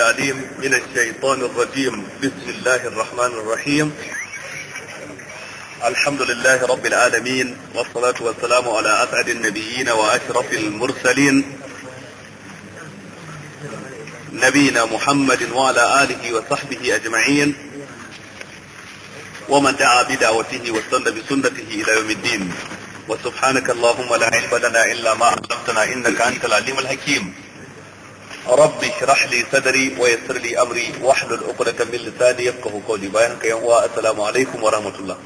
التعليم من الشيطان الرجيم بسم الله الرحمن الرحيم الحمد لله رب العالمين والصلاة والسلام على أسعد النبيين وأشرف المرسلين نبينا محمد وعلى آله وصحبه أجمعين ومن دعا بدعوته واستنى بسنته إلى يوم الدين وسبحانك اللهم لا علم لنا إلا ما علمتنا إنك أنت العليم الحكيم rabbi shrah li sadri wa yassir li amri wahlul 'uqdatan min lisani yafqahu qawli bayan ka yan uwa assalamu alaikum wa rahmatullah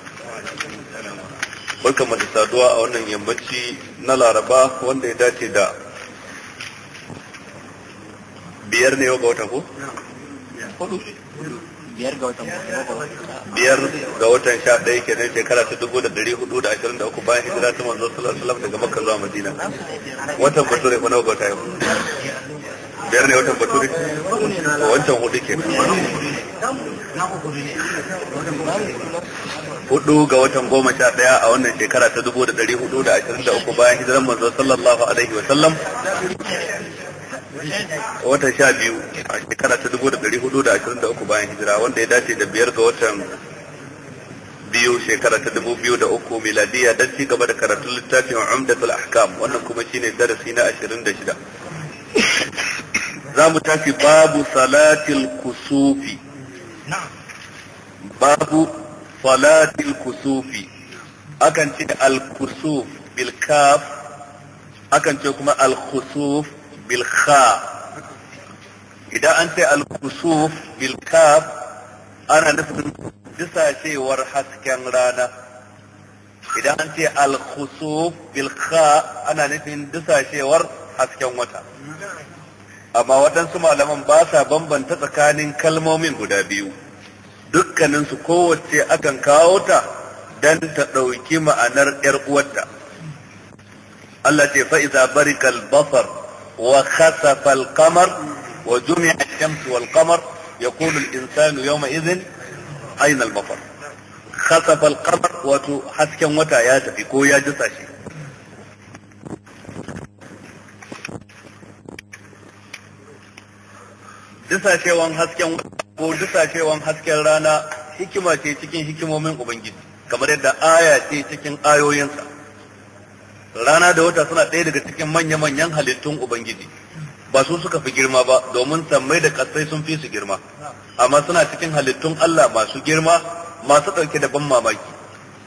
barkan mu da saduwa a wannan yammaci na Laraba wanda ya dace da biyar ne yau ga wata ko biyar ga watan biyar ga sha ɗaya kenan shekara ta dubu da ɗari hudu da ashirin da uku bayan hijira ta manzo sallallahu alaihi daga makka zuwa madina watan bature ko nawa ga wata yau biyar ne watan baturi wancan hudu ke hudu ga watan goma sha daya a wannan shekara ta dubu da dari hudu da ashirin da uku bayan hijiran manzo sallallahu alaihi wa sallam watan sha biyu a shekara ta dubu da dari hudu da ashirin da uku bayan hijira wanda ya dace da biyar ga watan biyu shekara ta dubu biyu da uku miladiya don ci gaba da karatun littafin umdatul ahkam wannan kuma shine darasi na ashirin da shida za mu tafi babu salatil kusufi babu salatil kusufi akan ce al-kusuf bil kaf akan ce kuma al-kusuf bil kha idan an ce al-kusuf bil kaf ana nufin disashewar hasken rana idan an ce al-kusuf bil kha ana nufin disashewar hasken wata amma waɗansu malaman ba sa bambanta tsakanin kalmomin guda biyu dukkaninsu kowace akan kawo ta don ta ɗauki ma'anar ‘yar uwarta Allah ce fa'iza barikal basar wa khasafal kamar wa jumi'a shamsu wal kamar ya kulu insanu yau izin ainihin basar khasafal kamar wato hasken wata ya tafi ko ya ji shi dusashewan hasken ko dusashewan hasken rana hikima ce cikin hikimomin ubangiji kamar yadda aya ce cikin ayoyinsa rana da wata suna ɗaya daga cikin manya-manyan halittun ubangiji ba su suka fi girma ba domin sammai da kasai sun fi su girma amma suna cikin halittun Allah masu girma masu ɗauke da ban mamaki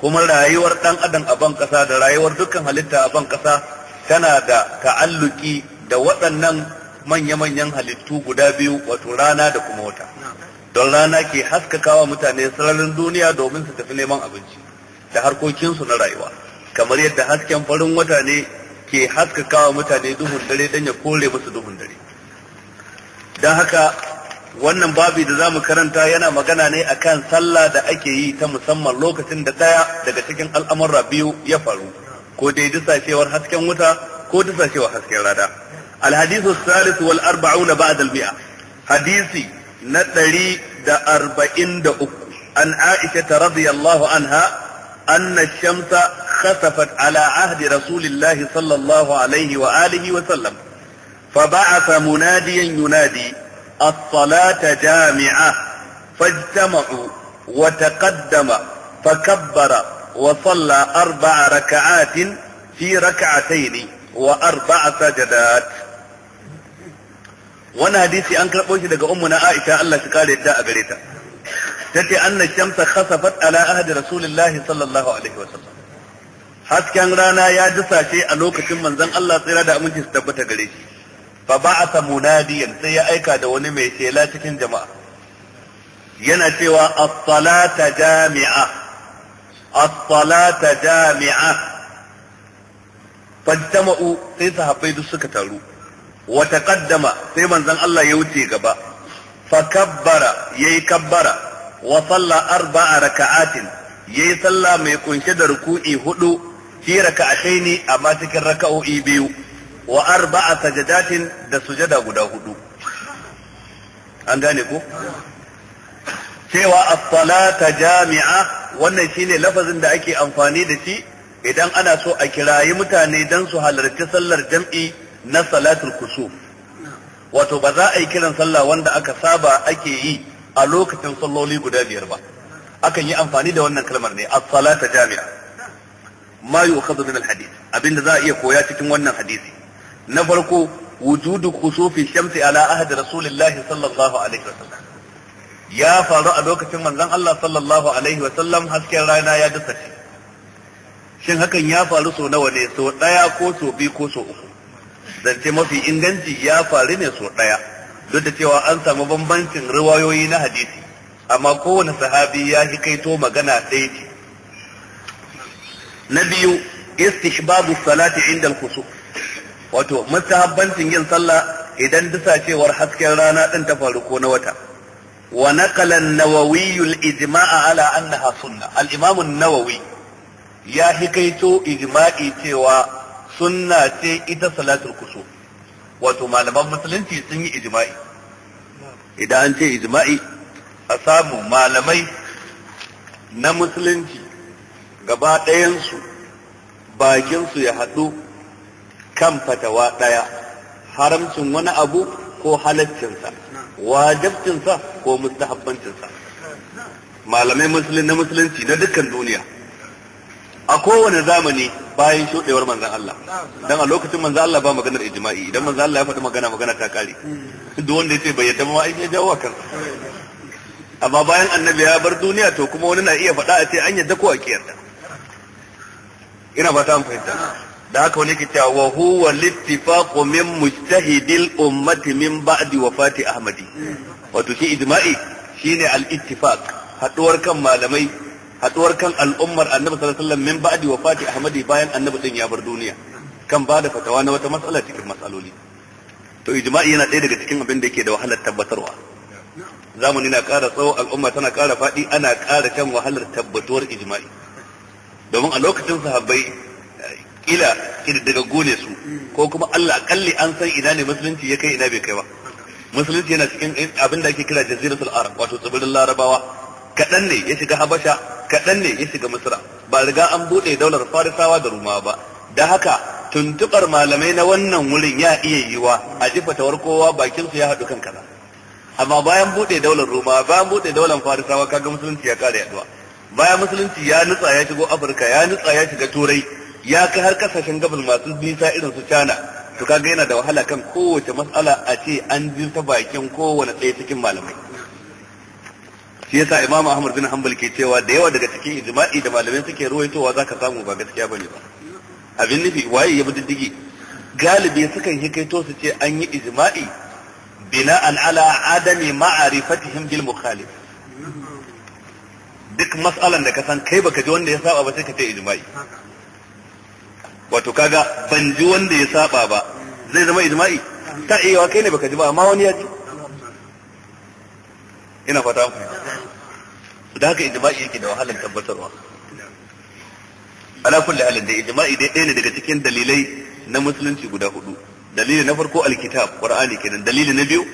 kuma rayuwar ɗan adam a ban ƙasa da rayuwar dukkan halitta a ban ƙasa tana da ta'alluki da waɗannan manya-manyan halittu guda biyu wato rana da kuma wata don rana ke haskakawa mutane sararin duniya domin su tafi neman abinci da harkokinsu na rayuwa kamar yadda hasken farin wata ne ke haskakawa mutane duhun dare don ya kore musu duhun dare don haka wannan babi da za mu karanta yana magana ne akan sallah da ake yi ta musamman lokacin da daya daga cikin al'amurra biyu ya faru ko dai dusashewar hasken wuta ko dusashewar hasken rada الحديث الثالث والأربعون بعد المئة حديثي نتري دا أربعين دا أكو عن عائشة رضي الله عنها أن الشمس خسفت على عهد رسول الله صلى الله عليه وآله وسلم فبعث مناديا ينادي الصلاة جامعة فاجتمعوا وتقدم فكبر وصلى أربع ركعات في ركعتين وأربع سجدات wani hadisi an karɓo shi daga ummu na Aisha Allah ta kare ta a gare ta tace anna shamsa khasafat ala ahdi rasulillah sallallahu alaihi wasallam hasken rana ya dusace a lokacin manzon Allah tsira da aminci su tabbata gare shi fa ba'atha munadiyan sai ya aika da wani mai shela cikin jama'a yana cewa as-salata jami'a as-salata jami'a fajtama'u sai sahabbai duk suka taru wa taqaddama sai manzon Allah ya wuce gaba fa kabbara yayi kabbara wa salla arba'a raka'atin yayi salla mai kunshe da ruku'i hudu fi raka'ataini amma cikin raka'o'i biyu wa arba'a sajadatin da sujada guda hudu an gane ko cewa as-salata jami'a wannan shine lafazin da ake amfani da shi idan ana so a kirayi mutane dan su halarci sallar jam'i na salatul kusuf wato ba za a yi kiran sallah wanda aka saba ake yi a lokacin salloli guda biyar ba akan yi amfani da wannan kalmar ne as-salata jami'a ma yu'khadhu min al-hadith abinda za a iya koya cikin wannan hadisi na farko wujudu khusufi shamsi ala ahdi rasulillahi sallallahu alaihi wasallam ya faru a lokacin manzon Allah sallallahu alaihi wasallam hasken rana ya dasa shi shin hakan ya faru so nawa ne so daya ko so biyu ko so uku zance mafi inganci ya faru ne so ɗaya duk da cewa an samu bambancin riwayoyi na hadisi amma kowane sahabi ya to magana ɗaya ce na biyu istihbabu salati inda kusu Wato wato mustahabbancin yin sallah idan dusacewar hasken rana ɗin ta faru ko na wata wa naqala nawawi al-ijma'a ala annaha sunna al-imam an-nawawi ya hikaito ijma'i cewa sunna ce ita salatul kusu wato malaman musulunci sun yi ijma'i idan an ce ijma'i a samu malamai na musulunci gaba ɗayansu bakinsu ya haɗu kan fatawa ɗaya haramcin wani abu ko halaccinsa wajabcinsa ko mustahabbancinsa malamai na musulunci na dukkan duniya a kowane zamani bayan shuɗewar manzan Allah don a lokacin manzan Allah ba maganar ijima'i idan manzan Allah ya faɗi magana magana ta kare duk wanda ya bai yadda ma ai ya jawo kan amma bayan annabi ya bar duniya to kuma wani na iya faɗa a ce an yadda ko a kiyarda ina ba ta fahimta da haka wani ke cewa wa huwa littifaqu min mujtahidil ummati min ba'di wafati ahmadi wato shi ijma'i shine al-ittifaq haɗuwar kan malamai haduwar kan al'ummar annabi sallallahu alaihi wasallam min ba'di wafati ahmadi bayan annabi din ya bar duniya kan ba da fatawa na wata matsala cikin matsaloli to ijma'i yana ɗaya daga cikin abin da yake da wahalar tabbatarwa zamani na ƙara tsawo al'umma tana ƙara faɗi ana ƙara kan wahalar tabbatuwar ijma'i domin a lokacin sahabbai kila daga gone su ko kuma Allah akalli an san ina ne musulunci ya kai ina bai kai ba musulunci yana cikin abin da ake kira jaziratul arab wato tsibirin larabawa kaɗan ne ya shiga habasha kaɗan ne ya shiga misra ba riga an buɗe daular farisawa da ruma ba da haka tuntuɓar malamai na wannan wurin ya iya yiwa a jifa kowa bakin su ya haɗu kan kaza amma bayan buɗe daular Rumawa, bayan buɗe daular farisawa kaga musulunci ya ƙara yaduwa bayan musulunci ya nutsa ya shigo afirka ya nutsa ya shiga turai ya kai har kasashen gabas masu nisa irin su china to kaga yana da wahala kan kowace matsala a ce an ji ta bakin kowane ɗaya cikin malamai shi yasa imamu ahmad bin hanbal ke cewa da yawa daga cikin ijma'i da malamai suke ruwaitowa ka samu ba gaskiya bane ba abin nufi waye ya bi galibi sukan kaito su ce an yi ijma'i bina'an ala adami ma'arifatihim bil mukhalif duk mas'alan da ka san kai baka ji wanda ya saba ba sai ka ce ijma'i wato kaga ban ji wanda ya saba ba zai zama ijma'i ta iya kai ne baka ji ba amma wani ya ji ina fata ku da haka ijima'i yake da wahalar tabbatarwa ala kulli halin dai ijima'i dai ɗaya ne daga cikin dalilai na musulunci guda hudu dalili na farko alkitab qur'ani kenan dalili na biyu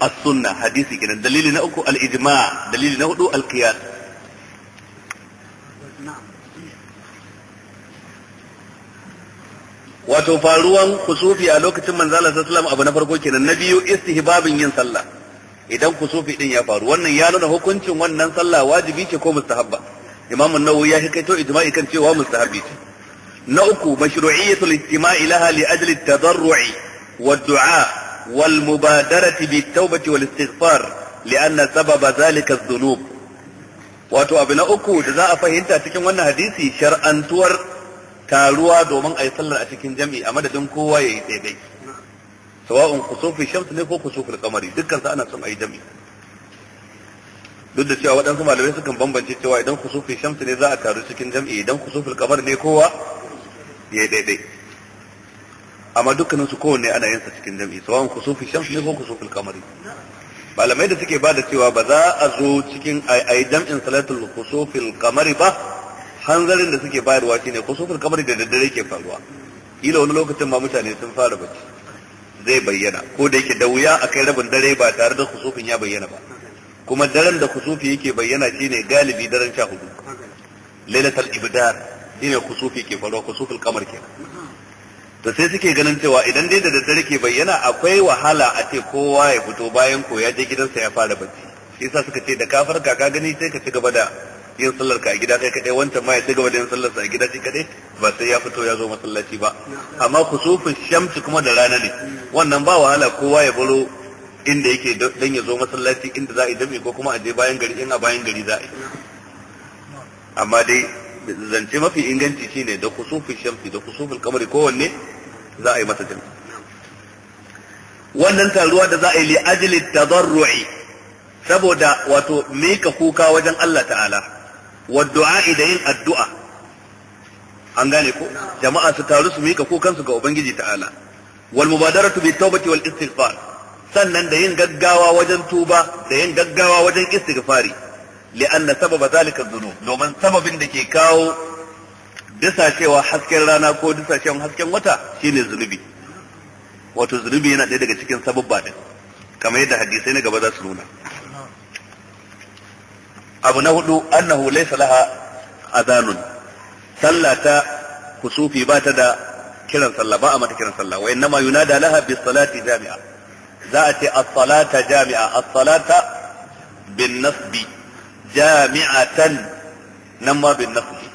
as-sunna hadisi kenan dalili na uku al-ijma' dalili na hudu al-qiyas wato faruwan kusufi a lokacin manzala sallallahu alaihi wasallam abu na farko kenan na biyu istihbabin yin sallah idan kusufi din ya faru wannan ya nuna hukuncin wannan sallah wajibi ce ko mustahabba imamu nawawi ya hikaito ijma'i kan cewa mustahabbi ce na uku mashru'iyyatul istima'i laha li ajli at-tadarru'i wad-du'a wal mubadarati bit-taubati wal istighfar li'anna sababa zalika adh-dhunub wato abu na uku da za a fahimta cikin wannan hadisi shar'antuwar taruwa domin a yi sallar a cikin jam'i a madadin kowa ya yi daidai sawa'un kusufi shams ne ko kusufin kamari dukkan sa ana son ayi duk da cewa waɗansu malamai sukan bambance cewa idan kusufi shamsu ne za a taru cikin jam'i, idan kusufin kamar ne kowa ya daidai amma dukkanin su kowanne ana yin sa cikin jam'i, sawa'un kusufi shamsu ne ko kusufin kamari malamai da suke bada cewa ba za a zo cikin ayi jam'in salatul kusufin kamari ba hanzarin da suke bayarwa shine kusufin kamari da daddare ke faruwa ila wani lokacin ma mutane sun fara bacci zai bayyana ko da yake da wuya a kai rabin dare ba tare da kusufin ya bayyana ba kuma daren da kusufi yake bayyana shine galibi daren sha hudu lailatul ibdar shine kusufi ke faruwa kusufin kamar ke to sai suke ganin cewa idan dai da daddare ke bayyana akwai wahala a ce kowa ya fito bayan ko ya je gidansa ya fara bacci shi yasa suka ce da kafar kaka gani sai ka ci gaba da yin sallar ka a gida kai kadai wancan ma ya ci gaba da yin sallar sa a gida shi kadai ba sai ya fito ya zo masallaci ba amma kusufin shamsu kuma da rana ne wannan ba wahala kowa ya baro inda yake dan ya zo masallaci inda za a yi dami ko kuma a je bayan gari in a bayan gari za a yi amma dai zance mafi inganci shine da kusufin shamsu da kusufin kamar kowanne za a yi masa jami wannan taruwa da za a yi li ajli tadarru'i saboda wato mika kuka wajen Allah ta'ala wa du'a da yin addu'a an gane ko jama'a su taru su mika kukansu ga ubangiji ta'ala wal mubadaratu bit tawbati wal istighfar sannan da yin gaggawa wajen tuba da yin gaggawa wajen istighfari li'anna sababa zalika dhunub domin sababin da ke kawo cewa hasken rana ko cewa hasken wata shine zunubi wato zunubi yana ɗaya daga cikin sababba din kamar yadda hadisai na gaba za su nuna abu na hudu annahu laysa laha adanun sallah ta kusufi ba ta da kiran sallah ba a mata kiran sallah wa innama yunada laha bis salati jami'a za a ce as-salata jami'a as-salata bin nasbi jami'atan nan ma bin nasbi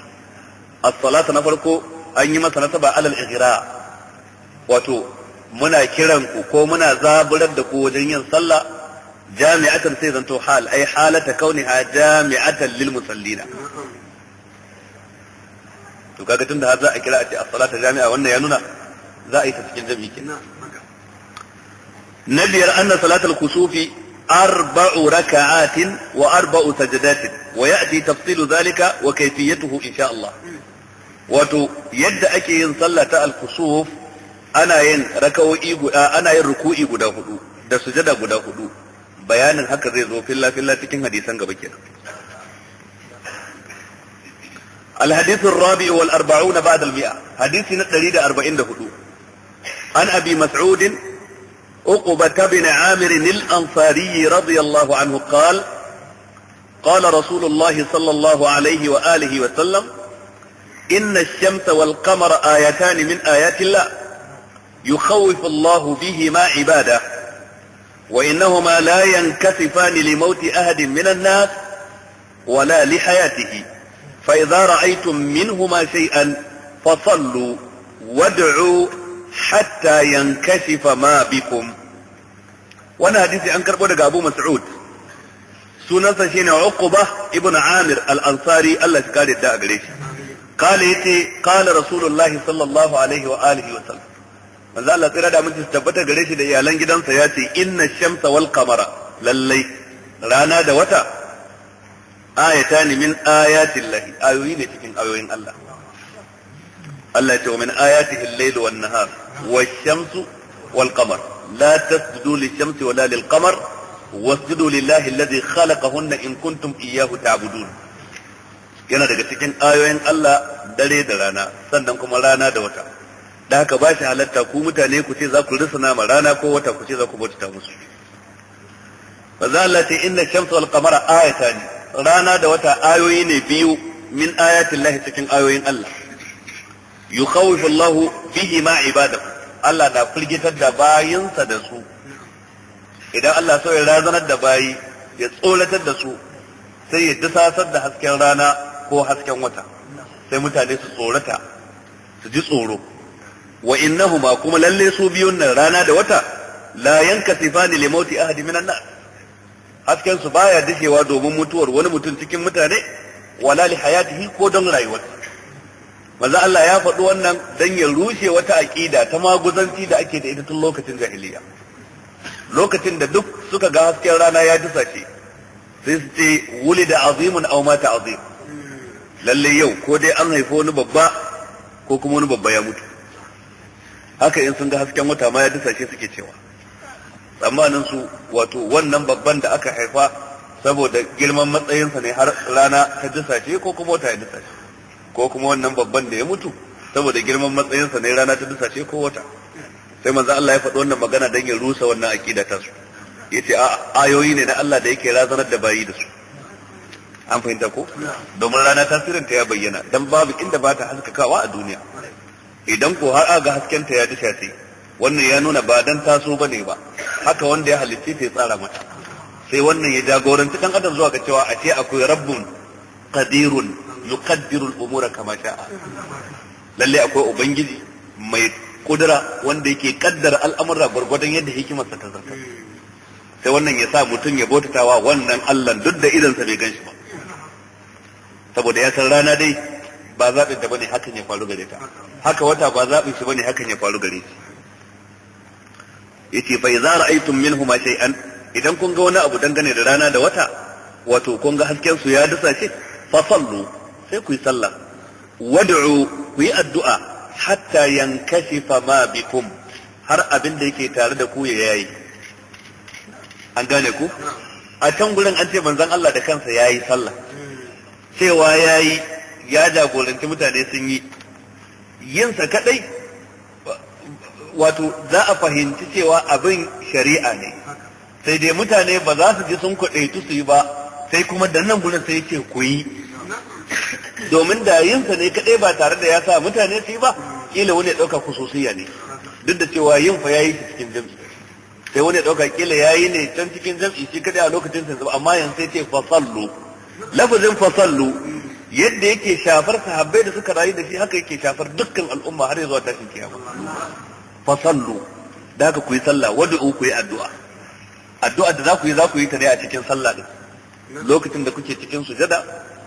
as-salata na farko an yi masa nasaba alal ighra wato muna kiran ku ko muna zaburar da ku wajen yin sallah jami'atan sai zanto hal ai halata kauniha jami'atan lil musallina to kaga tunda har za a kira a ce as-salata jami'a wannan ya nuna za a yi ta cikin jami'i kenan na biyar anna salatal kusufi arba'u raka'atin wa arba'u sajadatin wa ya'ti tafsilu zalika wa kayfiyatuhu insha Allah wato yadda ake yin sallah ta al-kusuf ana yin raka'o'i guda ana yin ruku'i guda hudu da sujada guda hudu bayanin haka zai zo filla filla cikin hadisan gaba kenan الحديث الرابع والأربعون بعد المئة حديث نتريد أربعين دهدو عن أبي مسعود عقبة بن عامر الأنصاري رضي الله عنه قال قال رسول الله صلى الله عليه وآله وسلم إن الشمس والقمر آيتان من آيات الله يخوف الله بهما عباده وإنهما لا ينكسفان لموت أحد من الناس ولا لحياته فإذا رأيتم منهما شيئا فصلوا وادعوا حتى ينكشف ما بكم وانا حديثي انكر بودا ابو مسعود سنسى شين عقبة ابن عامر الانصاري الله شكال الداء قريش قال يتي قال رسول الله صلى الله عليه وآله وسلم ماذا الله تيرا دا من تستبتا قريش دا يالنجدان سياتي إن الشمس والقمر للي رانا دوتا ayatan min ayatin lahi ayoyi ne cikin ayoyin Allah Allah ya ce wa min ayatihi al-layl wan nahar wash-shamsu wal qamar la tasjudu lish-shamsi wala lil-qamar wasjudu lillahi alladhi khalaqahunna in kuntum iyyahu ta'budun yana daga cikin ayoyin Allah dare da rana sannan kuma rana da wata da haka ba shi halatta ku mutane ku ce za ku risana ma rana ko wata ku ce za ku bauta musu fa za Allah ce inna shamsu wal qamara ayatan rana da wata ayoyi ne biyu min ayatin lahi cikin ayoyin Allah yukhawifu Allahu bihi ma ibada. Allah na firgitar da bayinsa da su idan Allah so ya razanar da bayi ya tsoratar da su sai ya dusasar da hasken rana ko hasken wata sai mutane su tsorata su ji tsoro wa innahuma kuma lalle su biyun nan rana da wata la yankasifani li mauti ahadi minan nas hasken su baya dashewa domin mutuwar wani mutum cikin mutane wala li hayatihi ko don rayuwar manzo Allah ya faɗi wannan dan ya rushe wata aqida ta maguzanci da ake da ita tun lokacin jahiliya lokacin da duk suka ga hasken rana ya dusa ce sai su ce wulida azimun aw mata azim lalle yau ko dai an haifi wani babba ko kuma wani babba ya mutu haka in sun ga hasken wata ma ya dusa ce suke cewa tsammanin su wato wannan babban da aka haifa saboda girman matsayinsa ne har rana ta dusace ko kuma wata ya dusace ko kuma wannan babban da ya mutu saboda girman matsayinsa ne rana ta dusace ko wata sai manzo Allah ya faɗi wannan magana don ya rusa wannan aƙida ta su yace a ayoyi ne na Allah da yake razanar da bayi da su an fahimta ko domin rana tasirin ta ya bayyana dan babu inda ba ta haskakawa a duniya idan ko har aga hasken ta ya dusace wannan ya nuna ba dan taso ba ne ba haka wanda ya halitti sai tsara mata sai wannan ya jagoranci dan adam zuwa ga cewa a ce akwai rabbun qadirun yuqaddiru al-umura kama sha'a lalle akwai ubangiji mai kudura wanda yake kaddara al'amura gwargwadon yadda hikimarsa ta zarta sai wannan ya sa mutum ya bautatawa wannan Allah duk da sa bai ganshi ba saboda ya san rana dai ba zaɓin ta bane hakan ya faru gare ta haka wata ba zaɓin shi bane hakan ya faru gare shi yace fa idza ra'aytum minhuma shay'an idan kun ga wani abu dangane da rana da wata wato kun ga hasken su ya dasa ce fa sallu sai ku yi sallah wad'u ku yi addu'a hatta yankashifa ma bikum har abin da yake tare da ku ya yayi an gane ku a can gurin an ce manzon Allah da kansa yayi sallah cewa yayi ya jagoranci mutane sun yi yinsa kadai wato za a fahimci cewa abin shari'a ne sai dai mutane ba za su ji sun kwaɗaitu su yi ba sai kuma da nan gudun sai ce ku yi domin da yinsa ne kaɗai ba tare da ya sa mutane su yi ba ƙila wani ya ɗauka kususiyya ne duk da cewa yin fa ya yi cikin jam'i sai wani ya ɗauka ƙila ya yi ne can cikin jam'i shi kaɗai a lokacin sa amma yanzu sai ce fasallu lafazin fasallu yadda yake shafar sahabbai da suka rayu da shi haka yake shafar dukkan al'umma har ya zuwa tashin kiyama fa sallu da ka ku yi sallah wad'u ku yi addu'a addu'a da za ku yi za ku yi ta ne a cikin sallah din lokacin da kuke cikin sujada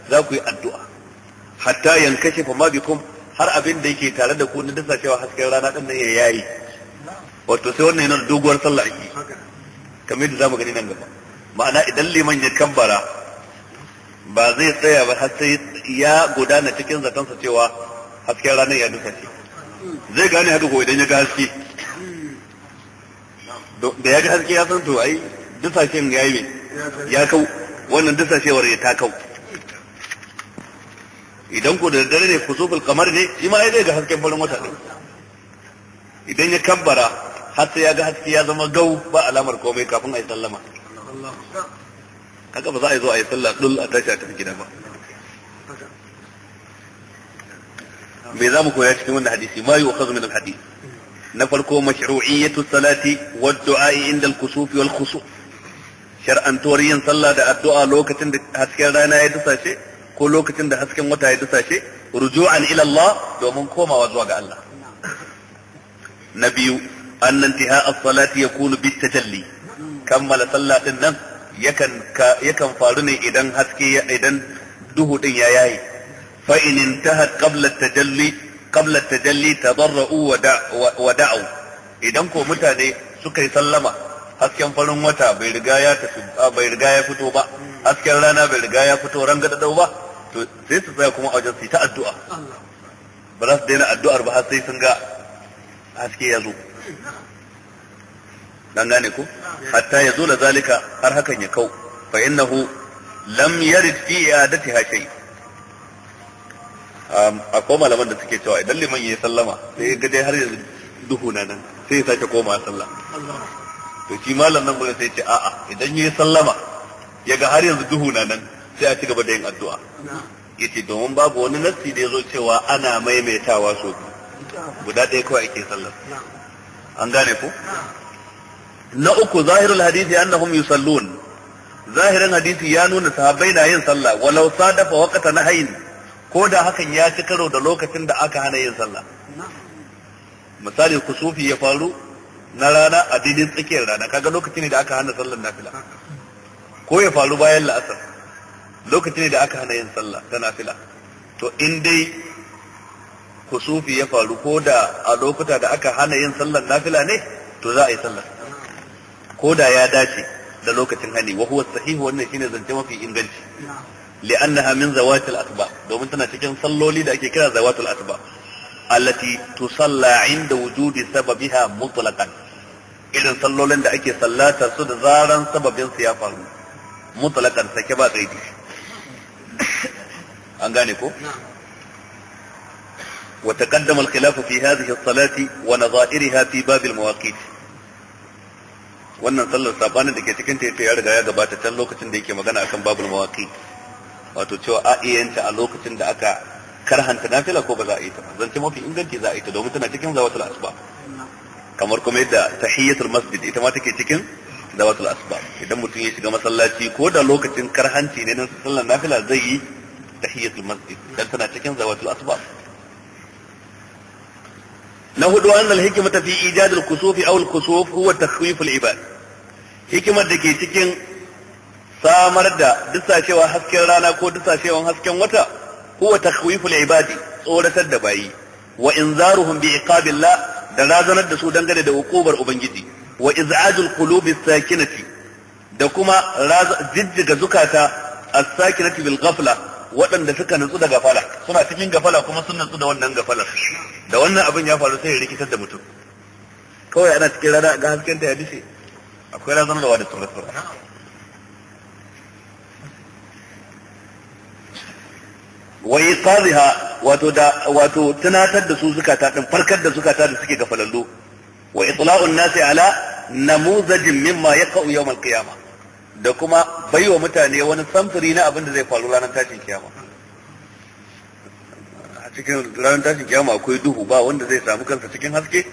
za ku yi addu'a hatta fa ma bikum har abin da yake tare da ku na dasa cewa hasken rana din nan ya yayi wato sai wannan yana doguwar sallah ake kamar yadda zamu gani nan gaba ma'ana idan liman ya kambara ba zai tsaya ba har sai ya gudana cikin zaton sa cewa hasken ranar ya dukace shi. zai gane haka ko idan ya ga haske da ya ga haske ya san to ai dusashen ya yi ya kau wannan dusashewar ya ta kau idan ko da dare ne ku kusuful kamar ne shi ma zai ga hasken farin wata idan ya kabbara har sai ya ga haske ya zama gau ba alamar komai kafin a yi sallama kaga ba za a yi zo a yi sallah dul a tashi a tafi gida ba me za mu koya cikin wannan hadisi ma yu'khadhu min al-hadith na farko mashru'iyyatu salati wa du'a'i inda al-kusufi wal khusuf shar'antuwar yin sallah da addu'a lokacin da hasken rana ya dusashe ko lokacin da hasken wata ya dusashe ruju'an ila Allah domin komawa zuwa ga Allah na biyu an intiha as-salati yakunu bi tajalli kammala sallah din nan yakan yakan faru ne idan haske idan duhu din ya yayi فإن انتهت ta التجلي قبل التجلي تضرؤوا ودعوا idan ko mutane suka yi sallama hasken farin wata bai riga ya fito ba hasken rana bai riga ya fito ranga da dau ba to sai su tsaya kuma a wajen su ta addu'a ba daina addu'ar ba sai sun ga haske ya zo dan gane ko hatta ya da zalika har hakan ya kau fa innahu lam yarid fi i'adatiha shay' Um, a koma malaman da suke cewa idan liman ya sallama sai ya dai har yanzu duhu na nan sai ya sake koma sallah to shi malam nan gurin sai ce a'a idan ya sallama ya ga har yanzu duhu na nan sai a ci gaba da yin addu'a ce domin babu wani nassi da ya zo cewa ana maimaitawa so guda ɗaya kawai ake sallar an gane ku na uku zahirul hadisi annahum yusallun zahirin hadisi ya nuna sahabbai na yin sallah walau sadafa na nahyin ko da hakan ya ci karo da lokacin da aka hana yin sallah misali kusufi ya faru na rana a dinin tsakiyar rana kaga lokacin ne da aka hana sallar nafila ko ya faru bayan la'asar lokacin ne da aka hana yin sallah ta nafila to in dai kusufi ya faru ko da a lokuta da aka hana yin sallar nafila ne to za a yi sallar ko da ya dace da lokacin hani wa huwa sahihu wannan shine zance mafi inganci li'annaha min zawatil asba domin tana cikin salloli da ake kira zawatul asba allati tusalla inda wujudi sababiha mutlaqan irin sallolin da ake sallata su da zaran sababin su ya faru mutlaqan ba an gane وتقدم الخلاف في هذه الصلاة ونظائرها في باب المواقيت wannan sallar sabanin da ke cikin ta ya riga ya gabata can lokacin da yake magana akan babul mawaqit wato cewa a iyayenta a lokacin da aka karhanta nafila ko ba za a yi ta ba zance mafi inganci za a yi ta domin tana cikin zawatul asba kamar kuma yadda tahiyyatul masjid ita ma take cikin zawatul asba idan mutum ya shiga masallaci ko da lokacin karhanci ne na sallar nafila zai yi tahiyyatul masjid dan tana cikin zawatul asba na hudu an al-hikmata fi ijad al-kusuf aw al-kusuf huwa takhwif ibad hikimar da ke cikin samar da dusashewa hasken rana ko dusashewan hasken wata huwa al ibadi tsoratar da bayi wa inzaruhum bi iqabillah da razanar da su dangane da hukubar ubangiji wa iz'ajul qulubi sakinati da kuma jijjiga zukata as-sakinati bil ghafla waɗanda suka nutsu da gafala suna cikin gafala kuma sun nutsu da wannan gafalar da wannan abin ya faru sai ya rikitar da mutum kawai ana cikin rana ga hasken ta ya dishe akwai razanar da wa da tsoratar wa iqadha wato da wato tunatar da su zukata din farkar da zukata da suke gafalallo wa itla'un nasi ala namuzajin mimma yaqa'u yawm al-qiyamah da kuma baiwa mutane wani samfuri na abin da zai faru ranar tashin kiyama a cikin ranar tashin kiyama akwai duhu ba wanda zai samu kansa cikin haske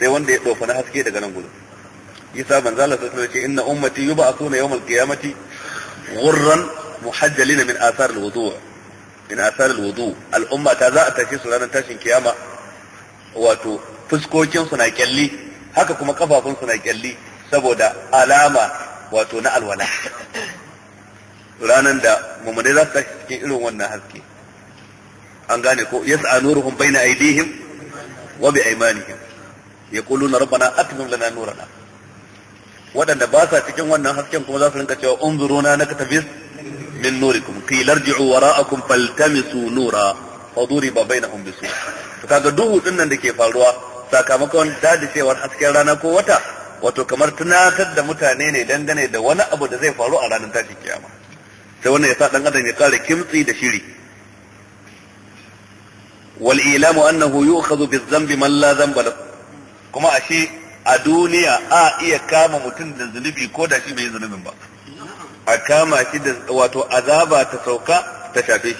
sai wanda ya dofa na haske daga nan gudu isa manzala sai sai ce inna ummati yub'athuna yawm qiyamati ghurran muhajjalina min athar al-wudu' min asar alwudu al'umma ta za a tashi su ranar tashin kiyama wato fuskokin su na kyalli haka kuma kafafun su na kyalli saboda alama wato na alwala ranan da mummune za su tashi cikin irin wannan haske an gane ko yas'a nuruhum baina aydihim wa bi aymanihim yaquluna rabbana atmim lana nurana waɗanda ba sa cikin wannan hasken kuma za su rinka cewa unzuruna naktabis min nurikum qila irji'u وراءكم فالتمسوا نورا فضرب بينهم bisur فكذا دوه duhu دكي nan faruwa sakamakon dadicewar hasken rana ko wata wato kamar tunatar da mutane ne dangane da wani abu da zai faru a ranar tashin kiyama sai wannan yasa dan adam ya kare kimtsi da shiri wal ilamu annahu yu'khadhu bi dhanbi man la dhanba lahu kuma ashe a duniya a iya kama mutum da zunubi ko da shi bai zunubin ba a kama shi da wato azaba ta sauka ta shafe shi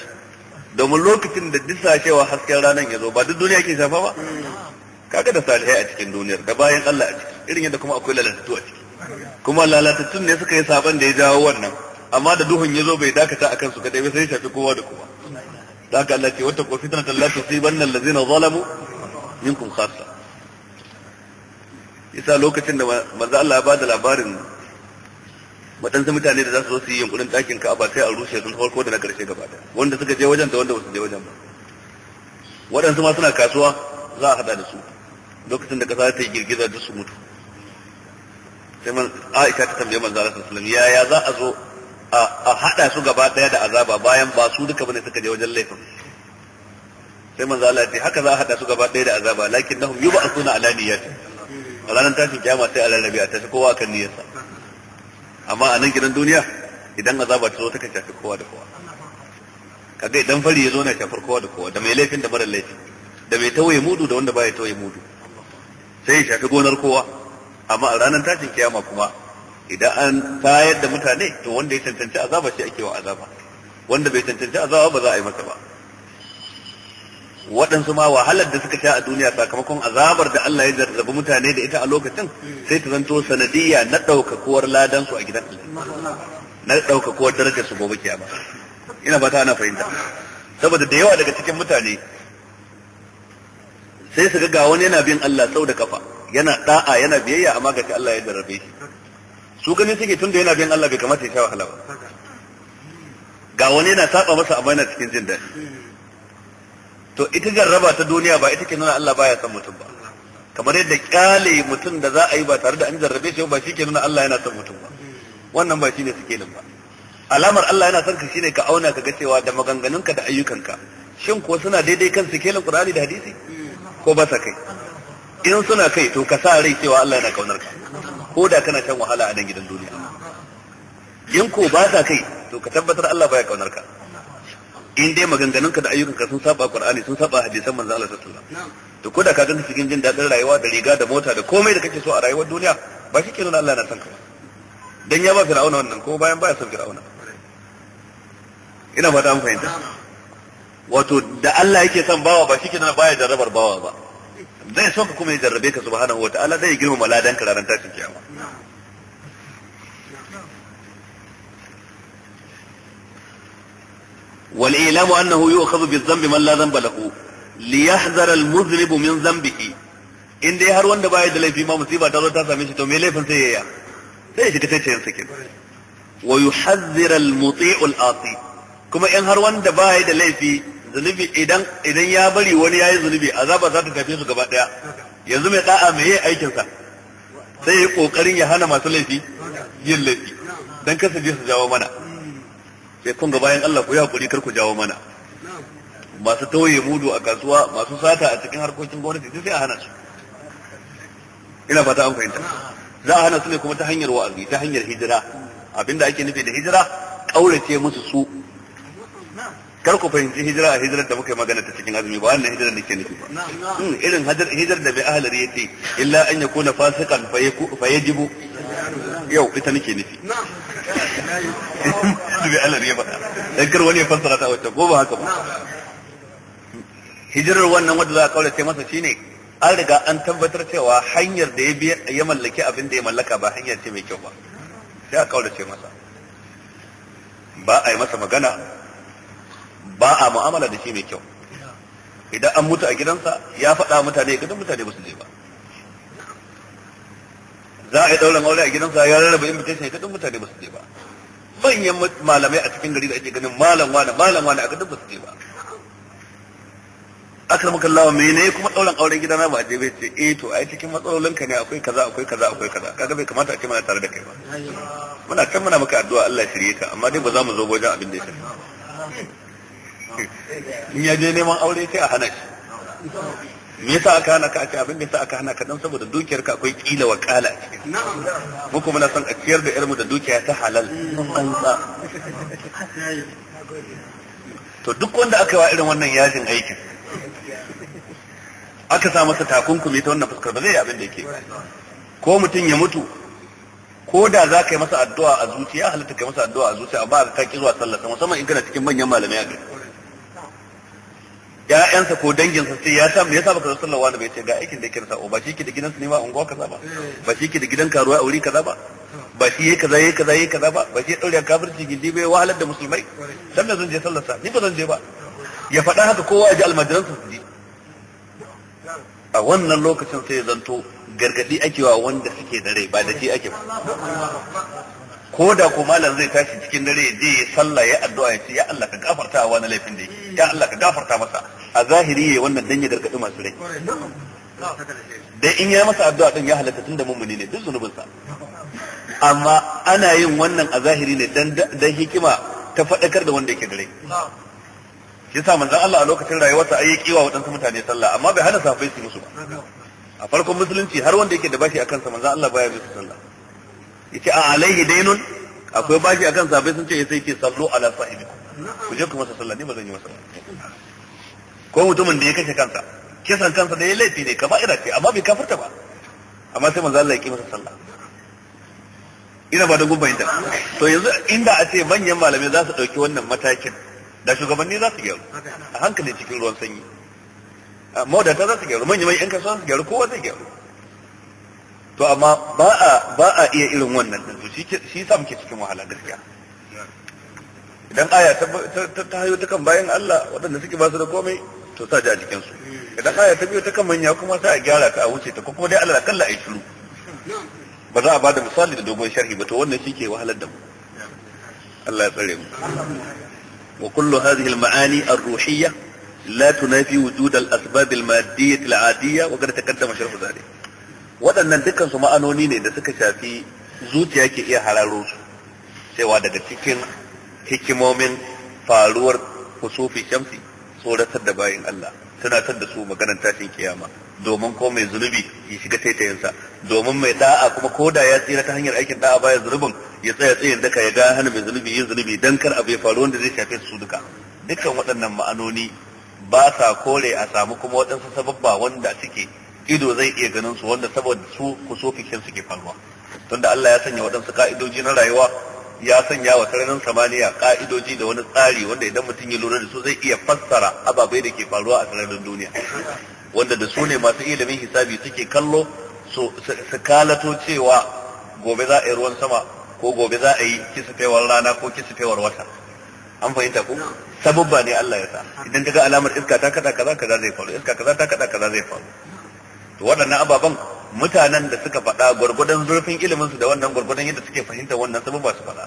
domin lokacin da disashewa hasken ranar ya zo ba duk duniya ke shafa ba kaga da salihai a cikin duniyar da bayan Allah a ciki irin yadda kuma akwai lalatattu a ciki kuma lalatattun ne suka yi saban da ya jawo wannan amma da duhun ya zo bai dakata akan su kadai sai ya shafi kowa da kowa da haka Allah ce wata kofi tana tallata sai bannan lazina zalamu minkum khassa isa lokacin da manzo Allah ya bada labarin waɗansu mutane da za su zo su yi yunkurin ɗakin ka'aba sai a rushe sun farko da na ƙarshe gaba ɗaya wanda suka je wajen da wanda su je wajen ba waɗansu ma suna kasuwa za a haɗa da su lokacin da ƙasa ta yi girgiza duk su mutu sai man Aisha ta tambaye manzo Allah sallallahu alaihi yaya za a zo a haɗa su gaba ɗaya da azaba bayan ba su duka bane suka je wajen laifin sai manzo Allah ce haka za a haɗa su gaba ɗaya da azaba lakinnahum yub'athuna ala niyyati a ranar tashin kyama sai a rarrabe a tashi kowa kan niyyarsa amma a nan gidan duniya idan azaba ta zo ta shafi kowa da kowa kaga idan fari ya zo na shafar kowa da kowa da mai laifin da mara laifi da mai tawaye mudu da wanda baya tawaye mudu sai ya shafi gonar kowa amma a ranar tashin kiyama kuma idan an tayar da mutane to wanda ya cancanci azaba shi ake wa azaba wanda bai cancanci azaba ba za a yi masa ba waɗansu ma wahalar da suka sha a duniya sakamakon azabar da Allah ya zarzabi mutane da ita a lokacin sai ta zanto sanadiyya na ɗaukakuwar ladansu a gidan na ɗaukakuwar darajar su gobe kiyama ina fata ana fahimta saboda da yawa daga cikin mutane sai su ga wani yana bin Allah sau da kafa yana da'a yana biyayya amma ga Allah ya zarrabe shi su ganin suke tunda yana bin Allah bai kamata ya sha wahala ba ga wani yana saba masa amma yana cikin jin daɗi to ita jarraba ta duniya ba ita ke nuna Allah baya son mutum ba kamar yadda kyale mutum da za a yi ba tare da an jarrabe shi ba shi ke nuna Allah yana son mutum ba wannan ba shine sikelin ba alamar Allah yana son ka shine ka auna ka ga cewa da maganganunka da ayyukanka shin ko suna daidai kan sikelin Qur'ani da hadisi ko ba sa kai in suna kai to ka sa rai cewa Allah yana kaunar ka ko da kana shan wahala a nan gidan duniya in ko ba sa kai to ka tabbatar Allah baya kaunar ka in dai maganganunka da ayyukanka sun saba Qur'ani sun saba hadisan manzo Allah sallallahu alaihi wasallam to ko da ka ganka cikin jin dadin rayuwa da riga da mota da komai da kake so a rayuwar duniya ba shi ke nuna Allah na san ka dan ya ba Fir'auna wannan ko bayan baya son Fir'auna ina fata an fahimta wato da Allah yake son bawa ba shi ke nuna baya jarrabar bawa ba zai son ka kuma ya jarrabe ka subhanahu wataala zai girmama ladan ka ranar tashin kiyama wal ilamu annahu yu'khadhu bi dhanbi man la dhanba lahu li yahzara al muznibu min dhanbihi in dai har wanda baya da laifi ma musiba ta zo ta same shi to me laifin sai yaya sai shi kace yin sakin wa yuhadhdhira al muti'u al ati kuma in har wanda baya da laifi zunubi idan idan ya bari wani yi zunubi azaba za ta tafi su gaba daya yanzu mai da'a me aikin sa sai ya kokarin ya hana masu laifi yin laifi dan kasa su jawo mana sai kun ga bayan Allah ku yi hakuri kar ku jawo mana masu tauye mudu a kasuwa masu sata a cikin harkokin gwamnati sai a hana su ina fata an fahimta za a hana su ne kuma ta hanyar wa'azi ta hanyar hijira abinda ake nufi da hijira kaurace musu su kar ku fahimci hijira a hijirar da muka yi magana ta cikin azumi ba wannan hijirar da ke nufi ba hmm, irin hijirar da bai ahalari ya ce illa an yakuna fasikan fa yajibu yau ita nake nufi bai alar ya faɗa ɗan kar wani ya fassara ta wacce ko ba haka ba hijirar wannan wanda za a ce masa shine an riga an tabbatar cewa hanyar da ya ya mallaki abin da ya mallaka ba hanyar ce mai kyau ba sai a ce masa ba a yi masa magana ba a mu'amala da shi mai kyau idan an mutu a gidansa ya faɗa mutane gidan mutane ba su je ba za a yi daura maula a gidansa ya rarraba invitation ita duk mutane ba su je ba manyan malamai a cikin gari da ake ganin malam wani malam wani a ga duk ba su je ba akramaka Allah me ne kuma dauran auren gidana ba je bai ce eh to ai cikin matsalolin ka ne akwai kaza akwai kaza akwai kaza kaga bai kamata a ce mana tare da kai ba muna kan muna maka addu'a Allah shirye ka amma dai ba za mu zo wajen abin da ya shafi in ya je neman aure sai a hana shi me yasa aka hana ka a ce abin da yasa aka hana ka dan saboda dukiyar ka akwai kila wa kala mu kuma na son a ciyar da irmu da dukiya ta halal to duk wanda aka yi wa irin wannan yajin aikin aka sa masa takunkumi ta wannan fuskar ba zai yi abin da yake ko mutum ya mutu ko da za ka yi masa addu'a a zuciya halitta ka yi masa addu'a a zuciya ba ka ki zuwa sallah musamman in kana cikin manyan malamai a gari ya'yansa ko danginsa sai ya samu saba ka sallar wani bai ce ga aikin da yake da ba shi ke da gidansa ne ma unguwa kaza ba ba shi ke da gidan karuwa a wuri kaza ba ba shi yayi kaza yayi kaza yayi kaza ba ba shi daure kafirci gindi bai wahalar da musulmai dan da zan je sallar sa ni ba zan je ba ya faɗa haka kowa ya ji almajiran su ji a wannan lokacin sai ya zanto gargadi ake wa wanda suke da rai ba da shi ake ba ko da ko malam zai tashi cikin dare ya je ya sallah ya addu'a ya ce ya Allah ka gafarta wa na laifin da yake ya Allah ka gafarta masa a zahiri ya wannan dan ya gargadi masu rai da in ya masa addu'a din ya halatta tunda mummuni ne duk zunubin sa amma ana yin wannan a zahiri ne dan dan hikima ta fadakar da wanda yake dare shi yasa manzon Allah a lokacin rayuwarsa ayi kiwa wadansu mutane sallah amma bai hana safai su musu ba a farkon musulunci har wanda yake da bashi akan sa manzon Allah baya musu sallah yace a alaihi dainun akwai bashi akan sabai sun ce eh, sai ke sallu ala sahibi ku je ku masa sallah ni ba zan yi masa ko mutumin da ya kashe kansa kisan kansa da ya laifi ne ira ce amma bai kafirta ba amma sai manzo Allah ya ki masa sallah ina ba da gubbayin ta to yanzu inda a ce manyan malamai za su ɗauki wannan matakin da shugabanni za su gyaru a hankali cikin ruwan sanyi ta za su gyaru manyan yan kasuwa su gyaru kowa zai gyaru to amma ba a ba a iya irin wannan din shi sa muke cikin wahala gaskiya idan aya ta ta hayo ta kan bayan Allah waɗanda suke ba su da komai to sa ji a jikin su idan aya ta biyo ta kan manya kuma sai a gyara ta a wuce ta ko kuma dai Allah kalla ai shiru ba za a bada misali da dogon sharhi ba to wannan shi ke wahalar da mu Allah ya tsare mu wa kullu hadhihi al-ma'ani ar-ruhiyya la tunafi wujud al-asbab al-madiyyah al-'adiyya wa qad taqaddama sharh dhalik waɗannan dukkan su ma'anoni ne da suka shafi zuciya ke iya hararo su cewa daga cikin hikimomin faruwar kusufi shamfi tsoratar da bayan Allah tunatar da su maganar tashin kiyama domin ko mai zunubi ya shiga taitayinsa domin mai da'a kuma ko da ya tsira ta hanyar aikin da'a baya zunubin ya tsaya tsayin daka ya ga hana mai zunubi yin zunubi Don kar abu ya faru wanda zai shafi su duka dukkan waɗannan ma'anoni ba sa kore a samu kuma waɗansu sababba wanda suke ido zai iya ganin su wanda saboda su ku so su ke faruwa tunda Allah ya sanya waɗansu ka'idoji na rayuwa ya sanya wa sararin samaniya ka'idoji da wani tsari wanda idan mutum ya lura da su zai iya fassara ababai da ke faruwa a sararin duniya wanda da su ne masu ilimin hisabi suke kallo su kalato cewa gobe za a yi ruwan sama ko gobe za a yi kisafewar rana ko kisafewar wata an fahimta ko sababba ne Allah ya sa idan ka ga alamar iska ta kada kaza kaza zai faru iska kaza ta kada kaza zai faru waɗannan ababen mutanen da suka faɗa gwargwadon zurfin iliminsu da wannan gwargwadon yadda suke fahimta wannan sabon ba su faɗa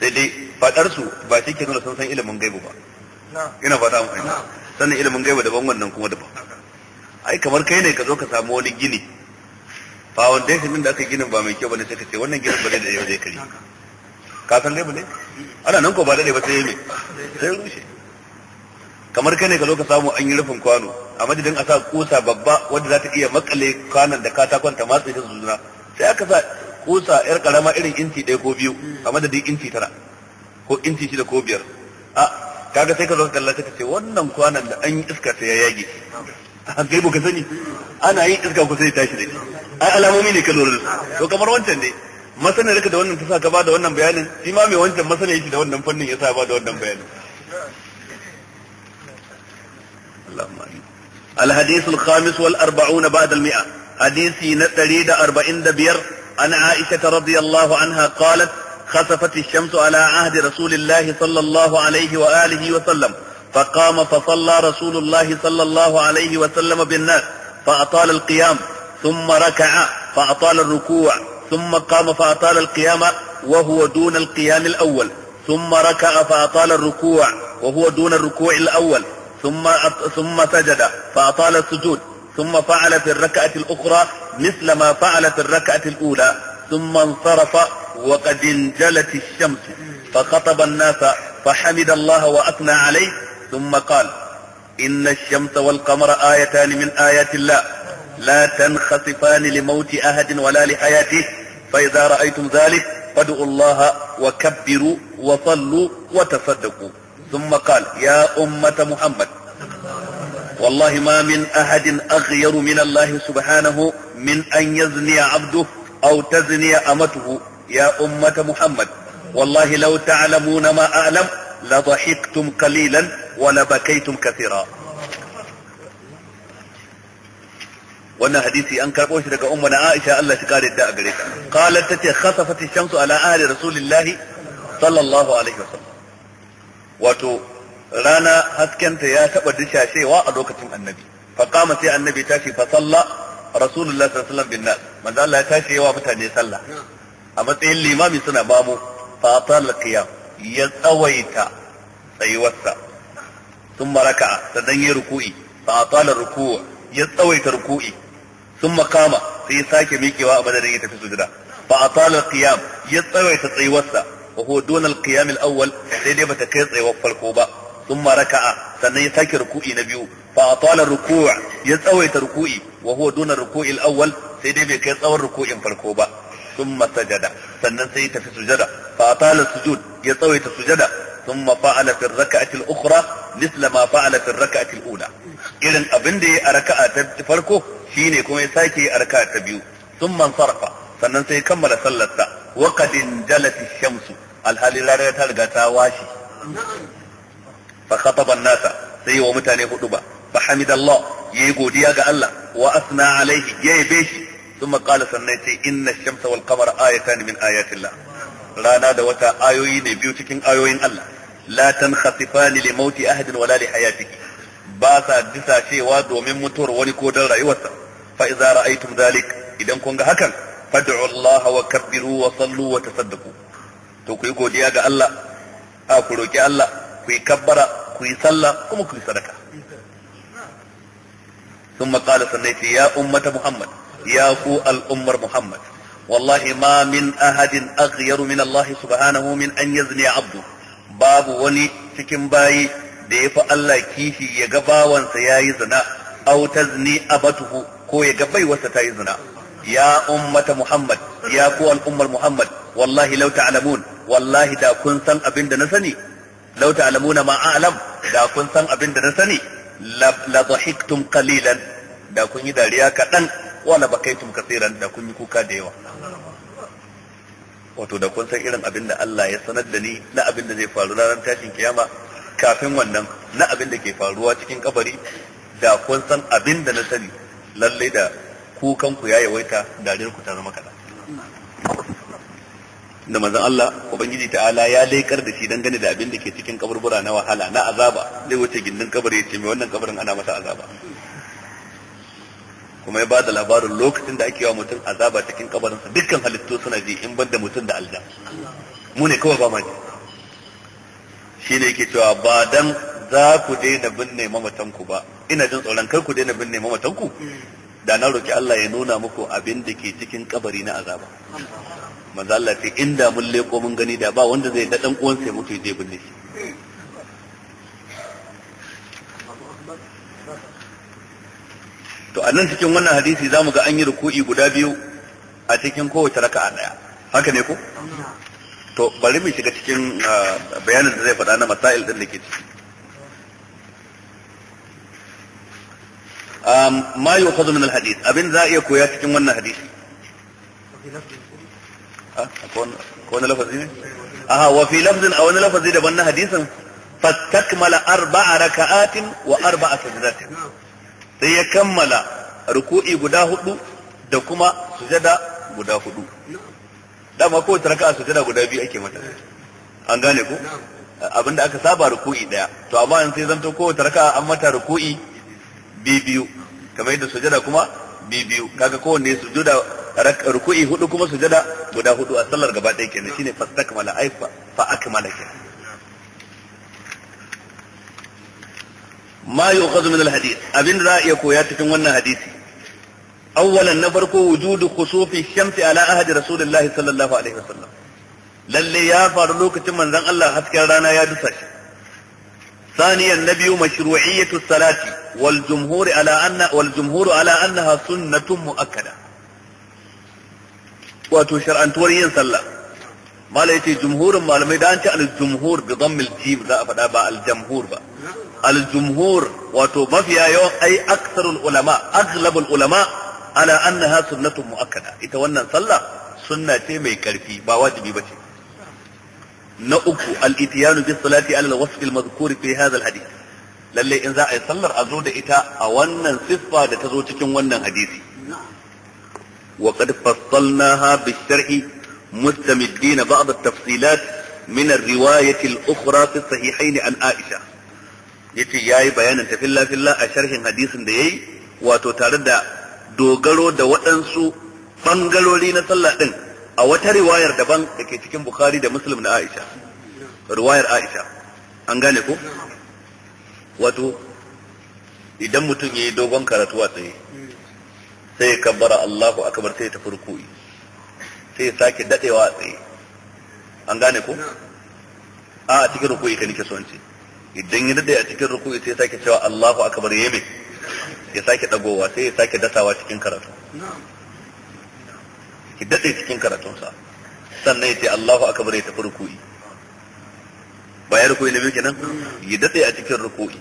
sai dai faɗarsu ba shi ke nuna sun san ilimin gaibu ba ina fata mu fahimta sannan ilimin gaibu daban wannan kuma daban ai kamar kai ne ka zo ka samu wani gini foundation din da aka ginin ba mai kyau bane sai ka ce wannan ginin ba da yau zai kare ka san gaibu ne ana nan ko ba da ba sai me sai rushe kamar kai ne ka zo ka samu an yi rufin kwano a madadin a sa kusa babba wanda za ta iya makale kwanan da ka ta matsa shi juna sai aka sa kusa yar karama irin inci ɗaya ko biyu a madadin inci tara ko inci shida ko biyar a kaga sai ka zo ka kalla ta ka ce wannan kwanan da an yi iska sai ya yage a gaibu ka sani ana yin iska ku sai tashi da ai alamomi ne ka lura da to kamar wancan ne masanin rika da wannan ta sa ka ba da wannan bayanin shi ma mai wancan masanin yake da wannan fannin ya sa ba da wannan bayanin اللهم آمين الحديث الخامس والأربعون بعد المئة حديثي نتريد أربعين دبير عن عائشة رضي الله عنها قالت خسفت الشمس على عهد رسول الله صلى الله عليه وآله وسلم فقام فصلى رسول الله صلى الله عليه وسلم بالناس فأطال القيام ثم ركع فأطال الركوع ثم قام فأطال القيام وهو دون القيام الأول ثم ركع فأطال الركوع وهو دون الركوع الأول ثم ثم سجد فأطال السجود ثم فعل في الركعة الأخرى مثل ما فعل في الركعة الأولى ثم انصرف وقد انجلت الشمس فخطب الناس فحمد الله وأثنى عليه ثم قال إن الشمس والقمر آيتان من آيات الله لا تنخسفان لموت أحد ولا لحياته فإذا رأيتم ذلك فادعوا الله وكبروا وصلوا وتصدقوا ثم قال يا أمة محمد والله ما من أحد أغير من الله سبحانه من أن يزني عبده أو تزني أمته يا أمة محمد والله لو تعلمون ما أعلم لضحكتم قليلا ولبكيتم كثيرا وانا حديثي انكر بوش لك امنا عائشة الله تقال الداء قالت تتي خصفت الشمس على اهل رسول الله صلى الله عليه وسلم wato rana haskenta ya taba dishashewa a lokacin annabi Faƙama sai annabi tashi fa salla rasulullahi sallallahu alaihi wasallam bin manzo Allah ya tashi yawa mutane sallah a matsayin limami suna bamu fa qiyam ya tsawaita tsayuwarsa thumma raka'a sannan ya ruku'i fa atala ya tsawaita ruku'i Sun makama sai ya sake miƙewa a madadin ya tafi sujuda fa atala qiyam ya tsawaita tsayuwarsa وهو دون القيام الاول سيدي بتكيز يوفل إيوه كوبا ثم ركع سنين ساكي ركوئي نبيو فأطال الركوع يزأوي تركوئي وهو دون الركوع الأول سيدي بيكيز أو الركوع فالكوبا ثم سجد سنين سيدي في سجدة فأطال السجود يزأوي تسجدة ثم فعل في الركعة الأخرى مثل ما فعل في الركعة الأولى اذا أبندي أركعة تفركو شيني كوي ساكي أركعة تبيو ثم انصرف سنين سيكمل سلسة wa qad injalat ash-shamsu alhali rana ta riga ta washe fa khataba an-nasa sai wa mutane hudu ba fa hamidallah yayi godiya ga Allah wa asna alaihi yayi beshi ثم قال سنتي إن الشمس والقمر آيتان من آيات الله رانا دا وتا آيوين بيوتكين آيوين الله لا تنخطفان لموت أحد ولا لحياتك باسا دسا شيء وادو من متور ونكو دل رأيوسا فإذا رأيتم ذلك إذا كنت هكذا fad'u Allah wa kabbiru wa sallu wa tasaddaqu to ku yi godiya ga Allah a ku roki Allah ku yi kabbara ku yi sallah kuma ku yi sadaka ثم قال سنيت يا أمة محمد يا قو الأمر محمد والله ما من أحد أغير من الله سبحانه من أن يزني عبده باب وني cikin bayi da ya Allah kifi ya ga bawansa ya yi zina au tazni abatuhu ko ya baiwarsa ta yi zina ya ummata muhammad ya ku al'ummar muhammad wallahi لو تعلمون wallahi da kun san abin نسني na sani ما أعلم ma كن da kun san لضحكتم قليلا na sani يدا dhahiktum qalilan da kun yi dariya kadan wala da kun yi kuka da yawa wato da kun san irin abin da Allah ya sanar da ni na abin da zai faru ranar tashin kiyama kafin wannan na abin da ke faruwa cikin kabari da kun san abin na sani lallai da kukan ku ya yawaita dariyar ku ta zama kaza da manzon Allah ubangiji ta'ala ya laikar da shi dangane da abin da ke cikin kaburbura na wahala na azaba zai wuce gindin kabari ya ce mai wannan kabarin ana masa azaba kuma ya bada labarin lokacin da ake wa mutum azaba cikin kabarinsa dukkan halittu suna ji in banda mutum da aljan mu ne kawai ba ma shi ne yake cewa ba dan za ku daina binne mamatan ku ba ina jin tsoron kar ku daina binne mamatan ku. da na roki Allah ya nuna muku abin da ke cikin kabari na azaba manzo Allah fi inda mun leko mun gani da ba wanda zai da dan uwan sai mutu je binne shi to a nan cikin wannan hadisi zamu ga an yi ruku'i guda biyu a cikin kowace raka'a daya haka ne ko to bari mu shiga cikin ah, bayanin da zai faɗa na masail din da ke ciki Um, ma yukhadhu min al-hadith abin za a iya koya cikin wannan hadisi ah, ko wani lafazi ne aha wa fi lafzin a wani lafazi daban na hadisin fastakmala arba'a raka'atin wa arba'a sajdatin sai ya kammala ruku'i guda hudu da kuma sujada guda hudu dama kowace raka'a sujada guda biyu ake mata eh. an gane ku. abinda aka saba ruku'i daya to amma yanzu sai zanto kowace raka'a an mata ruku'i biyu kamar yadda sujada kuma biyu kaga kowanne sujada ruku'i hudu kuma sujada guda hudu a sallar gaba ɗaya kenan shine fastakmala ai fa akmala kenan ma yuqadu min alhadith abin da iya koya cikin wannan hadisi awwalan na farko wujudu khusufi shamsi ala ahadi rasulillahi sallallahu alaihi wasallam lalle ya faru lokacin manzon Allah hasken rana ya dusa shi ثانيا النبي مشروعية الصلاة والجمهور على أن والجمهور على أنها سنة مؤكدة واتو شرعا توريا صلى ما ليتي جمهور ما لم يدانت الجمهور بضم الجيم ذا فدا با الجمهور با الجمهور واتو ما فيها يوم أي أكثر العلماء أغلب العلماء على أنها سنة مؤكدة إتوانا صلى سنة مي كرفي با واجبي بشي نأكو الاتيان بالصلاة على الوصف المذكور في هذا الحديث للي إن ذا يصلر أزود إتاء أولنا صفة لتزوج كنونا حديثي نعم. وقد فصلناها بالشرح مستمدين بعض التفصيلات من الرواية الأخرى في الصحيحين عن عائشة يتي ياي بيانا في الله في الله أشرح حديث دي واتو تارد دوغلو دوغلو دوغلو لين صلى الله a wata riwayar daban da ke cikin bukhari da muslim na aisha riwayar aisha an gane ko wato idan mutum ya yi dogon karatu a tsaye sai ya kabbara allahu akabar sai ya tafi rukui sai ya sake dadewa a tsaye an gane ko a a cikin rukui ka nike son idan ya dade a cikin rukui sai ya sake cewa allahu akabar ya yi ya sake dagowa sai ya sake dasawa cikin karatu ki daɗe cikin karatunsa sannan ya ce Allahu akbar ya tafi ruku'i bayan ruku'i na biyu kenan ya daɗe a cikin ruku'i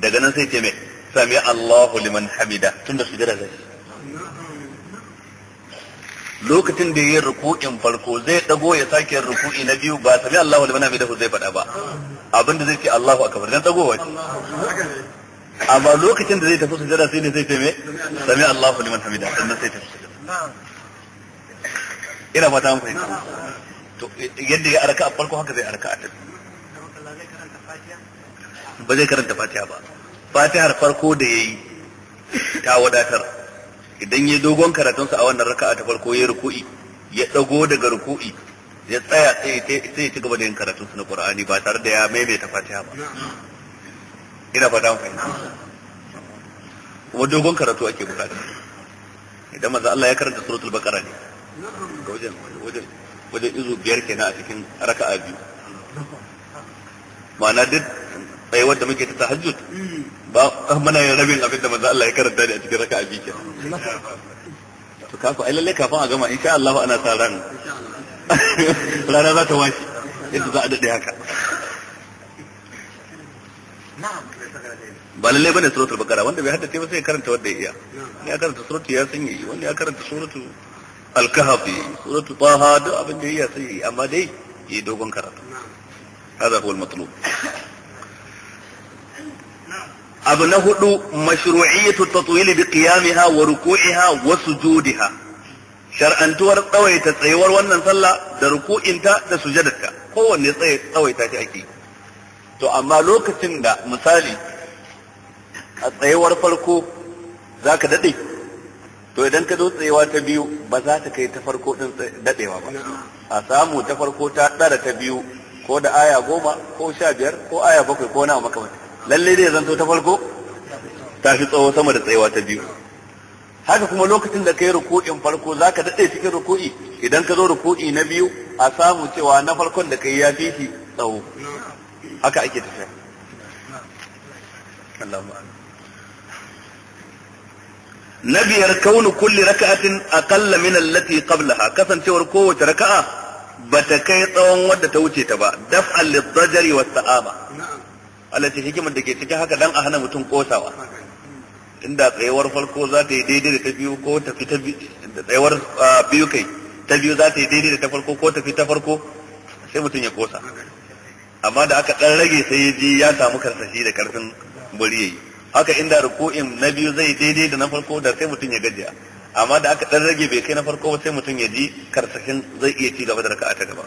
daga nan sai ce mai sami Allahu liman hamida tun da sujada zai lokacin da ya yi ruku'in farko zai dago ya sake ruku'i na biyu ba sami Allahu liman hamida zai faɗa ba abinda zai ce Allahu akbar dan dagowa ce amma lokacin da zai tafi sujada sai ne zai ce mai sami Allahu liman hamida sannan sai ta sujada ina fata ta fahimta to yadda ya araka a farko haka zai araka a tafi ba zai karanta fatiha ba fatihar farko da yayi ta wadatar idan ya dogon karatunsa a wannan raka'a ta farko ya ruku'i ya dago daga ruku'i ya tsaya sai sai ci gaba da yin karatun na Qur'ani ba tare da ya maimaita Fatiha ba ina fata mu fahimta kuma dogon karatu ake bukata idan manzo Allah ya karanta suratul baqara ne wajen wajen wajen izu biyar kenan a cikin raka'a biyu ma'ana duk tsayuwar da muke ta tahajjud ba mana yin rabin abin da manzo Allah ya karanta ne a cikin raka'a biyu kenan to kafa ai lalle kafin a gama insha Allah ana sa ran rana za ta wace yadda za a dade haka ba lalle bane suratul bakara wanda bai haddace ba sai karanta wanda ya iya ya karanta suratu ya sanya wanda ya karanta suratu alkahafi suratu taha duk abin da ya sai amma dai yi dogon karatu hada huwa matlub abu na hudu mashru'iyyatu tatwil bi qiyamiha wa ruku'iha wa sujudiha shar'antuwar tsawaita tsayuwar wannan sallah da ruku'inta da sujadarta kowanne tsaye tsawaita shi ake to amma lokacin da misali a tsayuwar farko zaka dade to idan ka zo tsayewa ta biyu ba za ta kai ta farko din dadewa ba a samu ta farko ta tsara ta biyu ko da aya goma ko sha biyar ko aya bakwai ko na makamata lallai zai zanto ta farko ta fi tsawo sama da tsayewa ta biyu haka kuma lokacin da kai ruku'in farko za ka daɗe cikin ruku'i idan ka zo ruku'i na biyu a samu cewa na farkon da kai ya fi tsawo haka ake tafiya Allahumma na biyar kaunu kulli raka'atin aqalla min allati qablaha kasancewar kowace raka'a bata kai tsawon wadda ta wuce ta ba daf'al lidzajari was sa'aba allati hikimar da ke cikin haka dan a hana mutum kosawa inda tsayuwar farko za ta yi daidai da ta biyu ko ta fi ta tsayuwar biyu kai ta biyu za ta yi daidai da ta farko ko ta fi ta farko sai mutum ya kosa amma da aka dan rage sai ya je ya samu karsashi da karfin buri yayi haka inda ruku'in na biyu zai daidai da na farko da sai mutum ya gajiya amma da aka ɗan rage bai kai na farko sai mutum ya ji karsashin zai iya ci gaba da raka'a ta gaba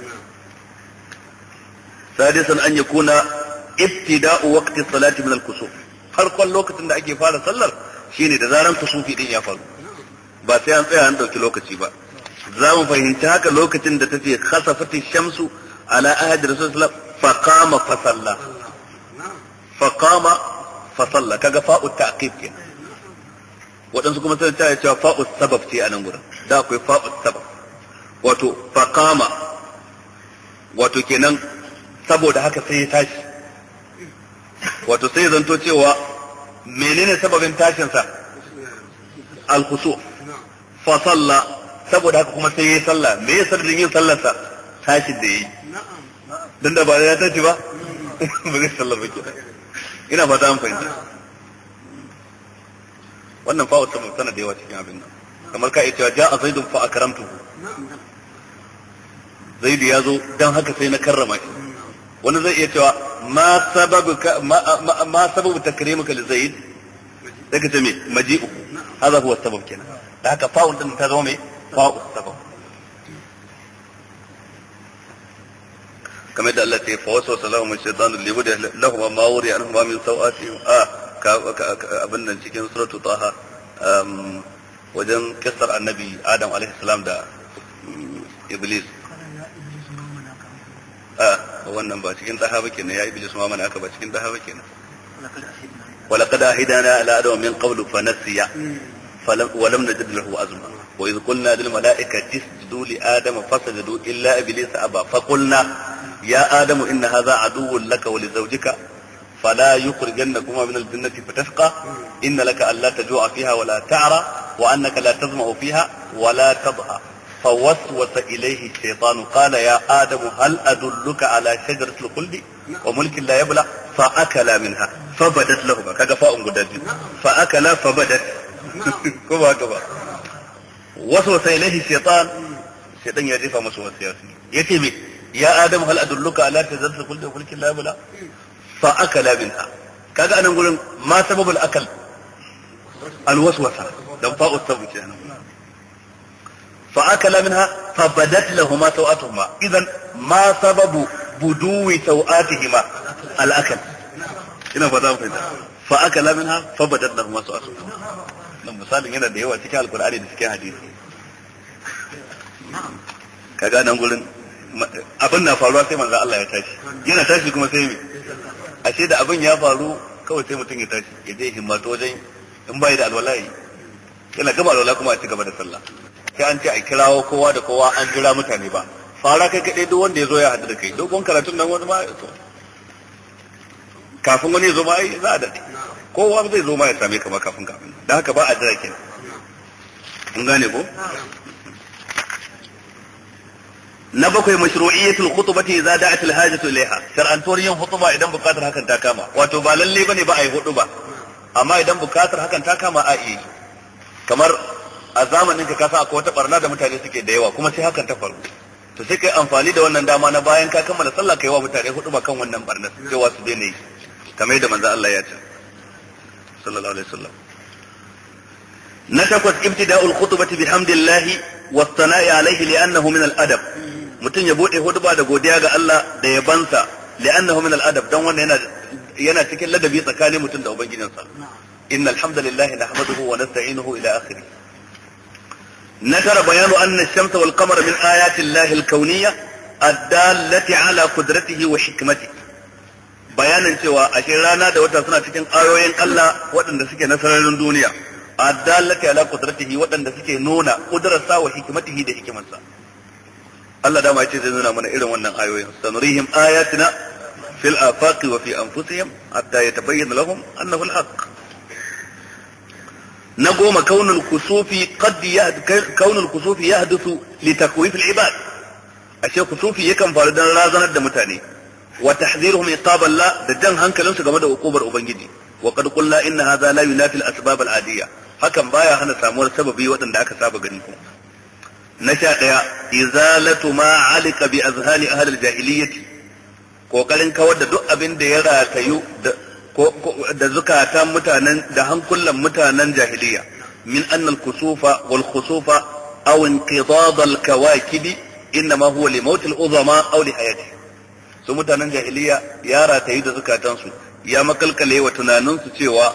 sadisan an yakuna ibtida'u waqti salati min al-kusuf farkon lokacin da ake fara sallar shine da zaran kusufi din ya faru ba sai an tsaya an dauki lokaci ba za mu fahimci haka lokacin da kasa khasafati shamsu ala ahadi rasulullah faqama fa salla faqama fa salla kaga fa'u ta'qib ke waɗansu kuma sun ta cewa fa'u sabab ce a nan gurin da akwai fa'u sabab wato faqama wato kenan saboda haka sai ya tashi wato sai zanto cewa menene sababin tashinsa alkusu fa salla saboda haka kuma sai ya yi me ya sardin yin sallarsa tashin da ya yi dan da ba ya tashi ba ba zai sallar ba kenan ina fata an fahimta wannan fa'u ta mutana da yawa cikin abin nan kamar ka ita ja ja'a zaidun fa akramtuhu zaidu ya zo dan haka sai na karrama shi wani zai iya cewa ma sababu ma sababu takrimuka li zaid daga ta me maji'u hada huwa sabab kenan da haka fa'u din ta zama me fa'u sabab kamar da Allah sai fa wasu sallahu min shaytanir liwudi lahum ma wuri anhum min sawatihim a abin nan cikin suratu taha wajen kissar annabi adam alaihi da iblis a wannan ba cikin taha ba kenan ya iblis ma aka ba cikin ba ولقد عهدنا إلى آدم من قبل فنسي فلم ولم نجد له عزما وإذ قلنا للملائكة اسجدوا لآدم فسجدوا إلا إبليس أبى فقلنا يا آدم إن هذا عدو لك ولزوجك فلا يخرجنكما من الجنة فتشقى إن لك ألا تجوع فيها ولا تعرى وأنك لا تظمأ فيها ولا تضحى فوسوس إليه الشيطان قال يا آدم هل أدلك على شجرة الخلد وملك لا يبلى فأكلا منها فبدت لهما كقفاء فاء فأكلا فبدت كما كما وسوس إليه الشيطان الشيطان يجف مسوس ياسين يتي ya adam hal adulluka ala tazarsa kullu fulkin la bala fa akala minha kaga anan gurin ma sababul akal alwaswasa dan sabu kenan fa akala minha fa badat lahumu sawatuhuma idan ma sababu buduwi sawatihima al akal ina fata mu fahimta fa akala minha fa badat lahumu nan misalin yana da yawa cikin alkur'ani da cikin abin na faruwa sai manzo Allah ya tashi yana tashi kuma sai me ce da abin ya faru kawai sai mutum ya tashi ya je himmatu wajen in bai da alwala'i yana gaba alwala kuma a ci gaba da sallah sai an ce a kirawo kowa da kowa an jira mutane ba fara kai kaɗai duk wanda ya zo ya haɗu da kai wani karatun nan wani ma kafin wani ya zo ma za a daɗe kowa zai zo ma ya same kama kafin kafin da haka ba a jira kenan An gane ko na bakwai mashru'iyyatul khutbati idza da'at al hajatu ilayha shar'antuwar yin khutba idan buƙatar hakan ta kama wato ba lalle bane ba ai hudu ba amma idan buƙatar hakan ta kama a yi kamar a zamanin ka kasa akwai wata barna da mutane suke da yawa kuma sai hakan ta faru to sai kai amfani da wannan dama na bayan ka kammala sallah kai wa mutane hudu ba kan wannan barna cewa wasu daina yi kamar yadda manzo Allah ya ce sallallahu alaihi wasallam na takwas ibtida'ul khutbati bihamdillahi was sana'i alaihi li'annahu min al mutum ya bude huduba da godiya ga Allah da ya bansa min al-adab dan wannan yana yana cikin ladabi tsakanin mutum da ubangijinsa inna alhamdulillahi nahmaduhu wa nasta'inuhu ila akhiri nakara bayanu anna ash-shamsa min ayati llahi al ala qudratihi wa hikmatihi bayanin cewa ashe rana da wata suna cikin ayoyin Allah waɗanda suke na duniya addallati ala qudratihi waɗanda suke nuna qudratsa wa hikmatihi da hikimarsa Allah dama ya ce zai nuna mana irin wannan ayoyin sanurihim ayatina fil afaqi wa fi anfusihim hatta yatabayyana lahum annahu al-haqq na goma kaunul kusufi qad kaunul kusufi yahdathu li takwif al-ibad ashe kusufi yakan faru dan razanar da mutane wa tahdhiruhum iqab Allah da jan hankalinsu game da hukubar ubangiji wa qad qulna inna hadha la yunafi al-asbab al-adiyya hakan baya hana samuwar sababi waɗanda aka saba gani kuma na sha ɗaya izalatu ma alika bi azhani ahlil kawar da duk abin da ya ratayu da zukatan mutanen da hankulan mutanen jahiliya min annal kusufa wal khusufa aw inqidad al kawakibi inma huwa li mawt al uzama aw li hayati su mutanen jahiliya ya ratayu da zukatan su ya makalkale wa tunanin su cewa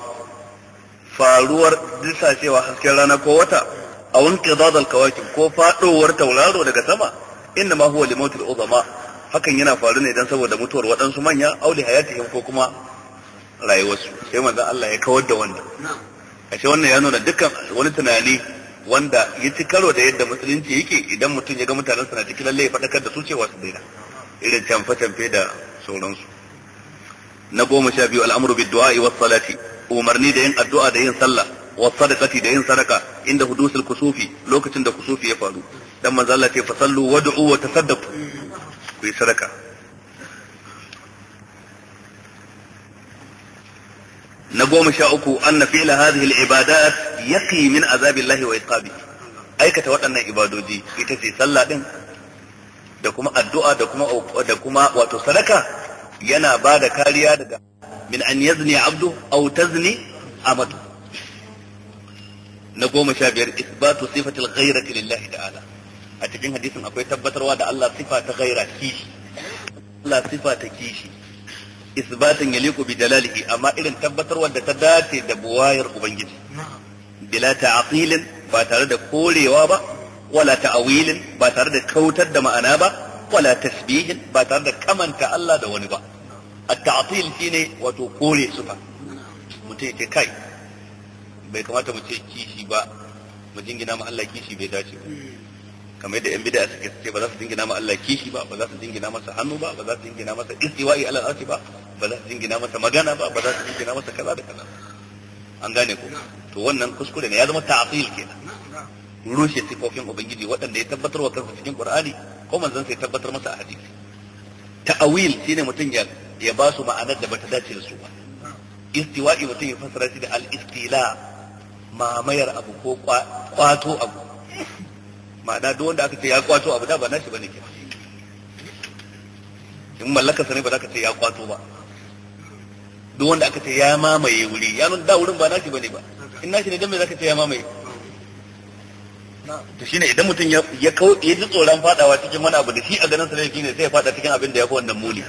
faruwar disa cewa hasken rana ko wata A inqidad al ko fadowar tauraro daga sama inna ma huwa limawt uzama hakan yana faru ne dan saboda mutuwar waɗansu manya aw li hayatihim ko kuma rayuwarsu sai manzon Allah ya kawar da wannan ashe wannan ya nuna dukkan wani tunani wanda ya ci karo da yadda musulunci yake idan mutum ya ga mutanen sa na cikin lalle ya faɗakar da su cewa su daina irin canfe-canfe da sauransu na goma sha biyu al'amuru bid du'a wa salati umarni da yin addu'a da yin sallah wa sadaqati da yin sadaka inda hudusul kusufi lokacin da kusufi ya faru dan manzo Allah ce fasallu wad'u wa tasaddaqu ku yi sadaka na goma sha uku anna fi'la hadhihi al min azabillahi wa iqabihi aikata waɗannan ibadoji ita ce sallah din da kuma addu'a da kuma wato sadaka yana ba da kariya daga min an yazni abdu aw na goma sha biyar isbatu sifatil ghairati lillahi ta'ala a cikin hadisin akwai tabbatarwa da Allah sifa ta ghaira kishi Allah sifa ta kishi isbatan yaliqu bi dalalihi amma irin tabbatarwa da ta dace da buwayar ubangiji bila ta'atilin ba tare da korewa ba wala ta'awilin ba tare da kautar da ma'ana ba wala tasbihin ba tare da kamanta Allah da wani ba at-ta'til shine wato kore sifa mutum yake kai bai kamata mu ce kishi ba mu jingina ma Allah kishi bai dace ba hmm. kamar yadda yan bid'a suke ce ba za su jingina ma Allah kishi ba ba za su jingina masa hannu ba ba za su jingina masa istiwa'i al arshi ba ba za su jingina masa magana ba ba za su jingina masa kaza da kaza an gane ko to wannan kuskure ne ya zama ta'til kenan rushe sifofin ubangiji waɗanda ya tabbatar wa kansa cikin qur'ani ko manzon sai tabbatar masa a hadisi ta'awil shine mutum ya ya ba su ma'anar da bata dace da su ba istiwa'i mutum ya fassara shi da al-istila mamayar abu ko kwato abu ma'ana duk wanda aka ce ya kwato abu da ba na nashi bane ke in mallaka sa ne ba za ka ce ya kwato ba duk wanda aka ce ya mamaye wuri ya nuna da wurin ba nashi bane ba in na shi ne dan me za ka ce ya mamaye to shine idan mutum ya kawo ya ji tsoron fadawa cikin wani abu da shi a ganin sa ne shine sai ya fada cikin abin da ya fi wannan muni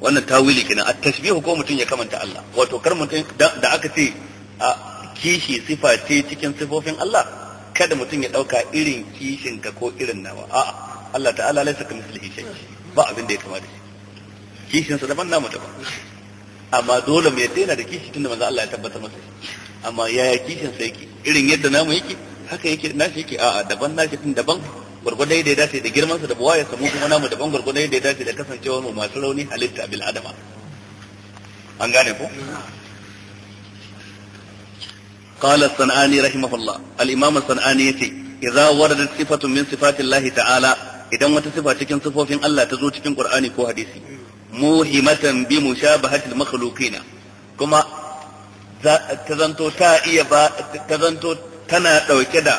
wannan tawili kenan at tashbihu ko mutum ya kamanta Allah wato kar mutun da aka ce a kishi sifa ce cikin sifofin Allah kada mutum ya dauka irin kishin ka ko irin nawa a'a Allah ta'ala laysa kamithlihi shay ba abin da ya kama da shi kishin sa daban namu daban amma dole mu yaddena da kishi tunda manzo Allah ya tabbata masa amma yaya kishin sa yake irin yadda namu yake haka yake nashi yake a'a daban nashi tun daban gurgurda yadda ya dace da girmansa da buwa ya samu kuma namu daban gurgurda yadda ya dace da kasancewar mu masu rauni halitta bil adama an gane ko قال الصنعاني رحمه الله الإمام الصنعاني يتي إذا وردت صفة من صفات الله تعالى idan wata sifa cikin sifofin Allah ta zo cikin Qur'ani ko hadisi muhimatan bi al makhluqina kuma ta zanto ta iya ba ta zanto tana dauke da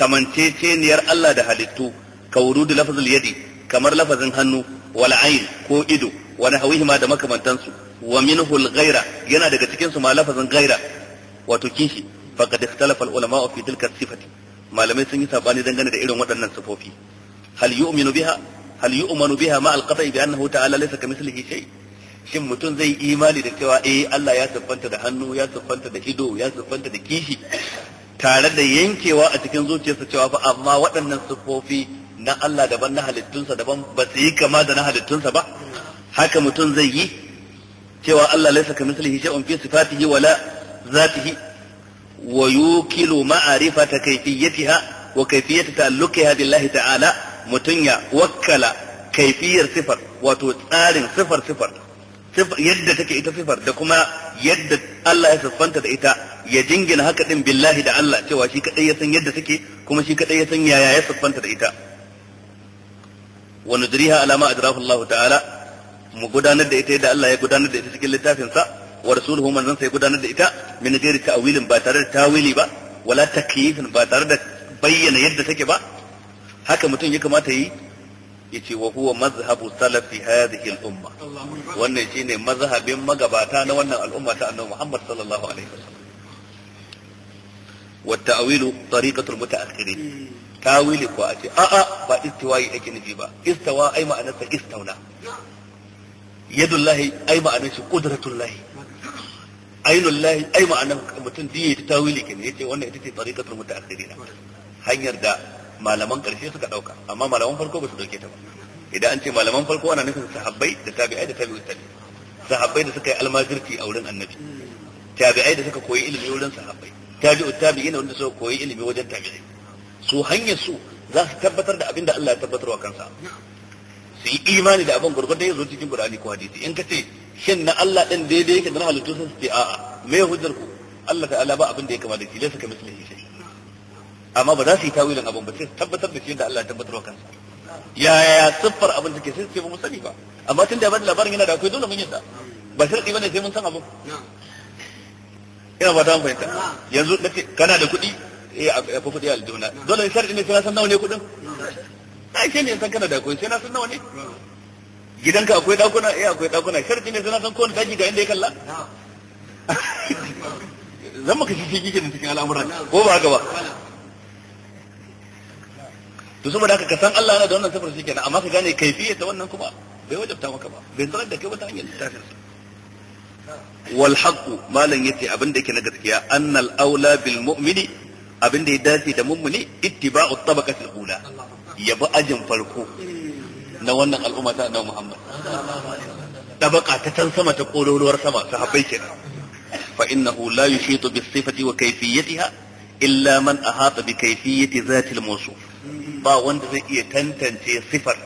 kamanceceniyar Allah da halittu ka wurudu lafzul yadi kamar lafazin hannu wal ayn ko ido wa nahwihima da makamantansu wa minhu al ghaira yana daga cikin su ma lafazin ghaira wato kishi faqad ikhtalafa al ulama fi tilka sifati malamai sun yi sabani dangane da irin waɗannan sifofi hal yu'minu biha hal yu'manu biha ma al qata'i bi annahu ta'ala laysa kamithlihi shay' shin mutum zai imani da cewa eh Allah ya siffanta da hannu ya siffanta da ido ya siffanta da kishi tare da yankewa a cikin zuciyarsa cewa fa amma waɗannan siffofi na Allah daban na halittunsa daban ba su yi kama da na halittunsa ba haka mutum zai yi cewa Allah laisa ka mislihi shay'un fi sifatihi wala zatihi wa yukilu ma'rifata kayfiyatiha wa kayfiyati ta'alluqiha billahi ta'ala mutum ya wakkala kaifiyar sifar wato tsarin sifar sifar yadda take ita sifar da kuma yadda Allah ya siffanta da ita ya jingina haka din billahi da Allah cewa shi kadai ya san yadda take kuma shi kadai ya san yaya ya siffanta da ita wa nudriha ala ma adrahu Allah ta'ala mu gudanar da ita yadda Allah ya gudanar da ita cikin littafin sa wa rasuluhu manzon sai gudanar da ita min ghairi ta'wilin ba tare da tawili ba wala takyifin ba tare da bayyana yadda take ba haka mutum ya kamata yi yace wa huwa mazhabu salafi hadhihi al-umma wannan shine mazhabin magabata na wannan al'umma ta annabi Muhammad sallallahu alaihi wasallam والتأويل طريقة المتأخرين تاويل كواتي آآ آه با استواء أكي نجيبا استواء أي ما أنسى استونا يد الله أي ما أنسى قدرة الله عين الله أي ما أنسى متندية تاويل كن يتي وانا يتي طريقة المتأخرين hanyar da malaman ƙarshe suka ɗauka amma malaman farko ba su ɗauke ta ba idan an ce malaman farko ana nufin sahabbai da tabi'ai da tabi'u tabi sahabbai da suka yi almajirci a wurin annabi tabi'ai suka koyi ilimi wurin sahabbai tabi'u tabi'in wanda suka koyi ilimi wajen tabi'in su hanyar su za su tabbatar da abin da Allah ya tabbatar wa kansa su yi imani da abin gurgurda ya zo cikin Qur'ani ko hadisi in ka ce shin na Allah din daidai yake da na halittu sun ce a'a me hujjar ku Allah ta'ala ba abin da ya kamata shi laysa kamithlihi shay amma ba za su yi tawilin abin ba sai su tabbatar da shi da Allah ya tabbatar wa kansa ya siffar abin ke sai ce ba mu sani ba amma tun da ba labarin yana da akwai dole mun yadda ba ba bane sai mun san abu ina ba ta fahimta yanzu nace kana da kuɗi eh a fa kuɗi aljuna dole in sharadi ne sai na san nawa ne kuɗin ai shi ne san kana da kuɗi sai na san nawa ne gidanka akwai dakuna eh akwai dakuna sharadi ne sai na san kowane daki ga inda ya kalla zan maka shi shi cikin cikin al'amuran ko ba haka ba to saboda haka ka san Allah yana da wannan sifar shi kenan amma ka gane kaifiyar ta wannan kuma bai wajabta maka ba bai sanar da kai wata hanyar littafin sa malam ya ce yace abin da yake na gaskiya annal aula bil mu'mini abin da ya dace da mummuni ittiba'u tabaqati al ula yabi ajin farko na wannan al'umma ta annabi Muhammad tabaka ta can sama ta kololuwar sama sahabbai kenan fa innahu la yushitu bis sifati wa kayfiyatiha illa man ahata bi kayfiyati zati al mawsuf ba wanda zai iya tantance sifar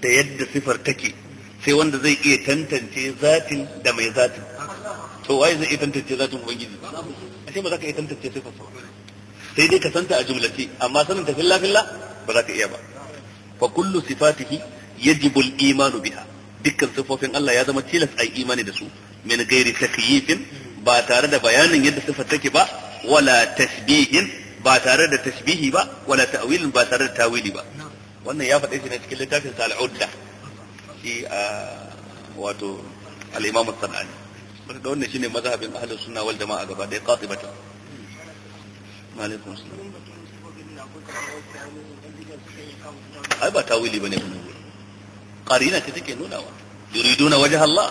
da yadda sifar take sai wanda zai iya tantance zatin da mai zatin to waye zai iya tantance zatin ubangiji ashe ba za ka iya tantance sai fasa sai dai ka santa a jumlace amma sanin ta filla filla ba za ka iya ba fa kullu sifatihi yajibu al-imanu biha dukkan sifofin Allah ya zama tilas ai imani da su min gairi takyifin ba tare da bayanin yadda sifar take ba wala tashbihin ba tare da tashbihi ba wala ta'wilin ba tare da tawili ba wannan ya faɗe shi ne cikin littafin sa al-udda shi a wato al-imamu sanani baka ga wannan shine mazhabin ahlus sunna wal jama'a gaba ɗaya qatibatan alaikum salam ai ba tawili bane wannan gurin qarina ta take nuna wa yuriduna wajha Allah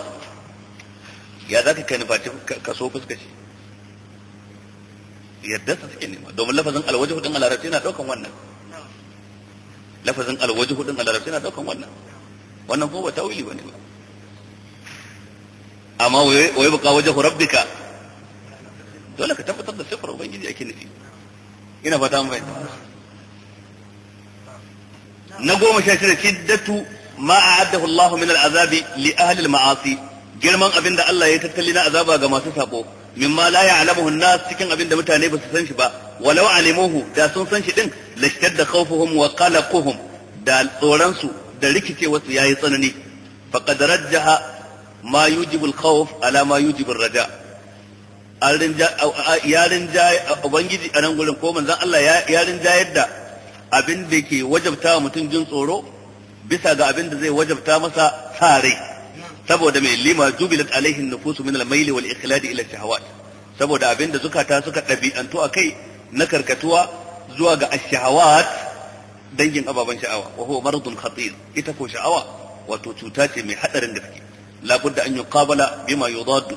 ya zaka kai nufaci ka so shi yadda ta take nema domin lafazin alwajhu din a larabci yana daukan wannan lafazin alwajhu din a larabci yana daukan wannan wannan ko ba tawili bane ba amma wai baka waje rabbika dole ka tabbatar da sifar ubangiji ake nufi ina fata mun na goma sha shida shiddatu ma a a'addahu Allah min al'azabi li ahli al-ma'asi girman abin da Allah ya tattali na azaba ga masu sabo mimma la ya'lamuhu an-nas cikin abin da mutane ba su san shi ba walau alimuhu da sun san shi din lashtadda khawfuhum wa qalaquhum da tsoron su da rikice wasu yayi tsanani faqad rajjaha ma yujibu al-khawf ala ma yujibu ar-raja ya rinjaye ubangiji a nan gurin ko manzon Allah ya rinjayar da abin da ke wajabta mutum jin tsoro bisa ga abin da zai wajabta masa sare saboda mai lima jubilat alaihin nufusu min al-maili wal ikhlad ila shahawat saboda abin da zukata suka dabi'antu akai na karkatuwa zuwa ga ash-shahawat dangin ababen sha'awa wa huwa maradun khatir ita ko sha'awa wato cuta ce mai hadarin gaske labudda an yuqabala bima yudaddu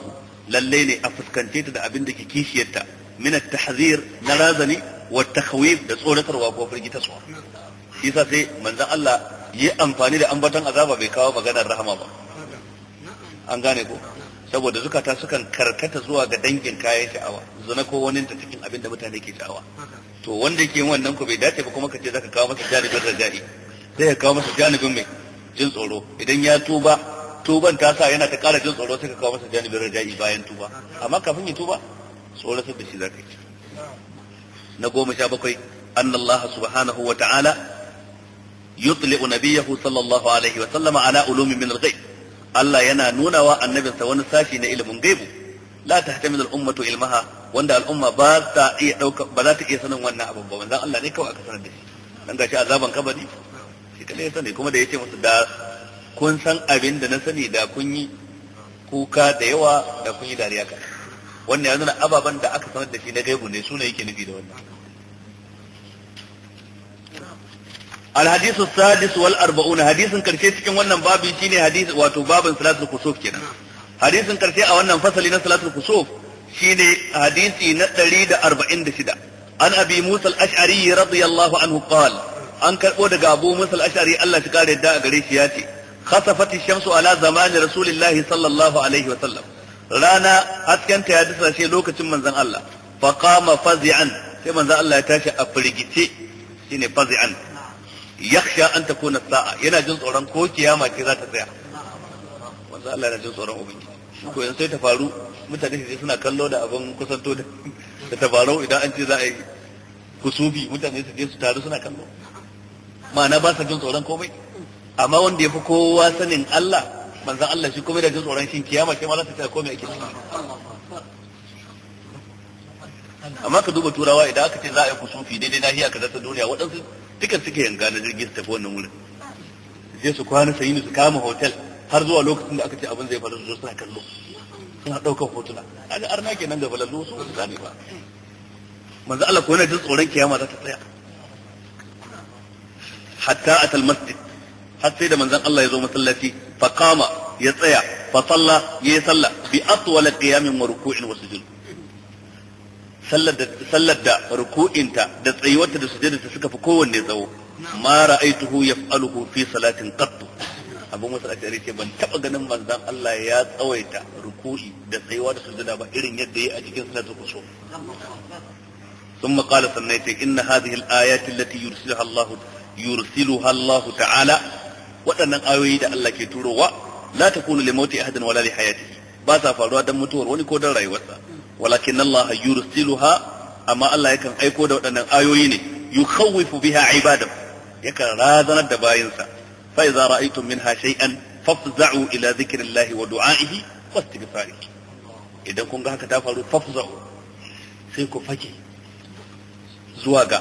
lalle ne a fuskance ta da abin da ke kishiyarta min at-tahzir na razani wa takhwif da tsoratarwa ko firgitaswa yasa sai manzon Allah yi amfani da ambaton azaba bai kawo maganar rahama ba an gane ko saboda zukata sukan karkata zuwa ga dangin kayan sha'awa zuna ko wani ta cikin abin da mutane ke sha'awa to wanda yake wannan ku bai dace ba kuma ka ce zaka kawo masa janibin raja'i sai ka kawo masa janibin mai jin tsoro idan ya tuba tuban ta sa yana ta ƙara jin tsoro sai ka kawo masa janibin raja'i bayan tuba amma kafin ya tuba tsoro sai da shi zaka yi na goma sha bakwai anna Allah subhanahu wa ta'ala yutli'u nabiyahu sallallahu alaihi wa sallama ala ulumi min al-ghaib Allah yana nunawa annabinsa wani sashi na ilimin gaibu la min al to ilmaha wanda al'umma ba ta iya dauka ba za ta iya sanin wannan abin ba wanda Allah ne kawai aka sanar da shi dan gashi azaban kabari shi kadai ya sani kuma da yace musu da kun san abin da na sani da kun yi kuka da yawa da kun yi dariya ka wannan ya nuna ababan da aka sanar da shi na gaibu ne su ne yake nufi da wannan الحديث السادس والأربعون حديث كرشيت كم ونن بابي تيني حديث واتو باب صلاة الكسوف كنا hadisin karshe a wannan fasali na salatul kusuf shine hadisi na 146 an abi musa al-ash'ari radiyallahu anhu qala an karbo daga abu musa al-ash'ari Allah shi kare da gare shi ya ce khasafati shamsu ala zamani rasulillahi sallallahu alaihi wa sallam rana hasken ta ya dasa lokacin manzon Allah fa qama fazi'an sai manzon Allah ya tashi a firgice shine fazi'an yakhsha an takuna sa'a yana jin tsoron ko kiyama ce za ta tsaya manzo Allah yana jin tsoron ubangiji ko yanzu sai ta faru mutane sai suna kallo da abin kusanto da da tabarau idan an ce za a yi kusubi mutane su je su taru suna kallo ma'ana ba sa jin tsoron komai amma wanda ya fi kowa sanin Allah manzo Allah shi komai da jin tsoron shi kiyama shi ma za ta komai ake amma ka duba turawa idan aka ce za a yi kusufi daidai nahiya kaza ta duniya waɗansu dukan suke yanga na jirgin su tafi wannan wurin sai su kwana sayi su kama hotel har zuwa lokacin da aka ce abin zai faru da suna kallo suna ɗaukar hotuna kaga arna kenan da falallu su su gane ba manzo Allah ko yana jin tsoron kiyama za ta tsaya hatta atal masjid har sai da manzon Allah ya zo masallaci fa qama ya tsaya fa salla ya salla bi atwal qiyamin wa ruku'in wa sujud sallar da da ruku'inta da tsayuwarta da sujudarta suka fi kowanne tsawo ma ra'aituhu yaf'aluhu fi salatin qattu abu musa ashari ce ban taba ganin manzon Allah ya tsawaita ruku'i da tsayuwa da sujada ba irin yadda yayi a cikin salatul kusuf ثم قال سنيت إن هذه الآيات التي يرسلها الله يرسلها الله تعالى waɗannan ayoyi da Allah ke turowa la takunu li mauti ahadin wala li hayatihi ba sa faruwa dan mutuwar wani ko dan rayuwarsa walakin Allah yursiluha amma Allah yakan aiko da waɗannan ayoyi ne yukhawifu biha ibadahu yakan razanar da bayinsa فإذا رأيتم منها شيئا فافزعوا إلى ذكر الله ودعائه واستغفاره إذا كنت هكذا تفعلوا فافزعوا سيكو فجي زواغا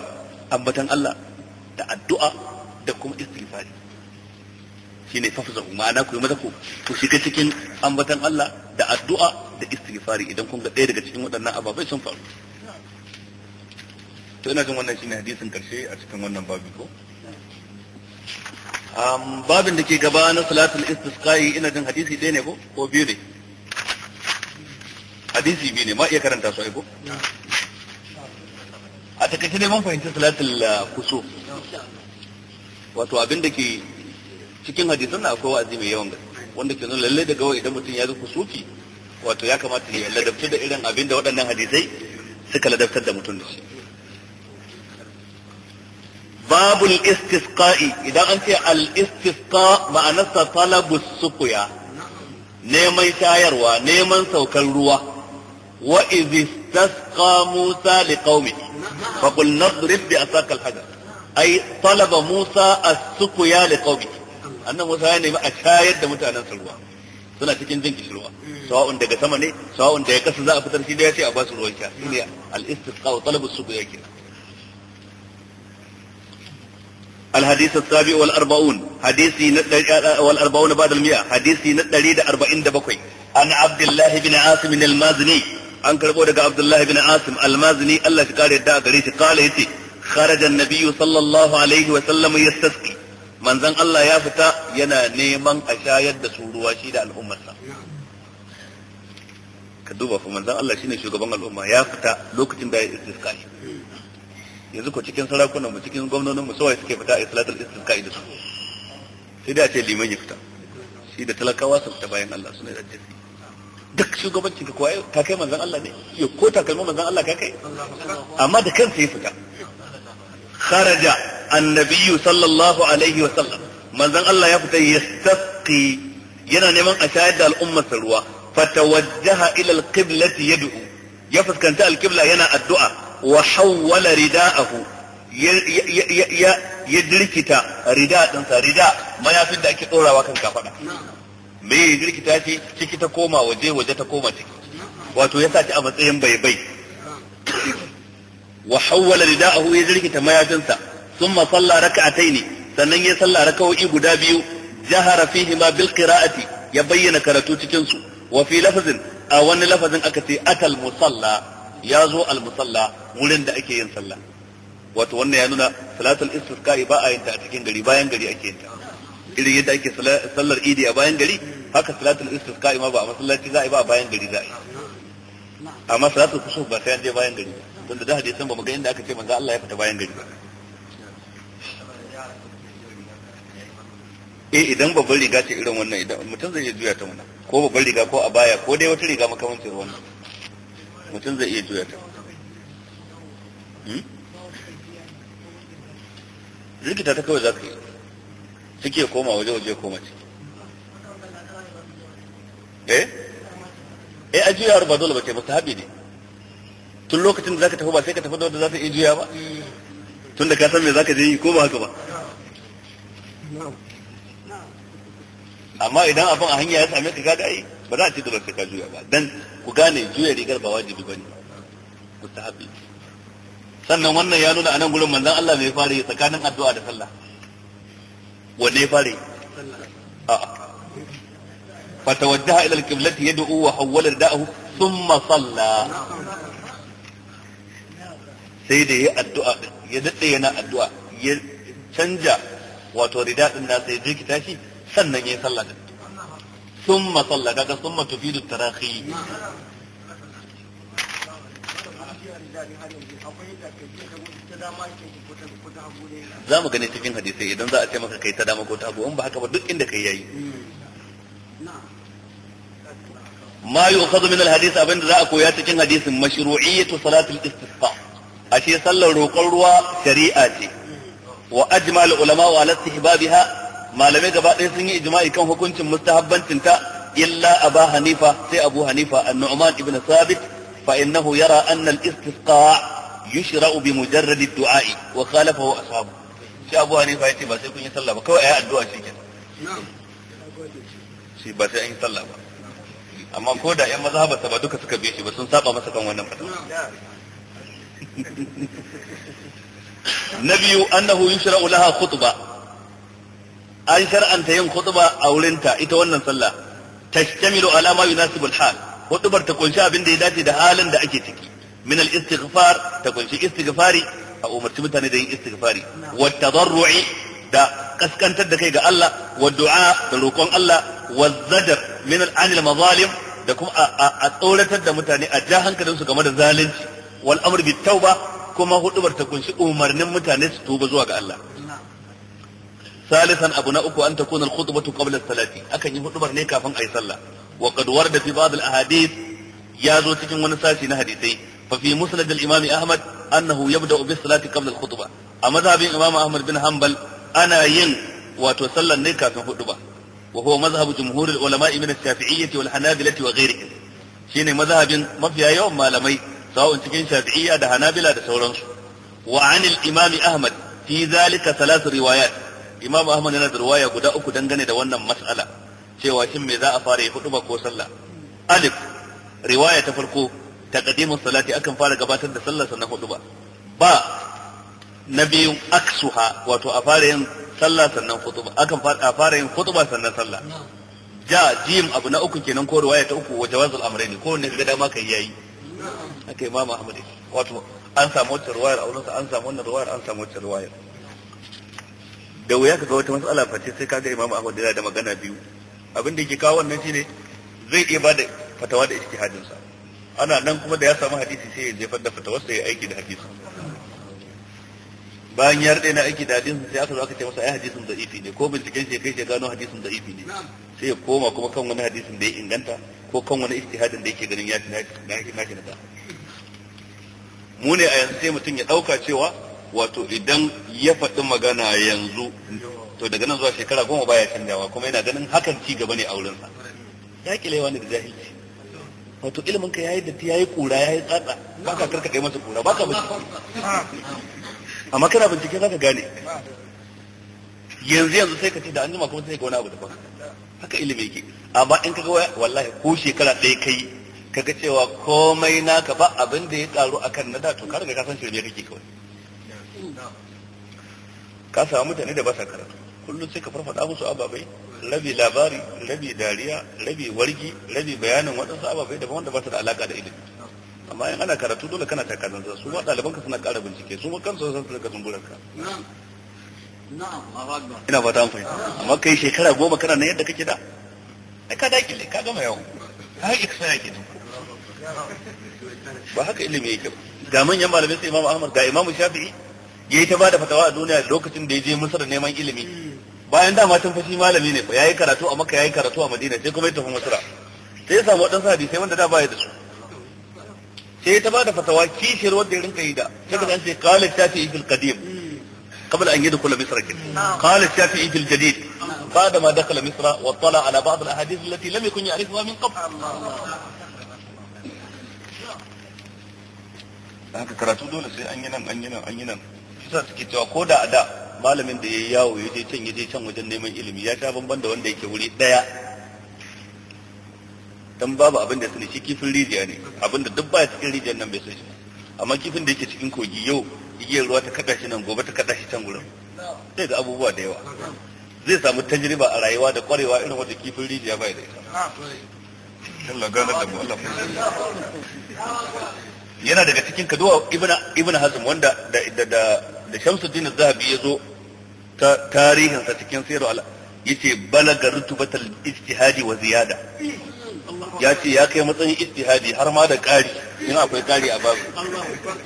أمبتن الله da addu'a da kuma istighfari shine fafzahu ma'ana ku yi maza ku ku shiga cikin ambatan Allah da addu'a da istighfari idan kun ga ɗaya daga cikin waɗannan faru to ina jin wannan shine hadisin karshe a cikin wannan babu ko Um, babin da ke gaba na salatul istisqa'i ina jin hadisi ɗaya ne ko ko biyu ne hadisi biyu ne ma iya karanta su ai ko a takaice ne mun fahimci salatul uh, Kuso, wato abin da ke cikin hadisan akwai wa'azi mai yawan gaske wanda ke nuna lalle daga idan mutum ya ga kusufi wato ya kamata ya ladabtu da irin abin da waɗannan hadisai suka ladabtar da mutum da shi babul istisqa'i idan an ce al istisqa ma'anarsa talabus suqya neman shayarwa neman saukar ruwa wa idh istasqa Musa liqaumihi fa qul nadrib bi asaka al talaba Musa as-suqya liqaumihi annan Musa ya nemi a ruwa suna cikin jin kishirwa sawa'un daga sama ne sawa'un ya kasa za a fitar shi da ya ce a ba su ruwan sha ne al istisqa wa talabus ya kenan الحديث السابع والأربعون حديثي والأربعون بعد المئة حديثي نتريد أربعين دبقوي عن عبد الله بن عاصم المازني عن كربودك عبد الله بن عاصم المازني الله شكاري دا قريش قال هتي خرج النبي صلى الله عليه وسلم يستسقي من ذن الله يافتا ينا نيمان أشايد دسول واشيد الأمة كدوبة فمن ذن الله شين شوكبان الأمة يافتا لوكتن دا استسقاي yanzu ko cikin sarakunan mu cikin gwamnonin mu sawai suke fita a salatul istisqa da su sai dai a ce liman ya fita shi da talakawa su fita bayan Allah suna da tafi duk shugabancin ka koyi ka kai manzon Allah ne ya ko takalmin manzon Allah ka kai amma da kansa ya fita kharaja annabi sallallahu alaihi wa sallam manzon Allah ya fita yastasqi yana neman a shayar da al'ummar ruwa fatawajjaha ila alqiblati yad'u ya fuskanta alqibla yana addu'a wa hawwala rida'ahu ya ya ya ya dirkita rida mayafin da ake tsorawa kan kafada me ya dirkita ce ciki ta koma waje waje ta koma ciki wato ya sa a matsayin baibai wa hawwala rida'ahu ya dirkita mayafinsa thumma salla raka'ataini sannan ya salla raka'o'i guda biyu jahara fihima bil qira'ati ya bayyana karatu cikinsu. su wa a wani lafazin aka ce atal musalla ya zo al-musalla wurin da ake yin sallah wato wannan ya nuna salatul istisqa ba a yin ta a cikin gari bayan gari ake yin ta irin yadda ake sallar idi a bayan gari haka salatul istisqa ma ba a masallaci za a yi ba a bayan gari za a yi amma salatul kusuf ba sai an je bayan gari don da san ba mu ga inda aka ce manzo Allah ya fita bayan gari ba eh idan babban riga ce irin wannan idan mutum zai juya ta muna ko babban riga ko a baya ko dai wata riga makamancin wannan mutum zai iya juya ta hmm? rikita ta kawai za ka yi ciki koma waje waje koma ce eh eh a juyawar ba dole ba ce musta haɓi ne tun lokacin da za ka tafi ba sai ka tafi da wanda za ta iya juya ba tun da ka san me za ka je yi ko ba haka ba amma idan abin a hanya ya same ka gada yi ba za a ce dole sai ka juya ba dan ku gane juya rigar ba wajibi bane mustahabi sannan wannan ya nuna anan gurin manzon Allah mai fare tsakanin addu'a da sallah wanne fare a'a فتوجه إلى القبلة يدعو وحول رداءه ثم صلى sai da ya addu'a ya daɗe yana addu'a ya canja wato rida ɗin da sai jirkita shi sannan ya yi sallah ɗin Sun salla kaga summa tufidu tarahi za mu gane cikin hadisai idan za a ce maka kai ta dama ko ta hagu in ba haka ba duk inda kai yayi ma yu'khadhu min al-hadith abinda za a koya cikin hadisin mashru'iyyatu salatul istisqa ashe sallar roƙon ruwa shari'a ce wa ajma'ul ulama wa malamai gaba ɗaya sun yi ijma'i kan hukuncin mustahabbancin ta illa aba hanifa sai abu hanifa an-nu'man ibn sabit fa innahu yara anna al-istisqa yushra'u bi mujarrad ad-du'a wa khalafahu ashabu sai abu hanifa yace ba sai kun yi sallah ba kawai ayi addu'a shikenan Sai ba sai an yi sallah ba amma ko da yan mazhabarsa ba duka suka bi shi ba sun saba masa kan wannan fatawa na biyu annahu yushra'u laha khutba an shar'anta yin khutba a ta ita wannan sallah tashtamilu ala ma yunasibu hal khutbar ta kunshi abin da ya dace da halin da ake ciki min al-istighfar ta kunshi istighfari a umarci mutane da yin istighfari wa tadarru'i da kaskantar da kai ga Allah wa du'a da roƙon Allah wa zadar min al-anil mazalim da kuma a tsoratar da mutane a ja hankalin su game da zalunci wal amr bit tauba kuma hudubar ta kunshi umarnin mutane su tuba zuwa ga Allah ثالثا أبو نأك أن تكون الخطبة قبل الصلاة أكن يخطبر ني كافن أي صلاه وقد ورد في بعض الأحاديث يا ذو تكن ساسي نهديتي ففي مسند الإمام أحمد أنه يبدأ بالصلاة قبل الخطبة أمذهب الإمام أحمد بن حنبل أنا ين وتصلى نيكا في خطبة وهو مذهب جمهور العلماء من الشافعية والحنابلة وغيرهم شين مذهب ما في يوم ما لمي سواء تكن شافعية ده حنابلة ده سورانس وعن الإمام أحمد في ذلك ثلاث روايات imam ahmad yana da ruwaya guda uku dangane da wannan mas'ala cewa shin me za a fara yi hudu ko sallah alif riwaya ta farko taqdimus salati akan fara gabatar da sallah sannan hudu ba ba na biyu aksuha wato a fara yin sallah sannan khutba akan a fara yin khutba sannan sallah ja jim abu na uku kenan ko riwaya ta uku wa jawazul amrayni ko ne ga dama kai yayi Aka imam ahmad wato an samu wata ruwayar a wurinsa an samu wannan ruwayar, an samu wata ruwayar. da wuya ka ga wata matsala face sai kaga imamu ahmad yana da magana biyu abin da yake kawo wannan shine zai iya bada fatawa da ijtihadin sa ana nan kuma da ya samu hadisi sai ya jefar da fatawar sai ya aiki da hadisi bayan ya rade na aiki da hadisin sai aka zo aka ce masa ai hadisin ifi ne ko binciken shi kai shi gano hadisin ifi ne sai ya koma kuma kan wani hadisin da ya inganta ko kan wani ijtihadin da yake ganin ya fi na na na mu ne a yanzu sai mutum ya dauka cewa wato idan ya faɗi magana yanzu to daga nan zuwa shekara goma baya canjawa kuma yana ganin hakan ci gaba ne a wurinsa ya kilewa ne da jahilci wato ilimin ka yayi datti yayi kura yayi tsatsa ba ka kai masa kura ba ka amma kana bincike zaka ka gane yanzu yanzu sai ka ce da anjima kuma sai ka wani abu daban haka ilimi yake amma in ka ga wallahi ko shekara ɗaya kai kaga cewa komai naka ba abin da ya karu akan na da to ka riga ka san shirme kake kawai ka samu mutane da ba sa karatu kullum sai ka farfada musu ababai rabi labari rabi dariya rabi wargi rabi bayanin waɗansu ababai daban wanda ba su da alaka da ilimi amma in ana karatu dole kana ta takarar su ma ɗaliban ka suna ƙara bincike su ma kansu sun rika zumburar ka ina ba ta amfani amma kai shekara goma kana nan yadda kake da ai ka dakile ka gama yau ka ka kasa yake ba haka ilimi yake ba ga manyan malamai sai imamu ahmad ga imamu shafi'i yayi ta bada fatawa a duniya lokacin da ya je Misra neman ilimi bayan da matan fashi malami ne fa yayi karatu a Makka yayi karatu a Madina sai kuma ya tafi Misra sai ya samu wadansu hadisai wanda da baya da su sai ta bada fatawa kishiyar wanda ya rinka yi da sai ka ce qala shafi'i fil qadim قبل أن يدخل مصر كده قال الشافعي في الجديد بعدما دخل مصر واطلع على بعض الأحاديث التي لم يكن يعرفها من قبل haka karatu dole sai an yi nan an yi nan an yi nan kisa suke cewa ko da ada da malamin da ya yi yawo ya je can ya je can wajen neman ilimi ya sha bamban da wanda yake wuri daya. dan babu abin da sani shi kifin rijiya ne abin da duk baya cikin rijiyar nan bai san shi amma kifin da yake cikin kogi yau igiyar ruwa ta kada shi nan gobe ta kada shi can gurin zai da abubuwa da yawa zai samu tajriba a rayuwa da kwarewa irin wanda kifin rijiya bai da ita yana daga cikin kaduwa ibn ibn hazm wanda da da da shamsu din zahabi yazo ta tarihin sa cikin sayar ala yace balaga rutubatal ijtihadi wa ziyada ce ya kai matsayin ijtihadi har ma da ƙari in akwai ƙari a babu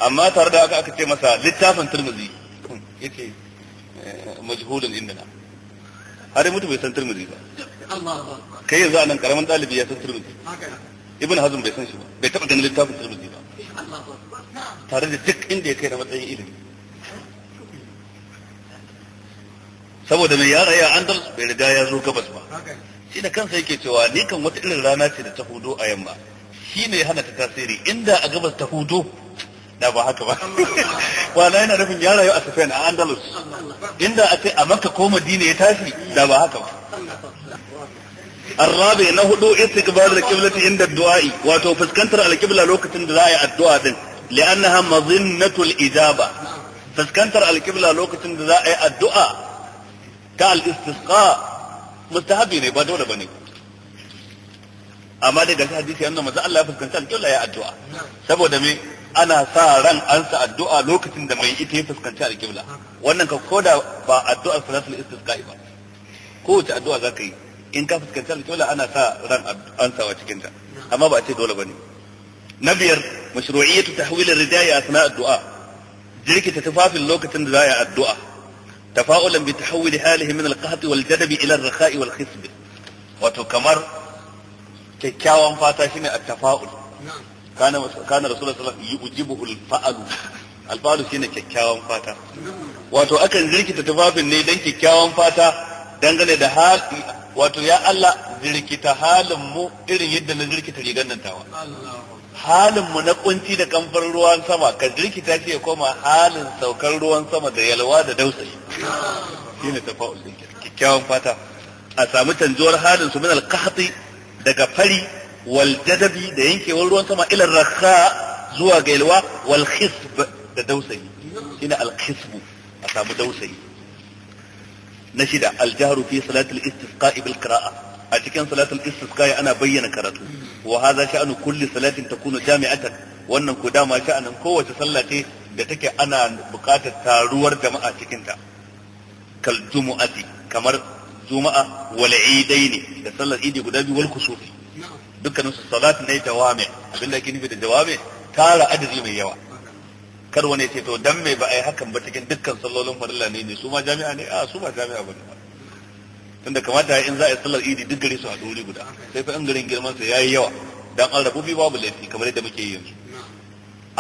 amma tare da aka ce masa littafin Tirmidhi yace eh, majhulun indana har mutu bai san Tirmidhi ba kai yanzu anan karamin dalibi ya san Tirmidhi Ibn Hazm bai san shi ba bai taba ganin littafin Tirmidhi ba tare da duk inda ya kai na matsayin ilimi saboda mai yara ya andal bai riga ya zo gabas ba shi da kansa yake cewa ni kan wata irin rana ce da ta hudo a yamma shi ne hana ta tasiri inda a gabas ta hudo da ba haka ba kwana yana nufin ya rayu a Spain a Andalus inda a ce a Makka ko Madina ya tashi da ba haka ba الرابع na hudu istiqbal al-qibla inda du'a'i wato fuskantar al-qibla lokacin da za a yi addu'a din li'annaha mazinnatul ijaba fuskantar al-qibla lokacin da za a yi addu'a ka al-istisqa mustahabi ne ba dole amma hadisi Allah ya fuskanci ya addu'a saboda me ana sa ran addu'a lokacin da mai ita ya fuskanci wannan ka koda ba salatul istisqa ba kowace addu'a za ka yi in ka fuskanci ana sa ran cikin ta amma ba a ce dole bane na biyar mashru'iyyatu tahwil ar-ridaya asna addu'a jirkita tufafin lokacin da za a yi addu'a تفاؤلا بتحول حاله من القهط والجدب الى الرخاء والخصب wato kamar kyakkyawan fata shine a tafaul kana kana rasulullahi sallallahu alaihi wasallam yujibuhu al-fa'lu al-fa'lu shine kyakkyawan fata wato akan zirkita tufafin ne dan kyakkyawan fata dangane da hal wato ya Allah zirkita halin mu irin yadda na zirkita rigar nan tawa halin mu na kunci da kamfar ruwan sama ka zirkita shi ya koma halin saukar ruwan sama da yalwa da dausayi shine tafa'ul din kikkiawan fata a samu canjuwar halin su min alqahti daga fari wal jadabi da yankewar ruwan sama ila rakha zuwa ga ilwa wal khisb da dausayi shine al khisb a samu dausayi na shida al jahru fi salatil istisqa'i bil qira'a a cikin salatul istisqa ana bayyana karatu wa hadha sha'nu kulli salatin takunu jami'atan wannan ku dama sha'anin kowace sallah ce da take ana buƙatar taruwar jama'a cikin ta kal jumu'ati kamar juma'a wal idaini da sallar idi guda biyu wal kusufi dukkanin su salat ne jawami abinda ake nufi da jawami tara adadi mai yawa kar wani ce to dan me ba ai hakan ba cikin dukkan sallolin farilla ne ne su ma jami'a ne a su ba jami'a ba ne tunda kamata in za a yi sallar idi duk gare su a dori guda sai fa in garin girman sa yayi yawa dan an rabu biyu babu laifi kamar yadda muke yanzu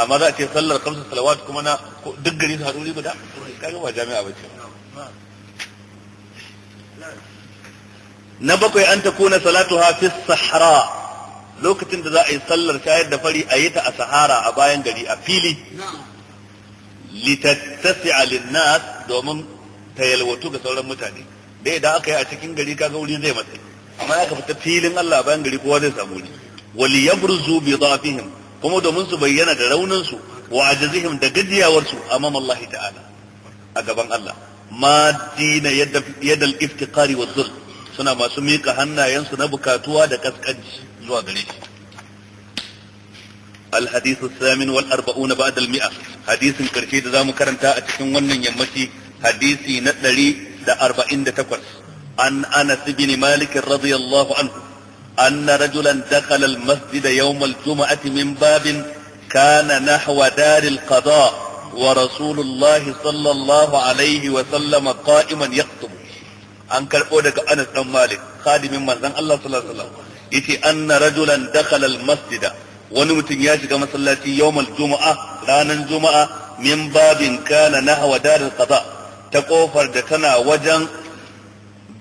amma za a ce sallar kamsa salawat kuma na duk gare su a dori guda kaga ba jami'a ba ce na bakwai an takuna Salatu Hafiz sahara lokacin da za a yi sallar shayar da fari a yi ta a sahara a bayan gari a fili litattasi'a linnas domin ta yalwatu ga sauran mutane da idan aka yi a cikin gari kaga wuri zai matsayi amma aka fita filin Allah bayan gari kowa zai samu wuri wali yabruzu bi dhafihim kuma domin su bayyana da raunin su wa ajazihim da gajiyawar su amama Allah ta'ala a gaban Allah ma dina yadda al-iftiqari wa suna masu miƙa hannayensu na bukatuwa da kaskanci zuwa gare shi الحديث الثامن والأربعون بعد المئة حديث كرشي ذا زامو كرنتا أتكن ونن يمشي حديثي نتلي دا أربعين دا تقوص عن أنس بن مالك رضي الله عنه أن رجلا دخل المسجد يوم الجمعة من باب كان نحو دار القضاء ورسول الله صلى الله عليه وسلم قائما يخطب an karɓo daga Anas dan Malik khadimin manzon Allah sallallahu alaihi wasallam yace anna rajulan dakhala al-masjida wani mutum ya shiga masallaci yawmal juma'a ranar juma'a min babin kana nahwa darul qada ta kofar da tana wajen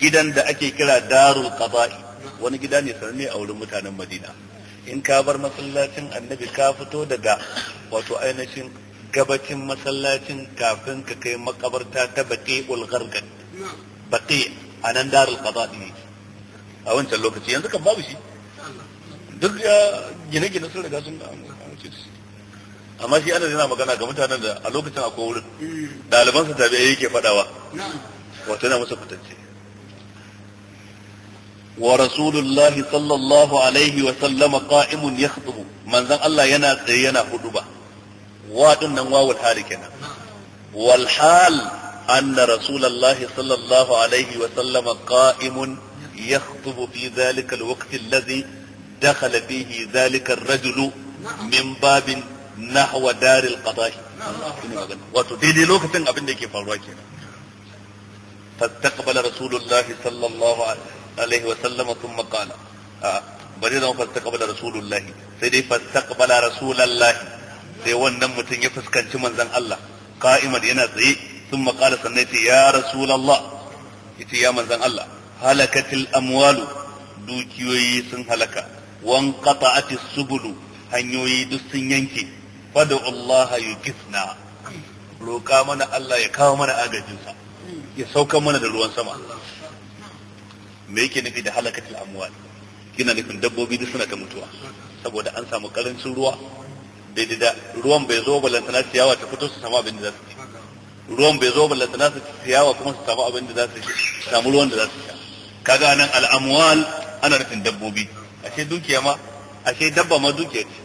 gidan da ake kira darul qada'i wani gida ne sananne a wurin mutanen Madina in ka bar masallacin annabi ka fito daga wato ainihin gabacin masallacin kafin ka kai makabarta ta baqi ul gharqad baqi a nan darul qada din a wancan lokaci yanzu kan babu shi duk gine-gine sun riga sun amince da shi amma shi ana yana magana ga mutanen da a lokacin akwai wurin ɗaliban su tabi'a yake faɗawa wato yana masa kwatance wa rasulullahi sallallahu alaihi wa sallama qa'imun yakhutubu manzon Allah yana tsaye yana huduba wa din nan wawul hali kenan wal hal أن رسول الله صلى الله عليه وسلم قائم يخطب في ذلك الوقت الذي دخل فيه ذلك الرجل من باب نحو دار القضاء وتدلي لوكتن أبن ديكي فالواكي فاستقبل رسول الله صلى الله عليه وسلم ثم قال bari fastaqbala rasulullahi sai dai fastaqbala rasulullahi sai wannan mutum ya fuskanci manzon Allah qa'iman yana tsaye ثم قال سنيت يا رسول الله يتي يا من الله هلكت الأموال دوكيوي سن هلكا وانقطعت السبل هنيوي دسن ينكي فدعو الله يجثنا roƙa mana Allah ya kawo mana agajinsa ya sauka mana da ruwan sama me yake nufi da nufin dabbobi duk suna ta mutuwa saboda an samu karancin ruwa daidai da ruwan bai zo balantana ciyawa ta fito su sama abin da za su ruwan bai zo ballanta za su wa kuma su samu abin da za su samu ruwan da za su sha kaga nan al'amwal ana nufin dabbobi ashe dukiya ma ashe dabba ma dukiya ce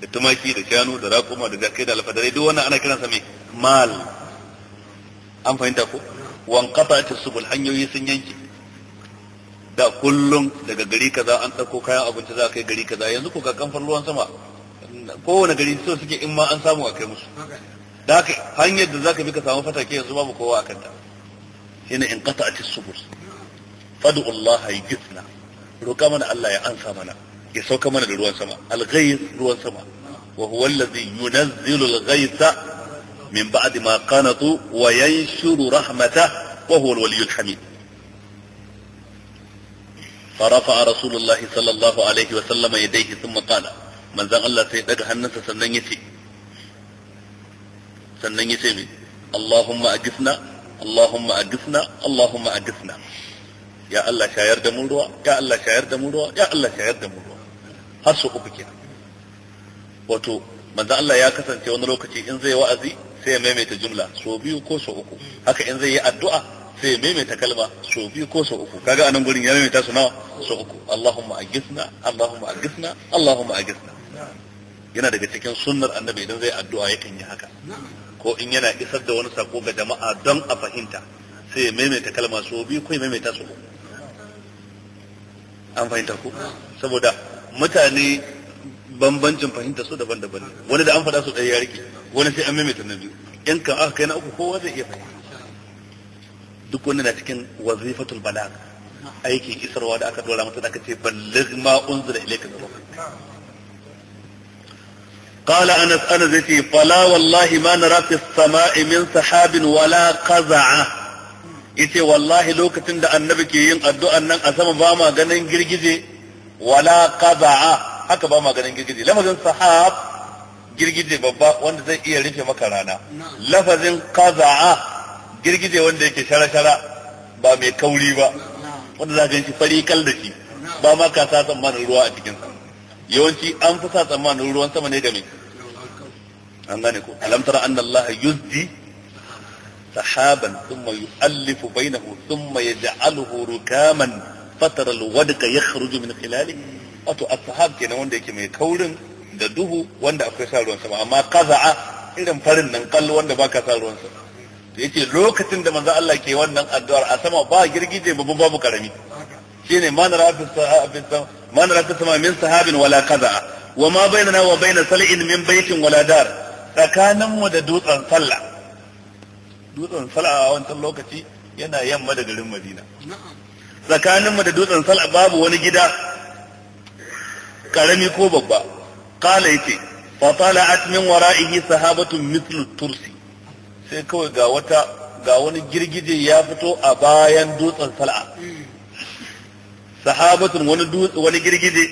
da tumaki da shanu da raƙuma da jakai da alfadarai duk wannan ana kiransa mai mal an fahimta ko kafa ta subul hanyoyi sun yanke da kullum daga gari kaza an ɗauko kayan abinci za a kai gari kaza yanzu ko ka kamfan ruwan sama kowane gari so suke in ma an samu a kai musu ذاك هنيا ذاك بيك سامو فتا كي زبا بكو أكنت هنا انقطعت السبل فدو الله يجثنا ركمنا الله يأنسى منا يسوك من الروان سما الغيث روان سما وهو الذي ينزل الغيث من بعد ما قنط وينشر رحمته وهو الولي الحميد فرفع رسول الله صلى الله عليه وسلم يديه ثم قال من ذا الله سيدك هنس سننيتي sannan ya ce mai Allahumma ajisna Allahumma ajisna Allahumma ajisna ya Allah shayar da mu ruwa ya Allah shayar da mu ruwa ya Allah shayar da mu ruwa har su uku kenan wato manzo Allah ya kasance wani lokaci in zai wa'azi sai ya maimaita jumla so biyu ko so uku haka in zai yi addu'a sai ya maimaita kalma so biyu ko so uku kaga anan gurin ya maimaita su nawa so uku Allahumma ajisna Allahumma ajisna Allahumma ajisna yana daga cikin sunnar annabi idan zai addu'a yakan yi haka ko in yana isar da wani sako ga jama'a don a fahimta sai ya maimaita kalma so biyu ko ya maimaita su an fahimta ku? saboda mutane bambancin fahimta su daban-daban ne wani da an faɗa su ɗaya ya rike wani sai an maimaita na biyu in kan aka kai na uku kowa zai iya fahimta duk wani na cikin wazifatul balag aikin isarwa da aka dora mata da aka ce balligh ma unzila ilaika rabbuka قال أنس أنس يتي فلا والله ما نرى في السماء من سحاب ولا قزعة yace wallahi lokacin da annabi ke yin addu'an nan a sama ba ma ganin girgije wala qaza'a haka ba ma ganin girgije lafazin sahab girgije babba wanda zai iya rufe maka rana lafazin qaza'a girgije wanda yake shara-shara ba mai kauri ba wanda za ka shi fari kal da shi ba ma ka sa tsammanin ruwa a cikinsa yawanci an fi sa tsammanin ruwan sama ne da an gane ko alam tara anna allaha yuzdi sahaban thumma yu'allifu bainahu thumma yaj'aluhu rukaman fatara alwadqa yakhruju min khilalihi wato ashab kenan wanda yake mai kaurin da duhu wanda akwai sa ruwan sama amma qaza'a irin farin nan kallo wanda baka sa ruwan sama to yace lokacin da manzo Allah ke wannan addu'ar a sama ba girgije babu babu karami shine man rafi sa'abin man rafi sama min sahabin wala qaza'a وما بيننا وبين سلع من بيت ولا دار tsakaninmu da dutsen sallah dutsen sallah a wancan lokaci yana yamma da garin madina tsakaninmu da dutsen sallah babu wani gida karami ko babba kala yake fatala atmin wara'ihi sahabatun mithlu tursi sai kawai ga wata ga wani girgije ya fito a bayan dutsen sal'a sahabatun wani dutse wani girgije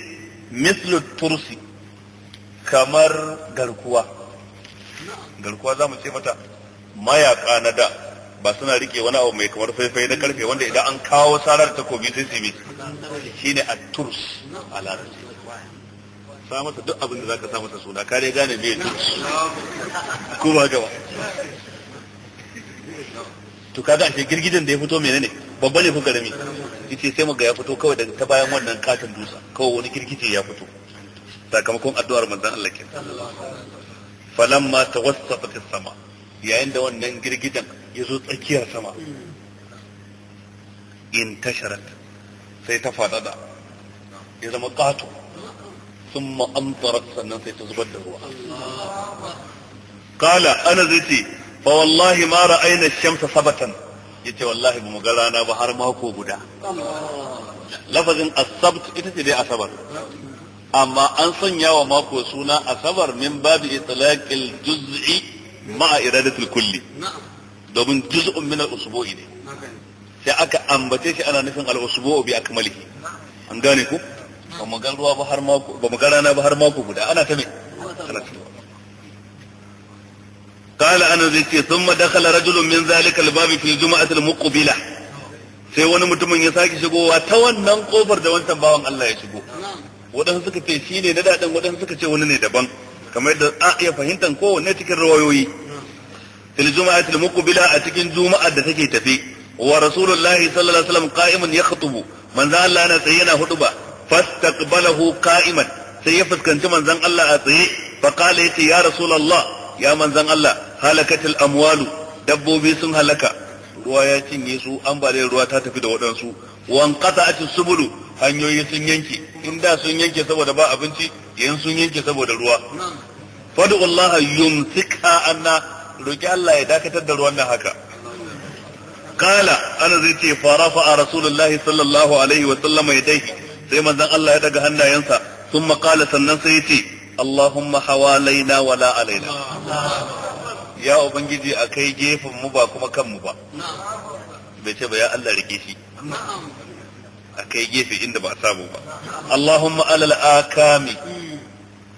mislu tursi kamar garkuwa garkuwa za mu ce mata mayaka na da ba suna rike wani abu mai kamar faifai na karfe wanda idan an kawo sarar takobi sai su shi ne a turs a larabci sa masa duk abin da zaka sa masa suna ka dai gane mai turs ko ba gaba to kaga ashe girgijen da ya fito menene babba ne ko karami yace sai ga ya fito kawai daga ta bayan wannan katin dusa kawai wani girgije ya fito sakamakon addu'ar manzon Allah kenan falamma tawassafat as-sama yayin da wannan girgidan ya zo tsakiyar sama in tasharat sai ta fadada ya zama kato sun أمطرت sannan sai ta zubar da ruwa Kala قال أنا زيتي wallahi ما رأينا الشمس sabatan yace wallahi ba mu ga rana ba har mako guda lafazin asabt ita ce dai asabar amma an sanya wa mako suna asabar min babu itlaqil juz'i ma'a iradatul kulli domin juz'un min al-usbu'i ne sai aka ambace shi ana nufin al-usbu'u bi akmalihi an gane ku ba mu ga ruwa ba har mako ba mu ga rana ba har mako guda ana ta me قال انا زيتي ثم دخل رجل من ذلك الباب في الجمعه المقبله sai wani mutumin ya sake shigowa ta wannan kofar da wancan bawan Allah ya shigo waɗansu suka ce shi ne na daɗin waɗansu suka ce wani ne daban kamar yadda a iya fahimtar kowanne cikin rawayoyi fil juma'atil muqbila a cikin juma'ar da take tafe wa rasulullahi sallallahu alaihi wasallam qa'imun yakhutubu manzo Allah yana tsaye yana hutuba fastaqbalahu qa'iman sai ya fuskanci manzon Allah a tsaye fa qala yace ya rasulullah ya manzon Allah halakatil amwalu dabbobi sun halaka ruwa ya cinye su ambaliyar ruwa ta tafi da waɗansu wanqata'at subulu hanyoyi sun yanke in da sun yanke saboda ba abinci yanzu sun yanke saboda ruwa fadu Allah yumsika anna roki Allah ya dakatar da ruwan nan haka kala ana zai ce farafa a rasulullahi sallallahu alaihi wa sallama yadayhi sai manzon Allah ya daga hannayensa thumma qala sannan sai yace Allahumma hawalaina wala alaina ya ubangiji akai gefen mu ba kuma kanmu ba bai ce ba ya Allah rike shi a kai gefe inda ba a ba Allahumma alal akami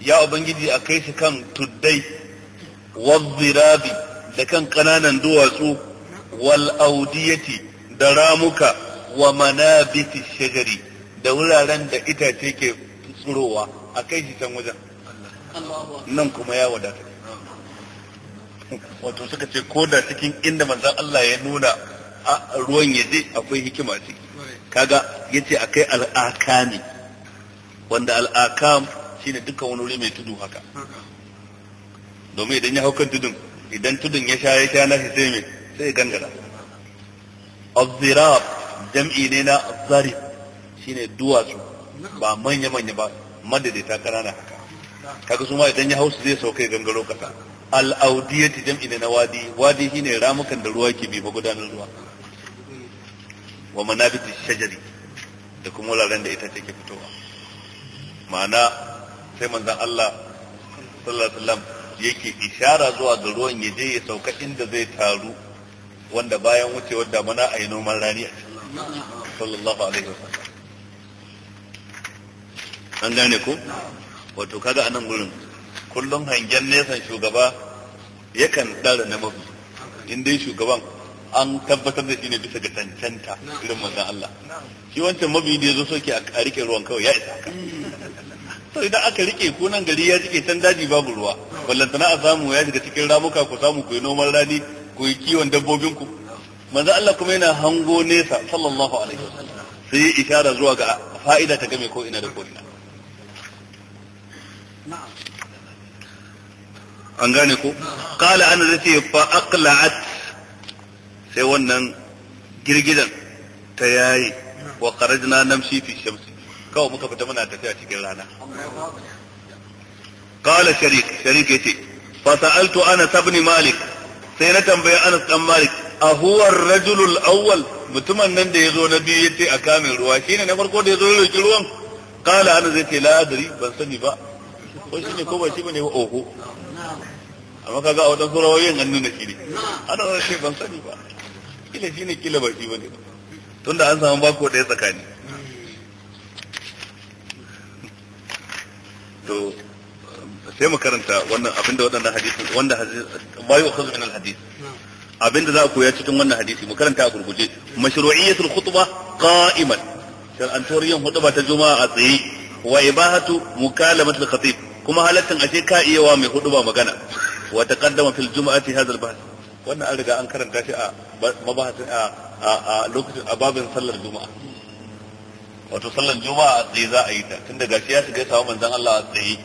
ya ubangiji a kai su kan tuddai wazzirabi da kan kananan duwatsu wal audiyati da ramuka wa manabiti shagari da wuraren da itace ke tsurowa a kai shi can wajen nan kuma ya wadata wato suka ce ko da cikin inda manzon Allah ya nuna ruwan ya je akwai hikima ciki kaga yace akai al'akami wanda al'akam shine dukkan wani wuri mai tudu haka domin idan ya hau kan tudun idan tudun ya sha ya sha na shi sai mai sai gangara azzirab jam'i ne na shi shine duwatsu ba manya manya ba madadita kanana haka kaga su ma idan ya hau su zai sauka ya gangaro kasa al'audiyati jam'i ne na wadi wadi shine ramukan da ruwa ke bi ba gudanar ruwa wa manabitu shajari da kuma wuraren da ita take fitowa ma'ana sai manzon Allah sallallahu alaihi wasallam yake ishara zuwa ga ruwan ya je ya sauka inda zai taru wanda bayan wucewar damana a yi noman rani a sallallahu alaihi wasallam an gane ko wato kaga anan gurin kullum hangen nesan shugaba yakan tsara na mafi in dai shugaban an tabbatar da shi ne bisa ga cancanta irin mazan Allah shi wancan mabiyi da ya zo soke a rike ruwan kawai ya isa ka. so hmm. idan aka rike ko nan gari ya rike can daji babu ruwa ballantana a samu ya shiga cikin ramuka ku samu ku yi noman rani ku yi kiwon dabbobin ku manzo Allah kuma yana hango nesa sallallahu alaihi wasallam sai ya ishara zuwa ga fa'ida ta game ko ina da ko ina an gane ko qala ana zati fa aqla'at sai wannan girgidan ta yayi wa kharajna namshi fi shamsi kawai muka fita muna tafiya cikin rana qala sharik sharik yace fa sa'altu ana sabni malik sai na tambaye Anas dan Malik a huwa ar-rajul al-awwal mutumin nan da yazo na biyu yace a kamin ruwa shine na farko da yazo ya roki ruwan kala Anas zai la adri ban sani ba ko shine ko ba shi bane ba oho amma kaga a wadan yin an nuna shi ne zai ce ban sani ba kila shine kila ba shi bane tunda an samu bako ɗaya tsakani to sai mu karanta wannan abinda waɗannan hadisi wanda bayu akhadhu min alhadith abinda za a koya cikin wannan hadisi mu karanta a gurguje mashru'iyyatul khutbah qa'iman shar'antuwar yin khutba ta juma'a a tsaye wa ibahatu mukalamatul khatib kuma halattan ashe ka iya wa mai khutba magana wa taqaddama fil juma'ati hadha al-bahth wannan an riga an karanta shi a mabahasin a lokacin a babin sallar juma'a wato sallar juma'a a tsaye za a yi ta tun daga shi ya shiga sawa manzon Allah a tsaye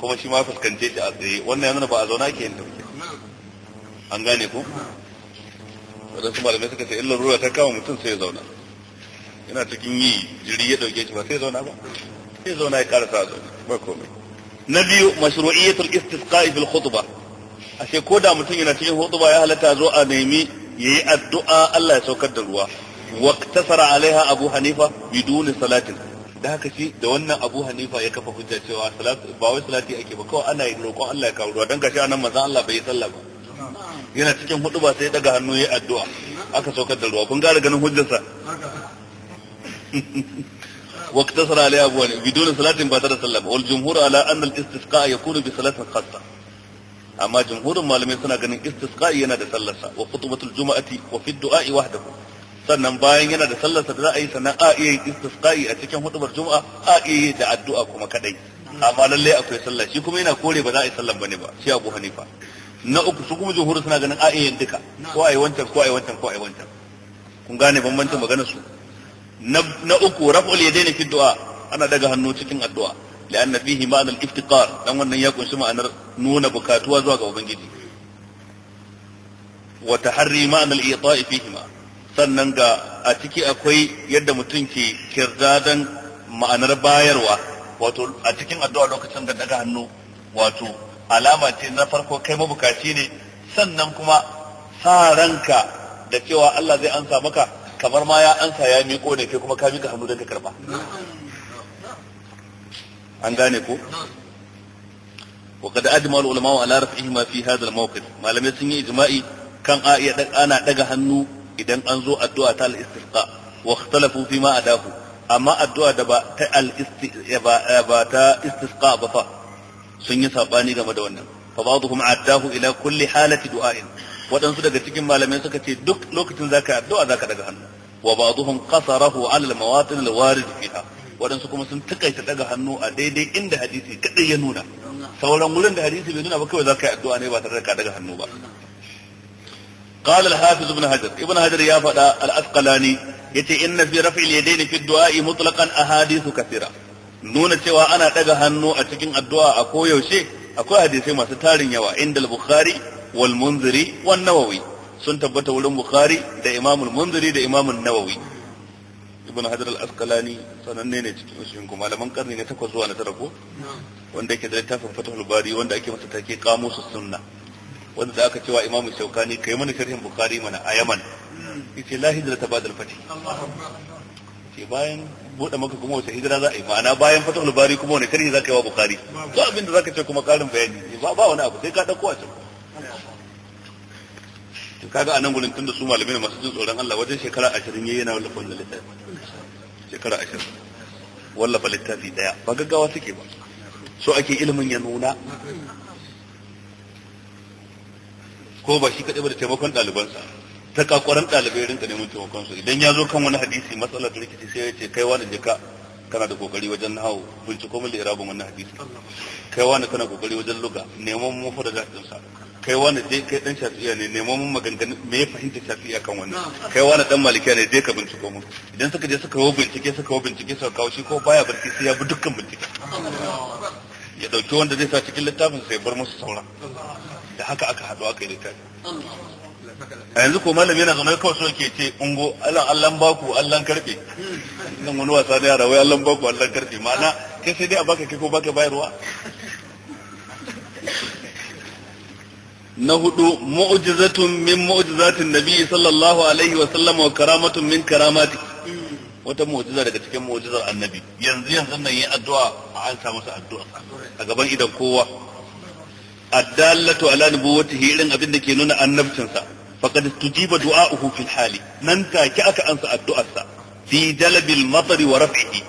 kuma shi ma fuskance shi a tsaye wannan ya nuna ba a zauna ke yin dauke. an gane ku wadansu malamai suka ce illar ruwa ta kama mutum sai ya zauna yana cikin yi jiri ya dauke shi ba sai zauna ba sai zauna ya karasa zauna ba komai na biyu mashru'iyatul istisqa'i fil khutbah ashe ko da mutum yana cikin hutuba ya halatta zo a nemi yayi addu'a Allah ya saukar da ruwa waqtasara alaiha abu hanifa bidun salatin da haka shi da wannan abu hanifa ya kafa hujja cewa ba wai salati ake ba kawai ana yin roƙon Allah ya kawo ruwa dan gashi anan manzon Allah bai yi sallah ba yana cikin hutuba sai daga hannu yayi addu'a aka saukar da ruwa kun ga ganin hujjarsa Abu Hanifa salatin ba عليها da بدون صلاة بعد صلاة والجمهور على أن الاستسقاء bi salatin خاصة amma jumhurin malamai suna ganin istisqa'i yana da sallarsa wa khutbatul juma'ati wa fi du'a'i wahdahu sannan bayan yana da sallarsa da za a yi sannan a iya istisqa'i a cikin hudubar juma'a a iya yi da addu'a kuma kadai amma lalle akwai sallah shi kuma yana kore ba za a yi sallan bane ba shi Abu Hanifa na uku su kuma jumhurin suna ganin a iya duka ko a yi wancan ko a yi wancan ko a yi wancan kun gane bambancin maganar su na uku raf'ul yadaini fi du'a ana daga hannu cikin addu'a لأن فيه معنى الافتقار لأن wannan ya kunshi ma'anar nuna bukatuwa zuwa ga ubangiji wa taharri ma'anar ita'i fihima sannan ga a ciki akwai yadda mutum ke kirdadan ma'anar bayarwa wato a cikin addu'a lokacin da daga hannu wato alama ce na farko kai mabukaci ne sannan kuma sa ranka da cewa Allah zai ansa maka kamar ma ya ansa ya miƙo ne kai kuma ka miƙa hannu don ka karba an gane ko wa kad ajma al ulama ala rafihi ma fi hadha al mawqif malamai sun yi ijma'i kan a iya ana daga hannu idan an zo addu'a ta al istisqa wa ikhtalafu fi ma adahu amma addu'a da ba ta al eh, eh, ba ta istisqa ba fa sun yi sabani game da wannan fa ba'dhum addahu ila kulli halati du'ain waɗansu daga cikin malamai suka ce duk lokacin zaka addu'a zaka daga hannu wa ba'dhum qasarahu ala al mawatin al warid fiha waɗansu kuma sun takaita daga hannu a daidai inda hadisi kadai ya nuna sauran wurin da hadisi bai nuna ba kawai za ka yi addu'a ne ba tare da ka daga hannu ba قال الحافظ ابن حجر ابن حجر يا فدا الأثقلاني yace inna fi raf'il yadayn fi du'a'i mutlaqan ahadithu kasira. nuna cewa ana ɗaga hannu a cikin addu'a a koyaushe akwai hadisai masu tarin yawa inda al-bukhari wal munziri wan nawawi sun tabbata wurin bukhari da imam al-munziri da imam nawawi ibn hajar al-asqalani sananne ne cikin usulin kuma malaman karni na takwas zuwa na tara ko wanda yake da littafin fatahul bari wanda ake masa take kamusu sunna wanda da aka cewa imamu shaukani kai mana sharhin bukhari mana a yaman yace la hijra ta badal fati ce bayan bude maka kuma wace hijira za a yi ma'ana bayan fatahul bari kuma wani sharhi za ka yi wa bukhari to abin da za ka ce kuma karin bayani ba wani abu sai ka dauko a can to kaga anan gurin tunda su malamai masu jin tsoron Allah wajen shekara 20 yayin yana wallafa wannan littafi shekara 20 wallafa littafi daya ba gaggawa suke ba so ake ilimin ya nuna ko ba shi kaɗai ba da taimakon ɗalibansa ta kakwaran ɗalibai rinka neman taimakon su idan ya zo kan wani hadisi matsalar da rikici sai ya ce kai wani jika kana da kokari wajen nahawu binciko min da irabun wannan hadisi kai wani kana kokari wajen luga neman mufarrajat din sa kai wani dai kai dan shafi'a ne neman mun maganganu me ya fahimta shafi'a kan wannan kai wani dan malikiya ne dai ka binciko mu idan suka je suka yi bincike suka yi bincike suka kawo shi ko baya barci sai ya bi dukkan bincike ya dauki wanda zai sa cikin littafin sai bar musu saura da haka aka haɗu aka yi littafi a yanzu ko malam yana zaune kawai so ke ce ungo Allah Allah baku Allah karfe nan wani wasa da yara wai Allah baku Allah karfe ma'ana kai sai dai a baka kai ko baka bayarwa na hudu mu'jizatun min mu'jizatin nabi sallallahu alaihi wa sallam wa karamatun min karamati wata mu'jiza daga cikin mu'jizar annabi yanzu yanzu nan yin addu'a an sa su addu'a a gaban idan kowa addallatu ala nubuwwatihi irin abin da ke nuna annabcinsa faqad istujiba du'a'uhu fil hali nan take aka ansa addu'arsa fi jalbil matari wa raf'ihi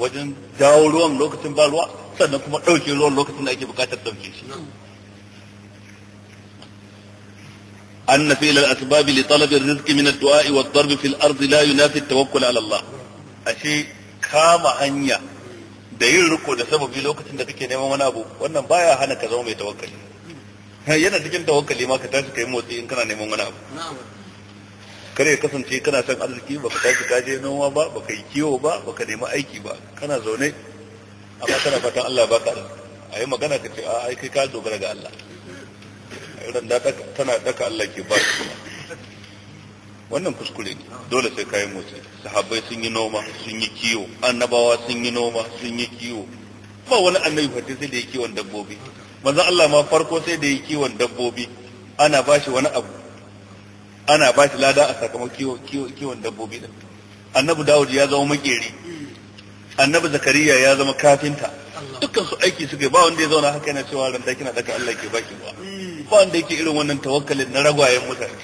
wajen dawo ruwan lokacin ba ruwa sannan kuma dauke ruwan lokacin da ake bukatar dauke shi أن فعل الأسباب لطلب الرزق من الدعاء والضرب في الأرض لا ينافي التوكل على الله أشي كام هنيا da yin riko sababi lokacin da kake neman wani abu wannan baya hana ka zama mai tawakkali yana cikin tawakkali ma ka motsi in kana neman abu kare kasance kana son arziki baka tashi ka je noma ba baka yi kiwo ba baka nemi aiki ba kana zaune amma kana fatan Allah baka arziki a yi magana ka ce a ka dogara ga Allah randa tana daka Allah ke ba su wannan kuskure ne dole sai kayan motsi sahabbai sun yi noma sun yi kiwo annabawa sun yi noma sun yi kiwo ba wani annabi fatin sai da ya kiwon dabbobi manzon Allah ma farko sai da ya kiwon dabbobi ana ba shi wani abu ana ba shi lada a sakamakon kiwon dabbobi din annabi Dawud ya zama makeri annabi Zakariya ya zama kafinta dukkan su aiki suke ba wanda ya zauna haka yana cewa randa kina daka Allah ke baki ba ba wanda yake irin wannan tawakkali na ragwayen mutane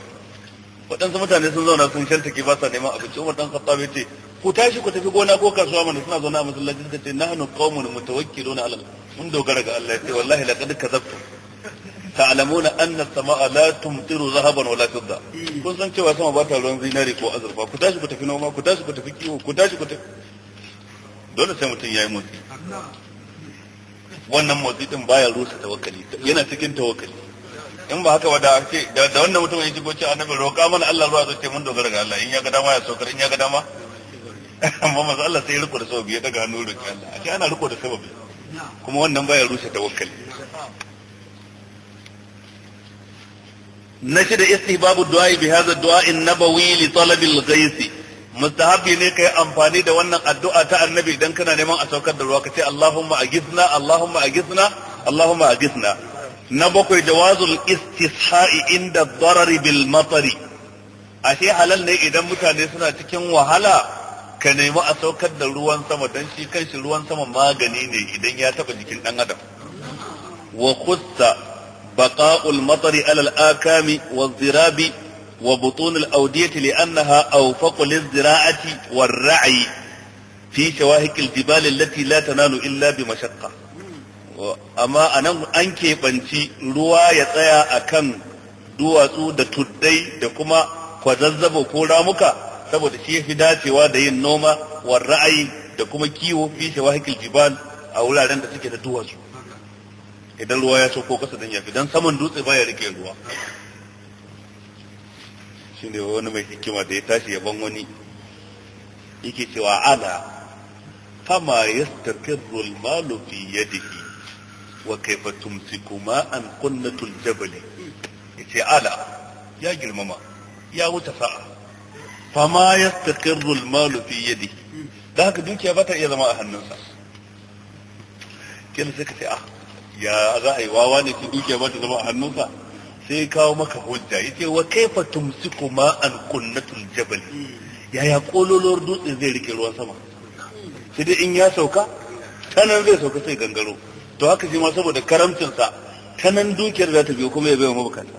waɗansu mutane sun zauna sun shaltake ba sa neman abinci umar dan khattab ya ce ku tashi ku tafi gona ko kasuwa mana suna zauna a masallaci suka ce nahnu qaumun mutawakkiluna ala mun dogara ga Allah ce wallahi laqad kadzabtum ta'lamuna anna as-samaa la tumtiru zahaban wala fidda kun san cewa sama ba ta ruwan zinari ko azurfa ku tashi ku tafi noma ku tashi ku tafi kiwo ku tashi ku tafi dole sai mutum yayi motsi wannan motsi din baya rusa tawakkali yana cikin tawakkali in ba haka ba da ake da wannan mutumin ya shigo ce annabi roƙa mana Allah zuwa zuciya mun dogara ga Allah in ya ga dama ya saukar in ya ga dama amma manzo Allah sai riko da sababi ya daga hannu ke Allah ce ana riko da sababi kuma wannan baya rushe tawakkali na shida istihbabu du'a bi hadha du'a an-nabawi li talab al-ghayth mustahabi ne kai amfani da wannan addu'a ta annabi idan kana neman a saukar da ruwa kace Allahumma aghithna Allahumma aghithna Allahumma aghithna na bakwai jawazul istisha'i inda darari bil matari ashe halal ne idan mutane suna cikin wahala ka nemi a saukar da ruwan sama don shi kanshi ruwan sama magani ne idan ya taba jikin dan adam wa khussa baqa'ul matari alal akami wa zirabi wa butun al awdiyati li'annaha awfaqu liz zira'ati war ra'i fi shawahiq al jibal allati la tanalu illa bi mashaqqa amma a nan an keɓanci ruwa ya tsaya a kan duwatsu da tuddai da kuma kwazazzabo ko ramuka saboda shi fi dacewa da yin noma wa ra'ayi da kuma kiwo fi haƙƙin jiban a wuraren da suke da duwatsu idan ruwa ya sauko kasa don yafi don saman dutse ba ya rike ruwa shi ne wani mai hikima da ya tashi yaban wani yake cewa ana kama yastakirru malu fi yadihi wa kaifa tumsiku ma'an qunnatul jabal yace ala ya girmama ya wuta sa'a fama yastaqirru al-malu fi yadi da haka dukiya ba ta iya zama a hannunsa kin sai ka ce ah ya za a yi ki dukiya ba ta zama a hannunsa sai kawo maka hujja yace wa kaifa tumsiku ma'an qunnatul jabal yaya kololor dutse zai rike ruwan sama sai dai in ya sauka sanan zai sauka sai gangaro to haka shi ma saboda karamcinsa ta nan dukiyar za ta biyo kuma ya bai wa mabukata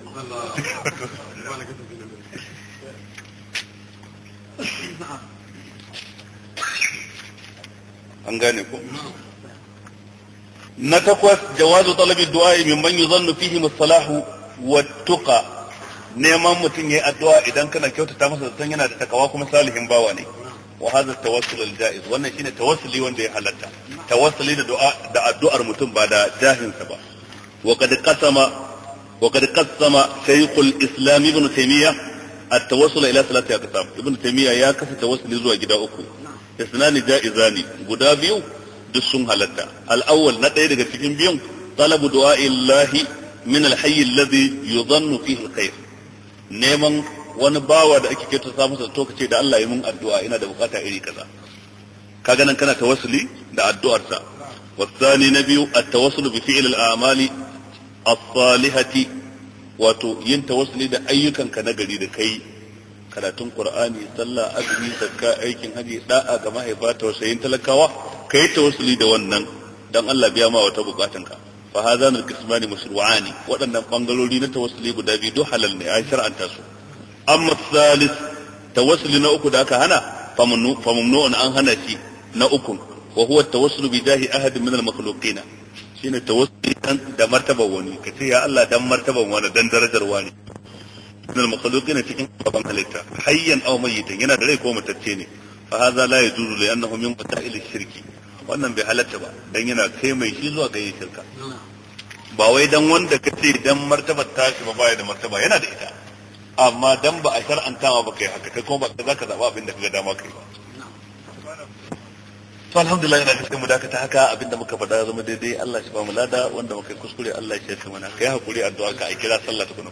an gane ko na takwas jawazu talabi du'a min man yuzannu fihi musalahu wa tuqa neman mutum yayi addu'a idan kana kyautata masa zaton yana da takawa kuma salihin bawa ne wa hadha tawassul al jaiz wannan shine tawassuli wanda ya halatta tawassuli da du'a da addu'ar mutum ba da jahinsa ba wa qad qasama wa qad qasama shaykh al islam ibn taymiyyah at tawassul ila ya kasa tawassuli zuwa gida uku jaiza jaizani guda biyu duk sun halatta al awwal na ɗaya daga cikin biyun talabu du'a illahi min al hayy neman wani bawa da ake samu sa masa to kace da Allah ya mun addu'a ina da bukata iri kaza kaga nan kana tawassuli da addu'ar sa wasani na biyu at-tawassul bi fi'l al-a'mali as-salihati wato yin tawassuli da ayyukan ka nagari da kai karatun qur'ani sallah azumi zakka aikin haji da'a ga mahaifa tausayin talakawa kai tawassuli da wannan dan Allah biya ma wata bukatanka fa hadha al-qismani mashru'ani waɗannan bangalori na tawassuli guda biyu duk halal ne ai shar'anta su amma salis tawassuli na uku da aka hana famamnu'un an hana shi na uku wa huwa tawassulu bi jahi ahadin min al-makhluqina shine tawassuli da martaba wani kace ya Allah dan martaba wani dan darajar wani min al-makhluqina cikin baban halitta hayyan aw mayyitan yana da rai ko matacce ne fa hadha la yajuzu li annahu min qata'il shirki wannan bai halatta ba dan yana kai mai shi zuwa ga yin shirka ba wai dan wanda kace dan martabar tashi ba baya da martaba yana da ita amma dan ba a shar'anta ba kai haka kai kuma ba za ka zaba abin da kaga dama kai ba to alhamdulillah ina cikin mu dakata haka abinda muka faɗa zama daidai Allah shi ba mu lada wanda muka kuskure Allah shi ya mana kai hakuri addu'a ka a kira sallah tukuna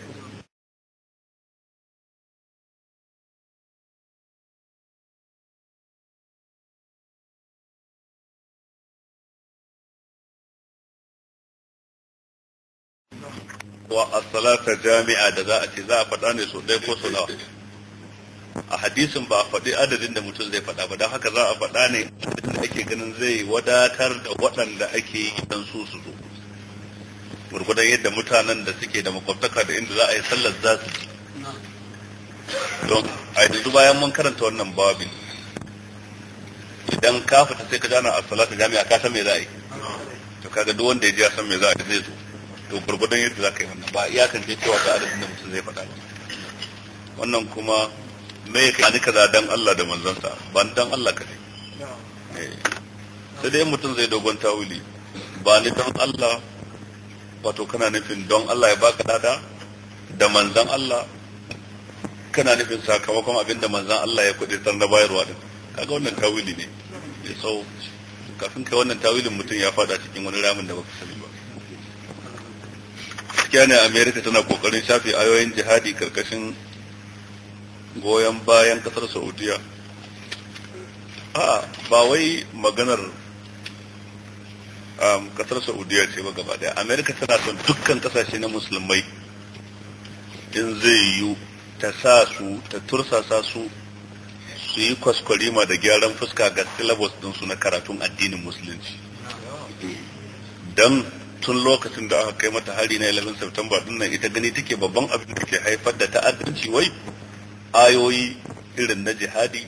wa a salata jami'a da za a ce za a faɗa ne so ɗaya ko so nawa a hadisin ba a faɗi adadin da mutum zai faɗa ba don haka za a faɗa ne adadin da ake ganin zai wadatar da waɗanda ake yi don su su zo gurgudan yadda mutanen da suke da makwabtaka da inda za a yi sallar za su don a yanzu bayan mun karanta wannan babin idan ka fita sai ka jana a salata jami'a ka san me za a yi to kaga duk wanda ya ji ya san me za a yi zai zo to gurgudan yadda za ka yi wannan ba iyakance cewa ga adadin da mutum zai faɗa ba wannan kuma me ya kani kaza dan Allah da manzansa ba dan Allah ka ce eh. sai dai mutum zai dogon tawili ba ni dan Allah wato kana nufin don Allah ya baka dada da manzan Allah kana nufin sakamakon abin da manzan Allah ya kuɗi tsar na bayarwa din kaga wannan tawili ne ya sau kafin kai wannan tawilin mutum ya fada cikin wani ramin da baka sani ba gaskiya ne america tana kokarin shafe ayoyin jihadi karkashin goyon bayan kasar saudiya a ba wai maganar um, kasar saudiya ce ba gaba daya america tana son dukkan kasashe na musulmai in zai yiwu ta sa su ta tursasa su su yi kwaskwarima da gyaran fuska ga syllabus ɗinsu na karatun addinin musulunci don tun lokacin da aka kai mata hari na 11 September din nan ita gani take babban abin da ke haifar da ta'addanci wai ayoyi irin na jihadi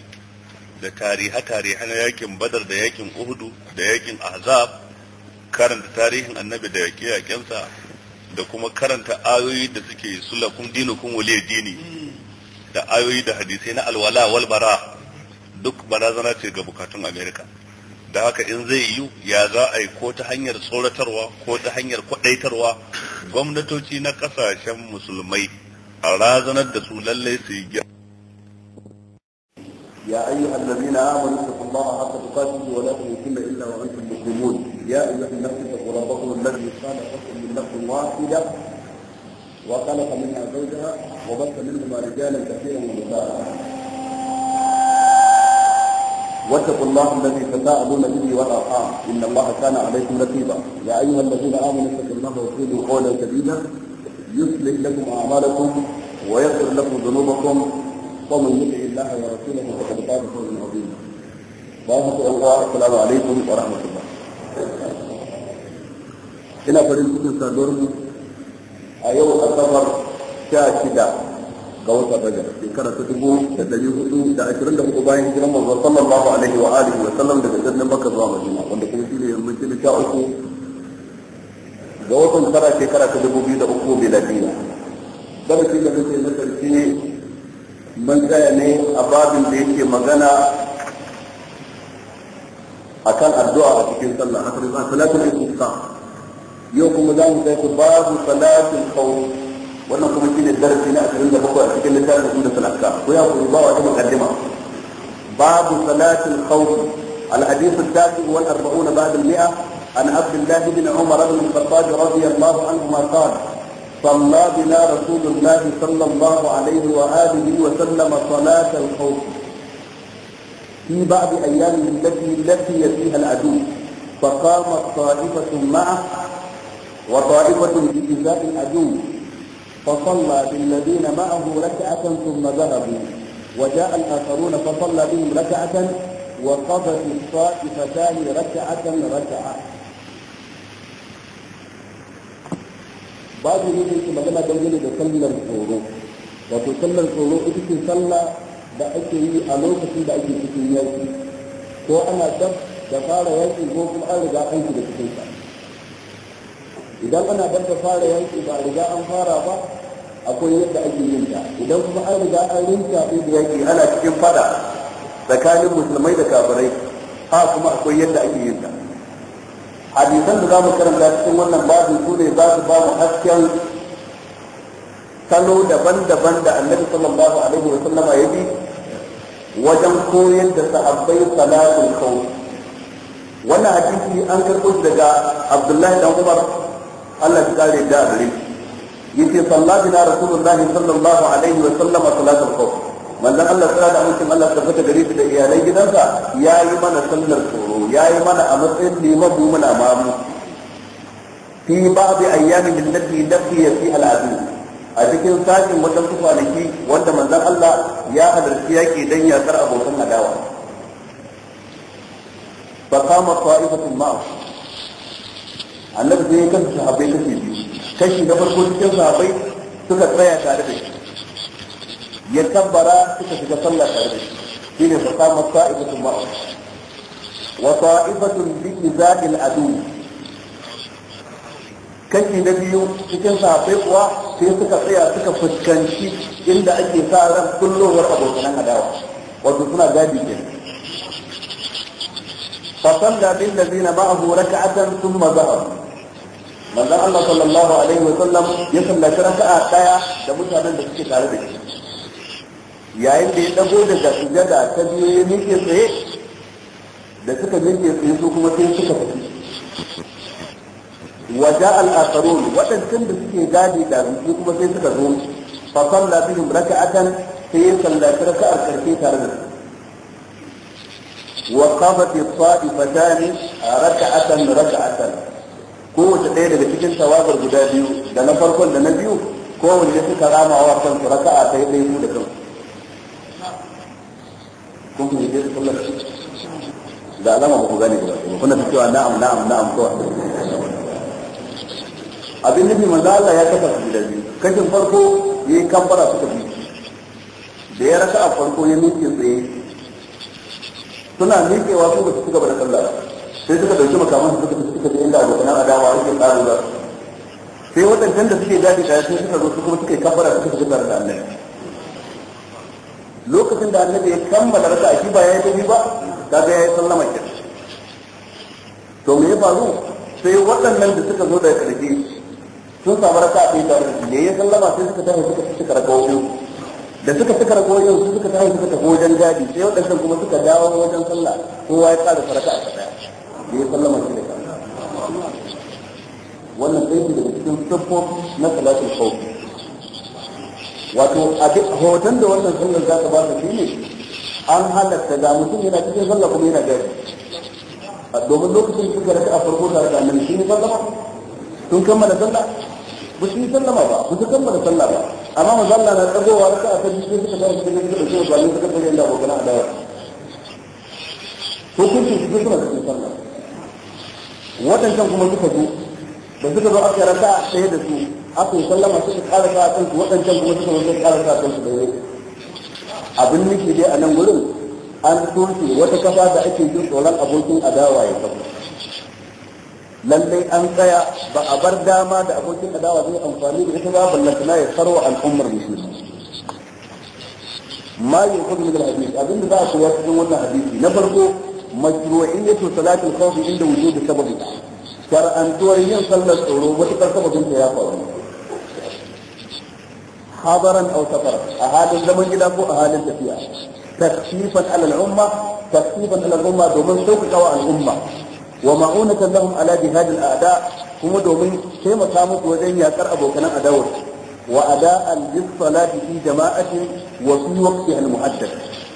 da tariha tariha na yakin Badar da yakin Uhudu da yakin Ahzab karanta tarihin Annabi da yake yakensa da kuma karanta ayoyi da suke sulakun dinukum waliy dini da ayoyi da hadisai na alwala wal bara duk barazana ce ga bukatun America da haka in zai yi ya za a yi ko ta hanyar tsoratarwa ko ta hanyar kwadaitarwa gwamnatoci na kasashen musulmai a razanar da su lalle su yi يا أيها الذين آمنوا اتقوا الله حق تقاته ولا تموتن إلا وأنتم مسلمون يا أيها الناس اتقوا ربكم الذي خلقكم من نفس واحدة وخلق منها زوجها وبث منهما رجالا كثيرا ونساء واتقوا الله الذي تساءلون به والارحام ان الله كان عليكم رقيبا يا ايها الذين امنوا اتقوا الله وقولوا قولا سديدا يصلح لكم اعمالكم ويغفر لكم ذنوبكم ومن يطع الله ورسوله فقد فاز فوزا عظيما. بارك الله السلام عليكم ورحمه الله. ina farin cikin saduwar mu a yau sha shida ga watan Rajab shekara ta dubu da ɗari hudu da ashirin da hudu bayan hijiran manzo sallallahu alaihi wa alihi wa sallam daga birnin Makka zuwa Madina wanda kuma shine yammaci na sha uku ga watan tara shekara ta dubu biyu da uku miladiya darasin da muke na karshe mun tsaya ne a babin da yake magana akan addu'a a cikin sallah a salatul istisqa yau kuma za mu kai ku babu salatul khawf wannan kuma shine darasi na 27 a cikin littafin sunnatul ahkam ko ya ku ba wata muqaddima babu salatul khawf الحديث التاسع والأربعون بعد المئة عن عبد الله بن عمر بن الخطاب رضي الله عنهما قال صلى بنا رسول الله صلى الله عليه وآله وسلم صلاة الخوف في بعض أيامه التي التي فيها العدو فقامت طائفة معه وطائفة بإزاء العدو فصلى بالذين معه ركعة ثم ذهبوا وجاء الآخرون فصلى بهم ركعة وقضت الطائفتان ركعة ركعة babu ne yake magana dangane da sallar tsoro wato sallar tsoro ita ce sallah da ake yi a lokacin da ake cikin yaki ko ana dab da fara yaki ko kuma an riga an da cikin sa idan ana dab da fara yaki ba riga an fara ba akwai yadda ake yin ta idan kuma an riga an rinka sai da yaki ana cikin fada tsakanin musulmai da kafirai ha kuma akwai yadda ake yin ta hadisan da zamu karanta cikin wannan babin su ne za su ba mu hasken salo daban-daban da annabi sallallahu alaihi wa sallama ya bi wajen koyar da sahabbai salatul khawf wannan hadisi an karɓo daga abdullahi dan umar Allah ya kare da gare yace salla bina rasulullahi sallallahu alaihi wa sallam salatul khawf manzon Allah tsara da mutum Allah ta fita gare shi da iyalai gidansa yayi mana sallar tsoro yayi mana a matsayin liman mu muna mamu fi ba'd ayyamin allati lafiya fi al'adu a cikin sakin wata kwanaki wanda manzon Allah ya halarci yaki dan ya tsara abokan adawa fa qama ta'ifatun ma'a annabi sai ya kanta sahabbai kace biyu kashi na farko cikin sahabbai suka tsaya tare da shi ya tabbara suka shiga sallah tare da shi ne fa kama sa'ibatun ma'a wa sa'ibatun biki izadil adu kashi na biyu cikin sahabbai kuwa sai suka tsaya suka fuskanci inda ake sa ran kullowar abokanan adawa wato suna gadi ke fa salla bil ladina ma'ahu raka'atan thumma dhahaba manzon Allah sallallahu alaihi wa sallam ya sallaci raka'a daya da mutanen da suke tare da shi yayin da ya dago daga sujada ta biyu ya miƙe tsaye da suka miƙe tsaye su kuma sai suka fito waja al-akharun waɗancan da suke gadi da su kuma sai suka zo fa salla bihim raka'atan sai ya sallaci raka'ar karfe tare da su وقضت الطائفتان ركعة ركعة kowace ɗaya daga cikin tawagar guda biyu da na farkon da na biyu kowanne suka rama wa kansu raka'a ta yi ɗaya su da kansu kun kun yi sallar da alama ba ku gane ba kuna ta cewa na'am na'am na'am kawai abin nufi manzo Allah ya kafa su da biyu kashin farko yayi kambara suka bi da ya raka a farko ya miƙe tsaye suna miƙewa su ba su gaba da sallah ba sai suka ɗauki makaman su suka tafi suka je inda abokan adawa yake tsaro ba sai wadancan da suke daɗi tare sun suka zo su kuma suka yi kabbara suka fi jirgin da annabi lokacin da annabi ya kammala rasa shi ba ya yi tafi ba ga ya yi sallama ke to me ya faru sai waɗannan da suka zo daga ƙarfi sun samu rasa a ɗaya da ya sallama sai suka tafi suka fi karɓa wani da suka fi rakawo biyu su suka tafi suka tafi wajen daɗi sai waɗancan kuma suka dawo wajen sallah kowa ya ƙara faraka a da ya sallama shi da kan wannan ɗaya ce daga cikin siffo na salatul khawf wato hoton da wannan sallar za ta ba ka shi ne an halatta ga mutum yana cikin sallah kuma yana gari domin lokacin suka raka a farko tare da annabi shi ne sallama sun kammala sallah ba su yi sallama ba ba su kammala sallah ba amma mu zalla na tsagowa da a kan cikin suka fara cikin suka dauke ba ne suka fara da abokan adawa hukuncin cikin suna cikin sallah waɗancan kuma suka zo da suka zo aka rasa ɗaya da su aka yi sallama suka ƙara sa kansu waɗancan kuma suka zo suka ƙara sa kansu da yau abin nufi dai a nan gurin an toshe wata kafa da ake jin tsoron abokin adawa ya kafa lallai an tsaya ba a bar dama da abokin adawa zai amfani da ita ba ballantana ya sarwa al'ummar musulmi ma yi hudu min al-hadith abinda za a koya cikin wannan hadisi na farko مشروعية صلاة الخوف عند وجود سببها شرعنتوار ين صلى الصورو وتكر سبب يا قوم حاضرا أو سفرا أهاد الزمن الى فو أهاد التفيا تخفيفا على الأمة تخفيفا على الأمة دومن سوق قوى الأمة ومعونة لهم على جهاد الأعداء هم دومن كما قامت وزين يكر أبو كلام أدور وأداء للصلاة في جماعة وفي وقتها المحدد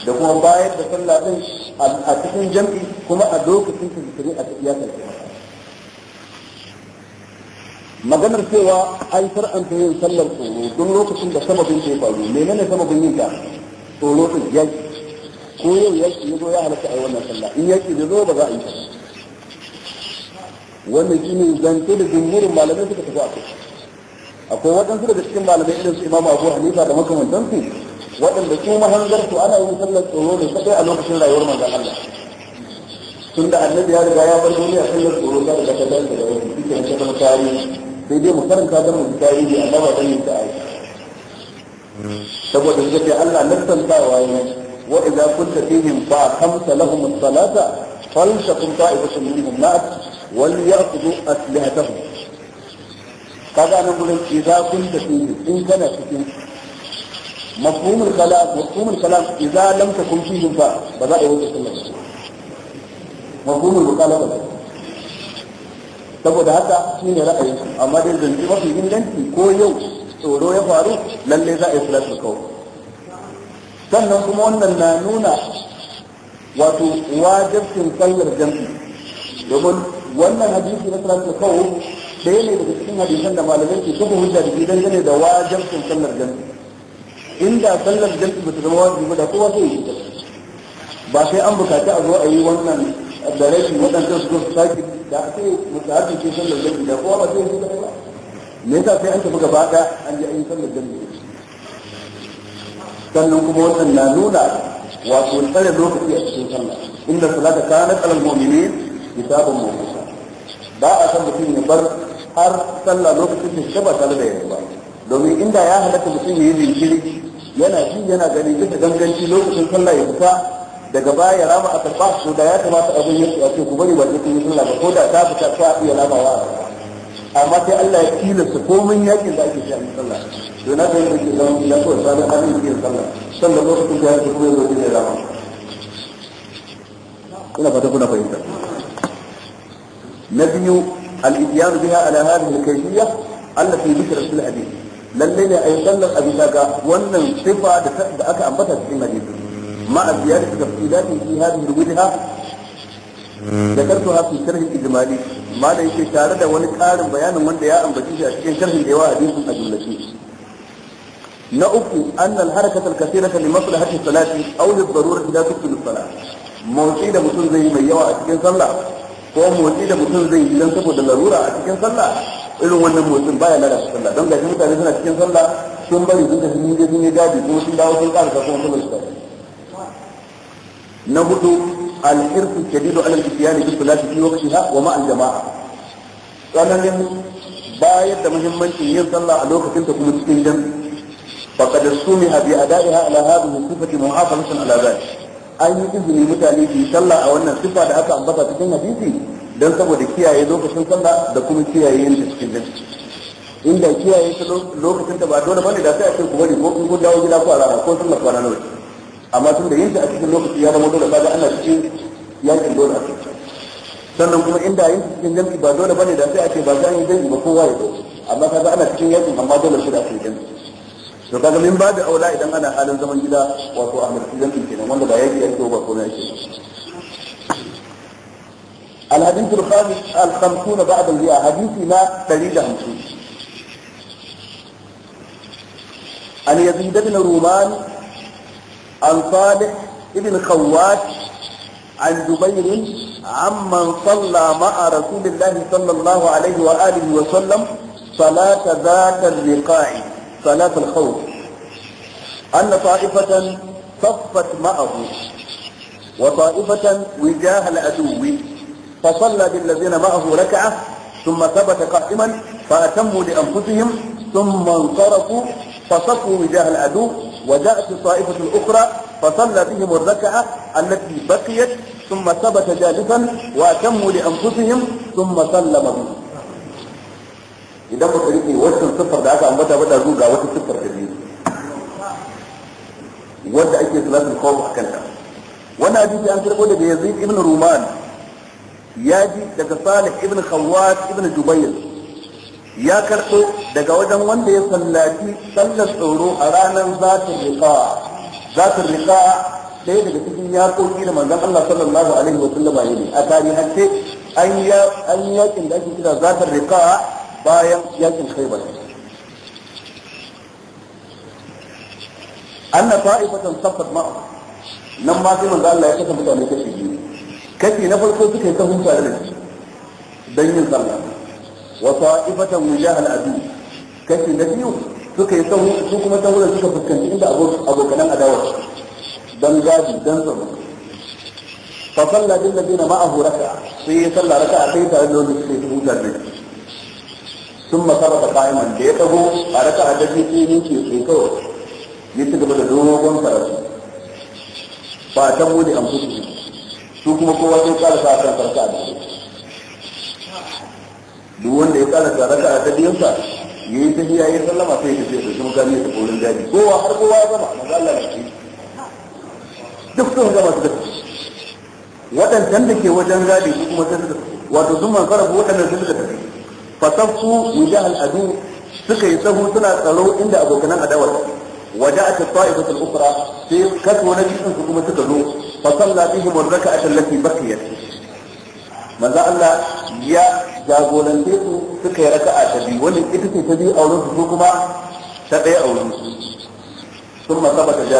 da kuma bayar da sallah din a cikin jam'i kuma a lokacin da zikiri a tafiya ta maganar cewa an far'anta yin sallar tsoro duk lokacin da sama bin ke faru menene sama bin yin ta tsoro din yaki ko yau yaki ya zo ya halatta a yi wannan sallah in yaki da zo ba za a yi ta wannan shi ne zance da jumhurin malamai suka tafi a kai akwai waɗansu daga cikin malamai irin su imamu abu hanifa da makamantansu waɗanda su mahangarsu ana yin sallar tsoro ne kadai a lokacin rayuwar manzon Allah tun da annabi ya riga ya bar duniya sallar tsoro ta riga ta danta da wani duk da ta zama tarihi sai dai mu karanta don mu tarihi amma ba don yin ta aiki saboda suka ce Allah san nassantawa ya wa idza kunta fihim fa khamsa lahum as-salata falsaqum ta'ibatun minhum ma'ak wal ya'khudhu aslihatahum kaga nan gurin idza kunta fihim in kana cikin mafhumul kalam mafhumul kalam idza lam takun fihi ba ba za a yi wajen sallar shi mafhumul mukalaba saboda haka shi ne ra'ayin amma dai zanci mafi inganci ko yau tsoro ya faru lalle za a yi salatul kawai sannan kuma wannan na nuna wato wajibcin kallar jam'i domin wannan hadisi na salatul kawai ɗaya ne daga cikin hadisan da malamai ke kafa hujja da gidan gane da wajibcin kallar jam'i inda sallar jam'i ba ta zama wajibi ba da kowa zai yi ta ba sai an bukaci a zo a yi wannan da rashin waɗanda su su sake da a ce ke sallar jam'i da kowa ba zai yi ta ba me yasa sai an tafi gaba ɗaya an yi an yi sallar jam'i sannan kuma wannan na nuna wato tsare lokaci a cikin sallah inda salata na kalal mu'minin kitabun mawquta ba a san mutum ya bar har sallah lokacin da ba tare da yanzu ba domin inda ya halatta mutum ya yi jinkiri yana ji yana gani duka ganganci lokacin sallah ya fita daga baya ya rama a karba ko da ya kamata abin ya ce ku bari ba ta yi sallah ba ko da ta fita ko ta iya ramawa amma sai Allah ya tilasta komai yakin da ake shi a sallah to na kai yake zama ya ko sanin abin da sallah sallah lokacin da ya ce kuma ya zo ne rama ina fata kuna fahimta na biyu al-ibyan biha ala hadhihi al-kayfiyya allati dhikrat fil hadith Lallai ne a yi sallar abin daga wannan sifa da aka ambata cikin hadisi ma a ziyar da tafsilatin fi hadin da ha da karto ha fi sharhin ijmali ma da yake tare da wani karin bayanin wanda ya ambaci shi a cikin sharhin da yawa hadisin a jumlace na uku annal harakatul kathirata li maslahati salati aw li darurati la tuqil motsi da mutum zai mai yawa a cikin sallah ko motsi da mutum zai yi don saboda larura a cikin sallah irin wannan motsin baya lalata sallah don gashi mutane suna cikin sallah sun bari sun tafi mun je sun yi gadi kuma sun dawo sun karasa kuma sun bar na hudu al-irfu shadidu ala al-ityan bi salati fi waqtiha wa ma al-jama'a tsananin bayar da muhimmancin yin sallah a lokacin ta kuma cikin jami'i فقد سمح بأدائها على هذه الصفة محافظة على ذلك أي إذن المتالي في a أو أن da لأك أنبطت في النبي don saboda kiyaye lokacin sallah da kuma kiyaye yin cikin jinsi inda kiyaye ta lokacin ta ba dole bane da sai a ce ku bari ko kun dawo gida ko a rana ko sallah kwana nawa amma tun da yin ta a cikin lokaci ya zama dole kaga ana cikin yakin dole a cikin sannan kuma inda yin cikin jam'i ba dole bane da sai a ce ba za a yi jam'i ba kowa ya zo amma kaga ana cikin yakin amma dole shi da cikin jam'i to kaga min ba da aula idan ana halin zaman gida wato a mulki jam'i kenan wanda ba yaki yake ba ko na yake الحديث الخامس الخمسون بعد المئة حديث ما دليل خمسون عن يزيد بن رومان عن صالح بن خوات عن جبير عمن صلى مع رسول الله صلى الله عليه وآله وسلم صلاة ذات اللقاء صلاة الخوف أن طائفة صفت معه وطائفة وجاه العدو فصلى بالذين معه ركعة ثم ثبت قائما فأتموا لأنفسهم ثم انصرفوا فصفوا وجاه العدو وجاءت الطائفة الأخرى فصلى بهم الركعة التي بقيت ثم ثبت جالسا وأتموا لأنفسهم ثم سلم بهم إذا قلت لي وش الصفر siffar da بدأ بدأ ba وش الصفر كبير. وش أي biyu الخوف ake وأنا أجيب a تقول wannan hadisi an ya ji daga salih ibn khawwat ibn jubayr ya karɓo daga wajen wanda ya sallaci sallar tsoro a ranar zatar riƙa'a, zatar riƙa'a. ɗaya daga cikin yaƙoƙi da manzon Allah sallallahu alaihi wa sallam ya ne a tarihance an ya an yakin da ake kira zatar riƙa'a bayan yakin khaybar anna ta'ifatan safat ma'a nan ma sai manzo Allah ya kasa mutane kashi biyu kashi na farko suka yi sahun tare da shi don yin sallah wa ta'ifatan mujahal adu kashi na biyu suka yi sahu su kuma sahuran suka fuskanci inda abokanan adawa don gadi don tsaro fa salla da ladina ma'ahu raka sai ya salla a kai tare da wanda suka yi sahun tare da shi sun da kayan da ya taho a raka'a da ya ne ke kawai ya ci gaba da dogon karatu ba ta bude an fusu su kuma kowa sai kala sa kan farka da duk wanda ya kala raka a ta biyunsa ya yi ta hiyaye sallama sai ya tafiya kuma mukami da tafi gadi kowa har kowa ya gama maza Allah na ce duk sun gama su tafi waɗancan da ke wajen gadi su kuma sun wato duk man sarrafa wadannan sun suka tafi fasafu wujah al'adu suka yi sahu suna tsaro inda abokan adawar waje a tattawa ibatul ukra sai kasu wani jikin su kuma suka zo fa salla bihim ar-rak'ata allati baqiyat manzo Allah ya jagorance su suka yi raka'a ta ita ce ta biyu a wurin su kuma ta ɗaya a wurin sun masaba ta da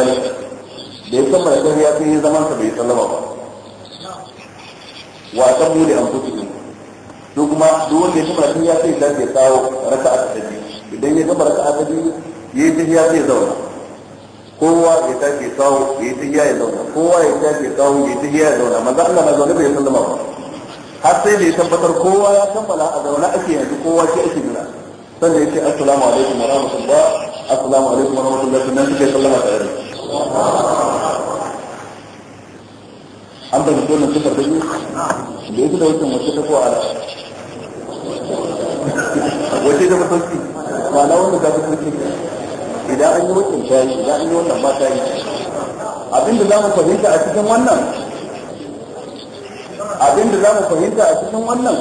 ya kammala ta ya sai zaman sa bai sallama ba wa ta bude an fito su kuma duk wanda ya kammala ta ya sai da ya kawo raka'a ta biyu idan ya gama raka'a ta biyu yayi ta ya sai zauna kowa ya tashi sawo ya yi tahiya ya zauna kowa ya tashi sawo ya yi tahiya ya zauna manzo Allah na zaune bai sallama ba har sai da ya tabbatar kowa ya kammala a zauna ake yanzu kowa ke ake jira sannan ya ce assalamu alaikum wa rahmatullah assalamu alaikum wa rahmatullah sannan suka sallama tare an da mutum na sifar da da yake da wucin wacce ta kowa wacce ta fi sauki ma'ana wanda ta fi sauki idan an yi wannan ta yi idan an yi wannan ba ta yi abinda za mu fahimta a cikin wannan abinda za mu fahimta a cikin wannan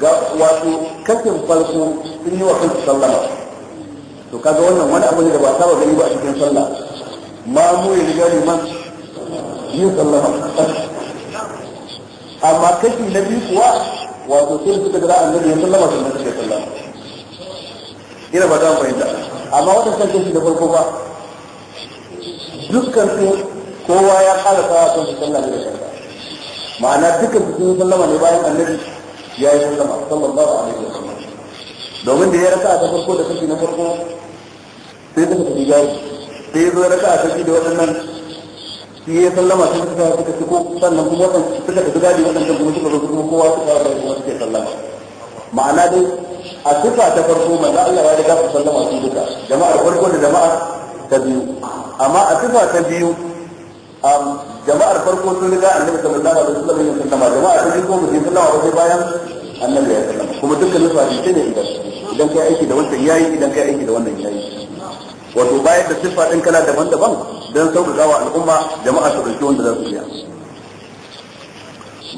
ga wato kashin farko sun yi wa kansu sallama to kaga wannan wani abu ne da ba saba gani ba a cikin sallah ma mu ya riga man yi sallama amma kashi na biyu kuwa wato sai suka jira annabi ya sallama sannan suka sallama ina ba za mu fahimta amma sarki sun da farko ba dukkan su kowa ya ƙara sawa sun su sallah da sallah ma'ana dukkan su sun yi sallama ne bayan annabi ya yi sallama sallallahu alaihi wa sallam domin da ya rasa a farko da sarki na farko sai suka tafi gari sai ya zo rasa a sarki da waɗannan shi ya sallama sun suka suka ciko sannan kuma waɗansu suka tafi gari waɗanda kuma suka zo kuma kowa suka zo kuma suke sallama ma'ana dai a sifa ta farko manzo Allah ya riga sallama su duka jama'ar farko da jama'ar ta biyu amma a sifa ta biyu jama'ar farko sun riga annabi sallallahu alaihi wasallam ya sallama Jama'ar ta biyu kuma sun sallama wasu bayan annabi ya sallama kuma dukkan su hadisi ne idan idan kai aiki da wannan yayi idan kai aiki da wannan yayi wato bayan da siffa din kana daban-daban dan sauƙaƙawa al'umma jama'a su dauki wanda za su iya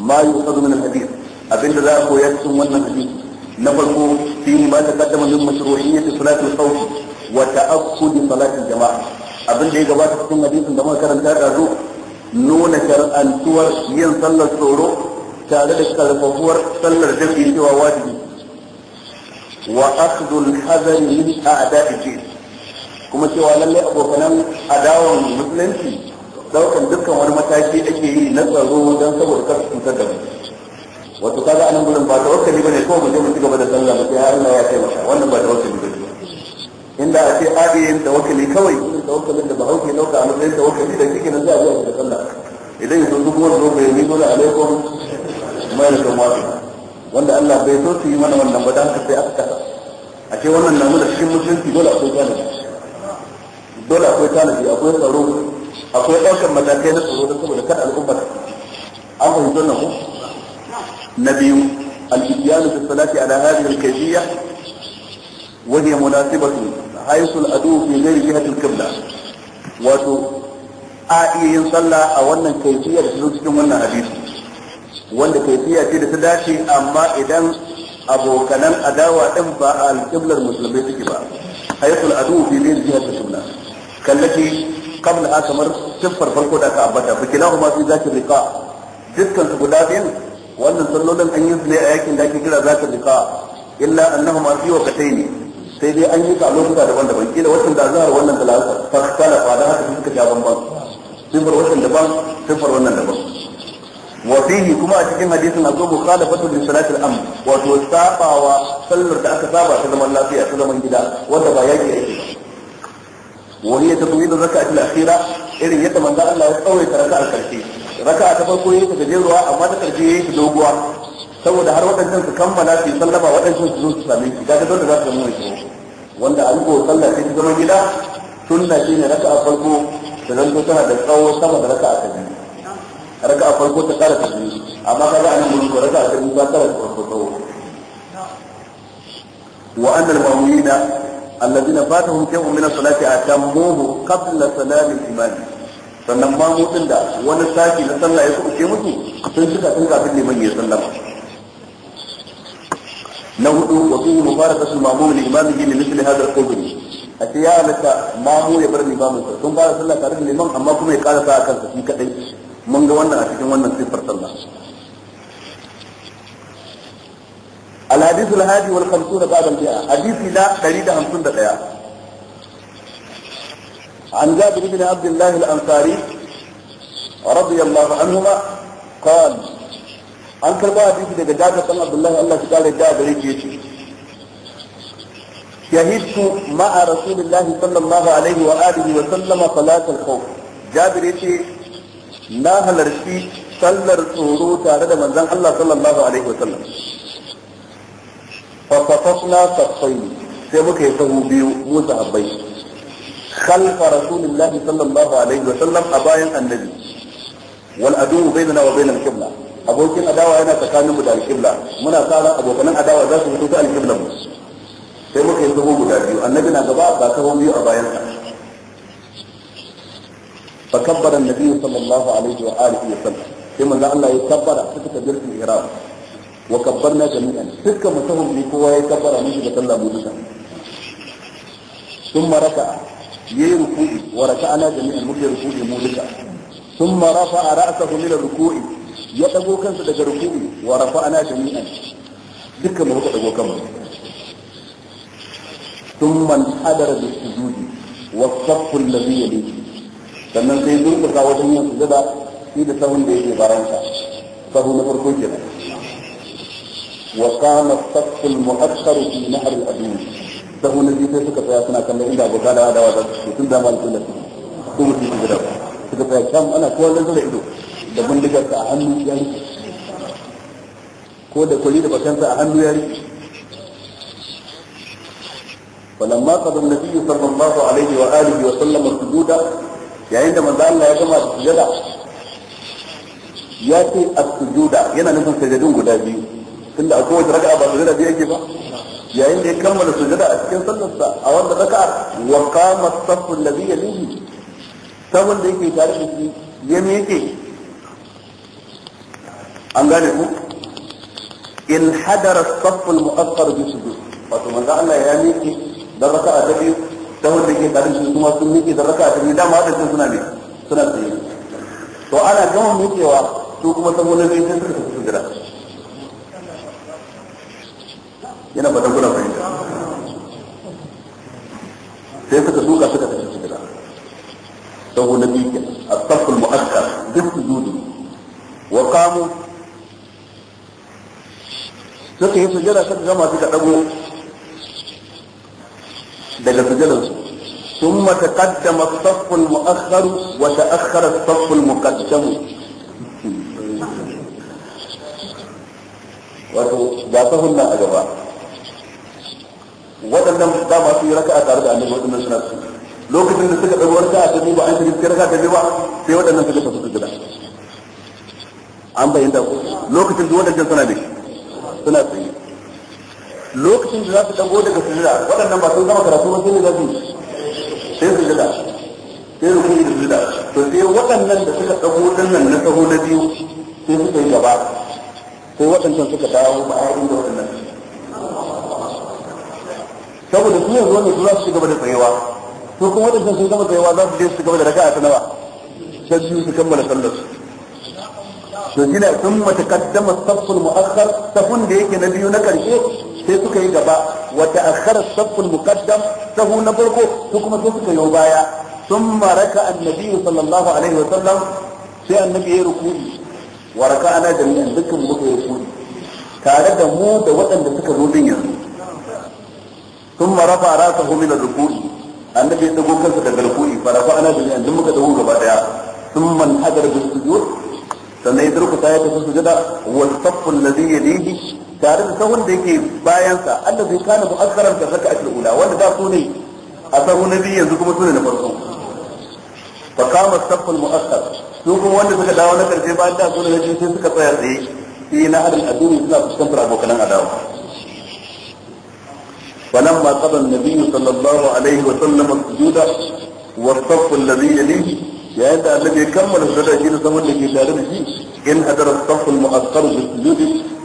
ma yu'khadhu min al-hadith abinda za a koya cikin wannan hadisi Na farko min فيما تقدم من مشروعية صلاة الخوف وتأكد صلاة jama'a. abin da ya gabata cikin hadisin da muka karanta da zo nuna shar'antuwar yin sallar tsoro tare da karfafuwar sallar jami'i cewa wajibi wa akhdhul hazari min a'da'i jin kuma cewa lalle abokanan adawan musulunci daukan dukkan wani mataki ake yi na tsaro don saboda kar su cutar da mu wato ga anan gurin ba ba bane ko mu je mu cigaba da sallah ba sai Allah ya taimaka wannan ba wakali bane inda a ce a yin wakali kawai ta wakali da bahaushe dauka a matsayin wakali da kike nan za a zuwa da sallah idan yanzu duk wani zo bai ni dole alaikum mai da wasu wanda Allah bai so su yi mana wannan ba dan haka sai aka kasa a ce wannan namu da cikin musulunci dole akwai tanadi dole akwai tanadi akwai tsaro akwai ɗaukar matakai na tsaro da saboda kada al'ummar an fahimci na ku. نبي الاتيان في الصلاة على هذه الكيفية وهي مناسبة حيث الأدو في غير جهة القبلة wato a iya yin sallah a wannan kaifiya da ta zo cikin wannan wanda kaifiya ce da ta dace amma idan abokanan adawa ɗin ba a alƙiblar musulmai suke ba hayatul adu fi min jihati sunna kallaki qabla a kamar siffar farko da aka ambata fa kilahuma fi zati riqa dukkan su guda biyan wannan sallolin an yi su ne a yakin da ake kira za ta liqa illa annahum an fi waqtayn sai dai an yi ta lokuta daban-daban kila wannan da zahar wannan da la'asar fa khalafa da haka suka sha bamban sifar wannan daban sifar wannan daban وفيه كما أتكلم حديث أبو مخالفة لصلاة الأمر وتوسابا وصلر تأكا سابا سلم الله فيها سلم جدا وتبا يجي وهي تطويل الركعة الأخيرة إذن يتمنى الله يتطوي تركع الكرسي raka ta farko yin ta gajeruwa amma ta karshe yin ta doguwa saboda har waɗancan su kammala su sallama waɗancan su zo su sami shi ga da za su zama mai wanda an ko sallah sai ta zama gida sunna shi ne raka a farko da nan tana da tsawo sama da raka a ta biyu raka a farko ta tsara ta biyu amma kaga anan mun ko raka a ta biyu ba tsara ta farko tsawo wa annal ma'mumina alladina fatahum shay'un min as-salati atammuhu qabla salati al-imam sannan mamutsin da wani saki na sallah ya kuɓuce mutu, sun suka tun kafin neman ya sallama na hudu wa fihi mubarakatu al-ma'mum li imamihi li mithli hadha al a ce ya halatta mamu ya bar limamin sa sun fara sallah tare da liman amma kuma ya ƙara sa akan sa shi kadai mun ga wannan a cikin wannan sifar sallah الحديث الهادي والخمسون بعد المئة حديث لا تريد أن تندق عن جابر بن عبد الله الأنصاري رضي الله عنهما قال an karba hadisi daga jabir dan abdullahi Allah ya kare da gare ki yace yahittu ma'a rasulillahi sallallahu alaihi wa alihi wa sallama salatul khawf jabir yace na halarci sallar tsoro tare da manzon Allah sallallahu alaihi wa sallam fa fatafna safaini sai muka yi sahu biyu mu sahabbai خلف رسول الله صلى الله عليه وسلم أبايا النبي والأدو بيننا وبين القبلة abokin adawa yana tsakanin mu da alƙibla muna tsara abokanan adawa za su fito ta alƙibla mu sai muka yi zubo guda biyu annabi na gaba ba kawo biyu a bayan sa fa kabbara annabi sallallahu alaihi wa alihi sallam sai manzo Allah ya kabbara suka kabirtu wa kowa ya da mu duka ثم ركع يي وركعنا جميعا مجي ركوعي مولكا ثم رفع راسه من الركوع يدغو كانس دغ ركوعي ورفعنا جميعا دكا ما هو دغو كان ثم انحدر بالسجود والصف الذي يليه sannan sai zo ka kawo dan yin sujada shi da sahun da yake bayan ka sahu na farko dan wani biyu sai suka tsaya suna kallon inda abota da hada za su sun tun da malu tun da su ko mutum su gida suka tsaya can ana kowa da zura ido da bindigar ta a hannu ya yi ko da kuli da bakan a hannu ya yi falamma ka zan nabi sallallahu alaihi wa alihi wa sallam sujuda yayin da manzo Allah ya gama sujuda ya ce as-sujuda yana nufin sajadun guda biyu tunda akwai wata raka'a ba sujuda biyu yake ba yayin da ya kammala sujada a cikin sallarsa a wanda daga wa kama as da alladhi yalihi sabon da yake tare da shi ya miƙe an gane ku in hadara as mu'akkar bi su bi wato manzo Allah ya miƙe da raka'a ta biyu sabon da yake tare da shi kuma sun miƙe da a ta biyu dama da suna ne suna tsaye to ana gama miƙewa su kuma sabon da yake tare da sujada yana fatan kuna fahimta sai suka duka suka tafi su gida sahu na biyu kenan asaful mu'akkar duk sujudi wa qamu suka yi sujada suka gama suka dago daga sujadansu ثم تقدم الصف المؤخر وتأخر الصف المقدم wato ga sahun nan a gaba waɗannan dama su yi raka'a tare da annabi waɗannan suna su lokacin da suka ɗago raka'a a biyu ba an shiga cikin raka'a ta ba sai waɗannan suka tafi gida an bayyana lokacin da waɗannan suna ne suna tsaye lokacin da za su ɗago daga sujada waɗannan ba sun gama karatu ba sai ne Sai su sai sujada sai rukuni da sujada to sai waɗannan da suka ɗago ɗannan na taho na biyu sai suka yi gaba sai waɗannan suka dawo ba a inda waɗannan saboda su yanzu wannan su za su gaba da tsayewa to kuma wadannan sun gama tsayewa za su je su gaba da raka'a ta nawa sai su su kammala sallar su to gina sun matakaddama saful mu'akhkhar safun da yake na biyu na karshe sai suka yi gaba wa ta'akhkhara saful muqaddam sahu na farko su kuma sai suka yi baya ثم ركع النبي sallallahu alaihi wa sallam sai annabi ya ruku'i wa raka'ana jami'an dukkan muka yi ruku'i tare da mu da waɗanda suka zo din yanzu ثم رفع راسه من الركوع النبي يدغو كنسا daga ruku'i fa rafa'na bi an gaba daya ثم انحدر بالسجود sannan ya durkuta ya tafi sujada wa saffu alladhi yadihi tare da sahun da yake bayan sa allazi kana mu'akkaran ka zaka akil ula wanda da su ne a sahu na biyu yanzu kuma su ne na farko fa kama saffu mu'akkar su wanda suka dawo na da tsaya tsaye sai na addini suna fuskantar abokan adawa فلما قضى النبي صلى الله عليه وسلم السجود والصف الذي يليه يا أنت الذي كمل الصلاة جيل زمن لكي تعرف إن هدر الصف المؤخر في السجود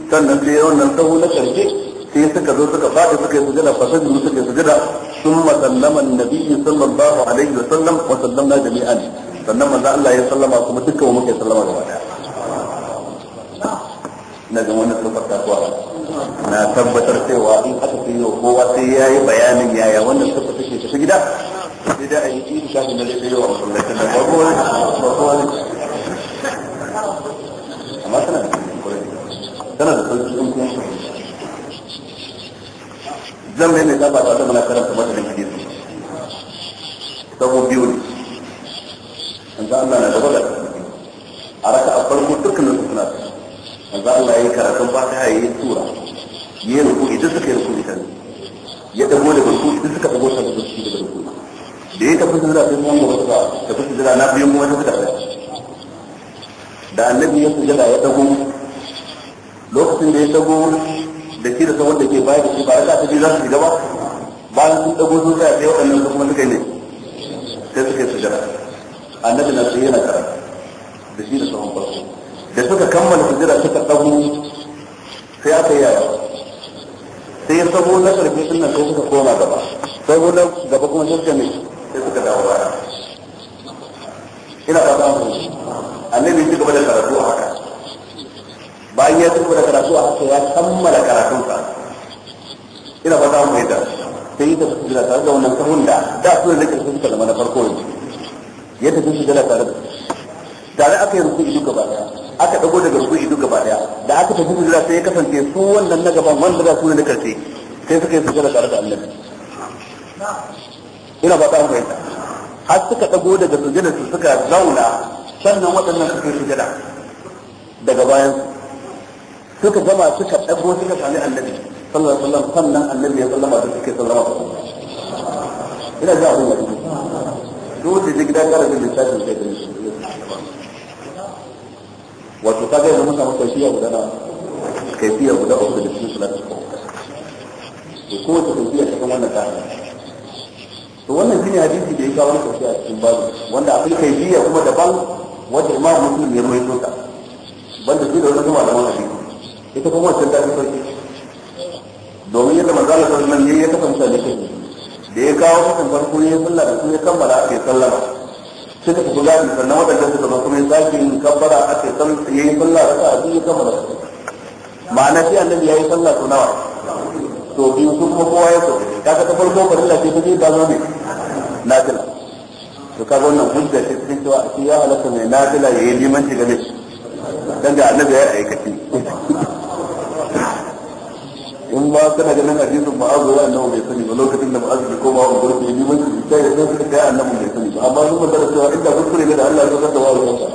sannan sai yawan nan sahu na karshe sai suka zo suka fadi suka yi sujada fa sai suka yi sujada summa sallama annabi sallallahu alaihi wa sallam wa sallamna jami'an sannan manzo Allah ya sallama kuma dukkan mu muke sallama gaba daya na ga wannan tsofar kasuwa na tabbatar cewa in aka fi yau kowa sai ya yi bayanin yaya wanda suka fi kashe su gida sai da a yi ci da shafin da zai yau a masallacin da ba kowa ba kowa ne amma tana da kuma tana da sauki in kuma zan mai mai saba ta zama na karanta mata da hadisi sabo biyu ne an za Allah na gaba da a raka a farko dukkanin su suna manzo Allah yayi karatun fatiha yayi sura yayi ruku idan suka yi ruku idan ya dago daga ruku idan suka dago ta daga ruku daga ruku da ya tafi sujada sai mu wata ta tafi sujada na biyan mu wata ta da annabi ya sujada ya dago lokacin da ya dago da shi da sa wanda ke bayar da shi ba ya ta ji za su gaba ba bayan sun dago sun tsaya sai waɗannan su kuma suka yi ne sai suka yi sujada annabi na tsaye na karatu da shi da sahun farko da suka kammala hijira suka dago sai aka yi yawa sai sabo na karfe suna sai suka koma gaba sabo na gaba kuma sai suka sai suka dawo baya ina ba samu annabi shi gaba da karatu a haka bayan ya ci gaba da karatu a haka ya kammala karatunsa ina samu mai da sai ta tafi sujjada tare da wannan sahun da da su ne da karfe suka zama na farko yanzu ya tafi sujjada tare da su tare aka yi rukun duka ba daya aka dago daga rukun duka ba daya da aka tafi hijira sai ya kasance su wannan na gaban wanda ba su ne na karshe sai suka yi sujada tare da annabi ina ba ta fahimta har suka dago daga sujada su suka zauna sannan waɗannan suka yi sujada daga bayan suka gama suka dago suka sami annabi sallallahu alaihi wasallam sannan annabi ya sallama da suke sallama ina ji abin da dole da gidan karatu da tashin sai da shi wato ka ga mun samu kaifiya guda na kaifiya guda uku da cikin sunan ko ko wata kaifiya ta kan wannan hanyar to wannan shine hadisi da ya kawo wani kaifiya cikin babu wanda akwai kaifiya kuma daban wanda ma mutum ya mai ta banda shi da wani wani hadisi ita kuma wancan ta fi sauki domin yadda manzo Allah sallallahu alaihi wasallam ya kasance da shi da ya kawo kasan farko ya sallah da su ya kammala kai sallama suka tafi gadi sannan waɗanda suka zama kuma ya sake yin kabbara aka yi yayi sallah raka a biyu kama da ma'ana sai annabi ya yi sallah to nawa to biyu sun kuma kowa ya so koyi kaga ta farko farilla ce ta biyu ta zo ne nafila to kaga wannan hujja ce cikin cewa a ya halatta mai na nafila yayi limanci game dan da annabi ya yi aikaci in ma kana ganin hadisin ba ma'azu ya annabi bai sani ba lokacin da ba azu ko ba wani gurbi ne mun ta yi sai suka kai annabi bai sani ba amma sun magana cewa inda kuskure ne da Allah ya sanar da wani wasa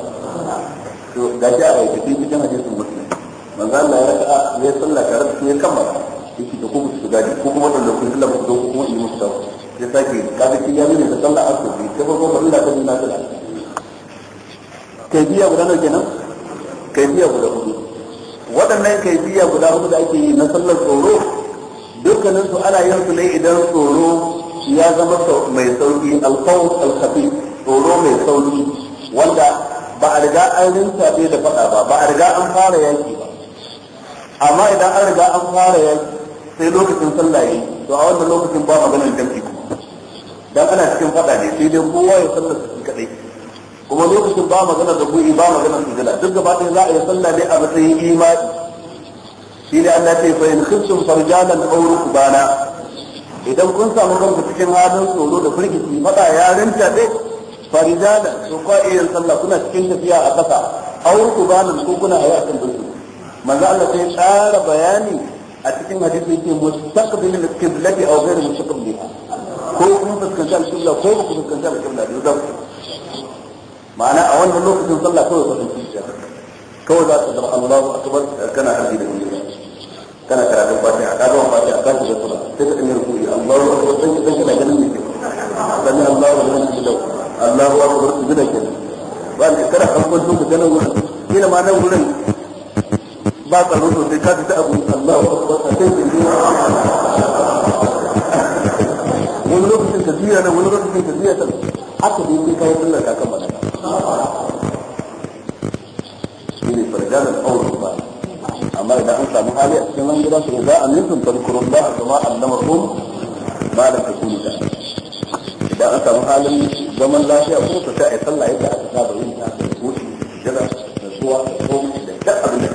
to da shi a aikace cikin hadisin mutum manzo Allah ya raka ya salla tare da su ya kammala yake da kuma su gadi ko kuma da kun salla ba ko zo kuma yi musu tawo sai sake kaga kin ya nuna da salla asubi ta farko ba Allah ta na ta kai biya guda nawa kenan kai biya guda hudu waɗannan kaifiya guda hudu da ake yi na sallar tsoro dukkanin su ana yin su ne idan tsoro ya zama mai sauki alqawl alkafi tsoro mai sauki wanda ba a riga an rinta bai da faɗa ba ba a riga an fara yanki ba amma idan an riga an fara yanki sai lokacin sallah yi to a wannan lokacin ba maganar jam'i dan ana cikin faɗa ne sai dai kowa ya sallar su kadai kuma lokacin ba magana da bu'i ba magana sujada duk gaba ɗaya za a yi sallah ne a matsayin imani shi ne Allah ce fa in khiftum farjalan aw rukbana idan kun samu kanku cikin halin tsoro da firgici fada yaren tabe farjalan to ko irin sallah kuna cikin tafiya a kasa aw rukbanan ko kuna a yakin birni manzo Allah sai tsara bayani a cikin hadisi yake mustaqbil al-qiblati aw ghayr mustaqbil ko kun fuskanta al-qibla ko ba ku fuskanta al-qibla da ma'ana a wannan lokacin sallah kawai ka tafi shi kawai za ka zama Allahu akbar kana haddi da wani kana karatun fatiha ka zama fatiha ka shiga sura sai ka dinga rubuci Allahu akbar sai ka kana ganin ne sami Allahu wa liman hamdahu Allahu akbar sai da kenan ba ne kada an gwanto ka ganin wurin kila ma nan wurin ba tsaro sosai ka fita abu Allahu akbar sai ka yi wani lokacin ka juya wani lokacin ka juya haka dai kun kawo sunna ta kan magana shi ne farjalar aure ba amma idan an samu hali a cikin wani gidansu idan amintum tadkurun ba a zama kama allamakum ba da takunu da idan an samu halin zaman lafiya ko ta sai a yi sallah yadda aka saba yin ta da wuce jira da suwa da komai da duk abin da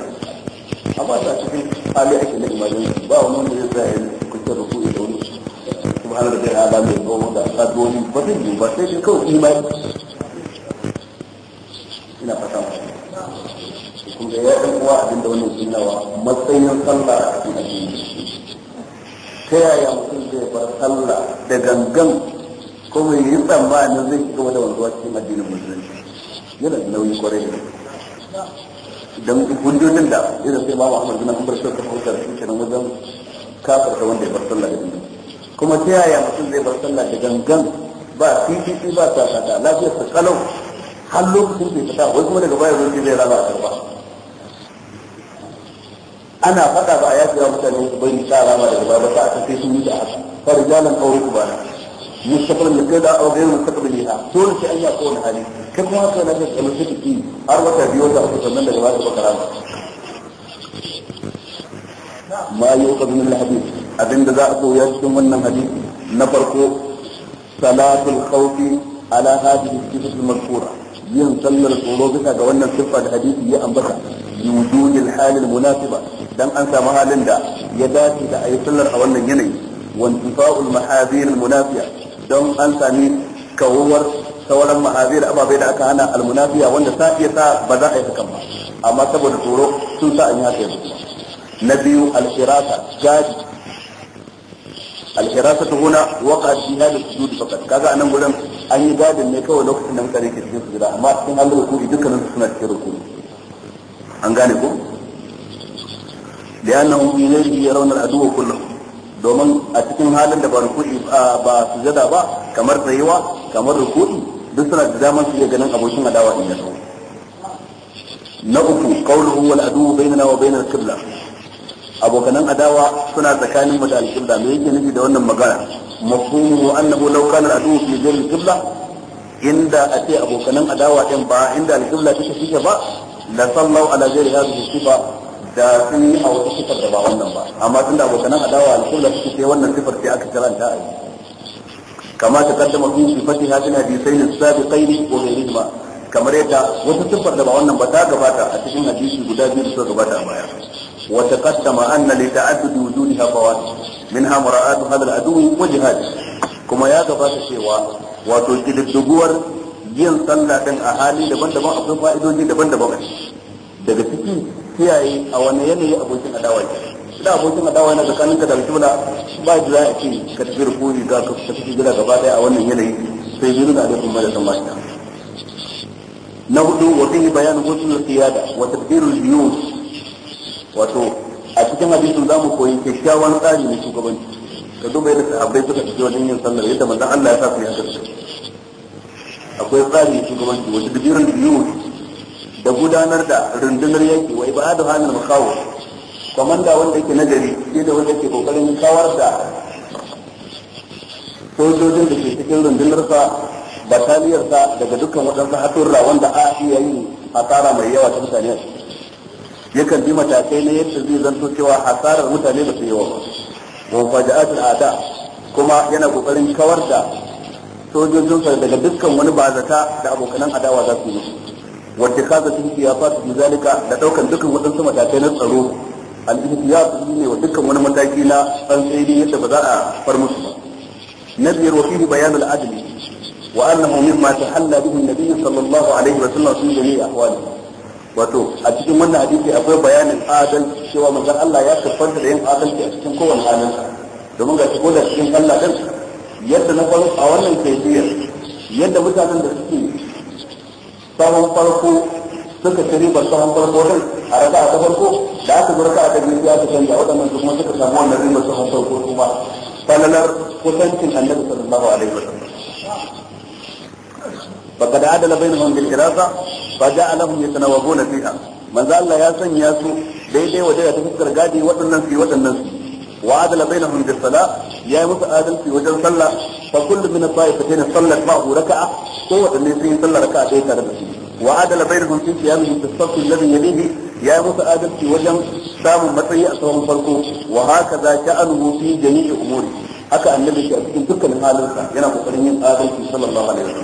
amma ta cikin hali ake na imajin ba wani wanda zai yi kuce da kuɗi. da wani subhanahu wa ta'ala mai gomo da ba zai yi ba sai shi kawai imani ina fata ya dan uwa abin da wannan matsayin sallah a cikin addini ta yaya mutum zai bar sallah da gangan ko mai yi tsammanin zai shiga da wanzuwa cikin addinin musulunci yana da nauyi kwarai da don hujjojin da irin sai ba shi kenan wajen wanda ya bar sallah da kuma ta yaya mutum zai bar sallah da gangan ba fififi ba sa kada lafiyar ta kalau har lokacin bai fita wai kuma daga baya zai zai raba a karba ana faɗa ba a yafi wa mutane su bari sa rama daga baya ba sa a kai sun mutu a haka fara jalan aure ku bana mustaqbal da kai da aure gairu mustaqbal ne dole sai an yi a kowane hali kai kuma haka na kai tsamin suke ki har wata biyu wata uku sannan daga baya ta baka rama ma yi uka bin al abinda za a koya cikin wannan hadisi na farko salatul khawfi ala hadhihi sifat mazkura yin sallar tsoro bisa ga wannan siffa da hadisi ya ambata yujudil halil munasiba dan an samu halin da ya dace da ayi sallar a wannan yanayi wantifa'ul mahazir al-munafiya don an sami kawuwar sauran mahazir ababai da aka hana almunafiya wanda sa iya sa ba za a yi hakan ba amma saboda tsoro sun sa an yi haka yanzu na biyu al jaji gadi ta alhirasatu huna waqa fi hada sujud faqat kaga anan gurin an yi gadin ne kawai lokacin da mutane ke cikin sujuda amma cikin halin rukuni dukkanin suna cikin rukuni an gane ko لأنهم إليه raunar العدو kullum, domin a cikin halin da ba rukuni ba sujada ba kamar tsayuwa kamar rukuni duk suna da damar su iya ganin abokin adawa in ya na uku qawluhu wal adu bainana wa bainal kibla. abokanan adawa suna tsakanin mu da alƙibla me yake nufi da wannan magana mafhumu annahu law kana adu fi ghayri al-qibla inda ace abokanan adawa din ba inda al-qibla take shike ba la sallau ala ghayri hadhihi sifa da sun yi a wata sifar da ba wannan ba amma tunda abokanan adawa al-qibla take sai wannan sifar sai aka karanta a yi كما تقدم في صفتها في الحديثين kamar yadda wata sifar da ba wannan ba ta gabata a cikin hadisi guda biyu da suka gabata a baya وتقدم أن لتعدد وجودها فوائد منها مراعاة هذا العدو وجهاد كما يا gabata cewa wato kididduguwar yin sallah din a hali daban-daban akwai fa'idoji daban-daban daga ciki kiyaye a wani yanayi abokin adawa ke da abokin adawa yana tsakanin ka da alƙibla ba da za ka tafi rukuni ga ka tafi gida gaba a wannan yanayi sai zuru da alaikum da na hudu wa bayan husnul qiyada wa wato a cikin hadisin za mu koyi kyakkyawan tsari na shugabanci ka duba yadda sahabbai suka tafi wajen yin sallar yadda manzon Allah ya sa su yanka su akwai tsari na shugabanci wasu dubiran biyu da gudanar da rundunar yanki wa ibadu hanin makawo kwamanda wanda yake nagari shi da wanda yake kokarin kawar da sojojin da ke cikin rundunarsa bataliyarsa daga dukkan waɗansu haturra wanda a iya yin asara mai yawa ta mutane a yakan bi matakai na yadda zai zanto cewa hasarar mutane ba su yawa ba wa faja'atul ada kuma yana kokarin kawar da sojojinsa daga dukkan wani bazata da abokanan adawa za su yi wacce kaza tun ya fasu bi zalika da daukan dukkan waɗansu matakai na tsaro al-ihtiyat ne wa dukkan wani mataki na tsantsiri yadda ba za a far musu ba na biyar wa fihi bayanul adli wa annahu mimma tahalla bihi an-nabiy sallallahu alaihi wa sallam fi jami'i ahwalihi wato a cikin wannan hadisi akwai bayanin adal cewa manzon Allah ya tabbata da yin adalci a cikin kowane halin domin ga ko da cikin Allah din yadda na faru a wannan kaifiyar yadda mutanen da suke sahun farko suka ci ribar sahun farko din a raka'a ta farko da aka zo raka'a ta biyu aka canja waɗannan su kuma suka samu wannan ribar sahun farko kuma falalar kusancin annabi sallallahu alaihi wasallam فقد عدل بينهم بالإرادة فجعلهم يتناوبون فيها ما زال الله ياسن ياسو دي دي ودي يتفكر قادي وطن نفسي وطن نفسي وعدل بينهم بالصلاة يا موسى آدم في وجه صلى فكل من الطائفتين صلى معه ركعة قوة النسيين صلى ركعة دي كارب وعدل بينهم في قيامهم بالصف الذي يليه يا موسى آدم في وجه سام متى يأسهم فلقوا وهكذا شأنه في جميع أموره أكا النبي في أسكين تلك الحالة ينبقى لهم آدم صلى الله عليه وسلم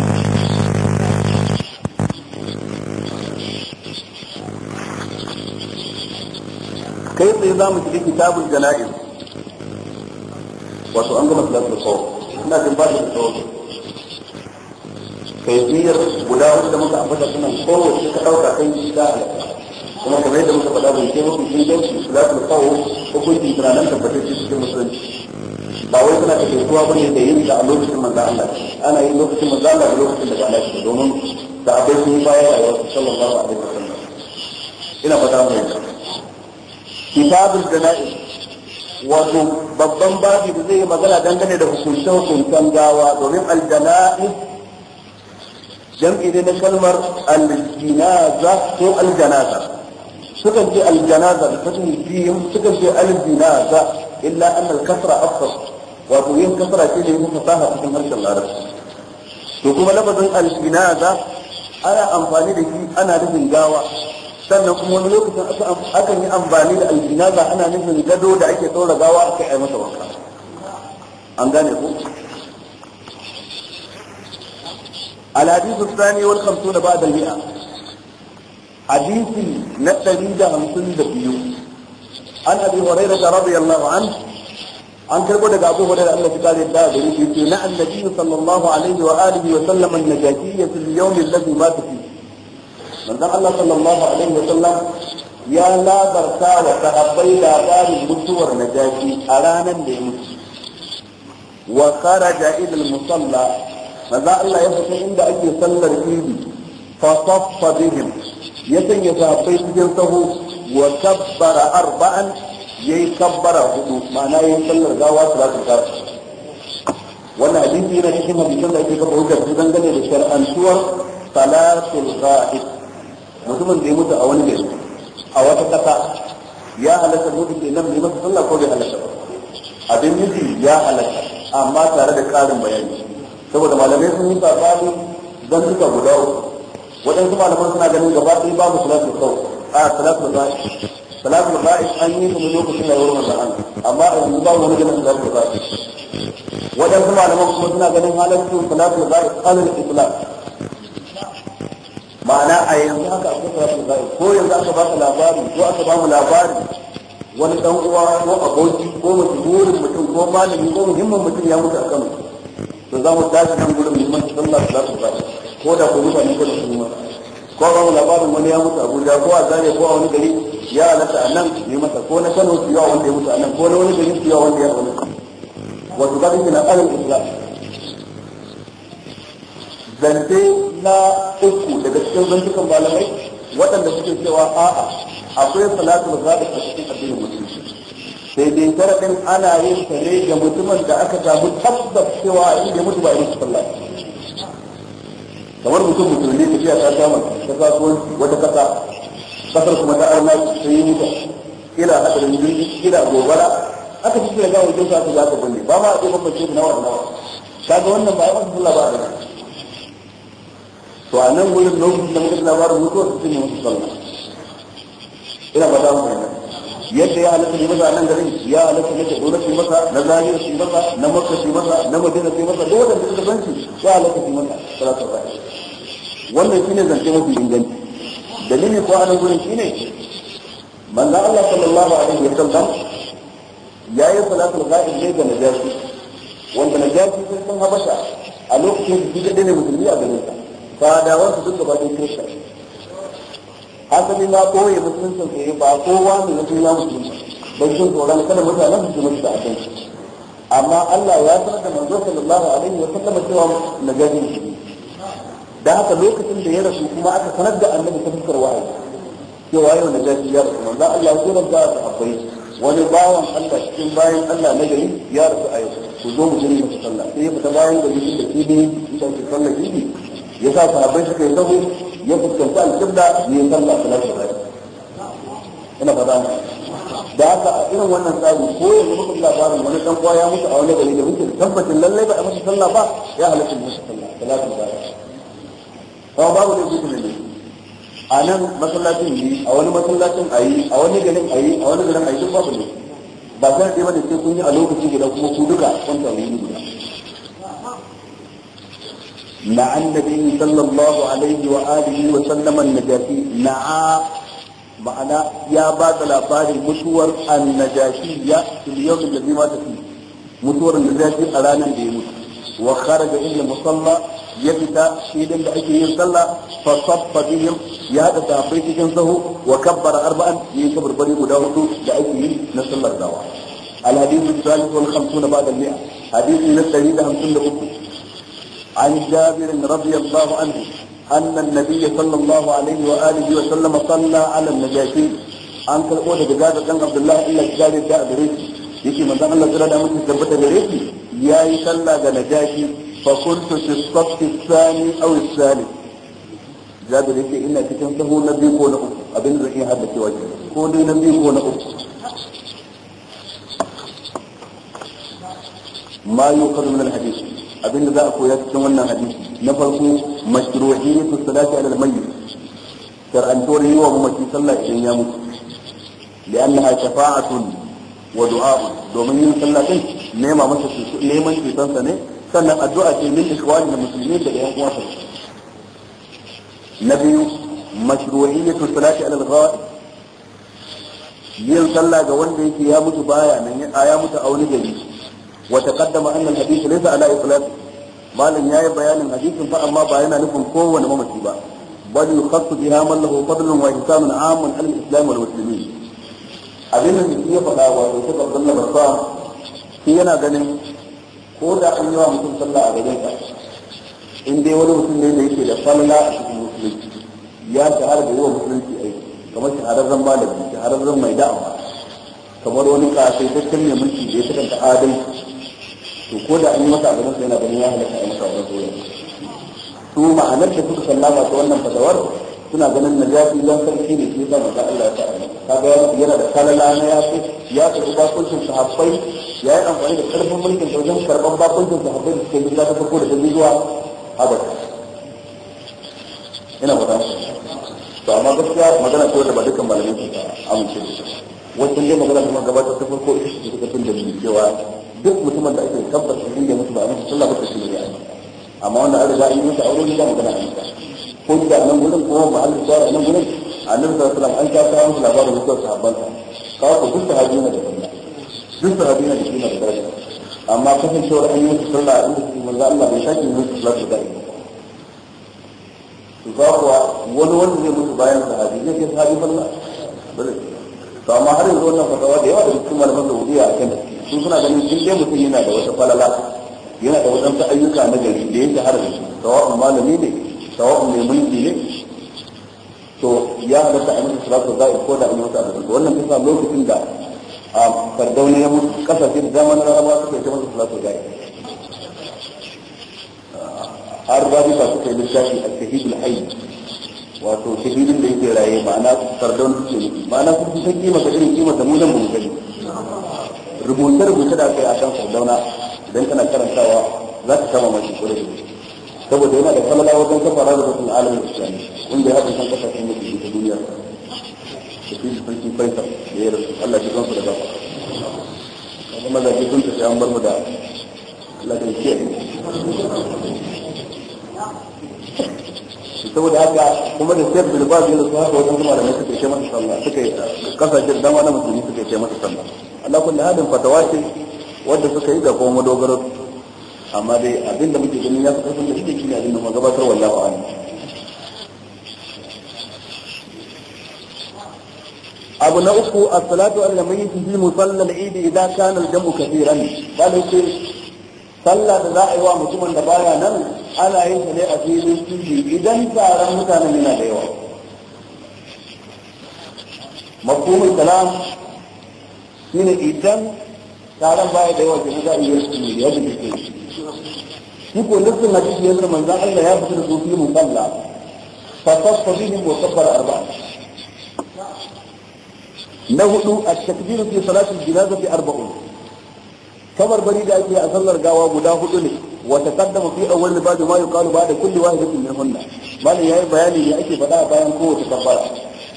كيف ينظم في كتاب الجنائز؟ وسو انظم في الاسم الصوت، احنا في الباب الصوت. كيف يصير ولا وش لما تعبد كنا نصور شو تقوى تعطيني كتاب وما كما يدى مصطفى الله بن كيف في كيف في صلاه الخوف وكل شيء كنا نمسك بس في المسلم. باوي كنا في الاسبوع بني تهيم لا لوكس من زعل انا اي لوكس من زعل لا لوكس من زعل لك دونهم تعبد في صلى الله عليه وسلم. الى فتاه من الجنه. kitabul jana'iz wato babban babi da zai yi magana dangane da hukunce hukuncen gawa domin al aljana'iz jam'i ne na kalmar aljinaza ko aljanaza sukan ce aljanaza da fatin biyun sukan ce aljinaza illa annal kasra afsar wato yin kasra ce da yin fasaha cikin harshen larabci to kuma lafazin aljinaza ana amfani da shi ana nufin gawa sannan kuma wani lokacin akan yi amfani da aljinaza ana nufin gado da ake tsora gawa aka yi masa wanka an gane ku الحديث الثاني والخمسون بعد المئة حديث نتريد خمسون دبيو عن أبي هريرة رضي الله عنه عن كربو دقى أبو هريرة أن قال الدابر يقول النبي صلى الله عليه وآله وسلم النجاشية في اليوم الذي مات فيه منذ الله صلى الله عليه وسلم يا لا برتا وتغطي لا بار المتور نجاكي أرانا لهم وخرج إلى المصلى منذ الله يفتح عند أي صلى الكيب فصف بهم يتن يتغطي جلته وكبر أربعا يكبر هدو معناه يصلى الغوات لا تكبر وانا هدين في رحيم ابي سنة ايكا بروكا في بنجل الشرعان سور صلاة الغائب mutumin da ya mutu a wani gari a wata kasa ya halatta mutum da nan ne masa sallah ko bai halatta ba abin nufi ya halatta amma tare da ƙarin bayani saboda malamai sun yi sabani don duka guda uku waɗansu malaman suna ganin gaba ɗaya babu salatu sau a salatu ra'i salatu ra'i an yi kuma lokacin da wurin da amma a yanzu babu wani ganin salatu ra'i waɗansu malaman kuma suna ganin halaccin salatu ra'i alal islam ma'ana a yanzu haka a kusa su zai ko yanzu aka baka labari ko aka ba mu labari wani dan uwa ko aboki ko mutumin mutum ko malami ko muhimmin mutum ya mutu a kano to za mu tashi nan gurin muhimman sallah za su zai ko da ku mutane ko da su mata ko ba mu labarin wani ya mutu a abuja ko a zare ko a wani gari ya halatta a nan ne masa ko na kano su wa wanda ya mutu a nan ko na wani gari su wa wanda ya mutu wato ga dukkan alal islam zance na uku daga cikin zantukan malamai waɗanda suke cewa a'a akwai salatu da zaɓi a cikin addinin musulunci sai dai sharaɗin ana yin ta ne ga mutumin da aka samu tabbas cewa a inda mutu ba a yi musu sallah kamar mutum musulmi ta fiya ta samu ta kasuwanci wata kasa kasar kuma ta arna ta yi mutu ila hadarin jirgi ila gobara aka fi kira gawo jinsa ta za ta bulle ba ma a ce bambance nawa da nawa kaga wannan ba a yi masa sallah ba a da to a nan gurin lokacin da muka labarin mutuwar su ne musu sallah ina ba za mu fahimta yadda ya halatta ne masa a nan garin ya halatta ne da dole su masa na zahiri shi masa na makka shi masa na madina shi masa duk wanda suka san shi ya halatta su masa salatu ba wannan shine zance mafi inganci dalili ko a nan gurin shine manzo Allah sallallahu alaihi wa sallam salatu al ghaib ne ga najashi wanda najashi sun habasha a lokacin da ne musulmi a garin sa fadawansu sun gaba ɗaya kirista asali ma koye musulunci ke ba kowa ne mutum ya musulunci don jin tsoron kada mutane su ji mutu a kai amma Allah ya sanar da manzo sallallahu alaihi wa sallam cewa nagari shi da haka lokacin da ya rasu kuma aka sanar da annabi ta fuskar wahayi cewa yau najasi ya rasu manzo Allah ya sanar da akwai wani bawan Allah cikin bayan Allah na gari ya rasu a yau ku zo mu jini masa sallah sai ya fita bayan gari da kidi da ke sallah kidi ya sa sahabbai suka yi sahu ya fuskanci alƙibla ne ya sallah salatul rai ina fata mu da haka a irin wannan tsari ko yanzu muka labarin wani dan uwa ya mutu a wani gari da muke tabbacin lallai ba a masa sallah ba ya halatta masa sallah salatul rai ba babu da gudu ne a nan masallacin yi a wani masallacin a yi a wani garin a yi a wani garin a yi duk babu ne ba sai a ba da sai kun yi a lokaci guda kuma ku duka kun tauri guda مع النبي صلى الله عليه وآله وسلم النجاشي نعا معنا يا بعد الأفار مشور النجاشي يا في اليوم الذي مات فيه مشور النجاشي أرانا بيموت وخرج إلى مصلى يبتا شيدا بأيكي ينصلى فصب بهم يا تتعبيت جنسه وكبر أربعا يكبر بني مداوته بأيكي نصلى الدواء الحديث الثالث والخمسون بعد المئة حديث من السيدة خمسون لقبه عن جابر رضي الله عنه أن النبي صلى الله عليه وآله وسلم صلى على النجاشي أنت الأولى بجابر كان عبد الله إلا جابر جاء بريسي يكي من الله جل وعلا من تثبت يا يصلى بنجاشي فقلت في الصف الثاني أو الثالث جابر يكي إن كتبت هو نبي يكون أخوك أبن رحي هذا في وجهه هو نبي يكون أخوك ما يؤخذ من الحديث abin da za a koya cikin wannan hadisi na farko ne salati ala al-mayyit shar'antuwar yi wa mamaci sallah idan ya mutu li'annaha shafa'atun wa du'a'un domin yin sallah din nema masa neman sa ne sannan addu'a ce min ikhwani da musulmi da uwa uwansa na biyu mashruhiyyatu salati ala al-ghaib yin sallah ga wanda yake ya mutu baya nan ya mutu a wani gari وتقدم أن الحديث ليس على إطلاقه malam yi bayanin hadisin fa amma ba yana nufin kowane mamaci ba bal yukhassu biha man lahu fadlun wa ihsanun amun abin da yake faɗa wa to ko Abdullah Baffa shi yana ganin ko da an yi wa mutum sallah a garin ka in dai wani mutum ne da yake da falala a cikin musulunci ya shahara da yawa musulunci aiki kamar shahararren malami shahararren mai da'awa kamar wani kasaitaccen mai mulki da ya sakanta adalci to ko da an yi masa abu nasu yana ganin ya halatta a masa wani goyon su ma'anar da suka sallama ta wannan fatawar suna ganin na ya fi zan sarki ne shi zan maza Allah ta ala kaga yana da kalala na ya fi ya tafi bakuncin sahabbai ya yi amfani da karfin mulkin ta wajen karɓar bakuncin sahabbai da suke yi ta farko da ta zuwa abada ina fata to amma gaskiya magana ce wanda ba dukkan malamai suka amince da ita wajen dai magana kuma gabatar ta farko ita ce suka tun da cewa duk mutumin da ake tabbata shi da mutu ba mutu sallah ba ta shi ne amma wanda an riga an yi musu aure ne da magana an ta ko da nan gurin ko ba an tsara nan gurin annabi sallallahu alaihi wasallam an ka kawo musu labarin mutuwar sahabban ka ka ku duk sahabi ne da kuma duk sahabi ne da kuma da daraja amma kasancewar an yi musu sallah an yi manzo Allah bai shaki musu sallah da to ba kuwa wani wanda zai mutu bayan sahabi zai kai sahabi balla bale to amma har yanzu wannan fatawa da yawa da cikin malaman da wuriya a kan su suna ganin in dai mutum yana da wata falala yana da waɗansu ayyuka na gari da ya shahara da su malami ne sawa'un mai mulki ne to ya halatta a masa salatu za'i ko da an yi wata abin wannan ta sa lokacin da a fardauna ya mutu kasashe da dama na rarraba suka yi ta masa salatu za'i har babuka suka yi littafi a shahidul hayy wato shahidin da yake raye ma'ana fardauna suke nufi ma'ana kuma kusan kima ka irin kima da mu nan mu gani rubuce rubuce da kai a kan sardauna idan kana karantawa za ka kama mashi kure da saboda yana da falala wajen kafa rarrabin alamin islami inda ya haɗin kan kasashen da ke ta duniya da fi su farki faisal da ya rasu allah shi kansu da gafa kuma mazaje sun tafi an bar mu da allah da ya kiyaye saboda haka kuma da sai bilbaz da su haka wajen zama da mai suka ce masa sallah suka yi kasashen dama na musulmi suka ce masa sallah alakun da hadin fatawa ce wanda suka yi ga kuma madogaro amma dai abinda muke gani ya fi karfin da shi ne abinda mu gabatar wallahi a'lam abu na uku as-salatu ala mayyit fi musalla al-eid idan kana al-jam'u kathiran bal ku sallah da za a yi wa mutumin da baya nan ana yin ta ne a filin tudu idan taron mutanen yana da yawa mafhumin kalam من الإنسان تعلم بعض دواء جهدا يقول نفس النجيس يمر من ذا الله يابس الزوفي مطلع فتصفيه وصفر أربعة له التكبير في صلاة الجنازة في أربعون كبر بريد أيدي أصلى الرقاوة مداه إليه وتقدم في أول بعد ما يقال بعد كل واحد منهن بل يا بياني يا أيدي بيان قوة الكفارة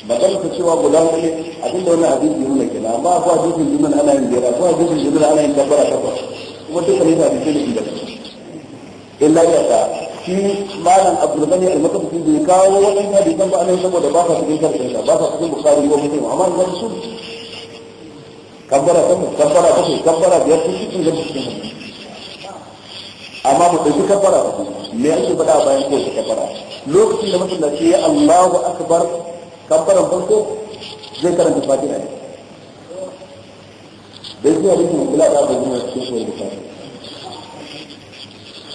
ba ta ta cewa guda ne abinda wannan hadisi ya nuna kenan amma akwai hadisin jimin ana yin bera akwai hadisin jimin ana yin tabbara takwas kuma dukkan yana da jini da illa ya ta shi malam abdulbani al-makabti bai kawo wannan hadisan ba anayin saboda ba ka cikin karfin sa ba ka cikin bukari ko mutum amma ba su kabbara takwas kabbara takwas kabbara biyar su cikin da cikin amma mu ɗauki kabbara me ake faɗa bayan kowace kabbara lokacin da mutum masallaci ya Allahu akbar kabbaran farko zai karanta fatiha ne da yake da rikin bula da abu ne cikin shi da fati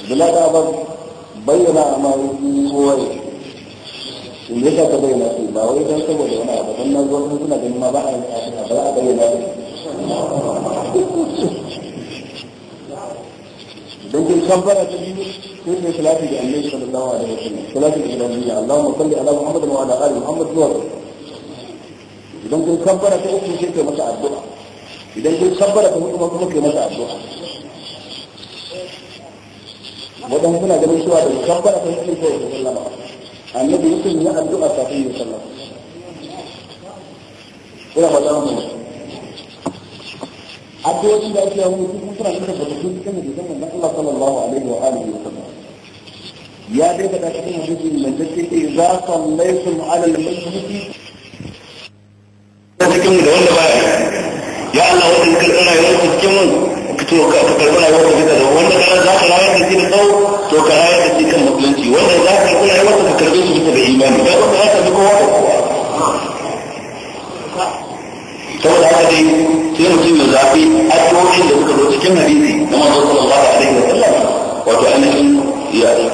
bula da abu bayyana amma yi kowa ne in yasa ka bayyana su ba wai don saboda wani abu don nan zuwa suna ganin ma ba a yi fatiha ba a bayyana su don kin kabbara ta biyu ko kai salati da annabi sallallahu alaihi wasallam salati da ibrahim Allahumma salli ala Muhammad wa ala ali Muhammad idan kun ta uku sai kai masa addu'a idan kun kabbara ta hudu kuma kai masa addu'a wadan suna ganin cewa da kabbara ta hudu kai sallama annabi yake yin addu'a kafin ya sallama ina ba za mu أدواتي بأشياء ومسيح مصر على مدى بطفين كما يسمى أن الله صلى الله عليه وآله وسلم يا بيت أكثر من جزء من جزء إذا صليتم على المسجد كم دون بعد يا الله وان كل انا يوم كم كتو كتو انا يوم كده لو وان انا ذاك لا يجي الضوء تو كلاي تجي كم مطلنتي وان ذاك يقول انا وقت كردوس بيت الايمان ده وقت هذا بقوه saboda haka dai sai mutum ya zafi addu'o'in da suka zo cikin hadisi na manzon sallallahu alaihi wa sallam wato ainihin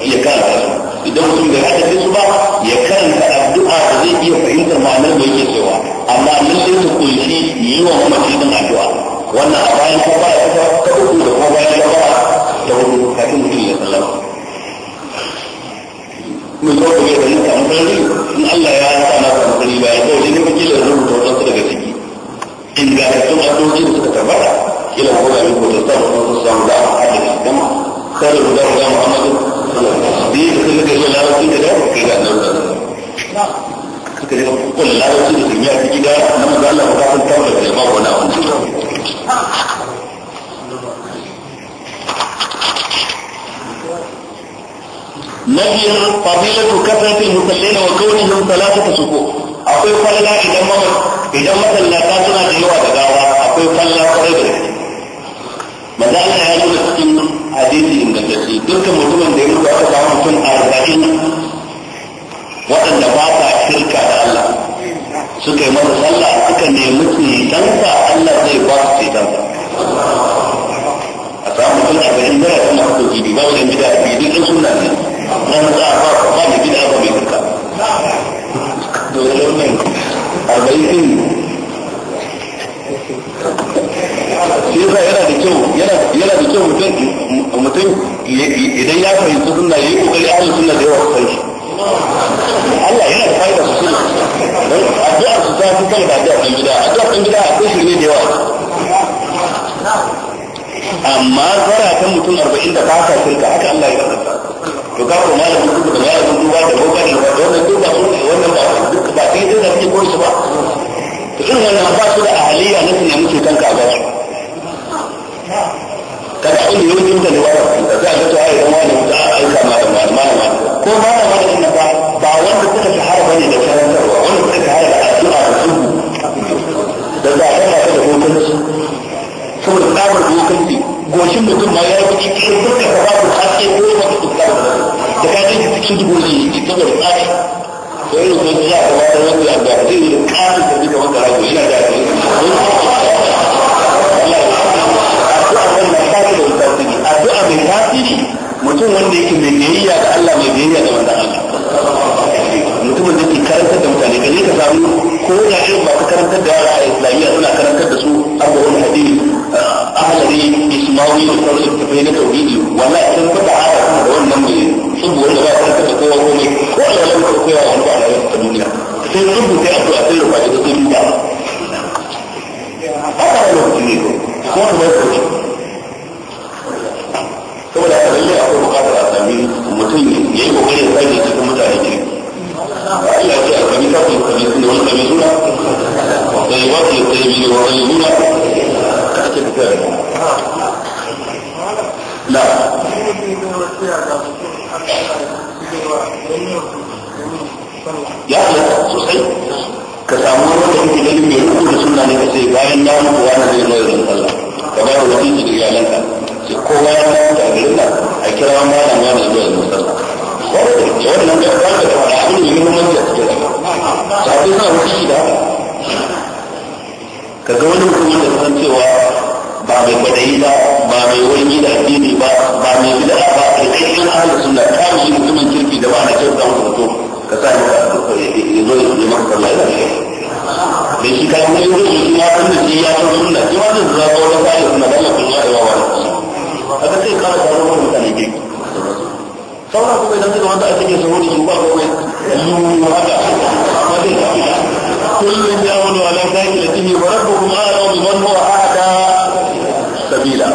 ya karanta su idan mutum bai haddace su ba ya karanta addu'a da zai iya fahimtar ma'anar da yake cewa amma lallai ta kunshi yi wa mamaci din addu'a wannan a bayan ka ba ta uku da kuma bayan ta ba ta hudu kafin mutum ya sallama mun zo da ya fahimta in Allah ya sa ingantattun addu'o'i da suka tabbata kila ko da ko ta samu ko ta samu da hadin dan kare da da Muhammadu bi da kuma da shi larabci da da kai da nan da suka yi kun larabci da kuma ya gida na manzo Allah ba san tabbata da ba ko na wannan فضيلة كثرة المصلين وكونهم ثلاثة صفوف أقول فلا إذا مرض idan masallata suna da yawa da gawa akwai falla kwarai da gaske manzo Allah ya nuna cikin hadisi ingantacce dukkan mutumin da ya mutu aka samu mutum arba'in waɗanda ba sa shirka da Allah suka yi masa sallah suka nemi cetonsa Allah zai ba su cetonsa a samu mutum arba'in zai suna hukunci bi ba wani gida a biyu dukkan suna ne na za a ba ba mai gida ba mai duka. arba'in ɗin shi yasa yana da kyau yana da kyau mutum mutum idan ya fahimci sunna yayi kokari ahlus sunna da yawa sai Allah yana da fa'ida sosai don addu'ar su ta fi kan da addu'ar ɗan gida addu'ar ɗan gida akwai shirme da yawa amma zaratan mutum arba'in da ba sa shirka haka Allah ya to ka ko malamin duk da malamin duba da boka da wannan duk ba sun wannan ba duk ba kai da kake ko ba to irin wannan ba su da ahaliya na tunan muke kanka ba su kada in yi wajen da lewa da za a ga to ai dan wani da aika ma da malama ko malama da nan ba ba wanda suka shahara bane da karantarwa wanda suka shahara da addu'a da su da za a ga da hukunci saboda tsabar hukunci goshin mutum ma ya yi cikin dukkan ko da da ka ganki cikin dubu shi saboda tsari da irin sun ya a gabatar wanda a gaba zai da ƙarin da duka wanda rago yana da ake addu'a mai tasiri mutum wanda yake mai biyayya da Allah mai biyayya da wanda Allah mutumin da ke karantar da mutane kaje ka samu ko da irin masu karantar da yara a islamiyya suna karantar da su abubuwan hadisi akasari ismawi da kuma su tafi na tauhidi wala idan kuka hada kuma da wannan mai saboda ba ka kasa kowa komai ko a yalan ka koya wani ba a yalan ka duniya sai rubu sai addu'a sai rufa da ta duniya haka ne lokaci ne ko kuma ba ku saboda ta lalle akwai bukatar a sami mutum ya yi kokari ya sani cikin mutane ke Allah ya ce a kami kafin kami suna wani kami suna da ba su ya tsaye biyu wani suna ta ake fitar لا ya halatta sosai ka samu wanda kake ganin mai rubu da sunna ne kace bayan ya mutu wani zai zo yin sallah ka ba wa wani da iyalanka sai kowa ya mutu da garin nan a kira malam ya zo yin sallah wanda wannan da ba da fara abin da muhimmanci a cikin rayuwa sai da ga wani da mai kwadayi ba ba mai wani da addini ba ba mai bid'a ba ta mu mutumin kirki da ba na kyau ka sa ya zo ya yi da shi da shi yi ya san da shi ya san shi ma zai ba ya kun yi wa wani haka sai kara wani mutane ke sauran kuma idan suka wanda ake ke sauri su ba ko yiwu haka amma zai tafi kullum ya wani ta yi da wa bi man kabila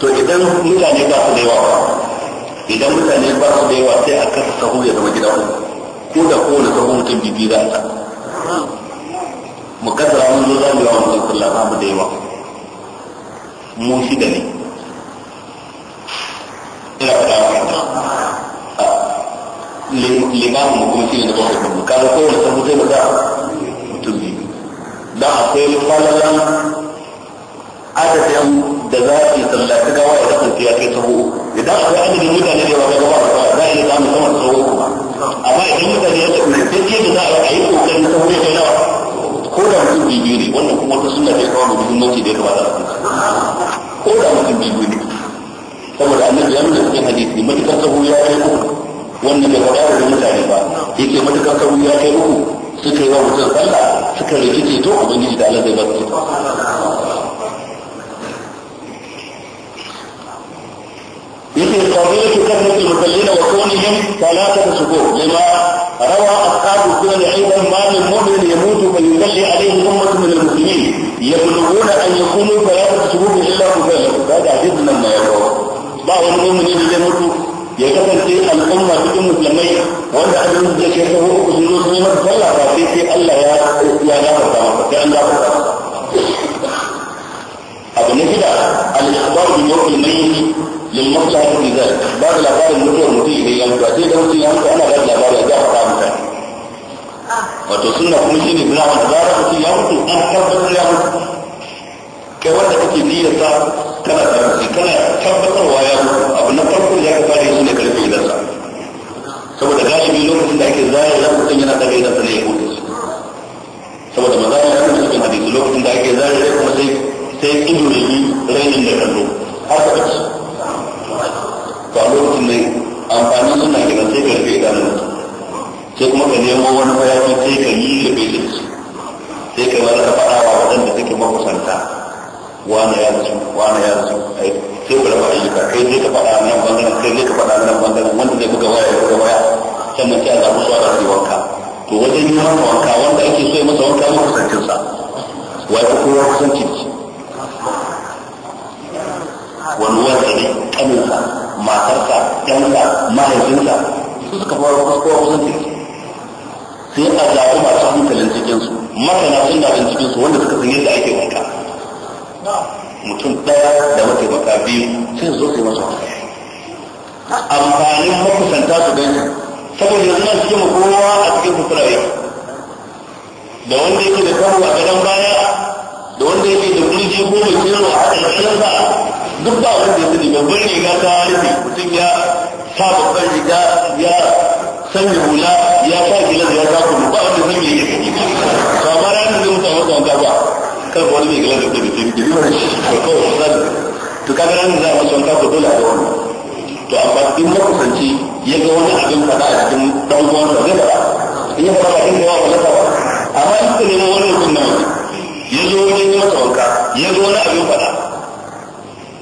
to idan mutane ba su da yawa idan mutane ba su da sai a kasa sahu ya zama gida ku ko da da sahu mutum bibi za ta mu kasa mun zo yawa mutum ba mu da yawa mu ne ina mu kuma shi ne da don akwai falalan adadin da za a yi tsallaki gawa ya kasance ya kai sahu idan akwai adadin mutane da yawa gaba da za a yi samun sama da sahu amma idan mutane ya ce ne sai da za a yi kokarin sahu ya kai nawa ko da mutum biyu ne wannan kuma da sunna kawo mutum muhimmanci da ya kamata a ko da mutum biyu ne saboda annabi ya nuna cikin hadisi matukar sahu ya kai uku wannan bai faɗa da mutane ba yake matukar sahu ya kai uku suka yi wa mutum sallah suka rikice to ubangiji da Allah zai ba su yake qawliyatu kafatul musallina wa kunihim thalathata subuh lima روى أصحاب السنن أيضا ما من مؤمن يموت فيصلي عليه أمة من المسلمين يبلغون أن يكونوا ثلاثة شهور إلا كفاله هذا حديث لما يروى بعض المؤمنين يموتوا ya kasance al'umma cikin musulmai wanda an yi da ke tawo uku sun zo sun yi masa sallah ba sai sai Allah ya ya gafarta masa sai an gafarta abu na shida al-ikhbar bi yawm al-mayyit lil maslahat fi dhalik ba da labarin mutuwar mutum idan ya mutu sai da mutum ya mutu ana ba da labarin ya gafarta masa wato sunna kuma shine bila wanda zara mutum ya mutu an tabbatar ya mutu kai wanda kake niyyar sa kana tarihi kana tabbatarwa ya abu na farko ya ka fara shi ne karfe idansa saboda galibi lokacin da ake zaya ya mutum yana daga idansa ne ya huta saboda maza ya kuma cikin hadisi lokacin da ake zaya ya kuma sai sai ido da yi rainin da kallo har ka ci a lokacin ne amfanin suna kenan sai karfe idanun sai kuma ka nemo wani mayafi sai ka yi da bai sai ka yi wani ka faɗa wa waɗanda suke makusanta wani ya rasu wani ya rasu ai sai ku raba ayyuka kai zai ka faɗa nan bangaren kai zai ka faɗa nan bangaren wanda zai buga waya ya buga waya sannan sai a zaɓi su a wanka to wajen yi masa wanka wanda ake so ya masa wanka ma kusancinsa wai ko kowa kusanci da wani wanda ne kaninsa matarsa ɗansa mahaifinsa su suka fara kowa kusanci da shi sai a zaɓi masu hankalin cikinsu masana suna bincikinsu wanda suka san yadda ake wanka mutum ɗaya da mataimaka biyu sai zo sai masa amfanin makusanta su gani saboda yanzu na cikin kowa a cikin kusurai yau da wanda yake da kawo a gadon baya da wanda yake da kurji ko mai kero a haɗa ƙarfinsa duk ba wanda ya da babban riga ta harfi mutum ya sa babban riga ya sanya hula ya sa gilas ya sa kuma ba kawai wani mai gilas da kuma bikin gidi shi ko kawai su to kaga nan za a masu wanka ko dole a ga to amma in makusanci ya ga wani abin fada a cikin dan uwansa zai fada in ya fada in da yawa wani amma in ka nemo wani mutum na wani ya zo wani yi masa wanka ya zo wani abin fada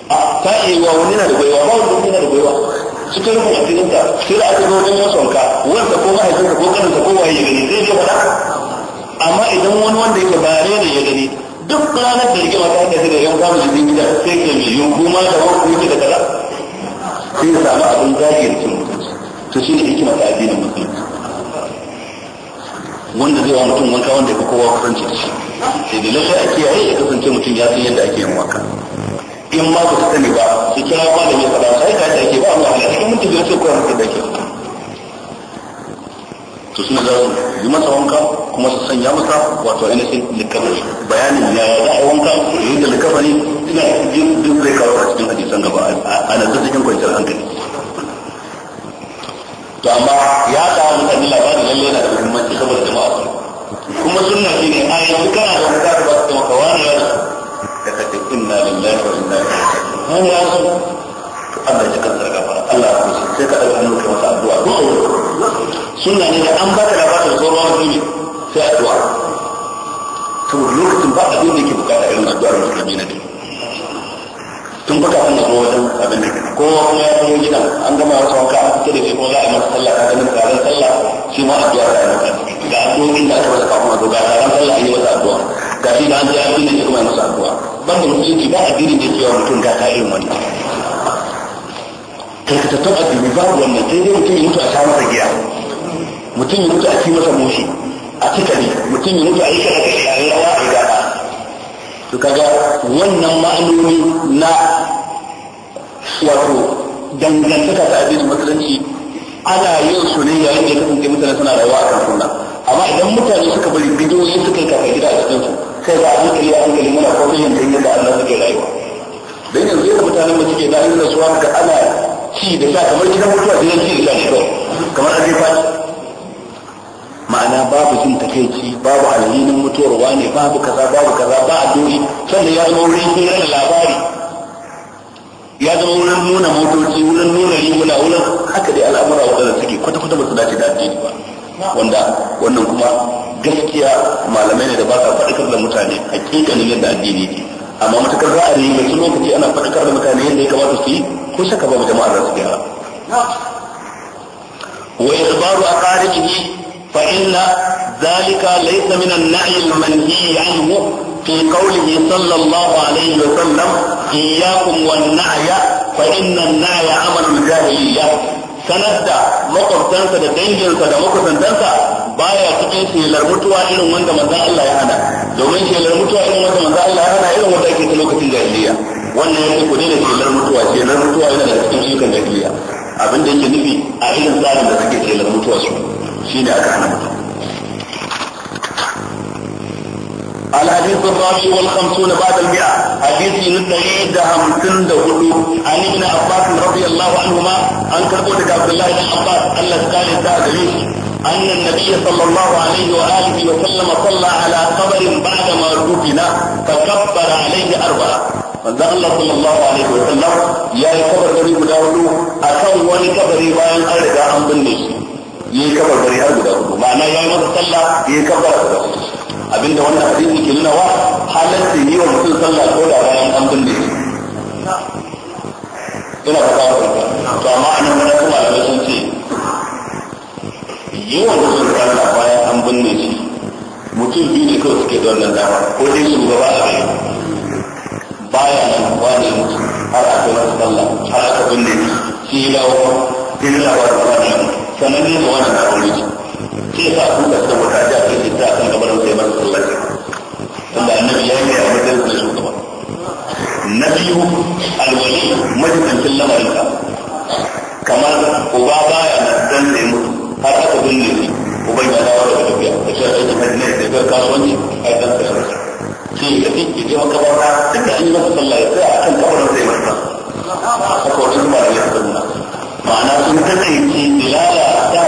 a ta iya wa wani na da gwaiwa ba wani na da gwaiwa cikin rufin asirinta sai da aka zo wani masa wanka wanda ko mahaifinsa ko kaninsa ko waye gani zai je fada amma idan wani wanda yake bare ne ya gani duk ranar da rigima ta hanyar da yan kamun jikin gida sai ke mai yi kuma da wasu yake da kaza sai ya samu abin zagiyar cin mutunci to shi ne hikima ta addinin musulunci wanda zai wa mutum wanka wanda ya fi kowa kusanci da shi sai da lafiya a kiyaye ya kasance mutum ya san yadda ake yin wanka in ma ba su sani ba su kira ba da mai faɗa sai ka ake ba amma a cikin mutum ya ce kowa mutum da ke to suna za su yi masa wanka kuma su sanya masa wato ainihin likafani bayanin ya yi a wanka yi da likafani ina yi duk zai kawo a cikin hadisan gaba ana ta cikin kwanciyar hankali to amma ya ta hannu da nila ba da lalle na da muhimmanci saboda jama'a kuma suna shi ne a yanzu kana da wani kare ba su taimaka wani ya da su ka ce inna lillahi wa inna ilaihi raji'un to Allah ya kansa da gafara Allah ya kusa sai ka ɗauka hannu kai masa addu'a du'a sunna ne da an baka labarin tsoron musulmi sai addu'a saboda lokacin ba abin da yake bukata irin addu'ar musulmi na dai tun baka kan zo wajen abin da ko kuma ya zo gidan an gama wasu wanka an fito da shi ko za a yi masa sallah ka ganin taron sallah shi ma addu'a ta yi masa ga addu'o'in da aka masa kafin a ga taron sallah an yi masa addu'a ga shi da an je an gina shi kuma yi masa addu'a ban da musulunci ba addini da ke wa mutum ga ta irin wani kai ka tattun addini babu wannan sai dai mutum ya mutu a sa masa giya mutum ya mutu a ci masa moshi a cika ne mutum ya mutu a yi kana kashi a yi rawa a yi gaba to kaga wannan ma'anoni na wato dangantaka ta abin musulunci ana yin su ne yayin da kasance mutane suna rayuwa a kan sunna amma idan mutane suka bari bidiyoyi suka yi kafa gida a cikin su sai ba a hankali a hankali muna kofin yin da Allah suke rayuwa dan yanzu yadda mutanen mu suke da rayuwa su ga ana ci da sha kamar gidan mutuwa da ci da sha shi kamar a zai ma'ana babu jin takaici babu alhinin mutuwarwa ne babu kaza babu kaza ba a dori sannan ya zama wurin hira da labari ya zama wurin nuna motoci wurin nuna rigula wurin haka dai al'amura waɗanda suke kwata-kwata ba su dace da addini ba wanda wannan kuma gaskiya malamai ne da ba sa faɗakar da mutane hakikanin yadda addini ne. amma matakar za a yi mai sun lokaci ana fatakar da mutane yadda ya kamata su yi ko shaka babu jama'ar da su gyara wa ikhbaru aqaribihi fa inna dhalika laysa min an-na'i al-manhi anhu fi qawlihi sallallahu alayhi wa sallam iyyakum wan-na'ya fa inna an-na'ya amalu al-jahiliyya sanar da makwabtansa da danginsa da makusantansa baya cikin shelar mutuwa irin wanda manzon Allah ya hana domin shelar mutuwa irin wanda manzon Allah ya hana irin wanda ake ta lokacin jahiliya wannan ya ku ne da shelar mutuwa shelar mutuwa yana da cikin ayyukan jahiliya abin da yake nufi a irin tsarin da suke shelar mutuwa su Shi ne aka hana mutum الحديث الرابع والخمسون بعد المئة حديث نتعيد همسن دهلو عن ابن عباس رضي الله عنهما عن كربوتك عبد الله بن عباس الله تعالى تعالى أن النبي صلى الله عليه وآله وسلم صلى على قبر بعدما دفن فكبر عليه أربعة فقال الله صلى الله عليه وسلم يا قبر بني غدا ودو أكون وني وين أرجع عن بنيش يا قبر بني أرجع ودو معنى يا ما صلى يا قبر غدا ودو أبين ده وانا حديث كلنا وا حالته هي صلى الله عليه وسلم وين أرجع عن بنيش نعم. إلى بقى ودو فما yawan rufin sallah baya an binne shi mutum biyu ne kawai suke da wannan dama ko dai shugaba a bai baya nan wani mutu har a kai masa sallah har aka binne shi shi ya dawo sai ya dawo da wani sannan ne da wani na aure shi sai ya sa kuka saboda ja kai shi ta kan gabar sai masa sallah tunda annabi ya yi a wajen da shugaba na biyu alwali lamarin ka kamar uba baya na dan da mutu har aka binne shi ya dawo da tafiya da shi da da a shi ya fi ya je da an yi masa sallah ya tsaya da masa ba da ya fi ma'ana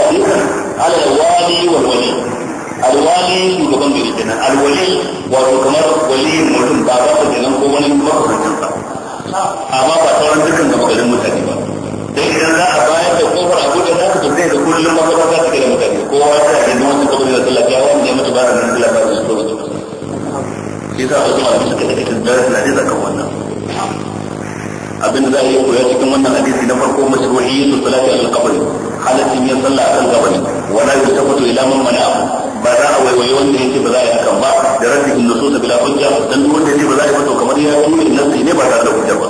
sun ta wa wali alwali shugaban gari kenan alwali wato kamar wali mutum ba ba ta kenan ko wani amma ba dukkan gaba garin mutane da idan za a bayar da kofar abu da haka to zai da kullum makarata take da mutane ko ya sa ke neman su kuma da sallah ya wanda ya ba da nan sallah ba su kuma su shi sa wasu malamai suka da cikin darasi na dai zakan wannan abin da za a yi koya cikin wannan hadisi na farko mashru'iyyu salati al-qabr halatin yin sallah akan kabari wala yusabatu ila man mana'a ba za a waiwaye wanda yake ba za a yi hakan ba da rabbi in nusu bila hujja dan duk wanda yake ba za a yi ba to kamar ya tuni nafsi ne ba tare da hujja ba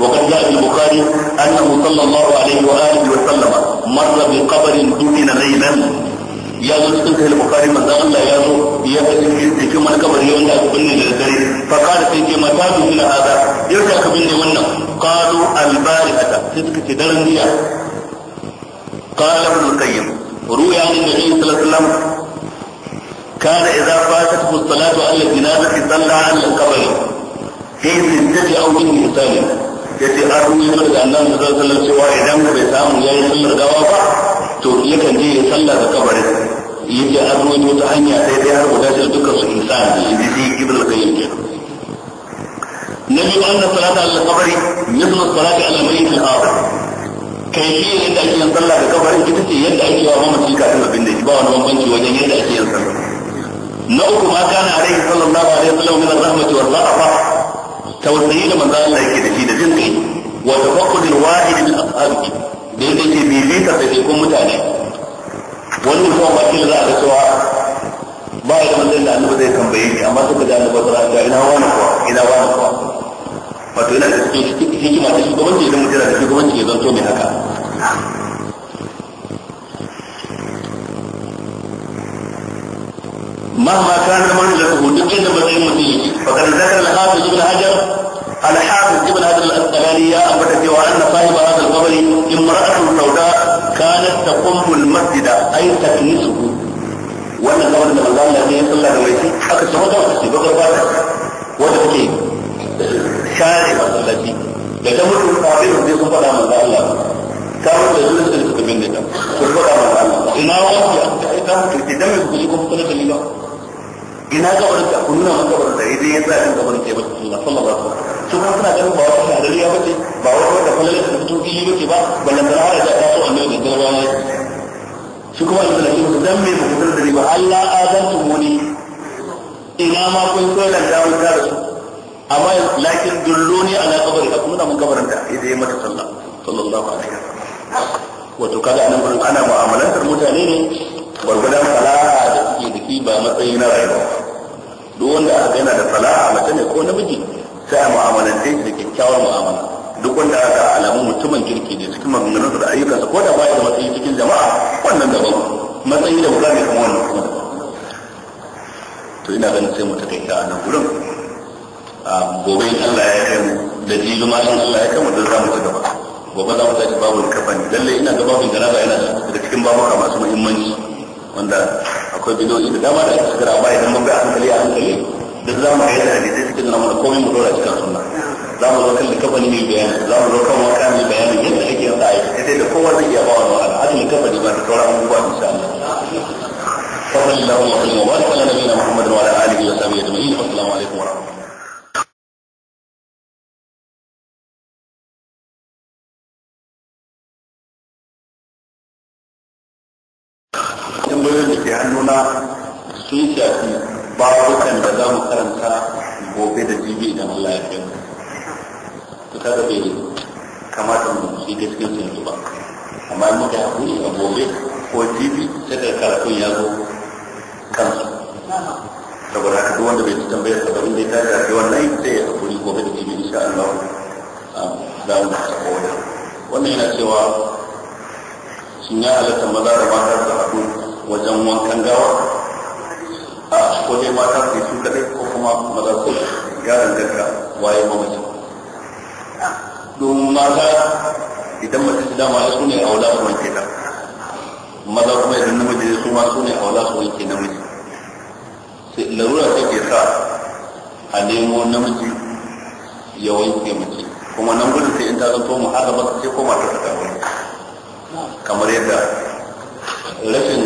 وقد جاء في البخاري انه صلى الله عليه واله وسلم مر بقبر دفن غيبا يا زوجتك البخاري من ذا الله يا زوج يا زوج في كم قبر يوم جاءت بني للدري فقال سيدي ما تاب من هذا يرجع كبني ونا قالوا البارحه صدق تدرنيا قال ابن القيم روي عن النبي صلى الله عليه وسلم كان إذا فاتته الصلاة على الجنازة صلى على القبر في ستة أو من مثاله ya ce an rubuta daga annabi sallallahu alaihi wasallam cewa idan bai samu yayi sallar gawa ba to ya kan je ya sallah da kabarin yace an da ta hanya sai dai har guda shi duka su insani shi ne ibnu qayyim kenan na biyu an da salata ala kabari misal salati ala mayyit kai shi kaifiyar yadda ake yin sallar da kabari ita ce yadda ake wa mamaci kafin abin da ba wani bambanci wajen yadda ake yin sallar na uku ma kana alaihi sallallahu alaihi wasallam min rahmatu rahmati wal tausayi da manzo Allah yake da shi da jin kai wa tafaqqudul wahid min ashabihi da yake ke bibita da cikin mutane wannan kuma wakil za a ga cewa ba ya manzo da annabi zai tambaye shi amma suka da annabi sallallahu alaihi ina wani kuwa ina wani kuwa wato ina da cikin hikima ta shugabanci idan mutum yana da shugabanci ya zanto mai haka مهما كان منزله دكتور بدين مدي فقد ذكر الحافظ ابن حجر الحافظ ابن حجر الاسقلاني أثبت وأن صاحب هذا القبر امرأة سوداء كانت تقوم المسجد أي تكنسه وأن القبر من الله الذي يصلى عليه حتى سوداء تسجد وقد تكي شارع التي da في mutu kafirin sai sun faɗa manzo Allah ta mutu da zuwa da suka binne في sun faɗa manzo Allah ina wani ina kabarin ta kun nuna mun kabarin ta idan ya tsaya kan kabarin ta ya bace sunna sallallahu alaihi su kuma suna ganin ba wata shahararriya ce ba wata wanda falala da fito fili bace ba wannan da har da ta so annabi da garba ne su kuma Allah ya ce dan me ba fitar da riba Allah azantu muni ina ma kun so da dawo da su amma lakin dulluni ala kabari ka kuma mun kabarin ta idan ya mata sallallahu alaihi wasallam wato kaga anan gurin ana mu'amalantar mutane ne gwargwadon fala'a da suke da shi ba matsayi na rayuwa duk wanda aka gana da fala'a mace ne ko namiji sai a mu'amalance da kyakkyawar mu'amala duk wanda aka alamu mutumin kirki ne cikin maganganun da ayyukansa ko da ba da matsayi cikin jama'a wannan daban matsayi da ne kuma wannan kuma to ina ganin sai mu takaita a nan gurin gobe in Allah ya kai mu da jibi ma in Allah ya kai mu da za mu ci gaba gobe za mu tashi babu kafani lallai ina ga babu jaraba yana da cikin babuka masu muhimmanci wanda akwai bidoyi da dama da aka shigar amma idan mun bi a hankali a hankali duk za mu ga da zai cikin namu da komai mu dora cikin sunna za mu zo kan da likafani mai bayani za mu zo kan waka ne bayani yadda ake yin ra'ayi sai dai da kowa zai iya bawa wa Allah wa'ala kafa ne ba da sauran abubuwa insha Allah فصلى الله وسلم وبارك Muhammad wa محمد وعلى اله وصحبه اجمعين والسلام عليكم ورحمه الله kaga bai kamata mu shi gaskiyar su ba amma in muka hakuri a gobe ko jibi sai da karatun ya zo kansu saboda haka duk wanda bai ci tambayar sa abin da ya tashi da kai wannan sai ya hakuri gobe da jibi insha Allah um, za mu ta kowa wannan yana cewa shin ya halatta maza da mata da haɗu wajen wankan gawa a ko dai mata su yi su kaɗai ko kuma maza su ya danganta waye mamaci domin mata idan mace su dama su ne wala su wanke ta maza kuma idan namiji su ma su ne wala su wanke namiji sai larura take sa a nemo namiji ya wanke mace kuma nan gudun sai in ta zanto mu har ba sai ko mata ta dawo kamar yadda rashin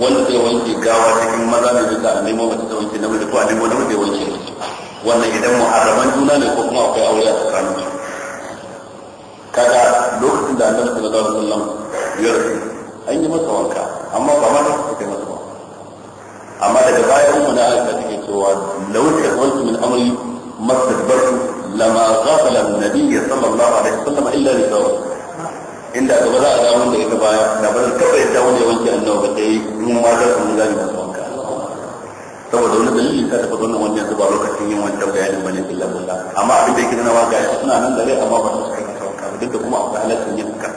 wanda zai wanke gawa cikin maza ne bisa a nemo mace ta wanke namiji ko a nemo namiji ya wanke mace wannan idan muharraman juna ne ko kuma akwai aure a tsakanin su kaga lokacin da annabi sallallahu alaihi wasallam ya rasu an yi masa wanka amma ba ma da su kai masa ba amma daga baya umma na aisha take cewa law wanki min amri mastadbartu lama ghafala an-nabiy sallallahu alaihi wasallam illa li sawab inda gaba za a ga wanda ita baya da ba zan taba yadda wani wanke annabi ba dai mun ma da mun gani masa wanka saboda wani dalilin ta tafi wannan wannan yanzu ba lokacin yin wancan bayanin bane illa bulla amma abin da yake nuna wa gashi suna nan da rai amma ba su suka yi ba duk da kuma akwai halaccin yin ka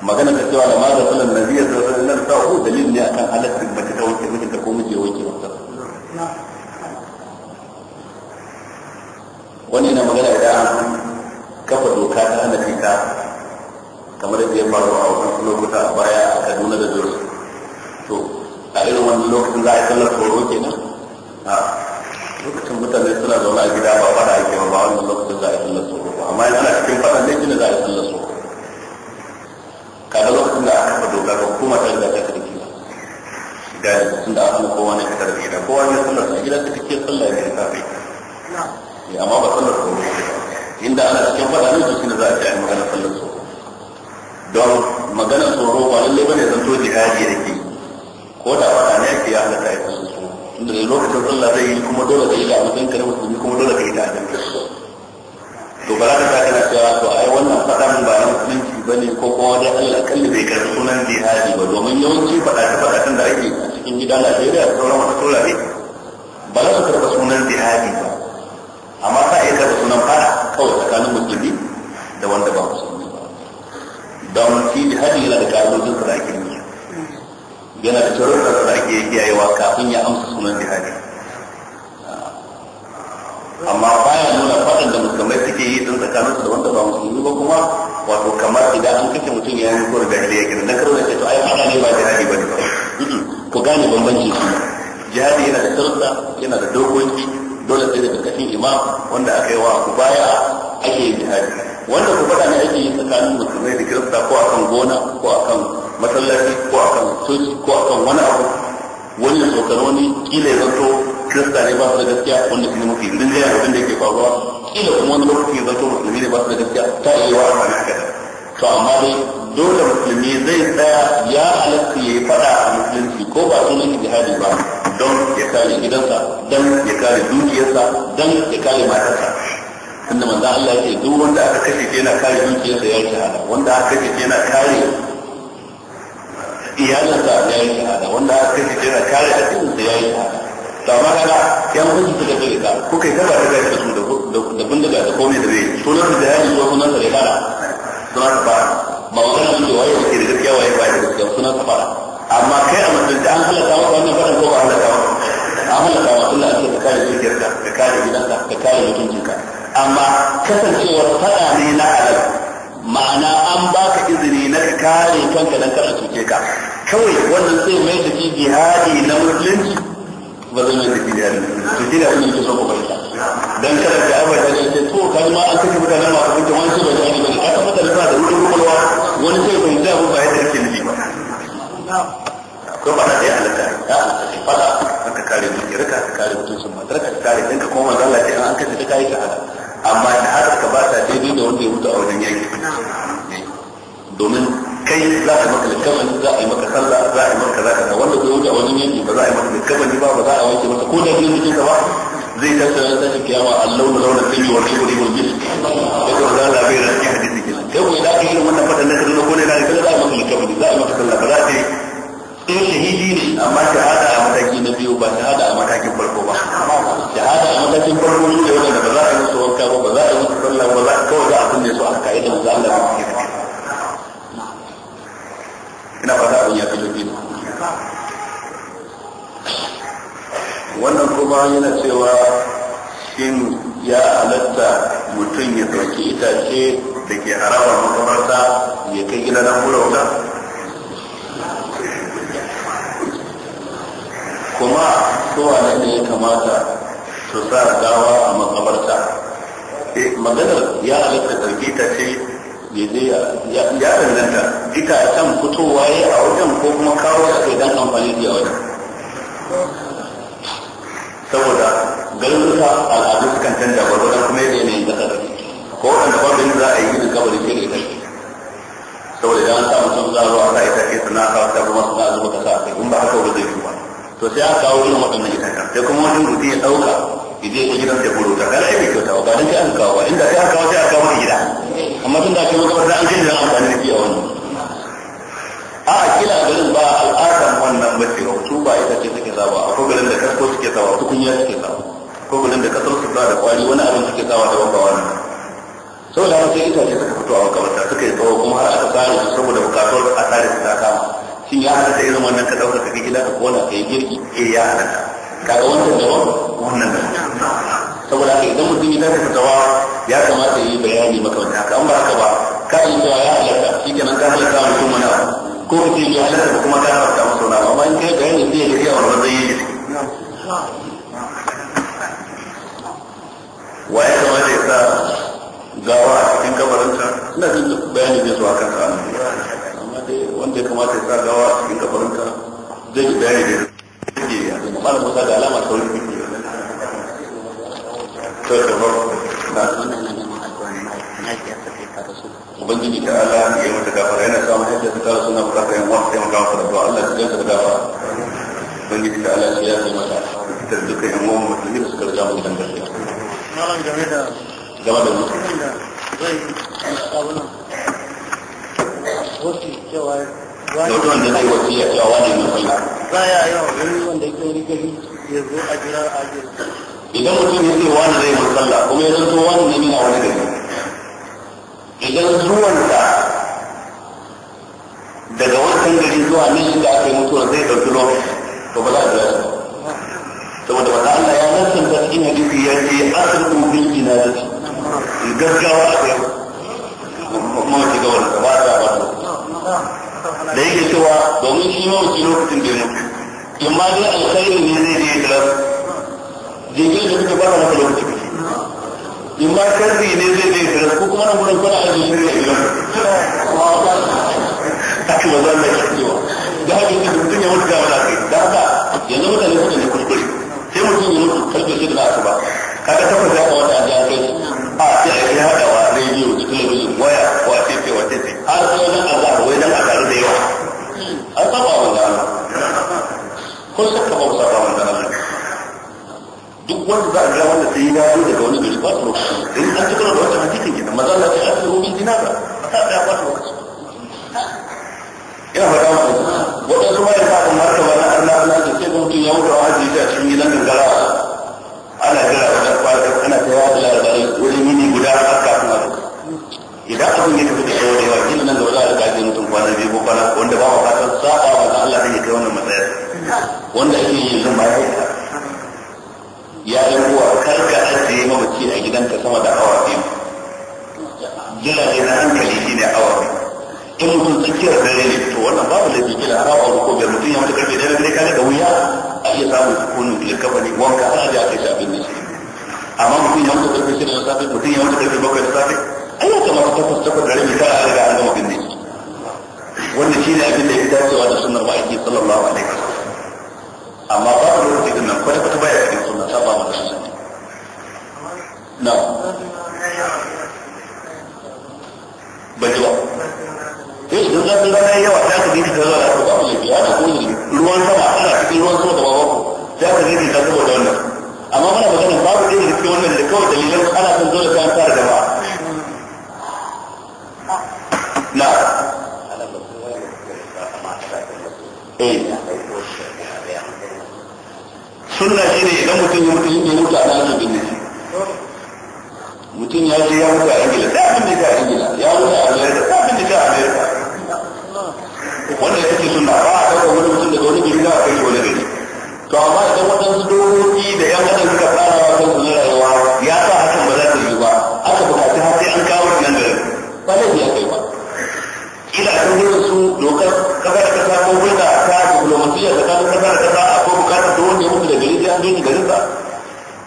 magana ta cewa da ma da sunan nabiya da sunan nan ta ko dalilin ne akan halaccin ba ta wanke mijinta ko miji ya wanke mata wani na magana da kafa doka ta hana fita kamar da ya faru a wasu lokuta a baya a Kaduna da Jos to a irin wani lokacin za a yi sallar ke nan. a lokacin mutane suna zaune a gida ba fada ake ba wannan lokacin za a yi sallar horo ba amma yana cikin fadan ne kina za a yi sallar horo Kada lokacin da aka kafa doka ga hukuma ta riga ta karki ba ga lokacin da aka kowa ne fitar da gida kowa ne sallar a gida ta kake sallar ne ta kai eh, amma ba sallar horo ba inda ana cikin fada ne kina za a yi magana sallar horo don magana tsoro ba lallai bane zanto jihadi da ke ko da wata ne ke ya halatta ya kasu su inda da lokacin sallah zai yi kuma dole ka yi da abin kare musulmi kuma dole ka yi da abin kare to ba za ka sa kana cewa to ai wannan faɗan ba na musulunci ba ne ko kuma wajen allah kalli bai karɓi sunan jihadi ba domin yawanci faɗace-faɗacen da ake a cikin gida najeriya da sauran wasu turare ba za su karɓi sunan jihadi ba amma sa iya karɓi sunan fara kawai tsakanin musulmi da wanda ba musulmi ba don shi jihadi yana da ƙa'idojin da ake yi yana da sharuɗa da ake kiyayewa kafin ya amsa sunan jihadi amma baya nuna faɗin da musulmai suke yi don tsakanin su da wanda ba musulmi ba kuma wato kamar idan an kace mutum ya yi kowar gari ya gina na karo da ce to ai ana ne ba jihadi ba ne ba ku gane bambancin su jihadi yana da sharuɗa yana da dokoki dole sai da kashin imam wanda aka yi wa ku baya ake yin jihadi wanda ku faɗa ne ake yi tsakanin musulmai da kirista ko akan gona ko akan masallaci ko akan soji ko kan wani abu wani tsokar wani kila ya zanto kirista ne ba su da gaskiya wanda shi mafi rinjaya abin da ke faruwa kila kuma wani lokaci ya zanto musulmi ne ba su da gaskiya ta iya wa a haka to amma dai dole musulmi zai tsaya ya halatta ya yi fada a musulunci ko ba sunan jihadi ba don ya kare gidansa don ya kare dukiyarsa don ya kare matarsa tunda manzan Allah ya ce duk wanda aka kashe na kare dukiyarsa ya shahada wanda aka kashe na kare iyalinsa ya yi shahada wanda aka kashe jira kare a addininsa ya yi shahada to amma kaga yan kun suka ce ka kuka yi kaba ta gaisa su da bindiga da komai da zai sunan da ya yi zuwa sunan sa da kana sunan sa fara ba magana mun da waye wake da gaskiya waye ba da gaskiya sunan sa fara amma kai a mutunci an halatta maka wannan faɗan ko ba halatta maka a halatta maka Allah ce ka kare dukiyarka ka kare gidanka ka kare mutuncinka amma kasancewar faɗa ne na alaƙa ma'ana an baka izini na kare kanka dan kar a cuce ka kawai wannan sai mai da hadi na musulunci ba zai mai da hadi to shi da abin da ko ku bayyana dan kar ka abata da ce to kai ma an kike mutanen ma kuma wani sai ba shi ba ka tabbata da da wurin kulwa wani sai kun da ba yadda kike ni ba ko ba da ya halatta ya halatta fada ka kare mutunci ka kare mutuncin matarka ka kare ɗinka ko manzo Allah ya ce an kace ka kai shahada amma da har ka ba ta daidai da wanda ya mutu a wajen yaki domin kai za ka maka likamani za a yi maka sallah za a yi maka za ka wanda zai wuce a wajen yaki ba za a yi maka likamani ba ba za a wanke masa ko da biyu mutum ka ba zai tattara ran tashin kiyama Allah na zauna kan yi wa kibri wal jis ya ga wannan labarin cikin hadisi kenan kai ko idan ka yi wannan fadan da ka ko ne da ka za a maka likamani za a yi maka sallah ba za a yi eh shahidi ne amma shahada a mataki na biyu ba shahada a matakin farko ba shahada a matakin farko su ne wanda ba za a yi musu wanka ba ba za a yi musu sallah ba za kawai za a kunne su a ka'idar da Allah ba ke ina fata abin ya fito biyu wannan kuma yana cewa shin ya halatta mutum ya ɗauki itace da ke harawar makamarta ya kai na wurin wuta kuma da ne ya kamata su sa gawa a makabarta maganar ya halatta zargi ta ce ya danganta jika can fitowa ya a wajen ko kuma kawo a kai don amfani da yawon saboda garuruka al'adu kan canja gwargwadon kuma yadda yanayin da ko wanda babu yin za a yi gidin kabarin ke da ita saboda idan an sa sun za a sa ita ke suna kawo ta kuma suna zuba kasa a kai in ba haka wuri zai fi ba to sai aka kawo irin waɗannan itacen sai kuma wani mutum ya ɗauka ya je gidan sai buru ta kana bai kyauta ba dan sai aka kawo ba inda sai aka kawo sai aka kawo gida amma tun da ke maka wata an ce da amfani da shi a wannan a kila garin ba al'adar wannan ba ce wato ba ita ce take saba akwai garin da kasko suke zawa sawa kunya suke zawa akwai garin da kasar su da kwari wani abin suke zawa da wanda wannan saboda haka sai ce suka fito a makabarta suka yi tsawo kuma har aka tsari su saboda bukatuwar a tsari su ta kama shin ya halatta irin wannan ka dauka ka gida ka kona ka yi girki ke eh, ya halatta kaga wannan da wannan da saboda haka idan mutum ya tafi tawa ya kamata yi bayani maka makamantan haka an ba haka ba ka yi cewa ya halatta shi kenan ka halatta mutum wani ko ka ce ya halatta ba kuma ka halatta musu wani amma in kai bayani sai ya gaji a wani matsayi ne wa ya kamata ya sa gawa a cikin kabarinsa ina zai bayani zai zuwa kansa a nan wanda ya kamata ya sa gawa a cikin kafarinka zai yi bayani da ke yi malam da alama ya mata gafara yana samun ta suna yin wasu gafara to allah ta gafara ubangiji ya da duka da suka riga malam game da game da zai wasu cewa wani wanda zai wasu ya cewa wani ne wani ba ya yawa wani wanda ya wani gari ya zo a jira a jira idan mutum ya ce wani zai musalla kuma ya zanto wani ne mina wani gari idan zuwansa daga wancan gari zuwa nan inda aka yi mutuwa zai ɗauki lokaci to ba za a jira saboda wanda Allah ya nasanta cikin hadisi ya ce asirin da. jinazati gaggawa a kai kuma ga wani gaba da ba da yake cewa domin shi mawuci lokacin da ya mutu in ma dai alkhairin ne zai je da jikin da suke ba da lokaci kake in ma sharri ne zai je da ko kuma nan gurin kana ajiye shirya idan haka ba zan da cewa da haka yake da mutum ya mutu gaba da kai da haka yanzu mutane suka ne kuskure sai mutum ya mutu karfe shida na asuba kaga takwas ya kawata a jihar kai a sai a yi haɗawa har sai nan azhar wai nan a tare da yawa an saba wanda Allah ko saka ba saba wanda Allah duk wanda za a ga wanda sai ya yi daga wani gari ba su lokaci in an tukura da wata hadisin kenan maza Allah a shafi rubin jinaza a sa ɗaya ba su lokaci ina faɗa muku waɗansu ma yasa kan marka ba na Allah Allah da sai mutum ya mutu a hajji ta cikin gidan gangara ana jira wajen kwanar ana ta yawa da wani mini guda har kafin a idan abin ya tafi da shawo da yawa kila nan da za a riga mutum kwana biyu ko kwana wanda ba wa fatan sa'a ba za Allah ya kai wannan matsayar wanda ake yi yanzu ma ya ya yi uwa kar ka ajiye mamaci a gidanka sama da awa biyu jira ne na hankali shi ne awa biyu in mutum tsakiyar dare ne to wannan babu laifi kila har awa ko biyar mutum ya mutu karfe dare ne kare da wuya a iya samun sukunin kirkafa ne wanka ana da ji a kai shi abin shi amma mutum ya mutu karfe shida da safe mutum ya mutu karfe bakwai da safe ألا تمرتكم تكن عليه كلا أرجع عندهم في النيل والنسينا أبن الإحداث وهذا سنة الرأيكي صلى الله عليه وسلم أما بعض الوقت إذن من كتب تبايع في سنة سبعة وتسعة نعم بجوا ايش ده ده ده ايه واحد قاعد بيجي كده على الارض انا كل الوان ده معانا في الوان ده بابا ده كده بيجي كده ولا اما انا بقول لك بابا دي اللي في ولا اللي كده اللي انا كنت دول كان تار جماعه نعم sunna shi ne idan mutum ya mutu ya mutu a nan ake binne shi mutum ya ce ya mutu a ingila da da a ingila ya mutu a a wannan ya ce ba a ɗaukar wani mutum da wani gina a kai wani gari to amma idan waɗansu dokoki da yan adam suka tsara wa an zo ne garin sa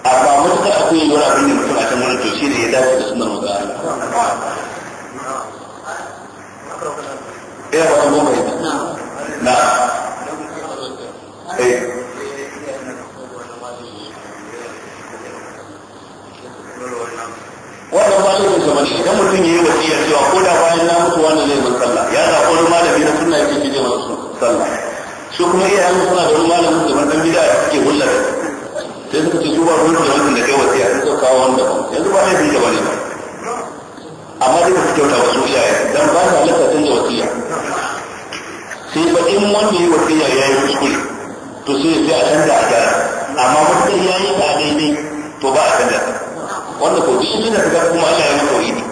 amma mutuka akwai yi wani abin da mutum a can wani to shi ne ya dace da sunan maza ina ba kuma mai na eh wannan ba zai zama shi idan mutum ya yi wasiya cewa ko da bayan na mutu wani zai mun sallah ya zaɓi wani malami na suna yake ke je masu sallah su kuma iya iyayen suna da wani malamin da man gida a suke hulɗa sai suka ce su ba ruwan da wannan da kai wasiya sun suka kawo wanda yanzu ba ne da wani ba amma dai ba su kyauta wa su iyaye dan ba su halatta sun yi wasiya sai ba in wanda ya yi wasiya ya yi wasu to sai sai a canza a gyara amma wanda ya yi ta daidai to ba a canza wanda ko duk inda ka kuma Allah ya maka wani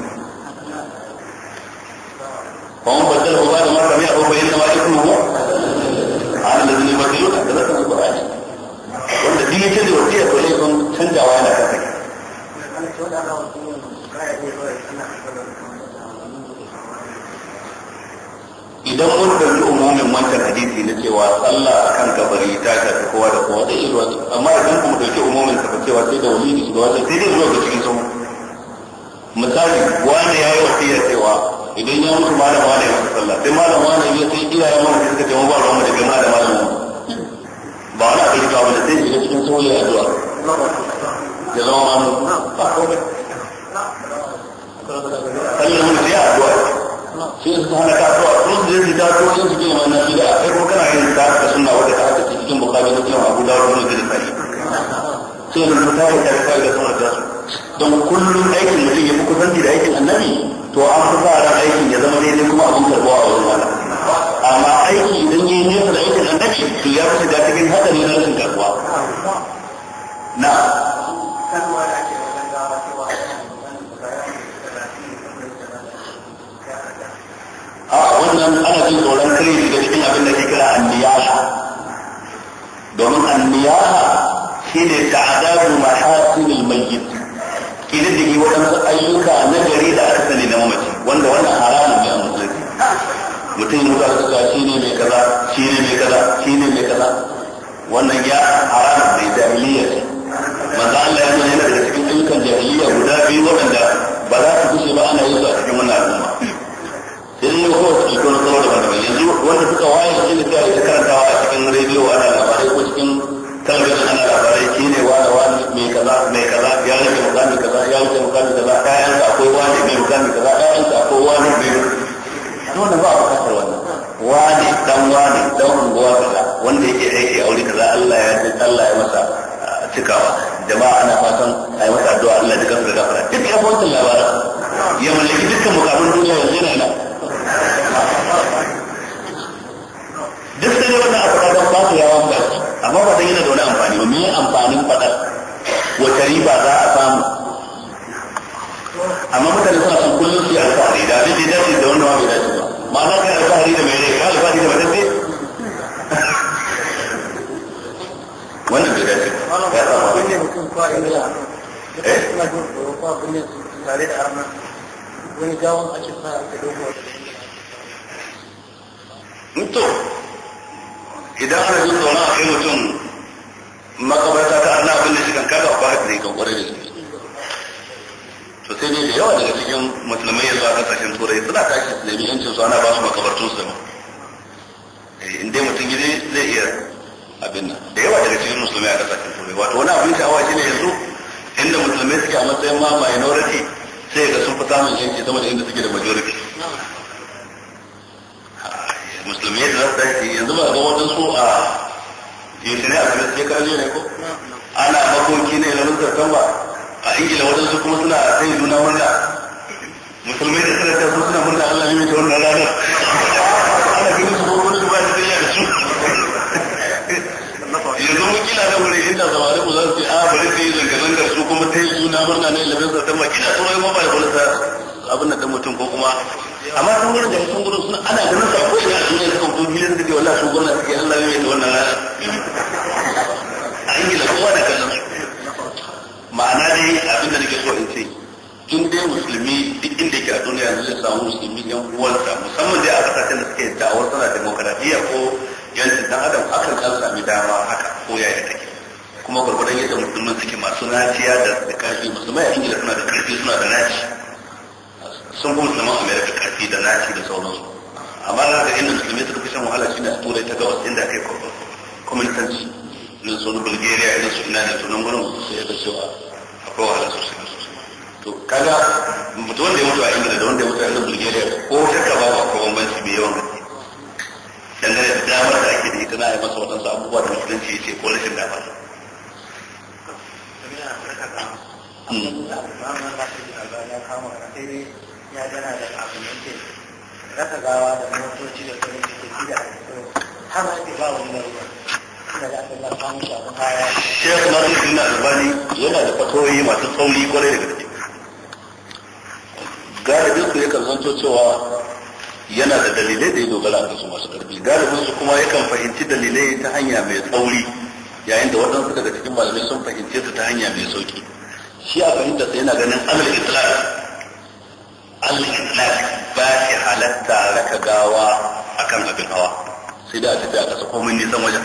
فهم بدله بعد مرة مئة وبينما إثمه على الذين بدلوه كذلك القرآن wanda duk da canza wasiya to laifin canjawa yana kan kai idan mun ɗauki umumin wancan hadisi na cewa sallah a kan kabari ta shafi kowa da kowa zai iya amma idan kuma ɗauki umumin sa cewa sai da wani da shugaba sai zai zuwa ga cikin sahu misali wani ya yi wasiya cewa idan ya mutu malam wani ya mutu sallah sai malam wani ya sai iyayen mana suka ce mu ba ruwan mu da gama da malam ba wani abin kawo da zai shiga cikin sauyi a zuwa ya zama mamu sallan mun sai a zuwa sai su hana ka zuwa sun je su dato sun su gina wannan bida kai ko kana yin ta da sunna wadda ta haka cikin bukari da cikin abu da wani da tsari sai da zuwa ya da kai da kuma jasu don kullum aikin mutum ya fi kusanci da aikin annabi to an fi sa ran aikin ya zama daidai kuma abin karbuwa a wurin wala amma aiki idan yi nesa da aikin annabi to ya fi shiga cikin haɗari na rashin karbuwa na a wannan ana jin tsoron kare shiga cikin abin da ke kira anniyaha domin anniyaha shine ta'adabu mahasinil mayyit kididdige waɗansu ayyuka na gari da aka sani na mamaci wanda wannan haramun ne a musulunci mutum ya zuwa suka shi ne mai kaza shi ne mai kaza shi ne mai kaza wannan ya haramun mai jahiliya ce manzo Allah ya nuna daga cikin ayyukan jahiliya guda biyu waɗanda ba za su kushe ba ana yin su a cikin wannan al'umma sai ne ko su ko na tsaro da wanda yanzu wanda suka waye shi ne sai a karanta a cikin rediyo ana labarai ko cikin kana ganin ana labarai shi ne wani wani mai kaza mai kaza ya rike mukami kaza ya wuce mukami kaza ɗayansa akwai wani mai mukami kaza ɗayansa akwai wani mai dole ba a bukatar wani dan wani dan unguwa kaza wanda yake aiki a wuri kaza Allah ya ji Allah ya masa cikawa jama'a ana fatan a yi masa addu'a Allah ya ji gafara duk ya wancan ya mallaki dukkan mukamin duniya yanzu yana me amfanin fadar wata riba za a samu amma mutane suna son kullum su yi alfahari da abin da ya dace da wanda ma bai dace ba ka kai alfahari da mai rai ka alfahari da matacce wannan bai dace ya samu wani gawon ake sa a to idan ana jin tsoron kai mutum makabarta ta ana abin da shi kan kaga ba haka ne kan kwarai da gaske to sai ne da yawa daga cikin musulmai yanzu a kasashen turai suna tashi su nemi yancin su ana ba su makabartun su eh, in dai mutum gidi zai iya abin nan da yawa daga cikin musulmai a kasashen turai wato wani abin sha'awa shi ne yanzu inda musulmai suke a matsayin ma minority sai ga sun fi samun yanci sama da inda suke da majority musulmai da za su tashi yanzu ba ga su? a litinin a kan sai karje ne ko ana makoki ne na mutum ba a ingila waɗansu kuma suna sai nuna murna musulmai da suna tasu suna murna allah ne mai wannan ranar ana ganin su kuma wani ba da sai da su yanzu mun kila da wuri inda samarin mu za su ce a ah, bari sai zanga-zangar su kuma ta yi nuna murna ne ilimin sa ta kila su wani ma wani abin nan mutum ko kuma amma sun gurin da sun gurin suna ana ganin sa ko ina sun kan kawo filin da ke wallahi sun gurin da ke Allah ya yi wannan rana a ingila kowa da kallon ma'ana dai abin da nake so in ce tun dai musulmi duk inda ke a duniya yanzu zai samu musulmi yan uwansa musamman dai a kasashen da suke da'awar suna demokaradiyya ko yancin dan adam akan kan sami dama haka ko ya yi take kuma gwargwadon yadda musulmin suke masu naciya da kashi musulman a ingila suna da karfi suna da naci sun fi musulman america karfi da naci da sauransu amma na ga inda musulmi ta fi shan wahala shi ne a turai ta gabas inda kai kwa kwamitanci na su bulgaria irin su ina ne to nan su ya ga cewa akwai wahala sosai da sosai to kaga mutum wanda ya mutu a ingila da wanda ya mutu a ingila bulgaria ko shakka ba ba ko bambanci mai yawan gaske dangane da damar da ake da ita na yi masa waɗansu abubuwa da musulunci ya ce ko rashin damar Mm. ya gana da da ke raka gawa da motoci da kuma suke gida a har ake ba wani ruwa Sheikh Nasir bin Albani yana da fatoyi masu tsauri kwarai da gaske. Galibin su yakan zanto cewa yana da dalilai da ya dogara a su masu ƙarfi. Galibin su kuma yakan fahimci dalilai ta hanya mai tsauri yayin da waɗansu daga cikin malamai sun fahimce su ta hanya mai sauki. Shi a fahimta sai yana ganin amal islam al-itlaq ba shi halatta raka gawa kan abin hawa sai da a tafi a ƙasa komai nisan wajen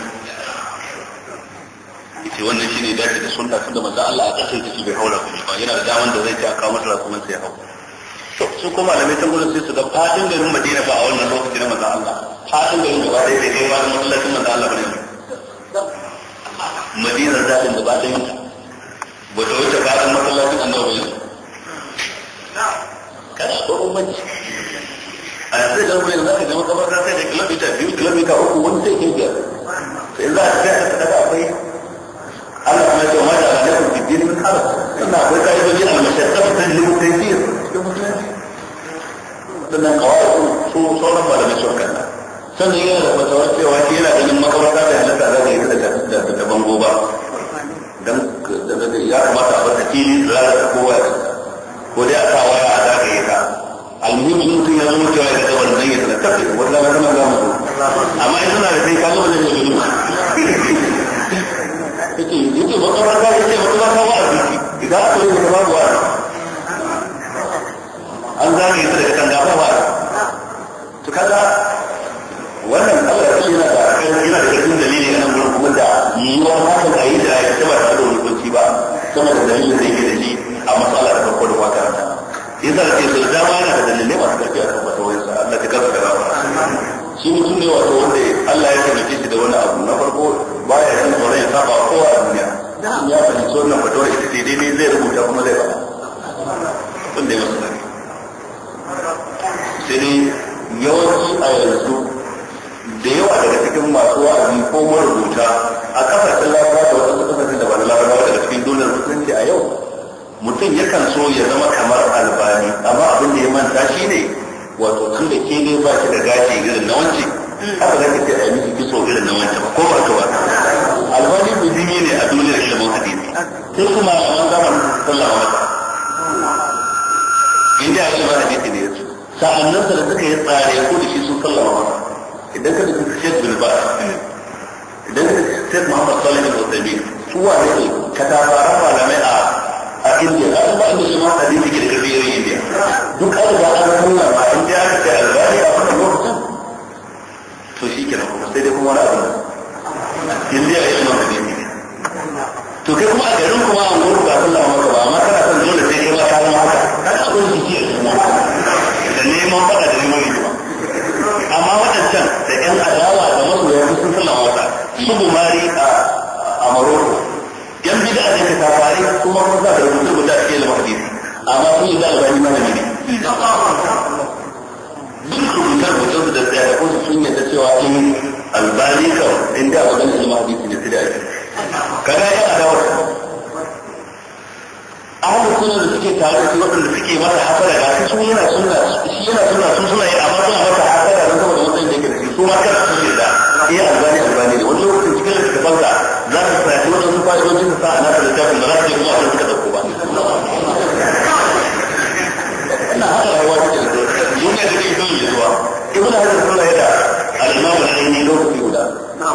yace wannan shine dace da sunna da manzo Allah a ƙasar take bai haura kuma ba yana da daman da zai a kawo masa kuma sai hau to su kuma malamai tan gurin sai su ga fadin garin Madina ba a wannan lokacin na manzo Allah fadin garin da ba bai kai ba da masallacin manzo Allah bane Madina da ta gaba ɗaya ba ta wuce fadin masallacin Annabi ba kana tsoron bacci a yanzu da wani zaka zama kamar ka sai da kilomita biyu kilomita uku wani sai ke biyar sai za a kai ka daga akwai Allah kuma ce mata ga nufin bibiyar min halar sannan akwai ka'idoji a mashakkar sun limutai biyar cikin musulunci sannan kawai su sauran malamai sun kanna sannan yana da fatawar cewa shi yana ganin makabarta da halatta za ka yi da ta bango ba don ya kamata a bata fili za ta kowa ko dai a tawa waya a zagaye ka almuhim mutum ya zo mutuwa ya ga wannan ya tsaka tafi wannan ba zama zamu amma in suna da sai ka zo da shi yake yake ba tsoron ka yake ba tsoron ka a jiki idan aka yi wani babu wani an zagaye su daga kan gafa ba to kaga wannan Allah ya yana da yana da cikin dalili a nan gurin kuma da yiwuwar hakan a yi da ya taba da wani kunci ba sama da dalilin da yake da shi a matsala da farko da fata rana yasa da ke da dama yana da dalilai masu tafiya kan wata wayansa Allah ta kasa da rawa shi mutum ne wato wanda Allah ya taimake shi da wani abu na farko baya jin tsoron ya saba kowa a duniya ya fahimci wannan fatawar ita ce daidai zai rubuta kuma zai faɗa wanda ya masu tafiya sai dai yawanci a yanzu da yawa daga cikin masu wa'azi ko marubuta a kasashen larabawa da wasu kasashen da ba na larabawa daga cikin duniyar musulunci a yau mutum yakan so ya zama kamar albani amma abin da ya manta shi ne wato tun da ke ba shi da gashi irin na wance haka zaka ce a miki kiso irin na wance ba ko ba ka ba albani bujimi ne a duniyar ilimin hadisi sai kuma wani zamanin sallama mata inda ya ilimin hadisi ne yace sa'annan sa da suka yi tsare ko da shi sun sallama mata idan ka tafi Sheikh bin Baz idan ka tafi Sheikh Muhammad Salih bin Uthaymeen su wane ne ka tafara malamai a a indiya a ba da karfi indiya duk an an aka ce a lokacin to shi kuma sai kuma wani abu indiya ya suna to kai kuma a garin kuma an gudu ba ba amma kana son dole sai kai ma ka zama da neman faɗa da neman amma waɗancan da ƴan adawa da masoya sun su a a aikata fare kuma kuma za ka rubuta rubuta a cikin ilimin hadisi amma sun yi zalaba ni malami ne duk rubuta rubuta da tsaya da kuma sun yadda cewa eh, in albani kan in da wajen ilimin hadisi ne sai da ake kada ya da wata ahalin sunan da suke tare da waɗanda suke mata hasara ga su sun yana suna shi yana suna sun suna yi amma suna mata hasara don saboda matsayin da yake da shi su ma su suke da iya eh, albali albali ne wani lokacin cikin da suka kuma suka sa a nasa littafin ba za su je kuma a suka ɗauko ba ina haka rayuwa da ke lokaci guda da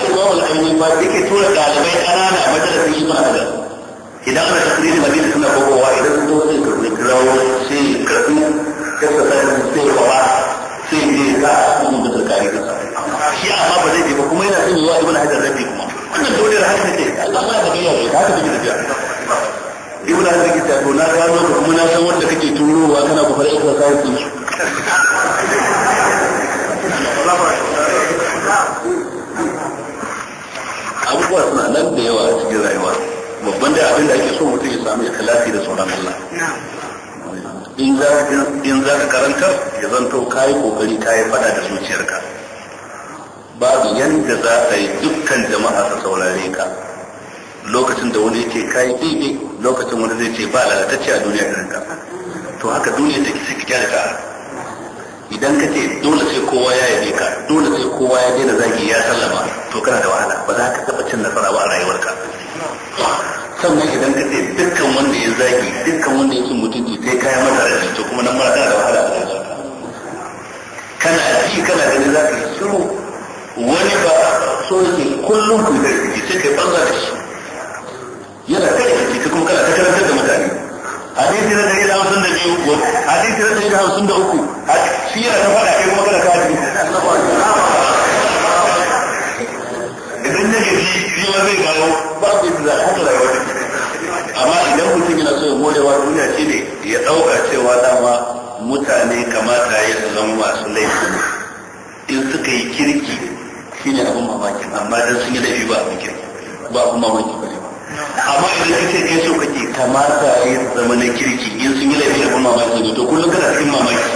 da shi ba tura ɗalibai ƙanana a majalisar idan ana suna kokowa idan sun zo sai sai sai sai ka shi amma ba zai je ba kuma yana son yiwa ibn hajar rabbi kuma wannan dole da haka ce Allah ma ba gaya da haka take tafiya ibn hajar ke ta to na gano ka kuma na san wanda kake turowa kana ku fara ikon sai su abubuwa suna nan da yawa a cikin rayuwa babban da abin da ake so mutum ya samu ikhlasi da sauran Allah in za ka karanta, ya zanto kayi kokari kayi fada da zuciyarka babu yanda za a yi dukkan jama'a su saurare ka lokacin da wani yake kai bibi lokacin wani zai ce ba lalatacce a duniya irin ka to haka duniya take suke kyale ka idan ka ce dole sai kowa ya yabe ka dole sai kowa ya daina zagi ya sallama to kana da wahala ba za ka taɓa cin nasara ba a rayuwarka sannan idan ka ce dukkan wanda ya zagi dukkan wanda ya cin mutunci sai ka yi masa rashi to kuma nan mara kana da wahala a rayuwarka kana ji kana gani za ka yi shiru wani ba so yake kullum ku da rikici sai kai banza da shi yana kai rikici kuma kana ta karantar da mutane hadisi na dari da hamsin da biyu ko hadisi na dari da hamsin da uku shi yana ta faɗa kai kuma kana ka hadisi idan na gaji shi ma zai gano ba su yi zai haka rayuwa da amma idan mutum yana so ya gode wa duniya shi ne ya ɗauka cewa dama mutane kamata ya zama masu laifin in suka yi kirki shi ne abin mamaki amma dan sun yi laifi ba a kyau ba abin mamaki ba ne amma idan ka ce kai so kake kamata yi zama na kirki in sun yi laifi abin mamaki ne to kullum kana cikin mamaki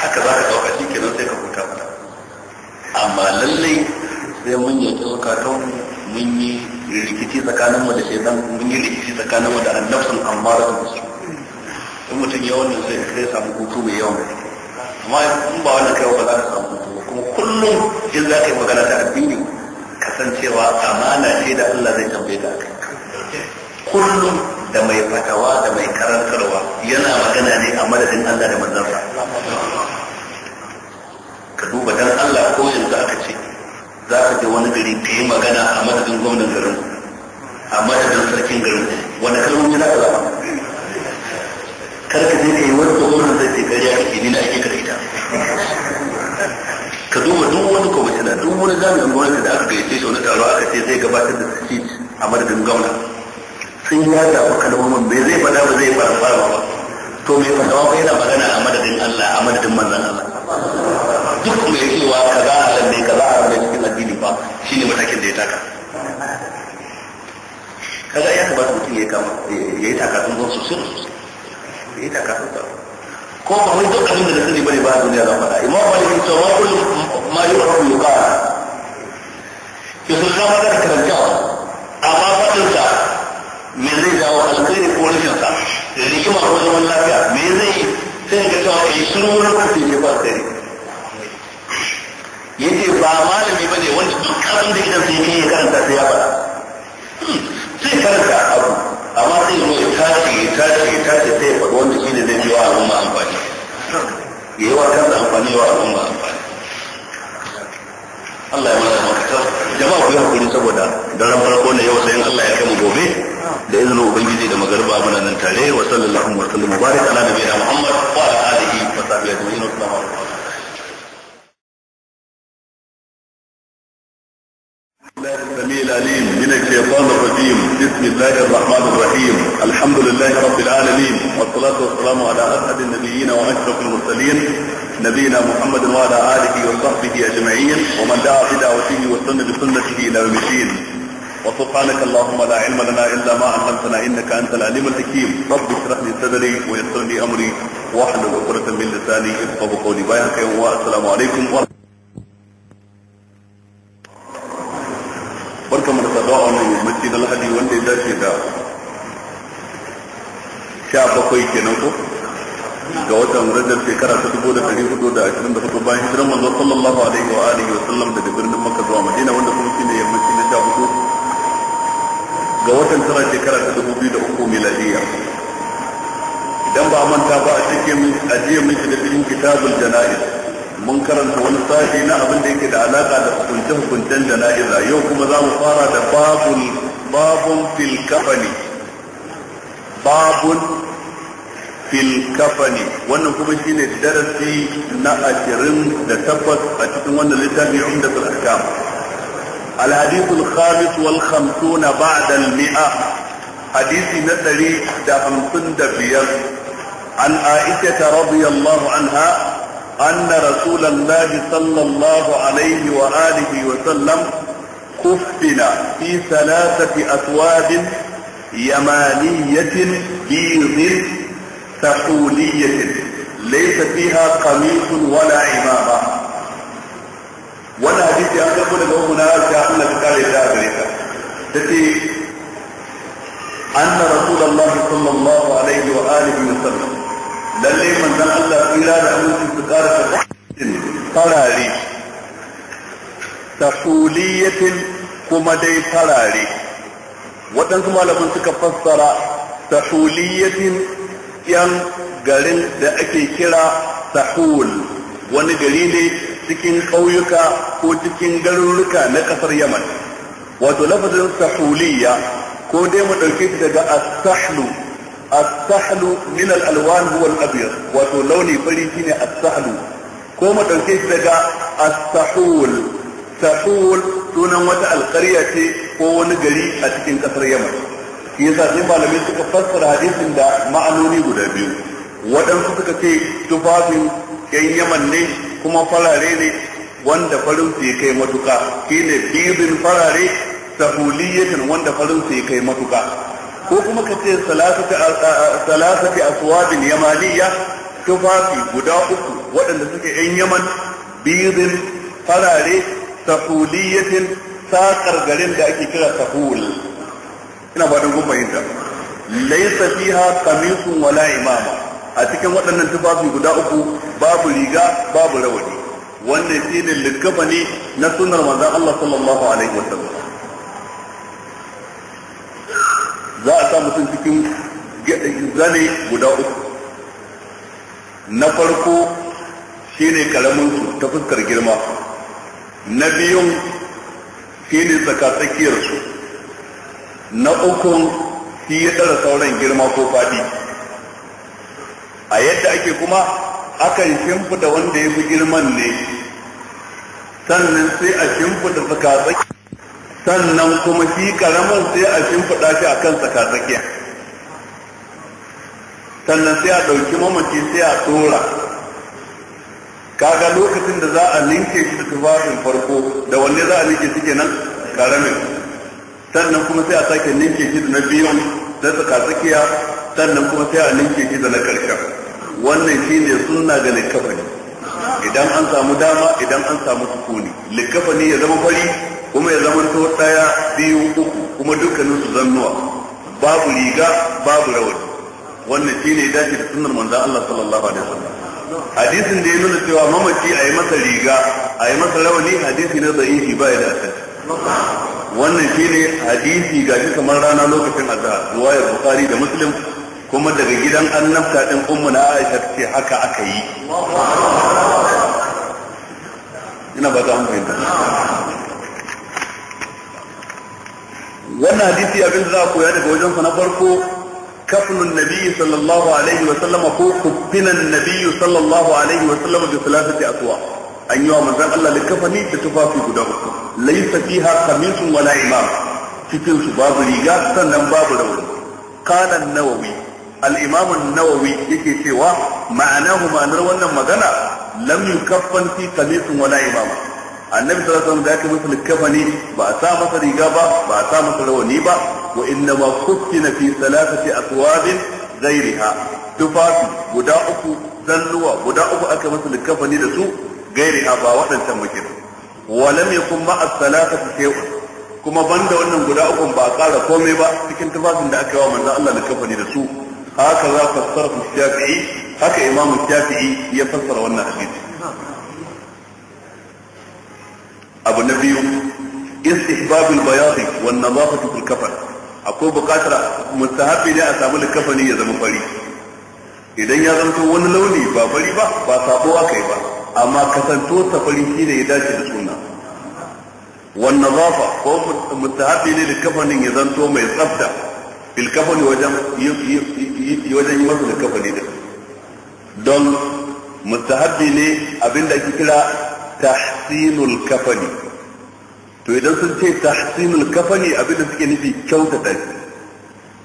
haka za ka ɗauka shi kenan sai ka huta mata amma lallai sai mun yi ta mun yi rikici tsakanin mu da shaitan mun yi rikici tsakanin mu da annabsun amma da su in mutum yawan sai sai samu hutu mai yawan gaske amma in ba wannan kai ba za ka samu kuma kullum in za ka yi magana ta addini kasancewa amana ce da Allah zai tambaye ka kullum da mai fatawa da mai karantarwa yana magana ne a madadin Allah da manzansa ka duba dan Allah ko yanzu aka ce za ka je wani gari ka yi magana a madadin gwamnan garin a madadin sarkin garin wani kalmomi za ka zama karka je kai wani gwamnan zai ce kariya kake ni na ake karita ka duba duk wani kwamishina duk wani jami'in gwamnati da aka gaice shi wani taro aka ce zai gabatar da speech a madadin gwamna sun ya zaɓi kalmomin bai zai faɗa ba zai fara fara ba to mai fatawa ba yana magana a madadin Allah a madadin manzon Allah duk mai cewa kaza halal ne kaza haram ne cikin addini ba shine matakin da ya taka kaga ya kamata mutum ya yi taka sun zo sosai sosai ita ko ba wai duk abin da sani bane ba a duniya zan faɗa imam malik kullu ma yu'rafu yuqala ke sun ga maka da karantawa amma me zai alkhairi ko rashin sa rikima ko zaman lafiya me zai sai shiru wurin ke ba sai yace ba malami bane wanda duk abin da idan sai ya karanta sai ya hmm, sai karanta abu amma sai zo ya tashi ya tashi ya tashi sai ya faɗi wanda shi ne zai biyo al'umma amfani ya yi wa kansa amfani wa al'umma amfani Allah ya mana mafita jama'a ku yi hakuri saboda daren farko na yau sayan Allah ya kai mu gobe da izinin ubangiji da magarba muna nan tare wa sallallahu alaihi wa sallam mubarak ala nabiyina muhammad wa ala alihi wa sahbihi ajma'in wa assalamu alaikum الله السميع العليم من الشيطان الرجيم بسم الله الرحمن الرحيم الحمد لله رب العالمين والصلاة والسلام على أسعد النبيين وأشرف المرسلين نبينا محمد وعلى آله وصحبه أجمعين ومن دعا بدعوته وسن بسنته إلى يوم الدين وسبحانك اللهم لا علم لنا إلا ما علمتنا إنك أنت العليم الحكيم رب اشرح لي صدري ويسر لي أمري واحلل عقدة من لساني يفقه قولي بايعك والسلام عليكم ورحمة الله a wannan yammaci na wanda ya dace da sha bakwai kenan ko ga watan rajar shekara ta dubu da ɗari hudu da ashirin da hudu bayan hijiran manzo sallallahu alaihi wa alihi wa sallam daga birnin makka zuwa madina wanda kuma shine yammaci na sha hudu ga watan tara shekara ta dubu biyu da uku miladiyya idan ba manta ba a cikin ajiyar mun shiga cikin kitabul jana'iz mun karanta wani sashi na abin da yake da alaka da hukunce hukuncen jana'iza yau kuma za mu fara da babun babun fil kafani babun fil kafani wannan kuma shine darasi na ashirin da tabbas a cikin wannan littafin umdatul ahkam الحديث الخامس والخمسون بعد المئة حديث نتري دهمتن دبير عن عائشة رضي الله عنها أن رسول الله صلى الله عليه وآله وسلم كفن في ثلاثة أثواب يمانية بيض سحولية ليس فيها قميص ولا عمامة وانا حديث أن يقول له هنا شاحنة قال الدابرية التي أن رسول الله صلى الله عليه وآله وسلم lalle manzon Allah tsira da amincin su ƙara sabbin farare tafuliyatin kuma dai farare waɗansu malamin suka fassara tafuliyatin yan garin da ake kira sahul wani gari ne cikin ƙauyuka ko cikin garuruka na ƙasar yaman wato lafazin sahuliya ko dai mu ɗauke shi daga as as-sahlu min al-alwan huwa al-abyad wato launi fari shine as-sahlu ko mu dauke shi daga as-sahul sahul sunan wata alƙarya ce ko wani gari a cikin kasar yaman shi yasa sai malamai suka fassara hadisin da ma'anoni guda biyu waɗansu suka ce tufafin yan yaman ne kuma farare ne wanda farin su kai matuka shine bibin farare sahuliyatan wanda farin su kai matuka ko kuma ka ce salasati aswadin yamaniya tufafi guda uku waɗanda suke yan yaman bidin farare tafuliyatin saƙar garin da ake kira sahul ina ba don gumbayinta laisa fiha qamisun wala imama a cikin waɗannan tufafi guda uku babu riga babu rawani wannan shine ne na sunnar manzon Allah sallallahu alaihi wasallam za a sa mutum cikin zane guda uku na farko shine karamin su ta fuskar girma na biyun shine tsakatsakiyar su na ukun shi ya tsara sauran girma ko faɗi a yadda ake kuma akan shimfida wanda ya fi girman ne sannan sai a shimfida tsakatsakiyar sannan kuma shi karamin sai a shimfiɗa shi a kan tsakatsakiya sannan sai a ɗauki mamaci sai a tsora kaga lokacin da za a linke shi da tufafin farko da wanne za a linke shi kenan karamin sannan kuma sai a sake linke shi da na biyun da tsakatsakiya sannan kuma sai a linke shi da na ƙarshen wannan shi ne suna ga likafani idan an samu dama idan an samu sukuni likafani ya zama fari kuma ya zama to daya biyu uku kuma dukkanin su zannuwa babu riga babu rawani wannan shine ya dace da sunnar manzon Allah sallallahu alaihi wasallam hadisin da ya nuna cewa mamaci a yi masa riga a yi masa rawani hadisi na da'ifi ba ya da asali wannan shine hadisi shi kamar rana lokacin azhar riwayar bukhari da muslim kuma daga gidan annabta din ummu na aisha ce haka aka yi ina ba ta amfani wannan hadisi abin da za a koya daga wajen sa na farko kafnun nabi sallallahu alaihi wa sallam ko kubbinan nabi sallallahu alaihi wa sallam bi thalathati aswa an yi wa manzon Allah likafani da tufafi guda uku laysa fiha qamisun wala imam cikin su babu riga sannan babu rauni qala an-nawawi al-imam an-nawawi yake cewa ma'anahu ma'anar wannan magana lam yukaffan fi qamisin wala imama annabi sallallahu alaihi wasallam da aka masa likafani ba a sa masa riga ba ba a sa masa rawani ba wa inna ma kuffina fi salasati aswabin ghairiha tufafi guda uku zalluwa guda uku aka masa likafani da su ghairiha ba waɗancan muke wa lam yakun ma as-salasati shay'un kuma banda wannan guda uku ba a ƙara komai ba cikin tufafin da aka yi wa manzon Allah likafani da su haka za ka fassara shafi'i haka imamu shafi'i ya fassara wannan hadisi abu na biyu istihbabul bayadi wan nadafatu fil kafan akwai bukatar mustahabi ne a samu likafani ya zama fari idan ya zanto wani launi ba fari ba ba sabo akai ba amma kasanto ta fari shine ya dace da sunna wan nadafa ko mustahabi ne likafanin ya zanto mai tsafta fil kafani wajen wajen yi masa likafani din don mustahabi ne abinda ake kira tahsinul kafani to idan sun ce tahsinul kafani abinda suke nufi kyautata shi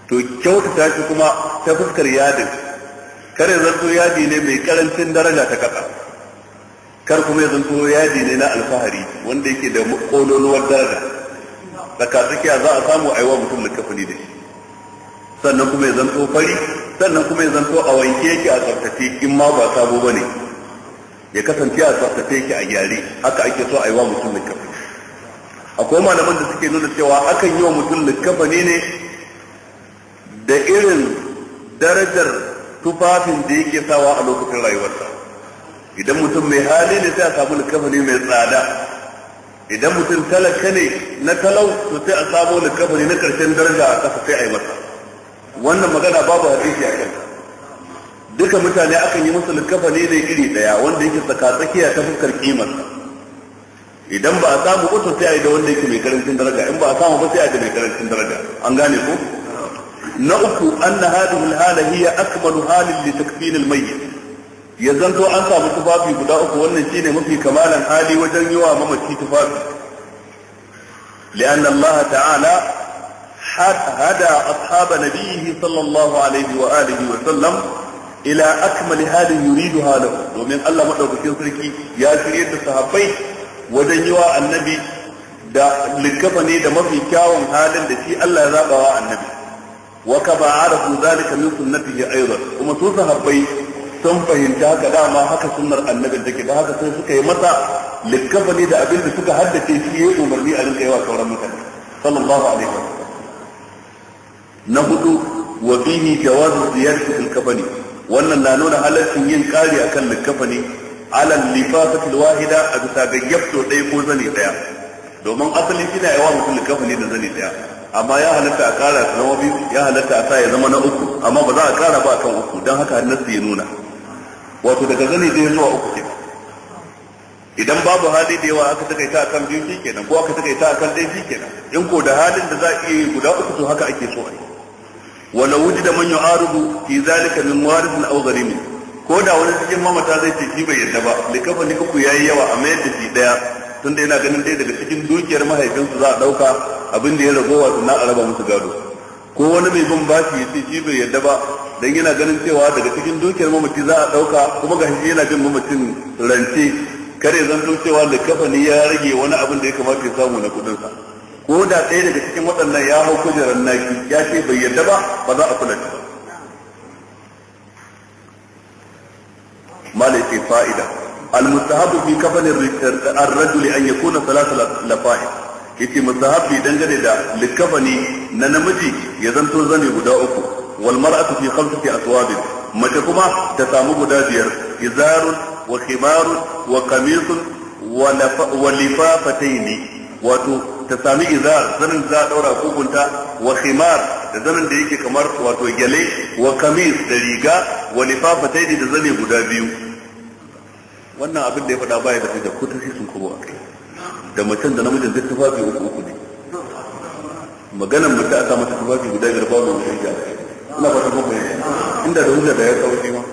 to kyautata shi kuma ta fuskar yadin kare zanto yadi ne mai karancin daraja ta kasa kar kuma ya zanto yadi ne na alfahari wanda yake da kololuwar daraja tsaka tsakiya za a samu aiwa mutum kafani da shi sannan kuma ya zanto fari sannan kuma ya zanto a wanke yake a tsaftace in ma ba sabo bane ne ya kasance a tsaftace yake a gyare haka ake so a yi wa mutum likafa akwai malaman da suke nuna cewa akan yi wa mutum likafa ne ne da irin darajar tufafin da yake sawa a lokacin rayuwarsa idan mutum mai hali ne sai a samu likafa ne mai tsada idan mutum talaka ne na talau to sai a samu likafa ne na ƙarshen daraja a kasa sai a yi masa wannan magana babu hadisi a kanta duka mutane akan yi musu likafani ne iri daya wanda yake tsaka tsakiya ta fuskar kimarsa idan ba a samu uku sai a yi da wanda yake mai karancin daraja in ba a samu ba sai a yi da mai karancin daraja an gane ko na uku anna hadhihi alhala hiya akmalu halin li takfin almayyit ya zanto an samu tufafi guda uku wannan shine mafi kamalan hali wajen yi wa mamaci tufafi لأن الله تعالى هدى أصحاب نبيه صلى الله عليه وآله وسلم ila akmali halin yuridu halahu domin Allah madaukakin sarki ya shirye da sahabbai wajen yi wa annabi da likafa ne da mafi kyawun halin da shi Allah ya zaba wa annabi wa ka ba'arafu zalika min sunnatihi aidan kuma su sahabbai sun fahimta haka dama haka sunnar annabi take da haka sai suka yi masa likafa ne da abin da suka haddace shi ya umarni a rinka yawa sauran mutane sallallahu alaihi wasallam na hudu wa bihi jawazu ziyarati al-kabani wannan na nuna halaccin yin kari akan ne alal lifafatil wahida a bisa ga yafto ɗaya ko zane ɗaya domin asalin kina yawa mutum ne da zane ɗaya amma ya halatta a kara ta zama biyu ya halatta a sa ya zama na uku amma ba za a kara ba akan uku don haka hannarsa ya nuna wato daga zane ɗaya zuwa uku ke idan babu hali da yawa aka takaita a kan biyu kenan ko aka takaita a kan ɗaya kenan in ko da halin da za a iya yi guda uku to haka ake so a yi wala da man arubu fi zalika min warithin aw ne. ko da wani cikin mamata zai ce shi bai yadda ba likafa ni ku yayi yawa a mayar da shi daya tunda yana ganin dai daga cikin dukiyar mahaifinsu za a dauka abin da ya ragu sannan a raba musu gado ko wani mai bin bashi ya ce shi bai yadda ba dan yana ganin cewa daga cikin dukiyar mamaci za a dauka kuma ga shi yana bin mamacin rance kare zan cewa likafa ni ya rage wani abin da ya kamata ya samu na kudin ko da ɗaya daga cikin waɗannan ya hau kujerar naki ya ce bai yarda ba ba za a kula ba malai ce fa'ida almustahabu fi kafanin ar-rajuli an yakuna salatu lafa'i yace mustahabi dangane da likafani na namiji ya zanto zane guda uku wal mar'atu fi khamsati aswabin mace kuma ta samu guda biyar izarun wa khimarun wa qamisun wa lifafataini wato ta sami izar zanin za a daura hukunta wa khimar da zanin da yake kamar wato gyale wa kamis da riga wa ta da zane guda biyu wannan abin da ya faɗa baya da da kuta tashi sun kuma kai. da mutum da namijin zai tufafi uku uku ne maganan mutum aka mata tufafi guda biyar ba mu shi ina ba ta kuma inda da hujja da ya tsawo ma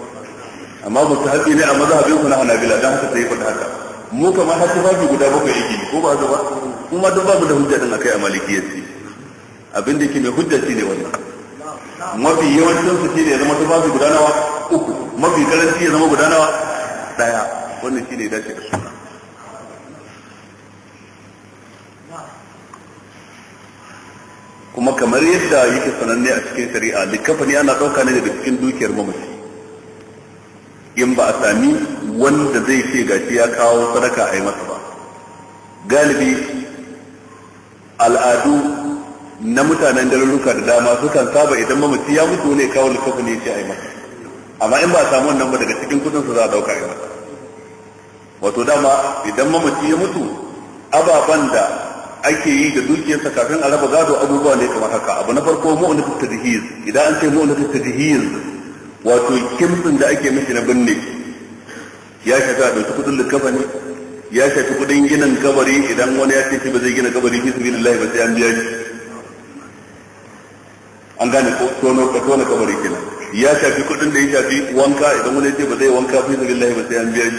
amma ba ta haɗi ne a mazhabin ku na Hanabila dan haka sai faɗa haka mu kamar har tufafi guda bakwai yake ko ba haka ba kuma don babu da hujja din akai a malikiyyarci abin da ke mai hujja ne wannan mafi yawancin su ne ya zama ta babu gudanawa uku mafi karanci ya zama gudanawa daya wannan ne ya dace da suna kuma kamar yadda yake sananne a cikin shari'a likafani ana ɗauka ne daga cikin dukiyar mamaci in ba a sami wanda zai ce gashi ya kawo sadaka a yi masa ba galibi al'adu na mutanen garuruka da dama sukan saba idan mamaci ya mutu ne kawo littafin ne ce a yi masa amma in ba a samu wannan ba daga cikin kudin su za a dauka a yi masa wato dama idan mamaci ya mutu ababen da ake yi da dukiyarsa kafin a raba gado abubuwa ne kamar haka abu na farko mu'unatu tajhiz idan an ce mu'unatu tajhiz wato kimsin da ake mishi na binne ya shiga da dauki kudin likafa ne ya shafi kudin ginin kabari idan wani ya ce ba zai gina kabari fi sabilillah ba sai an biya shi an gane ko tono ka tona kabari kenan ya shafi kudin da ya shafi wanka idan wani ya ce ba zai wanka fi sabilillah ba sai an biya shi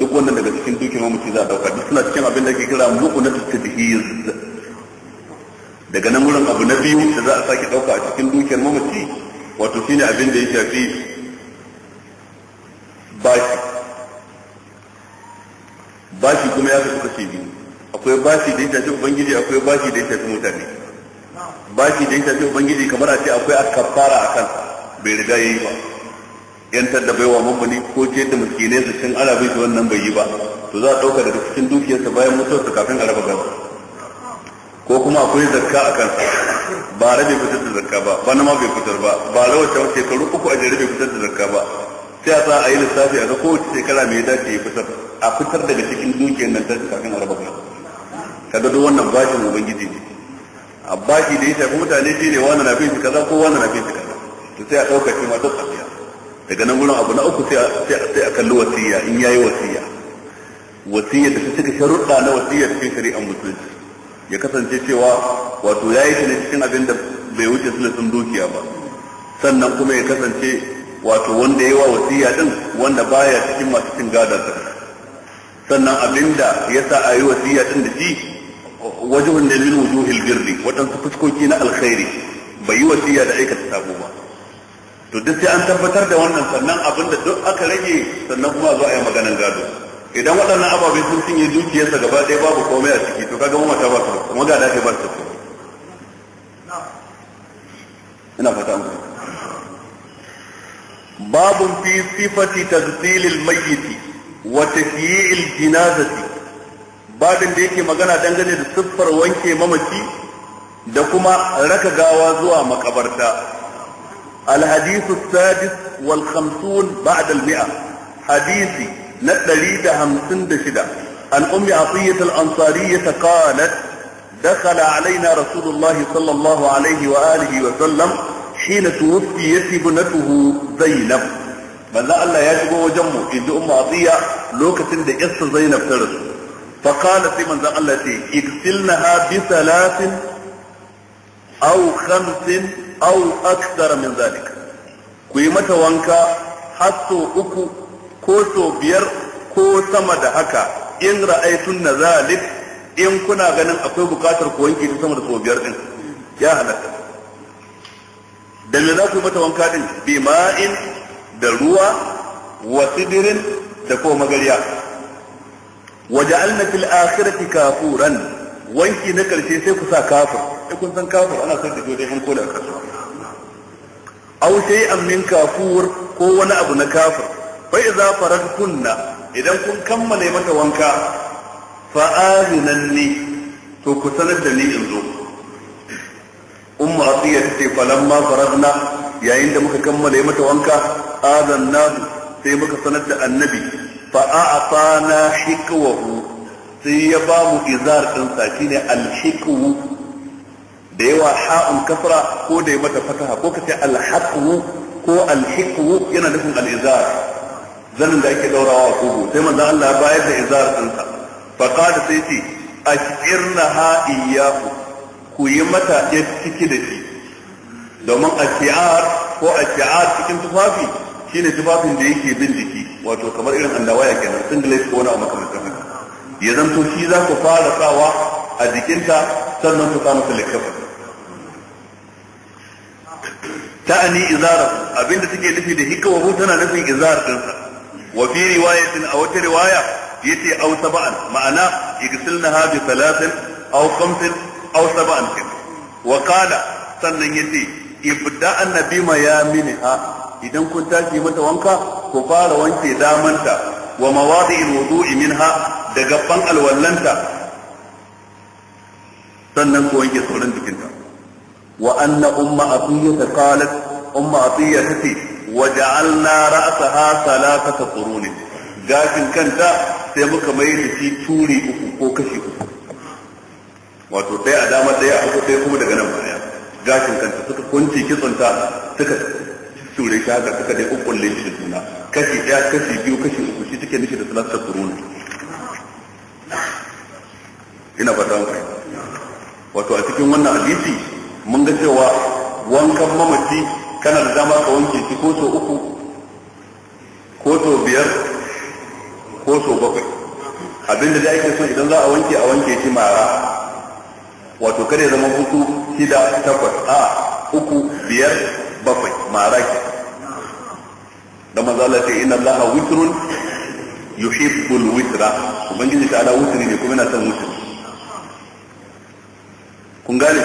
duk wannan daga cikin dukiyar mamaci za a dauka duk suna cikin abin da ke kira mu'unat tadhiz daga nan wurin abu na biyu da za a sake dauka a cikin dukiyar mamaci wato shine abin da ya shafi bashi bashi kuma ya kasu kashe biyu akwai bashi da ya shafi ubangiji akwai bashi da ya shafi mutane bashi da ya shafi ubangiji kamar a ce akwai akafara a kansa bai riga ya yi ba tadda bai wa mamuni ko ce da miskinai su cin ana bai wannan bai yi ba to za a ɗauka daga cikin dukiyarsa bayan mutuwarsa kafin a raba gaba ko kuma akwai zakka a kansa ba rabe fitar da zakka ba bana ma bai fitar ba ba rawacin shekaru uku a jere bai fitar da zakka ba sai a sa a yi lissafi a ga kowace shekara mai dace ya fitar a fitar daga cikin dukiyar nan tashi kafin a raba kai ka duk wannan bashin ubangiji ne a bashi da ya shafi mutane shi ne wani na fi shi kaza ko wani na fi shi kaza to sai a ɗauka shi ma duk a daga nan wurin abu na uku sai a kalli wasiya in ya yi wasiya wasiya da ta cika sharuɗa na wasiya cikin shari'ar musulunci ya kasance cewa wato ya yi shi ne cikin abin da bai wuce sun dukiya ba sannan kuma ya kasance wato wanda ya yi wa wasiya din wanda baya cikin masu cin gadon gadar sannan abinda ya sa a yi wasiya din da shi wajen da min wujuhil birri waɗansu fuskoki na alkhairi bai yi wasiya da aikata sabo ba to duk sai an tabbatar da wannan sannan abinda duk aka rage sannan kuma zo a yi maganan gado idan waɗannan ababe sun cinye dukiyarsa gaba ɗaya babu komai a ciki to kaga mata ba su kuma ga dace ba su ina fata mu babun fi sifati tazilil mayyiti wa tashyi'il jinazati babin da yake magana dangane da siffar wanke mamaci da kuma raka gawa zuwa makabarta alhadisu sadis wal khamsun ba'da al mi'a hadisi na shida an ummi atiyat al ansariyyah qalat دخل علينا رسول الله صلى الله عليه وآله وسلم حين توفيت ابنته زينب manzo Allah ya shigo wajen mu inda umma atiya lokacin da yassa zainab ta rasu fa qala sai manzo Allah ce igsilnaha bi salatin aw khamsin aw akthar min zalik ku yi mata wanka har so uku ko so biyar ko sama da haka in ra'aytun na zalik in kuna ganin akwai bukatar ku wanke sama da so biyar din ya halatta da me za ku mata wanka din bi ma'in da ruwa wa sidirin da ko magariya wa ja'alna fil akhirati kafuran wanki na karshe sai ku sa kafir sai kun san kafir ana sai da jode han kola kasuwa aw shay'an min kafur ko wani abu na kafir fa idza faragtunna idan kun kammale mata wanka fa azinanni to ku sanar da ni in zo umma atiya tace falamma faragna yayin da muka kammale mata wanka azannahu sai muka sanar da annabi fa a'tana hikwahu sai ya ba mu izar din sa shine al-hikwu da yawa ha'un kasra ko da ya mata fataha ko kace al-haqwu ko al-hikwu yana nufin al-izar zanin da ake daurawa ko sai manzo Allah bayar da izar din sa fa qala sai ce ashirnaha iyyahu ku yi mata ya ciki da shi domin a ko a cikin tufafi shine tufafin da yake bin jiki wato kamar irin annawaya kenan singlet ko wani abu makamantar haka ya zanto shi za ku fara sawa a jikinta sannan ku sa masa likkafin ta'ani izara abinda take nufi da hikawahu tana nufin izar dinsa wa fi riwayatin a wata riwaya yace aw sab'an ma'ana igsilnaha bi thalathin aw khamsin aw sab'an wa qala sannan yace ibda'an nabima ya yaminha idan kun tashi mata wanka ku fara wanke damanta wa mawadi'il wudu'i minha da gaban alwallanta sannan ku wanke sauran jikinta wa anna umma atiyya qalat umma atiyya tace wa ja'alna ra'saha salatata qurun gashin kanta sai muka mai da shi turi uku ko kashi uku wato ɗaya a dama ɗaya a hagu ɗaya kuma daga nan baya gashin kanta suka kunce kitsonta suka tafi tutture shi haka suka dai ukkulle shi da suna kashi ɗaya kashi biyu kashi uku shi suke nufi da ta kuruna ina ba kai wato a cikin wannan hadisi mun ga cewa wankan mamaci kana da dama ka wanke shi ko so uku ko so biyar ko so bakwai abinda da ake so idan za a wanke a wanke shi mara wato kada ya zama hutu shida takwas a uku biyar bakwai mara ke da maza ce ina Allah witrun yuhibbul witra ubangiji ta ala wutri ne kuma na son wutri kun gane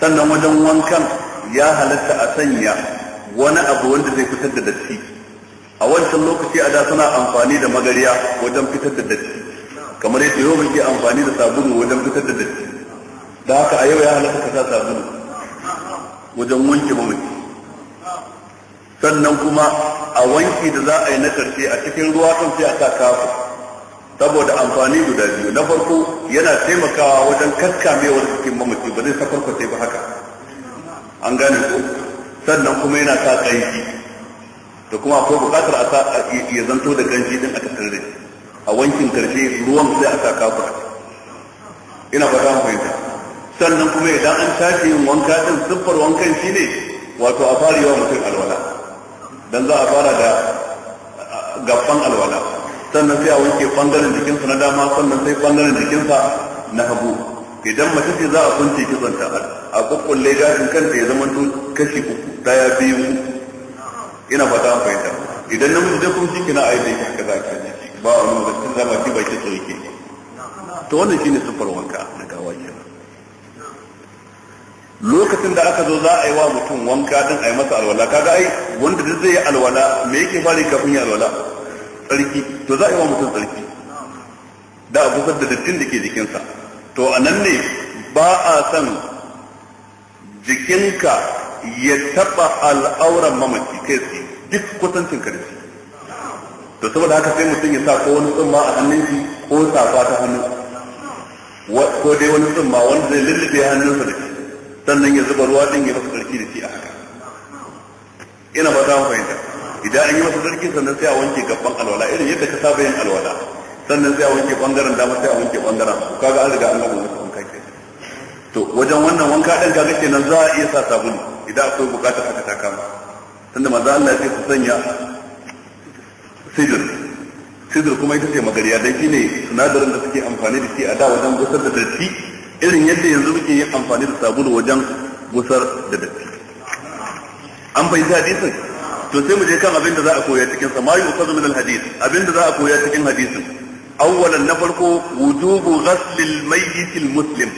sannan wajen wankan ya halatta a sanya wani abu wanda zai fitar da datti a wancan lokaci a da suna amfani da magariya wajen fitar da datti kamar yadda yau muke amfani da sabulu wajen fitar da datti da haka a yau ya halatta ka sa sabulu wajen wanke mamaki sannan kuma a wanki da za a yi na karshe a cikin ruwa kan sai a sa kafa saboda amfani guda biyu na farko yana taimakawa wajen kaskamewar cikin mamaci ba zai sakwarkwace ba haka an gane ko sannan kuma yana sa kanshi da kuma akwai bukatar a sa ya zanto da kanshi din a tattare a wankin karshe ruwan sai a sa kafa ina fata mu fahimta sannan kuma idan an tashi yin wanka din siffar wankan shi ne. wato a fara yawan mutum alwala dan za a fara da gaban alwala sannan sai a wanke ɓangaren jikinsa na dama sannan sai ɓangaren jikinsa na hagu idan mace ce za a kunce kitsonta a kukkulle gashin kanta ya zama kashi uku daya biyu ina fata an fahimta idan na mutu kun shi kina a yi da yake kaza kaza ba wani mutum zama shi bai kitso yake to wannan shine sufar wanka na gawa lokacin da aka zo za a yi wa mutum wanka din a yi masa alwala kaga ai wanda duk zai yi alwala me yake fari kafin ya alwala tsarki to za a yi wa mutum tsarki da a gusar da dattin da ke jikinsa to a nan ne ba a san jikinka ya taɓa al'auran mamaci kai tsaye duk kusancin karfi to saboda haka sai mutum ya sa ko wani tsumma a hannun shi ko safa ta hannu ko dai wani tsumma wanda zai lullube hannunsa da shi sannan ya zuba ruwa din ya masa sarki da shi a haka ina ba za mu fahimta idan an yi masa sarki sannan sai a wanke gaban alwala irin yadda ka saba yin alwala sannan sai a wanke bangaren dama sai a wanke bangaren ku kaga an riga an gama wasu wanka ke to wajen wannan wanka din kaga kenan za a iya sa sabulu idan akwai bukatar haka ta kama tunda manzo Allah sai ku sanya sidir sidir kuma ita ce magariya dan shine sinadarin da suke amfani da shi a da wajen gusar da datti irin yadda yanzu muke yin amfani da sabulu wajen gusar da datti an bai ta hadisin to sai mu je kan abin da za a koya cikin sa ma yu'khadhu min al-hadith abin da za a koya cikin hadisin awwalan na farko wujubu ghasl al-mayyit al-muslim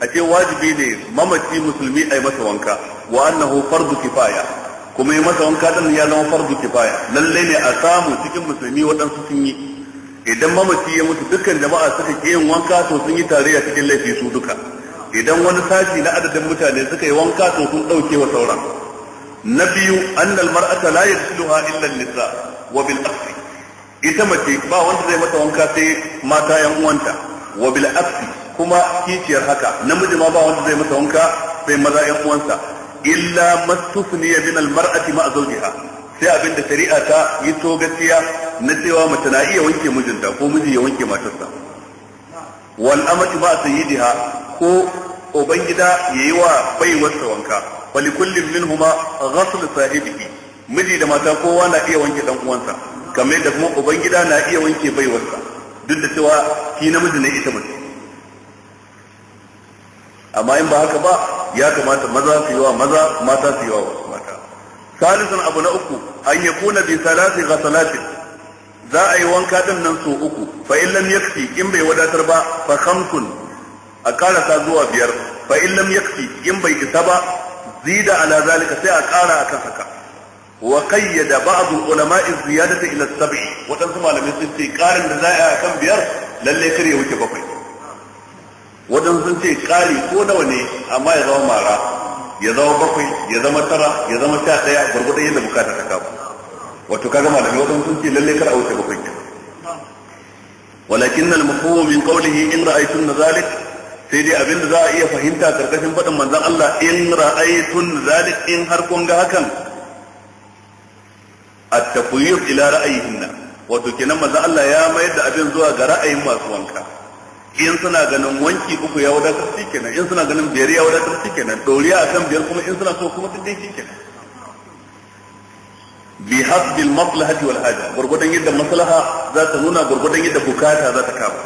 a wajibi ne mamaci musulmi ai masa wanka wa annahu fardu kifaya kuma yi masa wanka din ya zama fardu kifaya lalle ne a samu cikin musulmi waɗansu sun yi idan mamaci ya mutu dukkan jama'a suka ke yin wanka to sun yi tarayya cikin laifi su duka idan wani sashi na adadin mutane suka yi wanka to sun dauke wa sauran na biyu annal mar'ata la yadkhuluha illa an-nisa wa bil aqsi ita mace ba wanda zai mata wanka sai mata yan uwanta wa bil aqsi kuma kiciyar haka namiji ma ba wanda zai mata wanka sai maza yan uwansa illa mastusniya min al-mar'ati ma zawjiha sai abin da shari'a ta yi to gaskiya na cewa mace na iya wanke mijinta ko miji ya wanke matarsa wal amatu ba sayyidiha ko ubangida yi wa baiwarsa wanka wa likullin minhuma ghasl sahibihi miji da mata kowa na iya wanke dan uwansa kamar yadda kuma ubangida na iya wanke baiwarsa duk da cewa shi namiji ne ita mace amma in ba haka ba ya kamata maza su yi wa maza mata su yi wa wasu salisan abu na uku an yakuna bi salasi ghasalatin za a yi wanka din nan so uku fa in lam yakfi in bai wadatar ba fa khamsun a karasa zuwa biyar fa in lam yakfi in bai isa ba zida ala zalika sai a kara akan haka wa qayyada ba'd ulama ziyadata ila sab'i wadansu malamai sun ce karin da za a yi akan biyar lalle kare wuce bakwai wadansu sun ce kari ko nawa ne amma ya zama mara ya zama bakwai ya zama tara ya zama sha ɗaya gwargwadon yadda bukata ta kawo wato kaga malamai waɗansu sun ce lalle kar a wuce bakwai kenan walakin al mafhum min qawlihi in ra'aytun zalik sai dai abin da za a iya fahimta karkashin faɗin manzon Allah in ra'aytun zalik in har kun ga hakan at-tafwid ila ra'ayihinna wato kenan manzon Allah ya mayar da abin zuwa ga ra'ayin masu wanka in suna ganin wanki uku ya wadatar shi kenan in suna ganin biyar ya wadatar shi kenan doriya akan biyar kuma in suna so kuma duk dai shi kenan bi al maslahati wal haja gurgudan yadda maslaha za ta nuna gurgudan yadda bukata za ta kama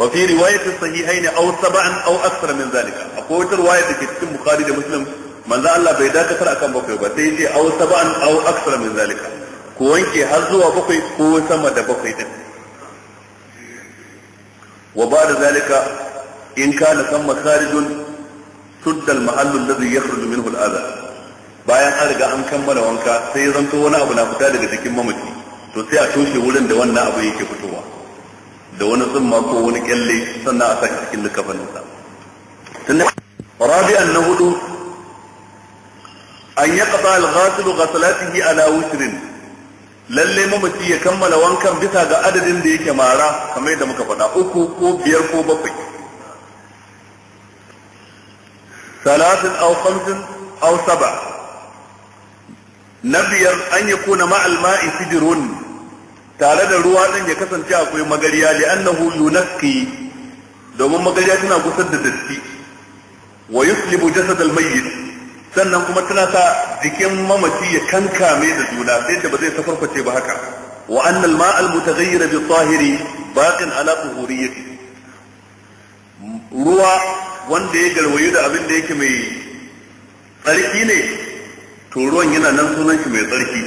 wa fi riwayati sahihain aw sab'an aw akthar min zalika akwai wata riwaya da ke cikin bukhari da muslim manzo Allah bai dakatar akan bakwai ba sai ya ce aw sab'an aw akthar min zalika ko wanke har zuwa bakwai ko sama da bakwai din wa ba da zalika in kana san masarijun suddal mahallul ladhi yakhruju minhu al'adha bayan an riga an kammala wanka sai ya zanto wani abu na fita daga jikin mamaci to sai a toshe wurin da wannan abu yake fitowa da wani tsumma ko wani kyalle sannan a sa cikin nisa. rabi'an na hudu an yi yaqta al-ghasilu ghasalatihi ala wutrin lalle mamaci ya kammala wankan bisa ga adadin da yake mara kamar yadda muka faɗa uku ko biyar ko bakwai salatin aw khamsin aw saba na biyar an ya kuna ma'al ma'i sijirun tare da ruwa din ya kasance akwai magariya li annahu yunakki domin magariya tana gusar da datti wa yuslibu jasad al mayyit sannan kuma tana sa jikin mamaci ya kanka kankame da juna sai da ba zai safarface ba haka wa annal al mutaghayyir bi tahiri baqin ala tuhuriyati ruwa wanda ya garwayu da abin da yake mai tsarki ne to ruwan yana nan sunan shi mai tsarki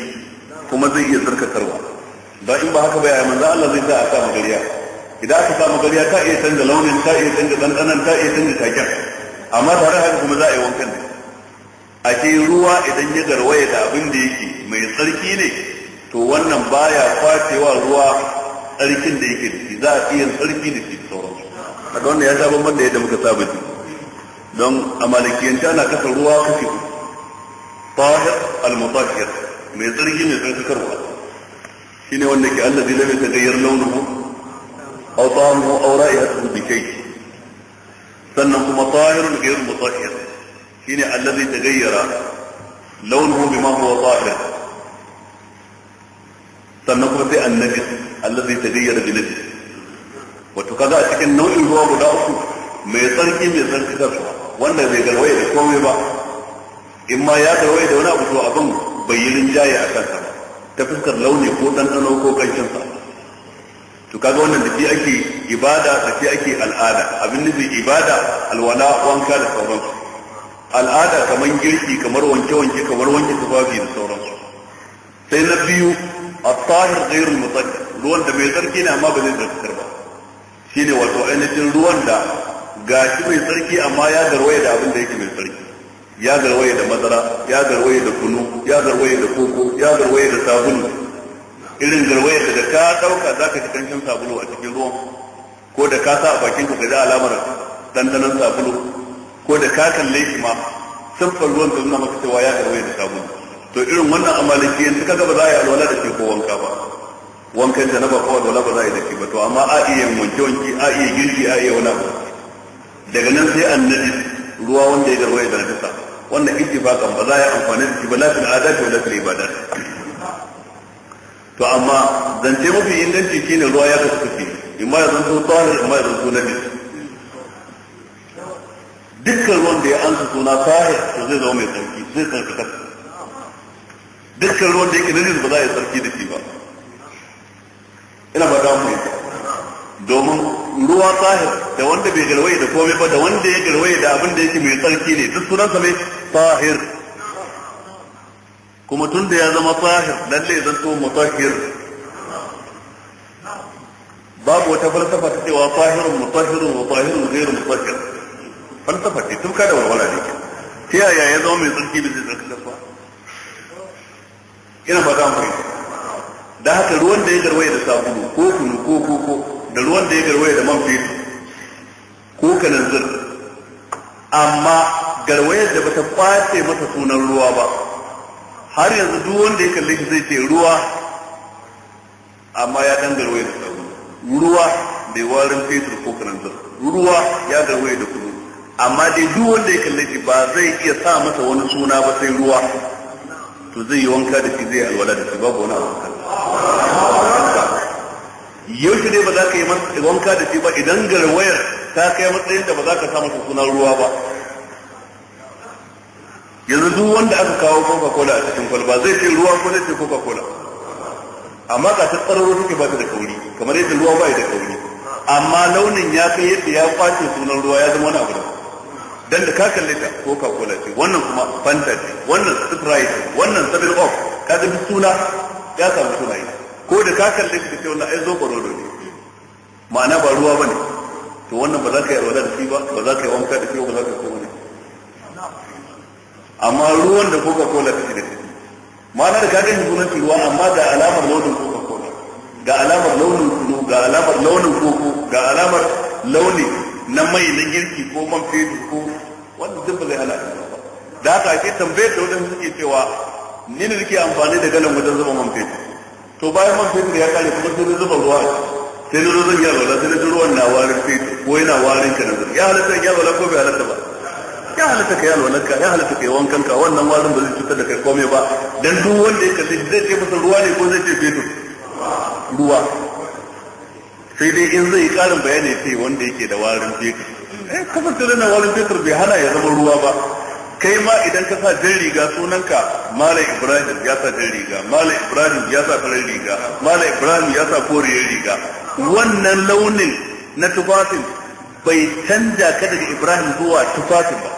kuma zai iya tsarkakarwa ba in ba haka ba ya manzo Allah zai ta a samu gariya. idan aka samu gariya ta iya canza launin ta iya canza ɗanɗanan ta iya canza taken amma tare haka kuma za a yi wankan ne Ake ruwa idan ya garwaya da abin da yake mai tsarki ne to wannan baya kwacewa ruwa tsarkin da yake da za a iya tsarki da ke sauransu a wannan ya sha bamban da yadda muka saba ji don a malikiyance ana kasa ruwa kashe ku. tahir al-mutahhir mai tsarki mai Shi shine wanda ke allazi ta yataghayyar launuhu aw ta'amuhu aw ya bi shay sannan kuma tahirun ghayr mutahhir shine allazi tagayyara launuhu bima huwa zahir sannan kuma sai annabi allazi tagayyara bi nabi wato kaza a cikin nau'in ruwa guda uku mai tsarki mai tsarki da su wanda bai garwaye da komai ba in ma ya garwaye da wani abu to abin bai yi rinjaye a kansa ta fuskar launi ko ɗanɗano ko ƙanshinsa to kaga wannan da shi ake ibada da shi ake al'ada abin nufi ibada alwala wanka da sauransu al'ada kamar girki kamar wanke-wanke kamar wanke tufafi da sauransu sai na biyu a tahir ghairul mutahhar ruwan da mai tsarki ne amma ba zai tsarkar ba Shi ne wato ainihin ruwan da gashi mai tsarki amma ya garwaye da abin da yake mai tsarki ya garwaye da madara ya garwaye da kunu ya garwaye da koko ya garwaye da sabulu irin garwaye da ka dauka ka ci kankan sabulu a cikin ruwan ko da ka sa a bakin ka ga alamar dandanan sabulu ko da ka kalle shi ma siffar ruwan da nuna maka cewa ya garwaye da sabulu to irin wannan amalaki yanzu kaga ba za a yi alwala da shi ko wanka ba wankan da na ba ko alwala ba za a yi da shi ba to amma a iya wanke wanki a iya girki a iya wani daga nan sai an ruwa wanda ya garwaye da najasa wannan ittifaqan ba za a yi amfani da shi ba lafil adati wa lafil ibada to amma zance mafi inganci shine ruwa ya kasu kashi ma ya zanto in ma ya zanto najis dukkan ruwan da ya ansa suna tahir to zai zama mai tsarki zai tsarki kasu. dukkan ruwan da yake najis ba za a yi tsarki da shi ba ina ba da ne. domin ruwa tahir da wanda bai garwaye da komai ba da wanda ya garwaye da abin da yake mai tsarki ne duk sunan mai sahir kuma tun da ya zama sahir lalle zan to mutahhir babu wata falsafa ta cewa tahirun mutahhirun wa tahirun ghairu mutahhir falsafa ce tun kada walwala ne ke ta yaya ya zama mai tsarki bai zai tsarki ba ina ba za mu da haka ruwan da ya garwaye da sabulu ko kunu ko koko da ruwan da ya garwaye da man fetur ko kananzir amma garwayar da bata kwace masa sunan ruwa ba har yanzu duk wanda ya kalle shi zai ce ruwa amma ya dan garwaye da sabulu ruwa bai warin fetur ko kananzir ruwa ya garwaye da kunu amma dai duk wanda ya kalle shi ba zai iya sa masa wani suna ba sai ruwa to zai yi wanka da shi zai alwala da shi babu wani abu shi ne ba za ka yi wanka da shi ba idan garwayar ta kai matsayin da ba za ka sa masa sunan ruwa ba yanzu duk wanda aka kawo coca cola a cikin kwalba zai ce ruwa ko zai ce coca cola amma ka ta tsararo suke ba ta da kauri kamar yadda ruwa ba da kauri amma launin ya kai yadda ya kwace sunan ruwa ya zama wani abu da dan da ka kalle ta coca cola ce wannan kuma fanta ce wannan sprite wannan seven up ka ga duk suna ya samu suna yi ko da ka kalle ta ce wannan ai zo barodo ne ma'ana ba ruwa bane to wannan ba za ka yi wadar shi ba ba za ka yi wanka da shi ba za ka yi ne amma ruwan da coca cola take da shi ma'ana da ka gani sunan ruwa amma ga alamar launin coca cola ga alamar launin kunu ga alamar launin koko ga alamar launin na mai na girki ko man fetur ko wanda duk ba zai hana ba da haka ake tambayar da wadansu suke cewa ni ne nake amfani da galan wajen zuba man fetur to bayan man fetur ya kare kuma sai zuba ruwa sai na zo zan gyara wala sai na ji ruwan na warin fetur ko yana warin ka na zuri ya halatta ya wala ko bai halatta ba ya halatta ka yalwa naka ya halatta ka yawan kanka wannan warin ba zai cutar da kai komai ba dan duk wanda ya kalle zai ce masa ruwa ne ko zai ce fetur ruwa sai dai in zai karin bayani sai wanda yake da warin fetur eh kasance da warin fetur bai hana ya zama ruwa ba kai ma idan ka sa jan riga sunanka malam ibrahim ya sa jan riga malam ibrahim ya sa farin riga malam ibrahim ya sa koriyar riga wannan launin na tufafin bai canja ka daga ibrahim zuwa tufafin ba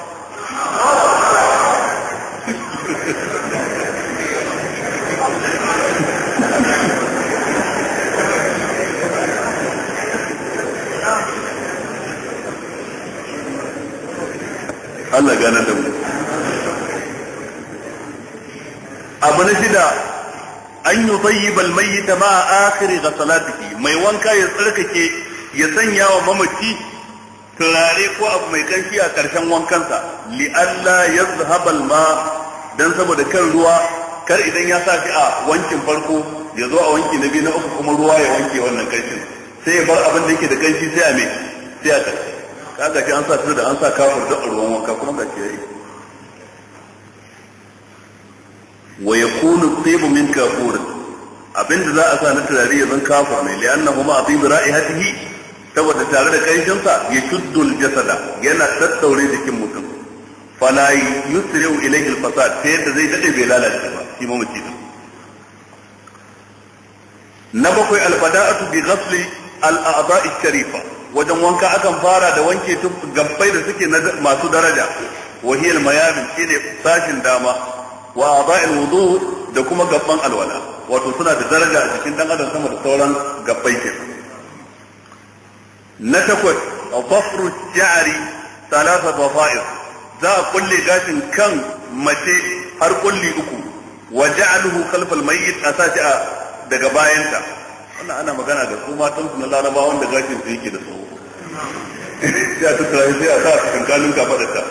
Allah gane da mu abu na shida an yi tsayyibal mai ta ma a akiri ga salatiki mai wanka ya tsarkake ya sanya wa mamaci turare ko abu mai kanshi a ƙarshen wankansa li'alla ya zahabal ma don saboda kan ruwa kar idan ya sa a wankin farko ya zo a wanki na biyu na uku kuma ruwa ya wanke wannan kanshi sai ya bar abin da yake da kanshi sai a mai sai a ƙarshe ka ga an sa su da an sa kafir da ruwan wanka kuma ga yayi wa yakunu tibu min kafur abinda za a sa na turare ya zan kafa mai li'annahu ma atibu ra'ihatihi saboda tare da kanshin sa ya shuddul jasada yana tattaure jikin mutum fala yusri'u ilayhi al-fasad sai da zai dade bai lalace ba shi mamaci na bakwai albada'atu bi ghasli al-a'dha'i sharifa wajen wanka akan fara da wanke gabbai da suke masu daraja wa hiya al-mayamin sashin dama wa a'dha'il wudu da kuma gabban alwala wato suna da daraja a cikin dan adam sama da sauran gabbai ke na takwas dhafru sha'ri thalatha dhafa'ir za a kulle gashin kan mace har kulli uku wa ja'aluhu mai al a asati daga bayanta wannan ana magana da su matan su na larabawa wanda gashin su yake da su sai a tattara sai a sa a kankanin kafadarta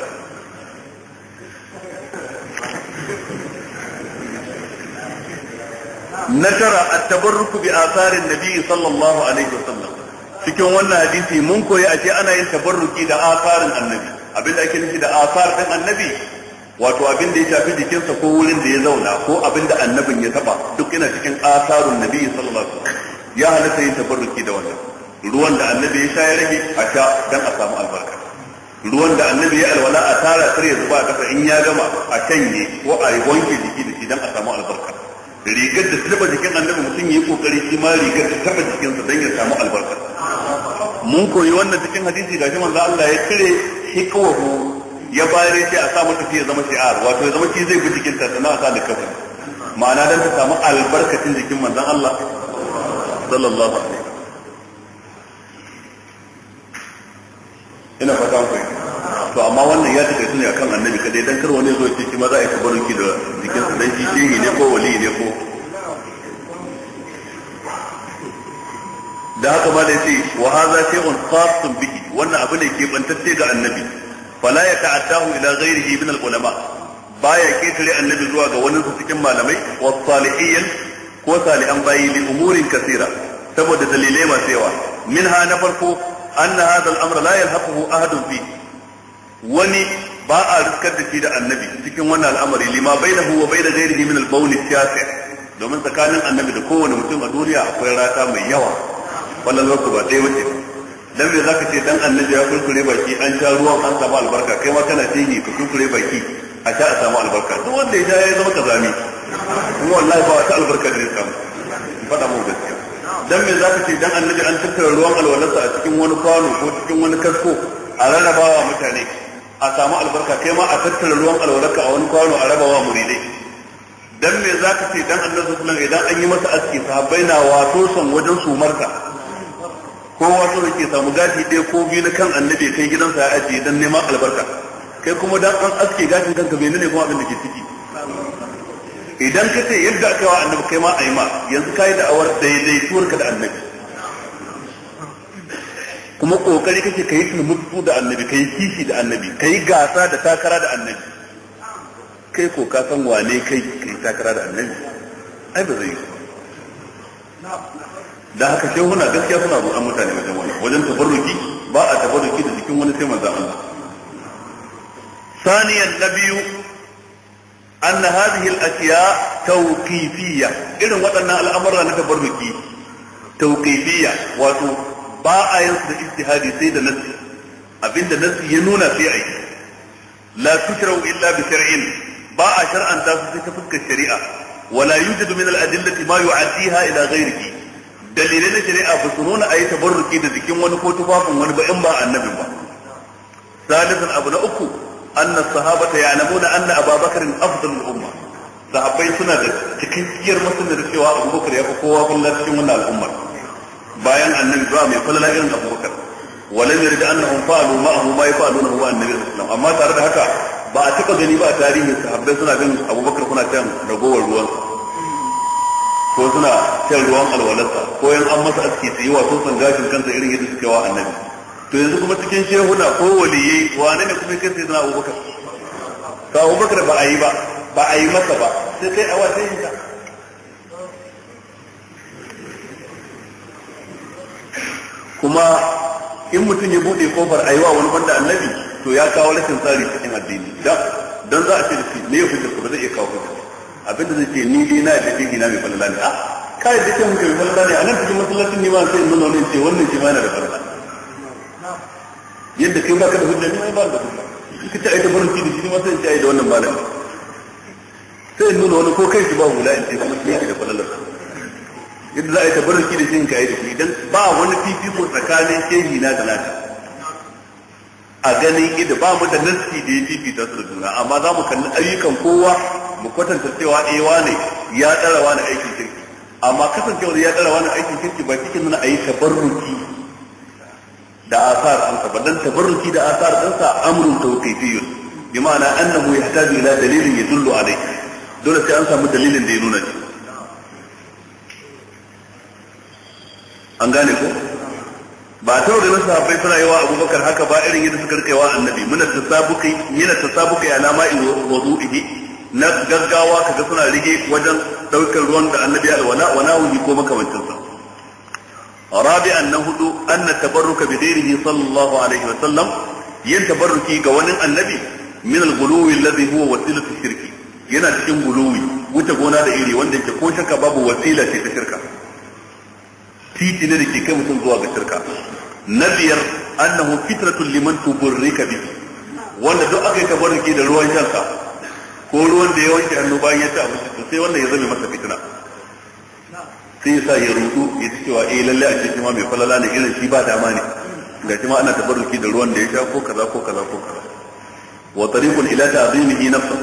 na tara at-tabarruku bi atharin nabi sallallahu alaihi wasallam cikin wannan hadisi mun koyi a ce ana yin tabarruki da asarin annabi Abin abinda ake nufi da asar din annabi wato abin da ya shafi jikinsa ko wurin da ya zauna ko abin da annabin ya taba duk ina cikin atharun nabi sallallahu alaihi wasallam ya halatta yin tabarruki da wannan ruwan da annabi ya sha ya rage a sha dan a samu albarka ruwan da annabi ya alwala a tara kar ya zuba a kasa in ya gama a canye ko a yi wanke jiki da shi dan a samu albarka rigar da taba jikin annabi mutum yi kokari shi ma rigar da taba jikinsa don ya samu albarka mun koyi wannan cikin hadisi gashi manzo Allah ya cire hikwahu ya bayar ce a sa mata ya zama shi'ar wato ya zama shi zai bi jikin ta sannan a sa da kafin ma'ana dan ta samu albarkacin jikin manzon Allah sallallahu alaihi ina fata an to amma wannan ya take ne akan annabi kadai dan kar wani zo ya ce shi ma za a yi tabaruki da jikin sa dan shi ne ko wali ne ko da haka ma da yace wa hadha shay'un khasun bihi wannan abu ne ke bantacce ga annabi fala ya ta'attahu ila ghairihi min al-ulama baya ketare annabi zuwa ga wani su cikin malamai wa salihiyyan ko salihan bayi li umurin kasira saboda dalilai masu yawa ha na farko anna hadha al-amr la yalhaquhu ahadun fi wani ba a riskar da shi da annabi cikin wannan al'amari lima bainahu wa bain ghairihi min al-bawl domin tsakanin annabi da kowane mutum a duniya akwai rata mai yawa wannan lokaci ba dai wuce dan me zaka ce dan annabi ya kurkure baki an sha ruwa an samu albarka kai ma kana ce ka kurkure baki a sha a samu albarka duk wanda ya sha ya zama kazami kuma wallahi ba wata albarka da faɗa dan me zaka ce dan annabi an tattara ruwan alwalarsa a cikin wani kwano ko cikin wani kasko a rarrabawa mutane a samu albarka kai ma a tattara ruwan alwalarka a wani kwano a wa muridai dan me zaka ce dan annabi sallallahu idan an yi masa aski sahabbai na wato son wajen ko wato da ke samu gashi ɗaya ko biyu na kan annabi kai gidansa ya ajiye dan neman albarka kai kuma dan an aske gashin kanka bai nune kuma abin da ke ciki idan ka ce yadda aka wa annabi kai ma a yi ma yanzu ka yi daidai tuwar ka da annabi kuma kokari kake ka yi mutu da annabi ka yi kishi da annabi ka yi gasa da takara da annabi kai ko ka san wane kai ka yi takara da annabi ai ba zai yi da haka sai huna gaskiya suna zuwa mutane wajen wani wajen tabarruki ba a tabarruki da jikin wani sai manzo Allah saniyan nabiyu biyu anna hadhihi al-ashiya tawqifiyya irin waɗannan al'amura na tabarruki tawqifiyya wato ba a yin su da ijtihadi sai da nassi abinda nassi ya nuna sai ai la tushra'u illa bi shar'in ba a shar'anta su sai ta fuskar shari'a wala yujadu min al-adillati ma yu'addiha ila ghayrihi dalilai na shari'a ba su nuna ayi tabarruki da jikin wani ko tufafin wani ba in ba annabi ba salisan abu na uku anna sahabata ya'lamuna anna abubakar afdalul umma sahabbai suna da cikakkiyar masana da cewa abubakar ya fi kowa kullum cikin wannan bayan annabi ba mai falala irin abubakar walam yarda annahum fa'alu ma'ahu ma yafa'aluna huwa annabi sallallahu alaihi amma tare da haka ba a taba gani ba a tarihin sahabai suna bin abubakar kuna can ragowar ruwan ko suna can ruwan alwalarsa ko yan an masa aski su yi wato san gashin kansa irin yadda suke wa annabi to yanzu kuma cikin shehuna ko waliyai wane ne kuma kai sai zana abubakar ka abubakar ba a yi ba ba a yi masa ba sai kai awa sai ka kuma in mutum ya bude kofar a yi wa wani banda annabi to ya kawo rashin tsari cikin addini don za a ce da shi ne ya fi ku ba zai iya kawo abin da zai ce ni dai na da dini na mai falala ne a kai da mutum mai falala ne a nan cikin masallacin ne ma sai nuna wani ce wannan shi ma yana da falala yadda kai baka da hujja ne mai ba da hujja ka ce ai da barin da shi ne sai in ce ai da wannan malam sai in nuna wani ko kai shi ba hula in ce kuma shi yake da falalar yadda za a yi tabarruki da shi in kai da shi dan ba wani fifiko tsakanin shehi na da nata a ganin ido ba mu da nassi da ya fifita su da juna amma za mu kalli ayyukan kowa mu kwatanta cewa eh wane ya tsara wani aikin kirki amma kasancewar ya tsara wani aikin kirki ba cikin nuna a yi tabarruki da asar ɗinsa ba dan tabarruki da asar ɗinsa amrun tawqifiyyun bi ma'ana annahu yahtaju ila dalilin yadullu alayhi dole sai an samu dalilin da ya nuna shi an gane ko ba ta wurin sahabbai suna yawa abubakar haka ba irin yadda suka rika wa annabi muna tasabuki yana tasabuki alama in wudu'i na gaggawa kaga suna rige wajen daukar ruwan da annabi alwala wana wuni ko makamancinsa rabi'an na hudu anna tabarruka bi ghairihi sallallahu alaihi wa sallam yin tabarruki ga wani annabi min al-ghuluwi alladhi huwa shirki yana cikin guluwi wuce gona da iri wanda ke ko shakka babu wasila ce ta shirka titi ne da ke kai mutum zuwa ga shirka na biyar annahu fitratun liman tuburrika bi wanda duk aka yi tabarruki da ruwan shanka ko ruwan da ya wanke hannu bayan ya ci abinci to sai ya zame masa fitina sai yasa ya rudu ya ci cewa eh lalle a cikin ma mai falala ne irin shi ba dama ne ga shi ma ana tabarruki da ruwan da ya sha ko kaza ko kaza ko kaza wa tariqun ila ta'zimihi nafsa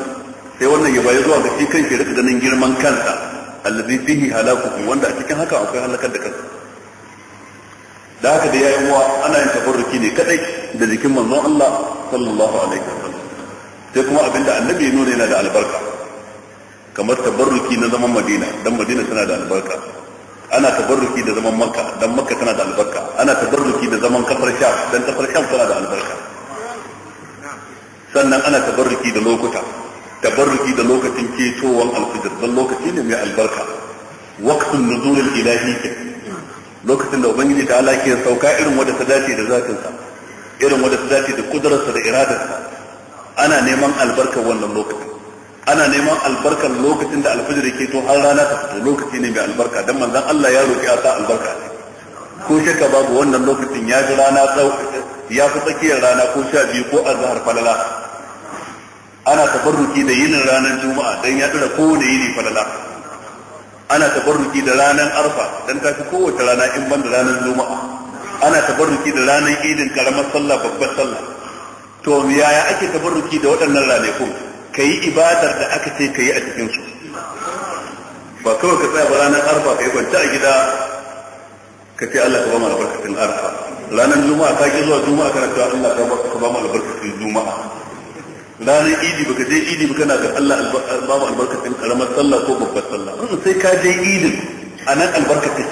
sai wannan ya bayi zuwa ga shi kanshi rika ganin girman kansa allazi fihi halakukum wanda a cikin haka akwai halakar da kansa da haka da yayin uwa ana yin tabarruki ne kadai da jikin manzon Allah sallallahu alaihi wasallam sai kuma abinda annabi ya nuna yana da albarka kamar tabarruki na zaman Madina dan Madina tana da albarka ana tabarruki da zaman makka dan makka tana da albarka ana tabarruki da zaman kafar sha dan kafar sha tana da albarka sannan ana tabarruki da lokuta tabarruki da lokacin ketowan alfijir dan lokaci ne mai albarka waqtun nuzul ilahi ke lokacin da ubangiji ta ala ke sauka irin wanda ta dace da zatinsa irin wanda ta dace da kudurarsa da iradarsa ana neman albarkar wannan lokacin ana neman albarkar lokacin da alfajir ke to har rana ta fito lokaci ne mai albarka dan manzon Allah ya roki asa albarka ko shakka babu wannan lokacin ya ji rana tsau ya fi tsakiyar rana ko sha biyu ko azhar falala ana tabarruki da yinin ranar juma'a dan ya dora kowane yini falala ana tabarruki da ranar arfa dan ta fi kowace rana in ban da ranar juma'a ana tabarruki da ranar idin karamar sallah babbar sallah to yaya ake tabarruki da waɗannan ranakun ka yi ibadar da aka ce ka yi a cikinsu ba kawai ka tsaya ba ranar arfa ka yi kwanta a gida ka ce Allah ka ba mu albarkacin arfa ranar juma'a ka ki zuwa juma'a kana cewa Allah ka ba mu albarkacin juma'a ranar idi baka je idi ba na ga Allah ba mu albarkacin karamar sallah ko babbar sallah sai ka je idin a nan albarka take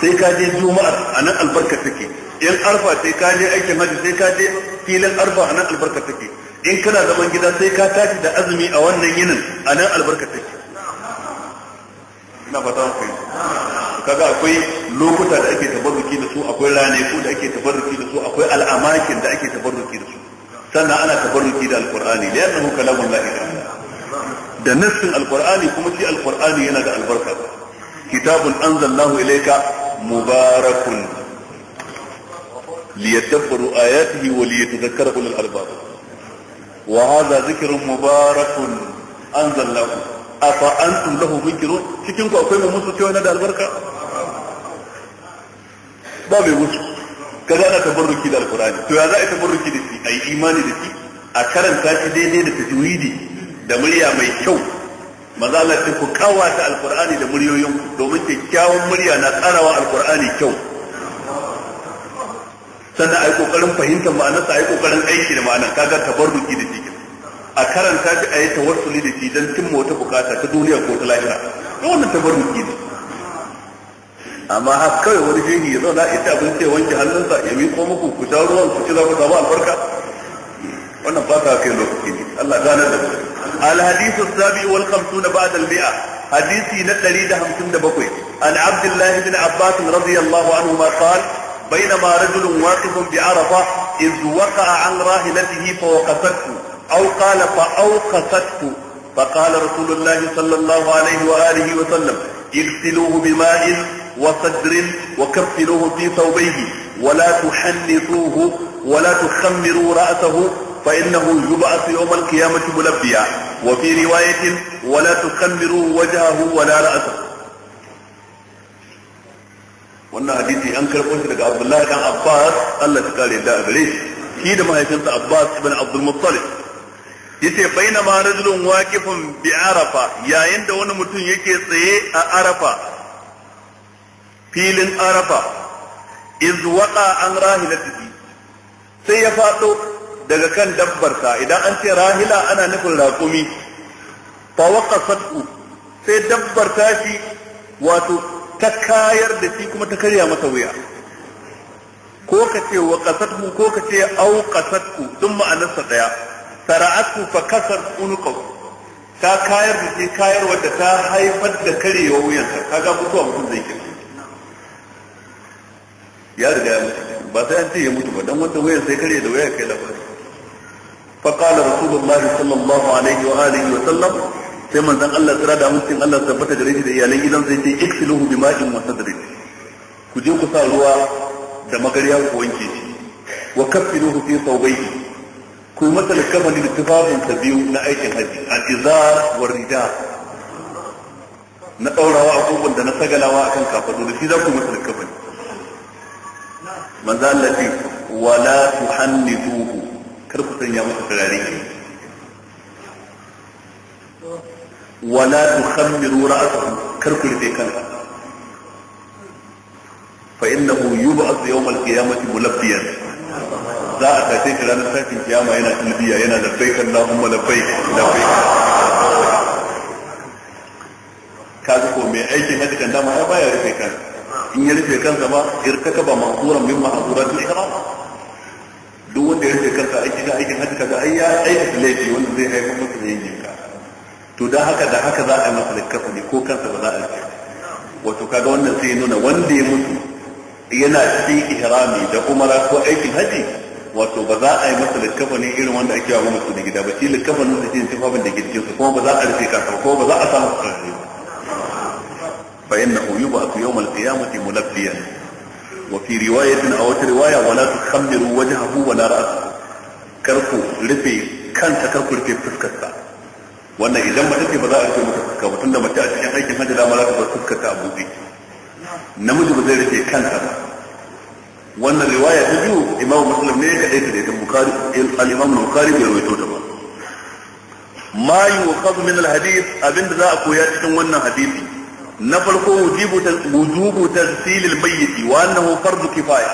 sai ka je juma'ar a nan albarka take yan arfa sai ka je aikin hajji sai ka je filin arfa a nan albarka take in kana zaman gida sai ka tashi da azumi a wannan yinin a nan albarka take ina fata ku kaga akwai lokuta da ake tabarruki da su akwai ranaku da ake tabarruki da su akwai al'amakin da ake tabarruki da su sannan ana tabarruki da alqur'ani da yannahu kalamullahi ta'ala da nassin alqur'ani kuma shi alqur'ani yana da albarka kitabun anzalnahu ilayka mubarakun liyatabbaru ayatihi wa liyatadhakkara ulul albab wa hadha zikrun mubarakun anzalnahu afa antum lahu munkirun cikin ku akwai mai musu cewa na da albarka ba mai musu kaza ana tabarruki da alqur'ani to ya za a tabarruki da shi ai imani da shi a karanta shi daidai da tajwidi da murya mai kyau maza Allah ce ku kawata alqur'ani da muryoyin domin kyakkyawan murya na karawa alqur'ani kyau sannan a yi kokarin fahimtar ma'anarsa a yi kokarin aiki da ma'anar kaga ka bar duki da shi a karanta shi a yi tawassuli da shi don cimma wata bukata ta duniya ko ta lahira to wannan ta bar tabarruki ne amma har kawai wani shehi ya zauna ya ci abinci ya wanke hannunsa ya miƙo muku ku sha ruwan ku ci za ku samu albarka wannan ba ta kai lokaci ne Allah gane da mu الحديث السابع والخمسون بعد المئة حديثي نتريد همسون بقوي عن Abdullahi الله Abbas عباس رضي الله عنهما قال بينما رجل واقف بعرفة إذ وقع عن راهلته فوقفته أو قال فأوقفته فقال رسول الله صلى الله عليه وآله وسلم اغسلوه بماء وصدر وكفلوه في ثوبيه ولا تحنطوه ولا تخمروا رأسه فإنه يبعث يوم القيامة ملبيا وفي رواية ولا تخمروا وجهه ولا رأسه wannan hadisi an karɓo shi daga abdullahi dan abbas allah ta kare da gare shi shi da mahaifinsa abbas ibn abdul muttalib yace bainama rajulun waqifun bi arafa yayin da wani mutum yake tsaye a arafa filin arafa iz waqa an rahilatihi sai ya fado daga kan dabbarsa idan an ce rahila ana nufin raƙumi fa waqasatu sai dabbar tashi wato ta kayar da shi kuma ta karya masa wuya ko ka ce wa ku ko ka ce au ku duk ma'anarsa daya sara'atu fa kasar unuqaw ta kayar da shi kayar wadda ta haifar da karyewa ka kaga mutuwa mutum zai kira ya riga ya mutu ba sai an ce ya mutu ba dan wanda wuyan sai karye da waya kai labari fa qala rasulullahi sallallahu alaihi wa alihi wa sallam sai manzon Allah tsira da mutum Allah tabbata da rashi da iyalan gidan sai ce iksiluhu bima'in wa sadrin ku je ku sa ruwa da magarya ku wanke shi wa kaffinuhu fi thawbayhi ku mata masa likamani da tufafin ta biyu na aikin haji al-izar wa rida na daurawa a kokon da na sagalawa akan kafadu da shi za ku mata masa likamani manzo Allah ce wala tuhannidu kar ku sanya masa turare wala tukhammiru ra'sahu kar ku rufe kansa fa innahu yub'ath yawm al-qiyamati mulabbiyan za a tashi ranar tashin kiyama yana talbiya yana labbaik Allahumma labbaik labbaik kaga ko mai aikin hajji kan dama ya baya rufe in ya ba duk wanda ya rufe kansa aikin aikin hajji kaga ai ya aikata laifi wanda zai haifar masa da to da haka da haka za a yi masa littafi ko kansa ba za a yi wato kaga wannan sai nuna wanda ya mutu yana cikin ihrami da umara ko aikin haji wato ba za a yi masa littafi irin wanda ake yawa mutu da gida ba shi littafi ne da shi tufafin da gidan su kuma ba za a rufe kansa ko ba za a samu karfi fa innahu yub'athu yawm al-qiyamati mulabbiyan wa fi riwayatin aw riwaya wala tukhammiru wajhahu wala ra'sahu karku rufe kanta karku rufe fuskarsa wannan idan mace ce ba za a rufe mata fuska ba tunda mace a cikin aikin hajji dama za ta bar fuskar ta a buɗe namiji ba zai rufe kansa ba wannan riwaya ta biyu imamu muslim ne ya kaɗai ta da ita bukari al-imamu bukari bai rawaito ta ba ma yuqadu min al abinda za a koya cikin wannan hadisi na farko wujubu wujubu tansil al-mayyit wa annahu fardu kifaya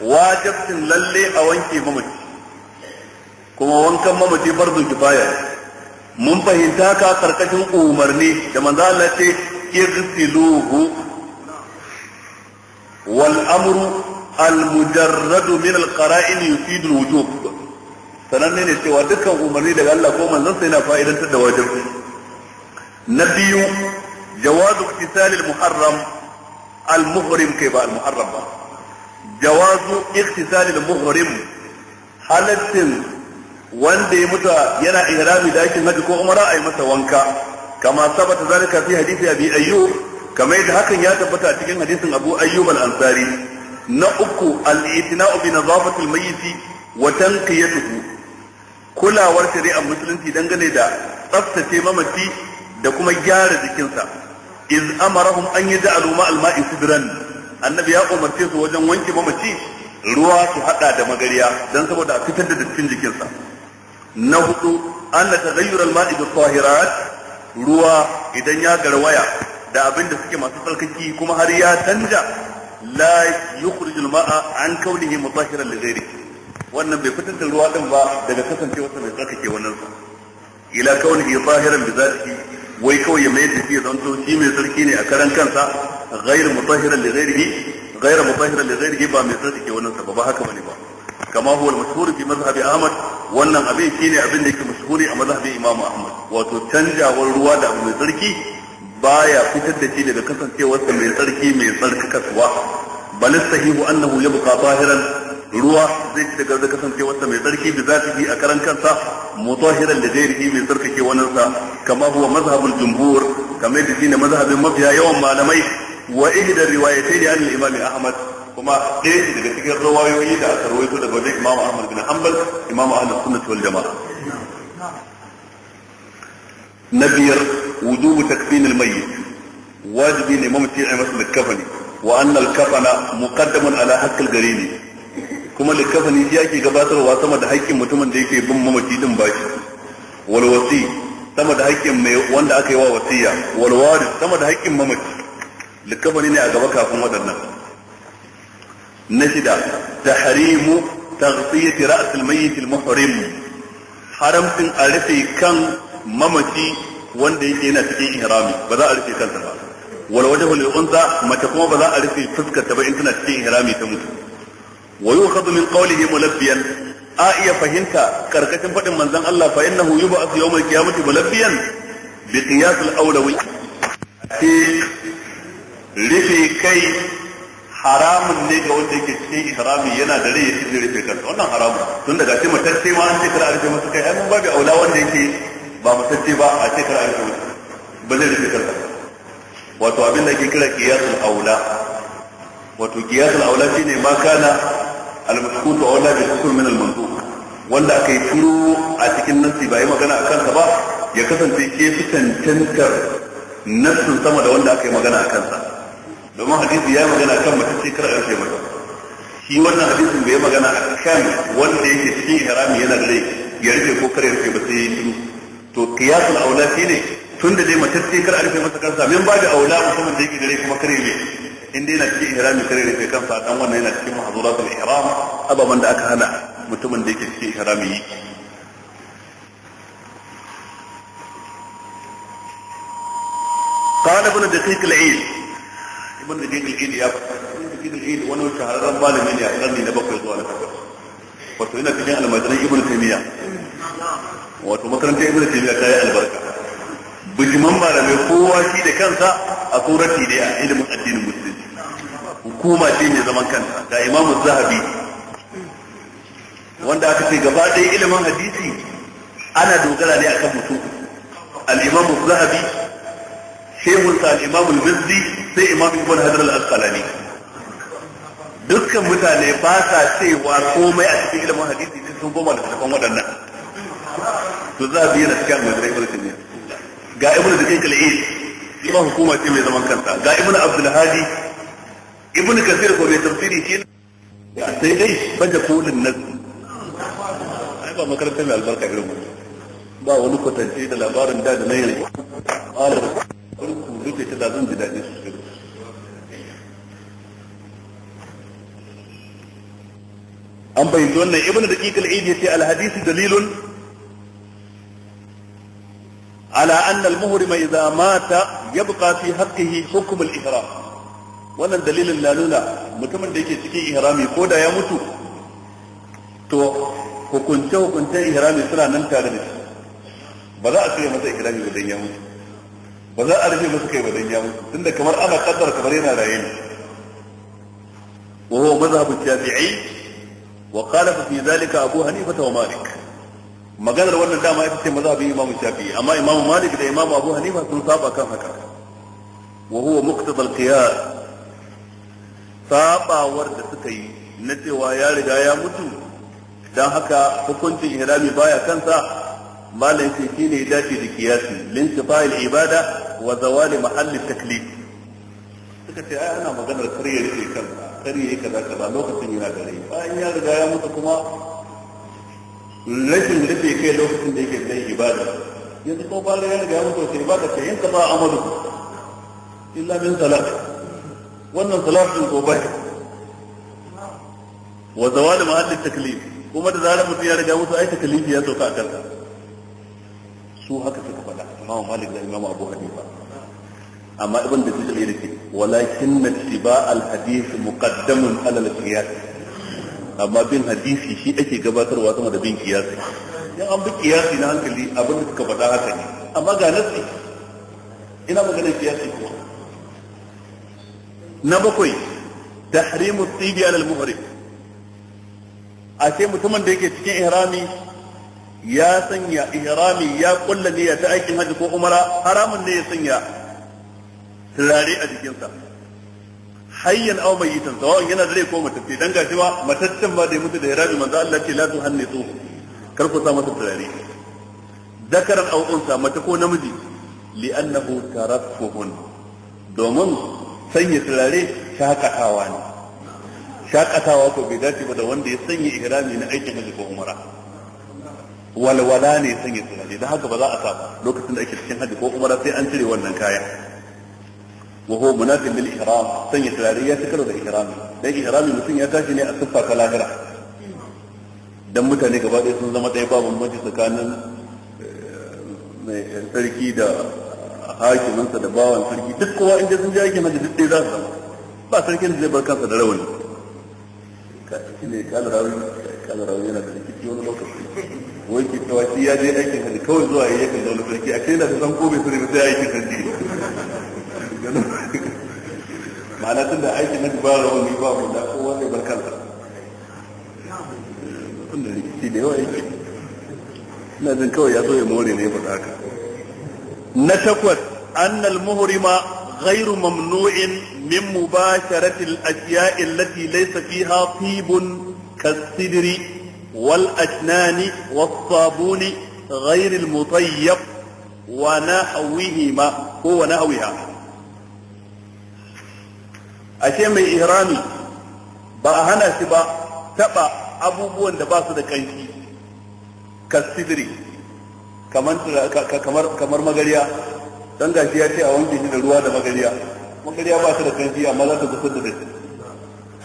wajibin lalle a wanke mamaci kuma wankan mamaci fardu kifaya mun fahimta ka karkashin umarni da manzo Allah ce irsiluhu wal amru al mujarrad min al qara'in yufid al wujub sananne ne cewa dukkan umarni daga Allah ko manzon sa yana fa'idantar da wajibi na biyu jawaz iktisal al muharram al muhrim kai ba al muharram ba jawaz iktisal al muhrim halatin wanda ya mutu yana ihrami da yake haji ko umara a yi masa wanka kama sabata zalika fi hadisi abi ayyub kamar yadda hakan ya tabbata a cikin hadisin abu ayyub al-ansari na uku al-itina'u bi nadafati al-mayyit wa tanqiyatuhu kulawar shari'ar musulunci dangane da tsaftace mamaci da kuma gyara jikinsa iz amarahum an yaj'alu ma al-ma'i sidran annabi ya umarce su wajen wanke mamaci ruwa su hada da magariya dan saboda a fitar da dattin jikinsa na hudu an da tagayyurar ma'i da tahirat ruwa idan ya garwaya da abin da suke masu tsarkaki kuma har ya canja la yukhrijul ma'a an kaunihi mutahiran li ghairi wannan bai fitar da ruwa din ba daga kasancewarsa mai tsarkake wannan sa ila kaunihi tahiran bi zatihi wai kawai ya mai da shi to shi mai tsarki ne a karan kansa ghairu mutahiran li ghairihi ghairu mutahiran li ghairihi ba mai tsarkake wannan sa ba haka bane ba kama huwa al-mashhur fi mazhabi Ahmad wannan abin shine abin da yake mashhuri a mazhabin Imam Ahmad wato canjawar ruwa da abu mai tsarki baya fitar da shi daga kasancewarsa mai tsarki mai tsarkakaswa bal sahihu annahu yabqa tahiran ruwa zai ci daga kasancewarsa mai tsarki bi zatihi a karan kansa mutahiran da ghairihi mai tsarkake wannan sa kama huwa mazhabul jumhur kamar da shine mafiya yawan malamai wa ihdar riwayatayn an al-Imam Ahmad kuma ɗaya ce daga cikin rawayoyi da aka rawaito daga wajen imamu ahmad bin hanbal imamu ahlus sunnah wal jama'a na biyar wujubu takfin al-mayyit wajibi ne mamaci a masa likafani wa anna al ala haqq al-gharib kuma likafani shi ake gabatarwa sama da haƙƙin mutumin da yake bin mamaci din bashi wal sama da haƙƙin mai wanda aka yi wa wasiya wal sama da haƙƙin mamaci ne a gaba kafin waɗannan نجد تحريم تغطية رأس الميت المحرم حرم تن أرثي كان ممتي وان دي كينا تكين إهرامي بدا أرثي كان تبا والوجه للأنثى ما تقوم بدا أرثي فسكة تبا انتنا تكين إهرامي تموت ويؤخذ من قوله ملبيا آئية فهمتا كركة فتن من ذن الله فإنه يبعث يوم القيامة ملبيا بقياس الأولوي رفي كي haramun ne ga wanda yake cikin ihrami yana da rai ya ci rufe kansa wannan haramun tun daga ce matacce ma an ce kar a masu kai ai mun babu aula wanda yake ba matacce ba a ce kar a masu ba zai rufe kanta wato abin da ke kira qiyasul aula wato qiyasul aula shine ma kana al-mashkut aula bi hukm min al-mandub wanda aka yi turo a cikin nassi ba yi magana a kansa ba ya kasance ke fi tantantar nassin sama da wanda aka yi magana a kansa domin hadisi ya magana kan mace ce kar a rufe mata shi wannan hadisin bai magana a kan wanda yake cikin harami yana da laifi ya rufe ko kar ya rufe ba sai ya yi to kiyasul aula shi ne tun da dai mace ce kar a rufe masa kansa min ba da aula musamman da yake da laifi kuma kare ne in dai yana cikin harami kare rufe kansa dan wannan yana cikin mahzuratul ihram ababan da aka hana mutumin da yake cikin harami قال ابن دقيق العيد ibn da jini jini ya faɗa ibn da wani shahararren malami ne a ƙarni na bakwai zuwa na takwas wato ina cikin almajiran ibn taymiya wato makarantar ibn taymiya ta yi albarka bijiman malamai kowa shi da kansa a surati ne a ilimin addinin musulunci hukuma ce mai zaman kanta ga imamu zahabi wanda aka ce gaba ɗaya ilimin hadisi ana dogara ne akan mutum al-imamu zahabi shehun sa al mizzi sai imam ibn hajar al-asqalani dukkan mutane ba sa cewa komai a cikin ilimin hadisi sai sun goma da tafan waɗannan to za a biya da cikin mai ibn taymiya ga ibn da kal'id shi ba hukuma ce mai zaman kanta ga ibn abdul hadi ibn kasir ko mai tafsiri shi sai dai baje kolin nan ai ba makaranta mai albarka irin ba wani kwatance da labarin da da na yanzu rufe ta da zan ji daɗi sosai da an bayyana wannan ibnu daqiq al-aid yace al-hadith dalilun ala anna al-muhrim idha mata yabqa fi haqqihi hukm al-ihram wannan dalilin na nuna mutumin da yake cikin ihrami ko da ya mutu to hukunce hukuncen ihrami suna nan tare da shi ba za a cire masa ihrami ba dan ya mutu ba za a rufe masa kai ba dan ya mutu tunda kamar ana kaddara kamar yana raye ne وهو مذهب الشافعي وخالف في ذلك ابو wa malik. maganar wannan dama ita ce mazhabin imam shafi'i amma imam malik da imam abu hanifa sun saba kan haka wa huwa muqtada al-qiyas sabawar da suka yi na cewa ya riga ya mutu dan haka hukuncin ihrami baya kansa malam sai shi ne ya dace da kiyasi lin tifa'il ibada wa zawali mahalli taklif suka ce ai ana maganar karye rike kan karye kaza kaza lokacin yana da rai bayan ya riga ya mutu kuma rashin rufe kai lokacin da yake da ibada yanzu ko bayan ya riga ya mutu sai ibada ce yin kaza amalu illa min salat wannan salatin ko bai wa zawali mahalli taklif kuma da zarar mutum ya riga mutu ai taklifi ya sauka a kansa su haka suka faɗa imamu malik da imamu abu hanifa amma ibn da suka yi rike walakin na tiba al-hadith muqaddamun ala al-qiyas amma bin hadisi shi ake gabatarwa sama da bin kiyasi yan an bi kiyasi na hankali abin da suka faɗa haka ne amma ga nasi ina magana kiyasi kuwa na bakwai tahrimu tsibi ala al-muhrim a ce mutumin da yake cikin ihrami ya sanya ihrami ya kulla ya ta aikin hajji ko umara haramun ne ya sanya turare a jikinsa hayyan aw mayitan sawan yana dare ko matacce dan gashi ba mataccen ba da ya mutu da ihrami manzo Allah ce la tuhannisu kar ku sa masa turare dakaran aw unsa mata ko namiji li'annahu tarakkuhun domin sanya turare shakatawa ne shakatawa ko bai dace ba da wanda ya sanya ihrami na aikin hajji ko umara walwala ne sanya turare da haka ba za a sa lokacin da ake cikin hajji ko umara sai an cire wannan kaya wa huwa munafin lil ihram sanya turare ya ci karo da ihrami dan ihrami mutum ya tashi ne a siffa ta lahira dan mutane gaba ɗaya sun zama ɗaya ba bambanci tsakanin eh, mai eh, sarki da hakiminsa da bawan sarki duk kowa inda sun je aikin hajji duk ɗaya za su zama ba sarkin da zai bar kansa da rawani ka ne kala rawani yana da rikici wani lokaci kawai ya je aikin hajji kawai zuwa yayi yakan zauna sarki a kai na san ko bai sani ba sai aikin hajji ma'ana tun da aikin hajji ba rawan ni ba mu da kowa ne bar sa rikici da yawa yake ina jin kawai ya zo ya more ne ba haka na takwas annal muhrima غير ممنوع من مباشرة الأشياء التي ليس فيها طيب كالسدر والأجنان والصابون غير المطيب ونحوهما هو نحوها ashe mai ihrami ba a hana shi ba taba abubuwan da ba su da kanki kasidiri kamar kamar magariya dan a wanke shi da ruwa da ba su da amma za da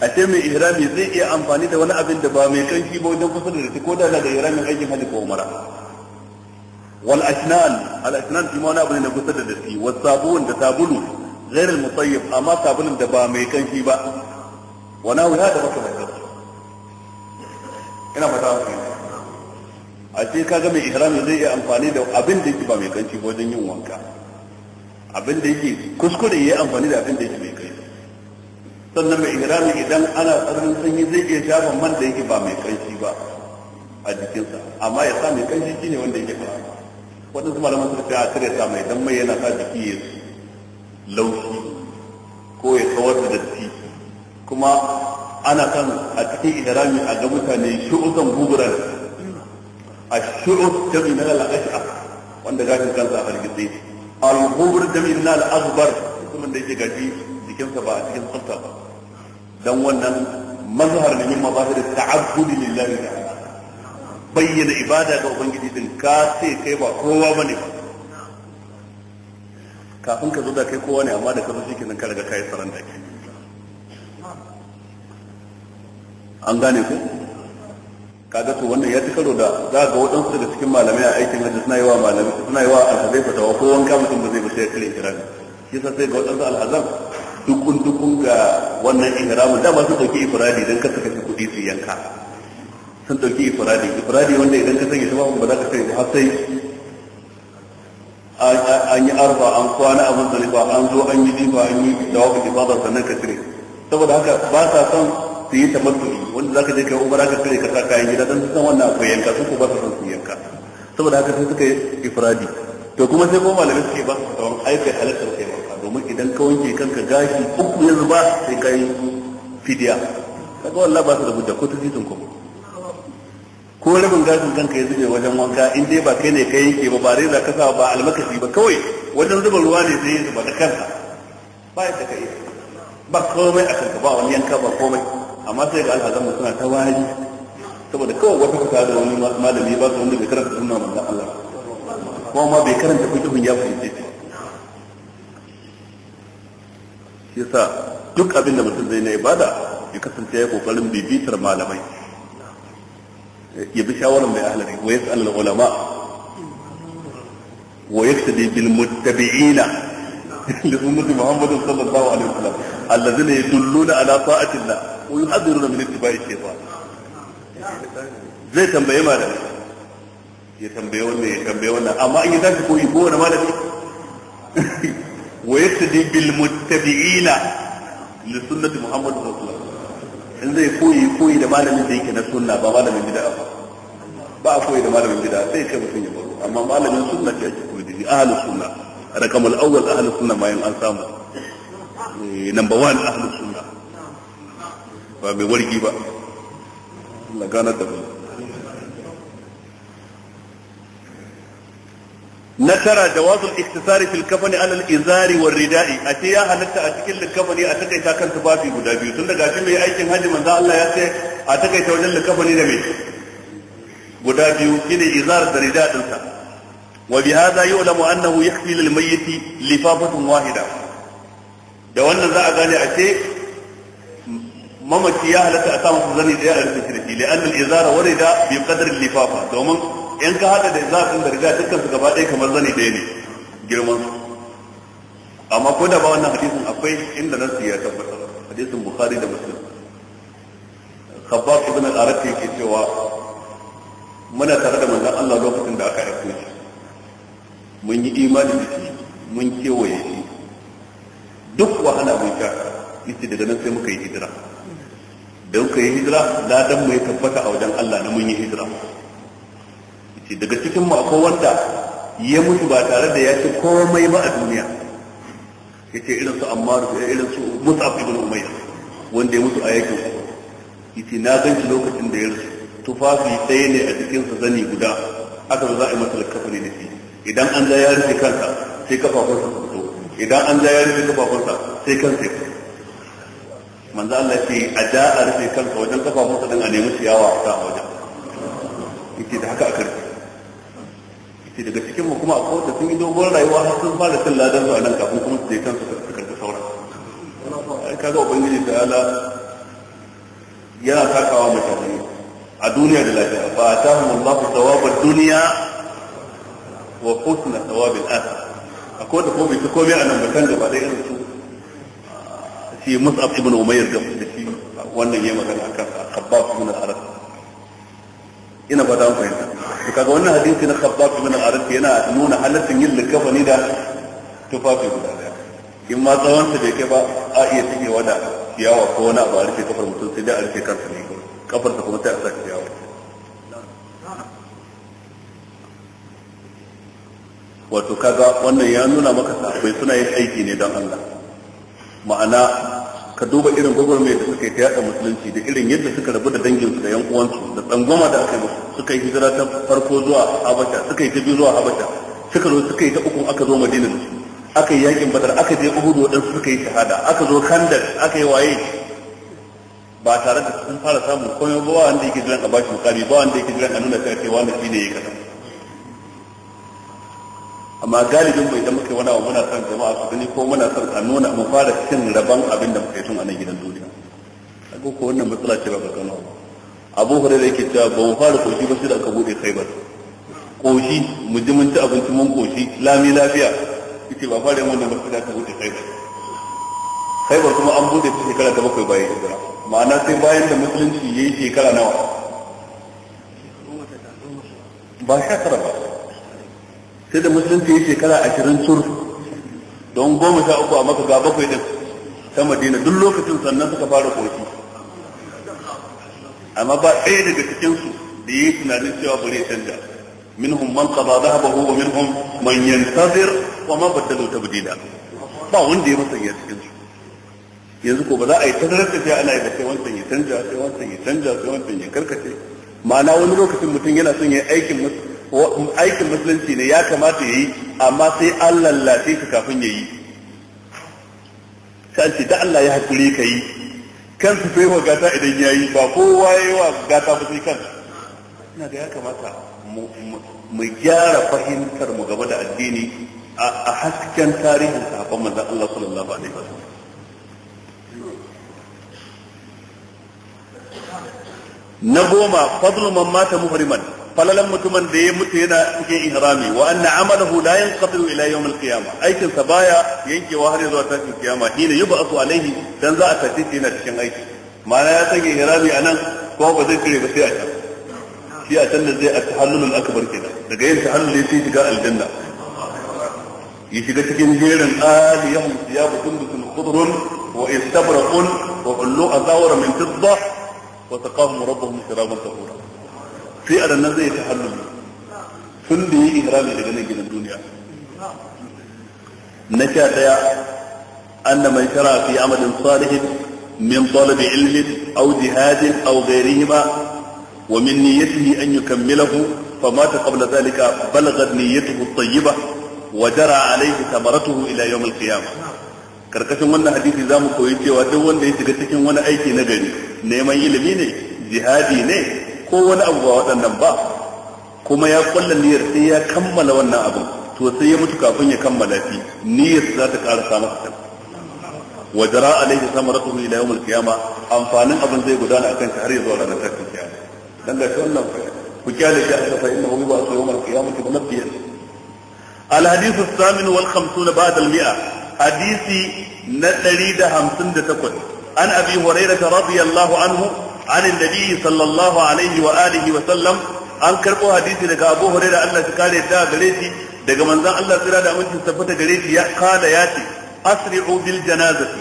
a ce mai ihrami zai iya amfani da wani abin da ba mai shi ba wajen kusa da ko da da ihramin aikin hajji ko umara wal asnan al asnan shi ma wani abu ne na kusa da datti wa sabun da sabulu ghair musayyib amma sabulun da ba mai shi ba wa nahu hada maka mai kanshi ina fata ku a ce kaga mai ihrami zai iya amfani da abin da yake ba mai shi ba wajen yin wanka abin da yake kuskure yayi amfani da abin da yake mai kai. sannan mai ihrami idan ana tsarin sanyi zai iya shafa man da yake ba mai kanshi ba a jikinsa amma ya sa mai kanshi ne wanda yake ba waɗansu malaman sun ce a cire sa mai dan mai yana sa jiki ya laushi ko ya kawar da datti kuma ana kan a cikin ihrami a ga mutane shu'usan buburan a shu'us jami'in na al'ash'a wanda gashin kansa a hargitse al-bubur jami'in na al-azbar mutumin da yake gaji. jikinka ba a cikin tsafta ba don wannan mazhar ne da mazahirin ta'abbudi lillahi da bayyana ibada ga ubangiji din ka ce kai ba kowa ba ba kafin ka zo da kai kowa ne amma da ka zo shi kenan ka riga kai ke an gane ku kaga to wannan ya ci karo da za ga waɗansu daga cikin malamai a aikin hajji suna yi wa malamai suna yi wa alhazai fatawa ko wanka mutum ba zai ba sai ya kare kirani shi sa sai ga waɗansu alhazan dukun dukun ga wannan ihramu dama sun dauki ifradi dan saka shi kudi su yanka sun dauki ifradi ifradi wanda idan ka sanya shi ba za ka sanya har sai an yi arba an kwana abin ba an zo an yi diba an yi dawabu ifada sannan ka cire saboda haka ba sa son su yi tamattu wanda zaka je kai umara ka tire ka sa kayan gida dan san wannan akwai yanka su ko ba sa son su yanka saboda haka sai suka yi ifradi to kuma sai ko malamai suke ba su tsawon aikai halittar kai domin idan ka wanke kanka gashi uku ya zuba sai ka yi fidiya kaga wallahi ba su da budda ko ta titin ko ko rabin gashin kanka ya zube wajen wanka in dai ba kai ne ka yanke ba ba reza ka sa ba almakashi ba kawai wajen zuba ruwa ne sai ya zuba da kanka ba ya ka iya ba komai a kanka ba wani yanka ba komai amma sai ga alhazan mu suna ta wani saboda kawai wata kusa da wani malami ba su wanda bai karanta sunna manzon Allah kuma ma bai karanta kuɗin ya fahimce shi sa duk abin da mutum zai na ibada ya kasance ya kokarin bibitar malamai ya bi shawarar mai ahlari wa yas'al ulama wa yaktadi bil muttabi'ina li ummati muhammad sallallahu alaihi wasallam alladhina yadulluna ala ta'atillah wa yuhadiruna min ittiba'i shaytan zai tambaye malami ya tambaye wannan ya tambaye wannan amma in ya tashi koyi ko wani malami ويقتدي بالمتبعين لسنة محمد صلى الله عليه وسلم in zai koyi da malamin da yake na sunna ba malamin bid'a ba ba a koyi da malamin bid'a sai kai mutum ya amma malamin sunna ke ake koyi da shi ahlus sunna rakam al-awwal ahlus sunna ma an samu number ba mai wargi ba da na tara jawazul iktisari fil kafani alal izari war ridai a ce ya halatta a cikin likafani a takaita kan tufafi guda biyu tun daga shi mai aikin hajji manzo Allah ya ce a takaita wajen likafani da mai guda biyu shine izar da rida din sa wa bi hadha yu'lamu annahu yakfi lil mayyit lifafatun wahida da wannan za a gane a ce mamaci ya halatta a samu zani da ya rufe shi da shi li'anna al izara wa rida bi qadri lifafa domin in ka hada da zafin da riga dukkan su gaba ɗaya kamar zani ɗaya ne girman su amma ko da ba wannan hadisin akwai inda nan su ya tabbatar hadisin bukhari da muslim khabbab ibn al-arabi yake cewa muna tare da manzon Allah lokacin da aka aiko shi mun yi imani da shi mun kewaye shi duk wahala mun sha yace daga nan sai muka yi hijira da muka yi hijira ladan mu ya tabbata a wajen Allah na mun yi hijira shi daga cikin mu akwai wanda ya mutu ba tare da ya ci komai ba a duniya Ya ce irin su ya irin su abu ibn Umayr wanda ya mutu a yakin ce na ganci lokacin da ya rasu tufafi ɗaya ne a cikin sa zani guda aka za a yi masa ne da shi idan an ja ya rufe kansa sai kafafunsa su fito idan an ja ya rufe kafafunsa sai kansa ya fito manzo Allah ce a ja a rufe kansa wajen kafafunsa din a nemi ciyawa a sa a wajen ita da haka a karfi ce daga cikin mu kuma a kowace sun yi dogon rayuwa har sun fara cin ladan su a nan kafin kuma su je kansu su karɓi sauran ai kaga ubangiji ta ala yana takawa mutane a duniya da lafiya ba a fa atahum Allahu thawabad duniya wa husna thawabil a akwai da komai ta komai a nan batan gaba da irin su ah, shi Mus'ab ibn Umayr da shi wannan yayi magana akan Khabbab ibn Al-Arab ina ba da fahimta kaga wannan hadisi na khabbab ibn al-arif yana nuna halatin yin likafani da tufafi guda daya in ma tsawon sa bai kai ba a iya cikewa da yawa ko wani abu a rufe kafar mutum sai dai a rufe kansa ne kafar ta kuma sai a sa yawa wato kaga wannan ya nuna maka sahabbai suna yin aiki ne don Allah ma'ana ka duba irin gwagwarmaya da suka yi ta yaɗa musulunci da irin yadda suka rabu da danginsu da yan uwansu da tsangwama da aka yi musu suka yi hijira ta farko zuwa habasha suka yi ta biyu zuwa habasha suka zo suka yi ta uku aka zo madina da su aka yi yakin badar aka je uhud su suka yi shahada aka zo kandar aka yi waye ba tare da sun fara samun komai ba wanda yake jiran a bashi mukami ba wanda yake jiran a nuna cewa wanda shine yake kasa amma galibin mai da muka wani abu muna son jama'a su gani ko muna son a nuna mu fara cin rabon abin da muka yi tun a nan gidan duniya a ko wannan matsala ce ba ka ba abu da yake cewa ba mu fara koshi ba shi da aka bude khaibar koshi mu ji mun ci abinci mun koshi lami lafiya yace ba fara mun da ba da aka bude kai ba kuma an bude shi shekara ta bakwai bayan hijira ma'ana sai bayan da musulunci yayi shekara nawa ba shekara ba sai da musulunci ya shekara ashirin sur don goma sha uku a maka ga bakwai din ta madina duk lokacin sannan suka fara koki amma ba ɗaya daga cikinsu da yi tunanin cewa bari ya canja minhum man qada dhahabahu wa minhum man yantazir wa ma badalu tabdila ba wanda ya masanya cikin su yanzu ko ba za a yi tazarar tafiya ana yi da sai wancan ya canja sai wancan ya canja sai wancan ya karkace ma'ana wani lokacin mutum yana son ya yi aikin aikin musulunci ne ya kamata ya yi amma sai an lallace ka kafin ya yi sai da Allah ya hakuri ka yi kan su wa gata idan ya yi ba kowa ya yi wa gata ba sai kan ina ga ya kamata mu gyara fahimtar mu game da addini a hasken tarihin sahabban manzon Allah sallallahu alaihi wasallam na goma fadlu man mata muhriman falalan mutumin da ya mutu yana cikin ihrami wa anna amalahu la yanqatu ila yawm al-qiyamah aikin sa baya yankewa har zuwa tashin kiyama dina yub'athu alaihi dan za a tace shi yana cikin aiki ma'ana ya sake ihrami anan ko ba zai kire ba sai a can shi a can da zai at-tahallul al-akbar kenan daga yin tahallul sai shiga aljanna ya shiga cikin jerin aliyahum siyabu tundusun khudrun wa istabraqun wa qullu azawara min fidda wa taqahum rabbuhum shiraban tahura sai a nan zai ta hallumi tun da yi ihrami daga nan gidan duniya na sha daya anna man shara fi amalin salihin min talabi ilmin aw jihadin aw ghayrihima wa min niyyatihi an yukammilahu فمات قبل ذلك بلغت نيته الطيبة وجرى عليه ثمرته إلى يوم القيامة karkashin wannan hadisi zamu koyi cewa duk wanda ya shiga cikin wani aiki na gari neman ilimi ne jihadi ne ko wani abu ba waɗannan ba kuma ya kulla niyyar sai ya kammala wannan abin to sai ya mutu kafin ya kammala shi niyyar za ta ƙara karasa masa kan wa jara alaihi samaratuhu ila yawmil qiyama amfanin abin zai gudana akan shi har ya zuwa ranar tashin kiyama dan ga wannan ku kyale shi aka fa innahu yub'athu yawmal qiyamati bi nafsihi الحديث الثامن والخمسون بعد المئة حديث نتريد همسند تكون عن أبي هريرة رضي الله Anhu. عن النبي صلى الله عليه وآله وسلم an karɓo hadisi daga Abu Hurairah Allah ya kare da gare shi daga manzon Allah tsira da aminci tabbata gare shi ya kala ya ce asri'u bil janazati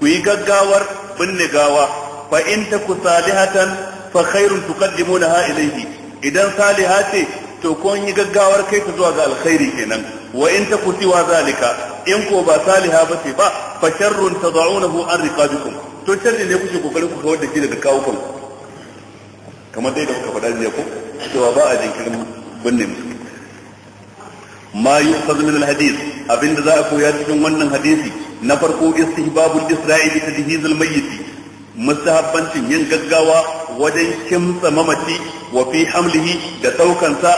ku yi gaggawar binne gawa fa in taku salihatan fa khairun tuqaddimunaha ilayhi idan saliha ce to ko yi gaggawar kai ta zuwa ga alkhairi kenan wa in taku siwa zalika in ko ba saliha ba ce ba fa sharrun tad'unahu an riqabikum to sharri ne kuke kokarin ku kawar da shi daga kawo kan kamar dai da kuka faɗa jiya ko cewa ba a jinkirin binne musu ma yu'khadhu min al-hadith abinda za a koya cikin wannan hadisi na farko istihbabul isra'i bi tadhhizil mayyit mustahabbancin yin gaggawa wajen kimsa mamaci wa fi hamlihi da daukansa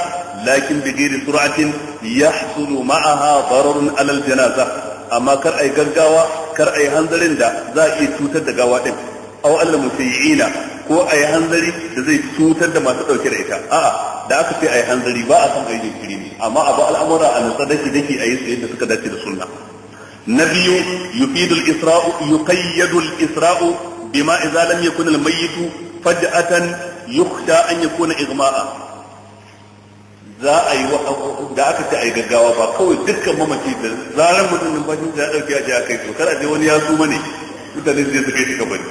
lakin bi ghairi sur'atin yahsulu ma'aha dararun alal janaza amma kar yi gaggawa kar yi hanzarin da za a iya cutar da gawa ɗin aw al musayyi'ina ko ai hanzari da zai cutar da masu ɗauke da ita a'a da aka ce ai hanzari ba a san ai jinkiri ne amma abu al'amura a nasa dake dake ayi su yadda suka dace da sunna na biyu yufidu israu yuqayyadu israu bima idza lam yakun al-mayyit faj'atan yukhsha an yakuna igma'a za a yi wa da aka ce a yi gaggawa ba kawai dukkan mamaci da zarar mutum numfashin ya dauki a jiya kai to kar a je wani ya su ne. mutane zai su kai shi kabari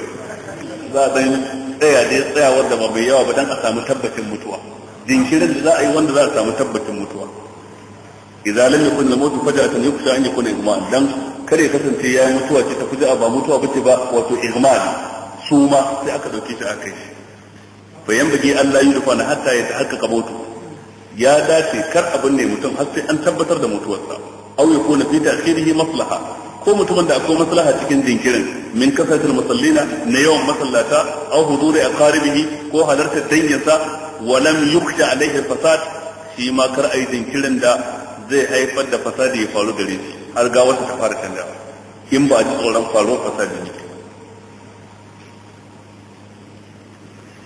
za a dan tsaya dai tsaya wadda ba mai yawa ba dan a samu tabbacin mutuwa jinkirin da za a yi wanda za a samu tabbacin mutuwa idza lam yakun lamutu faja'atan yuksha an yakuna igman dan kare kasance ya mutuwa ce ta kuja ba mutuwa bace ba wato igman suma sai aka dauke shi aka kai shi fa yanbaghi an la na hatta yatahaqqaqa mautuhu ya dace kar abin ne mutum har sai an tabbatar da mutuwarsa aw yakuna fi ta'khirihi maslaha ko mutumin da akwai maslaha cikin jinkirin min kasatul musallina na yawan masallata aw huduri aqaribihi ko halartar danginsa wa lam yukhsha alaihi fasad shi ma kar ai jinkirin da zai haifar da fasadi ya faru gare shi har ga wata ta fara canja in ba a ji tsoron faruwar fasadi ne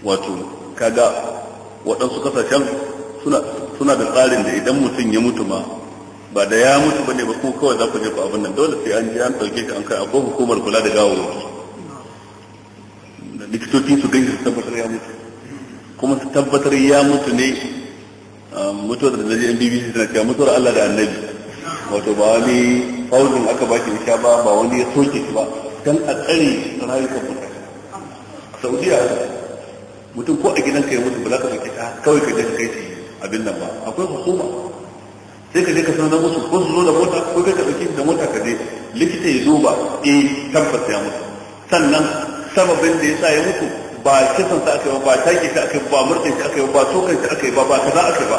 wato kaga waɗansu kasashen suna suna da tsarin da idan mutum ya mutu ma ba da ya mutu bane ba kuma kawai za ku je ku abin nan dole sai an je an ɗauke shi an kai akwai hukumar kula da gawawwaki da likitocin su gani su tabbatar ya mutu kuma su tabbatar ya mutu ne um, mutuwar da zai NBBC tana cewa mutuwar Allah da Annabi wato ba wani fauzin aka baki sha ba ba wani ya soke shi ba dan a tsare rayukan mutane Saudiya mutum ko a gidanka ya mutu ba za ka ɗauke ta kawai ka je ka kai shi abin nan ba akwai hukuma sai ka je ka sanar musu ko su zo da mota ko kai ka ɗauki da mota ka je likita ya duba eh tabbas ya mutu sannan sababin da ya sa ya mutu ba kisan sa aka yi ba take shi aka yi ba murtin shi aka yi ba tokan shi aka yi ba ba kaza aka yi ba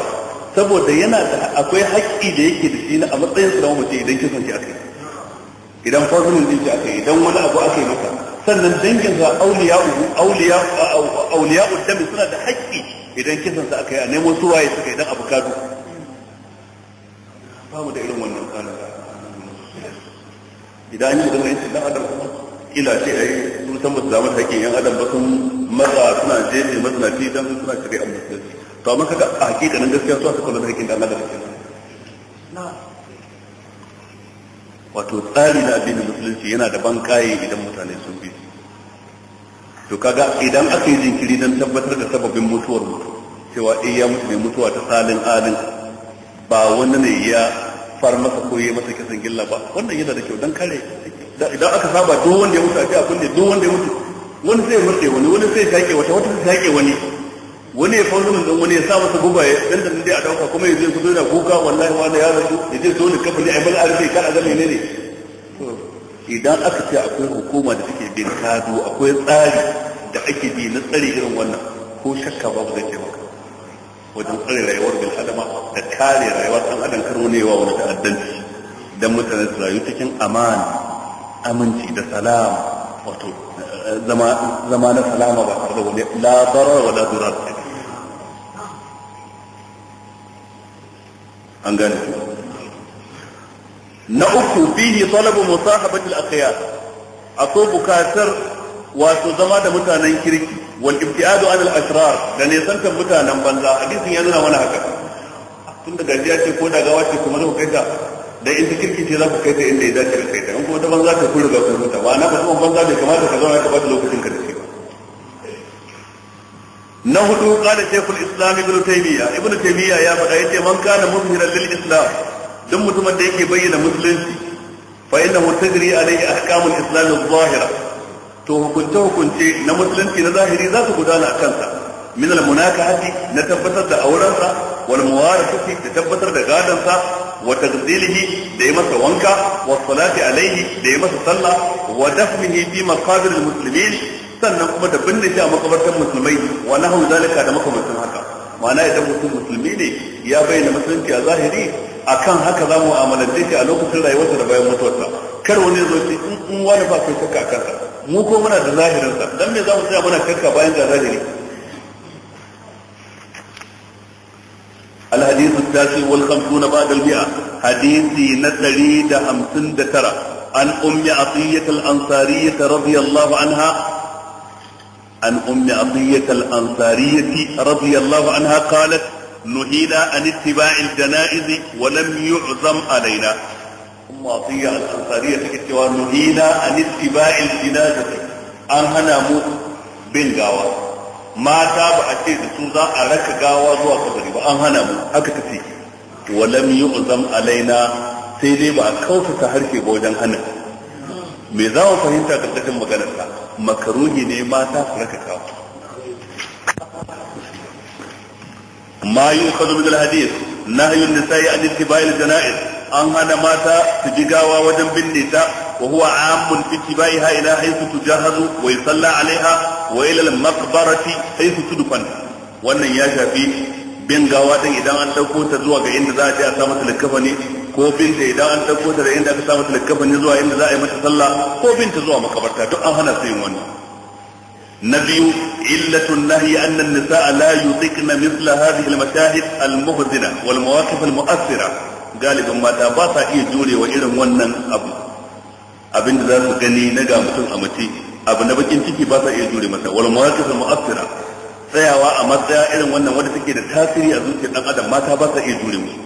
saboda yana da akwai haƙƙi da yake da shi na a matsayin sa na mace idan kisan shi aka yi idan fazlun din shi aka yi idan wani abu aka yi maka sannan dangin sa auliya auliya auliya dami suna da haƙƙi idan kisan sa aka yi a nemo su waye suka idan abu kadu ba mu da irin wannan tsarin idan an yi zama yancin dan adam kuma ila ce a yi sun san basu damar haƙƙin yan adam ba sun maza suna jeje masana fi dan suna shari'ar musulunci to amma kaga a nan gaskiya su aka kula da haƙƙin da adam na wato tsari na addinin musulunci yana da ban kaye idan mutane sun bi to kaga idan aka yi jinkiri don tabbatar da sababin mutuwar mutu cewa iya ya mutu ne mutuwa ta salin alin ba wani ne ya far masa ko masa kisan gilla ba wannan yana da kyau don kare idan aka saba duk wanda ya mutu a ce abin ne duk wanda ya mutu wani sai murɗe wani wani sai shaƙe wata wata sai shaƙe wani wani ya faru don wani ya sa masa guba ya dan da dai a dauka kuma ya je kuzo da kuka wallahi wani ya rasu ya je zo ne kafin ai bal arfi kar a ga ne. idan aka ce akwai hukuma da take bin kado akwai tsari da ake bi na tsari irin wannan ko shakka babu zai taimaka wajen tsare rayuwar bin adama da kare rayuwar ɗan adam karo ne wa wani ta'addanci don mutane su rayu cikin amana aminci da salama wato eh, zama na salama ba tare da wani la darar wa la durar an gane na uku fihi talabu al akhyar ato bukatar wato zama da mutanen kirki wal ibtiadu al ashrar da ne san mutanen banza hadisin ya nuna mana haka tun da gajiya ce ko da gawa ce kuma zai kai da da in ta kirki ce za ku kai ta inda ya dace kai ta in kuma ta banza ta kuri ga kuma ta ba na ba kuma banza bai kamata ka zauna ka bata lokacin ka da shi ba na hudu qala shaykhul islam ibn taymiya ibn taymiya ya faɗa yace man kana muzhiran lil islam duk mutumin da yake bayyana musulunci fa hu tajri alayhi ahkamul islam adh-dhahira to hukunce hukunce na musulunci na zahiri za su gudana a kansa min al-munakahati na tabbatar da aurensa wal muwarasati da tabbatar da gadansa wa tagdilihi da yi masa wanka wa salati alaihi da yi masa sallah wa dafnihi fi maqabir al-muslimin sannan kuma da binne shi a makabartan musulmai wa nahu zalika da makabartan haka ma'ana idan mutum musulmi ne ya bayyana musulunci a zahiri akan haka za mu amalance shi a lokacin rayuwarsa da bayan mutuwarsa kar wani zo ce in wani ba kai shakka a sa mu ko muna da zahirinsa dan me za mu tsaya muna shakka bayan ga zahiri الحديث التاسع والخمسون بعد المئة حديث نتري دهمسن دترى عن أم عطية الأنصارية رضي الله عنها عن أم عطية الأنصارية رضي الله عنها قالت نهينا عن اتباع الجنائز ولم يعزم علينا ثم عطية الأنصارية تكتوى نهينا عن اتباع الجنازة أن هنا مو بين غاوة ما تاب أتيت سوزا أرك غاوة زوا قبري وأن هنا مو أكتفي ولم يعزم علينا سيدي ما كوفة تحركي بوجان هنا me za mu fahimta karkashin maganarsa makaruhi ne mata su raka kawo ما يؤخذ من الحديث nahyun النساء عن اتباع janaiz an hana mata su وجن gawa wajen binne ta اتباعها huwa حيث تجهز ويصلى ila والى المقبره حيث تدفن وان يا ila بين maqbarati haythu tudfan wannan ya shafi bin gawa idan an ga inda za a je a sa mata likafani ko da idan an dauko ta da inda aka sa mata zuwa inda za a yi mata sallah ko bin ta zuwa makabarta duk an hana su yin wannan نبي علة النهي أن النساء لا layu مثل هذه المشاهد المهزنة والمواقف المؤثرة غالبا ما تباطا إيه جوري وإلم ونن أبو أبن ذات غني نجا مثل أمتي abu na bakin ciki ba sa iya jure masa wal mawaqif al mu'assira tsayawa a matsaya irin wannan wanda take da tasiri a zuciyar dan adam mata ba sa iya jure musu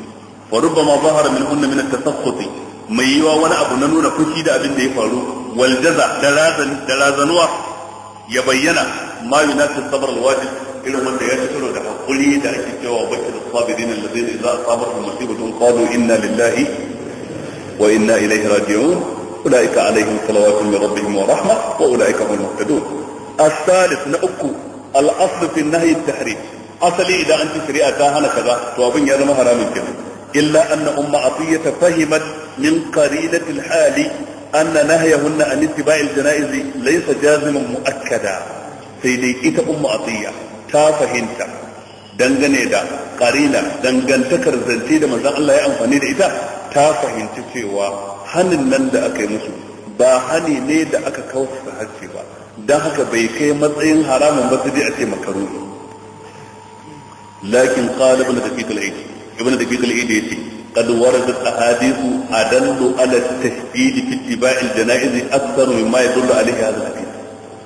fa rubbama zahara min hunna min at mai yiwa wani abu na nuna fushi da abin da ya faru wal da razanuwa يبين ما يناسب صبر الواجب الى من يشكر له قل يدع الشكوى وبشر الصابرين الذين اذا صبروا المصيبة قالوا انا لله وانا اليه راجعون اولئك عليهم صلوات من ربهم ورحمه واولئك هم المهتدون. الثالث نؤك الاصل في النهي التحريم اصلي اذا انت شريعة تاهنا كذا توابين يا كذا الا ان ام عطيه فهمت من قرينه الحال anna nahyahunna an ittiba'il jana'iz laysa jaziman muakkada sai dai ita ummu atiya ta fahimta dangane da ƙarina, dangantakar zance da manzon Allah ya amfani da ita ta fahimci cewa hanin nan da aka yi musu ba hani ne da aka kausa hacci ba don haka bai kai matsayin haramun ba su a ce makaru lakin qala ibn daqiq al-aidi ibn daqiq al-aidi yace قد وردت أحاديث أدل على التشديد في اتباع الجنائز أكثر مما يدل عليه هذا الحديث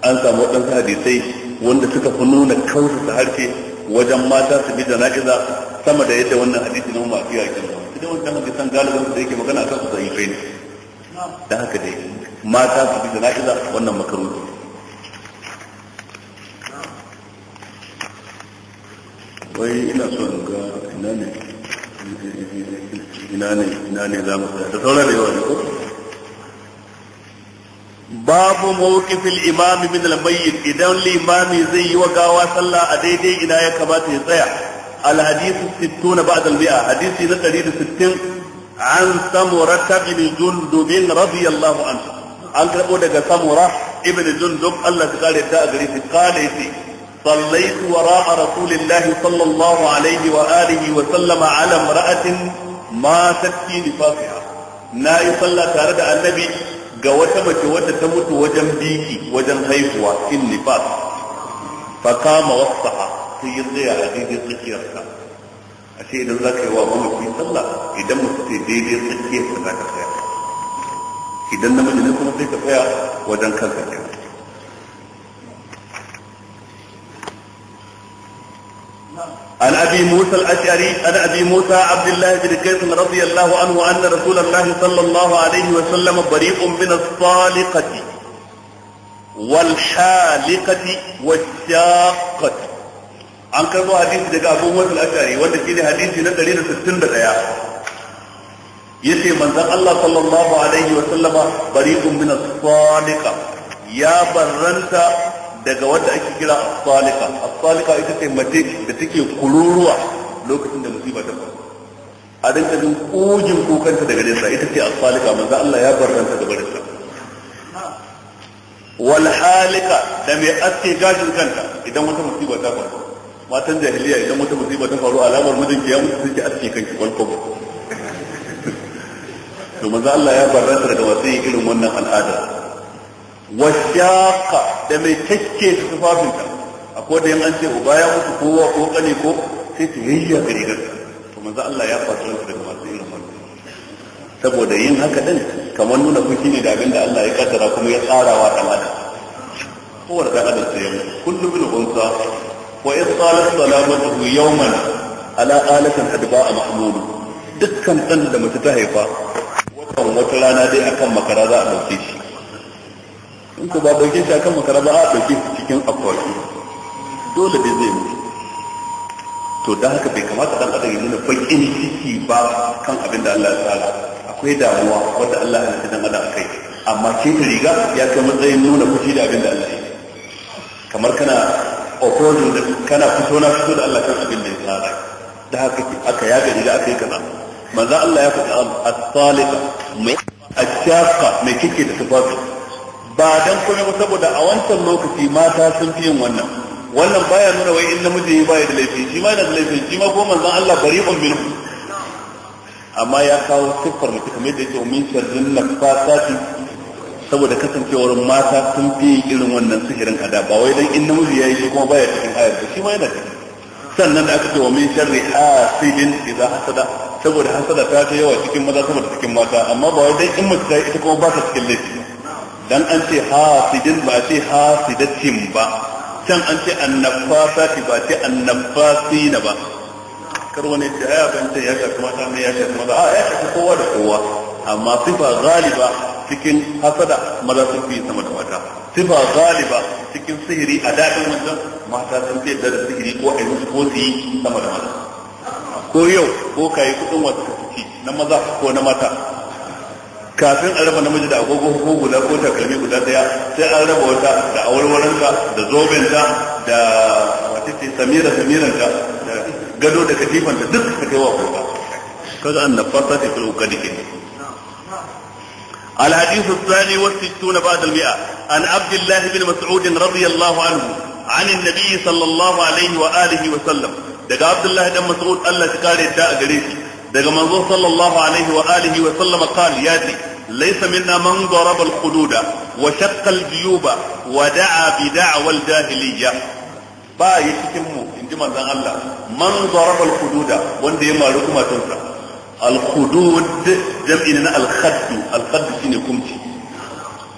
an samu waɗansu hadisai wanda suka fi nuna kausasa harshe wajen mata su bi jana'iza sama da yadda wannan hadisi na umar fiya kin idan wannan hadisan galibin da yake magana akan su sai ne dan haka wai ina so ga ina ne ina ne ina ne za da sauran da yawa ne ko babu mawqifil imami min al mayyit idan li zai yi wa gawa sallah a daidai ina ya kamata ya tsaya al hadith 60 ba'd al mi'a hadisi na 160 an samura ibn jundub bin radiyallahu anhu an karbo daga samura ibn jundub a ta kare ta gari fi qala fi صليت وراء رسول الله صلى الله عليه وآله وسلم على امرأة ma tafi nifasiha na yi sallah tare da annabi ga wata mace wadda ta mutu wajen biki wajen haihuwa in ni nifas fa kama wasaha sai yi tsaya a daidai tsakiyarsa a ce idan za ka yi wa mamaci sallah idan mutu sai daidai tsakiyarsa za ka tsaya idan na namiji ne kuma sai ka tsaya wajen kansa kenan No. عن ابي موسى الاشعري عن ابي موسى عبد الله بن قيس رضي الله عنه ان رسول الله صلى الله عليه وسلم بريء من الصالقه والحالقه والشاقه an karbo hadisi daga abu musul ashari wanda shine hadisi na 161 yace manzon Allah sallallahu alaihi wa sallama bari'un min as-sadiqa ya barranta daga wanda ake kira asalika, asalika ita ce mace da take kururuwa lokacin da musiba ta faru a dinka jin kogin kokanta daga nesa ita ce asalika manzo Allah ya barranta da barinta wal halika da mai aske gajin kanta idan wata musiba ta faru matan jahiliya idan wata musiba ta faru alamar mijinki ya mutu sai ke aske kanki kwalko to manzo Allah ya barranta daga wasu irin wannan al'ada washaqa da mai takke su tufafinta akwai da yan an ce uba ya mutu ko wa ko kane ko sai ta yayya ga rigar to manzo Allah ya fasa su daga masu irin wannan saboda yin haka din kamar nuna fushi ne da abinda Allah ya kaddara kuma ya tsara wa dan adam kowar da adam sai yayi kullu bil unsa wa in qalat salamatu yawman ala alatin adba'a mahmud dukkan dan da mace ta haifa watan wata rana dai akan makara za a dauke shi in ko ba dauke shi akan makara ba a dauke shi cikin akwati dole dai zai mutu to da haka bai kamata dan adam ya nuna bakin ciki ba kan abin da Allah ya tsara akwai damuwa wanda Allah ya tsara dan adam akai amma ke riga ya kai matsayin nuna fushi da abin da Allah ya kamar kana opposing da kana fito na fito da Allah kan abin da ya tsara da haka aka gari da aka yi kaza manzo Allah ya faɗa al salika mai ashaka mai kike da tufafi ba dan kuma ba saboda a wancan lokaci mata sun fi yin wannan wannan baya nuna wai in namiji ba ya da laifi shi ma da laifi shi ma ko manzon Allah bari bari'un min. amma ya kawo siffar mutu kamar da yake min sharrin nafasati saboda kasancewar mata sun fi irin wannan sihirin ada ba wai dan in namiji yi shi kuma baya cikin ayar shi ma yana cikin sannan da aka ce wa min sharri hasidin idza hasada saboda hasada ta ta yawa cikin maza saboda cikin mata amma ba wai dan in mutu ta ita kuma ba ta cikin laifi dan an ce hasidin ba ce hasidatin ba can an ce annafasati ba ce annafasina ba kar wani ce ya ban ce ya shafi mata ne ya shafi maza a ya shafi kowa da kowa amma sifa galiba cikin hasada maza sun fi sama da mata sifa galiba cikin sihiri a daɗin wancan mata sun fi da sihiri ko a yi ko su yi sama da mata ko yau ko ka yi kuɗin wasu ka na maza ko na mata kafin a raba namiji da agogo ko guda ko takalmi guda daya sai an raba wata da awarwaranka da zobenta da wacce samira samiranta da gado da katifan da duk ka kaiwa kuka kaga an nafasa ta fil ukadi kenan الحديث الثاني والستون بعد المئة عن عبد الله بن مسعود رضي الله عنه عن النبي صلى الله عليه وآله وسلم دقى عبد الله بن مسعود الله تكاري تاء قريسي daga manzo sallallahu alaihi wa alihi wa sallama qal yati laysa minna man daraba al-hududa wa shaqqa al-juyuba wa da'a bi da'wa al-jahiliyya ba yi cikin mu inji manzon Allah man daraba al-hududa wanda ya maru kuma tunsa al-hudud jam'in na al-khadd al-khadd shine kumci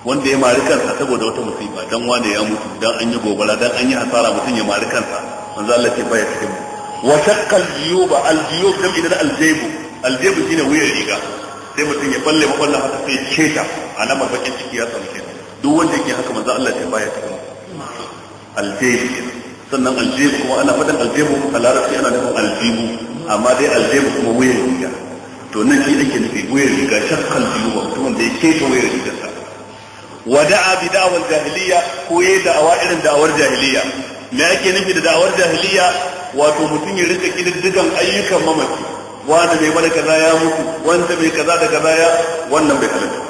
wanda ya mari kansa saboda wata musiba dan wanda ya mutu dan an yi gobara dan an yi hasara mutum ya mari kansa manzo Allah ce ba ya cikin mu wa shaqqa al-jiyuba al-jiyub dan idan al-jaybu al-jaybu riga sai mutum ya balle maballan haka sai ce ta alamar bakin ciki ya samu kenan duk wanda yake haka manzo Allah ya baya cikin al-jaybu sannan al kuma ana fadan al-jaybu a larabci ana nufin al amma dai al kuma wuyan riga to nan shi ake nufi wuyan riga shaqqa al-jiyuba mutum da ya ce ta wuyar rigarsa wada'a bi da'awar jahiliya ko yayi da'awa irin da'awar jahiliya me ake nufi da da'awar jahiliya wato mutum ya rika kididdigan ayyukan mamaci wanda mai mana kaza ya mutu wanda mai kaza da kaza ya wannan bai halatta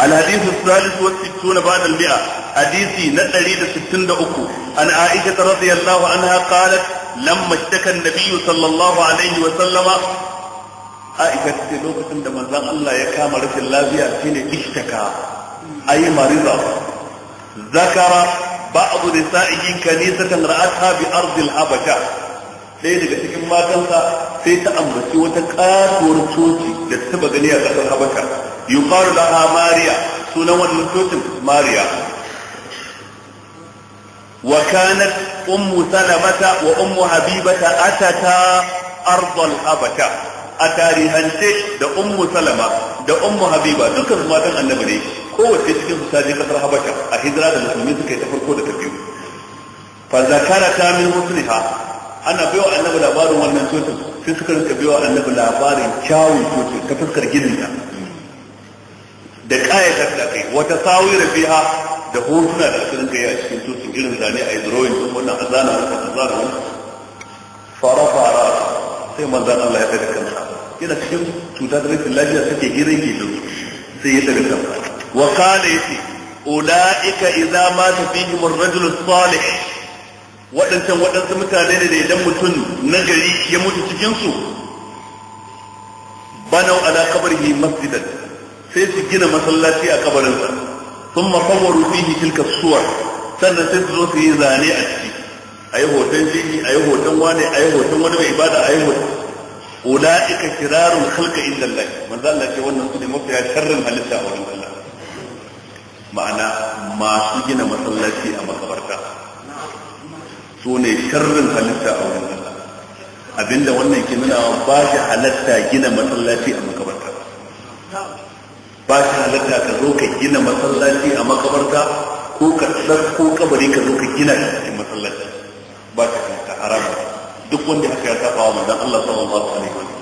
الحديث الثالث والستون بعد المئة حديثي نتري لستين دأكو عن عائشة رضي الله عنها قالت لما اشتكى النبي صلى الله عليه وسلم عائشة تلوك سند مزان الله يكام رسل الله فيها اشتكى أي مريضة zakara ba'd nisa'ihi kanisatan ra'atha bi ardil sai daga cikin matansa sai ta ambaci wata katuwar coci da ta taba gani a kasar habasha yuqalu laha mariya sunan wannan cocin mariya وكانت wa سلمة habibata حبيبة أتتا أرض a أتاريهن da Ummu Salama da Ummu Habiba dukkan matan annabi ne kowace cikin su ta kasar habasha a hijira da musulmi suka yi ta farko da ta biyu fa zakara ta min musliha ana baiwa annabi labarin wannan cocin sai suka rinka baiwa annabi labarin kyawun cocin ta fuskar ginin ta da kayatar da kai wata sawira biha da hotuna da aka rinka yi a cikin cocin irin zane a yi drawing din wannan azana wannan azana wannan fara fara sai manzan Allah ya tsaya kansa yana cikin cuta da rikin lafiya take girin gidan sai ya tsaya kansa wa qala yati ulaika idza mata fihim ar-rajul salih waɗancan waɗansu mutane ne da idan mutum nagari ya mutu cikin su banau ala qabrihi masjidan sai su gina masallaci a kabarinsa thumma sawwaru fihi tilka suwar sannan sai su su yi zane a ciki ayi hoton jini ayi hoton wane ayi hoton wani mai Allah ce wannan halitta a wurin ma'ana masu gina masallaci a makabarta su ne sharrin halitta a wurin Allah abinda wannan ke nuna ba shi halatta gina masallaci a makabarta ba shi halatta ka zo ka gina masallaci a makabarta ko ka ko kabari ka zo ka gina cikin masallaci ba shi halatta haramun duk wanda haka ya saba wa manzon Allah sallallahu alaihi wasallam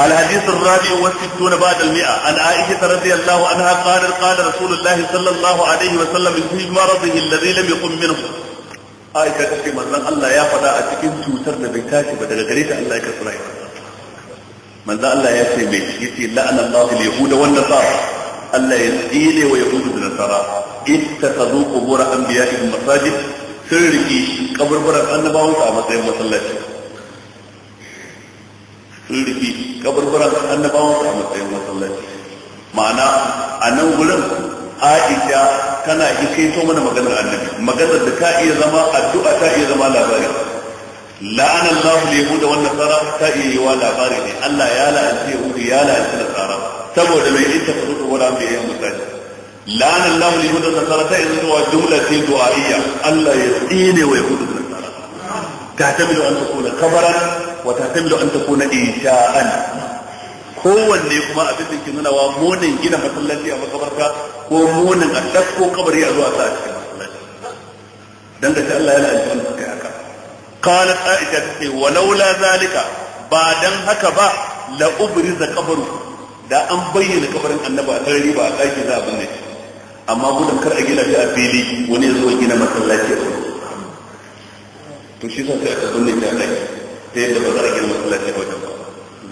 الحديث الرابع والستون بعد المئة عن عائشة رضي الله عنها قال قال رسول الله صلى الله عليه وسلم في مرضه الذي لم يقم منه عائشة تشكي من الله يا فدا أتكين توتر ببيتاتي بدل غريت الله يكسر من ذا الله يا سيدي يتي لأن الله اليهود والنصارى الله يزيلي ويهود النصارى اتخذوا قبور أنبيائهم مساجد سرقي قبر برد أنباهم فأمسهم وصلاتهم sun rufi kaburburan annabawan a matsayin masallaci ma'ana a nan wurin aisha tana hikaito mana maganar annabi maganar da ta iya zama addu'a ta iya zama labari la'ana Allah yahuda wannan tsara ta iya yi wa labari ne Allah ya la'anci yahuda ya la'anci tsara. saboda mai ita ta rubuta wala mai yin misali la'ana Allah yahuda wan tsara ta iya zuwa jumla ce du'a'iyya Allah ya tsine wa yahuda wan nasara ta tabi da wannan kula kabaran wa tahtamilu an ta takuna insha'an kowanne kuma a da ke nuna wa munin gina masallaci a makabarta ko munin a dakko kabari a zuwa sa a cikin masallaci dan da Allah ya la'anta wannan kai haka qalat aisha tace walaula zalika ba dan haka ba la ubriza qabru da an bayyana kabarin annaba a tarihi ba a ɗaki za a binne amma gudun kar a gina shi a fili wani ya zo gina masallaci a wani to shi sa sai a binne shi a ɗaki da yadda ba za a gina masallaci a wajen ba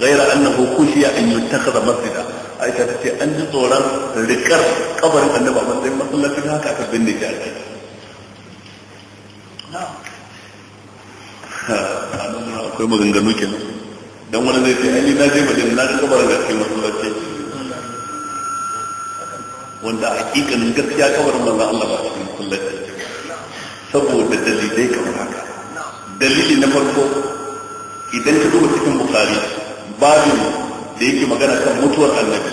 gaira annahu kushiya an yuttakhadha masjida aisha ta ce an ji tsoron rikar kabarin annaba matsayin masallaci da haka aka binne shi a kai akwai maganganu nan dan wani zai ce ainihin na je madina na ga kabarin da ke masallaci wanda hakikanin gaskiya kabarin manzo Allah ba cikin masallaci saboda dalilai kamar haka dalili na farko idan ka duba cikin bukari babin da yake magana kan mutuwar annabi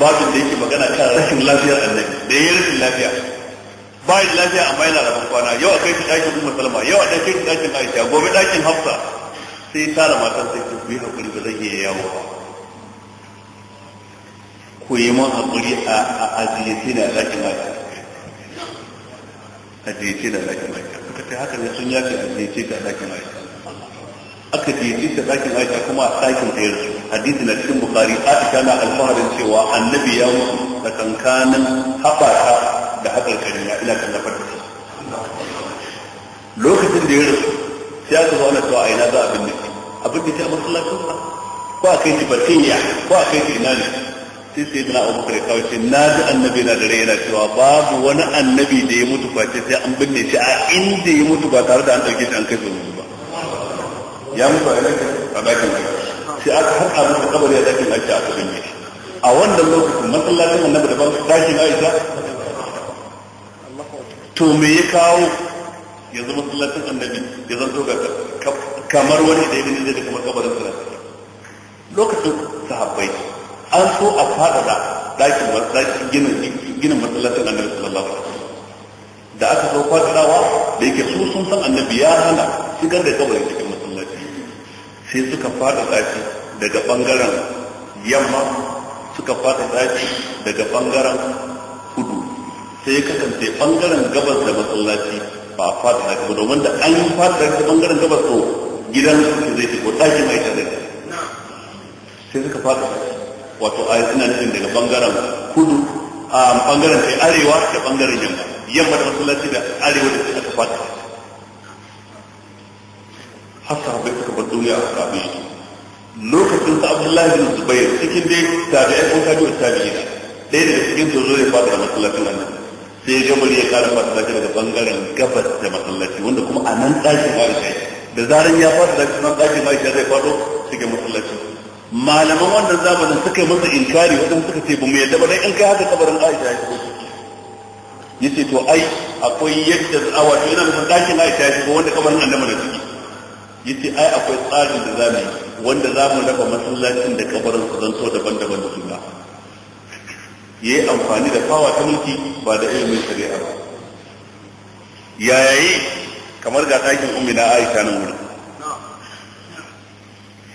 babin da yake magana kan rashin lafiyar annabi da ya rashin lafiya bayan lafiya amma yana rabon kwana yau a kai ɗakin umar salma yau a ɗakin ɗakin aisha gobe ɗakin hafsa sai tara matan sai ku yi hakuri ba zai iya yawo ba ku yi man hakuri a ajiyaci da ɗakin aisha ajiyaci da ɗakin aisha suka ce haka ne sun yace ajiyaci da ɗakin aisha aka jiyyace ta ɗakin aisha kuma a ɗakin ta yarsu hadisi na cikin bukari ta na alfaharin cewa annabi ya mutu tsakankanin haɓaka da haƙarƙari na ina tallafar da su lokacin da ya rasu sai aka zo cewa a ina za a binne shi a ta yi a masallacin ba ko a kai shi ya? ko a kai shi ina ne sai sai na abu kare kawai ce na ji annabi na da yana cewa babu wani annabi da ya mutu face sai an binne shi a inda ya mutu ba tare da an ɗauke shi an kai su ba ya mutu a dakin a dakin sai aka haɗa masa kabari a dakin aisha a binne shi a wannan lokacin masallacin annabi daban dakin aisha to me ya kawo zama masallacin annabi ya zanto ga kamar wani da ya gani zai kamar kabarin sa lokacin sahabbai an so a faɗaɗa dakin dakin ginin ginin masallacin annabi sallallahu alaihi wasallam da aka so kwadawa da yake su sun san annabi ya hana shigar da kabarin cikin sai suka fada tsaki daga bangaren yamma suka fada tsaki daga bangaren kudu sai kasance bangaren gabas da masallaci ba fada tsaki ba domin da an yi fada tsaki bangaren gabas to gidan su zai ko ɗakin aisha zai sai suka fada tsaki wato a suna nufin daga bangaren kudu a bangaren sai arewa da bangaren yamma yamma da masallaci da arewa da suka fada hatta bai suka bar duniya a shi lokacin sa abdullahi bin zubair cikin dai tabi'ai ko tabi'u tabi'ina ɗaya daga cikin su zo ne fada da masallacin annabi sai ga muri ya kara masallaci daga bangaren gabas da masallaci wanda kuma a nan ɗakin aisha da zaran ya fada da nan ɗakin aisha zai fado cikin masallaci malaman wannan zamanin suka yi masa inkari wajen suka ce ba mu yadda ba dai in kai haka kabarin aisha ya shigo yace to ai akwai yadda awa to yana nufin ɗakin aisha ya shigo wanda kabarin annabi na ciki yace ai akwai tsarin da zamu yi wanda zamu raba masallacin da kabarin su so daban-daban da Ya yayi amfani da fawa ta mulki ba da ilimin shari'a ba yayi kamar ga ɗakin ummi na Aisha nan wurin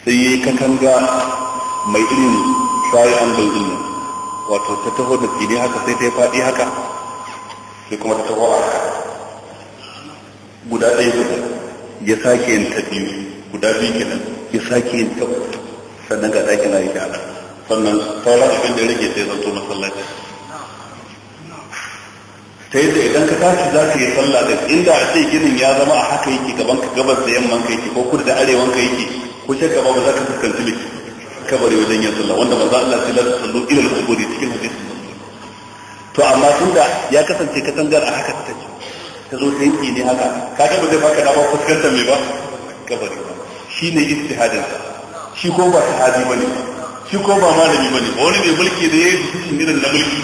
sai yayi katanga mai irin sai an gangin nan wato ta taho da tsini haka sai ta yi faɗi haka sai kuma ta taho a haka guda ɗaya guda ya sake yin ta biyu guda biyu kenan ya sake yin ta sannan ga yi aisha sannan sauran abin da rage sai zanto masallaci ta yadda idan ka tashi za ka yi sallah da inda a ce ginin ya zama a haka yake gaban ka gabas da yamman ka yake ko kudu da arewan ka yake ko gaba ba za ka fuskanci mai kabari wajen yin sallah wanda ba za Allah sai lati sallu ila al cikin hadisin to amma tunda ya kasance katangar a haka ta ce. ta zo yanki ne haka Ka ba zai baka dama fuskantar mai ba kabari shi ne istihadin shi ko ba sahabi bane shi ko ba malami bane ba wani mai mulki da yayi decision irin na mulki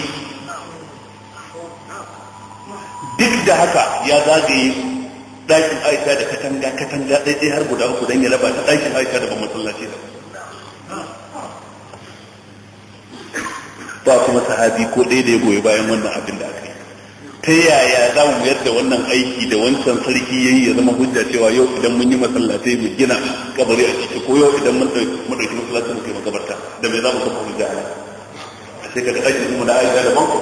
duk da haka ya zagaye ɗakin aisha da katanga katanga ɗaiɗai har guda uku dan ya raba ta ɗakin aisha da ban masallaci da ba kuma sahabi ko ɗaya da ya goyi bayan wannan abin da aka ta yaya za mu yadda wannan aiki da wancan sarki yayi ya zama hujja cewa yau idan mun yi masallatai mu gina kabari a ciki ko yau idan mun dauki masallaci mu kai makabarta da me za mu kafa hujja ana a sai ka ga mu na aisha da banko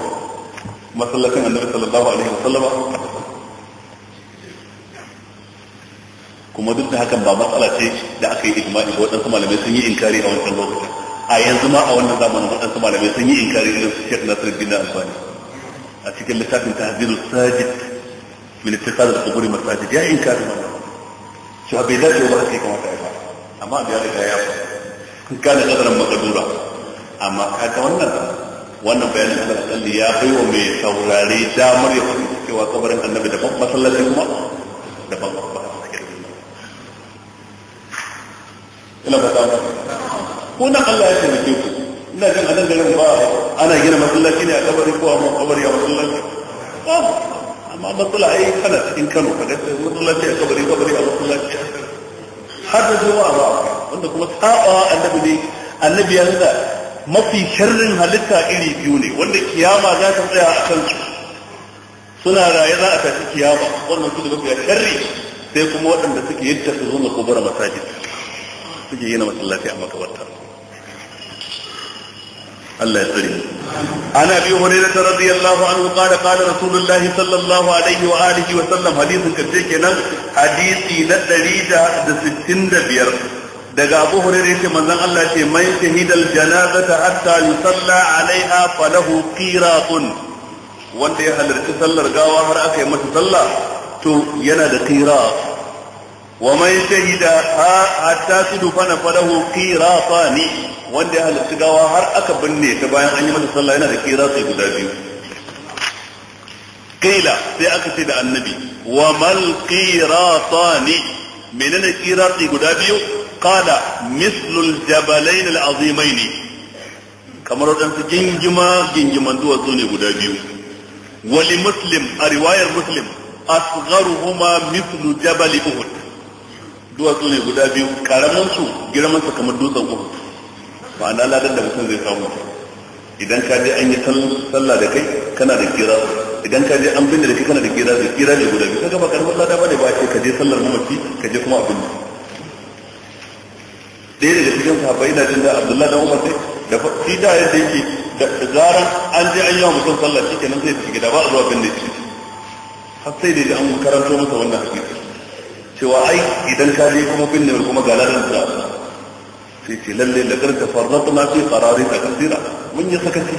masallacin annabi sallallahu alaihi wasallama kuma duk da hakan ba matsala ce da aka yi ijma'i ba waɗansu malamai sun yi inkari a wancan lokacin a yanzu ma a wannan zamanin waɗansu malamai sun yi inkari irin su Sheikh Nasiruddin Albani a cikin littafin tahzirus sajid min ittisal al-qubur masajid ya in kafin wannan cewa bai dace ba haka kuma ya ba amma da ya riga ya fara kana kadaran makadura amma kaga wannan wannan bayanin Allah salli ya bai wa mai saurare damar ya fahimci cewa kabarin annabi daban masallaci kuma daban ba ina ba ta ko na Allah ya taimake ku ina jin anan garin ba ana gina masallaci ne a kabari ko a kabari a masallaci oh, amma matsala ai kana cikin kano ka ga masallaci a kabari kabari a masallaci har da zuwa ba wanda kuma saba annabi ne annabi ya nuna mafi sharrin halitta iri biyu ne wanda kiyama za ta tsaya a kansu suna raye za a tafi kiyama wannan su da mafi sharri sai kuma waɗanda suke yadda su zo na kubura masajid suke yi na masallaci a makabarta Allah ya tsare عن ابي هريره رضي الله عنه قال قال رسول الله صلى الله عليه واله وسلم حديث كتير كنان حديثي ندري ده 65 daga abu hurairu yake manzon Allah ce man shahidal janazata hatta yusalla alaiha falahu qiratun wanda ya halarci sallar gawa har aka yi masa sallah to yana da qirat ومن شهد حتى تدفن فله قيراطان wanda ya halarci gawa har aka binne ta bayan an yi mata sallah yana da kirasai guda biyu kila sai aka ce da annabi wa mal qiratani menene kirasai guda biyu qala mislul jabalain al azimain kamar wadansu gingima gingiman duwatsu ne guda biyu wali muslim a riwayar muslim asgharuhuma mithlu jabal uhud duwatsu ne guda biyu karamin su girman su kamar dutsen uku ba na ladan da mutum zai samu idan ka je an yi sallah da kai kana da kira idan ka je an binne da kai kana da kira da kira ne guda biyu kaga ba karamin lada bane ba ce ka je sallar mamaki ka je kuma abin ɗaya daga cikin sahabbai na jin da Abdullahi dan Umar sai da shi da yadda yake da zaran an je an yi wa mutum sallah kenan sai ya shiga da ba a zuwa binne shi har sai da an karanto masa wannan hadisi cewa ai idan ka je kuma binne kuma galarin ladan da sai ce lalle da karka farrata na fi farari ta kasira mun yi sakaci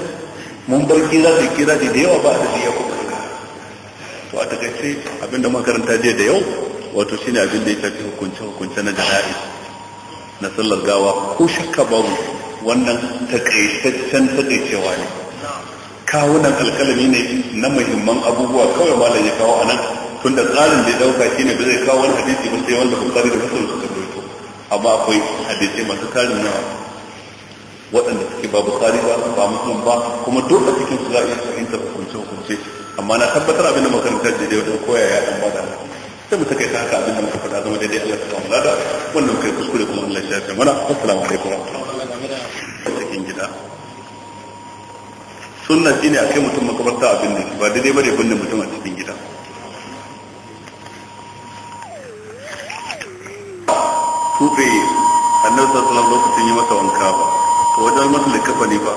mun bar kira da kira da yawa ba da ya kuma to a takaice abinda makaranta je da yau wato shine abin da ya shafi hukunce hukunce na jana'i na sallar gawa ko shakka babu wannan takaitaccen takaicewa ne kawunan alkalami ne na muhimman abubuwa kawai malam ya kawo a nan tunda tsarin da ya dauka shine ba zai kawo wani hadisi ba sai wanda bukari da muslim suka rawaito amma akwai hadisi masu tarin na waɗanda suke ba bukari ba ba muslim ba kuma duk cikin su za a iya fahimtar hukunce hukunce amma na tabbatar abin da makarantar da dai wajen koya ya dan bada sai mu take ta haka abin da muka faɗa zama daidai Allah ta kawo lada wannan kai kuskure kuma Allah ya shafe mana assalamu alaikum wa rahmatullahi cikin gida sunna shine kai mutum makabarta abin da ba daidai bane bane mutum a cikin gida tutsaye annabi sallallahu lokacin yi masa wanka ba to wajen masa likafani ba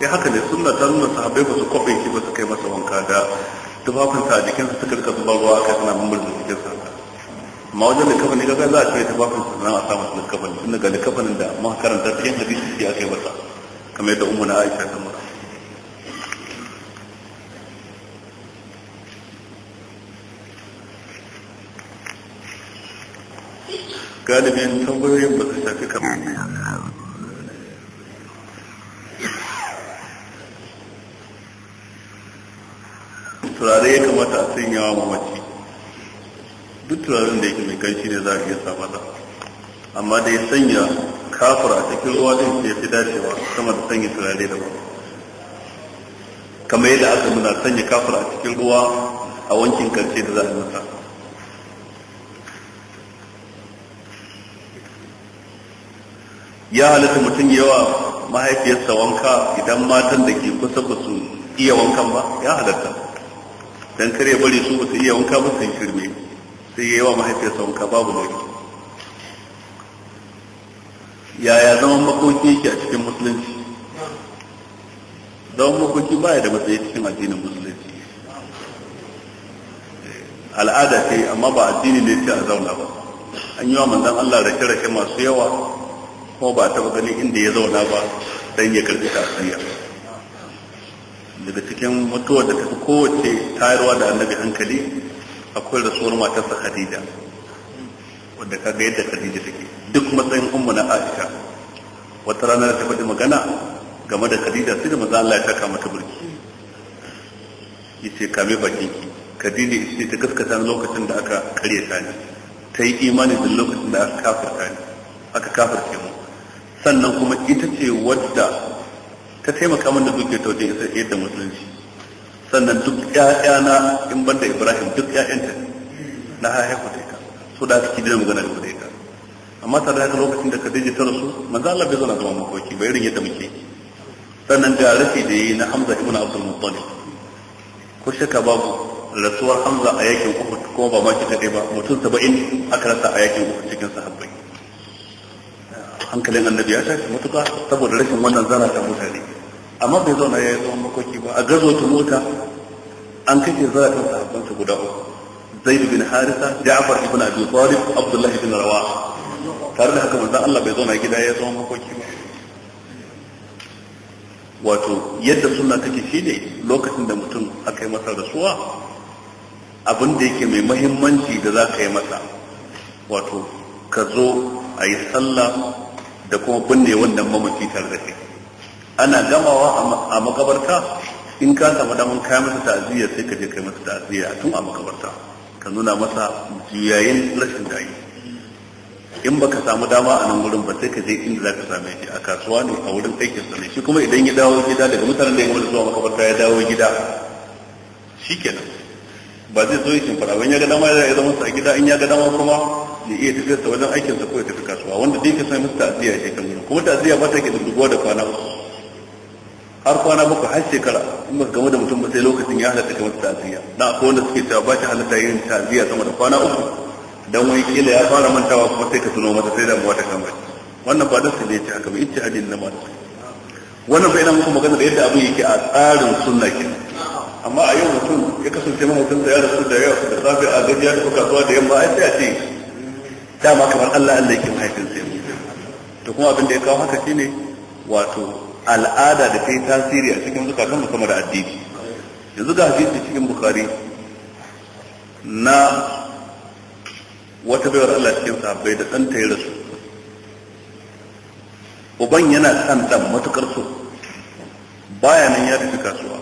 ya eh, haka ne sunna ta nuna sahabbai ba su shi ba su kai masa wanka da tufafinsa a jikinsa suka rika zubar ruwa suna da jikinsa amma wajen za a cire tufafinsa a sa da muka karanta cikin hadisi aka yi masa kamar yadda na Aisha ta mura galibin tambayoyin ba su shafi kamar turare ya kamata a sanya wa mamaci duk turaren da yake mai kanshi ne za a iya sa masa amma da ya sanya kafura a cikin ruwa din ya fi dacewa sama da sanya turare da ba kamar yadda aka nuna sanya kafura a cikin ruwa a wankin karshe da za a yi mata ya halatta mutum yawa mahaifiyarsa wanka idan matan da ke kusa ba su iya wankan ba ya halatta dan kare bari su ba su iya wanka ba su shirme sai ya yawa mahaifiyarsa wanka babu laifi yaya zaman makoki yake a cikin musulunci zaman makoki baya da matsayi cikin addinin musulunci al'ada ce amma ba addini ne ce a zauna ba an yi wa manzon Allah rake-rake masu yawa Ko ba taɓa ganin inda ya zauna ba dan ya ta tasiriya daga cikin mutuwa da tafi kowace tayarwa da annabi hankali akwai rasuwar matarsa khadija wadda ka ga yadda khadija take duk matsayin umma na aisha wata rana da ta magana game da khadija sai da maza Allah ya taka mata burki yace kame baki khadija ita ta gaskata lokacin da aka karya ta ne ta yi imani da lokacin da aka ta ne aka ta mu sannan kuma ita ce wadda ta taimaka min da duke ta wajen isa yadda musulunci sannan duk ƴaƴana in banda ibrahim duk ƴaƴanta na ku da ita so da aka kidina magana da ita amma ta da haka lokacin da Khadija ta rasu manzo Allah bai zauna zama makoki ba irin yadda muke sannan ga rafi da yi na Hamza ibn Abdul Muttalib ko shaka babu rasuwar Hamza a yakin ku ko ba ma shi kadai ba mutum 70 aka rasa a yakin ku cikin sahabbai hankalin annabi ya shafi matuka saboda rashin wannan zana ta mutane amma bai zauna ya yi tsawon makoki ba a gazo ta mota an kashe zara ta sahabbansa guda uku zaid bin harisa ja'far ibn abi talib abdullahi bin rawa tare da haka manzon Allah bai zauna gida ya yi tsawon makoki ba wato yadda sunna take shine lokacin da mutum aka yi masa rasuwa abin da yake mai mahimmanci da za ka yi masa wato ka zo a yi sallah da kuma binne wannan mamaci tare da kai ana gamawa a makabarta in ka samu damar kai masa ta'aziyya sai ka je kai masa ta'aziyya tun a makabarta ka nuna masa juyayin rashin dayi in baka samu dama a nan wurin ba sai ka je inda zaka same shi a kasuwa ne a wurin aikin sa ne shi kuma idan ya dawo gida daga mutanen da ya gudu zuwa makabarta ya dawo gida shikenan ba zai so ya shimfara ba in ya ga dama ya zama sa a gida in ya ga dama kuma ya iya sa wajen aikinsa ko ya tafi kasuwa wanda dai ka sami ta'aziyya shi kan gudun kuma ta'aziyya ba ta ke dubduguwa da kwana uku har kwana ba ku har shekara in ba game da mutum ba sai lokacin ya halatta kamar ta'aziyya na akwai wanda suke cewa ba shi halatta yin ta'aziyya sama da kwana uku dan wani kila ya fara mantawa kuma sai ka tuno mata sai mu ta kama wannan ba dan sai ce haka ba ita hadin na masu wannan bai na muku magana da yadda abin yake a tsarin sunna ke amma a yau mutum ya kasance mahaukinsa ya rasu da yawa da safe a gajiya da kasuwa da yamma a sai a ce dama kamar Allah Allah yake mahaifin sai mu to kuma abin da ya kawo haka shine wato al'ada da ta yi tasiri a cikin zukatan musamman da addini yanzu ga hadisi cikin Bukhari na wata baiwar Allah cikin sahabbai da ɗan ya rasu uban yana san ɗan matukar so baya nan ya tafi kasuwa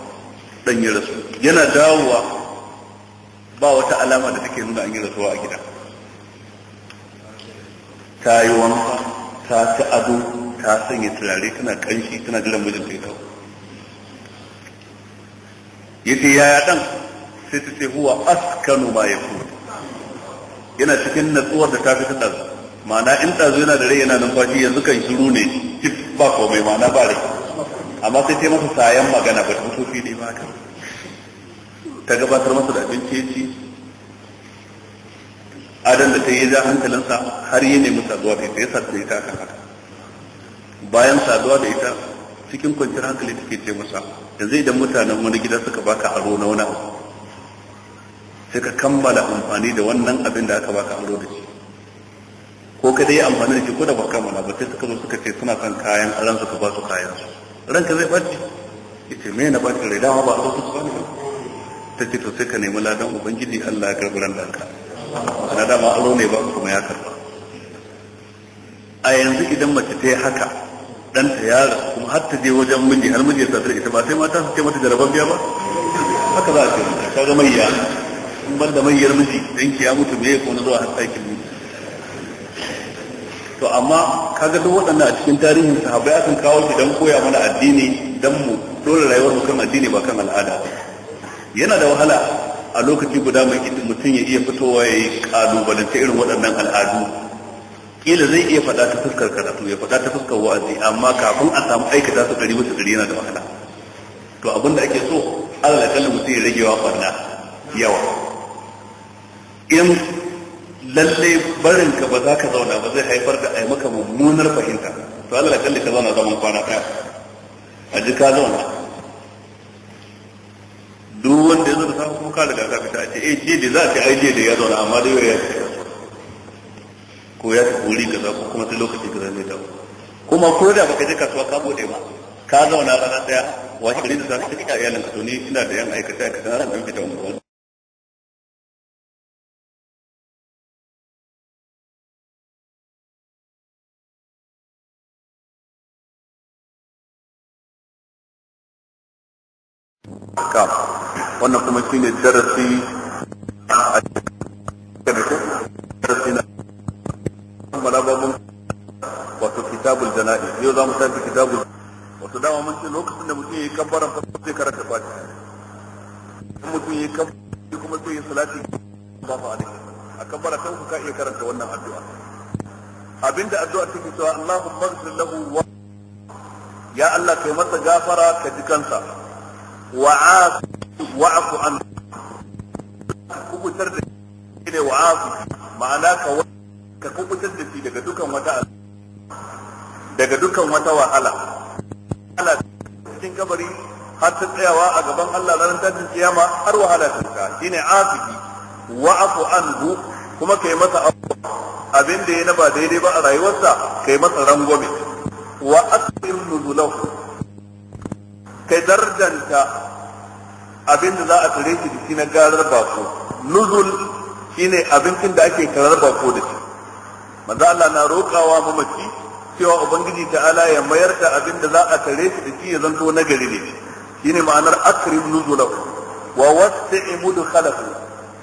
ɗan ya rasu yana dawowa ba wata alama da take nuna an yi rasuwa a gida ta yi wanka ta ci ado ta sanya turare tana kanshi tana jiran ta ya kawo ce yaya dan sai ta ce huwa askanu ma ya kuma. yana cikin natsuwar da ta fi tsada ma'ana in ɗazu yana da rai yana numfashi yanzu kan shiru ne cif ba komai ma'ana ba rai amma sai ta masa sayan magana ba ta mutu fi ne ba ta gabatar masa da abinci ya ci adam da ta yi ja hankalinsa har yi nemi saduwa da ita ya sarta ita akan haka bayan saduwa da ita cikin kwanciyar hankali take ce masa yanzu idan mutanen wani gida suka baka aro na wani abu sai ka kammala amfani da wannan abin da aka baka aro da shi ko ka dai amfani da shi ko da ba kammala ba sai suka zo suka ce suna son kayan aran suka ba su kayan su ranka zai ɓaci ita me na bace rai dama ba a zo su ba ne ta ce to sai ka nemi ladan ubangiji Allah ya karɓi ran ɗanka ana dama aro ne ba kuma ya karba a yanzu idan mace ta yi haka ɗanta ya rasu kuma har ta je wajen miji har miji ya sadar ita ba sai mata su ce mata jaraban biya ba haka za a ce ta ga mai ya. in ban da mayyar miji ki ya mutu me ko na zuwa har tsakin miji to amma kaga duk waɗannan a cikin tarihin sahabbai akan kawo shi dan koya mana addini dan mu dole rayuwar mu kan addini ba kan al'ada yana da wahala a lokaci guda mai mutum ya iya fitowa ya yi kalubalance irin waɗannan al'adu ƙila zai iya faɗa ta fuskar karatu ya faɗa ta fuskar wa'azi amma kafin a samu aikata su ɗari wata ɗari yana da wahala to abin da ake so alal kallon mutum ya rage wa yawa in lallai barin ka ba za ka zauna ba zai haifar da ai maka mummunar fahimta to alal kallon ka zauna zaman kwana ɗaya a ji ka zauna duk wanda ya zo da kuma ka riga ka fita a ce eh da za ka ai jiya da ya zauna amma dai ya ce ko ya ta wuri kaza ko kuma ta lokaci ka zai dawo kuma ko da baka je kasuwa ka bude ba ka zauna rana daya washe gari da safe kika iyalin ka to ni ina da yan aikata ka na dan fita mu Come. wannan shine darasi a darasi na malababin wato kitabul jana'i yau za mu tafi kitabul wato dama mun ce lokacin da mutum yayi kabbaran fa sai karanta fatiha kuma mutum yayi kabbaran kuma sai ya salati Allahu alaihi a kabbara ta uku ka iya karanta wannan addu'a abinda addu'a take cewa Allahumma ighfir lahu wa ya Allah kai masa gafara ka ji kansa wa'afu an kubutar da shi ne wa'afu ma'ana ka ka kubutar da shi daga dukan wata daga dukan wata wahala wahala cikin kabari har ta tsayawa a gaban Allah ranar tashin kiyama har wahala ta ka shine afifi wa'afu anhu kuma kai masa abin da ya na ba daidai ba a rayuwarsa kai masa rangwame wa asbir nuzulahu kai dardanta abin da za a tare shi da shi na garar bako nuzul shine abincin da ake karar bako da shi manzo Allah na rokawa mace cewa ubangiji ta'ala ya mayar da abin da za a tare shi da shi ya zanto gari ne shine ma'anar akrim nuzulahu wa wasi'i mudkhalahu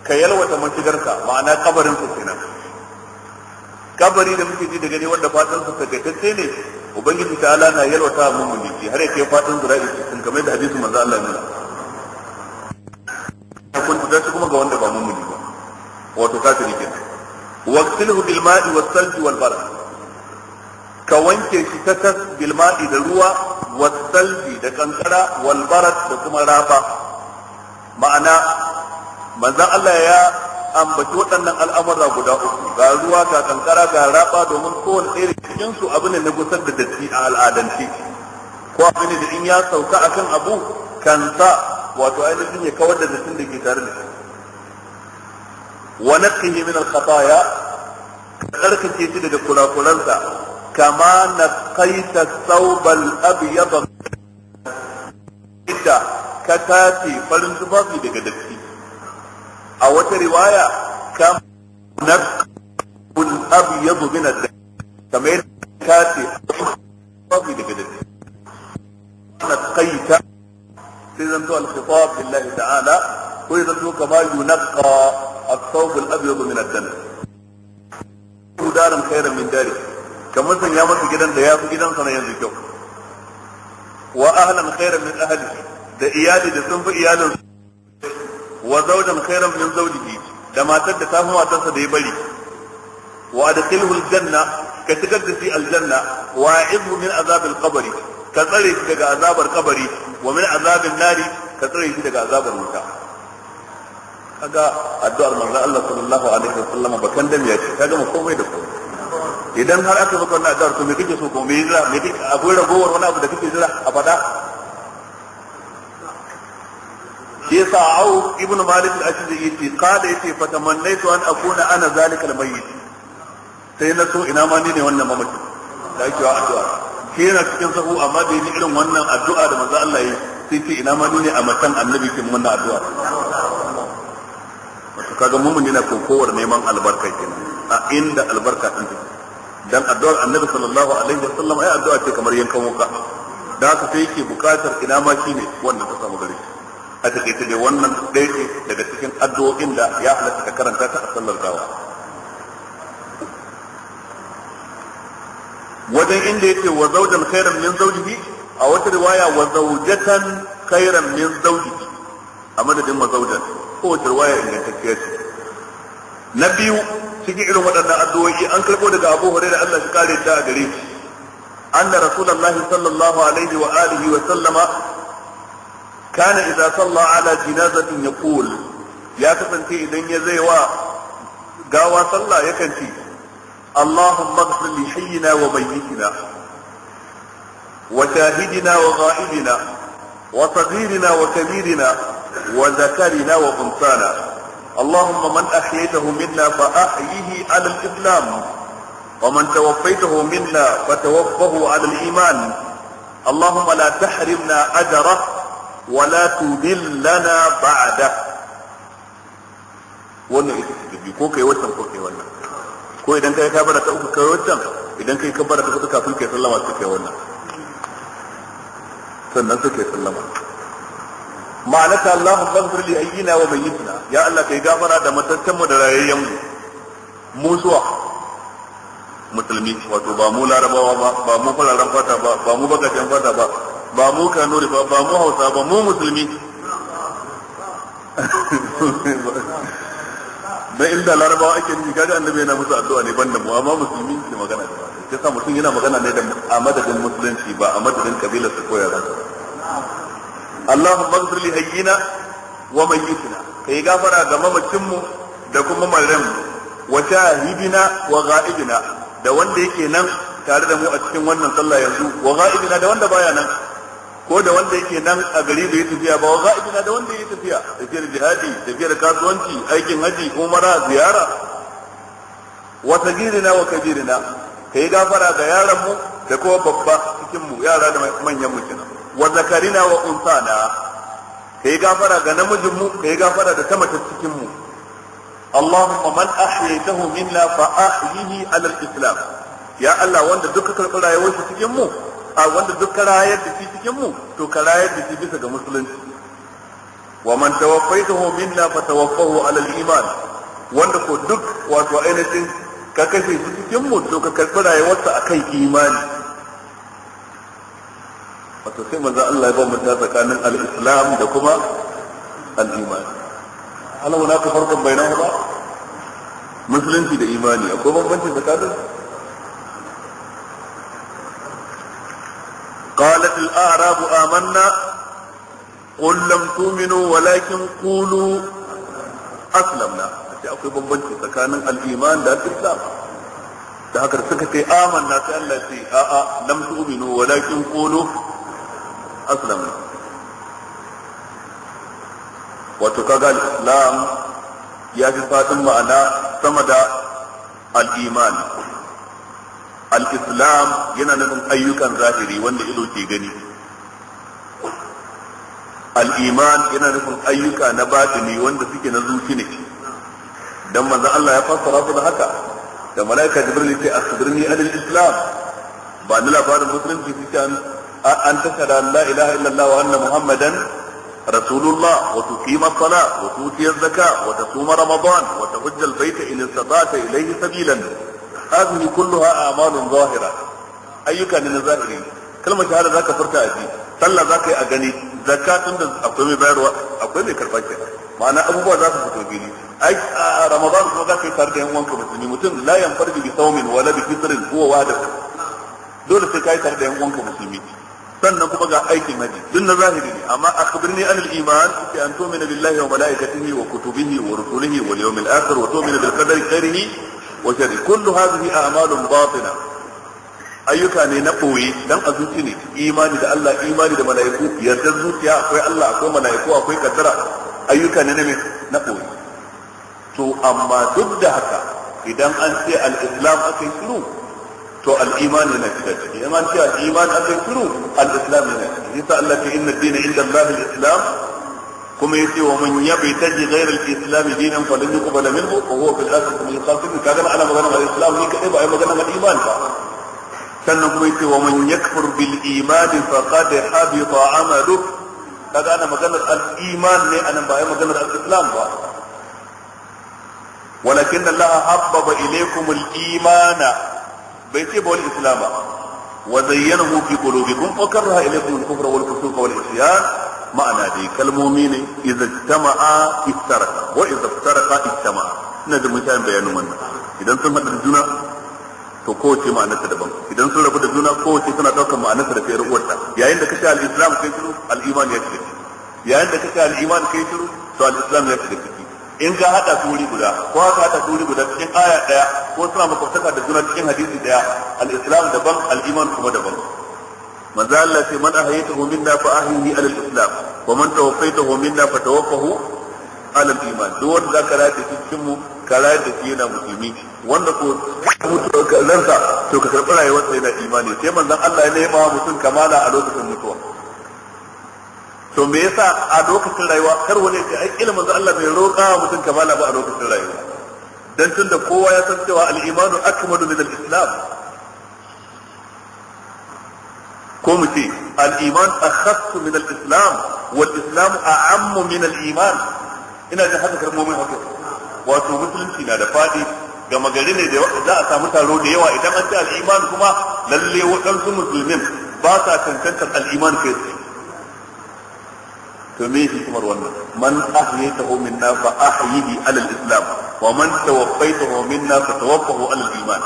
ka yalwata mashigarka ma'ana kabarin su kenan kabari da muke ji daga ne wanda fatan su tagaitacce ne ubangiji ta'ala na yalwata mu mulki har ya kai fatan zura'i sun kamar da hadisi manzo Allah ne kuntata shi kuma ga wanda ba mumuni ba wato kafiri kenan waqtilhu bil ma'i was salji wal barad ka wanke shi ta tas bil ma'i da ruwa was salji da kankara wal barad da kuma rafa ma'ana manzon Allah ya ambaci waɗannan al'amura guda uku ga ruwa ga kankara ga raba domin kowane ɗaya cikin su abin da na gusar da datti a al'adance ko abin da in ya sauka akan abu kanta wato ainihin ya kawar da zatin da ke tare da shi wa naqihi min al-khataya ce shi daga kurakuransa kama naqaita al abyad ita katati farin zubafi daga datti a wata riwaya kama al abyad min al datti kamar farin zubafi daga datti naqaita سيدنا ذو الخطاب لله تعالى وإذا ذو كما ينقى الثوب الأبيض من الدنس دار خيرا من داره كما سن يامس جدا دياف جدا سن ينزكو وأهلا خيرا من أهله دياد دسم في إيال وزوجا خيرا من زوجه لما تد تفهم أتصد يبلي وأدخله الجنة كتقدسي الجنة واعظه من عذاب القبر ka tsare shi daga azabar kabari wa min azabin nari ka tsare shi daga azabar wuta kaga addu'ar manzo Allah sallallahu alaihi wasallam bakan dam ya ce kaga mu komai da komai idan har aka maka wannan addu'ar to me kike so ko me jira me kike abu ragowar wani abu da kike jira a fada shi yasa au ibnu malik al-ashdi yace qala yace fatamannaitu an akuna ana zalikal mayyit sai na so ina ma ni ne wannan mamaki da ake wa addu'a shi yana cikin sahu amma bai yi irin wannan addu'a da manzo Allah yi sai ce ina ma dole a matan annabi kin wannan addu'a wato kaga mun yana kokowar neman albarka kenan a inda albarka din take dan addu'ar annabi sallallahu alaihi wasallam ai addu'a ce kamar yankan wuka da haka sai yake bukatar ina ma shine wanda ta samu gare shi a takaice dai wannan ɗaya daga cikin addu'o'in da ya halatta ka karanta ta a sallar gawa wajen inda yace wa zawjan khairan min zawjihi a wata riwaya wa zawjatan khairan min zawjihi a madadin wa zawjan ko wata riwaya ingantacciya ce na biyu cikin irin waɗannan addu'o'i an karɓo daga Abu Hurairah Allah shi kare ta a gare shi anna rasulullahi sallallahu alaihi wa alihi wa sallama kana idza salla ala jinazatin yaqul ya kasance idan ya zai wa gawa sallah yakan ce اللهم اغفر لحينا وميتنا وشاهدنا وغائبنا وصغيرنا وكبيرنا وذكرنا وانثانا اللهم من احييته منا فاحيه على الاسلام ومن توفيته منا فتوفه على الايمان اللهم لا تحرمنا اجره ولا تذلنا بعده ونعيش بكوكي ce ko ko idan kai kabara ta uku kai wancan idan kai kabara ta uku kafin kai sallama su kai wannan sannan su kai sallama ma'ana ta Allahu faghfir li ayyina wa mayyitina ya Allah kai gafara da matattan mu da rayayyan mu mu zuwa musulmi wato ba mu larabawa ba ba mu fararen fata ba ba mu bakajen fata ba ba mu kanuri ba ba mu hausa ba mu musulmi dan inda larabawa ake nufi kaga annabi yana musu addu'a ne banda mu amma musulmi ne magana da shi sa mutum yana magana ne da a madadin musulunci ba a madadin kabilar su koyar da Allahumma ighfir li hayyina wa mayyitina kai gafara ga mamacin mu da kuma marran mu wa shahidina wa ghaibina da wanda yake nan tare da mu a cikin wannan sallah yanzu wa ghaibina da wanda baya nan ko da wanda yake nan a gari da ya tafiya ba wa na da wanda ya tafiya tafiyar jihadi tafiyar kasuwanci aikin haji umara ziyara wa sagirina wa kabirina ka yi gafara ga yaran mu da kuma babba cikin mu yara da manyan mu kenan wa zakarina wa unsana ka yi gafara ga namijin mu ka yi gafara da ta mace cikin mu minna من أحييته منا فأحيه Ya الإسلام wanda الله وأنت دكتور wuce cikin mu? a wanda duk ka rayar da shi cikin mu to ka rayar da shi bisa ga musulunci wa man tawaffaytuhu minna fa tawaffahu ala al-iman wanda ko duk wato ainihin ka kashe shi cikin mu to ka karbi rayuwarsa akan imani wato sai manzo Allah ya bambanta tsakanin al-islam da kuma al-iman Allah na ka farkon ba. musulunci da imani akwai bambanci tsakanin قالت الأعراب آمنا قل لم تؤمنوا ولكن قولوا أسلمنا akwai bambanci tsakanin al'iman da al'islam da haka suka ce amanna ta Allah ce a'a lam tu'minu walakin qulu aslamu wato kaga al'islam ya fi fadin ma'ana sama da al'iman al-islam yana nufin ayyukan zahiri wanda ido ke gani al-iman yana nufin ayyuka na batini wanda suke na zuci ne dan manzo Allah ya fassara su da haka da malaika jibril ce asbirni anil islam ba ni labarin musulunci suke an tashhada la ilaha illallah wa anna muhammadan رسول الله wata الصلاة وتؤتي wata وتصوم رمضان وتحج البيت إن استطعت إليه sabilan hadhihi kulluha a'malun zahira ayyuka ne na zahiri kalmar shahada zaka furta a ji sallah zaka yi a gani zakatun da akwai mai bayarwa akwai mai karfa kenan ma'ana abubuwa za su fito fili ai a ramadan kuma za ka yi tare da yan uwanka musulmi mutum wala bi dole ka yi yan musulmi sannan kuma ga aikin haji duk na zahiri ne amma akhbirni an al-iman fi an tu'mina billahi wa malaikatihi wa kutubihi wa rusulihi wal yawmil akhir wa tu'mina bil qadari khairihi wa sharri kullu hadhihi a'malun batina ayyuka ne na boye a zuci ne imani da Allah imani da mala'iku yarda zuciya akwai Allah akwai mala'iku akwai kaddara ayyuka ne ne na boye to amma duk da haka idan an ce al-islam akai shiru to al-iman yana shiga ciki an ce akai Allah ke islam كما يسي ومن يبتدي غير الاسلام دينا فلن يقبل منه وهو في الاخره من الخاسرين كذا على مغنم الاسلام هيك ايبا اي مغنم الايمان كان كما يسي ومن يكفر بالايمان فقد حبط عمله كذا انا مغنم الايمان لي انا باي مغنم الاسلام بقى. ولكن الله حبب اليكم الايمان بيتي بول الاسلام وزينه في قلوبكم وكره اليكم الكفر والفسوق والعصيان ma'ana dai kalmomi ne idza a iftaraka wa idza iftaraka ittama'a ina da mutanen bayanin wannan idan sun hada juna to kowace ma'anarsa daban idan sun rabu da juna kowace tana daukar ma'anarsa da fiyar uwarta yayin da kace al-islam kai shiru al-iman ya shiga yayin da kace al-iman kai shiru to al-islam ya shiga ciki in ka haɗa su wuri guda ko ka hada su wuri guda cikin aya ɗaya ko suna makwabtaka da juna cikin hadisi ɗaya al-islam daban al-iman kuma daban manzo Allah ce man ahyaytahu minna fa ahyihi ala islam wa man tawaffaytahu minna fa tawaffahu ala al-iman duk wanda zaka rayu da cikin ka rayu da musulmi wanda ko mutuwa ka zarta to yana Allah ya mutum kamala a lokacin mutuwa me yasa a lokacin rayuwa kar wani ce ai ilimin manzon Allah bai roƙa mutum kamala ba a lokacin rayuwa dan tunda kowa ya san cewa al-imanu akmalu min al-islam ko mu ce al a akhassu min al'islam islam wal islam a'ammu min al-iman ina jin haka kalmomin haka wato musulunci na da fadi gama gari ne da za a samu taro da yawa idan an ce al kuma lalle waɗansu musulmin ba sa cancantar al-iman kai to me yake kuma wannan man ahyaytahu minna fa ahyihi ala al-islam wa man tawaffaytahu minna fa tawaffahu ala al-iman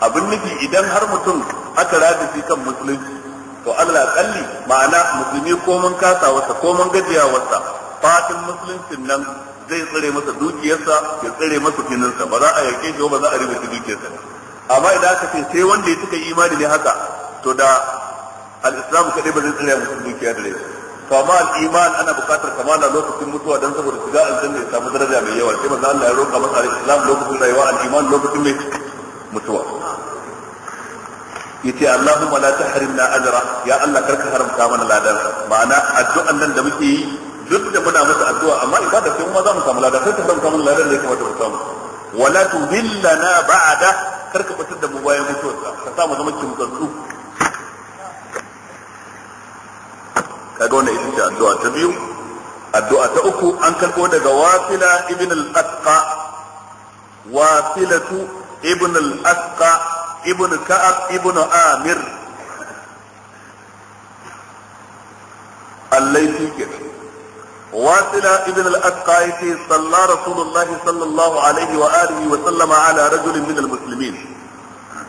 abin nufi idan har mutum aka rada shi kan musulunci to Allah kalli ma'ana musulmi ko mun kasa wasa ko mun gajiya wasa fatin musuluncin nan zai tsire masa dukiyarsa ya tsire masa jininsa ba za a yake shi ba za a rubuta dukiyarsa amma idan aka ce sai wanda ya tuka imani ne haka to da al-islam kadai ba zai tsare masa dukiya da rai fa ma al-iman ana buƙatar kamala lokacin mutuwa dan saboda shiga aljanna ya samu daraja mai yawa sai manzo Allah ya roƙa masa al-islam lokacin rayuwa al-iman lokacin mai mutuwa yace Allahumma la tahrimna ajra ya Allah karka haramta mana ladan ma'ana addu'an nan da muke yi duk da muna masa addu'a amma ibada sai kuma za mu samu ladan sai ka samu kamar ladan da ya kamata mu samu wala tudillana ba'da karka fitar da mu bayan mutuwarsa ka sa mu zama kimtsatsu kaga wannan ita ce addu'a ta biyu addu'a ta uku an karbo daga wafila ibn al-asqa wasilatu ibn al-asqa ibn ka'ab ibn amir allaifi ke wasila ibn al-asqa yace salla rasulullah sallallahu alaihi wa alihi wa sallama ala rajulin min al-muslimin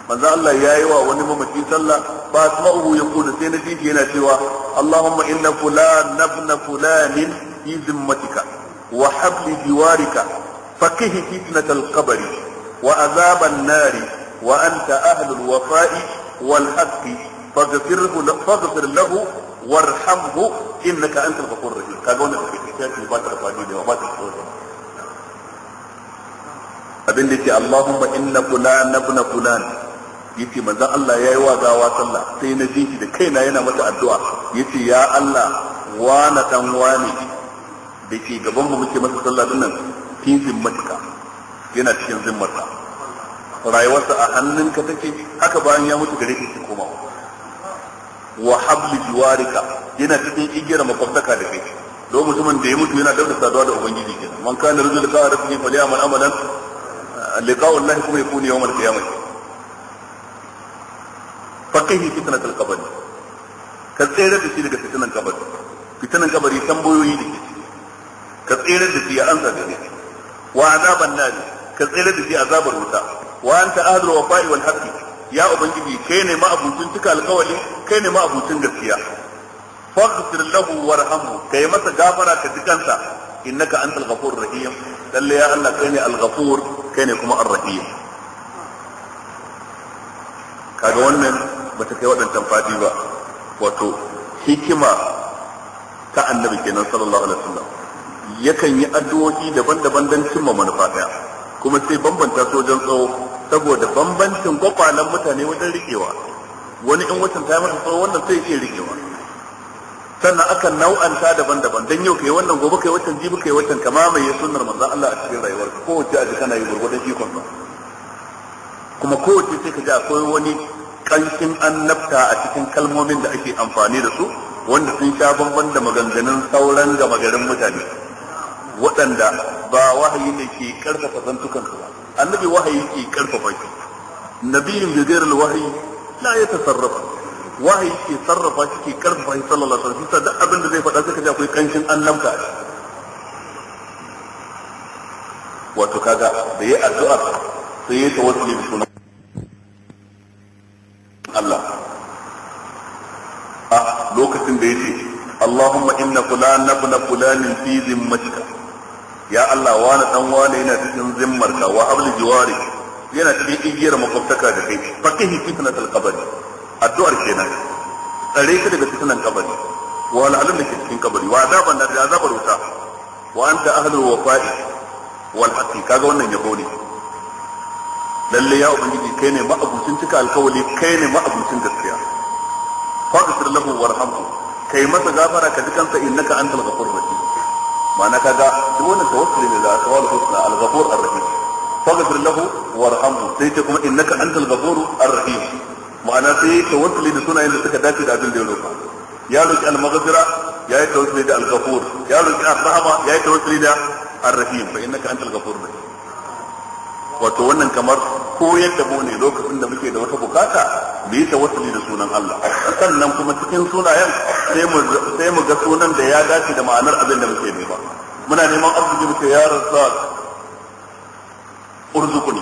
manzo Allah wa wani mamaci sallah ba asma'uhu yaqulu sai na jiji yana cewa allahumma inna fulan ibn fulanin fi zimmatika wa habli Fakihi faqihi fitnatal wa azaban nari وأنت أهل الوفاء والحق فاغفره فاغفر له وارحمه إنك أنت الغفور الرحيم كان وانا في الكتاب بات الفاجين وبات الصور abin da ke Allahumma inna فلان yace manzon Allah yayi wazawa sallah sai na ji shi da kaina yana mata addu'a yace ya Allah wana dan wani da ke gaban mu muke masa sallah dinnan fi zimmatika yana cikin zimmarka rayuwarsa a hannunka take haka bayan ya mutu gare ke koma wa habli jiwarika yana cikin igiyar makwabtaka da kai don mutumin da ya mutu yana dauka saduwa da ubangiji kenan man kana rajul da qara fi fa liyamal amalan liqa'u allahi kuma yakunu yawmal qiyamah faqihi fitnatul qabr ka tsere da shi daga fitnan kabari fitnan kabari tambayoyi da shi ka tsere da shi ya ansa gare wa azaban nar ka tsere da shi azabar wuta wa anta ahlul wafa'i wal haqqi ya ubangiji kai ne ma abucin cika alkawali kai ne ma abucin gaskiya faghfir lahu warhamhu kai masa gafara ka dukansa innaka antal ghafurur rahim lalle ya Allah kai ne al-ghafur kai ne kuma ar-rahim kaga wannan bata kai waɗancan fadi ba wato hikima ta annabi kenan sallallahu alaihi wasallam yakan yi addu'o'i daban-daban don cimma manufa ɗaya kuma sai bambanta sojan tsawo saboda bambancin kwakwalen mutane wajen riƙewa wani in watan ta masa tsawo wannan sai iya riƙewa sannan akan nau'anta daban-daban don yau kai wannan gobe kai watan jibi kai watan kama mai sunar maza, Allah a cikin rayuwar kowace aji kana yi gurgurdan ikon sa kuma kowace sai ka ji akwai wani kanshin annabta a cikin kalmomin da ake amfani da su wanda sun sha bamban da maganganun sauran gama garin mutane waɗanda ba wahayi ne ke ƙarfafa zantukan ba annabi wahayi ke karfafa shi nabiyin bi ghairil wahayi la yatasarrafa wahayi ke sarrafa shi ke karfafa shi sallallahu alaihi wasallam duk abin da zai faɗa sai kaje akwai kanshin annabta wato kaga da yayi addu'a sai ya tawassuli da sunan Allah a lokacin da yace Allahumma inna fulan ibn fulan fi zimmatika ya Allah wani dan wani yana cikin zimmarka wa hablu jiwari yana cikin igiyar makwabtaka da kai fakihi fitnatul qabri addu'ar kenan tsare ka daga fitnan kabari wa al'alim da ke cikin kabari wa azaban da azabar wuta wa anta ahlul wafa'i wal haqqi kaga wannan yabo ne lalle ya ubangiji kai ne ma'abucin cika alkawali kai ne ma'abucin gaskiya faghfir lahu warhamhu kai masa gafara ka dukansa innaka antal ghafurur rahim ma'ana kaga duk wannan tawassuli ne da asmaul husna al-ghafur ar-rahim faghfir lahu warhamhu sai ce kuma innaka antal ghafur ar-rahim ma'ana sai tawassuli da sunayen da suka dace da abin da ya roƙa ya roƙi al-maghfira ya yi tawassuli da al-ghafur ya roƙi ar-rahma ya yi tawassuli da ar-rahim fa innaka antal ghafur ar-rahim wato wannan kamar koyar da mu ne lokacin da muke da wata bukata mu yi tawassuli da sunan Allah sannan kuma cikin sunayen sai mu ga sunan da ya dace da ma'anar abin da muke nema muna neman arziki muke ya rasa urzukuni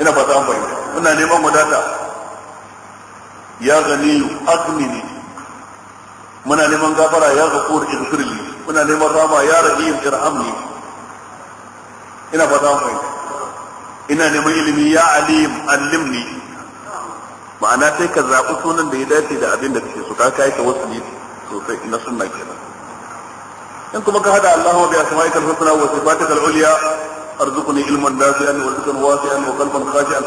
ina fata an fahimta muna neman wadata ya ganiyu aghnini muna neman gafara ya zakur ighfirli muna neman rama ya rahim irhamni ina fata mu ina neman ilimi ya alim allimni ma'ana sai ka zaɓi sunan da ya dace da abin da kake so ka kai ka wasu wasuli sosai na sunna kenan in kuma ka hada Allahu bi asma'ikal husna wa sifatikal ulya arzuqni ilman nafi'an wa rizqan wasi'an wa qalban khashi'an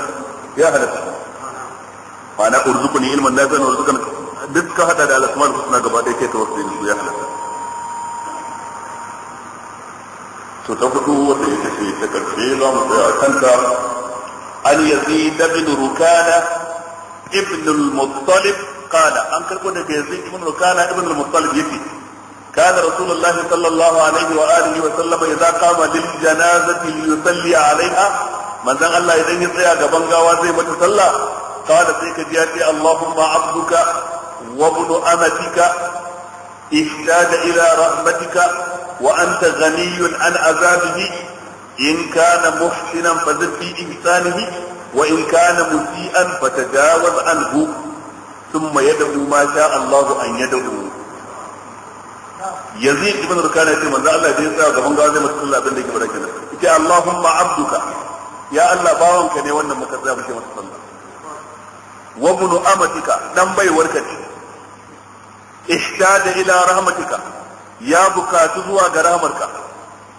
ya halatta ma'ana urzuqni ilman nafi'an wa rizqan duk ka hada da al-asma'ul husna gaba ɗaya kai tawassuli ya halatta to ta hudu wanda ita ce ta karshe za mu tsaya a kanta an yazid ibn rukana ibn al-muttalib an karbo daga yazid ibn rukana ibn al-muttalib yace كان رسول الله صلى الله عليه وآله وسلم إذا قام للجنازة ليصلي عليها من ذا الله إذا يصلي قبل جوازه وتصلى قال سيك اللهم عبدك وابن أمتك احتاج إلى رحمتك وأنت غني عن عذابه إن كان محسنا فزد في إحسانه وإن كان مسيئا فتجاوز عنه ثم يدعو ما شاء الله أن يدعو yazid ibn rukan ya ce manzo Allah da ya tsaya gaban gawa zai masa sallah abin da yake bada kenan yace Allahumma abduka ya Allah bawanka ne wannan muka tsaya muke masa sallah amatika dan baiwarka ce ihtada ila rahmatika ya bukatu zuwa ga rahmarka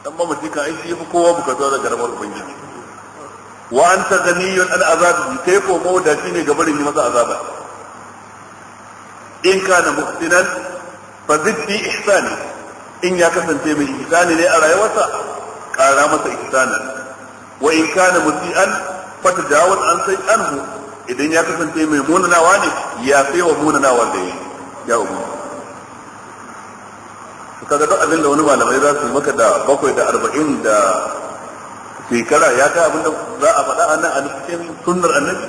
dan ba kan ai shi fi kowa bukatu zuwa ga rahmar ubangiji wa anta ghaniyun al azab kai ko shi shine ga barin masa azaba in kana muhsinan fa zidni ihsani in ya kasance mai ihsani ne a rayuwarsa kara masa ihsanan wa in kana mutian fa tajawaz an sai anhu idan ya kasance mai munanawa ne ya fi wa munanawa da ya umu to kaga duk abin da wani malamai za su maka da bakwai da arba'in da shekara ya ga abinda za a faɗa a nan a cikin sunnar annabi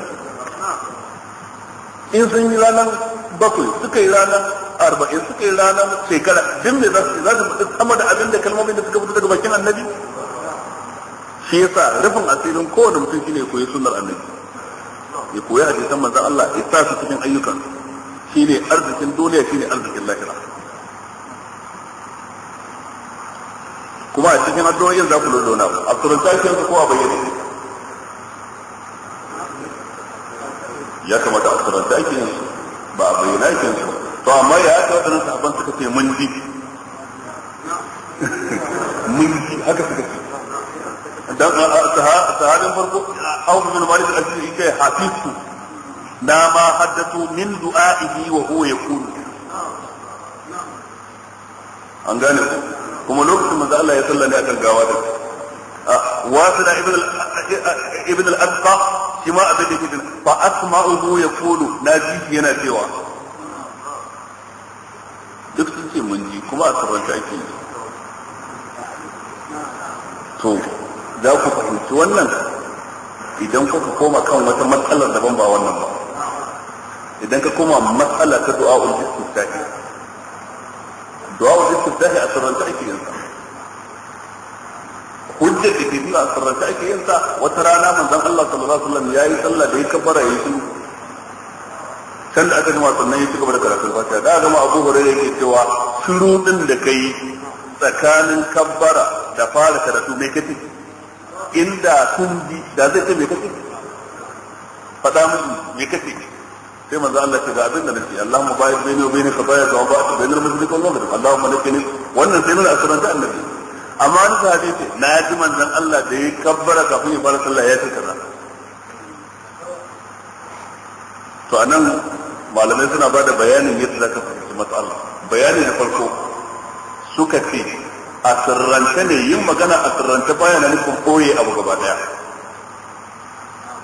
in sun yi ranar bakwai suka yi ranar arba'in suka yi ranar shekara din ne za su za su faɗi sama da abinda kalmomin da suka fito daga bakin annabi shi yasa rufin asirin kowane mutum shine koyi sunnar annabi ya koyi hadisan manzon Allah ya sa su cikin ayyukan shine arzikin duniya shine arzikin lahira kuma a cikin addu'o'in za ku lulluna a turantaciyar su ko a bayyane ya kamata a turanta ake su ba a bayyana ake yin su to amma ya aka waɗannan sahabban suka ce mun ji mun ji haka suka ce dan sahabin farko Auf bin Malik al-Aziz yake hafizu na ma haddatu min du'a'ihi wa huwa yaqulu an gane ku kuma lokacin manzo Allah ya salla ne akan gawa da A wasila ibn ibn al-asqa shi ma abin da yake fa asma'uhu yaqulu na ji yana cewa duk sun ce mun ji kuma a sarrafa ake yi to za ku fahimci wannan idan kuka koma kan wata matsalar daban ba wannan ba idan ka koma matsala ta du'a ul istiftahi du'a wa istiftahi a sirranta ake yin sa hujjar da ke nuna a sirranta ake yin sa wata rana manzon Allah sallallahu alaihi wasallam yayi sallah da ya kafara yayi su can da aka gama sannan ya ci gaba da karatun fatiha da gama Abu Hurairah yake cewa shiru din da kai tsakanin kabbara da fara karatu mai kace inda kun da zai ce mai faɗa mun mai kace sai manzo Allah ce ga abin da nake Allahumma bayyid baini wa ba ta wa mun zikon Allah Allah mu nake ni wannan sai nuna asiranta annabi amma wani sahabi ce na ji manzon Allah da ya kabbara kafin ya fara sallah ya ce kaza to anan malamai suna ba da bayanin yadda zaka fahimci matsala bayani na farko suka ce a ne yin magana a baya na nufin koye abu gaba daya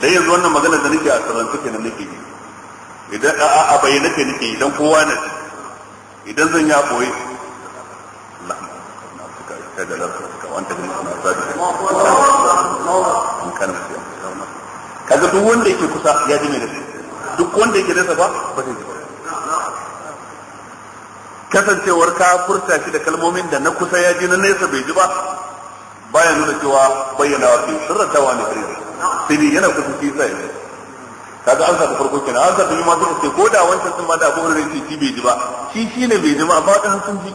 dai yanzu wannan magana da nake a sirrance kenan nake yi idan a bayyana ke nake idan kowa na ji idan zan ya koyi kaga duk wanda yake kusa ya ji mai da duk wanda yake nasa ba ba zai ji ba kasancewar ka furta shi da kalmomin da na kusa ya ji na nesa bai ji ba baya nuna cewa bayyana wa fi sirrantawa ne kare sai ne yana kusa shi sai kaga an saka farko kenan an saka ma sun ce ko da wancan sun ma da abu hurairar shi bai ji ba shi shi ne bai ji ba amma wadannan sun ji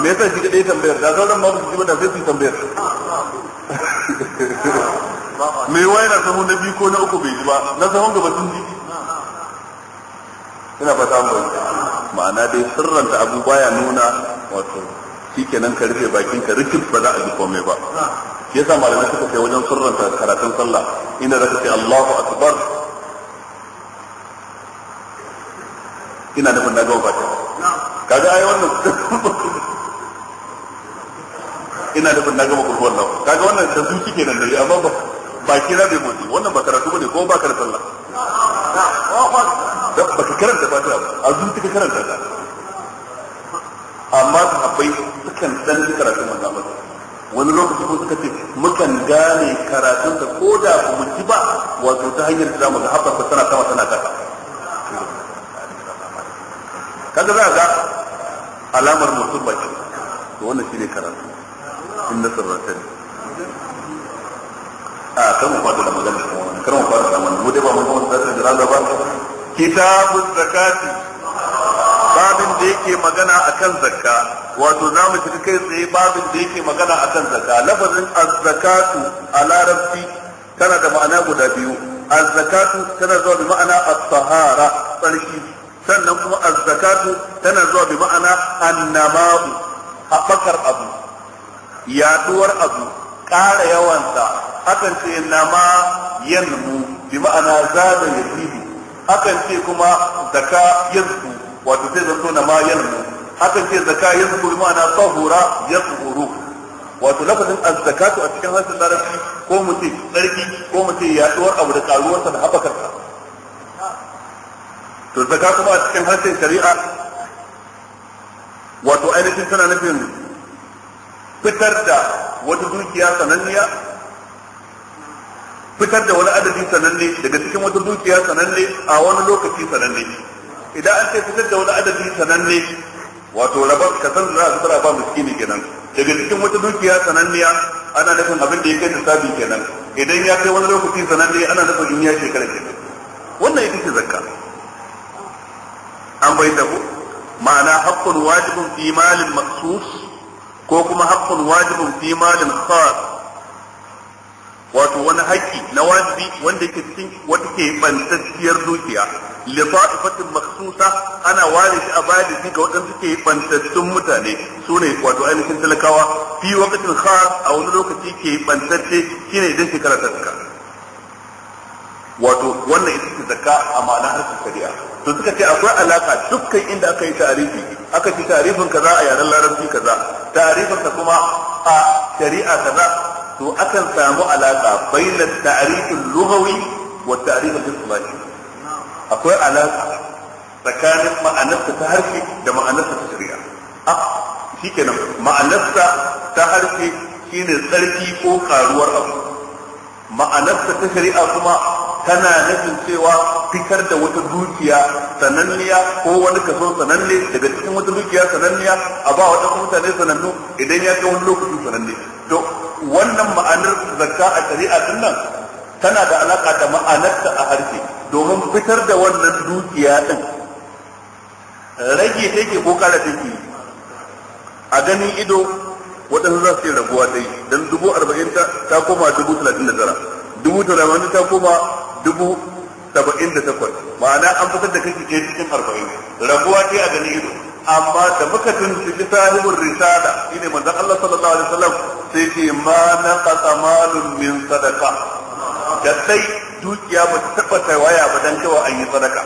me yasa shi kadai tambayar da sauran ma su ji ba da sai su tambayar me wai na sahun na biyu ko na uku bai ji ba na sahun gaba sun ji ina fata mu ma'ana dai sirranta abu baya nuna wato kenan ka rufe bakin ka rikif ba za a ji komai ba yasa malamai suka kai wajen sirranta karatun sallah inda zaka ce Allahu akbar ina nufin na gama fatiha kaga ai wannan ina nufin na gama kurkuwar lafa kaga wannan da zuci nan da amma ba ba kira bai motsi wannan ba karatu bane ko ba karatu da sallah da ba ka karanta ba ta a zuci ka karanta ta amma sahabbai sukan dan karatu manzo Allah wani lokaci ko suka ce mukan gane karatunsa ko da ba mu ji ba wato ta hanyar da mu ga ko tana sama tana kasa kaga za ga alamar mutum baki to wannan shine karatu in nasar ratan a kan mu fada da magana kuma wannan kan mu fada da wannan mu dai ba mun ga wannan da ranar ba kitabuz zakati babin da yake magana akan zakka wato za mu shiga kai tsaye babin da yake magana akan zakka lafazin az-zakatu a larabci tana da ma'ana guda biyu az-zakatu tana zuwa da ma'ana at-tahara tsarki sannan kuma azzakatu tana zuwa bi ma'ana annama'u haɓakar abu yaduwar abu ƙara yawansa akan ce nama yanmu bi ma'ana zada yazidu akan ce kuma zaka yazku wato sai zanto nama yanmu akan ce zaka yazku bi ma'ana tahura yazkuru wato lafazin azzakatu a cikin harshen larabci ko mu ce tsarki ko mu ce yaduwar abu da ƙaruwarsa da haɓakarsa to zaka kuma a cikin harshen shari'a wato ainihin tana nufin fitar da wata dukiya sananniya fitar da wani adadi sananne daga cikin wata dukiya sananne a wani lokaci sananne idan an ce fitar da wani adadi sananne wato rabar ka san za a fitar a ba miskini kenan daga cikin wata dukiya sananniya ana nufin abin da ya kai lissafi kenan idan ya kai wani lokaci sananne ana nufin in ya shekara kenan wannan ita ce zakka an bai da ku ma'ana haƙƙun wajibin fi malin maksus ko kuma haƙƙun wajibin fi malin khas wato wani haƙƙi na wajibi wanda ke cikin wata ke bantacciyar dukiya li fatin maksusa ana ware shi a baya da ga waɗansu ke bantattun mutane su ne wato ainihin talakawa fi wakatin khas a wani lokaci ke bantacce shine idan shekara ta tsaka wato wannan ita ce zakka a ma'ana harkar shari'a to suka ce akwai alaka dukkan inda aka yi tarihi aka ci tarihin kaza a yaren larabci kaza tarihin ka kuma a shari'a kaza to akan samu alaka bainar tarihin lugawi wa tarihin islahi akwai alaka tsakanin ma'anarsa ta harshe da ma'anarsa ta shari'a a shikenan ma'anarsa ta harshe shine tsarki ko karuwar abu ma'anarsa ta shari'a kuma kana nufin cewa fitar da wata dukiya sananniya ko wani kaso sananne daga cikin wata dukiya sananniya a ba wata mutane sanannu idan ya kai wani lokaci sananne to wannan ma'anar zakka a shari'a din nan tana da alaka da ma'anarta a harshe domin fitar da wannan dukiya din rage take ko kara take a ganin ido waɗansu za su yi raguwa dai don dubu arba'in ta koma dubu talatin da tara dubu tamanin ta koma dubu saba'in da takwas ma'ana an fitar da kashi ke cikin arba'in rabuwa ce a gani ido amma da muka tuntubi sahibin risala ne manzon Allah sallallahu alaihi wasallam sai ce ma naqata malun min sadaka da sai dukiya ba ta taba tawaya ba don cewa an yi sadaka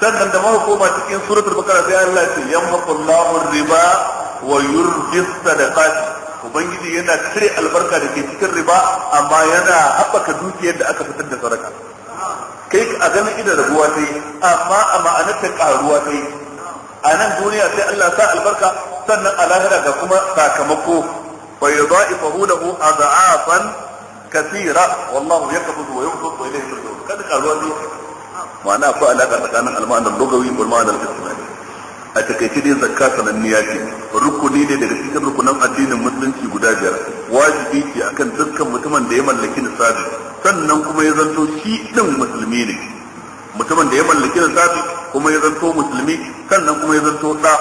sannan da mahukuma cikin suratul bakara sai Allah ya ce yamma Allahu riba wa yurbi sadaqati ubangiji yana cire albarka da ke cikin riba amma yana haɓaka dukiyar da aka fitar da sadaka kai a ganin ida rabuwa sai amma a ma'anarta karuwa sai a nan duniya sai Allah sa albarka sannan a lahira ga kuma sakamako fa yudha'ifahu lahu adha'afan kathira wallahu yaqbidu wa yabsutu ilayhi al-rizq kada karuwa sai ma'ana akwai alaka tsakanin al-ma'anar lugawi wal ma'anar a takaice dai zakka sananniya ce rukuni ne daga cikin rukunan addinin musulunci guda biyar wajibi ce akan dukkan mutumin da ya mallaki nisabi sannan kuma ya zanto shi din musulmi ne mutumin da ya mallaki nisabi kuma ya zanto musulmi sannan kuma ya zanto da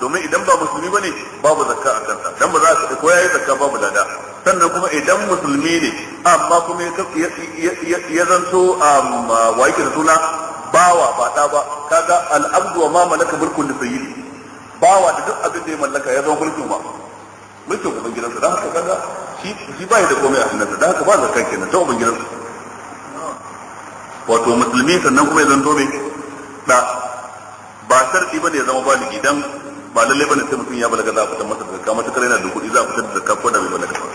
domin idan ba musulmi bane babu zakka a kansa dan ba za ka ko yayi zakka babu lada sannan kuma idan musulmi ne amma kuma ya zanto wa yake da suna bawa ba da ba kaga al'abdu wa ma malaka mulkun sayyidi bawa da duk abin da ya mallaka ya zama mulkin ba mulkin gidan gidansa da haka kaga shi shi bai da komai a hannunsa da haka ba zakka kenan ta gidan gidansa wato musulmi sannan kuma ya zanto ne da ba sarki bane ya zama baligi dan ba lalle bane sai mutum ya balaga za a fitar masa zakka matukar yana da kuɗi za a fitar da zakka ko da bai balaga ba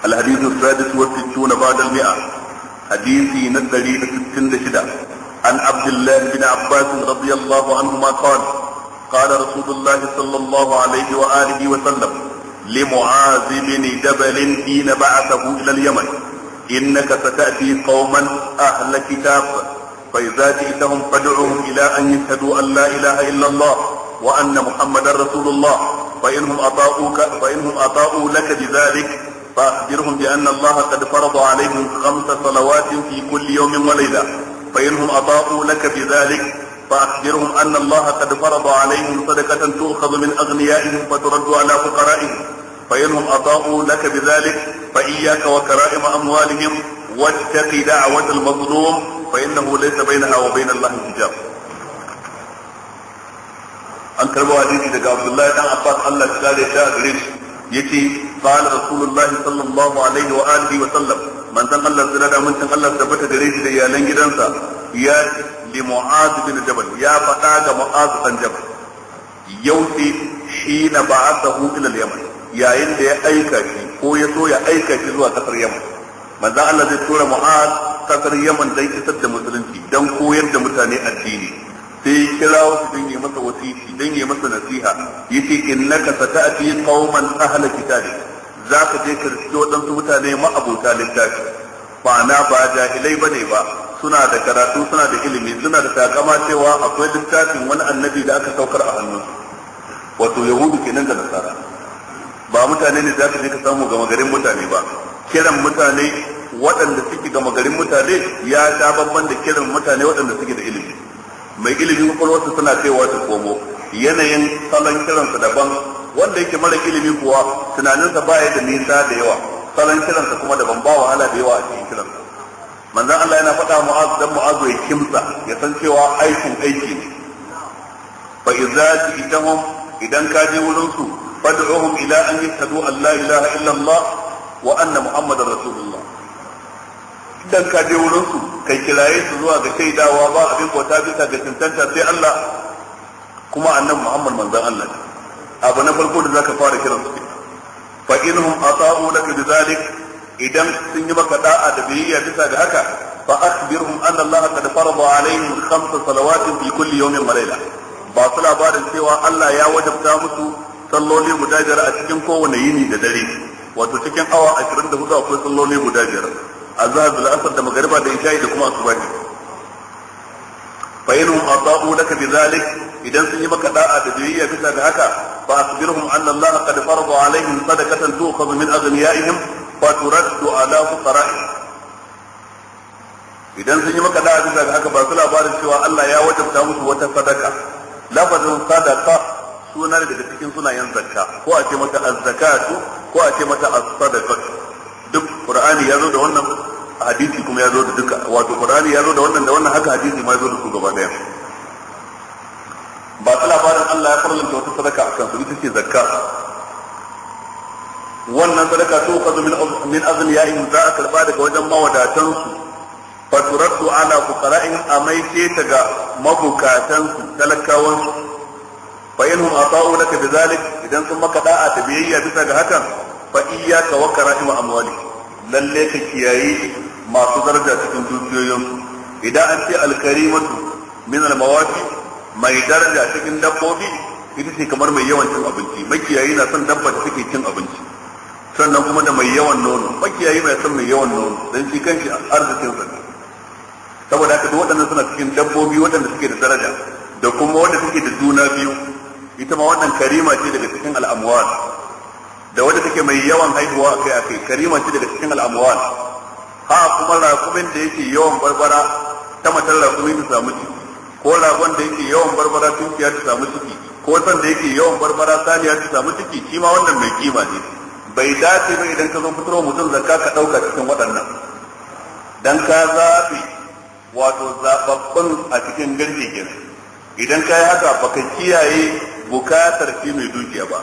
الحديث السادس والستون بعد المئة حديثي نزلي بستين شدة عن عبد الله بن عباس رضي الله عنهما قال قال رسول الله صلى الله عليه وآله وسلم لمعاذ بن جبل حين بعثه إلى اليمن إنك ستأتي قوما أهل كتاب فإذا جئتهم فادعهم إلى أن يشهدوا أن لا إله إلا الله وأن محمدا رسول الله فإنهم أطاؤوك فإنهم أطاؤوا لك بذلك فأخبرهم بأن الله قد فرض عليهم خمس صلوات في كل يوم وليلة فإنهم أطاعوا لك بذلك فأخبرهم أن الله قد فرض عليهم صدقة تؤخذ من أغنيائهم فترد على فقرائهم فإنهم أطاعوا لك بذلك فإياك وكرائم أموالهم واتق دعوة المظلوم فإنه ليس بينها وبين الله حجاب an karbi hadisi daga Abdullahi dan Abbas Allah ya kare shi a gare shi yace qala rasulullahi sallallahu alaihi wa alihi wa sallam manzon Allah tsira da mun Allah tabbata gare shi da iyalan gidansa ya li mu'az bin jabal ya faɗa ga mu'az dan jabal yauti shi na ba'athahu ila al-yaman yayin da ya aika shi ko ya so ya aika shi zuwa kasar yaman manzon Allah zai tura mu'az kasar yaman dan isar da musulunci dan koyar da mutane addini sai ya kira wasu don ya masa wasiki don ya masa nasiha ya yace innaka sata'ti qauman ahla kitabi zaka je ka riske waɗansu mutane ma'abota littafi ba na ba jahilai bane ba suna da karatu suna da ilimi suna da takama cewa akwai littafin wani annabi da aka saukar a hannun wato yahudu kenan da nasara ba mutane ne zaka je ka samu gama garin mutane ba kiran mutane waɗanda suke gama garin mutane ya sha babban da kiran mutane waɗanda suke da ilimi mai ilimi kwakwalwarsa suna kaiwa ta komo yanayin salon kiransa daban wanda yake mara ilimi kuwa tunaninsa baya da nisa da yawa salon kiransa kuma daban ba wahala da yawa a cikin kiransa manzon Allah yana faɗa mu'az dan mu'azu ya kimsa ya san cewa aikin aiki ne fa idza ji'tahum idan ka je wurin su fad'uhum ila an yashhadu an la ilaha illallah wa anna muhammadar rasulullah dan ka je wurin su kai kiraye su zuwa ga shaidawa ba abin bauta bisa ga tantanta sai Allah kuma annabi Muhammad manzon Allah abu na farko da zaka fara kiran su fa inhum ata'u laka bidhalik idan sun yi maka da'a da biyayya bisa ga haka fa akhbirhum anna Allah qad farada alaihim khamsa salawatin fi kulli yawmin wa layla ba su labarin cewa Allah ya wajabta musu salloli guda biyar a cikin kowane yini da dare wato cikin awa 24 akwai salloli guda biyar azhar da asr da magariba da isha'i da kuma asubahi fa inhum ata'u laka bidhalik idan sun yi maka da'a da biyayya bisa da haka fa asbirhum anna Allah qad farada alaihim sadaqatan tu'khadhu min aghniyaihim fa turaddu ala fuqara'ihim idan sun yi maka da'a bisa da haka ba su labarin cewa Allah ya wajabta musu wata sadaka lafazin sadaka suna daga cikin sunayen zakka ko a ce mata az-zakatu ko a ce mata as-sadaqatu duk qur'ani ya zo da wannan hadisi kuma ya zo da duka wato qur'ani ya zo da wannan da wannan haka hadisi ma ya zo da su gaba daya ba ta labarin Allah ya farlanta wata sadaka akan su ita ce zakka wannan sadaka to ka min min azniyaihim za a karba daga wajen mawadatan su fa turaddu ala fuqara'in amai ce ta ga mabukatan su talakawan su fa yanhum ata'u laka bidhalik idan sun maka da'a ta biyayya bisa ga hakan fa iyyaka wa kara'im amwali lalle ka kiyaye masu daraja cikin dukiyoyinsu idan an ce alkarimatu min almawaki mai daraja cikin dabbobi ita ce kamar mai yawan cin abinci makiyayi na son dabba da take cin abinci sannan kuma da mai yawan nono makiyayi mai son mai yawan nono don shi kanshi arzikin sa saboda haka waɗannan suna cikin dabbobi waɗanda suke da daraja da kuma wanda suke da juna biyu ita ma wannan karima ce daga cikin al'amwal da wanda take mai yawan haihuwa akai akai karima ce daga cikin al'amwal Ha kuma rakumin da yake yawan barbara ta matar rakumin ta samu ciki ko ragon da yake yawan barbara tunkiya ta samu ciki ko san da yake yawan barbara saniya ta samu ciki shi ma wannan mai kima ne bai dace ba idan ka zo wa mutum zakka ka ɗauka cikin waɗannan dan ka zabi wato zababban a cikin garje kenan idan ka yi haka baka kiyaye bukatar shi mai dukiya ba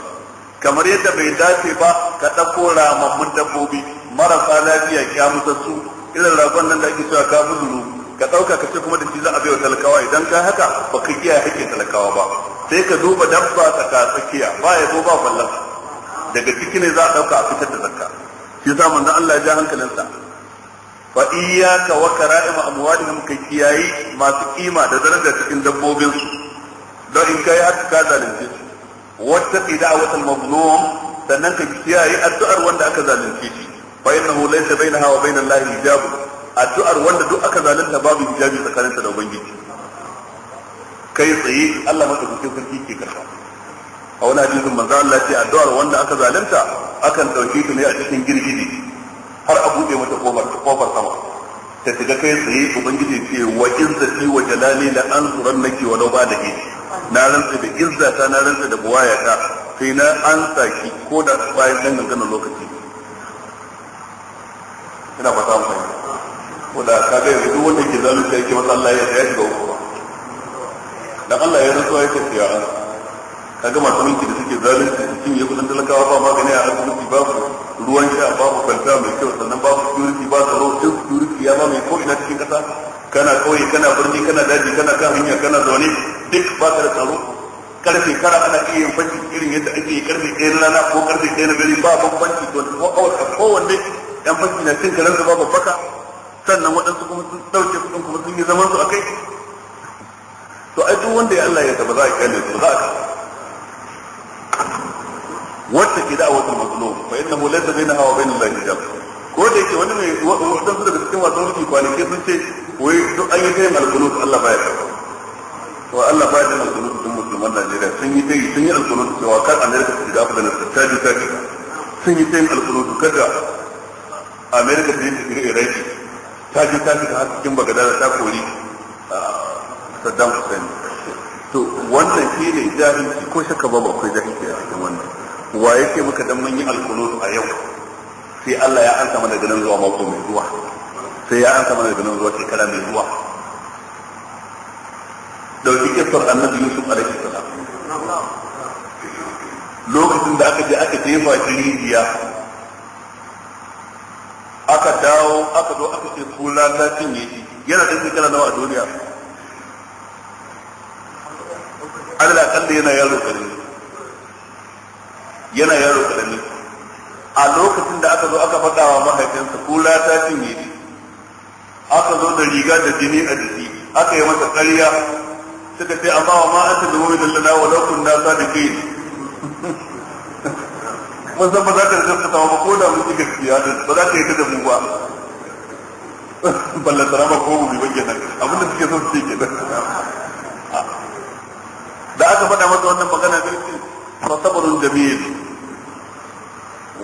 kamar yadda bai dace ba ka ɗauko ramammun dabbobi marasa lafiya ya kyamutattu irin ragon nan da ake cewa ka buzuru ka ɗauka ka ce kuma da shi za a baiwa talakawa idan ka haka ba ka kiyaye hakkin talakawa ba sai ka duba dabba ka tsakiya ba ya zo ba fallasa daga ciki ne za a ɗauka a fitar da zakka shi yasa manzon Allah ya ja hankalinsa fa iyyaka wa kara'im amwalihim ka kiyaye masu kima da daraja cikin dabbobinsu don in kai haka ka zalunce su wata da'watul mazlum sannan ka kiyaye addu'ar wanda aka zalunce shi fa innahu laysa bainaha wa bainal lahi hijab addu'ar wanda duk aka zalunta babu hijabi tsakaninsa da ubangiji kai tsaye Allah madaukakin sarki ke karba a wani hadisin manzo Allah ce addu'ar wanda aka zalunta akan dauke ta ne a cikin girgije har a bude mata kofar kofar sama ta shiga kai tsaye ubangiji ce wa izzati wa jalali la ansurannaki wa law ba'da na rantsa da izzata na rantsa da buwayata sai na ansa ki ko da bayan dan gangan lokaci ina ba ta amfani ko da ka ga yanzu wanda ke zalu zalunci yake wata Allah ya ya shiga uku ba dan Allah ya rantsuwa yake ka ga masu mulki da suke zalunci cikin ya kudin talakawa ba magani a asibiti babu ruwan sha babu kwanta mai kyau sannan babu security ba tsaro in security ya ba mai ko ina cikin kasa kana kauye kana birni kana daji kana kan hanya kana zaune duk ba ka da tsaro karfe kara ana iya yin fashi irin yadda ake yi karfe ɗaya na rana ko karfe ɗaya na gari ba bambanci to ko a kowanne yan fashi na cin karar zuba babbaka sannan waɗansu kuma sun ɗauke kuɗin kuma sun yi zaman su a kai to ai duk wanda ya Allah ya ba za a kyale su za a kai wacce ke da'a wata mazlum fa innahu laysa bainaha wa bainal lahi hijab ko da yake wani mai waɗansu daga cikin wasan rufi kwanaki sun ce wai duk an yi ta yin alkunut Allah baya ta to Allah baya yin alkunut din musulman Najeriya sun yi ta yi sun yi alkunut cewa kar Amerika su shiga Afirka na ji ta shiga sun yi ta yin alkunut kada amerika ta yi tafiya iraki ta je ta fita har cikin da ta kori ah, saddam hussein to wannan shi ne jahilci ko shakka ba bakwai jahilci a cikin wannan wa yake muka dan mun yi alkulut a yau sai Allah ya ansa mana ganin zuwa mako mai zuwa sai ya ansa mana ganin zuwa shekara mai zuwa dauki kisar annabi yusuf alaihi salam lokacin da aka je aka jefa shi rijiya aka dawo aka zo aka ce ku ta cinye shi yana da shekara nawa a duniya Allah kalla yana yaro karami yana yaro karami a lokacin da aka zo aka faɗa wa mahaifinsa ku ta cinye shi aka zo da riga da jini a jiki aka yi masa ƙarya suka ce amma wa ma ta da mu'minin lana wa law kunna sadiqin mun san ba za ta rajasta ta ba ko da mun ji gaskiya din ba za ta yi ta da mu ba ballantana ba ko mu bi ba kenan abinda suke so su ce kenan da aka faɗa masa wannan magana zai ce fasabarun jamil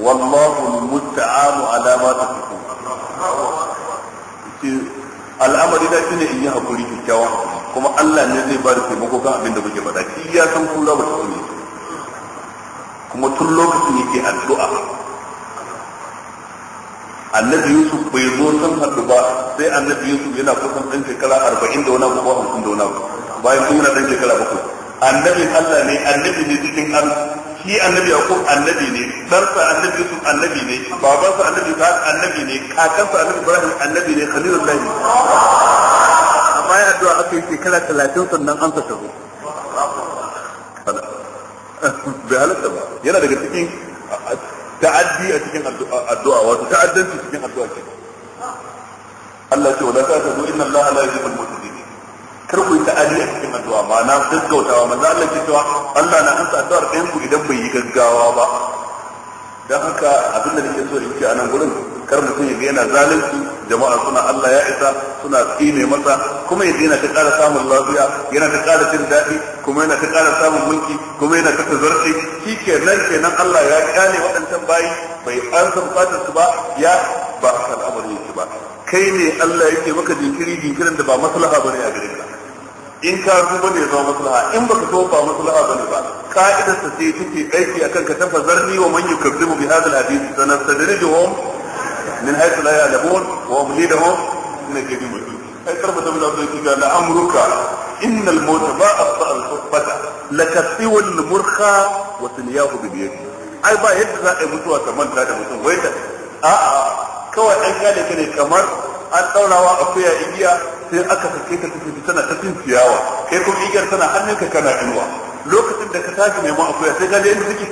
wallahu almusta'anu ala ma tasifun ce al'amari da shine in yi hakuri kyakkyawan kuma Allah ne zai ba da taimako kan abin da kuke faɗa shi ya san kula ba ta ne kuma tun lokacin yake addu'a annabi yusuf bai zo san haɗu ba sai annabi yusuf yana kusan ɗan shekara arba'in da wani abubuwa hamsin da wani bayan kuma ɗan shekara bakwai annabi allah ne annabi ne cikin an shi annabi yakub annabi ne ɗansa annabi yusuf annabi ne babansa annabi ba annabi ne kakansa annabi ibrahim annabi ne khalilullah amma ya addu'a aka yi shekara talatin sannan an ta zo bai halatta ba yana daga cikin ta'addi a cikin addu'a wato ta'addanci cikin addu'a ce Allah ce wala ta tabu inna Allah la yuhibbul mutadin kar ku yi ta'addi a cikin addu'a ma'ana gaggautawa manzo Allah ke cewa Allah na ansa addu'ar ɗayan ku idan bai yi gaggawa ba dan haka abin da nake so in ce anan nan gurin kar mutum ya yana zalunci jama'a suna Allah ya isa suna tsine masa kuma yanzu yana ta ƙara samun lafiya yana ta kara jin daɗi kuma yana ta kara samun mulki kuma yana ta tazarce shi kenan kenan Allah ya kyale waɗancan bayi bai an san fatar su ba ya ba a kan amarin ba kai ne Allah yake maka jinkiri jinkirin da ba maslaha bane a gare ka in ka zo bane ya zama maslaha in baka so ba maslaha bane ba ka'idar sa sai take aiki akan ka tafa tafazarni wa man yukazzibu bi hadha al-hadith sanastadrijuhum min haythu la ya'lamun wa umli lahum inna kaydi matin ai tarba da mun abin kiga la amruka inna al mawt ba aqta al khutbata lakasiwa al murkha wa tunyahu bi yadi ba yadda za a mutuwa ta manta da mutum wai da a'a kawai an gane ka ne kamar an daurawa akuya igiya sai aka sake ta tafi ta cin ciyawa kai kuma igiyar tana ka kana inuwa lokacin da ka tashi neman akuya sai gane inda take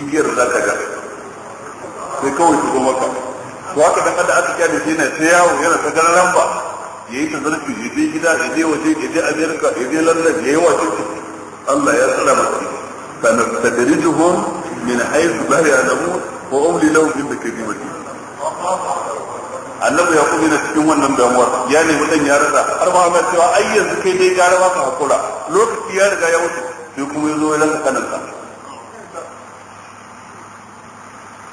igiyar za ka ga sai kawai su zo maka to haka dan kada aka kiyaye shi ne sai yawo yana ta gararan lamba ya yi ta zarfi ya je gida ya je waje ya je amerika ya je london ya yi wace Allah ya tsara masa sanastadrijuhum min haythu la ya'lamun wa umli ke bi kalimati annabu ya kuma da cikin wannan damuwar ya nemi dan ya rasa har ma mai cewa ai yanzu kai dai gara ba ka hakura lokaci ya riga ya wuce sai kuma yazo ya lanka kanan sa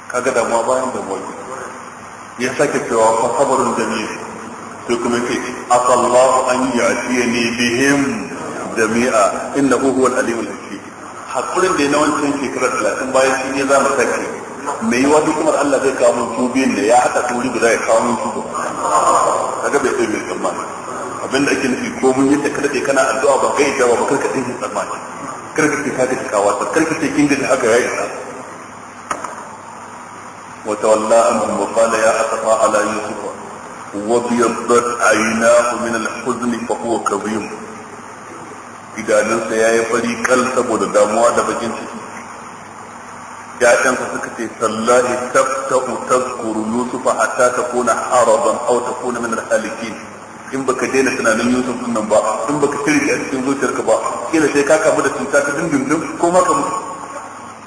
kaga damuwa bayan damuwa ya sake cewa fa sabrun jamil sai kuma ce asallahu an ya'tiyani bihim jami'a innahu huwal alimul hakim hakurin da na wancan shekara 30 bayan shi ne za mu sake me yi duk kuma Allah zai kawo mun su biyun da ya haka turi guda ya kawo mun su daga kaga bai kai mai tsammani abinda ake nufi ko mun yi takar da kana addu'a ba kai jawa ba karka dinki tsammani karka ce ka ka kawo ta karka ce kin da haka ya isa وتولى عنهم وقال يا أسفى على يوسف وابيضت عيناه من الحزن فهو كظيم idanunsa ya yi fari kal saboda damuwa da bakin ciki suka ce sallahi tafta'u tazkuru yusufa hatta takuna haraban in baka daina tunanin yusuf din nan ba in baka shirki a cikin zuciyarka ba kila sai ka kamu da cuta ta dindindin ko maka mutu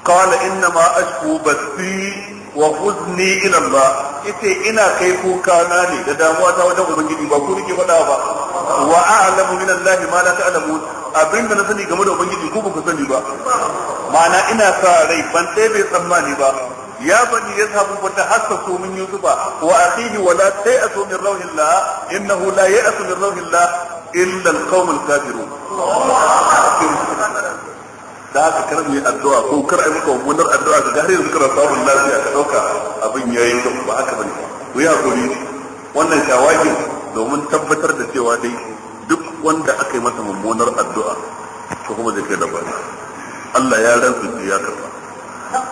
qala inna ma ashku basi wa huzni ila Allah yace ina kai kuka na ne da damuwa ta wajen ubangiji ba ku nake faɗa ba wa a'lamu min Allah ma la ta'lamun abin da na sani game da ubangiji ku ba ku sani ba ma'ana ina sa rai ban sai bai tsammani ba ya bani ya samu fata hassasu min yusufa wa akhihi wa la ta'asu min rauhillah innahu la ya'asu min rauhillah illa al-qawm al-kafirun da haka kar mu yi addu'a ko kar ai maka wannan addu'a ga gare yanzu kana samun lafiya ka dauka abin yayi kyau ba haka bane ku yi hakuri wannan shawagin domin tabbatar da cewa dai duk wanda aka yi masa mummunar addu'a to kuma zai kai da ba Allah ya rantsu ya karba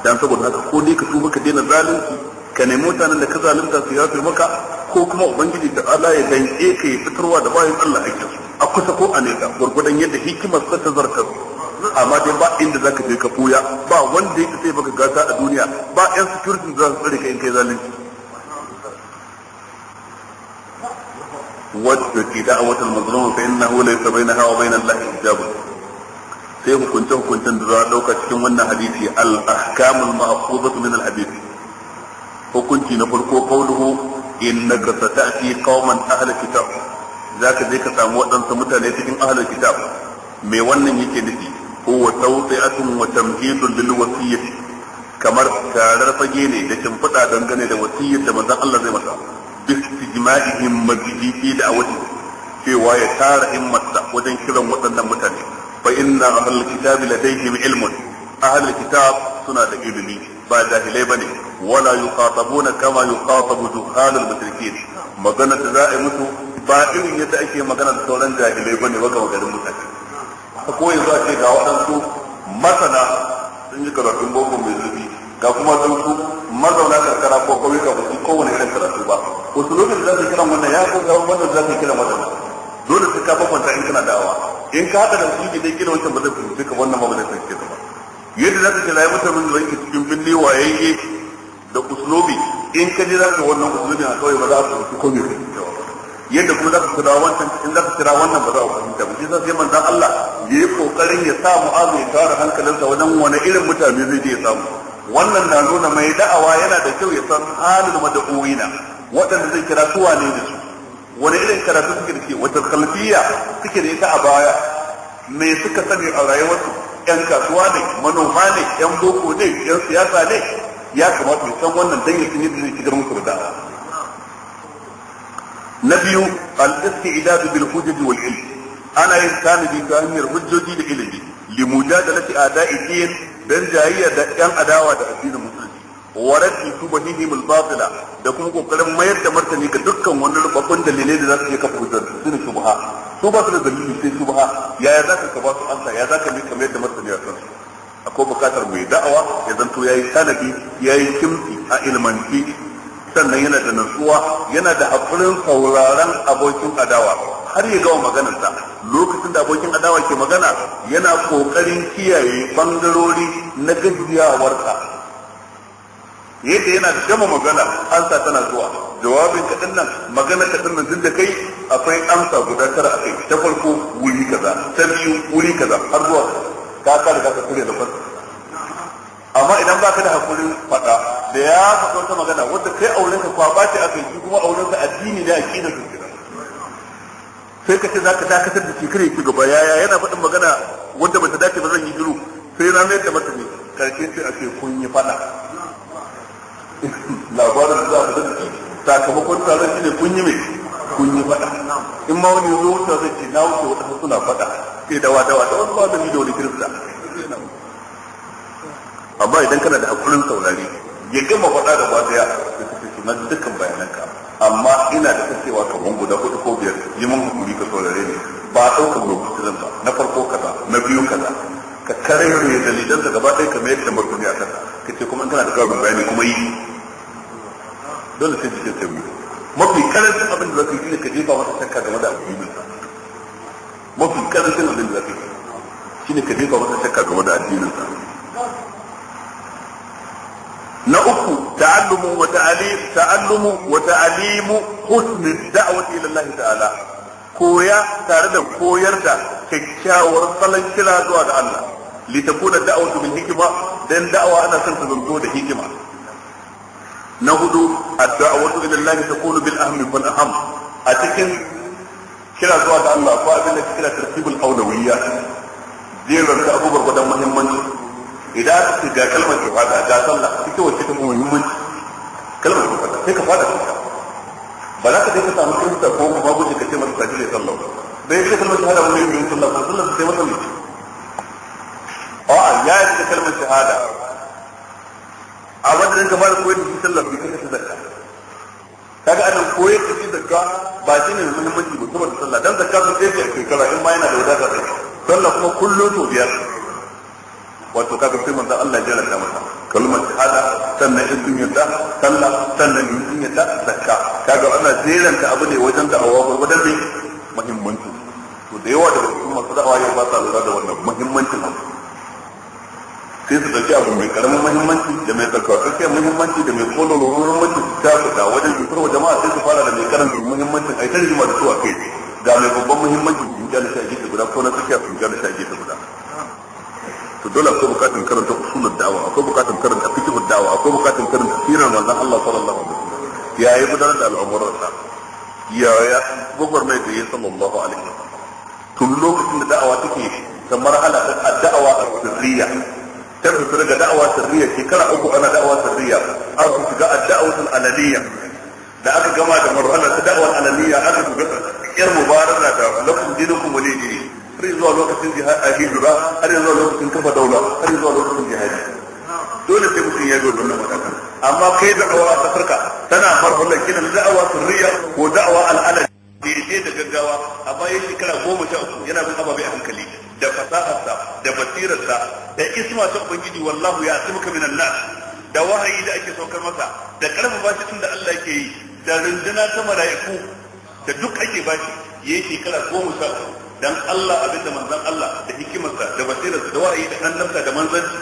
dan saboda haka ko dai ka tuba ka daina zalunci ka nemi mutanen da ka zalunta su fi maka ko kuma ubangiji da Allah ya danke ka ya fitarwa da bayan Allah ake a kusa ko a nesa gurgudan yadda hikimar ta zartar amma dai ba inda zaka je ka fuya ba wanda yake sai baka gata a duniya ba yan security da za su tsare ka in kai zalunci واتقي دعوة المظلوم فإنه ليس بينها وبين الله حجاب sai hukunce hukuncen da za a ɗauka cikin wannan hadisi al-ahkamul ma'khudatu min al-hadith hukunci na farko qawluhu innaka sata'ti qauman ahli kitab zaka je ka samu waɗansu mutane cikin ahli kitab me wannan yake nufi huwa tawti'atun wa tamhidun lil wasiyyati kamar tarar fage ne da shimfiɗa dangane da wasiyyar da manzon Allah zai masa bistijma'ihim majidi da awati cewa ya tara himmarsa wajen kiran waɗannan mutane fa inna ahlul kitabi ladayhim ilmun ahlul kitab suna da ilimi ba jahilai bane wala yuqatabuna kama yuqatabu juhalul mushrikin magana da za a yi musu ba irin yadda ake magana da sauran jahilai bane ba ga magarin mutane ta koyi a ce ga waɗansu masana sun yi karatun boko mai zurfi ga kuma su mazauna karkara ko ƙauyuka ba su kowane irin karatu ba wasu lokacin za su kira wannan ya ko gaban wannan za su kira wannan dole su ka bambanta in kana dawa in ka haɗa da su ne dai kira wancan ba zai fahimci ka wannan ba zai fahimci ba yadda za su kira ya mutane da yake cikin binne wayayye da usulobi in ka ji za ka wannan uslobi a kawai ba za a fahimci ko mai fahimci ba yadda kuma za ka kira wancan in za ka kira wannan ba za a fahimta ba shi sai manzon Allah ya yi kokarin ya sa mu'azu ya tara hankalinsa wajen wani irin mutane zai je ya samu wannan na nuna mai da'awa yana da kyau ya san halin mada'uwina waɗanda zai kira su wane ne su wani irin karatu suke da ke wata kalfiya suke da ita a baya me suka sani a rayuwarsu yan kasuwa ne manoma ne yan boko ne yan siyasa ne ya kamata ya san wannan dan ya yi da zai shigar musu da'awa na biyu al idadu bil hujaj wal ilm ana yin tanadi ta hanyar hujjoji da ilimi da mujadalati ada'i din dan jayayya da yan adawa da addinin musulunci wa raddi tubahihim al-batila da kuma kokarin mayar da martani ga dukkan wani rubakun dalilai da za su iya kafa hujjar su ne su ba su da dalili sai subha yaya za ka ba su ansa ya za ka mika mayar da martani a kansu akwai bukatar mai da'awa ya zanto yayi tanadi yayi kimti a ilmanci sannan yana da nutsuwa yana da hakurin sauraron abokin adawa har ya gawa maganarsa lokacin da abokin adawa ke magana yana kokarin kiyaye bangarori na gajiyawarsa yadda yana da jama magana ansa tana zuwa jawabin kaɗan nan magana kaɗan nan tun da kai akwai amsa guda tara a kai ta farko wuri kaza ta biyu wuri kaza har zuwa ka ka da ka da farko amma idan baka da hakurin faɗa da ya faɗa wata magana wanda kai auren ka kwaba ce akai shi kuma auren ka addini ne aqida su kira sai ka ce zaka dakatar da shi kare ki gaba yaya yana faɗin magana wanda ta dace ba zan yi shiru sai na mai da mata ne karshe sai a ce kun yi faɗa labarin da za ka da sakamakon taron shi ne kun yi mai kun yi faɗa in ma wani yanzu wuta zai ce na wuce wata suna faɗa sai dawa dawa ta wasu ba da ni da wani kirista amma idan kana da hakurin saurari ya gama faɗa da ba daya da suke suna man dukkan bayananka amma ina da ka wangu guda hudu ko biyar yi mun hukuri ka saurare ne ba a ɗaukar rubutun ba na farko kaza na biyu kaza ka kare ne dalilan da gaba ɗaya ka mayar da martani a ka ce kuma kana da ƙarin bayani kuma yi dole sai cikin sai mafi karancin abin da zaka yi ne ka jefa wata shakka game da da mafi karancin abin da zaka yi shine ka jefa wata shakka game da addinin sa na uku ta'allumu wa ta'alim ta'allumu wa ta'alimu husnul da'wati ila Allah ta'ala koya tare da koyar da kyakkyawar salon kira zuwa ga Allah li takuna da'watu bil hikma dan da'awa ana son ta zanto da hikima na hudu ad-da'watu ila Allah takunu bil ahmi wal aham a cikin kira zuwa ga Allah ko abin da kira tartibul awlawiyya jerin da abubuwan gudan muhimmanci idan aka ce ga kalmar shahada ga sallah ita wacce ta muhimmanci kalmar shahada sai ka fada ta ba za ka je ka samu kirista ko kuma babu ka ce masa tafi ne sallah bai ce kalmar shahada wani yin sallah ko sallah sai masa mai a'a ya yi da kalmar shahada a madadin ka fara koyar da shi sallah bai kasa ta zakka kaga anan koyar da shi zakka ba shi ne muhimmanci ba saboda sallah dan zakka sun sai a shekara in ma yana da wadata sai sallah kuma kullum to biyar wato kaga sai manzo Allah ya jarrata masa kalmar shahada sannan in sun yadda sallah sannan in sun yadda zakka kaga ana jeranta abu ne wajen da awa gurgudan ne muhimmanci to da yawa da su masu da'awa yau ba sa lura da wannan muhimmancin abu sai su dauki abu mai karamin muhimmanci da mai tsarkakakken muhimmanci da mai kololo muhimmanci su ta fita wajen jikar wa jama'a sai su fara da mai karamin muhimmancin a yi ta rigima da su a kai ga mai babban muhimmanci su yi gyara shi a gefe guda ko na tsakiya su yi gyara shi a gefe guda to dole akwai bukatun karanta usulul da'awa akwai bukatun karanta fiqhul da'awa akwai bukatun karanta sirar manzon Allah sallallahu alaihi wasallam ya yi gudanar da al'amuransa ya ya gogor mai da yayin sallallahu alaihi wasallam tun lokacin da da'awa take ta marhala ta da'awa sirriya ta fitar ga da'awa sirriya shekara uku ana da'awa sirriya an shiga da'awatul alaliya da aka gama da marhala ta da'awa alaliya aka shiga yar mubaraka da lakum dinukum waliyyi har zuwa lokacin hijira har zuwa lokacin kafa daula har zuwa lokacin jihadi dole sai mutum ya dole wannan matakan amma kai da da'awa a kasarka tana farfallar kina da'awa sirriya ko da'awa al'adar daidai da gaggawa a bayan shekara goma sha uku yana bin ababe a hankali da fasaharsa da basirarsa da isma ta ubangiji wallahu ya asimuka minan nas da wahayi da ake saukar masa da karfafa shi tun da Allah yake yi da runduna ta mala'iku da duk ake bashi yayi shekara goma sha uku dan Allah abinda manzon Allah da hikimarsa da basira da wa'ayi da annabta da manzanci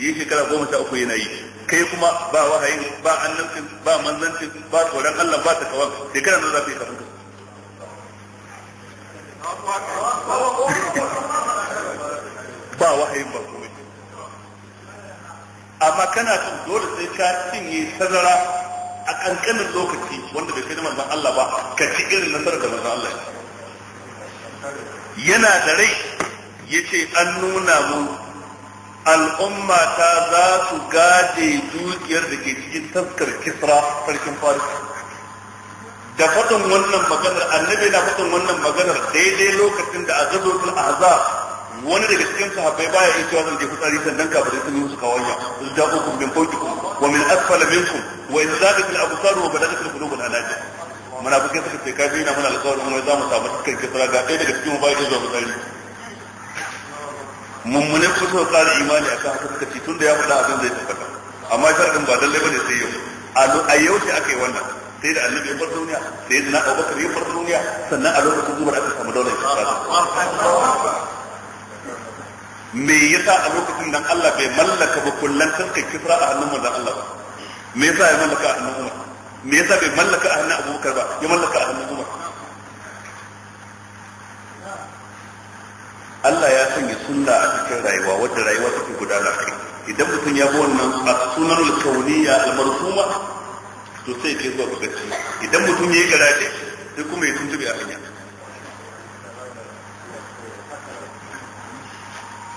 yi shekara goma sha uku yana yi kai kuma ba wahayin ba annabcin ba manzancin ba tsoron Allah ba takawan shekara nan za ka yi kafin ba wahayin ba komai amma kana cin dole sai ka cinye sarara a kankanin lokaci wanda bai kai da manzon Allah ba ka ci irin nasarar da manzon Allah ya yana da rai ya ce an nuna mu al'umma ta za su gade dukiyar da ke cikin taskar kisra sarkin faris da faɗin wannan maganar annabi na faɗin wannan maganar daidai lokacin da a gazotul azab wani daga cikin sahabbai baya iya cewa zan je fitsari sannan ka bari sun su kawanya su ja ku min ku, wa min asfala minkum wa idza zaqat al absar wa badagat al qulub al anajah munafikai suka ce kafi na muna alƙawarin wai za mu samu cikin kisra ga ɗaya daga cikin mu bai zuwa fitsari mummunan ku so tsara imani a kan suka ce da ya faɗa abin zai tabbata amma sharadin ba lallai da sai yau a yau sai aka yi wannan sai da annabi ya bar duniya sai da na abubakar ya bar duniya sannan a lokacin zuwa aka samu daular kisra me yasa a lokacin dan Allah bai mallaka ba kullantar kai kisra a hannun manzon Allah me yasa ya mallaka a hannun Umar me yasa bai mallaka a hannun abubakar ba ya mallaka a hannun umar Allah ya sanya sunna a cikin rayuwa wadda rayuwa take gudana kai idan mutum ya bi wannan a sunan kauniya al-marhuma to sai ke zuwa bugacci idan mutum ya yi garaje sai kuma ya tuntube a hanya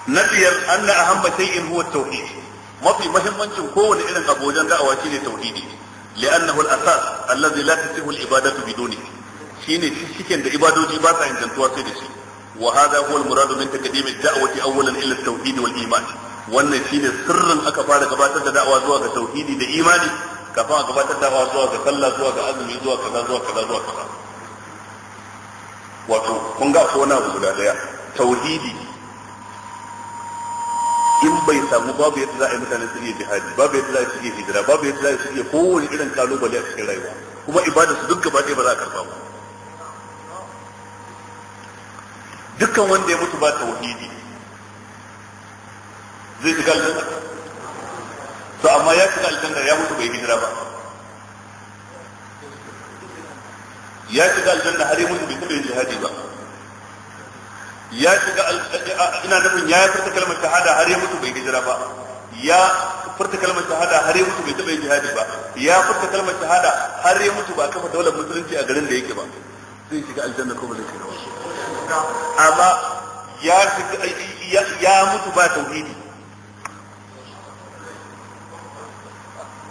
na biyar an na ahamma sai in huwa tauhidi mafi mahimmancin kowane irin abu wajen da'awa shine tauhidi li'annahu al-asas allazi la tasihu al-ibadatu biduni shine cikin da ibadoji ba sa ingantuwa sai da shi wa hadha huwa al-muradu min taqdim ad-da'wati awwalan ila at-tauhid wal iman wannan shine sirrin aka fara gabatar da da'awa zuwa ga tauhidi da imani kafin a gabatar da'awa zuwa ga sallah zuwa ga azumi zuwa wato abu guda daya tauhidi in bai samu babu yadda za a yi mutane su iya jihadi babu yadda za su iya hijira babu yadda za su iya kowane irin kalubale a cikin rayuwa kuma ibada su duk gaba ɗaya ba za a karɓa ba dukkan wanda ya mutu ba tauhidi zai shiga aljanna to amma ya shiga aljanna ya mutu bai hijira ba ya shiga aljanna har ya mutu bai taɓa yin jihadi ba ya shiga ina nufin ya furta kalmar shahada har ya mutu bai hijira ba ya furta kalmar shahada har ya mutu bai taɓa jihadi ba ya furta kalmar shahada har ya mutu ba kafa daular musulunci a garin da yake ba zai shiga aljanna ko ba zai shiga amma ya shiga ya mutu ba tauhidi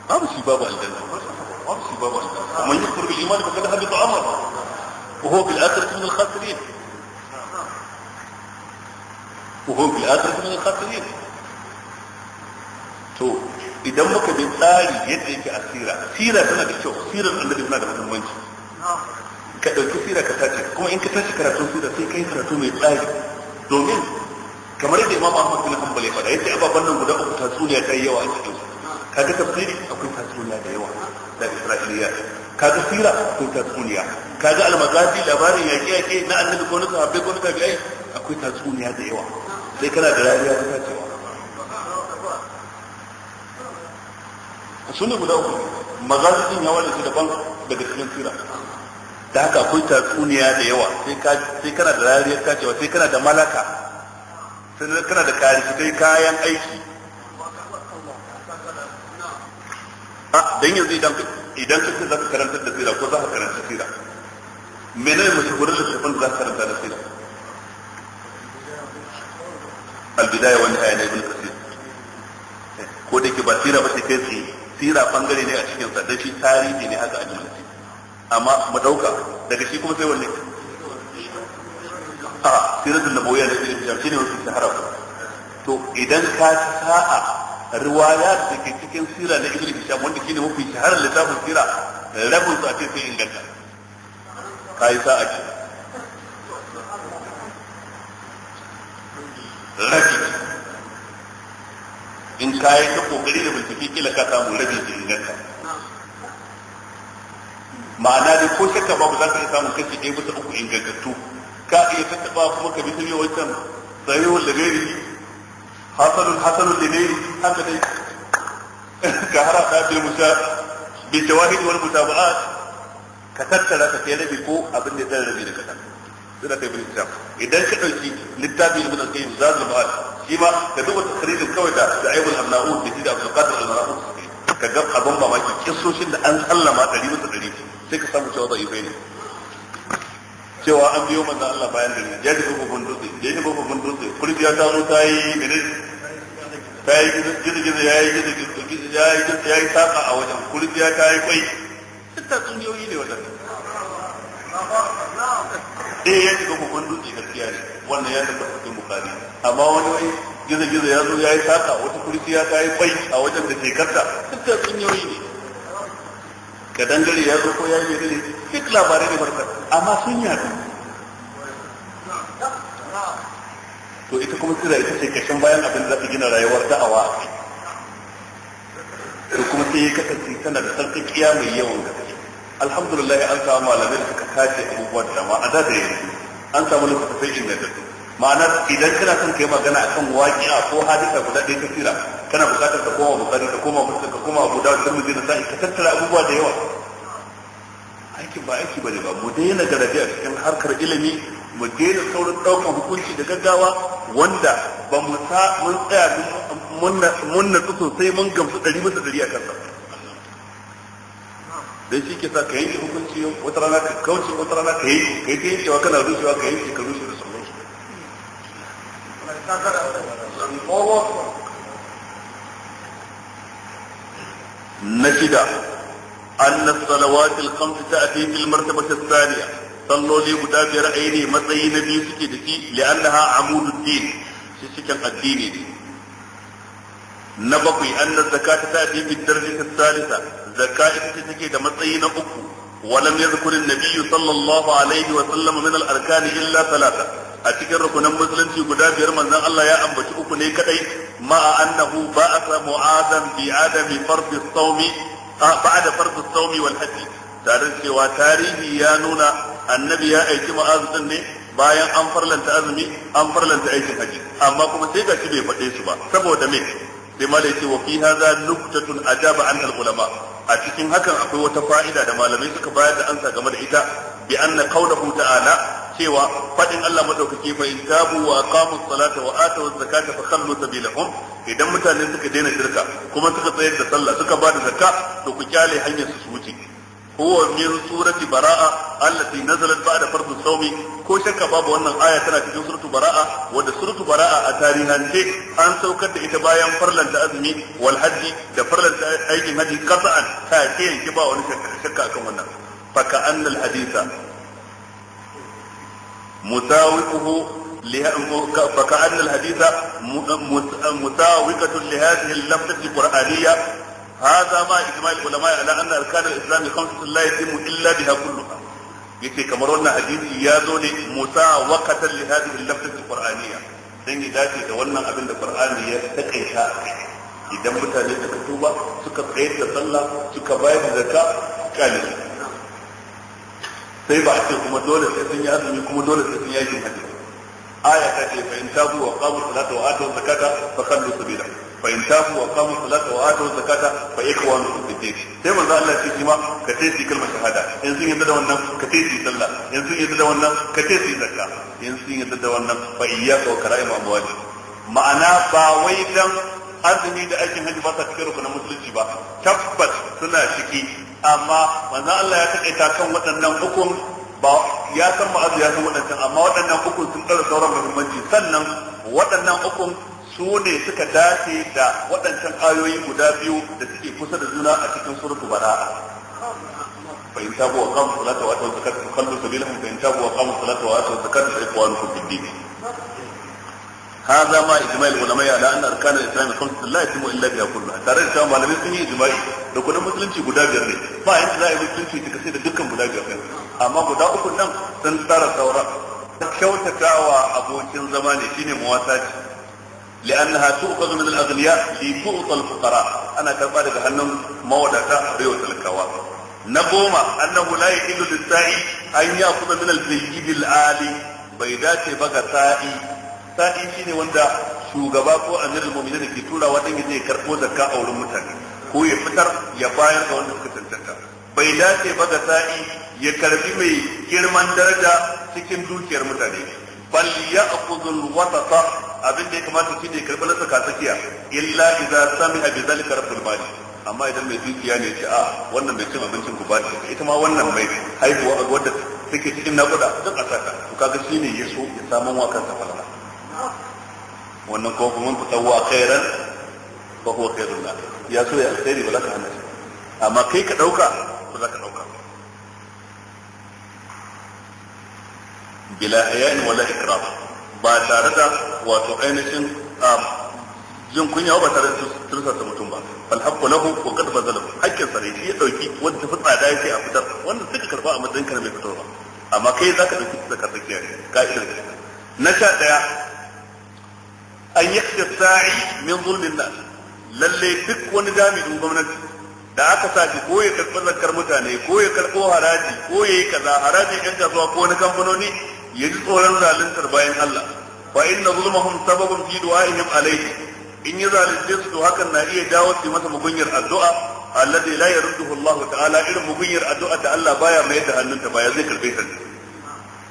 babu shi babu aljanna babu shi babu aljanna amma yakfur bil iman kada habita amalu wa huwa bil akhirati min al khasirin wa huwa bil akhirati min al yin? to idan muka bi tsari yadda yake a sira sira tana da kyau sirar annabi tana da muhimmanci ka ɗauki sira ka tace kuma in ka tashi karatu sira sai kai karatu mai tsari domin kamar yadda imam ahmad bin hanbal ya faɗa yace ababan nan guda uku tatsuniya ta yi yawa a cikin kaga tafsiri akwai tatsuniya da yawa da isra'iliya kaga sira akwai tatsuniya kaga almagazi labarin yaƙe-yaƙe na annabi ko na sahabbai ko na tabi'ai akwai tatsuniya da yawa sai kana da rariya ta kacewa su ne guda uku maza magazin ya wale su daban daga cikin sira da haka akwai tatsuniya da yawa sai kana da rariyar cewa sai kana da malaka sai kana da karishi kayan aiki a ah, dan yanzu idan idan kace za ka karanta da sira ko za ka karanta sira menene mashahurin littafin da za ka karanta da sira albidaya wani haya na ibn kasir ko da ke ba sira ba sai kai tsaye sira bangare ne a cikin sa dashi shi tarihi ne haka a jumlace amma mu dauka daga shi kuma sai wanne a siratul nabawiyya ne ibn kasir shine wasu haraka. to idan ka sa'a riwaya da ke cikin sira na ibn kasir wanda shine mafi shaharar littafin sira rabin su ce sai inganta kai sa'a kenan rabi in ka yi ta kokari da bincike kila ka samu rabi da inganta ma'ana da ko shakka babu za ka yi samun kashi ɗaya bisa uku ingantattu ka iya tattaɓa kuma ka bi ta biyo wancan tsayewar da gairi hasanun hasanun da gairi haka dai ka hara ta bil musa wani musa ba a ka tattara ka kai rabi ko abin da zan rabi da kadan suna da kai bin kitab idan ka dauki littafin ibn al-qayyim zadul ma'ad shi ma ka duba takririn kawai da da aibul amna'ud da shi da abdul qadir al ka ga ba maki kissoshin da an sallama dari bisa dari sai ka samu cewa bai ne cewa an biyo manzo Allah bayan da ya ji babban dutse ya ji babu dutse kurbiya ta zo ta yi menene ta yi gizo-gizo ya yi gizo-gizo ya yi gizo ya yi saka a wajen ya ta yi kwai duk ta tsungiyoyi ne wajen eh ya shiga kokon dutse gaskiya ne wannan ya tafi cikin bukari amma wani wai gizo-gizo ya zo ya yi saka wata kurciya ya yi kwai a wajen da ke karta duk da tsinyoyi ne ka dangare ya zo ko ya yi dare duk labarai ne barka amma sun yadu to ita kuma tsira ita ce kashin bayan abin da zaka gina rayuwar da'awa to kuma sai ya kasance tana da sarkakiya mai yawan gaske alhamdulillah an samu malamai da suka tace abubuwa da dama a da da yanzu an samu littattafai ingantattu ma'ana idan kana son kai magana akan waƙi'a ko hadisa guda ɗaya ta sira kana buƙatar ka koma bukari ka koma muslim ka koma guda dawud mu na sa'i ka tattara abubuwa da yawa aikin ba aiki bane ba mu daina garabi a cikin harkar ilimi mu daina saurin ɗaukar hukunci da gaggawa wanda ba mu sa mun tsaya mun natsu sosai mun gamsu ɗari bisa ɗari a kansa dan shi ke sa ka yanke hukunci wata rana ka kauce wata rana ka yanke kai ta yankewa kana rushewa ka yanke ka rushe da sauran su na shida أن الصلوات الخمس تأتي في المرتبة الثانية صلولي مدابير أيني مطعي نبي سكي لأنها عمود الدين سكي الدين دي. na bakwai an na zakata ta fi darajata salisa zakka ita take da matsayi na uku walam yadhkur an-nabiy sallallahu alaihi wa sallam min al-arkan illa thalatha a cikin rukunin musulunci guda biyar manzon Allah ya ambaci uku ne kadai ma annahu ba'atha mu'adan bi adami fard as-sawmi ba'da fard as-sawmi wal hajj tare cewa tarihi ya nuna annabi ya aiki mu'az din ne bayan an farlanta azumi an farlanta aikin haji amma kuma sai ga shi bai faɗe su ba saboda me sai malai ce wa fi hadha nuktatun a an al ulama a cikin hakan akwai wata fa'ida da malamai suka bayar da ansa game da ita bi anna qawluhu ta'ala cewa fadin Allah madaukake fa in tabu wa aqamu salata wa atu zakata fa khallu sabilahum idan mutane suka daina shirka kuma suka tsayar da sallah suka ba da zakka to ku kyale hanyar su wuce huwa min surati bara'a allati nazalat ba'da fardu sawmi ko shakka babu wannan aya tana cikin suratu bara'a wanda suratu bara'a a tarihance an saukar da ita bayan farlanta azumi wal hajji da farlanta aikin hajji qat'an ta ce yanki ba wani shakka akan wannan فكأن الحديث مساوقة لهذه اللفظة القرآنية هذا ما اجماع العلماء على ان اركان الاسلام خمسه لا يتم الا بها كلها yace kamar wannan hadisi ya zo ne musa waqatan li hadhihi al-lafzah al-qur'aniyya da wannan abin da qur'ani ya takaita a idan mutane suka tuba suka tsayar da sallah suka bayar da zakka kalin sai ba a ce kuma dole sai sun yi azumi kuma dole sai sun yi aikin aya ta ce fa in tabu wa qamu salata wa atu zakata fa kallu sabila fa in tabu wa qamu salata wa atu zakata fa ikwanukum fi din sai manzo Allah ya ce ma ka ce shi kalmar shahada in sun yadda da wannan ka ce shi sallah in sun yadda da wannan ka ce shi zakka in sun yadda da wannan fa iyyaka wa kara'im amwali ma'ana ba wai dan azumi da aikin hajji ba sa cikin rukunin musulunci ba tabbas suna ciki amma manzo Allah ya takaita kan waɗannan hukum ba ya san ma'azu ya san waɗancan amma waɗannan hukum sun ɗara sauran muhimmanci sannan waɗannan hukum su ne suka dace da waɗancan ayoyi guda biyu da suke kusa da juna a cikin suratu bara'a fa in tabu wa qamu salata wa atu zakata fa khallu sabilahum fa in tabu wa qamu salata wa atu zakata fa ikhwanukum fid din هذا ما اجماع العلماء على ان اركان الاسلام خمسه لا يتم الا بها كلها tare da cewa malamai sun yi ijma'i da kudin musulunci guda biyar ne ba yanzu za a yi musulunci ta kasai da dukkan guda biyar ne amma guda uku nan sun tsara saura kyautatawa abokin zama ne shine ce. لأنها تؤخذ من الأغنياء لتعطى الفقراء أنا كما لك أنهم مودة بيوت الكواب نقوم أنه لا يحل للسائي أن يأخذ من الجيد العالي بيدات بقى سائي سائي شيني وندا shugaba ko amirul mu'minin ke tura wadan ya je karbo zakka a wurin mutane ko ya fitar ya bayar ga wanda suka tantanta bai dace ba ga sa'i ya karɓi mai girman daraja cikin dukiyar mutane bal ya'khudhu al-watata abin da ya kamata shi ne karɓar tsaka tsakiya illa idza sami'a bi zalika rabbul mali amma idan mai dukiya ne ce a wannan mai cin abincin ku ba ita ma wannan mai haihuwa wadda take cikin nakuda duk a saka to kaga shi ne ya ya samu wa kansa falala wannan ko kuma ku tawwa khairan fa huwa khairun ya so ya alkhairi bala ka amma kai ka dauka ba za ka ɗauka bila hayani wala إكرام ba tare da wato جن um, jin kunya ba tare da tursasa mutum ba fal haqqu lahu wa qad bazalahu hakkin sa shi ya dauki wanda tafi tsada yake a fitar wanda suka karba a matsayin kana mai fitar ba amma kai zaka dauki da ka na sha daya an sa'i duk wani jami'in gwamnati da aka sace ko ya karɓi zakar mutane ko ya karɓo haraji ko ya yi kaza haraji ɗan kasuwa ko wani kamfanoni ya tsoron zaluntar bayan Allah fa inna zulmahum sababun fi du'aihim alayhi in ya zalunce su to hakan na iya dawo su masa mugunyar addu'a alladhi la yarduhu Allah ta'ala irin mugunyar addu'a da Allah baya mai da hannunta baya zai karbe ta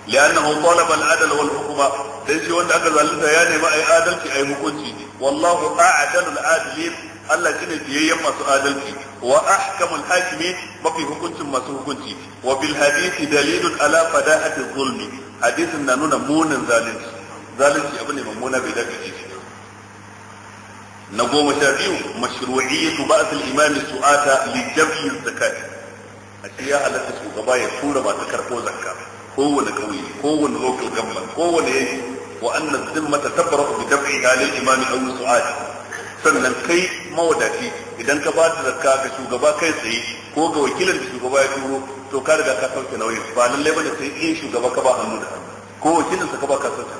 لأنه طلب العدل والحكمة ليس aka zalunta ya nemi ما أي عدل في أي مكنتي والله أعدل العادلين Allah shine biyayyen masu adalci wa ahkamul hakimi mafi hukuncin masu hukunci wa bil hadisi dalilun ala fadahati zulmi hadisin na nuna munin zalunci zalunci abu ne mummuna bai dace shi na goma sha biyu mashru'iyyatu ba'th al-imam su'ata li jam'i zakat a ce ya halatta shugaba ya tura masu karɓo zakka kowane kauye kowane local government kowane yanki wa annan zimmata tabra'u bi jam'i halil imam aw su'ati sannan kai mawadaci idan ka ba da zakka ga shugaba kai tsaye ko ga wakilin shugaba ya turo to ka riga ka sauke nauyin ba lalle bane sai in shugaba ka ba hannu da hannu ko wakilin sa ka ba ka sauke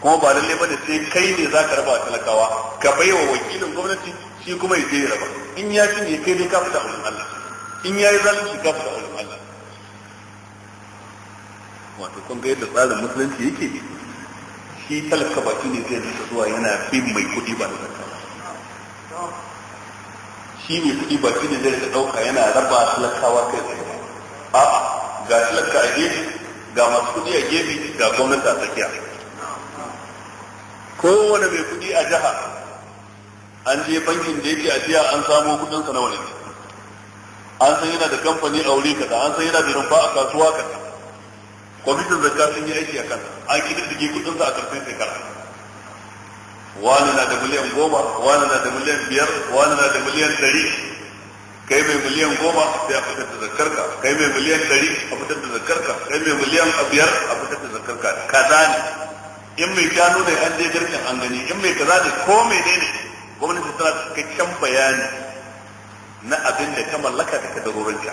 kuma ba lalle bane sai kai ne zaka raba talakawa ka baiwa wakilin gwamnati shi kuma ya je ya raba in ya cinye kai dai ka fita wurin Allah in ya yi zalunci ka fita wurin Allah wato kun ga yadda tsarin musulunci yake shi talaka baki ne zai rika zuwa yana bin mai kuɗi ba da zakka shi mai kuɗi baki ne zai rika ɗauka yana raba talakawa kai tsaye a'a ga talaka a gefe ga masu kuɗi a gefe ga gwamnati a tsakiya kowane mai kuɗi a jiha an je bankin da yake ajiya an samo kuɗinsa na wani an san yana da kamfani a wuri kaza an san yana da rumfa a kasuwa kaza kwamitin zakka sun yi aiki a kan an kididdige kuɗinsa a karfin shekara wani na da miliyan goma wani na da miliyan biyar wani na da miliyan dari kai mai miliyan goma sai a fitar da zakarka kai mai miliyan ɗari a fitar da zakarka kai mai miliyan biyar a fitar da zakarka kaza ne in mai shanu ne an je garkin an gani in mai kaza ne ko ne gwamnati tana cikakken bayani na abin da ta mallaka da kadarorinka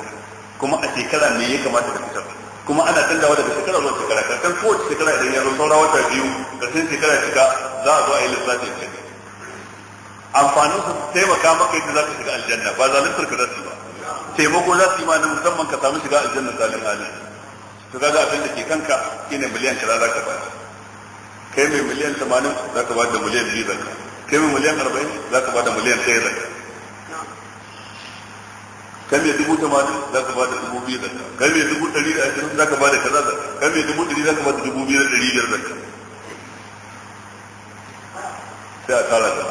kuma a shekara me ya kamata ka fitar kuma ana canzawa daga shekara zuwa shekara kan kowace shekara idan ya zo saura wata biyu karshen shekara cika za a zo a yi lissafin lissafi amfanin su taimaka maka yadda za ka shiga aljanna ba zaluntar ka za su ba taimako za su yi ma na musamman ka samu shiga aljanna salin halin to kaga abin da ke kanka shine miliyan kaza za ka ba kai mai miliyan tamanin za ka ba da miliyan biyu zaka kai mai miliyan arba'in za ka ba da miliyan 1 zaka kai mai dubu tamanin za ka ba da dubu biyu zaka kai mai dubu ɗari da ashirin za ka ba da kaza zaka kai mai dubu ɗari za ka ba da dubu biyu da ɗari biyar zaka sai a tara da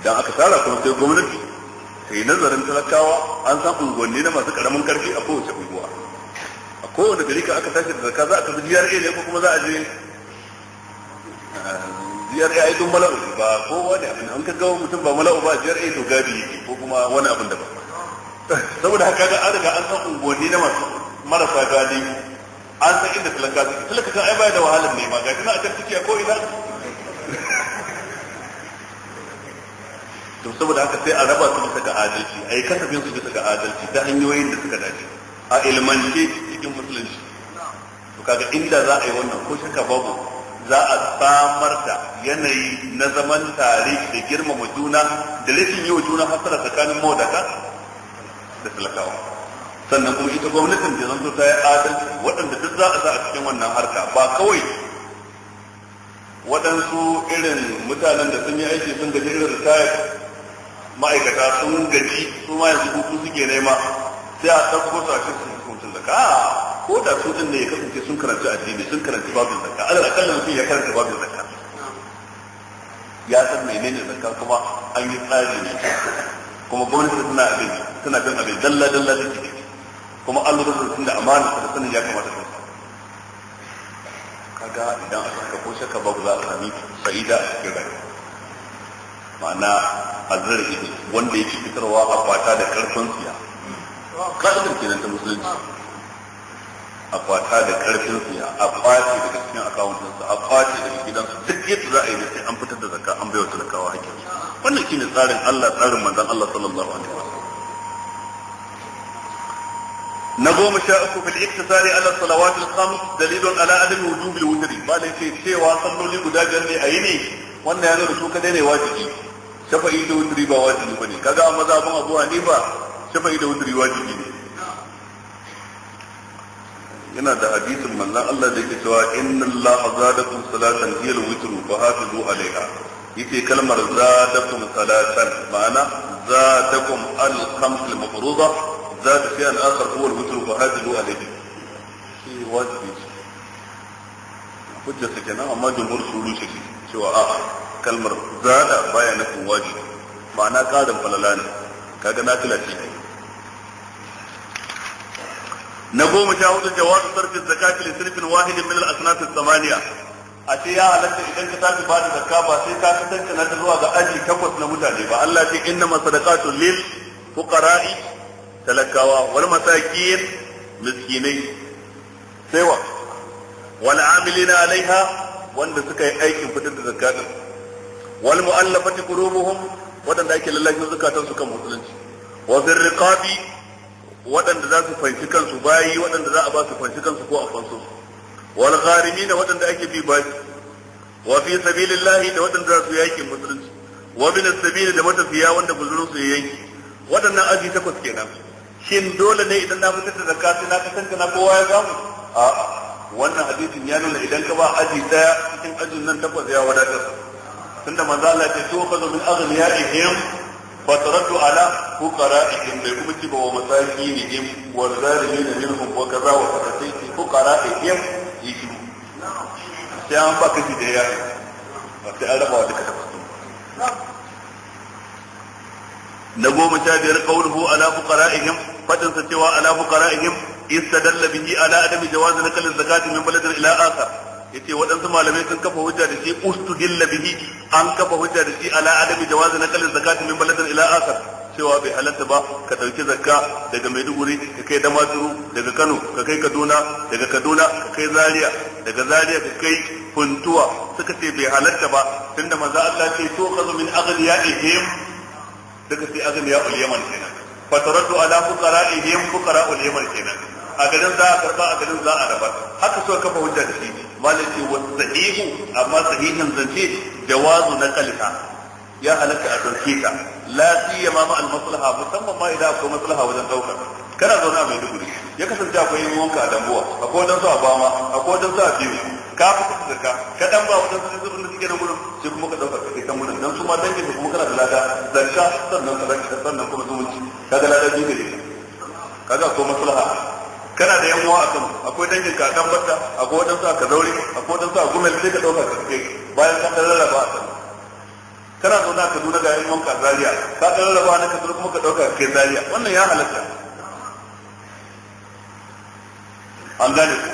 dan aka tsara kuma sai gwamnati sai nazarin talakawa an san unguwanni na masu karamin karfi a kowace unguwa a kowane gari ka aka tashi da zaka za a tafi DRA ne ko kuma za a je DRA eh, ai don mala'u ba kowa ne abin an gawo mutum ba mala'u ba DRA to gadi yake ko kuma wani abin da ba saboda haka ga an riga an san unguwanni na masu marasa gadi an san inda talaka suke talaka kan ai baya da wahalar nema ga kuma a can ciki a ko ina to saboda haka sai a raba su bisa ga adalci a yi kasafin su bisa ga adalci ta hanyoyin da suka dace a ilmance cikin musulunci to kaga inda za a yi wannan ko shaka babu za a samar da yanayi na zaman tare da girmama juna da rashin yi wa juna hasara tsakanin maudaka da talakawa sannan kuma ita gwamnatin da zanto ta yi adalci waɗanda duk za a sa a cikin wannan harka ba kawai waɗansu irin mutanen da sun yi aiki sun gaji irin ritaya ma'aikata sun gaji sun ma yanzu hutu suke nema sai a ɗauko su a cikin sun hukuncin zaka ko da su ɗin ne ya kasance sun karanci addini sun karanci babin zaka alal akalla mutum ya karanta babin zaka ya san menene zaka kuma an yi tsari ne kuma gwamnati suna abin suna bin abin dalla dalla da ciki kuma an lura da sun da amana da sanin ya kamata su kaga idan aka ko shakka babu za a sami sa'ida a cikin rayuwa ma'ana azar ido wanda yake fitarwa a fata da karfin siya ka'idar kenan ta musulunci a fata da karfin siya a kwace daga cikin akawuntinsa a kwace daga gidansa duk yadda za a yi sai an fitar da zakka an bai baiwa talakawa hakkin wannan shine tsarin Allah tsarin manzon Allah sallallahu alaihi wasallam نقوم شاءك في الاقتصار على الصلوات الخمس دليل على عدم وجوب الوتر ما ليس cewa salloli guda biyar ne a yini wannan ya nuna su kadai ne wajibi shafa'i da wuturi ba wajibi bane kaga a mazhabin Abu a Hanifa shafa'i da wuturi wajibi ne yana da hadisin manzon Allah da yake cewa inna Allah zadakum salatan hiya al-witru fa hafizu alaiha yace kalmar zadakum salatan ma'ana zadakum al-khams al-mafruḍa zada fi al-akhar huwa al-witru fa hafizu alaihi shi wajibi hujja take nan amma jumhur su rushe cewa a'a kalmar zada baya nufin wajibi ma'ana ƙarin falala ne kaga na kila ce na goma sha hudu jawabu sarfin zakati li sirfin wahidin min al-asnaf samaniya a ce ya halatta idan ka tafi ba da zakka ba sai ka kasance na zuwa ga aji takwas na mutane ba Allah ce inna masadaqatu lil fuqara'i talakawa wal masakin miskinai sai wa wal amilina alaiha wanda suka yi aikin fitar da zakatun wal mu'allafati qulubuhum wadanda ake lallashin zukatan su kan musulunci wa fil riqabi wadanda za su fanshi kansu bayi wadanda za a ba su fanshi kansu ko a fansu wal gharimina wadanda ake bi bayi wa fi sabilillahi da wadanda za su yakin musulunci wa bin sabili da matafiya wanda guzurin su yanki wadannan aji takwas kenan shin dole ne idan na fitar da zakka sai na kasance na kowa ya samu a'a wannan hadisin ya nuna idan ka ba aji daya cikin ajin nan takwas ya wadatar tunda manzo Allah ya ce to kazo min aghniyaihim fa taraddu ala fuqara'ihim bai kuma ci ba wa masakinihim wal zalimin minhum wa kaza wa fatatiki fuqara'ihim yiki sai an baka shi da yayi sai an raba wa duka da tafasu na goma sha biyar qawluhu ala fuqara'ihim fadin sa cewa ala fuqara'ihim istadalla bihi ala adami jawaz nakal zakati min baladin ila akhar yace waɗansu malamai sun kafa hujja da shi ustudilla bihi an kafa hujja da shi ala adami jawazi kalin zakati min baladin ila akhar cewa bai halatta ba ka dauki zakka daga Maiduguri ka kai Damaturu daga Kano ka kai Kaduna daga Kaduna ka kai Zaria daga Zaria ka kai Funtuwa suka ce bai halatta ba tunda manzo Allah ce to kazu min aghniyaihim daga sai aghniya ul yaman kenan fataraddu ala fuqara'ihim fuqara'ul yaman kenan a garin za a karba a garin za a rabar haka suka kafa hujja da shi malai ce wa sahihu amma sahihin zance jawazu na kalita ya halatta a dauke ta la siyama ma al maslaha musamman ma idan akwai maslaha wajen daukar kana zaune a Maiduguri ya kasance akwai yin wanka a Dambuwa akwai wajen su a Bama akwai wajen su a Biyu ka fi kusa da ka dan ba wajen su zubin da suke nan sai kuma ka dauka kake kan gurin dan su ma dangin da kuma kana da lada zakka sannan ka sannan kuma zumunci ga lada biyu gare ka kaga akwai maslaha kana da yan uwa a kan akwai dangin ka kan batta akwai wadansu a kazauri akwai wadansu a gumel sai ka dauka ka kai bayan ka dan rarraba a kan kana zo na duna ga yan uwan ka Zaria ka dan rarraba na Kaduna kuma ka dauka ka kai zariya wannan ya halatta an gane ku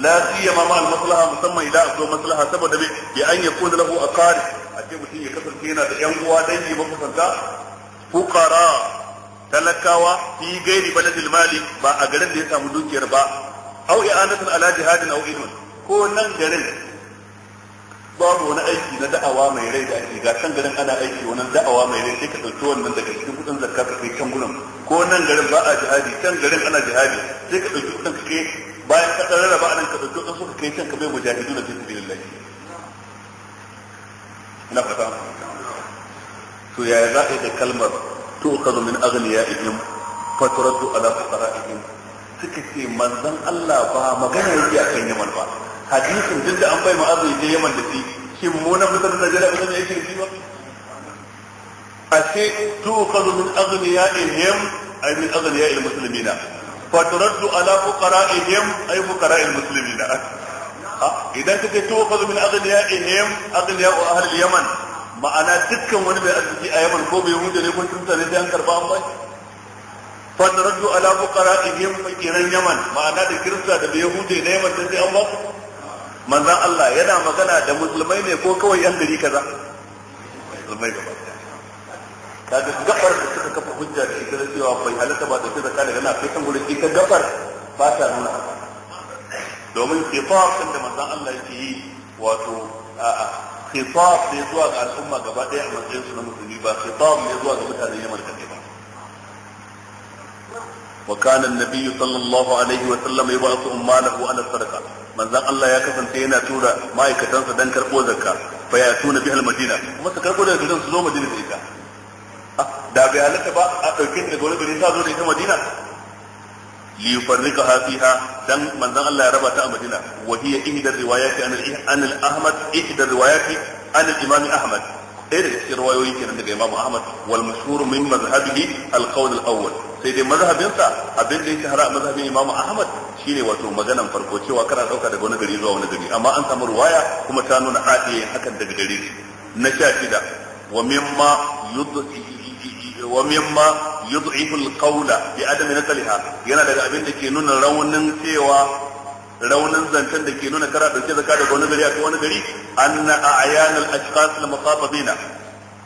la siyama ma al-maslaha musamman idan akwai maslaha saboda bi ya an yakuna lahu aqari a ce mutum ya kasance yana da yan uwa dangi makusanta fuqara talakawa fi gairi baladil mali ba a garin da ya samu dukiyar ba au i'anatun ala jihadin au ilmun ko nan garin babu wani aiki na da'awa mai rai da ake ga kan garin ana aiki wani da'awa mai rai sai ka ɗauki wannan daga cikin kudin zakka ka kai can gurin ko nan garin ba a jihadi can garin ana jihadi sai ka ɗauki kudin ka kai bayan ka ɗan rarraba anan ka ɗauki kudin suka kai can ka bai mujahidu na fi sabilillah ina fata to yaya za ka yi da kalmar tukhadhu min aghniyaihim fa turaddu ala fuqara'ihim suka ce manzon Allah ba magana yake akan Yaman ba hadisin duk da an bai mu azumi je Yaman da shi shin mu na fitar da jira ba ne yake shi ba ashe tukhadhu min aghniyaihim ay min aghniya'il muslimina fa turaddu ala fuqara'ihim ay fuqara'il ah, min Yaman ma'ana dukkan wani mai arziki a yaman ko bai wuce ne kun tunta ne sai an karba an bai fadraddu ala fuqara'ihim iran yaman ma'ana da kirista da bai wuce ne yaman sai an ba manzon Allah yana magana da musulmai ne ko kawai yan gari kaza musulmai gaba kaga gabar da suka kafa hujja da ita cewa bai halatta ba da ta zakka daga na kai kan gurin ita gabar ba ta nuna domin kifafin da manzon Allah yake yi wato a'a khitab ne zuwa al'umma gaba ɗaya a matsayin su na musulmi ba khitab ne zuwa ga mutanen Yaman kaɗai ba wa kana an-nabiy sallallahu alaihi wa sallam yub'athu ummalahu ala sadaqa manzon Allah ya kasance yana tura ma'aikatansa dan karɓo zakka fa ya tuna bihal madina kuma su karɓo daga gidan da ba a ɗauke ta li yufarrika fiha dan manzon Allah ya rabata a Madina wa hiya ihda riwayati an an al-Ahmad ihda riwayati an al-Imam Ahmad ɗaya daga kenan daga Imam Ahmad wal mashhur min mazhabihi al-qawl sai dai mazhabinsa abin da ya shahara a mazhabin Imam Ahmad shine wato maganan farko cewa kana dauka daga wani gari wani gari amma an samu riwaya kuma ta nuna haɗe hakan daga gare na sha shida wa wa mimma yud'ifu al-qawla bi adam naqliha yana daga abin da ke nuna raunin cewa raunin zancen da ke nuna kara dauke a daga wani gari a wani gari anna a'yan al-ashqas al-muqatabina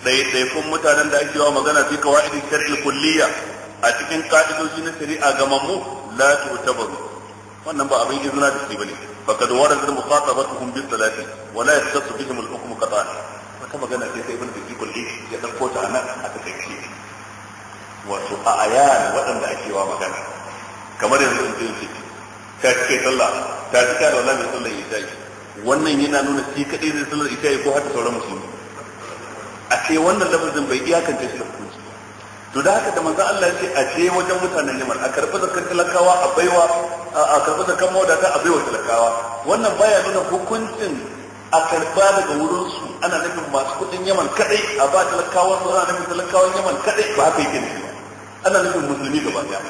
daidaikun mutanen da ake yawa magana fi qawaid shari kulliya a cikin ka'idoji na shari'a gamammu la tu'tabaru wannan ba abin izina da shi bane faqad warada muqatabatuhum bis salati wa la yastasu bihim al-hukm qat'an wata magana sai sai ibn Bikul ya dauko ta nan a takaice wato a ayan waɗanda ake wa magana kamar yanzu in jin ciki ta cike sallah ta ci da wala mai sallar isha'i wannan yana nuna shi kaɗai zai sallar isha'i ko haka sauran musulmi a ce wannan lafazin bai iyakance shi da hukunci to da haka da manzo Allah ce a ce wajen mutanen Yaman a karɓi zakar talakawa a baiwa a karɓi zakar mawadata a baiwa talakawa wannan baya nuna hukuncin a karɓa daga wurinsu ana nufin masu kuɗin Yaman kaɗai a ba talakawa su ana nufin talakawan Yaman kaɗai ba haka yake ne ana nufin musulmi gaba daya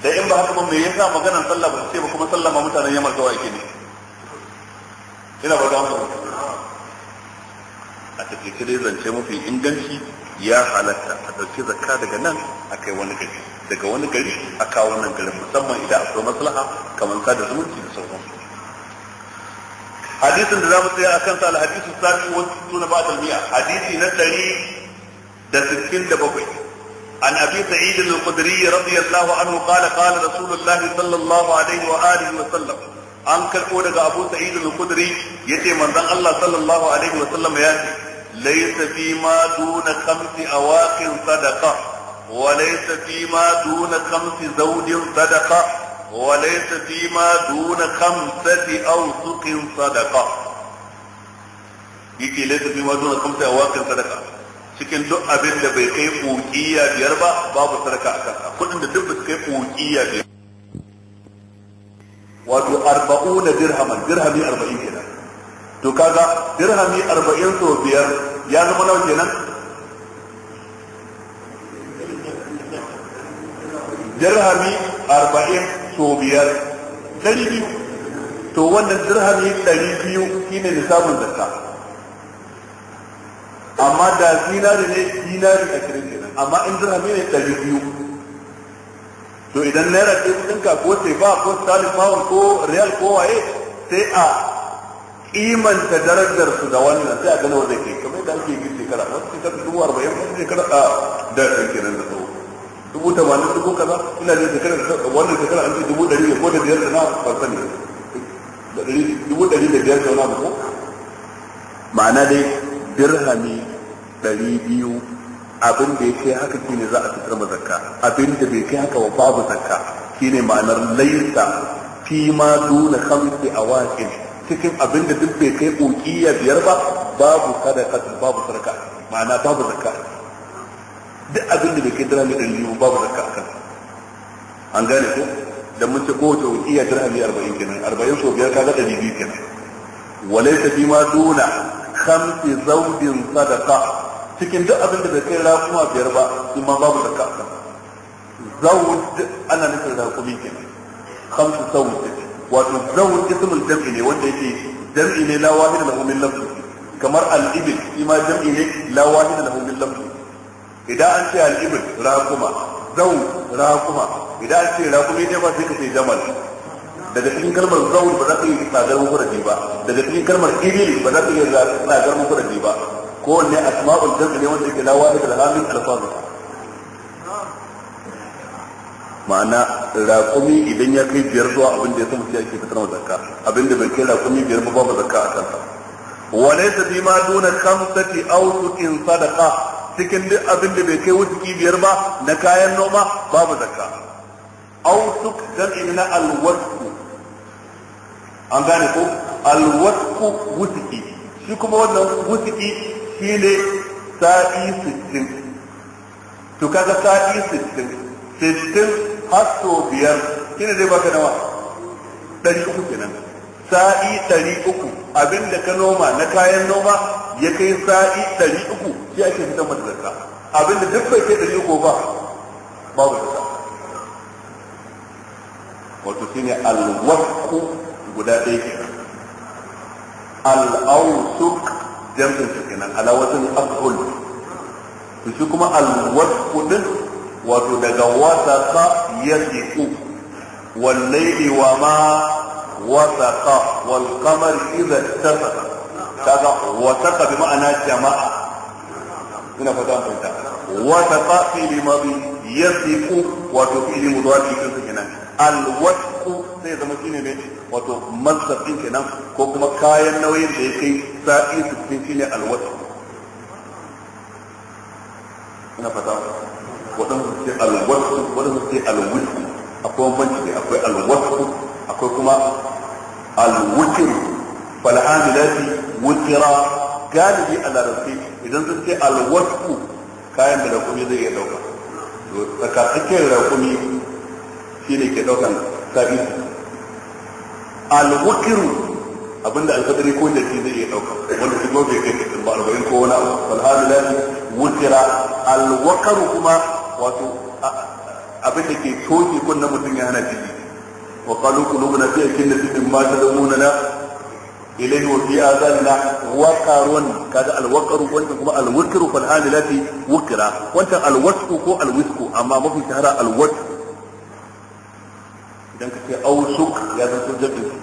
da in ba haka ba me yasa maganar sallah ba sai ba kuma sallah ma mutanen yamar kawai ke ne ina ba za mu a takaice dai zance mafi inganci ya halatta a ɗauki zakka daga nan a kai wani gari daga wani gari a kawo wannan garin musamman idan akwai maslaha kamar ka da zumunci da sauransu hadisin da za mu tsaya a kansa alhadisu sami wasu suna ba a miya hadisi na ɗari da sittin da bakwai عن أبي سعيد الخدري رضي الله عنه قال قال رسول الله صلى الله عليه وآله وسلم an karɓo daga abu sa'id al-khudri yace manzon Allah sallallahu alaihi wa sallam ya ce laysa fi ma duna khamsi awaqin sadaqa wa laysa fi ma duna khamsi zawjin sadaqa wa laysa fi ma duna khamsati awsuqin sadaqa yake laysa fi ma duna khamsi awaqin sadaqa cikin duk abin da bai kai ƙoƙiya biyar ba babu sadaka a kansa kuɗin da duk bai kai ƙoƙiya biyar wato arba'u na dirhaman dirhami arba'in kenan to kaga dirhami arba'in sau biyar ya zama nawa kenan dirhami arba'in sau biyar dari biyu to wannan dirhami dari biyu shine nisabun zakka amma da zinari ne zinari a kirin kenan amma in dirhami ne ɗari biyu to idan naira ce ka ko sai ba ko sterling pound ko real ko waye sai a kimanta darajar su da wannan sai a gano wanda ke kamar da ake yi shekara wasu shekara dubu arba'in wasu shekara a da kenan da tsawo dubu tamanin dubu kaza ina jin shekara wannan shekara an ce dubu ɗari ne ko da biyar da na farsa sani dubu ɗari da biyar da na ko ma'ana dai dirhami ɗari biyu abin da ya kai haka ne za a fitar ma zakka abin da bai kai haka wa babu zakka ne ma'anar laisa fi ma duna khamsi awaqin cikin abin da duk bai kai ukiya biyar ba babu sadaka babu sarka ma'ana babu zakka duk abin da bai kai dirhami ɗari biyu babu zakka akan an gane ko da mun ce kowace ukiya dirhami arba'in kenan arba'in sau biyar kaga ɗari biyu kenan walaisa fi ma duna khamsi zawdin sadaqa cikin duk abin da bai kai raƙuma biyar ba su ma babu da a zawd ana nufin raƙumi kenan khamsu zawd wato zawd ismul jam'i ne wanda yake jam'i ne la wahida lahu min lafzi kamar al shi ma jam'i ne la wahida lahu min lafzi idan an ce al-ibil raƙuma zawd idan an ce raƙumi ne ba sai ka ce jamal daga cikin kalmar zawul ba za ka yi tsagar mufradi ba daga cikin kalmar ibil ba za ka yi tsagar mufradi ba kowanne asma'ul jam'i ne wanda ke lawa da alhamin alfazu ma'ana raƙumi idan ya kai biyar zuwa abin da ya samu ke fitar wa zakka abin da bai kai raƙumi biyar ba ba zakka a kansa ta bi ma duna khamsati awsuqin sadaka cikin duk abin da bai kai wusuki biyar ba na kayan noma babu zakka awsuq jam'i na alwasq an gane ko alwasku wutiki shi kuma wannan wutiki shi ne sa'i sittin to kaga sa'i sittin sittin hasso biyar shi ne zai baka nawa ɗari uku kenan sa'i ɗari uku abin da ka noma na kayan noma ya kai sa'i ɗari uku shi ake fitan mata zakka abin da duk bai kai ɗari uku ba babu ta wato shine alwasku guda ɗaya kenan al-awsuq jam'in sa kenan ala wazn af'ul to shi kuma al-wasq din wato daga wasaqa yasiqu wal layli wa ma wasaqa wal qamar idha ittasaqa kaga wasaqa bi ma'ana jama'a ina fata an fahimta wasaqa fi limadi yasiqu wato fi limadi kin kenan al-wasq sai zama shine ne wato masar ɗin kenan ko kuma kayan nauyin da ya kai sa'i sittin shine alwata ina fata waɗansu ce alwasu waɗansu ce a akwai manci ne akwai alwasu akwai kuma alwutir lafi wutira galibi a larabci idan sun ce alwasu kayan da rakumi zai iya ɗauka tsakatsakiyar rakumi shi ne ke ɗaukan sa'i al-wukru abinda alfadari ko da zai iya ɗauka wanda shi ba bai kai kitin ba arba'in ko wani abu wal hamilati wukira alwakaru kuma wato abin da ke toke kunna mutum ya hana jiki wa qalu qulubuna fi akillatin mimma tad'una la ilayhi wa fi azanna waqarun kada alwakaru wannan kuma alwukru fal hamilati wukira wannan alwasku ko alwisku amma mafi shahara alwasku idan ka ce ausuk ya zanto jam'in su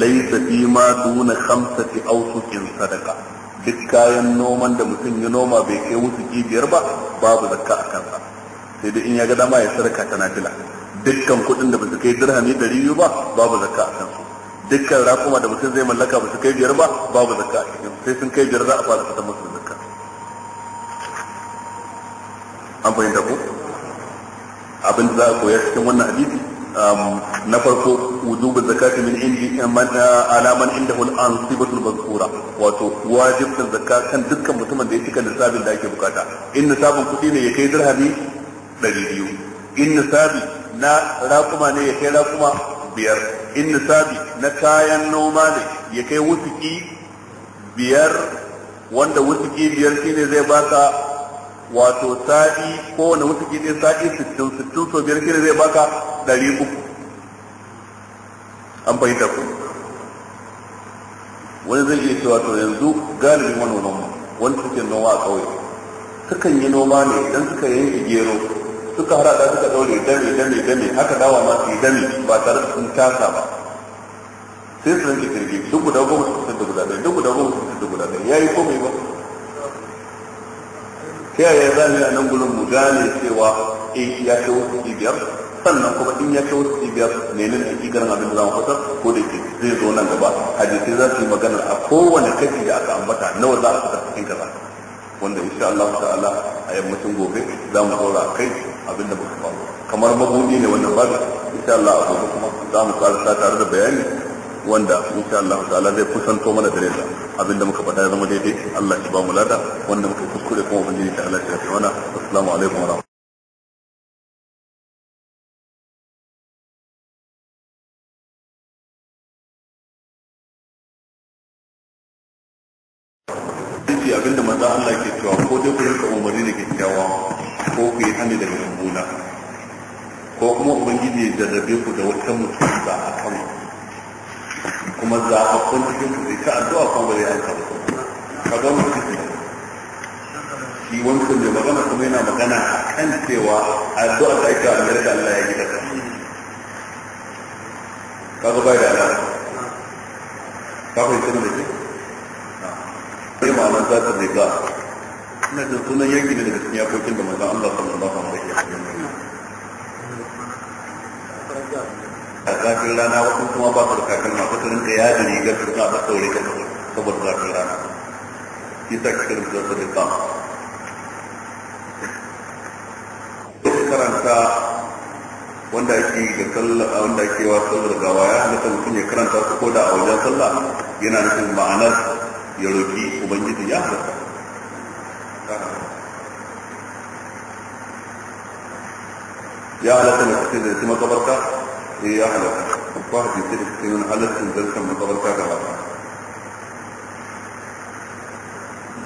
laisa fi ma duna au ausukin sadaka duk kayan noman da mutum ya noma bai kai wuce kibiyar ba babu zakka a kansa sai dai in ya ga dama ya sadaka ta nafila dukkan kuɗin da basu kai dirhami ɗari biyu ba babu zakka a kansu dukkan raƙuma da mutum zai mallaka ba su kai biyar ba babu zakka a cikin sai sun kai biyar za a fara fitar musu zakka an fahimta ko abin da za a koya cikin wannan hadisi um, na farko wujubu zakati min indi eh, man eh, ala man indahu al-ansibatu al-mazkura wato wajibin zakka kan dukkan mutumin da ya cika nisabin da ake bukata in nisabin kuɗi ne ya kai dirhami 200 in nisabi na raƙuma ne ya kai raƙuma biyar in nisabi na kayan noma ne ya kai wutuki biyar wanda wutuki biyar shine zai baka wato sa'i ko wani mutuki ɗaya sa'i sittin sittin so biyar shi zai baka ɗari uku an fahimta ku wani zai iya cewa to yanzu galibin manoman mu wani suke noma a ƙauye sukan yi noma ne idan suka yanke gero suka harada suka ɗaure dame dame dame haka dawa ma su yi dame ba tare da sun tasa ba sai su ranke kirgi duk guda goma su kusa da guda ɗaya duk guda goma su kusa da guda ɗaya ya yi komai ba ta yaya za mu yi a nan gurin mu gane cewa eh ya ce wasu biyar sannan kuma in ya ce wasu cibiyar menene hakikar abin da za mu fasar ko da ke zai zo nan gaba hadisai za su yi magana a kowane kashi da aka ambata nawa za a fitar cikin kaza wanda insha Allah ta'ala a yammacin gobe za mu saura kai abin da muka faru kamar mabudi ne wannan babu insha Allah a gobe kuma za mu tsara tare da bayani wanda insha Allah ta'ala zai kusanto mana gare sa abinda muka faɗa ya zama daidai Allah shi ba mu lada wanda muka kuskure kuma ubangiji ta Allah ya tafi mana assalamu alaikum wa abinda manzo Allah ke cewa ko dai ku rinka umarni da kyakkyawa ko ku yi hani daga mummuna ko kuma ubangiji ya jarrabe ku da wata mutunta a kanku kuma zaɓaɓɓun cikin su ta addu'a kuma ba zai amsa ka ga wani cikin shi wancan da magana kuma yana magana a kan cewa addu'a da ake a da Allah ya gida ka ga bai da ala ka fahimci da ke sai ma'anar za ta riga ina jin sunan yanki ne daga cikin yakokin da manzon Allah a alaihi wa sallam a zafin rana wasu kuma ba su da takalma su rinka yaji rigar su suna ɗasa wuri kan saboda zafin rana shi sa kika rinka zasu da kama karanta wanda ake da sallah wanda ake wa sallar gawa ya halatta mutum ya karanta su ko da a wajen sallah yana nufin ma'anar ya roki ubangiji ya halatta ya halatta mutum da su makabarta هي على الظهر يصير السنون على الزلزال كما ضرب كذا وضع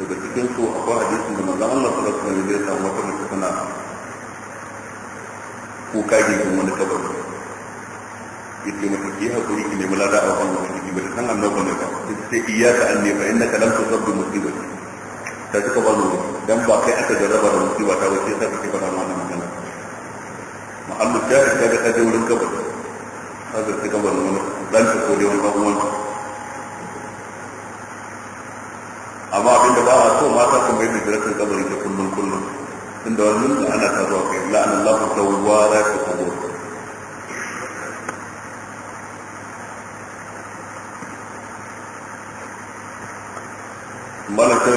إذا تكنت أباه جسم من الله الله صلى الله عليه وسلم أو وطن السنة وكاجي من الكبر yake mata ki hakuri ki nemi lada a wannan wani ki bata san annabi ne ba sai iyyaka anni fa innaka lam tusabbi musibati ta suka ba zo dan ba kai aka jarraba da musiba ta ba sai ka kike fara wannan magana ma'allu ta ga ka je wurin kabar ta zarci kabarin wani ɗanta ko dai wani ɗan'uwanta amma abinda ba a so mata su mai da zirafin kabari ta kullum kullum tun da wannan ta zuwa kai la'anar lafa ta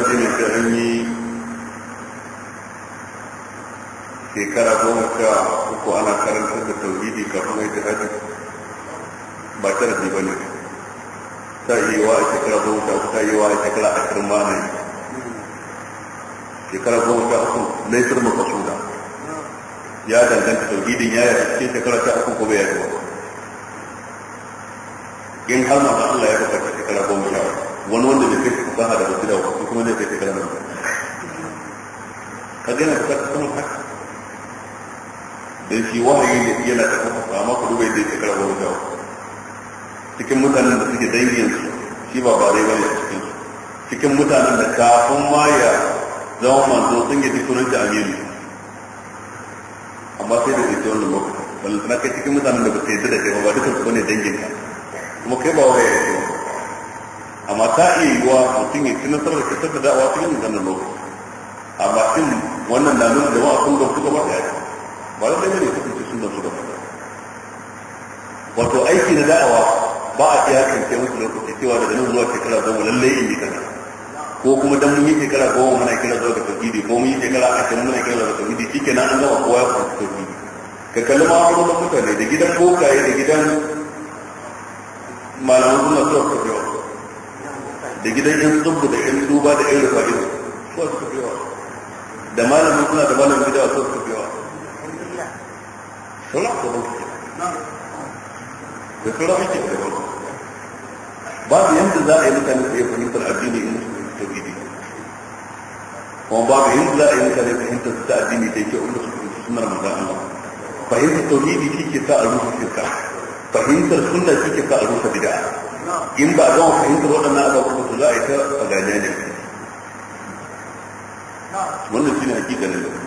jini ta an shekara goma sha uku ana karantar da tauhidi kafin aiki hajji ba sharafi ba ne ta yi wa a shekara zuwa ta uku ta yi wa a shekara a ma ba ne shekara zuwa ta uku na isar maka suna ya danganta gidin ya yi cikin shekara ta uku kuma ya yi ba in har ma Allah ya kafa ta shekara goma sha wani wanda bai kai ka da wasu da wasu kuma zai kai shekara nan ka gina ka kuma haka dan shi wahayi ne yana da kuma amma ku dubai zai shekara goma sha cikin mutanen da suke dangin shi ba bare bane a cikin su cikin mutanen da kafin ma ya zama manzo sun yi tukunan da aminu amma sai da ita wannan lokacin wannan tana kai cikin mutanen da ba su yadda da kai ba dukkan su bane dangin ka kuma kai ba wai ya ce amma ta iya yi wa mutum ya ci nasarar ka ta da'awa cikin wannan lokacin amma shin wannan na nuna da jama'a sun gamsu gaba ɗaya ba lallai ne kasance sun gamsu gaba ɗaya wato aiki na da'awa ba a iyakance wasu lokaci cewa daga nan zuwa shekara goma lallai in yi kaza ko kuma dan mun yi shekara goma muna kira zuwa ga tauhidi ko mun yi shekara ashirin muna kira zuwa ga tauhidi shikenan an gama kowa ya fahimci tauhidi ka kalli ma'amalolin mutane da gidan bokaye da gidan malaman suna suwa suka fi da gidan yan tsubbu da yan duba da yan rufa ido suwa suka fi da malamin suna da malamin gida suwa suka fi yawa. Sallah ko ba da kira ake da daban babu yadda za a yi mutane su iya fahimtar addini in su ta gidi kuma babu yadda za a yi mutane fahimtar su ta addini da yake wanda su fahimta sunar maza amma fahimtar tauhidi shi ke sa a rufe shirka fahimtar sunna kike ke sa a rufe bid'a in ba don gama fahimtar waɗannan abubuwan su za a yi ta a ne wannan shi ne hakikanin da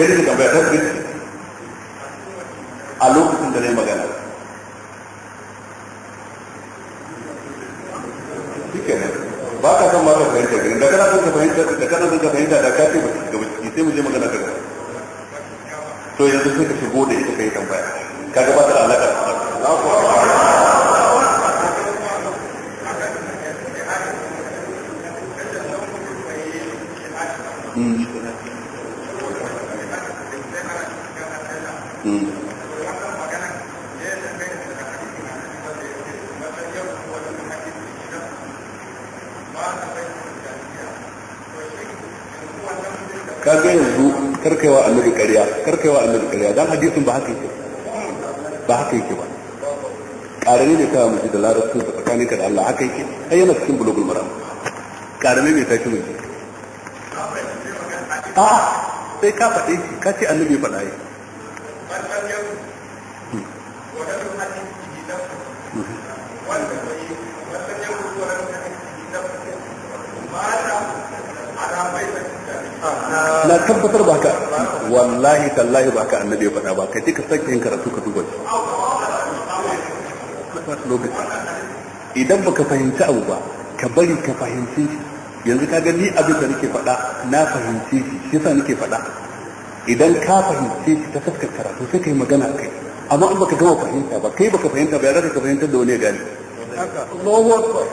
kai ne gaba bayar tasbih a lokacin da ne magana ba ka san mara fahimta gani da kana son ka fahimta da kana son ka fahimta da ka ce ga baki sai mu je magana ka gaba to yanzu sai ka shigo da ita kai tambaya kaga ba ta da alaka ka ga yanzu karkaiwa annabi ƙarya karkaiwa annabi ƙarya dan hadisin ba haka yake ba haka yake ba karami ne kawai mutu da larabci da tsakanin ka da Allah haka yake ai yana cikin bulugul maram karami ne tashi mutu a sai ka faɗi ka ce annabi faɗa yake tabbatar ba ka wallahi tallahi ba ka annabi ya faɗa ba kai ka sake yin karatu ka duba lokaci idan baka fahimci abu ba ka bari ka fahimci shi yanzu ka ga ni abin da nake faɗa na fahimci shi shi sa nake faɗa idan ka fahimci shi ta fuskar karatu sai kai magana kai amma in baka gama fahimta ba kai baka fahimta ba ya zaka ka da wani ya gani Allahu akbar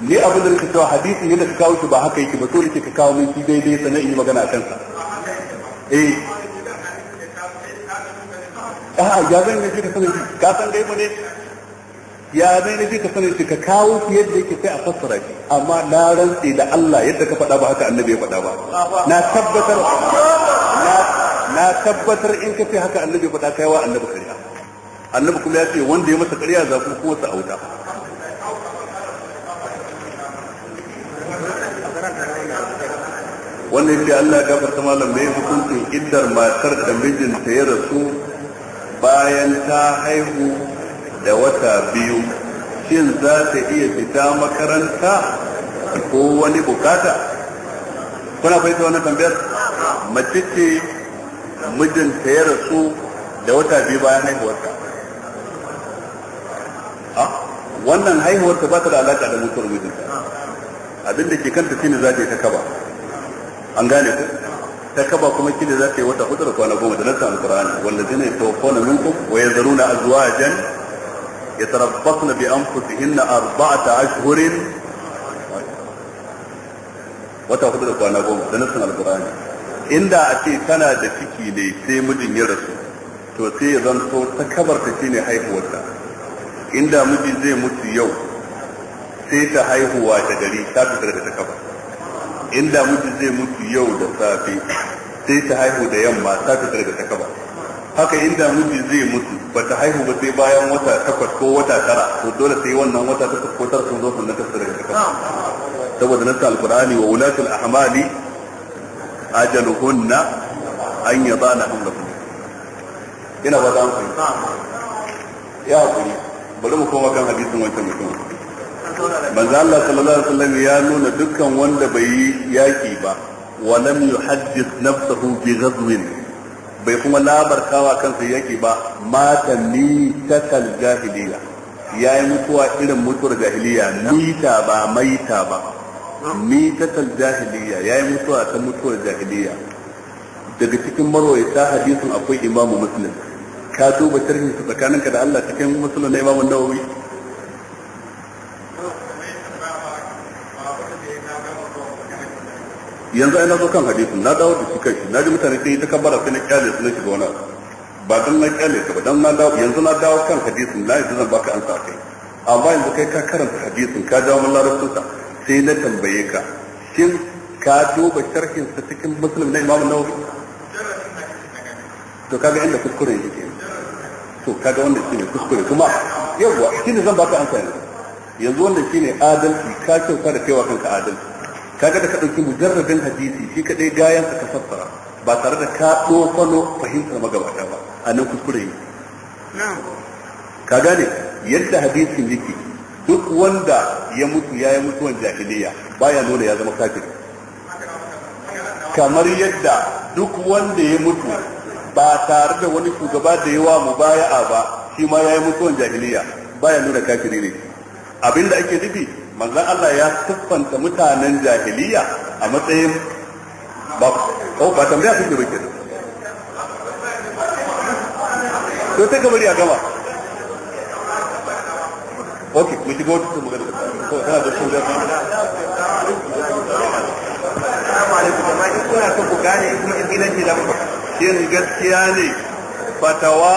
ni abin da nake cewa hadisin yadda ka kawo shi ba haka yake ba to nake ka kawo min shi daidai sannan in yi magana a kansa eh a ya zan yi ka sanin ka san dai mu ne ya zai na ka sanin shi ka kawo shi yadda yake sai a fassara shi amma na rantse da Allah yadda ka faɗa ba haka annabi ya faɗa ba na tabbatar na tabbatar in ka ce haka annabi ya faɗa kaiwa annabi kariya annabi kuma ya ce wanda ya masa kariya za ku kuma sa auta wannan ce Allah ya gafarta malam mai hukuncin iddar matar da mijinta ya rasu bayan ta haihu da wata biyu shin za ta iya fita makaranta ko wani bukata kuna fahimta wannan tambayar mace ce mijinta ya rasu da wata biyu bayan haihuwarta wannan haihuwarta ba ta da alaƙa da mutuwar mijinta abinda ke kanta shine za ta yi ta kaba an gane ku ta kaba kuma kida za ta yi wata hudu da kwana goma da nasa alkur'ani wanda zai ne min ku? wa ya na azuwa a azwajan ya na bi anfusihinna arba'ata ashhurin wata hudu da kwana goma da nasa alkur'ani inda a ce tana da ciki ne sai mijin ya rasu to sai ya zanto ta kabarta shine haihuwarta inda miji zai mutu yau sai ta haihuwa ta gari ta fitar da ta kabar In da miji zai mutu yau da safe sai ta haihu da yamma ta fita daga takaba haka in da miji zai mutu ba ta haihu ba sai bayan wata takwas ko wata tara to dole sai wannan wata takwas ko tara sun zo sannan ta da daga takaba saboda nasa alqur'ani wa ulatul ahmali ajaluhunna an yadana hamlakum ina ba za mu fahimta ya hakuri bari mu koma kan hadisin wancan mutum manzo Allah sallallahu alaihi wasallam ya nuna dukkan wanda bai yi yaki ba wa lam yuhaddith nafsahu bi ghadwin bai kuma labarkawa kansa yaki ba mata ni takal jahiliya yayi mutuwa irin mutuwar jahiliya mita ba maita ba Ni takal jahiliya yayi mutuwa ta mutuwar jahiliya daga cikin marwayata hadisin akwai imamu muslim ka duba tarihi su tsakaninka da Allah cikin musulun na imamu nawawi yanzu ai na zo kan hadisin na dawo da shi kai na ji mutane sai ta kabbara sai na kyale su na shiga wani ba dan na kyale ka ba dan na dawo yanzu na dawo kan hadisin na yanzu zan baka ansa kai amma yanzu kai ka karanta hadisin ka dawo mun larabtun sa sai na tambaye ka shin ka duba sharhin sa cikin musulmi na imamu nawawi to kaga inda kuskure yake to kaga wanda ne kuskure kuma yawwa ne zan baka ansa yanzu yanzu wannan ne adalci ka kyauta da kaiwa kanka adalci kaga da ka ɗauki mujarradin hadisi shi kaɗai gayan ka fassara ba tare da ka ɗofano fahimtar magabata ba a nan kuskure yi ka gane yadda hadisin yake duk wanda ya mutu ya yi mutuwan jahiliya baya nuna ya zama kafiri kamar yadda duk wanda ya mutu ba tare da wani shugaba da yawa mu baya'a ba shi ma ya yi mutuwan jahiliya baya nuna kafiri ne abinda ake nufi manzon Allah ya siffanta mutanen jahiliya a matsayin ba ko oh, ba tambaya kake ba kenan to sai ka bari a gama ok mu ci wata sun magana ko tana da sun zai Assalamu alaikum amma in kuna son ku gane in kuma izgilanci za mu shin gaskiya ne fatawa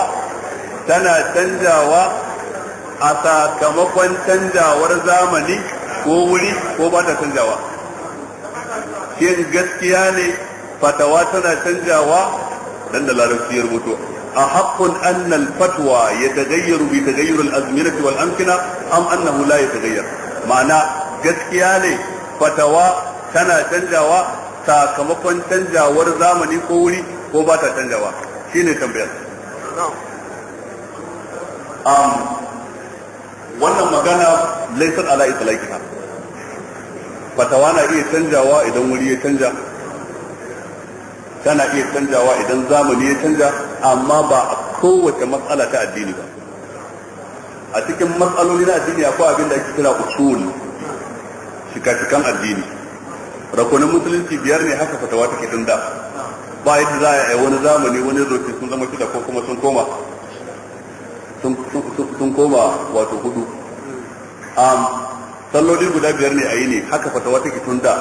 tana canjawa a sakamakon canjawar zamani ko wuri ko ba ta canjawa shin gaskiya ne fatawa tana canjawa dan da larabciyar mutu a haƙƙun annal fatwa ya tagayyaru bi tagayyur al-azminati wal amkina am annahu la tagayyar ma'ana gaskiya ne fatawa tana canjawa sakamakon canjawar zamani ko wuri ko ba ta canjawa shine tambayar um, wannan magana laifin ala itlaqiha fatawa na iya canjawa idan wuri ya canja tana iya canjawa idan zamani ya canja amma ba a kowace matsala ta addini ba a cikin matsaloli na addini akwai abin da ake kira usul shika-shikan addini rakunan musulunci biyar ne haka fatawa take tunda ba yadda za a yi wani zamani wani zoci sun zama shida ko kuma sun koma sun koma wato hudu salloli guda biyar ne a yi ne haka fata wata ke tun da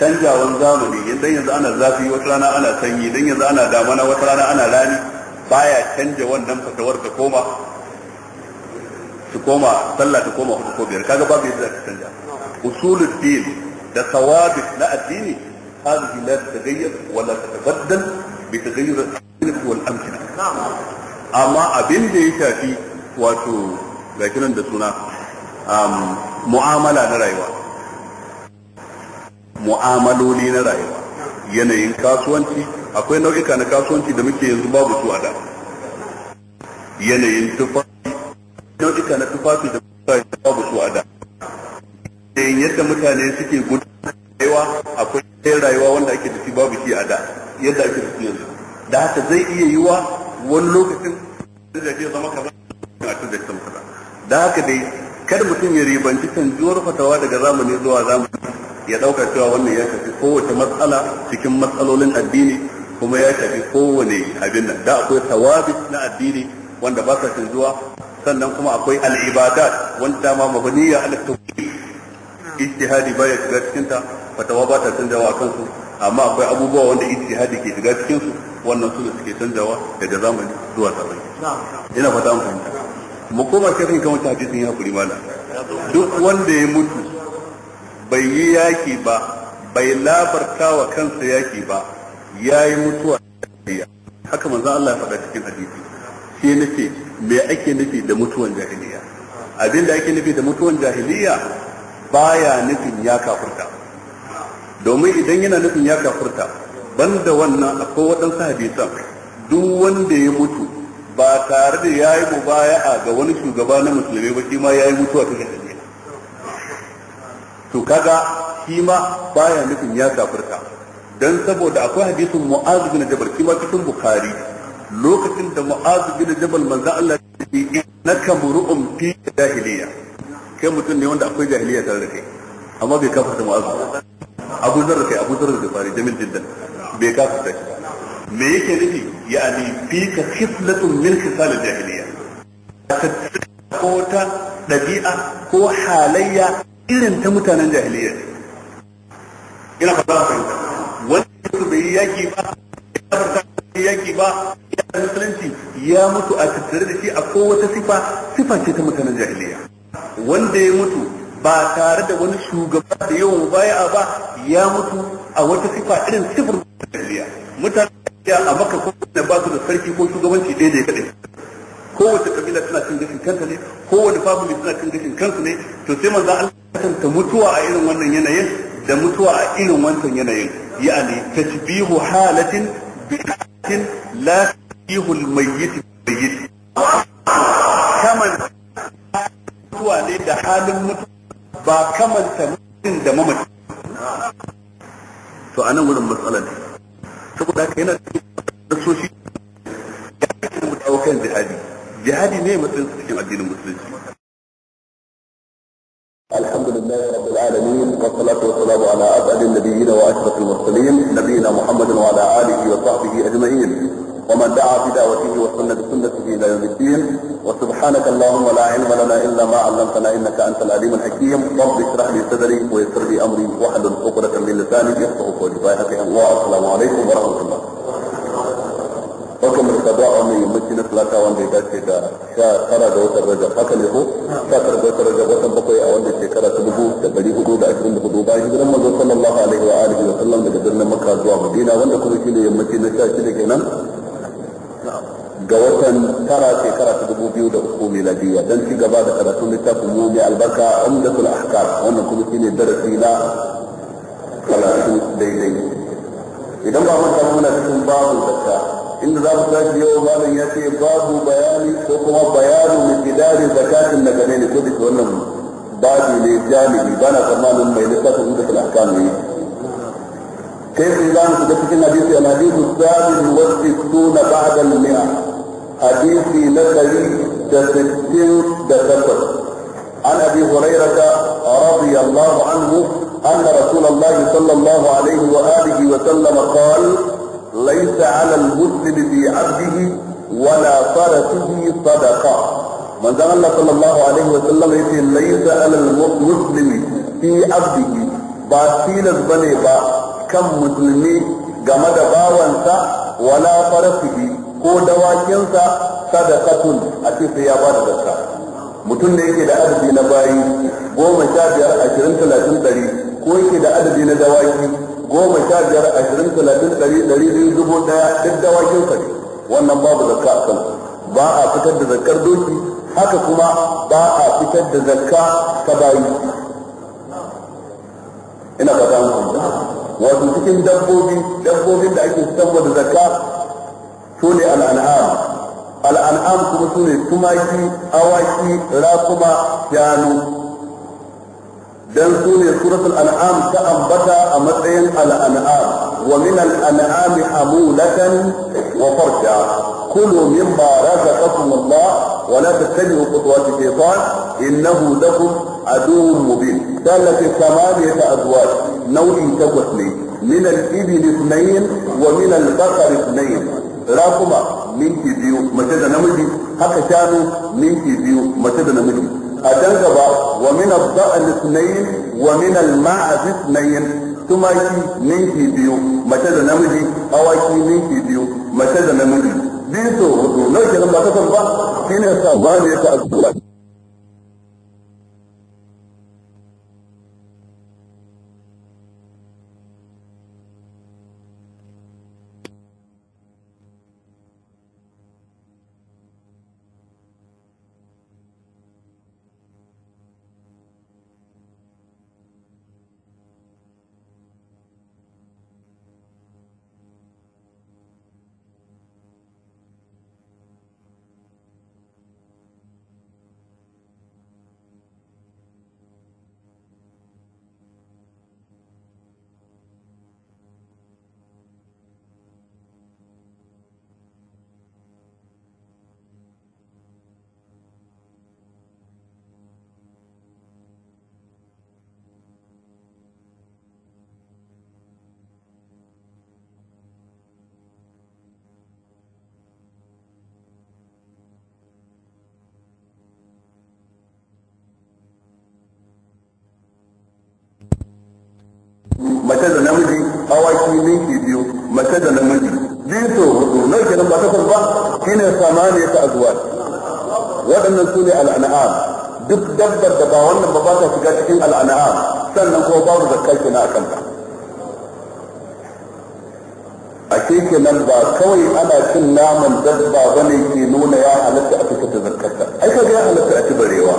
canjawan zamani idan yanzu ana zafi wata rana ana sanyi idan yanzu ana damana wata rana ana rani baya canja wannan fatawar ta koma su koma sallah ta koma hudu ko biyar kaga babu yadda ta canja usulul din da thawabit na addini hadhihi la tataghayyar wa la tatabaddal bi taghayyur al-amkinah amma abin da ya shafi wato ga da suna um, mu'amala na rayuwa mu'amaloli na rayuwa yanayin kasuwanci akwai nau'ika na kasuwanci da muke yanzu babu su a da yanayin tufafi nau'ika na tufafi da muke babu su a da yanayin yadda mutane suke gudanar rayuwa akwai rayuwa wanda ake da shi babu shi a da yadda ake da shi yanzu da haka zai iya yiwa wani lokacin da zai zama kaza a tun da kan kaza da haka dai kada mutum ya ribanci canjuwar fatawa daga zamani zuwa zamani ya dauka cewa wannan ya shafi kowace matsala cikin matsalolin addini kuma ya shafi kowane abin nan da akwai tawabi na addini wanda ba sa canjuwa sannan kuma akwai al'ibadat wanda dama mabaniya ala tawhid ijtihadi baya shiga cikinta fatawa ba ta canjawa kansu amma akwai abubuwa wanda ijtihadi ke shiga cikin su wannan su suke canjawa daga zamani zuwa zamani ina fata an fahimta mu koma ke kan wata hadisin ya kuri mala duk wanda ya mutu bai yi yaki ba bai labarta wa kansa yaki ba ya yi mutuwa haka manzo Allah ya faɗa cikin hadisi shi nake me ake nufi da mutuwan jahiliya Abin da ake nufi da mutuwan jahiliya baya nufin ya kafurta domin idan yana nufin ya kafurta banda wannan akwai waɗansu hadisan duk wanda ya mutu ba tare da ya yi mubaya'a ga wani shugaba na musulmi ba shi ma ya yi mutuwa ta shahadiya to kaga shi ma baya nufin ya kafirta dan saboda akwai hadisin mu'az bin jabal shi ma cikin bukhari lokacin da mu'az bin jabal manzo Allah ya ce innaka muru'um fi jahiliya kai mutum ne wanda akwai jahiliya tare da kai amma bai kafirta mu'az abu zarra kai abu zarra da bari jamil jiddan bai da shi ba me yake nufi yani fi ka kiflatun min khisal jahiliya ko ta dabi'a ko halayya irin ta mutanen jahiliya ina fara fahimta wanda su bai yaki ba ya yaki ba ya musulunci ya mutu a tattare da shi a kowace sifa sifa ce ta mutanen jahiliya wanda ya mutu ba tare da wani shugaba da yawan baya ba ya mutu a wata sifa irin sifar jahiliya mutanen jahiliya a maka ko na ba su da sarki ko shugabanci ɗaya ne kaɗai kowace kabila tana cin gashin kanta ne kowace family tana cin gashin kansu ne to sai manzo Allah ta mutuwa a irin wannan yanayin da mutuwa a irin wancan yanayin yani tashbihu halatin bi halatin la tashbihu al-mayyit mayyit kaman mutuwa ne da halin mutuwa ba kamanta mutum da mamaci to anan wurin matsala ne saboda haka yana cikin nasoshi ya ake mu dawo kan jihadi jihadi الحمد لله رب العالمين والصلاة والسلام على أسعد النبيين وأشرف المرسلين نبينا محمد وعلى آله وصحبه أجمعين ومن دعا بدعوته وسنة سنته الى يوم الدين وسبحانك اللهم لا علم لنا الا ما علمتنا انك انت العليم الحكيم رب اشرح لي صدري ويسر لي امري وحد عقدة من لساني يفقه قولي فاتح السلام عليكم ورحمه الله حكم القضاء من يمكن لك وان يدرك شاكر دوت الرجا حكم له شاكر دوت الرجا وان بقي او ان يشكر تبهو تبلي حدود عشرين بحدود عشرين بحدود عشرين صلى الله عليه وآله وسلم لقدرنا مكة زوا مدينة وان تكون في يمكن لك شاكر ga watan tara shekara ta dubu biyu da uku miladiya don ci gaba da karatun littafin mu mai albarka umdatul ahkam wannan kuma shine darasi na karatu daidai idan ba manta muna cikin babu zakka inda za mu tashi yau malam ya ce babu bayani ko kuma bayanu min idari zakatin na gane ne ko da wannan babu ne jami'i bana tsammanin mai littafin umdatul ahkam ne كيف إذا أنت الحديث الحديث الثامن والستون بعد المئة حديثي نسوي تستين دفتر عن أبي هريرة رضي الله عنه أن رسول الله صلى الله عليه وآله وسلم قال ليس على المسلم في عبده ولا فرسه صدقة من ذا الله صلى الله عليه وسلم يقول ليس على المسلم في عبده باسيل بني با kan musulmi game da bawansa wala farasihi ko dawakinsa sadaqatun a ce sai ya bada da sa, mutum da yake da adadi na bayi goma sha biyar ashirin talatin ɗari ko yake da adadi na dawaki goma sha biyar ashirin talatin ɗari ɗari biyu dubu ɗaya duk dawakinsa ne wannan babu zakka a kan ba a fitar da zakkar doki haka kuma ba a fitar da zakka ta bayi ina fata muku wato cikin dabbobi dabbobin da ake fitarwa da zakka su ne al'an'am al'an'am kuma su ne tumaki awaki rakuma shanu dan su ne suratul an'am ta ambata a matsayin al'an'am wa min al'an'ami hamulatan wa farja kulu ga razaqakum Allah wa la tattabi'u khutuwati shaytan innahu lakum aduwwun mubin قال في ثمانية أزواج نولي تبو اثنين من الإبل اثنين ومن البقر اثنين رقم من تبيو مجد نمجي حق شانو من تبيو مجد نمجي أجنجبا ومن الضأل اثنين ومن المعز اثنين ثم يكي من تبيو مجد نمجي أو يكي من تبيو مجد نمجي بيسو نوشي لما تفضل بقى كينيسا غانيسا أزواج dabbar da ba wannan ba ba ta shiga cikin al'an'am sannan kuma babu zakka kina akan ta a keke nan ba kawai ana cin naman dabba ba ne ke nuna ya halatta a fitar da zakarta ai ka ga ya halatta a ci barewa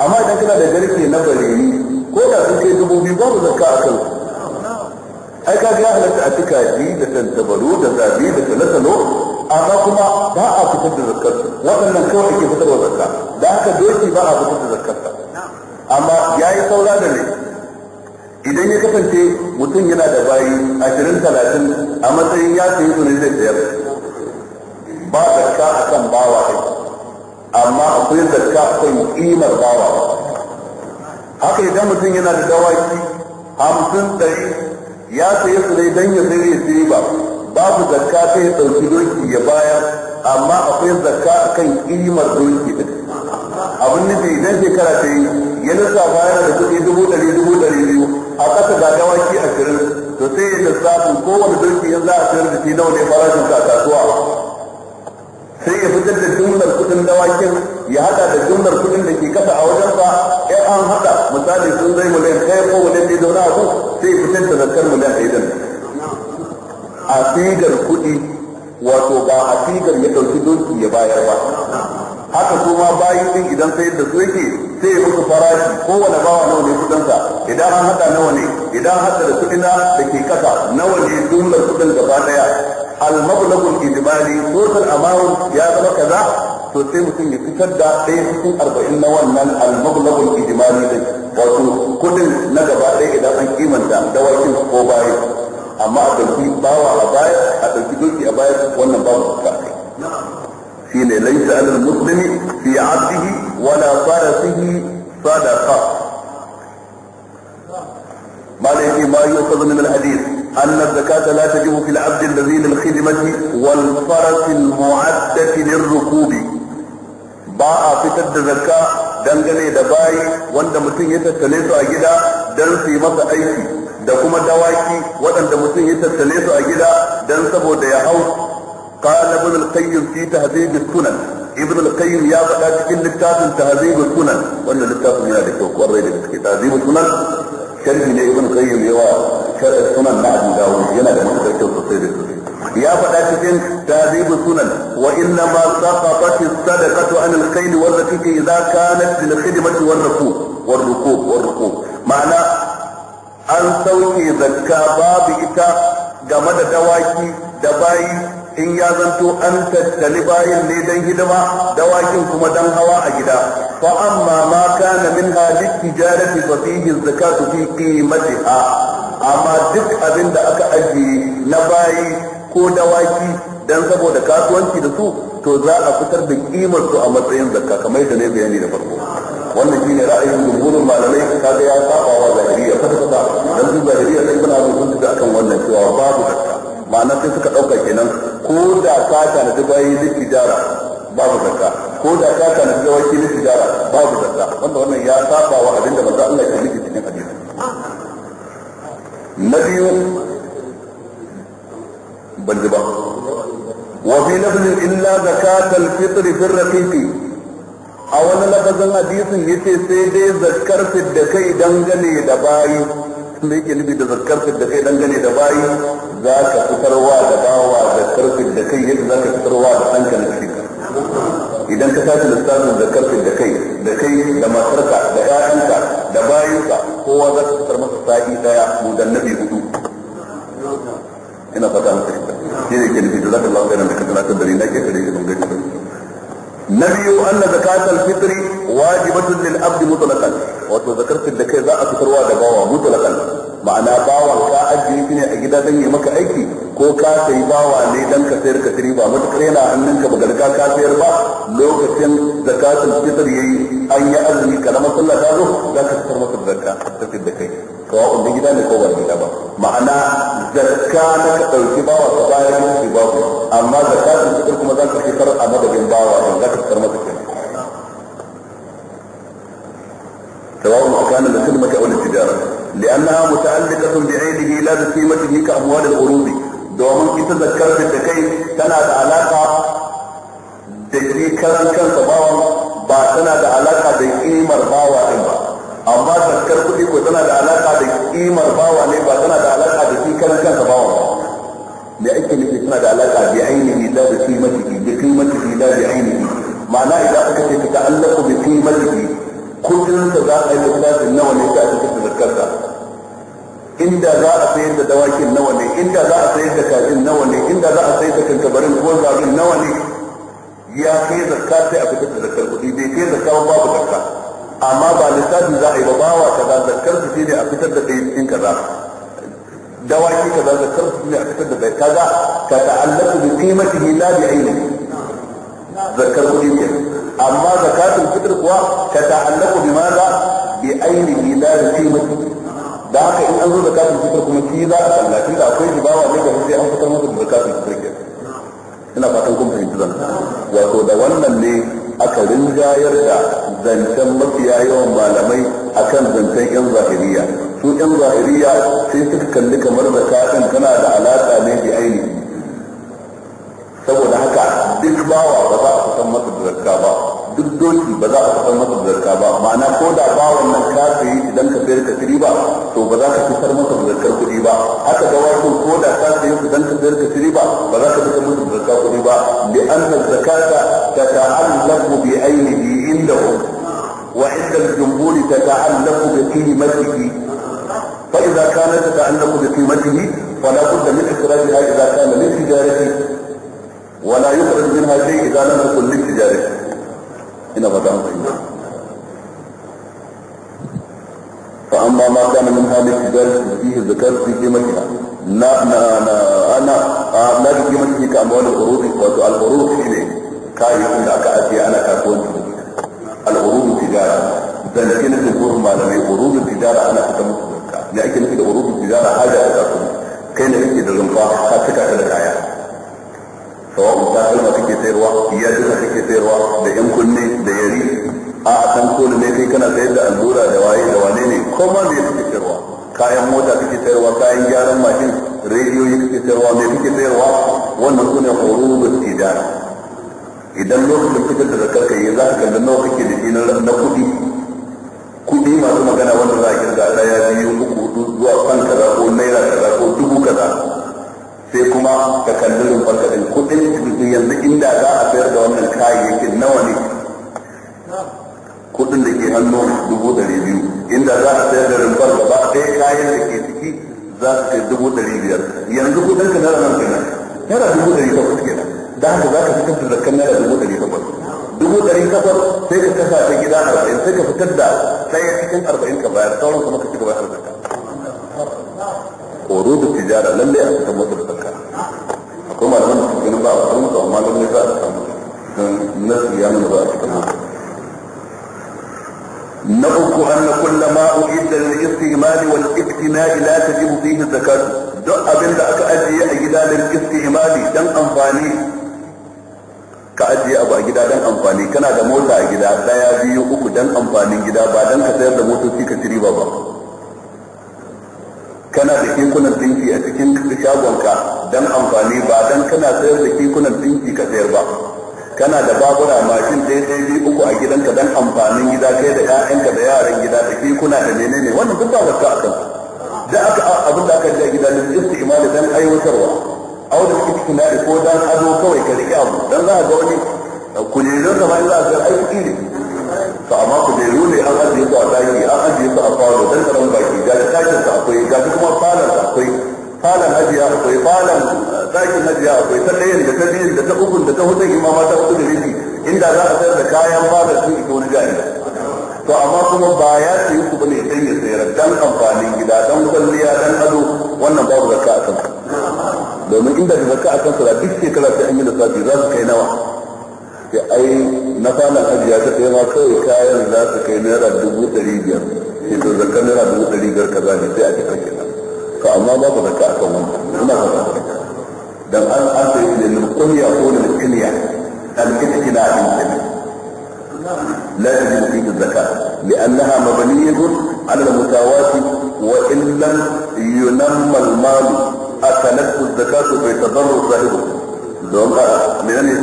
amma idan kana da garke na bareri ko da sun kai dubu biyu babu zakka a kansu ai ka ga ya halatta a ci kaji da tantabaru da zabi da talotalo amma kuma ba a fitar da zakar waɗannan kawai ake da zakka da haka doki ba a fitar da zakar amma ya yi saura da ne idan ya kasance mutum yana da bayi ashirin talatin a matsayin ya sayi su ne zai sayar ba zakka a kan bawa ne amma akwai zakka a kan ƙimar bawa haka idan mutum yana da dawaki hamsin ɗari ya sayi su ne don ya sayar ya sayi ba babu zakka sai ya ɗauki doki ya bayar amma akwai zakka akan kimar doki din abin nufi idan shekara ta yi ya lissafa bayar da kuɗi dubu ɗari dubu ɗari biyu a ƙasa ga dawaki ashirin to sai ya lissafi kowane doki in za a sayar da shi nawa ne farashin sa kasuwa sai ya fitar da jumlar kuɗin dawakin ya haɗa da jumlar kuɗin da ke kasa a wajen sa ya an haɗa misali sun zai miliyan ɗaya ko miliyan ɗaya da a sai ya fitar da zakkar miliyan ɗaya a sigar kuɗi wato ba a sigar ya ɗauki doki ya bayar ba haka kuma bayan din idan sai da su yake sai ya musu farashi kowane bawa nawa ne kudinsa idan an haɗa nawa ne idan haɗa da kuɗina da ke kasa nawa ne jumlar kuɗin gaba ɗaya almablagul ijmali total amount ya zama kaza to sai mutum ya fitar da ɗaya cikin arba'in na wannan almablagul ijmali din wato kuɗin na gaba daya idan an kimanta dawakin ko bayan amma a ɗauki bawa a baya a ɗauki doki a baya wannan babu suka a kai shi ne laisa alal muslimi fi abdihi wala farasihi sadaqa malai yake ma yi wasu min أن الزكاة لا تجب في العبد الذي للخدمة والفرس المعدة للركوب باء فتد dangane da bai wanda mutum ya tattale su a gida don su masa aiki da kuma dawaki waɗanda mutum ya tattale su a gida dan saboda ya hau ibn قال ابن القيم في sunan ibn al-qayyim ya فدا cikin littafin تهذيب sunan wannan littafin yana da kyau kwarai da gaske تهذيب sunan sharhi ne ibn al qayyim ya wa sharh sunan na abu dawud yana da matukar kyau sosai da sosai ya faɗa cikin sunan wa inna ma saqatat as-sadaqatu an تهذيب السنن وانما سقطت الصدقه عن الخيل والركوب wa كانت للخدمه والركوب والركوب ruku معناه an sauke zakka babu ita game da dawaki da bayi in ya zanto an tattali bayin ne don hidima dawakin kuma don hawa a gida fa amma ma kana min halik tijarati fa fihi zakatu fi qimatiha amma duk abin da aka ajiye na bayi ko dawaki dan saboda kasuwanci da su to za a fitar da kimar a matsayin zakka kamar da ne bayani da farko wannan shine ra'ayin jumhurin malamai kaga ya saba wa zahiriya kwata kwata dan duk zahiriya sai ibn da sun da akan wannan cewa babu zakka ma'ana sai suka dauka kenan ko da ka tanadi bayi da tijara babu zakka ko da ka na gawaki da tijara babu zakka wanda wannan ya saba wa abinda manzo Allah ya miki cikin hadisi na biyu ban ji ba وفي لفظ إلا زكاة الفطر في الرقيق a wani lafazin hadisin ya ce sai dai zakkar da kai dangane da bayi da yake nufi da zakkar da kai dangane da bayi za ka fitarwa da bawa zakkar da kai yadda za ka fitarwa da ɗanka na shi. idan ka tashi lissafin zakkar da kai da kai da matarka da ƴaƴanka da bayinka kowa za ka fitar masa sa'i daya nabi hudu ina fata masa shi ne ke nufi da zaka lafiya da ka talatar da rina ke kare da gari na biyu anna zakatar fitri wajibatun lil abdi mutlaqan wato zakar da kai za a fitarwa da bawa mutlaqan ma'ana bawan ka ajiye shi ne a gida dan yi maka aiki ko ka sai bawa ne dan ka sayar ka tiri ba matakar yana hannun ba garka ka sayar ba lokacin zakatul fitr yayi an yi azumi karamar sallah ta zo za ka fitar masa zakka da kai sawa'un da gida ne ko ba gida ba ma'ana zakka na ka ɗauki bawa ta bayan yanki babu amma zakka sun fitar kuma zan ka fitar a madadin bawa ɗin za ka fitar masa kenan سواء كان للخدمة أو للتجارة لأنها متعلقة بعينه لا بقيمته كأموال القروض domin ita zakar da kai tana da alaka da shi karan kansa ba tana da alaka da ƙimar bawa din ba amma zakar kuɗi ko tana da alaka da kimar bawa ne ba tana da alaka da shi kan kansa bawa ba da ake nufi tana da alaka bi ainihi da da kimatihi bi kimatihi da bi ainihi ma'ana idan aka ce ta ta'allaku bi kimatihi kullun sa za a yi lissafin nawa ne ta ake cikin ka inda za a sayar da dawakin nawa ne inda za a sayar da kajin nawa ne inda za a sayar da kankabarin ko zarin nawa ne ya kai zakka sai a fitar da zakkar kuɗi bai kai zakka babu zakka amma ba lissafi za a yi ba bawa kaza zakkar su shine a fitar da ɗaya cikin kaza dawaki kaza zakkar su shine a fitar da ɗaya kaza ka ta'allaqu bi qimatihi la bi aynihi zakkar kuɗi ke amma zakatul fitr kuwa ka ta'allaqu bi maza bi aynihi la bi qimatihi da haka in an zo zakatul fitr kuma shi za a sallaci da akwai jibawa ne da sai an fitar musu da zakatul fitr ke ina fatan kun fahimci zan wato da wannan ne aka rinjayar da zantan mafiya yawan malamai akan zantan yan zahiriya su yan zahiriya sai suka kalli kamar zakatun kana da alaƙa ne bi ainihi saboda haka duk bawa ba za a fitan masa zarka ba duk doki ba za a fitan masa zarka ba ma'ana ko da bawan nan ka sayi idan ka sayar ka ci ba to ba za ka fitar masa da zakkar kuɗi ba haka da wasu ko da ka sayi idan ka sayar ka ci ba ba za ka fitar masa zarka zakkar kuɗi ba bi anna zakata ta tata'allaqu bi ainihi indahu wa inda al-jumhur tata'allaqu bi qimatihi فإذا كانت تتعلق بقيمته فلا بد من إخراجها إذا كان للتجارة ولا يخرج منها شيء اذا لم يكن للتجاره ان غدان ضيما فاما ما كان من هذه التجاره فيه ذكرت في قيمتها نا نا نا انا ما آه، في قيمتها كاموال القروض القروض حين كاين لا كاتي انا كاكون القروض التجاره بل كنا تقول ما لم يقروض التجاره انا كتبت لكن في قروض التجاره حاجه اتاكم كان يجد الانفاق حتى كاتب الايات sawa'un takalma kake sayarwa ya duka kake sayarwa da yan kunne da yari a a san koli ne kai kana sayar da allura da waye da wane ne ko me kake sayarwa kayan mota kake sayarwa kayan gyaran mashin rediyoyi kake sayarwa me kake sayarwa wannan sune hurubul tijara idan lokacin fitar da zakar kai za ka kalli nawa kake da shi na kudi kudi masu magana wanda za a kirga ɗaya biyu uku zuwa kan kaza ko naira kaza ko dubu kaza sai kuma ka kalli rumfar ka din kudin yanzu inda za a sayar da wannan kayayyakin nawa ne kudin da ke hannu dubu ɗari biyu inda za a sayar da rumfar gaba ɗaya kayan da ke ciki za su kai dubu ɗari biyar yanzu kudin ka nara nan kenan nara dubu ɗari takwas kenan da haka za ka fitar da zakkan nara dubu ɗari takwas dubu ɗari takwas sai ka kasa ta gida arba'in sai ka fitar da ɗaya cikin arba'in ka bayar sauran kuma ka ci gaba da zakka Horo da tijara lalle a cikin mutum zakka akwai malaman da suke ba a cikin mutum amma lalle za a samu don nasu ya nuna ba a cikin mutum na uku anna kulla ma uidda lil istimali wal ila ta ji fihi zakatu don abin da aka ajiye a gida lil istimali dan amfani ka ajiye abu a gida dan amfani kana da mota a gida daya biyu uku dan amfanin gida ba dan ka sayar da motoci ka ci riba ba kana da kinkunan dinki a cikin shagonka don amfani ba don kana sayar da kinkunan dinki ka sayar ba kana da babura mashin ɗaya ɗaya biyu uku a gidanka don amfanin gida kai da ƴaƴanka da yaran gida da kinkuna da menene wannan duk ba zakka a da aka abin da aka ji a gida da imani don aiwatarwa a wani cikin tunani ko dan ado kawai ka riƙe abu don za a ga wani kujerun ka ba za a ga aiki ne to amma ku dai rune an ajiye su a daki an ajiye su a falo dan karamin baki ga da dakin sa akwai ga kuma falon akwai falon hajiya akwai falon dakin eh, hajiya akwai ta ɗayan da ta biyun da ta ukun da ta hudun imama ta hudu da rufi inda za a sayar da kayan falon sun ita wani jari to amma kuma ba ya sayi ku bane dan ya sayar dan amfanin gida dan kwalliya dan ado wannan babu zakka a kansa domin inda da zakka a kansa da duk shekara sai an yi lissafi za su kai nawa ce ai na fana ajiya ta kai ma kawai kayan za su kai naira dubu ɗari biyar sai to zakar naira dubu ɗari biyar kaza ne sai a cika kenan to amma ba ku zakka akan wannan ina ba dan an an sai da lulkumiya ko da lulkumiya al-kitkina din kenan لا تجب فيه الزكاة لأنها مبنية على المتواتر وإن لم ينمى المال أكلته الزكاة فيتضرر صاحبه don ka menene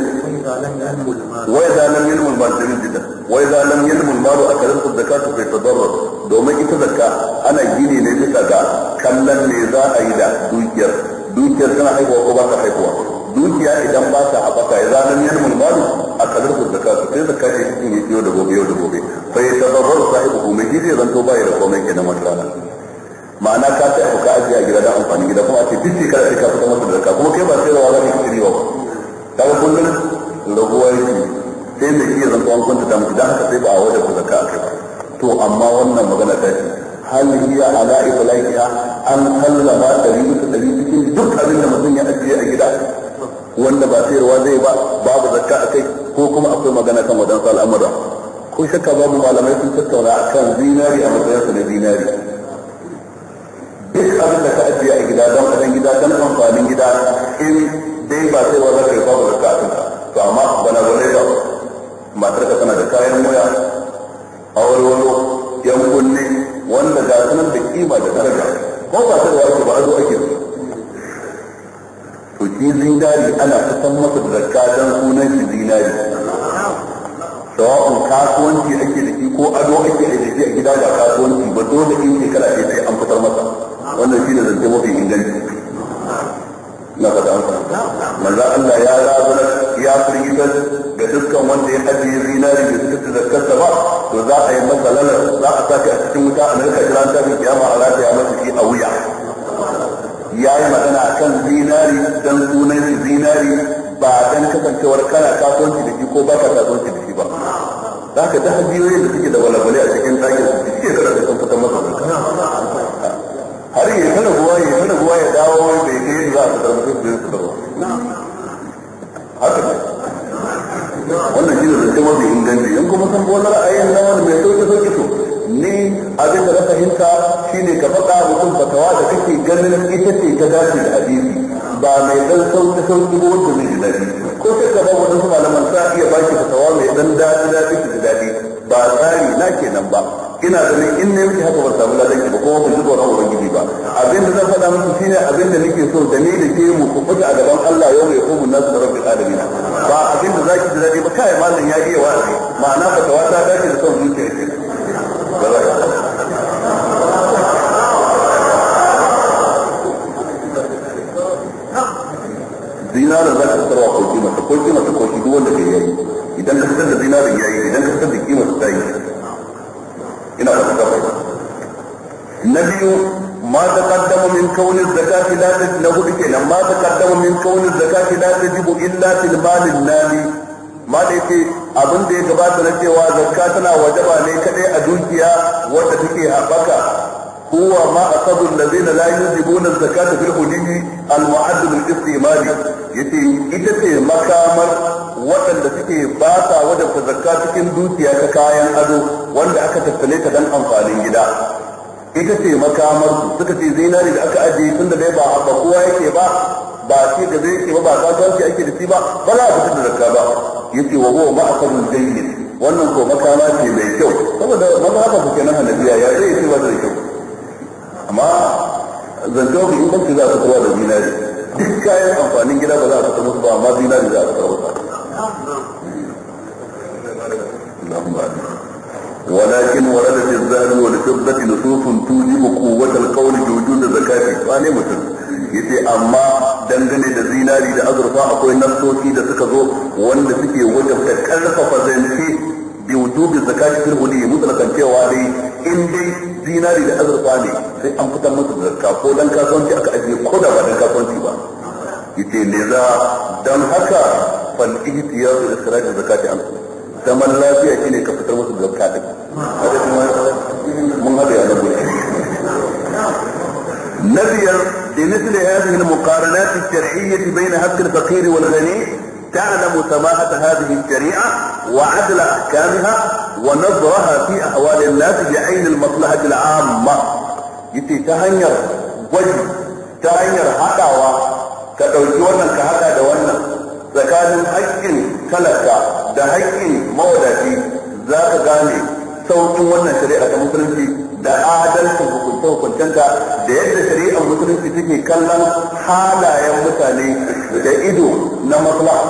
وإذا لم يلم المال جميل جدا وإذا لم يلم المال أكلته الزكاة فيتضرر domin ita zakka ana gini ne bisa ga kallon ne za a yi da dukiyar dukiyar tana haihuwa ko ba ta haihuwa dukiya idan ba ta haɓaka ya zanen ba mulmalu a kalar da zakka su sai zakka ce cikin yau da gobe yau da gobe sai ya tabbatar da sahibu kuma shi zai zanto ba ya da komai kenan wata ma'ana ka ta ka ajiye a gida da amfani gida kuma a ce duk kada ka fita masa da zakka kuma kai ba sai rawa za ka yi ba kaga kullum rabuwa yake sai da iya zan an kwanta ta mutu da haka sai ba a waje ku zakka a kai to amma wannan magana ta ce hal hiya ala iblaqiha an sallama dari bisa dari cikin duk abin da mutum ya ajiye a gida wanda ba sayarwa zai ba babu zakka a kai ko kuma akwai magana kan wadansu al'amura ko shakka babu malamai sun tattauna a kan zinari a matsayinsa na zinari duk abin da ka ajiye a gida don kadan gida don amfanin gida in sai ba sai ba za ka yi babu da a kanka to amma bana gwalagwalai ba matar ka tana da kayan a wani awarwaro yan kunne wanda ga sanar da kima da daraja ko ba sai ba ake ba a zo ake to shi zinari ana ta san masa da zakka dan sunan shi zinari sawa'un kasuwanci ake da shi ko ado ake da shi a gida da kasuwanci ba dole in shekara ce sai an fitar masa wannan shi ne zance mafi inganci na fata an fahimta manzo Allah ya razana ya firgitar ga dukkan wanda ya ajiye zinari da suka zakkarsa ba to za a yi masa lalar za a sake a cikin wuta a narka jiran tafin kiyama a rataya masa shi a wuya ya yi magana a kan zinari don sunan zinari ba don kasancewar kana kasuwanci da shi ko ba ka kasuwanci da shi ba za ka ta hanyoyin da suke da walabale a cikin ɗakin su suke da sun fitar masa har yi ta rabuwa yi ta rabuwa ya dawo wani bai ga yadda za a fitar mutum biyu su rabuwa haka ne wannan shi ne zance mafi inganci in kuma san nara ayin na wani mai sauki sauki to ni abin da na fahimta ne ka faɗa mutum fatawa da kake ganin ita ce ta dace da hadisi ba mai dan sauki sauki ko wanda mai ji daɗi ko sai ka ba su malaman sa iya baki fatawa mai dan daɗi daɗi da daɗi ba tsari na kenan ba ina ganin in ne miki haka ban samu ladan ki ba kuma ban ji tsoron ubangiji ba abin da zan faɗa muku shine abin da nake so da ni da ke mu ku fita a gaban Allah yau mai komun nasu da da alamin ba abin da zaki ji daɗi ba kai mallan ya iya wa'azi ma'ana ba ta wata dace da son zuciya ke zinarin za ka fitarwa ko ta ko ta ko shi duk wanda ke yayi idan ka fitar da zinarin yayi idan ka fitar da kima ta yi ina da kuka bai na biyu ma ta kaddama min kaunin na hudu kenan ma ta kaddama min kaunin zakati la ta jibu illa fil malin nali ma da yake abin da ya gabata na cewa zakka tana wajaba ne kadai a dukiya wadda take haɓaka هو ما أصاب الذين لا يجبون الزكاة في الحدود المعد بالاستعمال يتي إتتي مكامر waɗanda suke ba sa wadanta zakka cikin dukiya ta kayan ado wanda aka tattale ta dan amfanin gida ita ce makamar suka ce zinari da aka ajiye tun da dai ba ba kowa yake ba ba ce da zai yake ba ba kasuwanci ake da shi ba ba za a fitar da zakka ba yace wa huwa ma'akalun zayyin wannan ko makama ce mai kyau saboda maza haka suke na ya zai ce ba da kyau amma zancen su inganci za a fitowa da zinari duk kayan amfanin gida ba za a fita musu ba amma zinari za a fita musu ولكن وردت الذهب والفضة نصوص توجب قوة القول بوجود زكاة فاني مسلم yace amma dangane da zinari da azurfa akwai nassoci da suka zo wanda suke wajabta karfafa zance bi wujubi zakati fil huli mutlaqan cewa dai in dai dinari da azurfa ne sai an fitar musu da zakka ko dan kasuwanci aka ajiye ko da ba dan kasuwanci ba yace ne za dan haka fal ihtiyar da israr da zakati an zaman lafiya shine ka fitar musu da zakka din mun hada ya nabu na biyar da misali hadhihi al-muqaranat al-shar'iyyah bayna haqq al-faqir wal-ghani تعلم سماحة هذه الشريعة وعدل أحكامها ونظرها في أحوال الناس بعين المصلحة العامة يتي تهنير وجه تهنير حقاوة كتوجوانا كهذا دوانا فكان حق تلك ده حق مولاتي ذاك غاني sauƙin wannan shari'a ta musulunci da adalcin hukunta-hukuntanta, da yadda shari'ar musulunci take kallon halayen mutane da ido na maslaha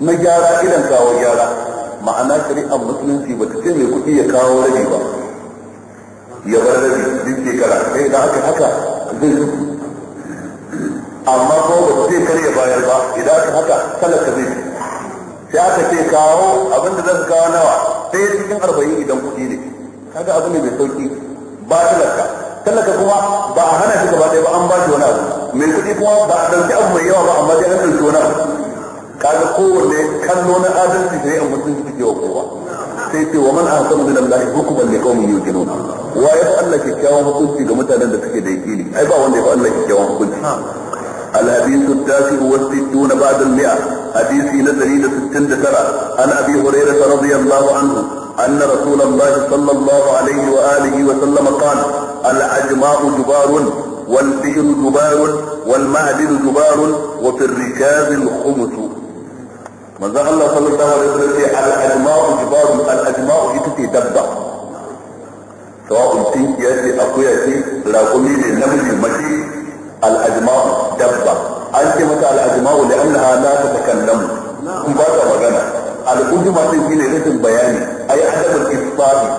na gyara idan kawo gyara ma'ana shari'ar musulunci ba ta ce mai kuɗi ya kawo rabi ba ya bar rabi duk shekara sai da aka haka zai su, amma ko ba ta ce kar ya bayar ba idan aka haka talaka zai sai aka ce kawo abin da zan kawo nawa sai cikin arba'in idan kuɗi ne kaga abu ne mai sauki ba talaka talaka kuma ba a hana shi gaba ɗaya ba an ba shi wani abu mai kuɗi kuma ba a ɗauki abu mai yawa ba amma sai an ɗauki wani abu kaga kowanne kallo na adalci sai an mutum su ke kowa sai ce wa man a hasan min Allah hukuman li qaumin yuqinun wa ya fa Allah kyakkyawan hukunci ga mutanen da suke da yaqini ai ba wanda ya fa Allah kyakkyawan hukunci الحديث التاسع والستون بعد المئة حديث نزلي لستين ترى عن أبي هريرة رضي الله عنه أن رسول الله صلى الله عليه وآله وسلم قال العجماء جبار والبئر جبار والمعدن جبار وفي الركاب الخمس من ذهب الله صلى الله عليه وسلم الأجماء جبار الأجماء يتتي دبة سواء أقوياتي لا راقمي نمجي مجي الأجماء دبة أنت مثل الأجماء لأنها لا تتكلم نعم بعد مغنى الأجماء تنزيل رسم بياني أي أدب الإصطاري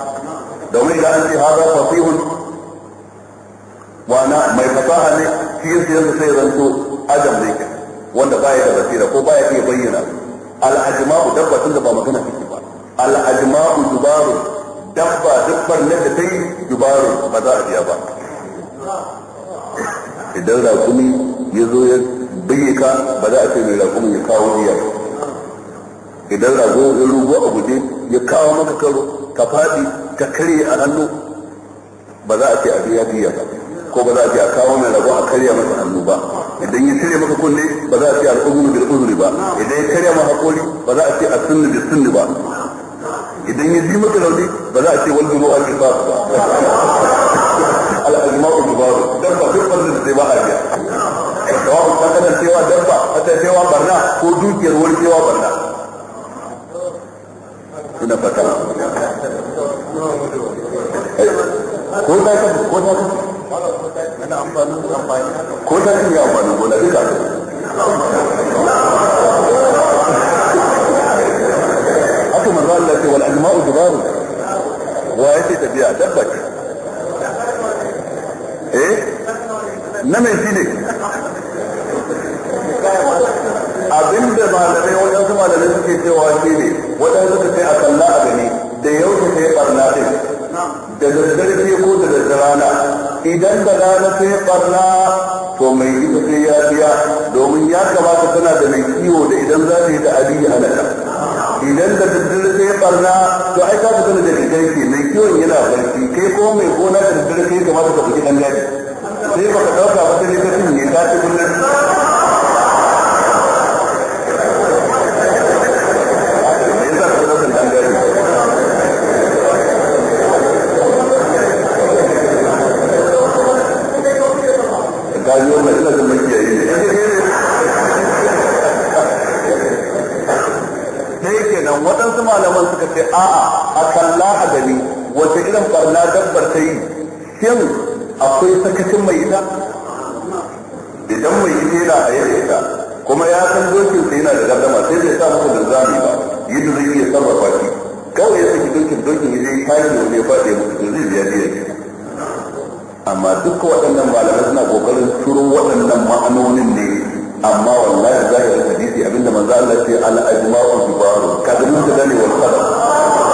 لو إذا أنت هذا فصيح وأنا ما يفتاها لي في سيرة سيرة سوء أدب ليك وأنت باية بسيرة وباية في بينا الأجماء دبة تنزل مغنى في كبار الأجماء جبار دبة دبة نجتين جبار بدار ديابان idan rakumi ya zo ya bige ka ba za a ce mai rakumin ya kawo wuya idan rago ya rugo a guje ya kawo maka karo ka faɗi ka karye a hannu ba za a ce a biya biya ba ko ba za a ce a kawo mai rago a karya masa hannu ba idan ya cire maka kunne ba za a ce al'uzuru bil uzuri ba idan ya karya maka koli ba za a ce a sunni bil sunni ba idan ya ji maka rauni ba za a ce wal buru al ba الاجماع الجبار دبا في قرن الزباء جاء سواء كان سوى دبا حتى سوى برنا كودوك يرول سوى برنا هنا فتح كودا يكتب كودا يكتب كودا يكتب كودا يكتب كودا يكتب كودا يكتب أكو من رأى التي والعلماء الجبار وهي تبيع دبك eh na mai shi ne da malamai wajen malamai suke cewa shi ne wajen suka ce a kalla a gani da yau su ce barna ɗin da daddare ce ko da daddarana idan da rana ce barna to mai ita sai ya biya domin ya kamata tana da mai kiwo da idan za ta yi da aliyu halaka idan da daddare kai barna to ai ka fita da daddare ke mai kiwon yana barci kai ko mai gona da daddare kai kamata ka buki dan gadi sai baka dauka ba sai ka cinye ka ci kullum malaman suka ce a'a a kalla a gani wata irin barna dabbar ta yi shin akwai sakacin mai ita idan mai ita yana a yadda ita kuma ya san dokin sa yana da gardama sai zai sa da linzami ba yi da zai iya sarrafa shi kawai ya saki dokin dokin ya zai kayi da wani ya faɗi ya mutu zai biya biya amma duka waɗannan malamai suna ƙoƙarin turo waɗannan ma'anonin ne amma wallahi zahiri hadisi abinda manzo Allah ce al ajma'u zubaru kaga mun da ne wal khabar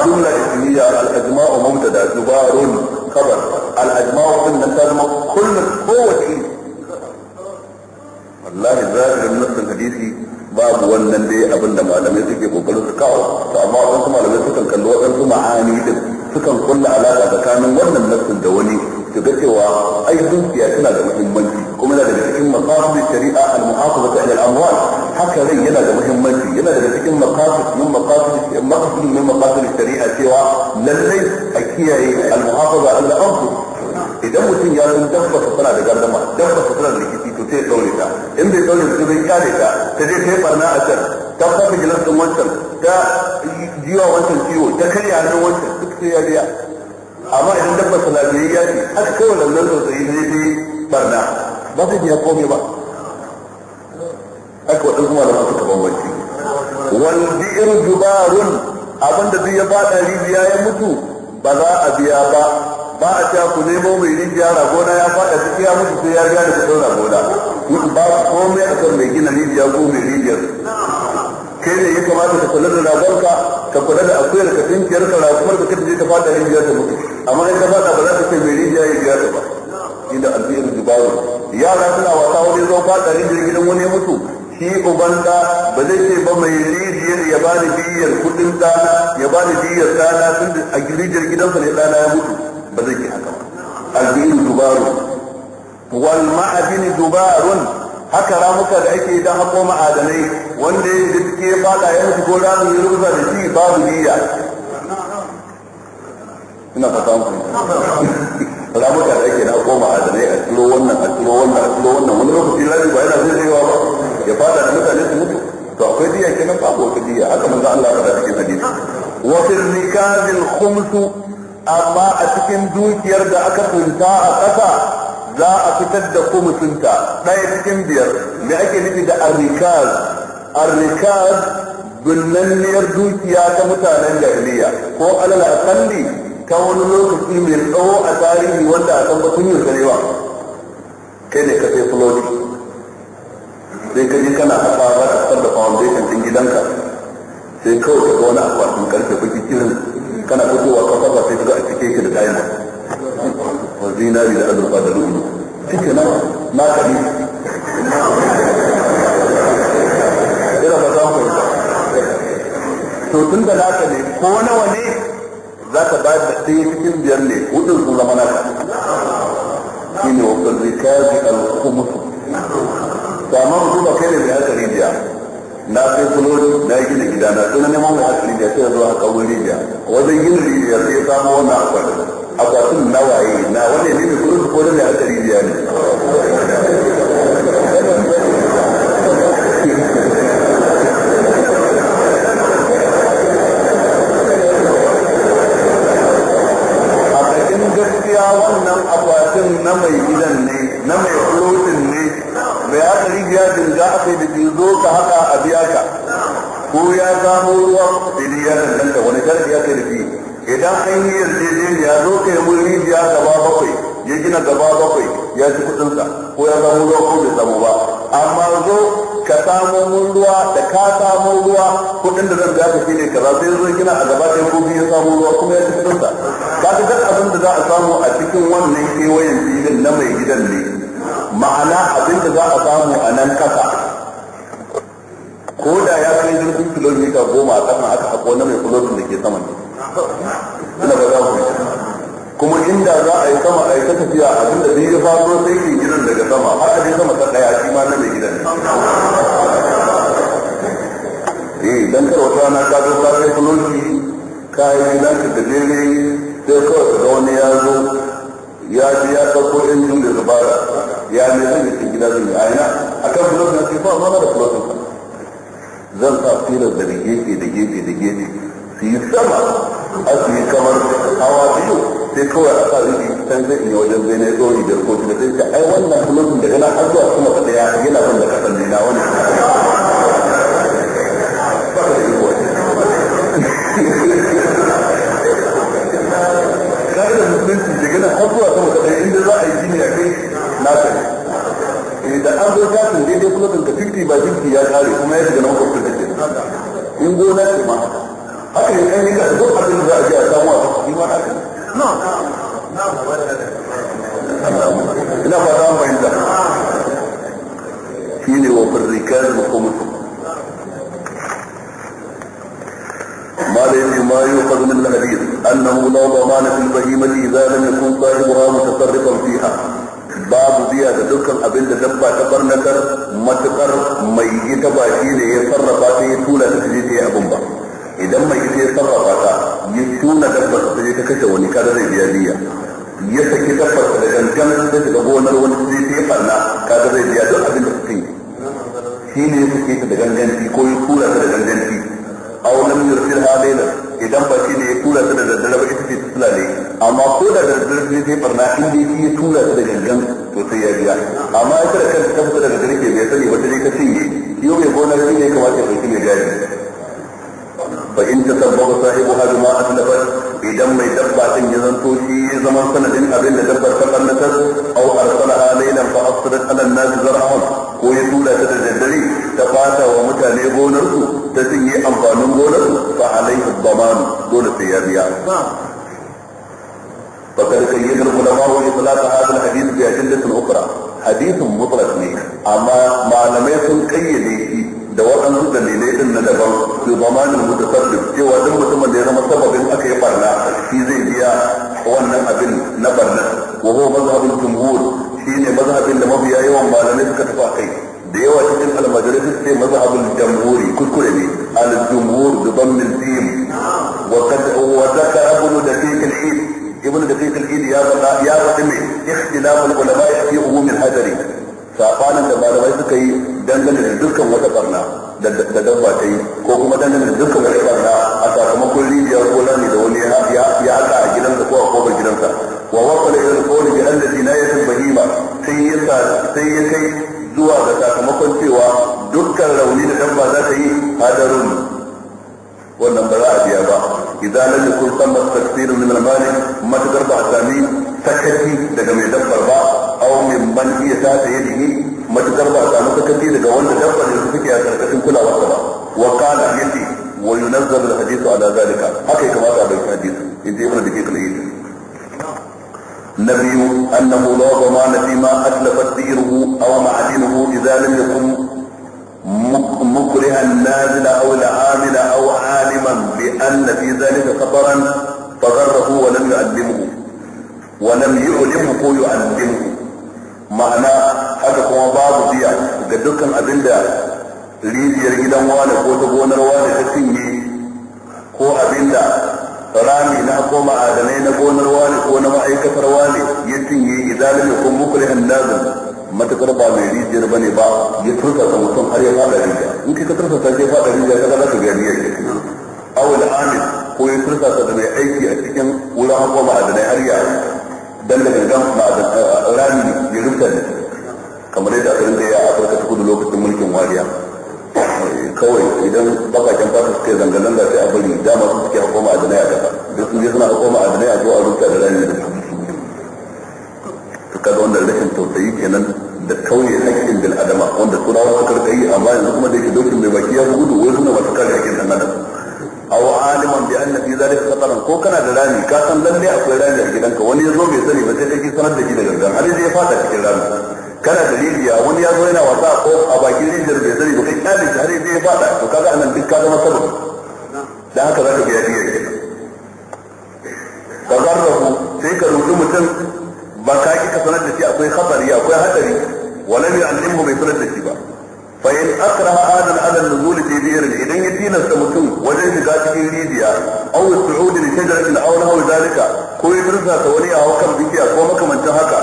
jumla ismiya al ajma'u mubtada zubarun khabar al ajma'u din nan ta zama kullu kowace wallahi zahirin nassin hadisi babu wannan dai abinda malamai suke kokarin su kawo to amma wasu malamai sukan kalli waɗansu ma'ani din sukan kulla alaƙa tsakanin wannan nassin da wani su ga cewa ai dukiya tana da muhimmanci kuma yana daga cikin maqasid shari'a al-muhafazatu da al-amwal haka rai yana da muhimmanci yana daga cikin maqasid min maqasid maqasid min maqasid shari'a cewa lallai a kiyaye al-muhafaza da al-anfus idan mutum ya san dabba ta tana da gardama dabba ta tana da rikici to sai ya daure ta in bai daure ta bai kyale ta ta je kai barna a can ta kafa gilas din wancan ta jiwa wancan ciwo ta karya hannun wancan duk sai ya biya amma idan dabba ta lafiyayya ce haka kawai lallan sosai ne dai barna ba zai biya komai ba aka waɗansu malaman suka bambanci wal bi'ir jubarun abinda zai ya faɗa rijiya ya mutu ba za a biya ba ba a cewa ku nemo mai rijiya ragona ya faɗa ciki ya mutu sai ya riga da kudin ragona mutu ba komai a kan mai gina rijiya ko mai rijiyar kai ne ya kamata ka kula da ragonka ka kula da akuyar ka tinkiyar ka da ka kada je ka faɗa rijiyar ta mutu amma in ka faɗa ba za ka ce mai rijiya ya biya ta ba shi da alfiru yara suna wasa wani zo fada rijiyar gidan wani mutu shi uban da ba zai ce ba mai rijiyar ya ba da biyar kudin dana ya ba da biyar dana tun da a rijiyar gidansa ne dana ya mutu ba zai ke haka ba alfiru dubaru wal ma'adin dubarun haka ramuka da ake dan hako ma'adanai wanda ya da fada ya mutu ko ramin ya rubuta da shi babu niyya ina fata samu ramuka da ake na koma a zanai a turo wannan a turo wannan a turo wannan wani lokaci lafi ba yana zai zaiwa ba ya fada da mutane su mutu to akwai diya kenan babu wata diya haka manzo Allah ya faɗa cikin hadisi wa fil khumsu amma a cikin dukiyar da aka tunta a ƙasa za a fitar da kumusunta ɗaya cikin biyar me ake nufi da arrikaz arrikaz binnanniyar dukiya ta mutanen jahiliya ko alal akalli ta wani lokaci mai tsawo a tarihi wanda a san ba yin yi sarewa kai ne ka sai fulodi sai ka je kana hafa za ka san da foundation din gidanka sai kawai ka ga wani akwatin karfe kuki irin kana fitowa kafa ba sai ka a cike ki da kayan wa zinari da azurfa da lulu cike na na kaɗi ina ba za mu fahimta to tun da na ne ko nawa ne za ka ba da ɗaya cikin biyar ne hudun sun zama naka shi ne wakil rikazi al-kumusu saman su ba kai ne mai haka rijiya na sai fulori na yi gina gida na suna neman mai haka rijiya sai zuwa haka wani rijiya wajen gina rijiya sai ya samu wani akwai akwatin na waye na wani ne mai fulori ko da mai haka rijiya ne zo ka haka a biya ka ko ya samu ruwa daidai ya danganta wani sharadi ya kai da idan an yi ya zo ka yi mun biya gaba bakwai ya gina gaba bakwai ya ci kudinsa ko ya samu ruwa ko bai samu ba amma zo ka samu mun ruwa da ka samu ruwa kudin da zan biya ka shine za sai zo gina a gaba ɗaya ko biyu samu ruwa kuma ya ci kudinsa ka ga duk abin da za a samu a cikin wannan kewayen filin na mai gidan ne ma'ana abin da za a samu a nan kasa ko da ya kai zurfin kilomita goma a sama aka haƙo na mai kulotin da ke saman ne ina ba za ku kuma inda za a yi sama a yi ta tafiya abin da zai yi faso sai ke gidan daga sama haka dai sama ta ɗaya shi ma na mai gidan ne eh dan kar wata na ka zo ka kai kulotin ka yi gidan ka da dare sai kawai ka ga wani ya zo ya ji ya ɗauko injin da zubara ya ne zan yi cikin gidan zai a ina a kan kulotin na ce ba ma da kulotin zan sa filar da gefe da gefe da gefe su yi sama a su yi kamar hawa biyu sai kawai a sa rufi can zai iya wajen zai na tsori da kotu da sai ce ai wannan kulotin daga nan har zuwa kuma ka daya yana ban da kasan ne na wani kare da musulunci daga nan har zuwa sama kada inda za a yi gini a kai na kai 50 da an zo kasin daidai kuma ka 50 ba 50 ya kare kuma ya shiga na makwabcin da ke in gona ce ma haka ne kan nika duk abin da za a je a samu a cikin wani haka ina fata mu fahimta shi ne wa birrikar da kuma قال ابن ما يؤخذ من الحديث انه لا ضمان في البهيمه اذا لم يكن صاحبها متفرقا فيها babu biya da dukkan abin da dabba ta barnatar matukar mai ita ba shi ne ya sarrafa ta ya tula ta je ta yi abin ba idan mai ita ya sarrafa ta ya tuna dabba ta je ta kashe wani kada zai biya biya ya saki dabba ta da gangan ta shiga gonar wani zai ta yi farna kada zai biya don abin da suke yi shi ne ya saki ta da ganganci ko ya tula ta da ganganci a wani yurfin halayyar idan baki ne ya tura ta da daddare ba ita ce ta sulale amma ko da daddare ne sai barna in dai ya tura ta da gangan to sai ya biya amma ita da kanta ta fita da daddare ke bai sani wata ne ka cinye yau mai gona shi ne kamata ya ɗauki mai gadi fa in ta sabbaba sahibu hadu ma aslafat idan mai dabba din ya zanto shi ya zama sanadin abin da dabbar ta kannatar au arsala alaylan fa asrat ala an-nas zar'an ko ya tura ta da daddare ta bata wa mutane gonarsu ta cinye amfanin gonarsu fa alaihi dhamanu dole sai ya biya فقد سيد العلماء إطلاق هذا الحديث بأجندة أخرى حديث مطلق ne amma malamai sun kayyade shi da waɗansu dalilai din na daban su zamanin mutasarrif cewa duk mutumin da ya zama sababin aka yi barna shi zai biya wannan abin na barna wa huwa mazhabin jumhur shine mazhabin da mafiya yawan malamai suka tafi kai da yawa cikin almajirai su ce mazhabul jamhuri kuskure ne al jumhur bi dammil jim wa qad wa dhakara ibn daqiq al id ibn daqiq al id ya faɗa ya faɗi ne ikhtilaf al ulama fi umum al hadari sabanin da malamai suka yi dangane da dukkan wata barna da dabba ta yi ko kuma dangane da dukkan wata barna a sakamakon rijiyar ko rami da wani ya haka a gidansa ko a kofar gidansa wa wakwala irin kowani bi allazi la yatin bahima sai ya kai zuwa ga sakamakon cewa dukkan rauni da dabba za ta yi hadarun wannan ba za a biya ba idan lam yakun samma tafsir min al-malik matakar ba sami sakati daga mai dabbar ba aw min man iya ta ta ni matakar ba samu sakati daga wanda dabbar da suke a karkashin kulawar ba wa qala yati wa yunazzal al-hadith ala zalika haka kamata a bayyana hadisi in ji ibnu dakiq al-hadith نبي انه لا ضمان فيما اتلفت ديره او معدنه اذا لم يكن مكرها نازل او العامل او عالما بان في ذلك خطرا فغره ولم يعلمه ولم يعلمه يعلمه ma'ana هذا هو بعض biya قدركم ابن abin da rijiyar gidan wane ko ta gonar rami na a ma'adanai na gonar wani ko na ma'aikatar wani ya cinye idalimi ko mukrihan lazim matakar ba mai rijiyar ba ne ba ya turka ta mutum har ya fada rijiya in kai ka turka ta je fada rijiya ka za ka ga niyyar ke da amin ko ya turka ta da mai aiki a cikin wurin ko ma'adanai har ya dan da gangan da rami ya ne. kamar yadda aka rinka yi a Afirka ta kudu lokacin mulkin wariya kawai idan bakakin fata suke zanganan da sai a bari dama su suke hako ma'adanai a kasa da sun je suna a ma'adanai a zo a rubuta da rani da su su kaga wanda rashin tausayi kenan da kauye haƙƙin bil adama wanda suna wasu rika a amma yanzu kuma da yake dokin mai baki ya gudu wai suna masu kare haƙƙin ɗan adam aw aliman bi anna fi zalika qatran ko kana da rani ka san lalle akwai rani a gidanka wani ya zo bai sani ba sai kake sanar da shi da gangan har sai ya fada cikin rani kana da rijiya wani ya zo yana wasa ko a bakin rijiyar bai sani ba kai kyale shi har zai fada to kaga anan duk ka zama sabon da haka za ka biya biyar kenan sai ka rudu mutum ba ka ki ka sanar da shi akwai hatsari akwai hatsari walam yu'allimhu bai sanar da shi ba fa in akraha adan ala nuzul fi bi'r idan ya tilasta mutum wajen shiga cikin rijiya aw su'ud li shajaratin aw lahu zalika ko ya tursa ta wani a hakan bikiya ko makamantan haka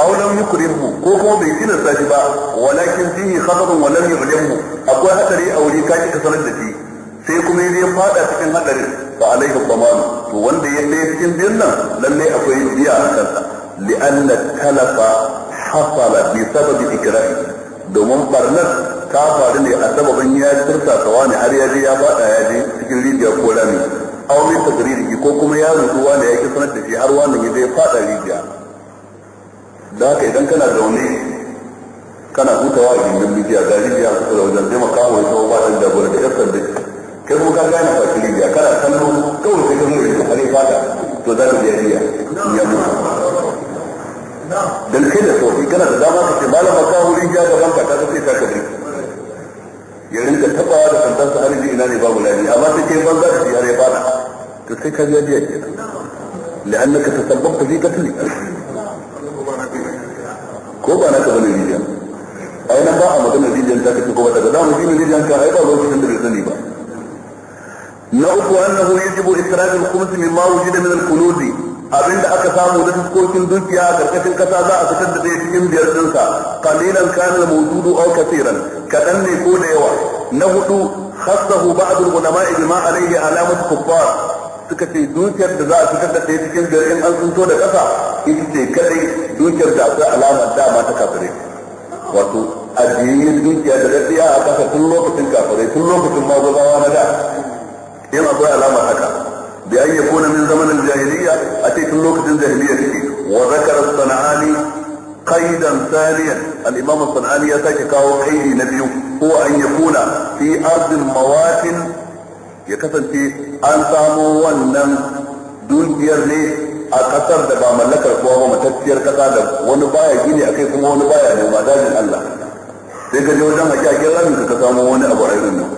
aw lam yukrimhu ko kuma bai tilasta shi ba walakin fihi khatarun wa lam yu'limhu akwai hadari a wuri ka ka sanar da shi sai kuma ya fada cikin hadarin fa alaihi dhamanu to wanda ya ne cikin biyan nan lalle akwai biya a kansa li'anna talafa hasala bi sababi ikrahi domin barnar ta faru ne a sababin ya turta sawa ne har ya ya fada ya je cikin rijiya ko rami aw min tadriri ko kuma ya rutuwa ne ya sanar da shi har wannan ya je fada rijiya da haka idan kana zaune kana hutawa a gindin bidiya ga rijiya su da wajen taimaka wa ita ba ta jagora da yasar da kai kuma ka gane fashi rijiya kana kallo kawai sai ka mu rijiya har ya fada to za ka biya rijiya ya mutu dan kai da sofi kana da dama ka ce malama ka hu rijiya da banka ta sai ta kabri ya rinka tabawa da sandansa har yi ina ne babu lafiya amma sai kai banza da shi har ya fada to sai ka biya rijiya kenan لأنك تسببت في قتله ko ba na naka bane rijiyan ai nan ba a magana rijiyan ta kace ko ba daga zamu ji rijiyan ka ai ba lokacin da bai sani ba na uku annahu yajibu israf al-khums mimma wujida min al-qulud abinda aka samu da fuskokin dukiya a karkashin kasa za a fitar da cikin biyar dinsa qalilan kana mawjudu aw katiran kadan ne ko da yawa na hudu khassahu ba'd al-ulama bima alayhi alamat kuffar suka ce dukiyar da za a fitar da ta cikin jirgin an tsinto da ƙasa ita ce kadai dukiyar da akwai alamar dama ta kafirai wato addinin dukiya da daɗiya a ƙasa tun lokacin kafirai tun lokacin magudawa na da yin akwai alamar haka da an yi kona min zamanin jahiliya a ce tun lokacin jahiliya take wa zakara sana'ani qaidan saniyan al-imam sana'ani ya sake kawo qaidi na biyu ko an yakuna fi ardin mawatin ya kasance an samo wannan dukiyar ne a kasar da ba mallakar kowa ba matacciyar kasa da wani baya gini akai kuma wani baya ne ba dajin Allah sai ka je wajen hakikin ramin ka samo wani abu a irin nan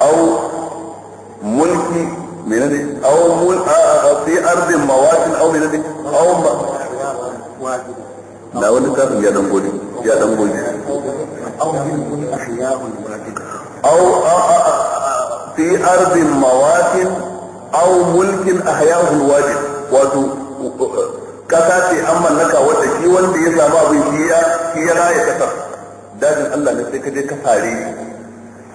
au mulki menene au mul a fi ardin mawatin au menene au ma na wani kafin ya dan gode ya dan gode au au fi ardin mawatin aw mulkin ahyahu alwajib wato kasa ce an mallaka wanda shi wanda ya samu abin shi ya shi kasar dajin Allah ne sai ka je ka fare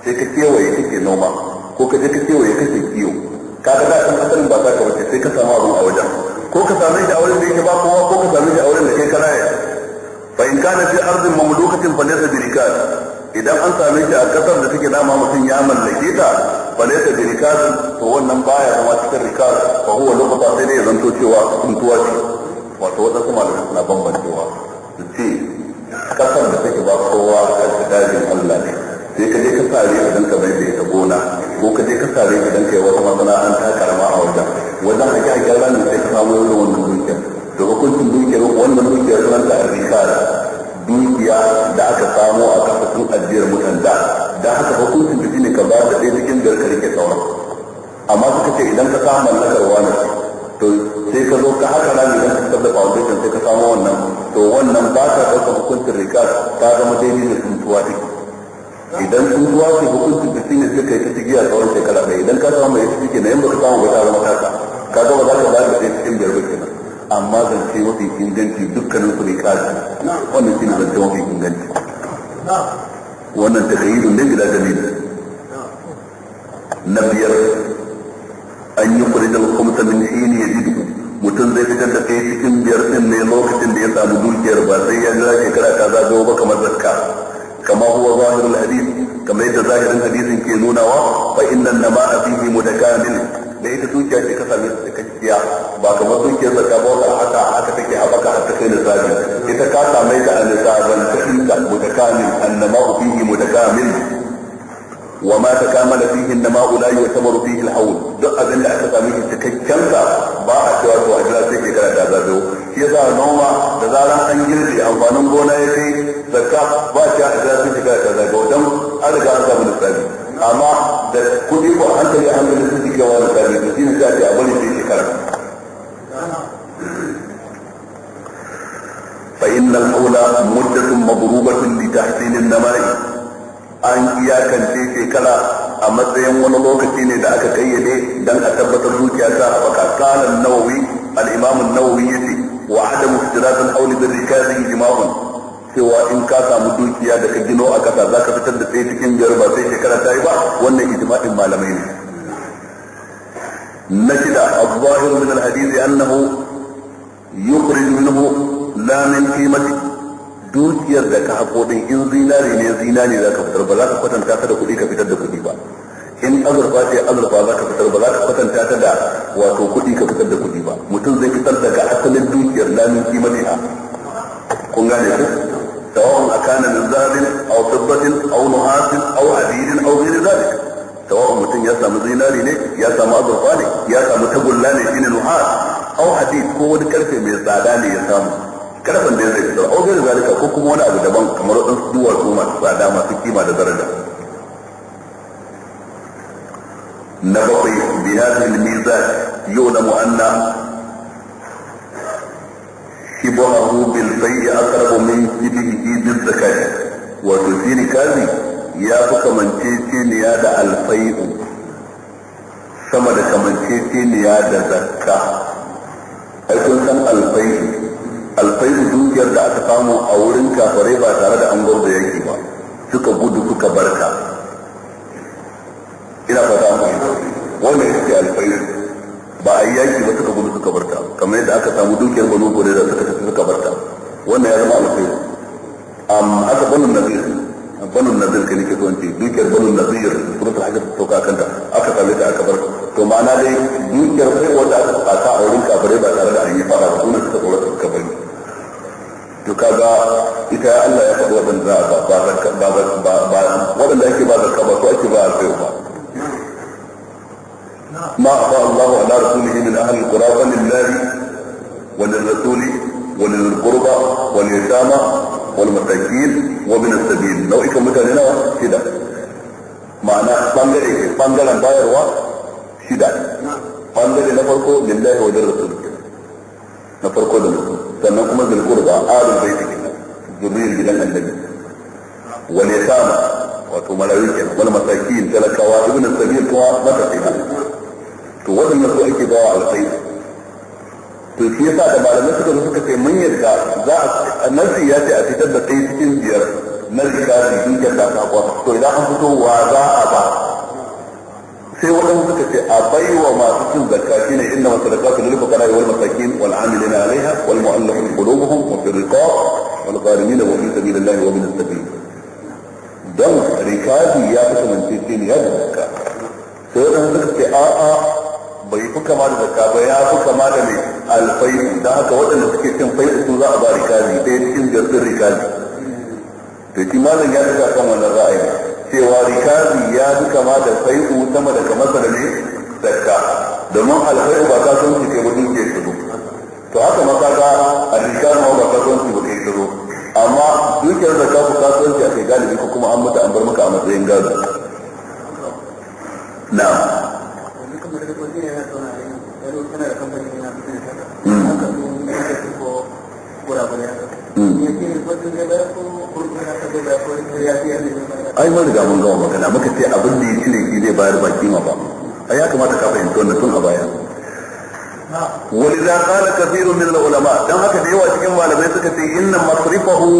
sai ka kewaye kake noma ko ka je ka kewaye kake kiwo kaga da kan asalin ba za ka sai ka samu abin a wajen ko ka same shi a ka same shi a wurin da kai ka raya fa in kana fi ardin mamlukatin falaysa idan an same shi a kasar da take dama mutum ya mallake ta falaita bi rikas to wannan baya zama cikin rikas fa huwa lokuta sai ne ya zanto cewa kuntuwa ce wato kuma da suna bambancewa su ce kasar da take ba kowa ga dajin Allah ne sai ka je ka sare idan ka bai da ita gona ko ka je ka sare idan ka yi wata masana'anta karama a wajen wajen ake gyara ranar sai ka samu wani wannan dukiyar to hukuncin dukiyar wannan dukiyar sunan ta a rikara dukiya da aka samo a kasafin ajiyar mutan da haka hukuncin da ne ka ba da ɗaya cikin da ka rike sauran amma suka ce idan ka samu mallakar wani to sai ka zo ka haka rami idan ka fitar da foundation sai ka samu wannan to wannan ba ka ɗaukar hukuncin rikas ta zama daidai da tuntuwa ne idan tuntuwa ce hukuncin da shine suka yi ta cigiya tsawon shekara ɗaya idan ka samu mai ciki na yin ka samu ba ta zama kaka ka ga ba za ka ba da ɗaya cikin biyar kenan amma zance mafi inganci dukkanin su bai kasu wannan shi ne zance mafi inganci wannan takayyidun ne bila dalil na biyar an yi kuridar kumsa min shi ne ya ji mutum zai fitar da kai cikin biyar din ne lokacin da ya samu dukiyar ba sai ya jira shekara ta zagayo ba kamar zakka kama huwa zahirul hadith kamar yadda zahirin hadisin ke nunawa fa inna nama'a fihi mutakamil da ita dukiya ce ka same ta cikakkiya ba kamar dukiyar zakka ba wanda haka haka take habaka har ta kai nisabi ita ka same ta a nisaban ta inda mutakamil annama fihi mutakamil wa ma takamala fihi annama la yu'tabaru fihi al-hawl duk abin da aka same shi cikakken sa ba a cewa to a jira sai shekara ta zazo shi yasa noma da zaran an girbe amfanin gona ya kai zakka ba ta a jira sai shekara ta zazo dan an riga an samu nisabi amma da kuɗi ko hankali a hankali sun ji wani tsari da shine za a ce a bari sai shekara فإن الأولى مدة مضروبة لتحسين النماء أن إياكا في a matsayin wani lokaci ne da aka kayyade dan a tabbatar zuciya ta baka kalan nawawi al-imam an-nawawi yace wa adamu istiradan auli bi rikazi jima'un cewa in ka samu dukiya da ka gino a kasa za ka fitar da sai cikin biyar ba sai shekara ta yi ba wannan ijma'in malamai ne na shida abubuwar min alhadisi annahu yukhrij minhu la min qimati dukiyar da ka hako din in zinari ne zinari za ka fitar ba za ka kwatanta ta da kuɗi ka fitar da kuɗi ba in azurfa ce azurfa za ka fitar ba za ka kwatanta ta da wato kuɗi ka fitar da kuɗi ba mutum zai fitar daga asalin dukiyar lamin kimatiha kun gane ku سواء كان من ذهب او فضه او نحاس او حديد او غير ذلك سواء متن يسا مزيناري ني يسا مؤذر فالي يسا متقل نحاس او حديد هو ودي كرفي من يسا كرفن دي زي او غير ذلك حكم ولا ابو دبان كمرو ان دوار كوما سادا ما سكيما درجة نبقي بهذه الميزات يولم ان shibahu bil sayyi aqrabu min shibihi bil zakati wato shi rikazi ya fi kamanceceniya da alfai'u sama da kamanceceniya da zakka ai kun san dukiyar da aka samu a wurin kafare ba tare da an gwamza yaki ba suka gudu barka ina ba a yi yaki ba suka gudu suka barta kamar yadda aka samu dukiyar banu gore da suka tafi suka barta wannan ya zama alkhairi am aka banu nazir banu nazir kai nake zuwanci dukiyar banu nazir surutul hajjat ta sauka kanta aka same ta aka barta to ma'ana dai dukiyar sai wanda aka ta a wurin kafare ba tare da an yi fara ba sunan suka tsoro suka bari to kaga ita Allah ya faɗi waɗanda ba ba ba ba waɗanda ake ba zakka ba ko ake ba a sayo ba ما أعطى الله على رسوله من أهل القرى فلله وللرسول ولذي واليتامى والمساكين ومن السبيل لو إيكم متى هنا شدة معنى بانجري بانجري باير و شدة نعم. بانجري نفرقه لله وللرسول نفرقه للرسول سنقوم بالقربى آل البيت ذرية جدا النبي نعم. واليتامى wato marayu kenan wani masakin talakawa ibn sabil kuma matafiya to waɗanda su ake ba wa alkhairi to shi yasa da malamai suka zo suka ce mun yarda za a nasi ya ce a fitar da ɗaya cikin biyar na rikari dukiyar da aka kwa to idan an fito wa za a ba sai waɗanda suka ce a bai wa masu cin zakka shine inna masadaqatu lil fuqara wal masakin wal amilina alaiha wal mu'allafati qulubuhum wa fi riqab wal gharimin wa fi sabilillahi wa min as-sabil don rikabi ya fi kamance ce ne ya da zakka sai wadanda suka ce a bai fi kama da zakka ba ya fi kama da mai alfai da haka waɗanda suke cin fai su za a ba rikabi ɗaya cikin jirgin rikabi to shi malam ya daga kan wannan ra'ayi cewa rikabi ya fi kama da fai'u sama da kamar sa da ne zakka domin alfai ba ka san su ke ba duk ke shiru to haka ma kaga a rikabi ma ba ka san su ba ke shiru amma dukiyar da ka fi kasuwanci a kai galibi ko kuma an mata an bar maka a matsayin gado na mm. mm. ai mun riga gama magana muka ce abin da ya cire shi zai bayar ba kima ba a ya kamata ka fahimta wannan tun a baya ولذا قال كثير من العلماء دان haka da yawa cikin malamai suka ce inna masrifahu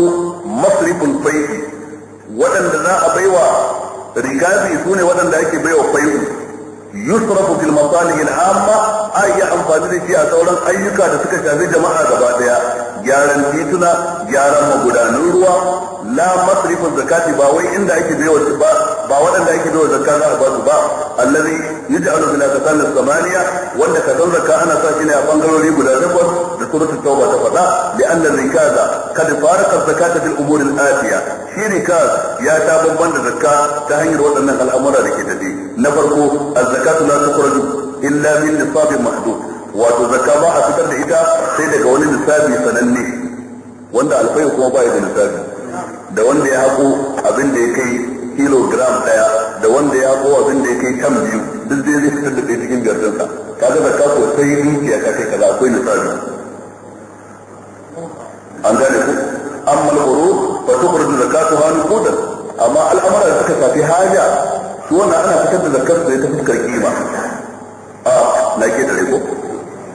masriful fayhi wadanda za a baiwa rigabi sune wadanda ake baiwa fayhi yusrafu fil masalih al amma ay ya amfani da shi a sauran ayyuka da suka shafi jama'a gaba daya gyaran tituna gyaran magudanun ruwa la masrifin zakati ba wai inda ake wasu ba ba waɗanda ake baiwa zakka za a ba su ba allazi yaj'alu fil aqsam samaniya wanda ka dan zakka ana sa shi ne a bangarori guda takwas da suratul tauba ta faɗa li anna zikata kad faraka zakata fil umuri al shi rikas ya ta babban da zakka ta hanyar waɗannan al'amura da ke tafi na farko az zakatu la tukhraju illa min nisabin mahdud wato zakka ba a fitar da ita sai daga wani lissafi sananne wanda alfai kuma ba ya da lissafi da wanda ya haƙo abin da ya kai kilogram ɗaya da wanda ya haƙo abin da ya kai tam biyu duk zai zai fitar da ɗaya cikin biyar ɗinsa kaga zakka ko sai dukiya ka kai kaza akwai lissafi an gane ku amma al-urud fa tukhrij zakatuha nuqudan amma al'amara da suka shafi haja su wannan ana fitar da zakar su ta fuskar kima a na ke da rego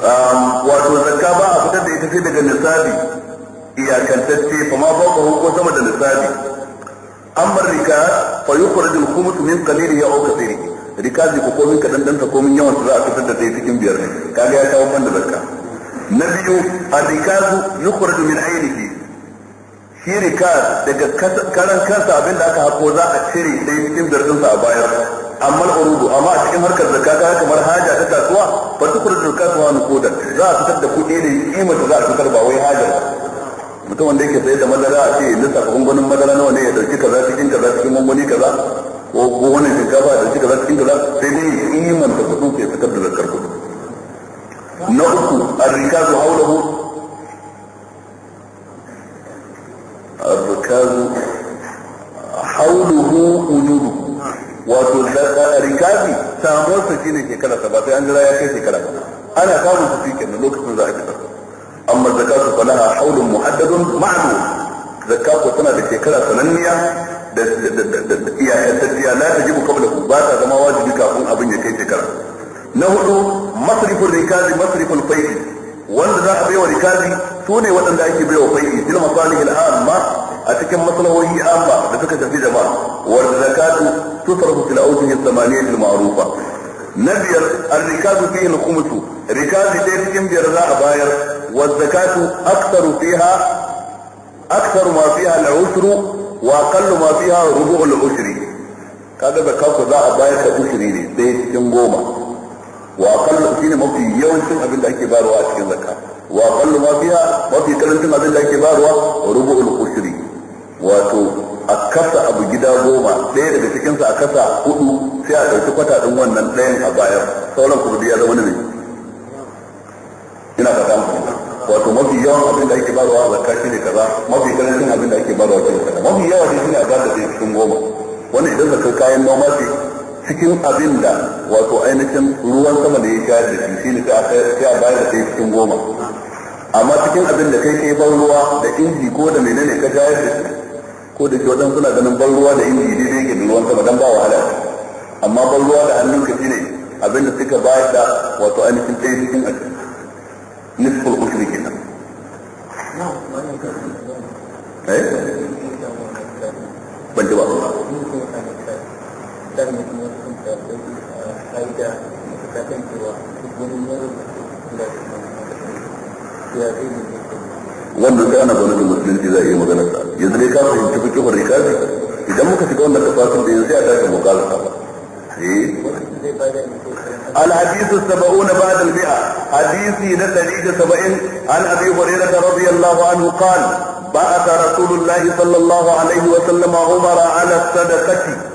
wato zakka ba a fitar da ita sai daga nisabi iyakantacce fa ma fawqahu ko sama da nisabi amma rika fa yukhrij al khumus min qalili ya kathiri rika ji ko komin kadan dan ta komin yawan za a fitar da sai cikin biyar ne kaga ya kawo banda zakka na biyu ar-rikazu min aynihi shi rika daga karan kansa abinda aka hako za a cire sai cikin sa a bayar amma urudu amma a cikin harkar zakka ka kamar haja ta kasuwa fa duk da ta wani koda za a fitar da kuɗi ne kimar da za a fitar ba wai haja mutum wanda yake sayar da madara a ce saka gungunin madara nawa ne ya dauki kaza cikin kaza cikin gunguni kaza ko gonan shinkafa ya dauki kaza cikin kaza sai dai kimar da kuɗin ke fitar da zakkar kuɗi na uku arrikazu haulahu arrikazu hauluhu unudu wato rikabi samuwar sa shine shekara sa ba sai an jira ya kai shekara ba ana samun su cikin da lokacin za a fitar amma zakatu falaha haulun muhaddadun ma'lum zakatu tana da shekara sananniya da iyayen la ta jibu kabla ku ba ta zama wajibi kafin abin ya kai shekara na hudu masrifin rikazi masrifin fai'i wanda za a baiwa rikazi su ne waɗanda ake baiwa fai'i fil masalihil amma أتكلم مثلا وهي أما نفك في زمان والزكاة تصرف في الأوجه الثمانية المعروفة نبي الركاز فيه الخمس ركاز تيت كم باير والزكاة أكثر فيها أكثر ما فيها العسر وأقل ما فيها ربوع العسر هذا بكاكو ذا باير كأسري تيت كم قومة وأقل فينا ما في يوم سنة بالله كبار وأشكي الزكاة وأقل ما فيها ما في كلمة بالله كبار وربوع العسري wato a kasa abu gida goma ɗaya daga cikinsa a kasa hudu sai a ɗauki kwata ɗin wannan ɗayan a bayan sauran kuma ya zama ne ina fata muku wato mafi yawan abin da ake barwa a zakka shine kaza mafi karancin abin da ake barwa shine kaza mafi yawa ne shine a da sai cikin goma wani idan zakar kayan noma ce cikin abin da wato ainihin ruwan sama da ya shayar da shi shine sai a bayar da sai cikin goma amma cikin abin da kai kai ban ruwa da inji ko da menene ka shayar da shi ko da ke wadan suna ganin ban ruwa da inji daidai yake da ruwan sama dan ba wahala amma ban ruwa da hannunka shine abinda suka bayar da wato ainihin ɗaya cikin ashirin nisful ushri kenan eh ban ji ba ya wannan sai ana da musulunci za a iya maganar sa yanzu dai ka fahimci fiqh rikabi idan muka shiga wannan tafasin da yanzu sai a tashi mu kalasa ba الحديث السبعون بعد المئة حديثي نتريد سبعين عن أبي هريرة رضي الله عنه قال بعث رسول الله صلى الله عليه وسلم عمر على الصدقة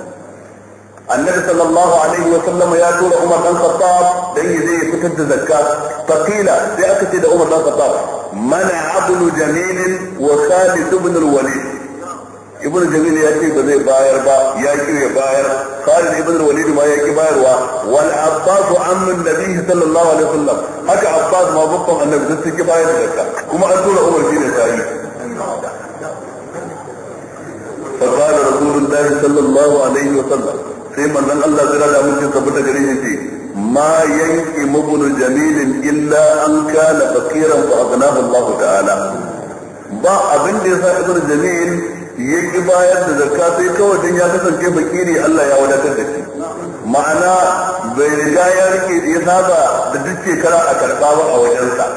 النبي صلى الله عليه وسلم يا طول عمر بن الخطاب دي دي كتب الزكاة فقيل يا دي عمر بن الخطاب من عبد جميل وخالد بن الوليد ابن جميل ياتي بزي باير با ياتي باير خالد بن الوليد ما ياتي باير والعباس عم النبي صلى الله عليه وسلم حكى عباس ما بطل ان بزتي كباير زكاة كما اقول عمر بن الخطاب فقال رسول الله صلى الله عليه وسلم sai manzon Allah zira da mutum tabbata gare shi ce ma yanki mabunu jamilin illa an kana fakiran fa aghnahu Allah ta'ala ba abin da yasa ibn jamil yake bayar da zakka sai kawai dan ya kasance fakiri Allah ya wadatar da shi ma'ana bai riga ya rike ya saba da duk shekara a karba ba a wajensa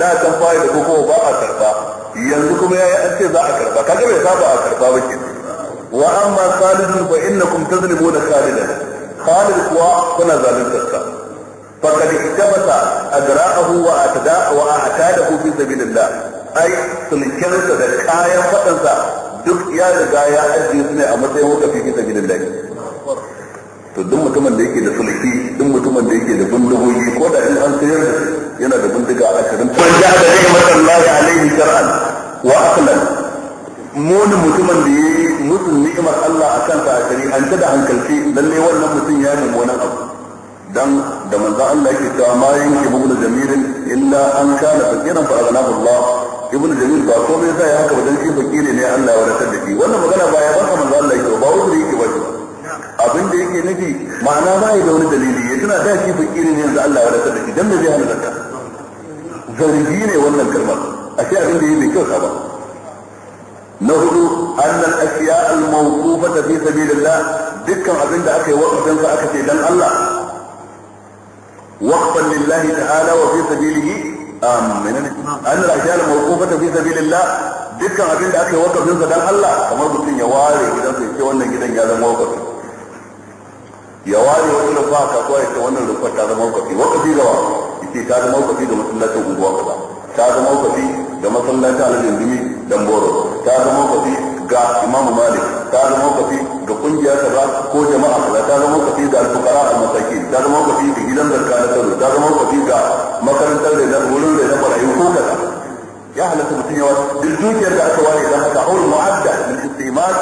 da kan fa'i da kuma ba a karba yanzu kuma ya yi an ce za a karba kaga bai saba a karba ba kenan wa amma khalidun fa innakum tazlimuna khalidan khalid kuwa kuna zaluntar sa faqad iktabata adra'ahu wa atada wa atadahu fi ai da kayan fadansa duk ya riga ya ajiye su ne a matsayin wakafi fi sabilillah to duk mutumin da yake da sulki duk mutumin da yake da bindigogi ko da in an sayar da yana da bindiga a ashirin kun ja da ni'matallahi alaihi shar'an wa aqlan mona mutumin da ya yi mutum ni'imar Allah a kanta a an da hankalci lalle wannan mutum ya yi mummunan abu dan da manzo Allah yake cewa ma yanki bugu da illa an kana fakiran fa aghnahu Allah ibnu jamir ba ko me sai haka wajen shi fakire ne Allah ya wadatar da shi wannan magana ba ya baka manzo Allah yake ba wuri yake ba abin da yake nufi ma'ana ba ya da wani dalili ya tana da shi fakire ne yanzu Allah ya wadatar da shi dan me zai hana zakka zargi ne wannan kalmar ashe abin da yake kyau ba na hudu annal asiya al mawqufata fi sabilillah dukkan abin da aka yi waqfin sa aka ce dan Allah waqfan lillahi ta'ala wa fi sabilihi amin annal asiya al mawqufata fi sabilillah dukkan abin da aka yi waqfin sa dan Allah kamar mutum ya ware gidan sa ce wannan gidan ya zama waqfi ya ware wani rufa kasuwa ya ce wannan rufa ta zama waqfi waqfi ga wa yace ta zama waqfi ga masallacin unguwa kaza ta zama waqfi ga masallacin aljanna Damboro ta zama kafi ga imamu malik ta zama kafi ga kungiya kaza ko jama'a kaza ta zama kafi ga alfukara al masaki ta zama kafi ga gidan zarka na kano ta zama kafi ga makarantar da na wurin da na barayin ko kaza ya halatta mutum yawa duk dukiyar da aka ware dan haka aure mu'adda lil istimal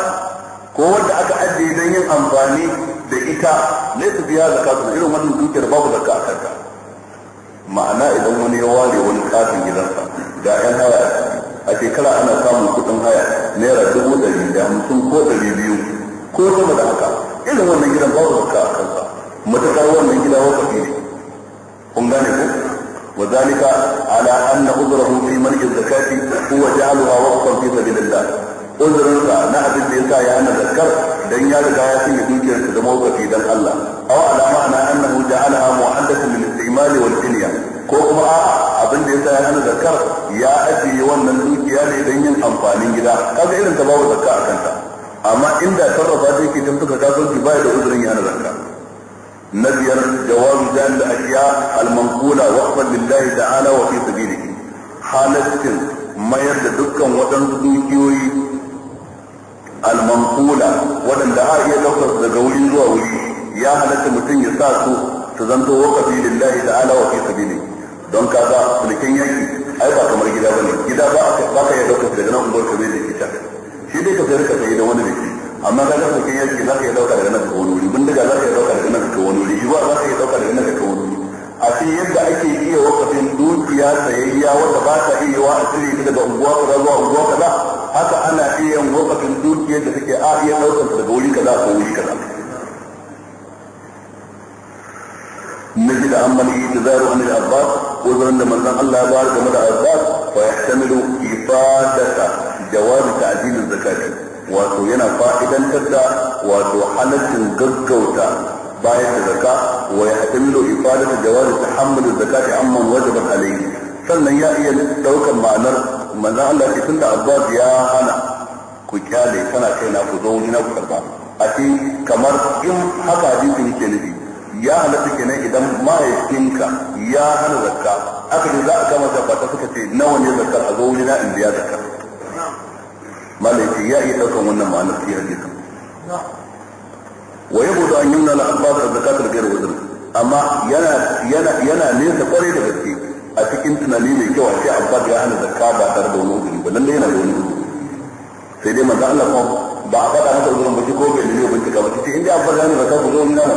ko wanda aka ajiye don yin amfani da ita ne su biya zakatu irin wannan dukiyar babu zakka a kanta ma'ana idan wani ya ware wani katin gidansa ga 'yan haya a shekara ana samun kuɗin haya naira dubu ɗari da hamsin ko ɗari biyu ko sama da haka irin wannan gidan babu zakka a kansa matuƙar wannan gida wakafi ne kun gane ko وذلك على أن عذره في منع الزكاة هو جعلها وقفا في سبيل الله uzurinsa na abin da ya sa ya hana zakar dan ya riga ya sanya dukiyarsa da mawukafi dan Allah aw ala ma'ana annahu ja'alaha mu'addatan lil istimali wal dunya ko kuma a dan yin amfanin gida kaga irin ta babu zakka a kanta amma inda sarrafa ta yake don suka ki bai da uzurin yana zakka na biyar jawazu jan da ashiya almanqula waqfan lillahi ta'ala wa fi sabilihi halatin mayar da dukkan waɗansu dukiyoyi manqula waɗanda a iya daukar daga wuri zuwa wuri ya halatta mutum ya sa su su zanto waqafi lillahi ta'ala wa fi sabilihi don kaga sulkin yaki ai ba kamar gida bane gida ba aka ba ka yadda ka daga nan unguwar ka bai da kita shi dai ka sayar ka sayi da wani da shi amma ka ga sarkin yanki za ka iya dauka daga nan ka wani wuri bindiga za ka iya dauka daga nan ka wani wuri shi ba za ka iya dauka daga nan ka wani wuri a cikin yadda ake iya wakafin dukiya sayayya wanda ba ta iya wa a cire daga unguwa kaza zuwa unguwa kaza haka ana iya wakafin dukiyar da take a iya daukar daga wuri kaza ko wuri kaza نجد أما الإعتذار عن الأرباب وزن من الله بارك مدى الأرباب ويحتمل إفادة جواز تعديل الزكاة wato yana fa'idantar da wato halaccin gaggauta bayan da zaka wa ya hatimlo ifadatu jawazi tahammulu zakati amman wajabat alayhi sannan ya iya daukan ma'anar manzo Allah ya tunda Abbas ya hana ku kyale kana kai na ku zo ku kamar in haka hadisin yake nufi ya halatta kenan idan mahaifinka ya hana zakka aka ce za a kama da ta suka ce nawa ne zakkar a zo wuri na in biya zakka malai ya iya ɗaukan wannan ma'anar cikin hadisin wa yabo da an yi nuna abbas az zakka ta biyar wajen amma yana yana nesa kwarai da gaske a cikin tunani mai kyau a ce abbas ya hana zakka ba tare da wani uzuri ba lallai yana da wani uzuri sai dai manzo Allah ba a faɗa masa uzurin ba ko bai ne ka ba in inda abbas ya hana zakka ku zo wani nama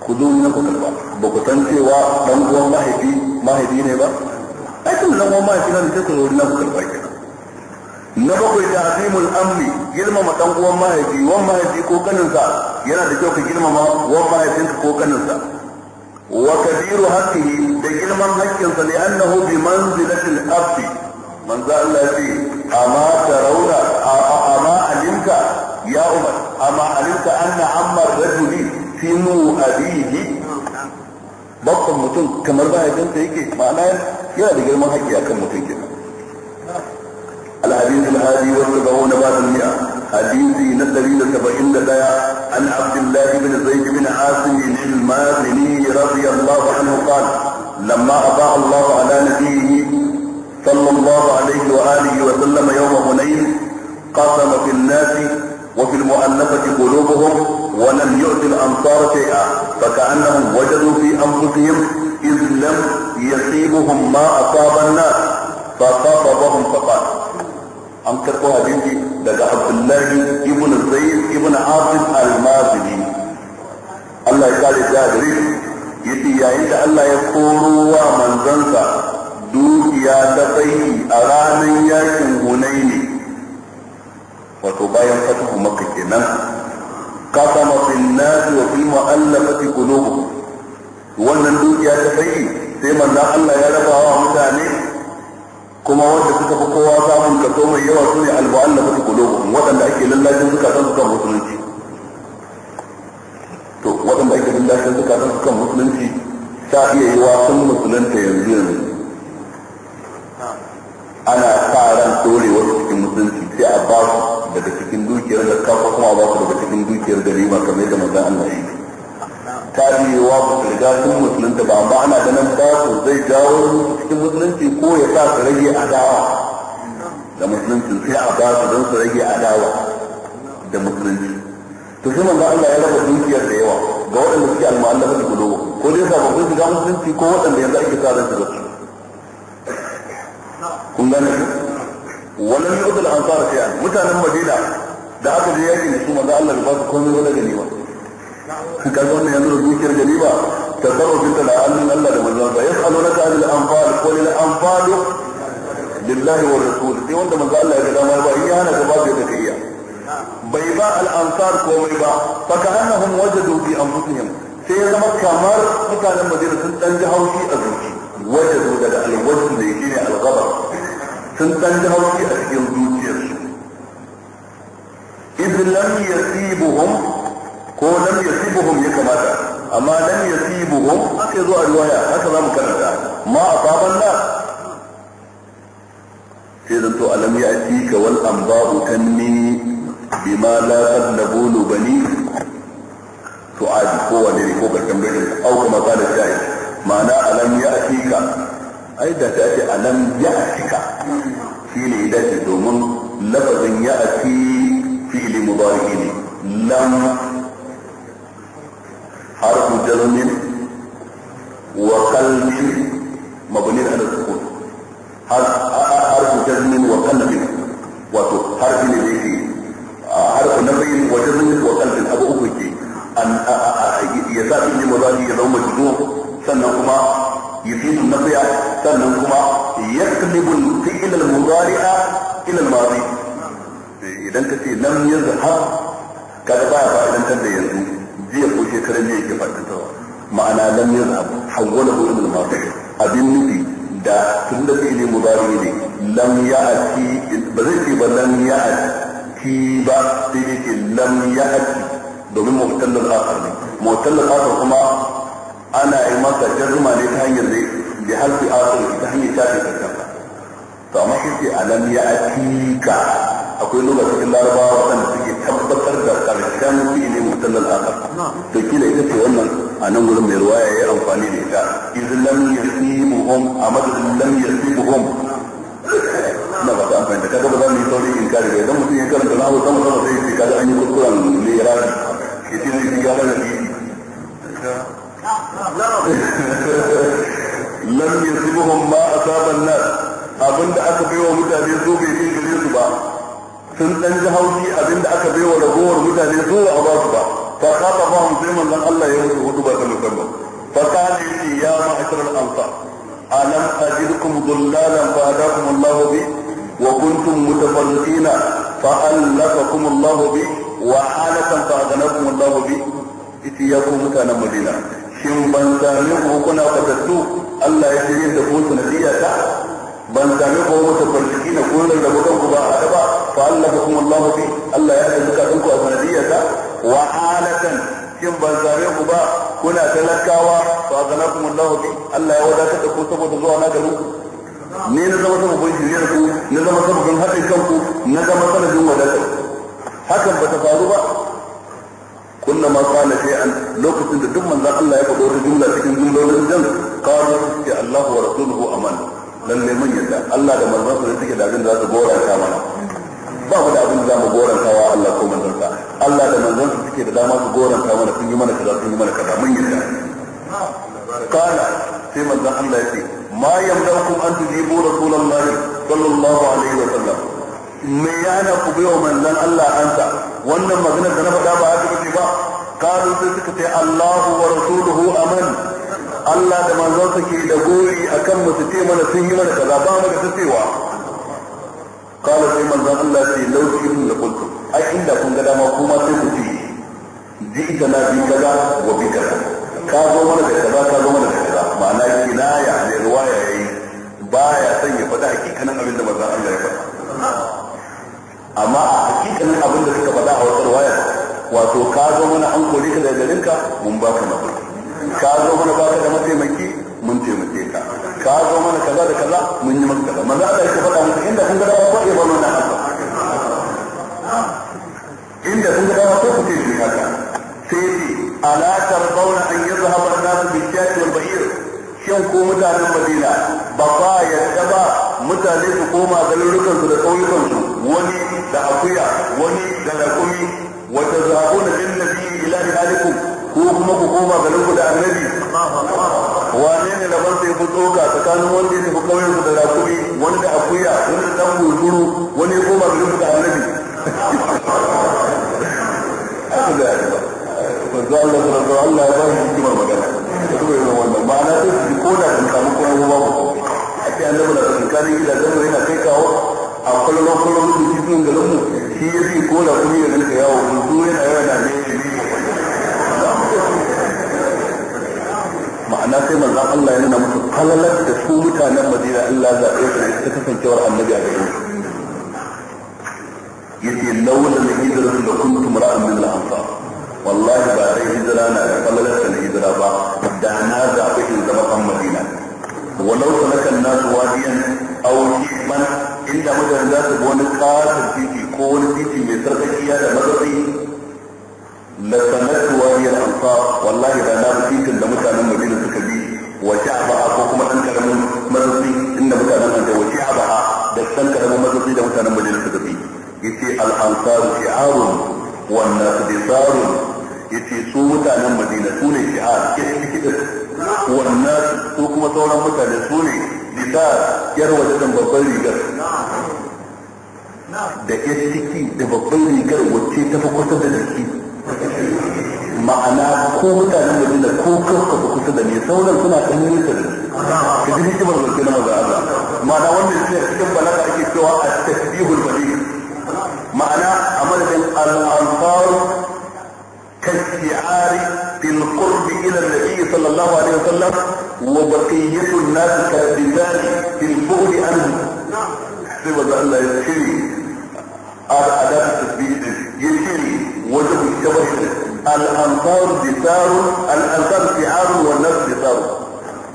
ku zo ne kuka ba ba ku san cewa dan uwan mahaifi mahaifi ne ba ai kun dan uwan mahaifi na da kuka na kuka ba na bakwai ta'zimul amni girmama dan uwan mahaifi wan mahaifi ko kaninsa yana da kyau ka girmama wan mahaifinka ko kaninsa wa kabiru haqqihi da girman haƙƙinsa ne annahu bi manzilatil abdi manzo Allah ya ce amma tarawna amma alimka ya umar amma alimta anna amma rajuli sinu abihi babban mutum kamar mahaifinsa yake ma'ana yana da girman haƙƙi akan mutum kenan الحديث الهادي والسبعون بعد المئة حديثي نزلي سبعين دقيقة عن عبد الله بن زيد بن عاصم المازني رضي الله عنه قال لما أطاع الله على نبيه صلى الله عليه وآله وسلم يوم هنين قسم في الناس وفي المؤلفة قلوبهم ولم يؤت الأنصار شيئا فكأنهم وجدوا في أنفسهم إذ لم يصيبهم ما أصاب الناس فخاطبهم فقال أم تقوى حديثي لدى عبد الله ابن زيد ابن عاصم المازني الله يقال الجابري يتي يا الله يقولوا ومن زنسى دوكيا تقي أرانا ياكم هنيني wato bayan fatihu makka kenan qasama fil nas wa fil mu'allafati qulubuhum wannan dukiya ta bai sai manzon Allah ya raba wa mutane kuma wanda suka fi kowa samun kaso mai yawa su ne al-mu'allafati qulubuhum wadanda ake lallacin zukatan su kan musulunci to wadanda ake lallacin zukatan su kan musulunci ta iya yi wa sun musulunta yanzu yanzu ana sa ran dore cikin musulunci sai a ba su daga cikin dukiyar kuma a ba su daga cikin dukiyar kamar yadda riga sun musulunta ba amma ana ganin zai jawo cikin musulunci ko ya sa su rage adawa da musulunci sai a ba su don su rage adawa da musulunci to manzo Allah ya raba dukiyar da yawa ga waɗanda suke almu'allafa da gudu ko dai sababbin musulunci ko waɗanda yanzu sa ran su kun gane ولم يؤذ الانصار شيئا يعني. متى نعم. لما جينا ده اكو جاي يجي يسوم هذا الله يبارك كل ولا جنيبه قال قلنا يا نور الذكر جنيبه تقروا جنت العالم الله لمن ذاك يسالونك عن الانفال قل الانفال لله والرسول دي وانت من قال لك ما يبغى هي انا كباب يتكيا نعم. بيضاء الانصار كوبيضاء فكانهم وجدوا في انفسهم في مكه مر مكان المدينه تنجحوا في ازواجي وجدوا ده الوجد اللي يجيني على الغبر sun ɗan dawoki a cikin zuciyarsu idh lam buhun, ko lam buhun ya kamata amma lam yasibuhum haka zuwa riwaya haka za mu karanta ma a faban na sai zan to alam ya ci ka wal anba'u tanni bima la qadnabu lubani to adi ko wani ko karkan bai auka kama kana shayi ma'ana alam ya ci ka ai da ta ce alam ya atika shi ne ya dace domin lafazin ya ati fi'li mudari ne lam harfu jazmin wa qalbin mabni ala sukun harfu jazmin wa qalbin wato harfi ne da yake harfu nabiyin wa jazmin wa qalbin abu uku ke an ya sa fi'li mudari ya zama majzum sannan kuma يفيد النفي سنن كما يقلب الفعل المضارع الى الماضي idan ka ce lam yazhab ba idan ka da yanzu jiya ko shekaran ne yake fa'idantarwa ma'ana lam yazhab hawwalahu ila al-madi abin nufi da tun da fi'ili mudari ne lam ya'ti ba zai ce ba lam ya'ti ba sai dai ce lam ya'ti domin mu'tallal akhar ne mu'tallal akhar kuma ana yi masa jazuma ne ta hanyar zai bi a asir ta hanyar shafi ba to amma shi ce alam ya atika akwai lokacin larabawa waɗanda suke tabbatar da karshen ne mutallar asar to kila ita ce wannan a nan wurin mai ruwa ya yi amfani da ita iz mu yasibuhum a madadin lam yasibuhum na ba ta amfani da kaga ba za mu yi saurin inkari ba idan mutum ya karanta na hausa musamman sai ya ce kaga an yi kuskuren mai rafi ya ce zai fi gara da fiye lam yusibuhum ma asaban nas abinda aka bai wa mutane su bai kai gare su ba sun dan ji hauki abinda aka bai wa ragowar mutane su ba a ba su ba fa kafa fahim sai manzon Allah ya musu hudu ba ta musamman fa kana yi ya ma'asharal ansar alam ajidukum dhullalan fa hadakum Allah bi wa kuntum mutafarriqina fa allafakum Allah bi wa alatan fa aghnakum Allah bi iti ya ku mutanen Madina shin ban same ku kuna fatattu Allah ya shirye da ku sanadiyya ta ban sami ko wata farciki na da rarraba kanku ba a ba fa Allah kuma Allah fi Allah ya rarraba kanku a sanadiyya ta wa alatan shin ban sami ku ba kuna talakawa fa ganakum Allah fi Allah ya wadatar da ku saboda zuwa na garin ku ne na zama kun shirye ku na zama kun haɗin kanku na zama sanadin wadatar hakan ba ta faru ba kunna ma kana sai an lokacin da duk manzon Allah ya faɗo wata jumla cikin jumlolin jan qala ya Allah wa rasuluhu aman ne mun yadda Allah da manzon sa suke da abin da za su goranta mana ba mu da abin da za mu goranta wa Allah ko manzon sa Allah da manzon sa suke da dama su goranta mana sun yi mana kaza sun yi mana kaza mun yadda qala sai manzon Allah ya ce ma yamdakum an tujibu rasulullahi sallallahu alaihi wa sallam Mai yana ku bai wa manzon Allah ansa wannan maganar da na faɗa ba haka bace ba kalu sai suka ce Allahu wa rasuluhu aman Allah da manzon sa ke da gori akan mu su ce mana sun yi mana kaza ba mu da tsewa kalu sai manzan Allah sai lauki mun da kullu ai inda kun ga dama kuma sai ku ce ji na bi kaza wa bi kaza ka zo mana da kaza ka zo mana da kaza ma'ana kinaya ne ruwaya yayi baya son ya faɗa hakikanin abin da manzon Allah ya faɗa amma a hakikanin abin da suka faɗa a wata wayar wato ka zo mana an kore ka daga garinka mun ka mafi ka zo mana baka da mataimaki mun taimake ka ka zo mana kaza da kaza mun yi maka kaza manzo Allah ya faɗa maka inda kun ga ba kwaɗe ya bar haka inda kun ga ba ko ku ce haka sai ala tarbauna an yadhhabu an-nasu bi shin ko mutanen madina ba ba yadda ba mutane su koma garurukansu da ƙauyukansu wani da akuya wani da raƙumi wata zaɓo na jin biyu ila rihalikum ko kuma ku koma garinku da annabi wane ne rabon sai ku tsoka tsakanin wanda ya tafi ƙauyen da raƙumi wani da akuya wani da ɗan gurguru wani ya koma garinku da annabi haka ya ba Allah Allah ya ba shi hikimar magana da kuma irin wannan ba na sai su ko sun samu kuma ruwa ba a ce an zama da tsinkarin gidajen mu yana kai kawo a kwallon kwallon da cikin garin mu shi ya fi ko kuma yanzu ka yawo su yana yawa da ne ma'ana sai manzan Allah ya nuna musu falalar da su mutanen Madina Allah zaɓe su ta kasancewar annabi a gare su yace lawla al-hijratu la min al-ansar wallahi ba sai hijira na da kallalarsa na hijira ba da na zaɓi in zama kan madina walau talakan nasu wadiyan aw man inda mutane za su bi wani ƙasar titi ko wani titi mai sarƙaƙiya da matsatsi la sanatu wadiyal ansar wallahi da na bi titin da mutanen madina suka bi a sha'baha ko kuma ɗan karamin matsatsi inda mutanen madina a sha'baha da ɗan ƙaramin matsatsi da mutanen madina suka bi yace al ansar shi'arun wanda su bai ya ce su mutanen madina su ne shi'ar kiɗin wannan su kuma sauran mutane su ne bisa yar wajen babban rigar da ya ciki da babban rigar wacce ta fi kusa da jiki ma'ana ko mutanen madina ko kafka fi kusa da ne sauran suna ɗan nesa da ka ji hikimar zance na maza Allah ma'ana wannan shi cikin balaga ake cewa a tasbihul bali ma'ana a madadin al'adu الشعار بالقرب الى النبي صلى الله عليه وسلم وبقيه الناس كالبلاد في البغض عنه. نعم. ان يشتري هذا اداب التثبيت يشتري وجه الشبكه الانصار بثار الانصار شعار والناس بثار.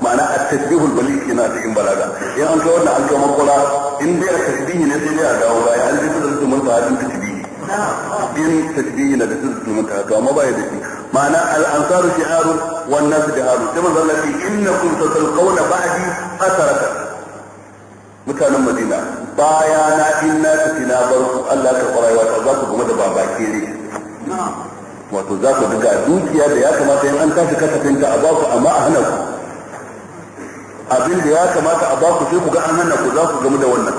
معنى التشبيه البليغ هنا في امبلاغا يا انصار عن انصار مقولا ان بيع تشبيه نسيبها قاولا يعني انت تشبيه in tasbihi na da sirri maka haka amma ya da shi ma'ana al-ansaru shi'aru wan nasu jaharu sai manzo Allah ce innakum tatalqawna ba'di asaratan mutanen Madina baya na inna bar ku. Allah ka kwaraiwa ta za ku kuma da babake ne wato za ku ga dukiya da ya kamata in an tashi kasafinta a ba ku amma a hana ku abin da ya kamata a ba ku sai ku ga an hana ku za ku gamu da wannan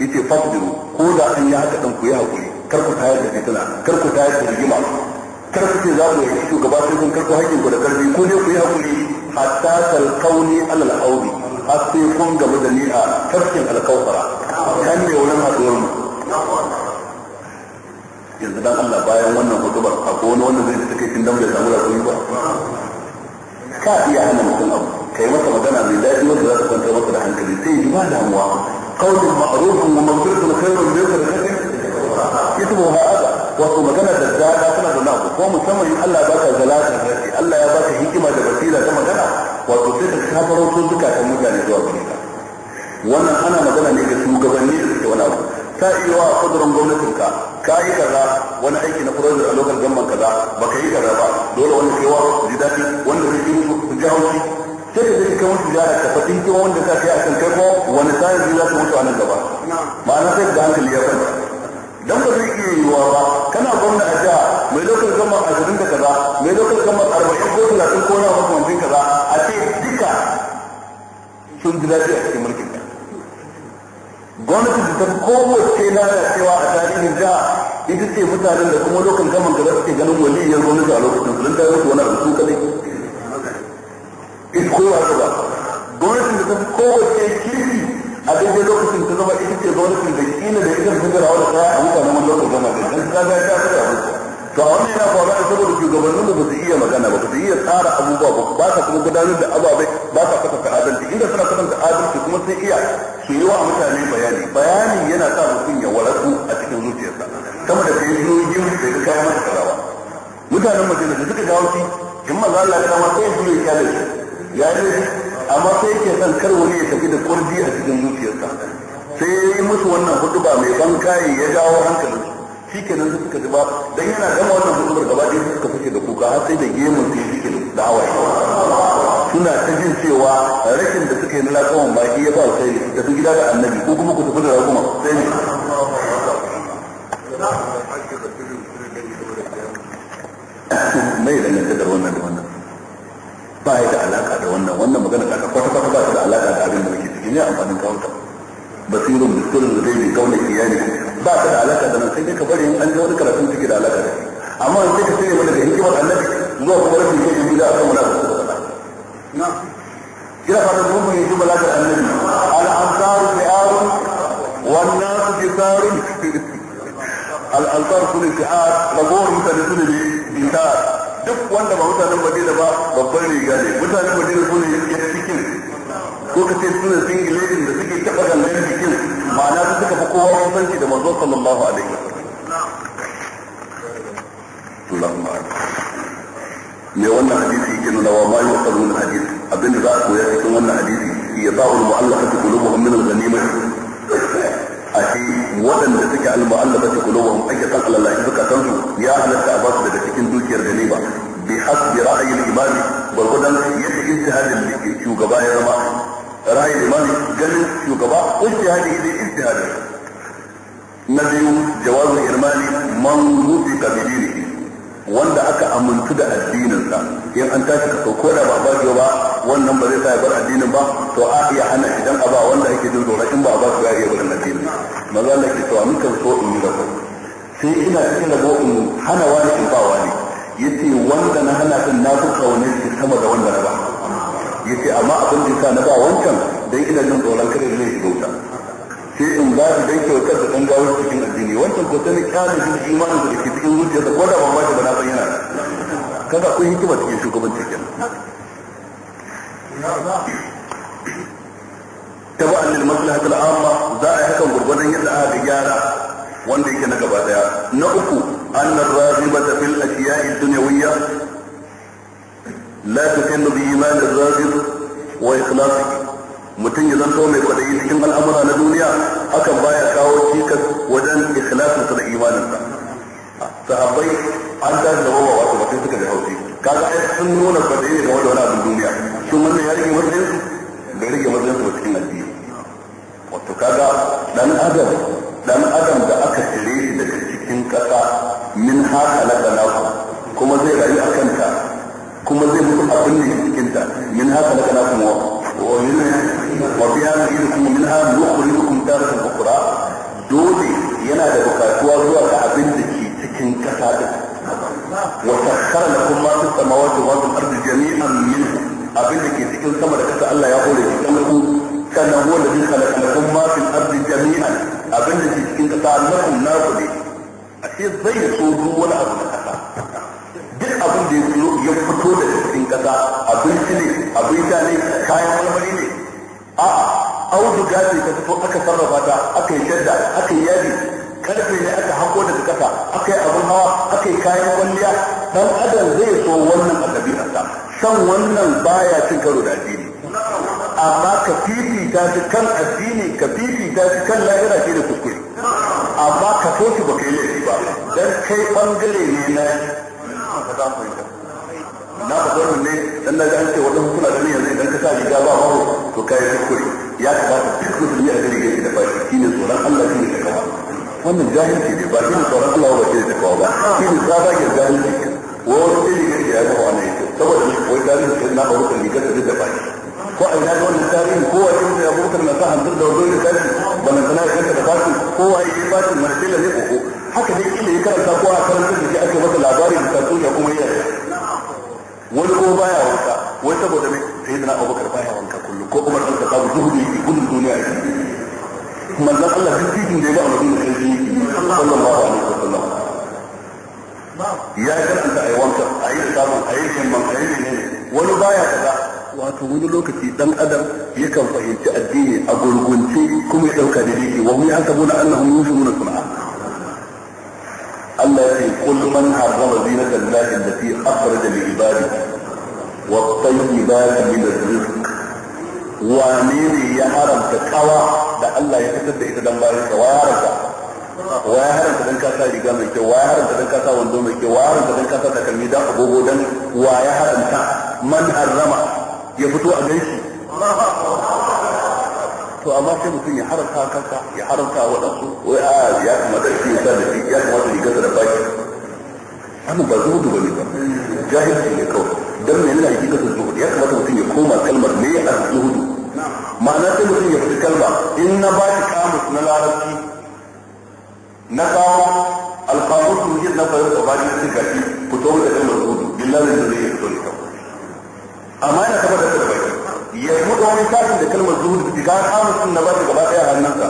yace fasbiru ko da an yi haka dan ku yi hakuri kar ku tayar da fitina kar ku tayar da rigima kar ku ce za ku yi shugaba sai kun karku hakkin ku da karfi ku ne ku yi hakuri hatta talqauni alal audi har sai kun gamu da ni a tafkin alkausara kan ne wurin haɗuwar mu yanzu dan Allah bayan wannan hutubar a wani wanda zai ta kai kin dan bai samu rakuni ba ka iya hana mutum abu kai masa magana mai daɗi wanda za ta kwantar masa da hankali sai ji ba damuwa قول معروف ومغفرة خير من ذكر yatbuha ada wato magana da dada suna da naku ko musamman in Allah ya baka zalata gaske Allah ya baka hikima da basira ta magana wato sai ka kafaro to zukatan mutane zuwa gare ka wannan ana magana ne ga shugabanni da suke wani abu ta iya wa kudurin gwamnatin ka ka yi kaza wani aiki na project a lokacin gamban kaza ba ka yi kaza ba dole wani kai wa ji daɗi wanda kai yi su ji haushi sai ka zai kai wani jara ka faɗi kiwon wanda ka kai a kan kai ko wani sa'in zai za su mutu a nan gaba ma'ana sai ka hankali ya kwanta dan ba zai iya yiwuwa ba kana gwamna a jiha mai lokacin gama ashirin da kaza mai lokacin gama arba'in ko talatin ko na makamancin kaza a ce duka sun ji lafiya a cikin mulkin ka gwamnati da ta kowace cewa a tarihin jiha ita ce mutanen da kuma lokal gama gaba suke ganin waliyyar gwamnati a lokacin su ta yi wani abu su kadai ita kowa ba gwamnati da ta kowace kirki a daidai lokacin ta zama ita ce gwamnatin da kila da ita ta gara wata kaya a mutanen wani lokacin zama da dan ta ga ta da abubuwa to a wannan yana faruwa saboda shugabannin da ba su iya magana ba su iya tsara abubuwa ba ba sa kuma gudanar da ababe ba sa kasanta adalci inda suna kasanta adalci kuma sai iya su yi wa mutane bayani bayani yana sa mutum ya waratu a cikin zuciyarsa sama da kai yoyin da ya kawo masa karawa mutanen majalisa suka jawo shi in maza Allah ya kama sai ya ya kyale ya yi amma sai yake son kar wani ya tafi da kurji a cikin zuciyarsa sai ya yi musu wannan hutuba mai ban kayi ya jawo hankalin shi ke nan suka ji ba don yana gama wannan hutubar gaba ɗaya su suka fice da kuka har sai da gemun su shi kenan da hawaye suna ta jin cewa rashin da suka yi na lakawan baki ya ba sai da su gida da annabi ko kuma ku tafi da raguma sai ne mai dangantaka wannan da wannan wannan magana ta ka kwata kwata ba ta da alaka da abin da muke cikin ya amfanin kawunta basirun bisirun da zai bi kauna iyali ba ta da alaka da nan sai ka bari an ji wani karatun cike da alaka da shi amma in sai ka sani mana da hikimar annabi zuwa kuma rashin yin yanzu da nasu muna na kira fata mun yi yanzu balakar annabi al-ansaru fi'arun wan nasu jisarun al-ansar kullu fi'ar ragowar mutane su ne bisar duk wanda ba mutanen madina ba babban riga ne mutanen madina su ne yake cikin ko ka ce sun ne singiletin da suke taɓa gangan jikin ma'ana su suka fi kowa kusanci da manzo sallallahu alaihi wa sallam me wannan hadisi yake nuna wa ma yuqalu min hadisi abinda za a koya cikin wannan hadisi ya ba'ul mu'allaqatu qulubuhum min al-ghanimah a ce waɗanda suke almu'allafa ta kulubahum ake san alallahi zukatan su ya halatta a basu daga cikin dukiyar ganima bi hasbi ra'ayin imami gwargwadon yadda ijtihadin da ke shugaba ya zama ra'ayin imami ganin shugaba ijtihadi ne ijtihadi na biyu jawazin irmani man rufi kabili ne wanda aka amintu da addininsa in an tashi ka sauko da ba a ba wannan ba zai sa ya bar addinin ba to a iya hana idan a ba wanda ake jin tsoron in ba ba su ya iya barin addinin maza Allah ke cewa mukan so in yi rabo sai ina cikin rabo in hana wani in ba wani yace wanda na hana din na fi kaunar shi sama da wanda na ba yace amma abin da sa na ba wancan dan ina jin tsoron kare zai shi wuta sai in za su dan kyautar da dan cikin addini wancan ko sai kyale shi imanin da ke cikin zuciyarsa ko da ba ma shi ba na san yana kaga akwai hikima cikin shugabanci kenan taba'an lil maslahatil amma za a yi hakan gurgurdan yadda aka gyara wanda yake na gaba daya na uku anna ar-razibata fil ashiya'i dunyawiyya la tukallu bi iman ar-razib wa ikhlasihi mutum ya zanto mai kwadayi cikin al'amura na duniya hakan baya kawo cikas wajen ikhlasinsa da imaninsa sahabbai an tashi da bawa wasu mutum suka da haushi kaga ai sun nuna kwadayi ne ga da wani abin duniya shin wannan ya rage matsayin su bai rage matsayin su ba cikin addini wato kaga dan adam dan adam da aka cire shi daga cikin ƙasa min haka laqanahu kuma zai rayu akan ta kuma zai mutu abin da cikin ta min haka laqanahu mawa وفي هذا يجدكم منها نخرجكم تارة أخرى دولي yana da bukatuwa zuwa ga abin da ke cikin kasa din wa sakhara lakum ma fi samawati wa fil ardi jami'an minhu abin da ke cikin sama da kasa Allah ya hore shi kamar ku kana huwa alladhi khalaqa lakum ma fil ardi jami'an abin da ke cikin kasa Allah kun na ku ne ashe zai so duk wani abu da kasa abin da ya fito da cikin kasa abinci ne abin ne kayan marmari ne a auduga ce ta fito aka sarrafa ta aka yi shadda aka yi yadi karfe ne aka hako daga kasa aka yi abin hawa aka yi kayan kwalliya dan adam zai so wannan a ɗabi'arsa san wannan baya cin karo da addini amma ka fifita shi kan addini ka fifita shi kan lahira shi da kuskure amma ka so shi ba kai laifi ba dan kai bangare ne na fata an fahimta na fata wannan ne dan naji an ce wannan kuna ganin yanzu idan ka sa riga ba mawo to kai kuskure ya kamata duk musulmi a gari gari da fashi shine tsoron Allah shine takawa wannan jahilci ne ba shine tsoron Allah ba shine takawa ba shine tsaba ke jahilci wani iri ne ya ga wannan yake saboda wai jahilci na ba wutar rigar da fashi ko a ina ga wannan tarihi ko a cikin abubakar na sa hantar da wajen da ba na sana'a kanta da fashi ko a yi fashi martila ne ko haka dai inda ya karanta ko a karanta da shi ake masa labarin da tatsun ya kuma yaya wani ko baya wanka wai saboda mai sai da na abubakar baya wanka kullum ko umar ɗan kasabu zuhudu yake gudun duniya yake manzan Allah duk titin da ya ba a madina sai shi sallallahu alaihi wasallam ya karanta a yi wanka a yi samun a yi shimman a yi ne wani baya kaza wato wani lokaci dan adam yakan fahimci addini a gurgunce kuma ya dauka da yake wa hum yahsabuna annahum yushruna sun'a Allah ya ce kul man harrama zinatan lahi allati akhraja li ibadihi wa tayyibati min ar-rizq wa ne ya haramta kawa da Allah ya fitar da ita dan bayan haramta wa haramta dan kasa riga mai kyau wa haramta dan wando mai kyau haramta takalmi agogo dan haramta man ya fito a ganshi to amma sai mutum ya haranta kansa ya haranta wa waɗansu wai a ah, ya kamata shi ya sa da shi ya da rigarsa da baki wannan ba zuhudu ba ne ba jahilci ne kawai dan me yana yi kasar zuhudu ya kamata mutum ya koma kalmar me a zuhudu ma'ana sai mutum ya fita kalma in na ba shi kamus na larabci na kawo alkamus yi na fayar da baki sun Ku fito da kalmar zuhudu billahi da zai yi fito kawai amma yana tabbatar da baki ya yi buɗe wani sashi da kalmar zuhud da ga kama sunna ba gaba ɗaya hannunsa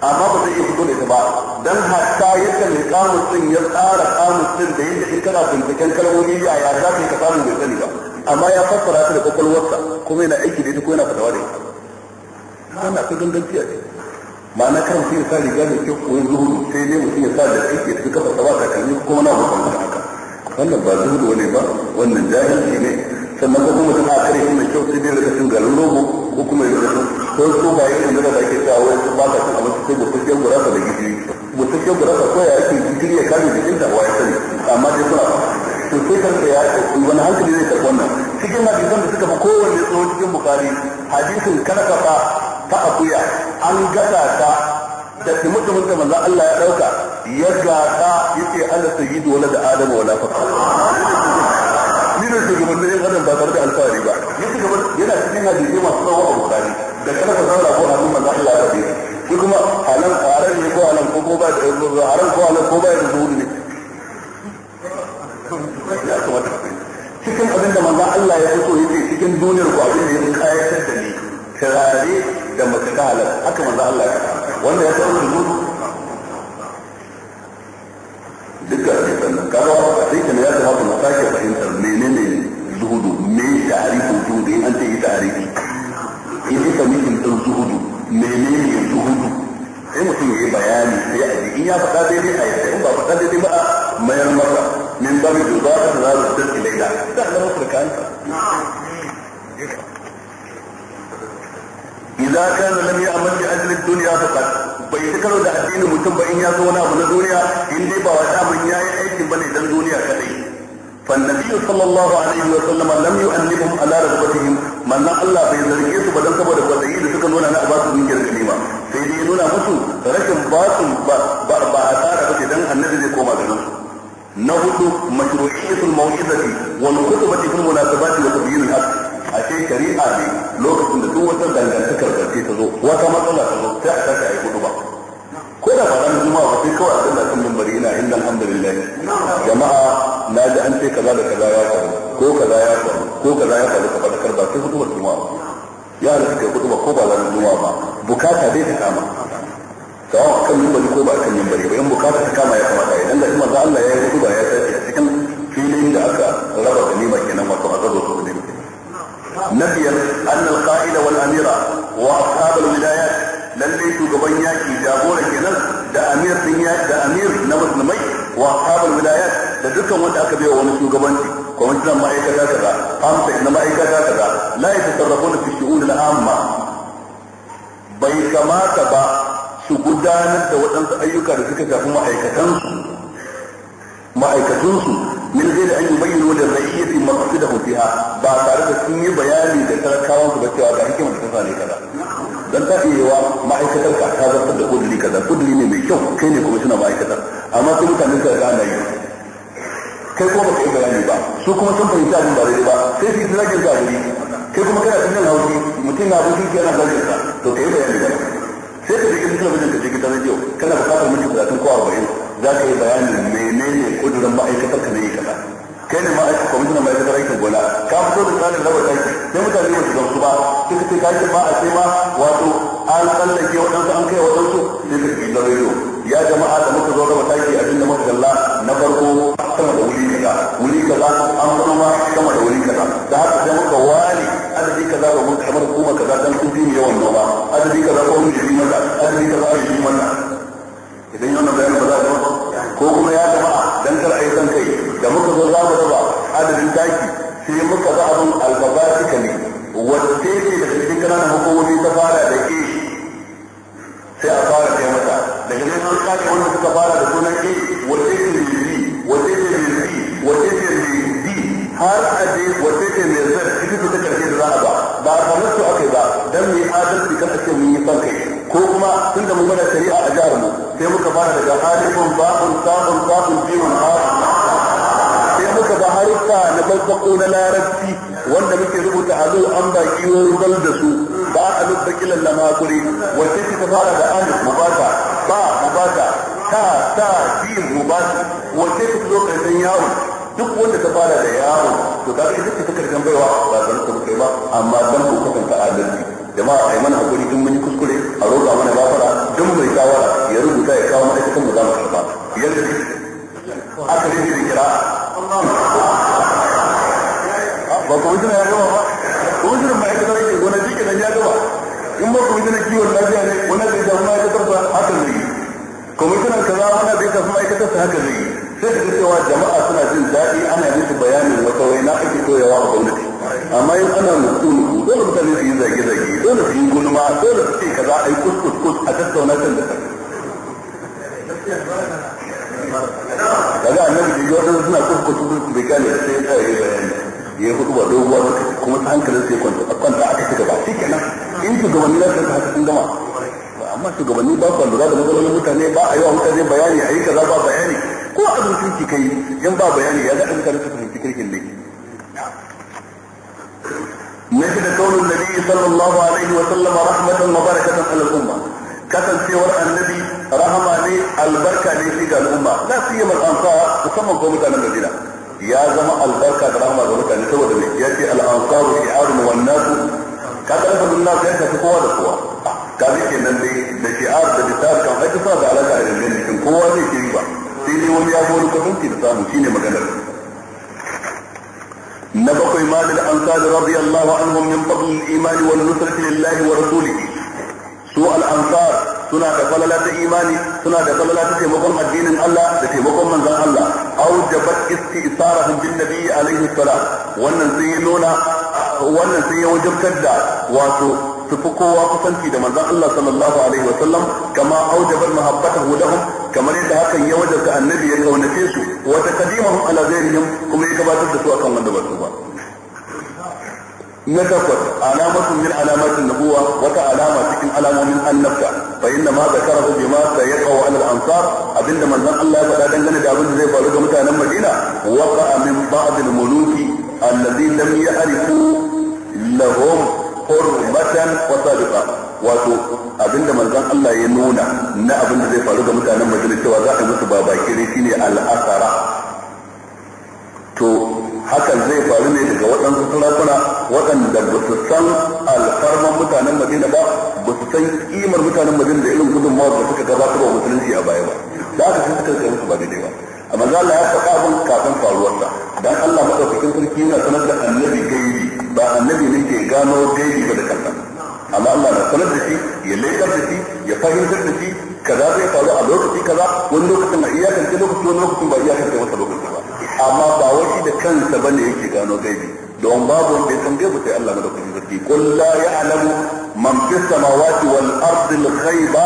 amma ba zai iya fito da ita ba dan hatta yadda mai kamus sun ya tsara kamus sun da yadda in kana binciken kalmomi ya ya za ka yi ka samu mai sani ba amma ya fassara ta da kwakwalwarsa kuma yana aiki da ita ko yana fadawa da ita wannan akwai ganganci a ciki ma'ana kan sai sa riga mai kyau ko zuhudu sai dai mutum ya sa da aiki da suka fasa ba takalmi kuma na mutum haka wannan ba zuhudu wani ba wannan jahilci ne sannan ko kuma suna kare shi mai kyau sai dai rika cin garin rogo ko kuma ya rika ko su ba yake da ba ake cewa su ba ka cin ko sai busasshen gurasa da gishiri busasshen gurasa ko ya yake gishiri ya kare jikin ta wa ya sani amma dai suna to sai kanka ya wani hankali zai karɓi wannan cikin hadisan da suka fi kowanne tsohon cikin bukari hadisin fa ta akuya an gasa ta da mutumin da manzo Allah ya dauka ya gasa yace ta sayyidu wala da Adama wala faqa shi ne shugabannin yan adam ba tare da alfahari ba yana cikin hadisi masu tsawo a bukari da kana ka zaura ko hannun manzo Allah ya rabe shi kuma halan ne ko halan ko ba da eh, ko halan ko ba da zuwa ne cikin abin da manzo Allah ya fito yake cikin duniyar ku abin da ya kayar da ni haka Allah ya wanda كذا أتيت أن يأتي هذا المساكة فإنت منين الزهد من تعريف الزهد إيه أنت إيه تعريفي إيه أنت من الزهد منين الزهد sai mutum ya yi bayani sai a ji in ya faɗa daidai a yadda in ba faɗa daidai ba a mayar masa min babu da za ta zara da tsirki laila da Allah mafarka idza kana lam ya'mal bi ajli dunya faqat bai ta karo da addinin mutum ba in ya zo wani abu na duniya in dai ba yayi aikin bane dan duniya kadai فالنبي صلى الله عليه وسلم لم يؤنبهم على رغبتهم من الله bai zarge su ba dan saboda kwadayi da suka nuna na abasu din girgani ma sai dai nuna musu rashin basun ba ba ba asara bace dan annabi zai koma garin na hudu mashru'iyatul mau'izati wal khutbati fil munasabati wa tabyin al-haqq a ce shari'a ne lokacin da duk wata dangantakar zance ta zo wata matsala ta zo sai a tashi a yi hudu ba ko da ba ran ba sai kawai a dinga kan bambari ina inda alhamdulillah jama'a na ji an ce kaza da kaza ya faru ko kaza ya faru ko kaza ya faru ka faɗakar ba sai hudu ba juma'a ya halatta kai hudu ba ko ba ran juma'a ba bukata dai ta kama sawa kan mimbari ko ba a kan mimbari ba in bukata ta kama ya kamata ya dan da kuma Allah ya yi hudu ba ya tashi a cikin filin da aka raba ganima kenan wato a zazo Na نبيا أن القائد والأمير وأصحاب الولايات lallai shugaban yaki jagora kenan da amir da amir na musulmai wa ashabul da dukkan wanda aka bai wani shugabanci kwamishinan ma'aikata kaza amsa na ma'aikata kaza la yatasarrafuna fi shu'un al-amma bai kamata ba su gudanar da waɗansu ayyuka da suka shafi ma'aikatansu ma'aikatunsu min zai da an yi bayyana da ra'iyyati da fiha ba tare da sun yi bayani da talakawan su ba cewa ga hikimar ta sa ne kaza dan ta iya wa ma'aikatar ka ta zartar da kudiri kaza kudiri ne mai kyau kai ne kuma suna ma'aikatar amma sai mutane ka ga na yi kai kuma baka yi bayani ba su kuma sun fahimci abin ba daidai ba sai su yi zagin zagiri kai kuma kana tunan haushi mutum na abokin ke yana zagin sa to kai bayani ba sai ka je gidan talabijin ka je gidan kana bukatar mutum talatin ko arba'in za ka yi bayanin menene kudurin ma'aikatar ka ne ya kaza kai ne ma'aikata kwamishinan ma'aikatar aikin gona ka fito da tsarin raba taki sai mutane ba su gamsu ba sai ka ce ka ce a ce ma wato an tsallake waɗansu an kai waɗansu sai ka je gidan rediyo ya jama'a da muka zo da mataki abinda muka kalla na farko sama da wuri kaza wuri kaza an fito ma sama da wuri kaza da haka sai muka ware adadi kaza ga mun kamar kuma kaza dan sun fi yawan noma adadi kaza ko mun yi mata adadi kaza ko yi mana idan yana bayani ba za a ba ko kuma ya jama'a dan kar a yi san kai da muka zo za mu raba adadin taki sai muka ga abin alfabatika ne wacce ce da cikin kananan hukumomi ta fara da ke sai a fara kai daga nan an sake wanda suka fara da sunan a wace ce mai b wace ce mai wace ce mai har a je wace mai ita ce ta karshe da za a ba ba a kamar su aka ba dan mai adalci kan ake mun yi son kai ko kuma tun da mun gwada shari'a a jihar mu sai muka fara daga halifin ba'un sa'un sa'un biyun har sai muka ba harka na farko na larabci wanda muke rubuta a zuwa an ba kiwo rubal da su ba a kilan bakilan lamakuri wacce ta fara da alif mubata ba mubata ta ta jim mubata wacce ta zo karshen yawo duk wanda ta fara da yawo to ka ga duk ta karshen baiwa ba zan ta kai ba amma dan ku kasanta adalci jama'a ai mana hakuri duk mun yi kuskure a roƙa mana gafara duk mai shawara ya rubuta ya kawo mana ita kan mu za mu karba yadda aka rubuta kira ba kwamishina ya gama ba kwamishinan ma'aikatar aikin gona shi kenan ya gama in ba kwamishinan kiwon lafiya ne wanda zai ta shafi ma'aikatar sa haka zai yi kwamishinan kaza wanda zai shafi ma'aikatar sa haka zai yi sai ka cewa jama'a suna jin daɗi ana musu bayanin wata wai na ake koyawa a gwamnati amma in ana nutsu nutsu dole mutane su yi zage-zage dole su yi gulma dole su ce kaza a yi kus kus kus a tattauna kan da kan kaga annabi da yau suna kus kuskus bai kane sai ya tsaya yi bayani ya hudu ba doguwa lokaci kuma ta hankalin sai kwanta a kwanta a kashi gaba shi kenan in shugabanni na sai haka sun gama amma shugabanni ba su lura da matsalolin mutane ba a yi wa mutane bayani a yi kaza ba bayani ko abin kirki kai in ba bayani ya zaɗa mutane su fahimci kirkin ne نجد كون النبي صلى الله عليه وسلم رحمة وبركة على الأمة kasancewar annabi rahama ne albarka ne shi ga al'umma na siyama al'amsa musamman ko mutanen Madina ya zama albarka da rahama ga mutane saboda ne ya ce al'ansaru shi'arun wannan su ka karfa nuna ka yanka kowa da kowa ah, ka zai ke nan dai da shi'ar da bisar kan aiki sa da alaƙa da yanzu jikin kowa zai ke ba. sai dai wani ya wani kwatanci da samu shine maganar na bakwai malil ansari radiyallahu anhum min fadl al-iman wal nusrati lillahi wa rasulihi su al'ansar suna da falala ta imani suna da falala ta taimakon addinin Allah da taimakon manzan Allah aujabat isti'sarahum bin nabi alaihi salam wannan sun yi nuna wannan sun yi wajibtar da wato su fi kowa kusanci da manzan Allah sallallahu alaihi wa sallam kama aujabat mahabbatahu lahum kamar yadda hakan ya wajabta annabi ya kaunace su wa taqdimahum ala ghairihim kuma ya gabatar da su akan wanda ba su ba na takwas alamatun min alamatin nubuwa wata alama cikin alamomin annabta fa inna ma zakarahu bima sayaqau al ansar abinda manzon Allah ya faɗa dangane da abin da zai faru ga mutanen Madina waqa min ba'd al muluki alladhi lam ya'rifu lahum hurmatan wa sadiqa wato abinda manzon Allah ya nuna na abin da zai faru ga mutanen Madina cewa za a musu babakire shine al asara to hakan zai faru ne daga waɗansu sarakuna waɗanda ba su san alfarman mutanen madina ba ba su san kimar mutanen madina da irin gudunmawar da suka gabatar wa musulunci a baya ba da aka sun suka kai musu ba daidai ba amma za Allah ya faɗa abin kafin faruwarsa dan Allah madaukakin sarki yana sanar da annabi gaibi ba annabi ne ke gano gaibi ba da kansa amma Allah na sanar da shi ya laifar da shi ya fahimtar da shi kaza zai faru a lokaci kaza wani lokacin a kanta lokaci wani lokacin ba kanta wata lokaci ba amma ba wani da kansa ne yake gano gaibi don babu wanda ya san gaibi sai Allah madaukakin sarki kun la alamu man fi samawati wal ardi al ghaiba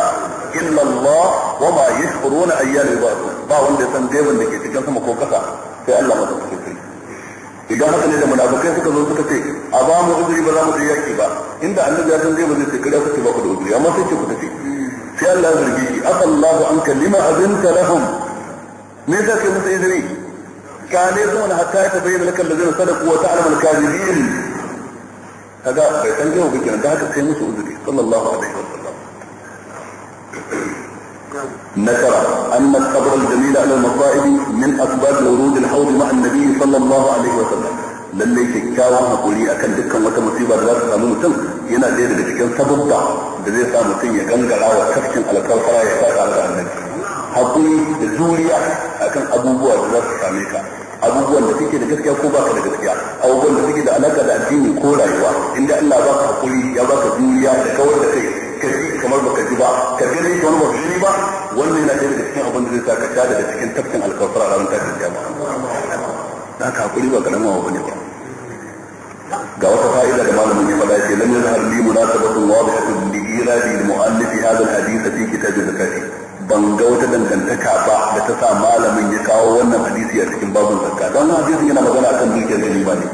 illa Allah wa ma yashuruna ayyana yub'athun ba wanda ya san gaibin da ke cikin sama ko kasa sai Allah madaukakin sarki idan haka ne da munafikai suka zo suka ce a ba mu uzuri ba za mu je yaki ba inda annabi ya san zai ba zai ce kada ku ce ba ku da uzuri amma sai ce ku tafi قال لها برجيكي أفى الله عنك لما أذنت لهم نذاك يمس إذري كان يظن حتى يتبين لك الذين صدقوا وتعلم الكاذبين هذا بيتان جاءوا بجنة ده هكذا كيمس إذري صلى الله عليه وسلم نكر أن الصبر الجميل على المصائب من أسباب ورود الحوض مع النبي صلى الله عليه وسلم lallai kyakkyawan hakuri kan dukkan wata musiba da za ta samu mutum yana ɗaya daga cikin sababba da zai sa mutum ya gangara wa tafkin alkawfara ya sa ka annabi hakuri da juriya kan abubuwa da za su same ka abubuwan da suke da gaskiya ko baka da gaskiya abubuwan da suke da alaka da addini ko rayuwa inda Allah ka hakuri ya ba ka juriya da kawar da kai ka ji kamar baka ji ba ka gani kamar baka gani ba wannan yana ɗaya daga cikin abin da zai sa ka tada da cikin tafkin alkawfara ranar da jama'a da aka hakuri ba karama wa wani ba ga wata fa'ida da malamin ya faɗa ce lam yazhar li munasabatun wadihatun li iradi mu'allifi hadha al-hadith fi da zakati ban ga wata dangantaka ba da ta sa malamin ya kawo wannan hadisi a cikin babun zakka don hadisin yana magana akan dukiyar ba ne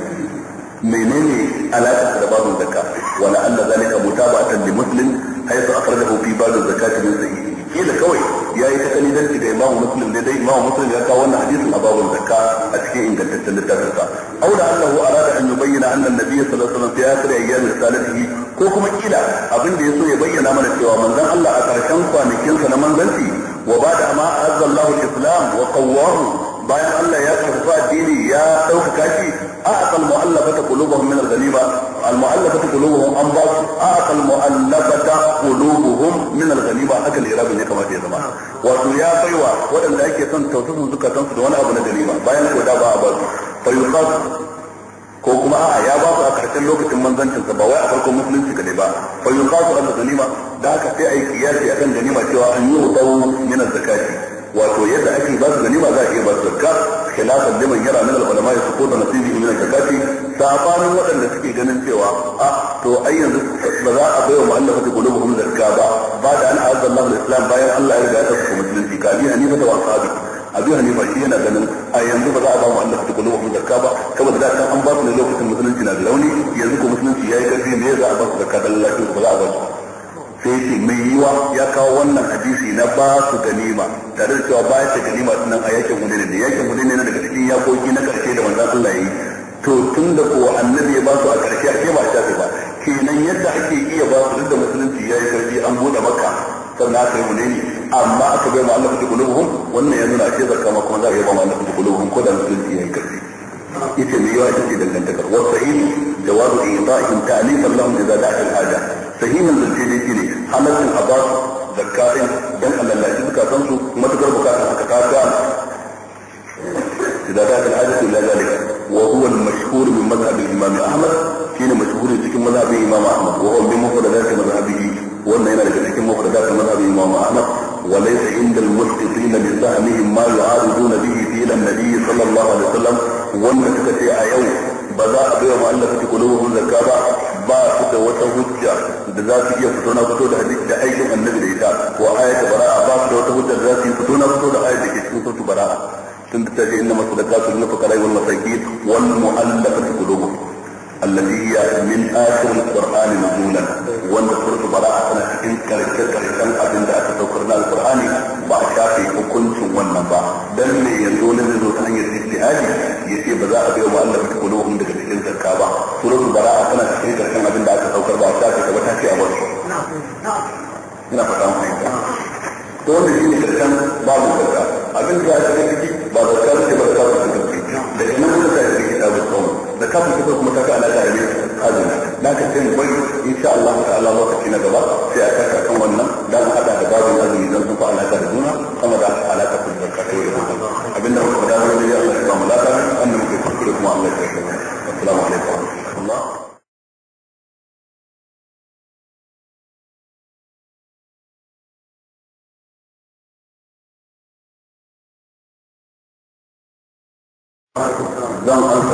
menene alaƙa da babun zakka wala anna zalika mutaba'atan li muslim haythu akhrajahu fi babun zakati min sahih kila kawai ya yi ta kalidanci da imamu muslim ne dai imamu muslim ya kawo wannan hadisin a babun zakka a cikin ingantaccen littafin sa aw da annahu arada an yubayyana anna an-nabiy sallallahu alaihi wasallam fi akhir ayyam risalatihi ko kuma kila abin da yaso ya bayyana mana cewa manzon Allah a karshen kwanakin sa na manzanci wa ba'da ma azza Allahu al-islam wa qawwahu bayan Allah ya karfa addini ya dauka kashi a aqal mu'allafata qulubuhum min al-ghanima المؤلفة قلوبهم أم بعض أعطى المؤلفة قلوبهم من الغنيمة أكل إيرابي ne kamar ya zama wato ya baiwa waɗanda ake son tausasin zukatan su da wani abu na ganima bayan ko da ba a ba su fa ko kuma a'a ya ba su a karshen lokacin manzancin sa ba wai a farkon musulunci kadai ba fa yusaf al da haka sai ayi kiyasi akan ganima cewa an yi wa min zakati wato yadda ake ba su ganima za a iya ba su zakka khilafan liman yara min al-ulama ya suko da nasibi min zakati sabanin waɗanda suke ganin cewa a ah, to ai yanzu ba za a bayar mu'allafati qulubuhum zakka ba ba da an azza Allah al-islam bayan Allah ya riga ya tsaka musulunci ka bi hanifa da wasabi abi hanifa shi yana ganin a yanzu ba za a ba mu'allafati qulubuhum zakka ba saboda da an ba su ne lokacin musulunci na da launi yanzu ko musulunci yayi karfi ne za a ba su zakka dan lafiya ba za a ba su sai ce mai yiwa ya kawo wannan hadisi na ba su ganima tare da cewa ba su ganima sunan a yakin hudu ne da yakin hudu ne daga cikin yakoki na karshe da manzon Allah ya yi to tun da kuwa annabi ya ba su a karshe a ke ba ta ba kenan yadda ake iya ba su da musulunci ya yi karfi an bude maka sannan aka yi mu ne amma aka bai ma Allah kuɗi kulubuhum wannan ya nuna a ce zakka ma kuma za a yi ba ma Allah kuɗi kulubuhum ko da musulunci ya yi karfi ita mai yawa ita ce dangantakar wasu sahihi jawabu in ta'ihim ta'alifan lahum idza da'a al-haja sahihin zance dai shine halaccin a basu zakka din dan alallaci bukatan su matukar bukatar suka ta ga idan ta da hajji ila zalika wa huwa al-mashhur min madhhab al-imam ahmad shine mashhuri cikin madhhabin imam ahmad wa huwa min mufradat madhhabihi wannan yana daga cikin mufradat madhhabin imam ahmad وليس عند المسقطين بسهمهم ما يعارضون به فعل النبي صلى الله عليه وسلم وان تكتي a yau. ba za a bai wa ma'allaka ta kulubun zakka ba ba su da wata hujja da za su iya fito na fito da hadisi da aikin annabi da ita wa ayatu bara'a ba su da wata hujja da za su iya fito na fito da ayat da ke cikin surtu bara'a tun ta ce inna masu da kasu nufa fakara yi wal masaki wal mu'allaka ta kulubun الذي هي من آخر القرآن نزولا وأن سورة براءة أنا cikin karshe-karshen abin da aka saukar na alkur'ani ba a shafe hukuncin wannan ba dan me yanzu wani zai ta hanyar istihadi ya ce ba za a bai wa Allah mutu kulubun daga cikin zakka ba suratul bara'a tana cikin karshen abin da aka saukar ba a shafe ka ba ta ce a wasu ina fata mu fahimta to wannan shine karshen abin da ya ba ba daga nan kitabul sawm da kafin kitab kuma ta ka alaka da azumi dan ka Allah ta'ala lokaci na gaba sai a kaka kan wannan dan hada da babu azumi dan su fa alaka da juna kuma da alaka da da abinda muka da wani ya Allah ya annabi kuma Allah kai assalamu alaikum Don't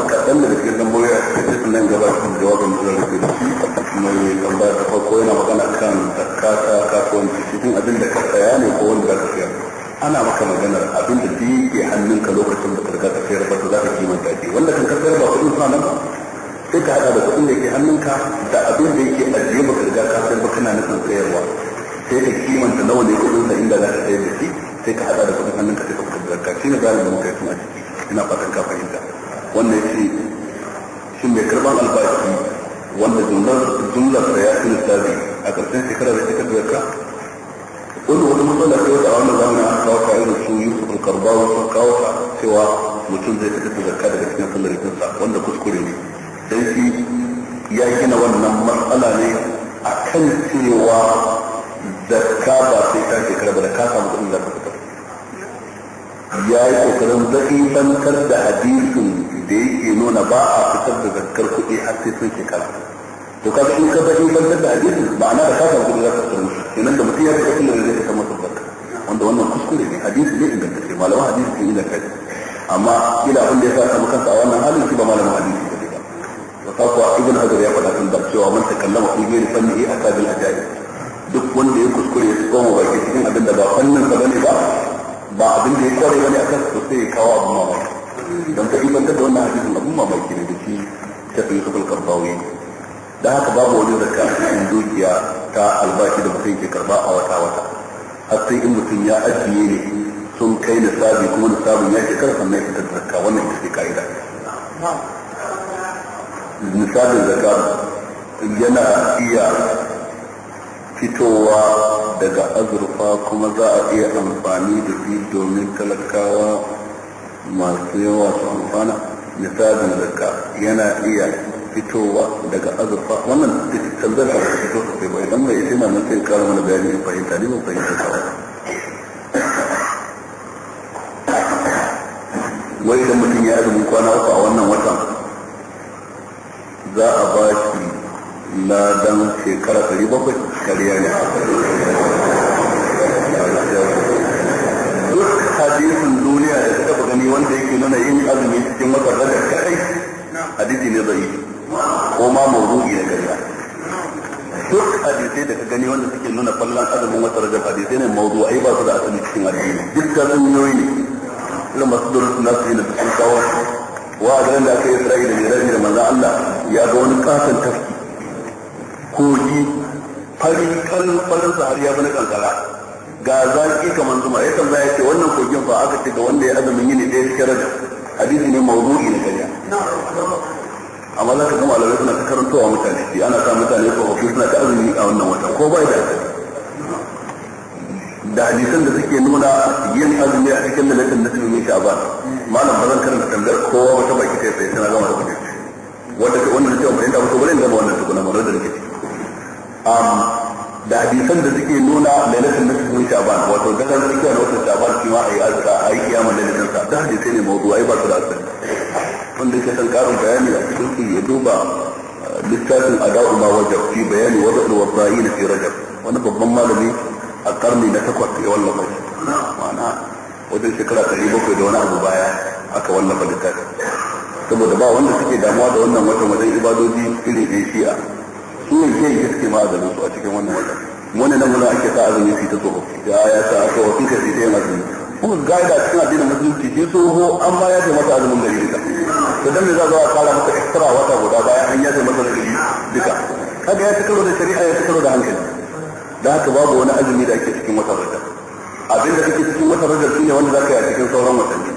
sai sun shekara to kaga in ka bari bantar da hadisi ba ana da kafa gudu za ka tsaro kenan da mutum ya fi kafin da zai kama tabbata wanda wannan kuskure ne hadisi ne ingantacce malaman hadisi sun kai amma ila abin da ya sa samu kansa a wannan halin shi ba malaman hadisi ba ne ba wa ibn hajar ya faɗa tun da cewa man takallama fi ghairi fannihi asabil ajaib duk wanda ya kuskure ya tsoma baki cikin abin da ba fannin sa bane ba ba abin da ya kware bane akan su sai ya kawo abin mamaki don ka ibantar da wannan hadisin abin mamaki ne da shi karbawi da haka babu wani zakka cikin dukiya ta albashi da mutum ke karba a wata wata har sai in mutum ya ajiye ne sun kai na sabi kuma na sabi ya shekar sannan ya fitar zakka wannan ita ce ka'ida nisabin zakka yana iya fitowa daga azurfa kuma za a iya amfani da shi domin talakawa masu yawa su amfana misalin zakka yana iya fitowa daga azurfa wannan da ta ta fito sosai ba idan mai ishe na nufin kara mana bayani in fahimta ne ba fahimta ta wai idan mutum ya azumin kwana uku a wannan watan za a ba shi ladan shekara ɗari bakwai kariya ne duk hadisin duniya da suka gani wanda yake nuna yin azumi cikin wata rajab kadai hadisi ne zai yi ko ma mawdu'i na ƙarya duk hadisai da ka gani wanda suke nuna fallan azumin wata rajab hadisai ne ai ba su da asali cikin addini dukkan hanyoyi ne irin masu durusu na su yi da cikin kawo wa a garin da aka yi isra'i da miraji da manzan Allah ya ga wani katon tafki kogi fari kan farin sahari ya bani kankara ga zaki kamar zuma ya kan zaya ce wannan kogin ba aka ce ga wanda ya azumin yini ɗaya cikin rajab hadisi ne mawdu'i na ƙarya amma za ka gama malamai suna ta karantowa mutane shi ana sa mutane tsofaffi suna ta azumi a wannan wata ko bai da da hadisan da suke nuna yin azumi a cikin lalatin na tsibirin sha'ban malam ba zan karanta tambayar kowa wata baki ta sai tana gama da kuɗi wanda ta wannan cewa bayan da wato bari in gama wannan tukuna mara da rikici da hadisan da suke nuna lalatin na tsibirin sha'ban wato gagar tsakiya na watan sha'ban shi ma a yi azka a yi kiyama lalatin sa da hadisai ne mawuduwa ai ba su da asali wanda yake son karin bayani a cikin su ya duba eh, littafin ada'u ma wajab fi bayani wada'ul wasa'ina fi rajab wani babban malami a karni na takwas ya wallafa shi ma'ana wajen shekara ɗari bakwai da wani abu baya aka wallafa littafin saboda ba wanda suke damuwa da wannan watan wajen ibadoji irin ɗin shi'a su ne ke yi suke ma'azarin su a cikin wannan watan wani nan wani ake sa azumi fi ta tsofaffi ya ya sa aka wasu ka fi ta yin azumi kuka gaida cikin addinin musulunci shi tsoho an ma ya ce masa azumin gari duka to dan ne za zo a kara masa extra wata guda bayan an ya ce masa gari duka kaga ya ci karo da shari'a ya ci karo da hankali da haka babu wani azumi da ake cikin wata rajar abinda kake cikin wata rajar shine wanda zaka yi a cikin sauran watanni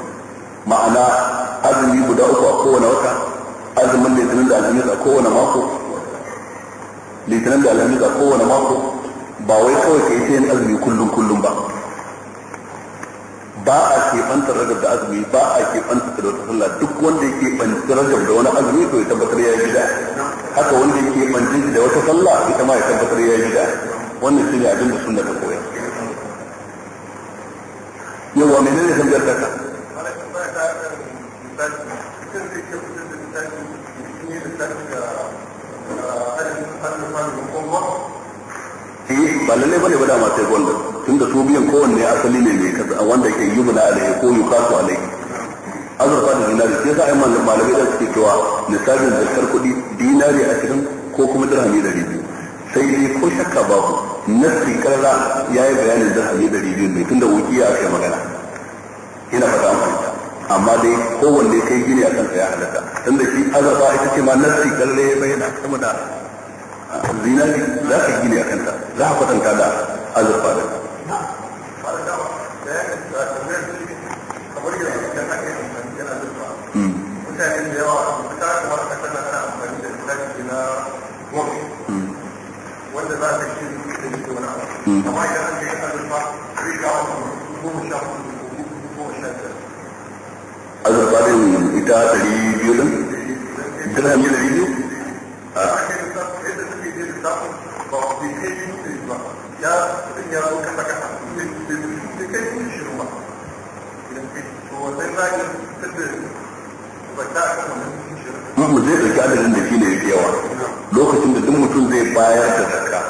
ma'ana azumi guda uku a kowane wata azumin litinin da alhamis a kowane mako litinin da alhamis a kowane mako ba wai kawai ka yi ta yin azumi kullum kullum ba ba a keɓanta rajar da azumi ba a keɓanta da wata sallah duk wanda yake keɓanci rajar da wani azumi to ya tabbatar ya gida haka wanda yake keɓanci da wata sallah ita ma ya tabbatar ya gida wannan shi ne abin da sunna ta koya yawa menene tambayar ta ka ba lalle bane ba da masu gwamnati tunda su biyan kowanne asali ne mai kasa wanda ke yi bula alaihi ko yi kasu alaihi azurfa da dinari sai sa ayyukan malamai da suke cewa da kar kuɗi dinari ashirin ko kuma dirhami dari biyu sai dai ko shakka babu nassi karara ya yi bayanin dirhami dari biyu mai tunda wuki ya kai magana ina fata an amma dai kowanne kai gini a kansa ya halatta tunda shi azurfa ita ce ma nassi karara ya bayyana sama da ah, zinari za ka gini a kanta za ka kwatanta da azurfa da wa abu tana da lissafi na yi ne a yadda suke yin lissafin ba mu zai ɗauki adadin da shi ne yake yawa lokacin da duk mutum zai bayar da zakka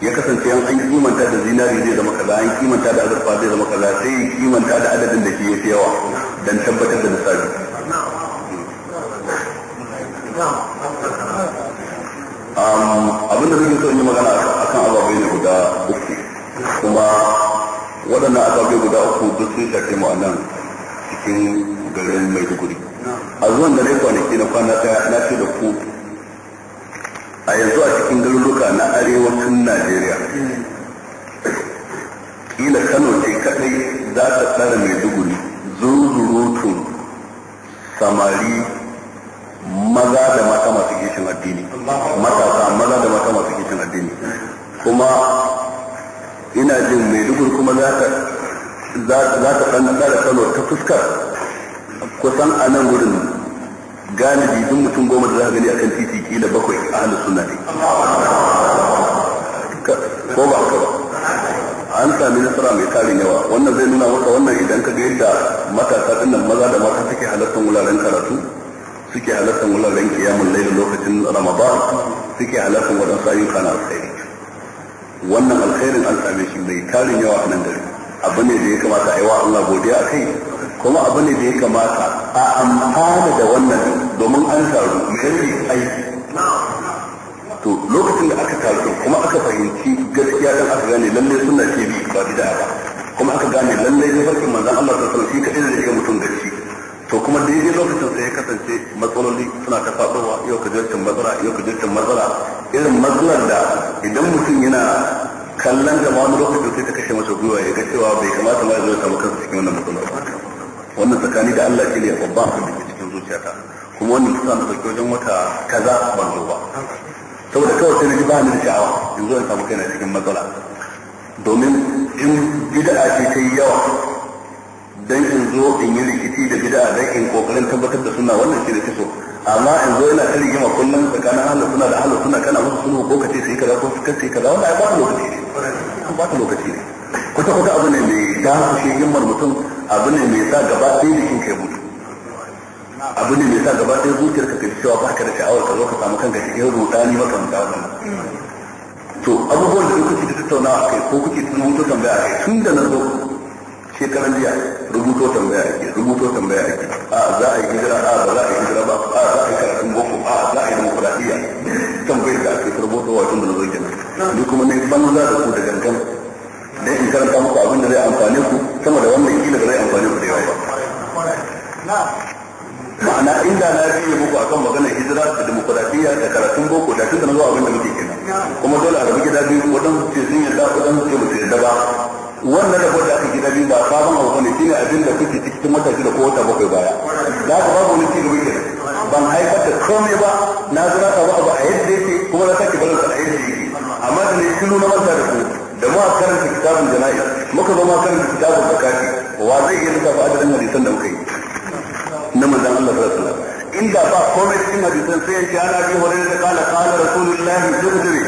ya kasance an an kimanta da zinari zai zama kaza an kimanta da azurfa zai zama kaza sai ya kimanta da adadin da shi yake yawa dan tabbatar da misali abinda zai so in yi magana kan ababai ne guda uku kuma waɗannan ababai guda uku duk sun shafe mu a nan cikin garin maiduguri a zuwan da na kwanaki na kwana ta na ce da ku a yanzu a cikin garuruka na arewacin najeriya kila kano ce kadai za ta tsara mai duguri zuzurutun samari maza da mata masu kishin addini matasa maza da mata masu kishin addini kuma ina jin mai duguri kuma za ta za ta tsara kano ta fuskar kusan a nan gudun galibi duk mutum goma da zagani gani a kan titi kila bakwai a hannun suna ne ko ba ka ba an sami nasara mai tarin yawa wannan zai nuna wata wannan idan ka ga yadda matasa ɗin nan maza da mata suke halartar wuraren karatu suke halartar wuraren kiyamun laifin lokacin ramadan suke halartar waɗansu ayyuka na alkhairi wannan alkhairin an same shi mai tarin yawa a nan gari abu ne da ya kamata a yi wa Allah godiya a kai kuma abu ne da ya kamata a amfana da wannan domin an taru mai aiki to lokacin da aka taru kuma aka fahimci gaskiya dan aka gane lalle suna ke bi ba da ba kuma aka gane lalle ne farkin manzon Allah ta sanar ka kadai da ya mutum gaci to kuma daidai lokacin sai ya kasance matsaloli suna ta faɗowa yau ka jirgin matsala yau ka jirgin matsala irin matsalar da idan mutum yana kallon da ma wani lokacin sai ta kashe masa gwiwa ya ga cewa bai kamata ma ya zo ya samu kansa cikin wannan matsalar wannan tsakani da Allah shine babban abin da ke cikin zuciyata kuma wannan kusa na dauki wajen wata kaza ban zo ba saboda kawai sai na ji ba ni da sha'awa in zo in samu kaina cikin matsala domin in bid'a ce ta yi yawa dan in zo in yi rikici da bid'a dan in kokarin tabbatar da suna wannan shi da kiso amma in zo yana ta rigima kullum tsakanin ahlus suna da ahlus suna kana musu suna ko kace sai kaza ko kace kaza wannan ai ba lokaci ne ba lokaci ne kusa kuta abu ne mai da su shi himmar mutum abu ne mai sa gaba ɗaya jikin kai mutu abu ne mai sa gaba ɗaya zuciyar ka kai cewa baka da sha'awar ka zo ka samu kanka cikin rudani maka dawo to abubuwan da kuke ta tattauna a kai ko kuke tun mutu tambaya a kai tun da na zo shekaran jiya rubuto tambaya ake rubuto tambaya ake a za a yi hijira a ba za a yi hijira ba a za a yi karatun boko a za a yi demokuraɗiyya tambayar da ake rubuto wa tun da na zo kenan ni kuma ne banza da ku da gangan da in karanta muku abin da zai amfane ku sama da wannan kila da zai amfane ku da yawa ba ma'ana inda na biye muku akan maganar hijira da demokuraɗiyya da karatun boko da tunda na zuwa abin da muke kenan kuma dole a rabu gida biyu wadan ce sun yarda wadan ce ba yarda ba wannan rabu da aka gida biyu ba sabon abu ne shine abin da kuke cikin wata shida ko wata bakwai baya da haka babu wani cigaba kenan ban haifar da komai ba na zira ka ba a yadda yake kuma na sake barin sa a yadda yake amma da ne shiru na manta da su da muka karanta kitabun jana'iz muka zo muka karanta kitabun zakati wa zai iya lissafa adadin hadisan da muka yi na manzon Allah sallallahu alaihi wasallam inda ba komai cikin hadisan sai yanke ana bi horar da kala kala rasulullahi jirgiri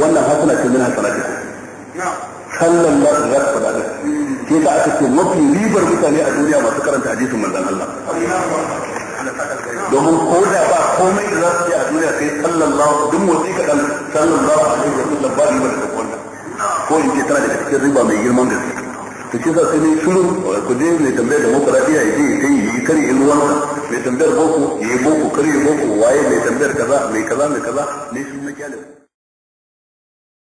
wannan hasana ce min hasanati sallan ba su zasu faɗa da ke ta aka ce mafi ribar mutane a duniya masu karanta hadisin manzon Allah domin ko da ba komai da za su ji a duniya sai sallallahu duk motsi kaɗan sallallahu alaihi wa sallam ba riba daga wannan ko in ce tana da cikin riba mai girman gaske to shi sa sai ne shiru ku je mai tambayar da demokradiya ya je ya yi yi kare ilmi wannan mai tambayar boko ya yi boko kare boko waye mai tambayar kaza mai kaza mai kaza ne shi na kyalin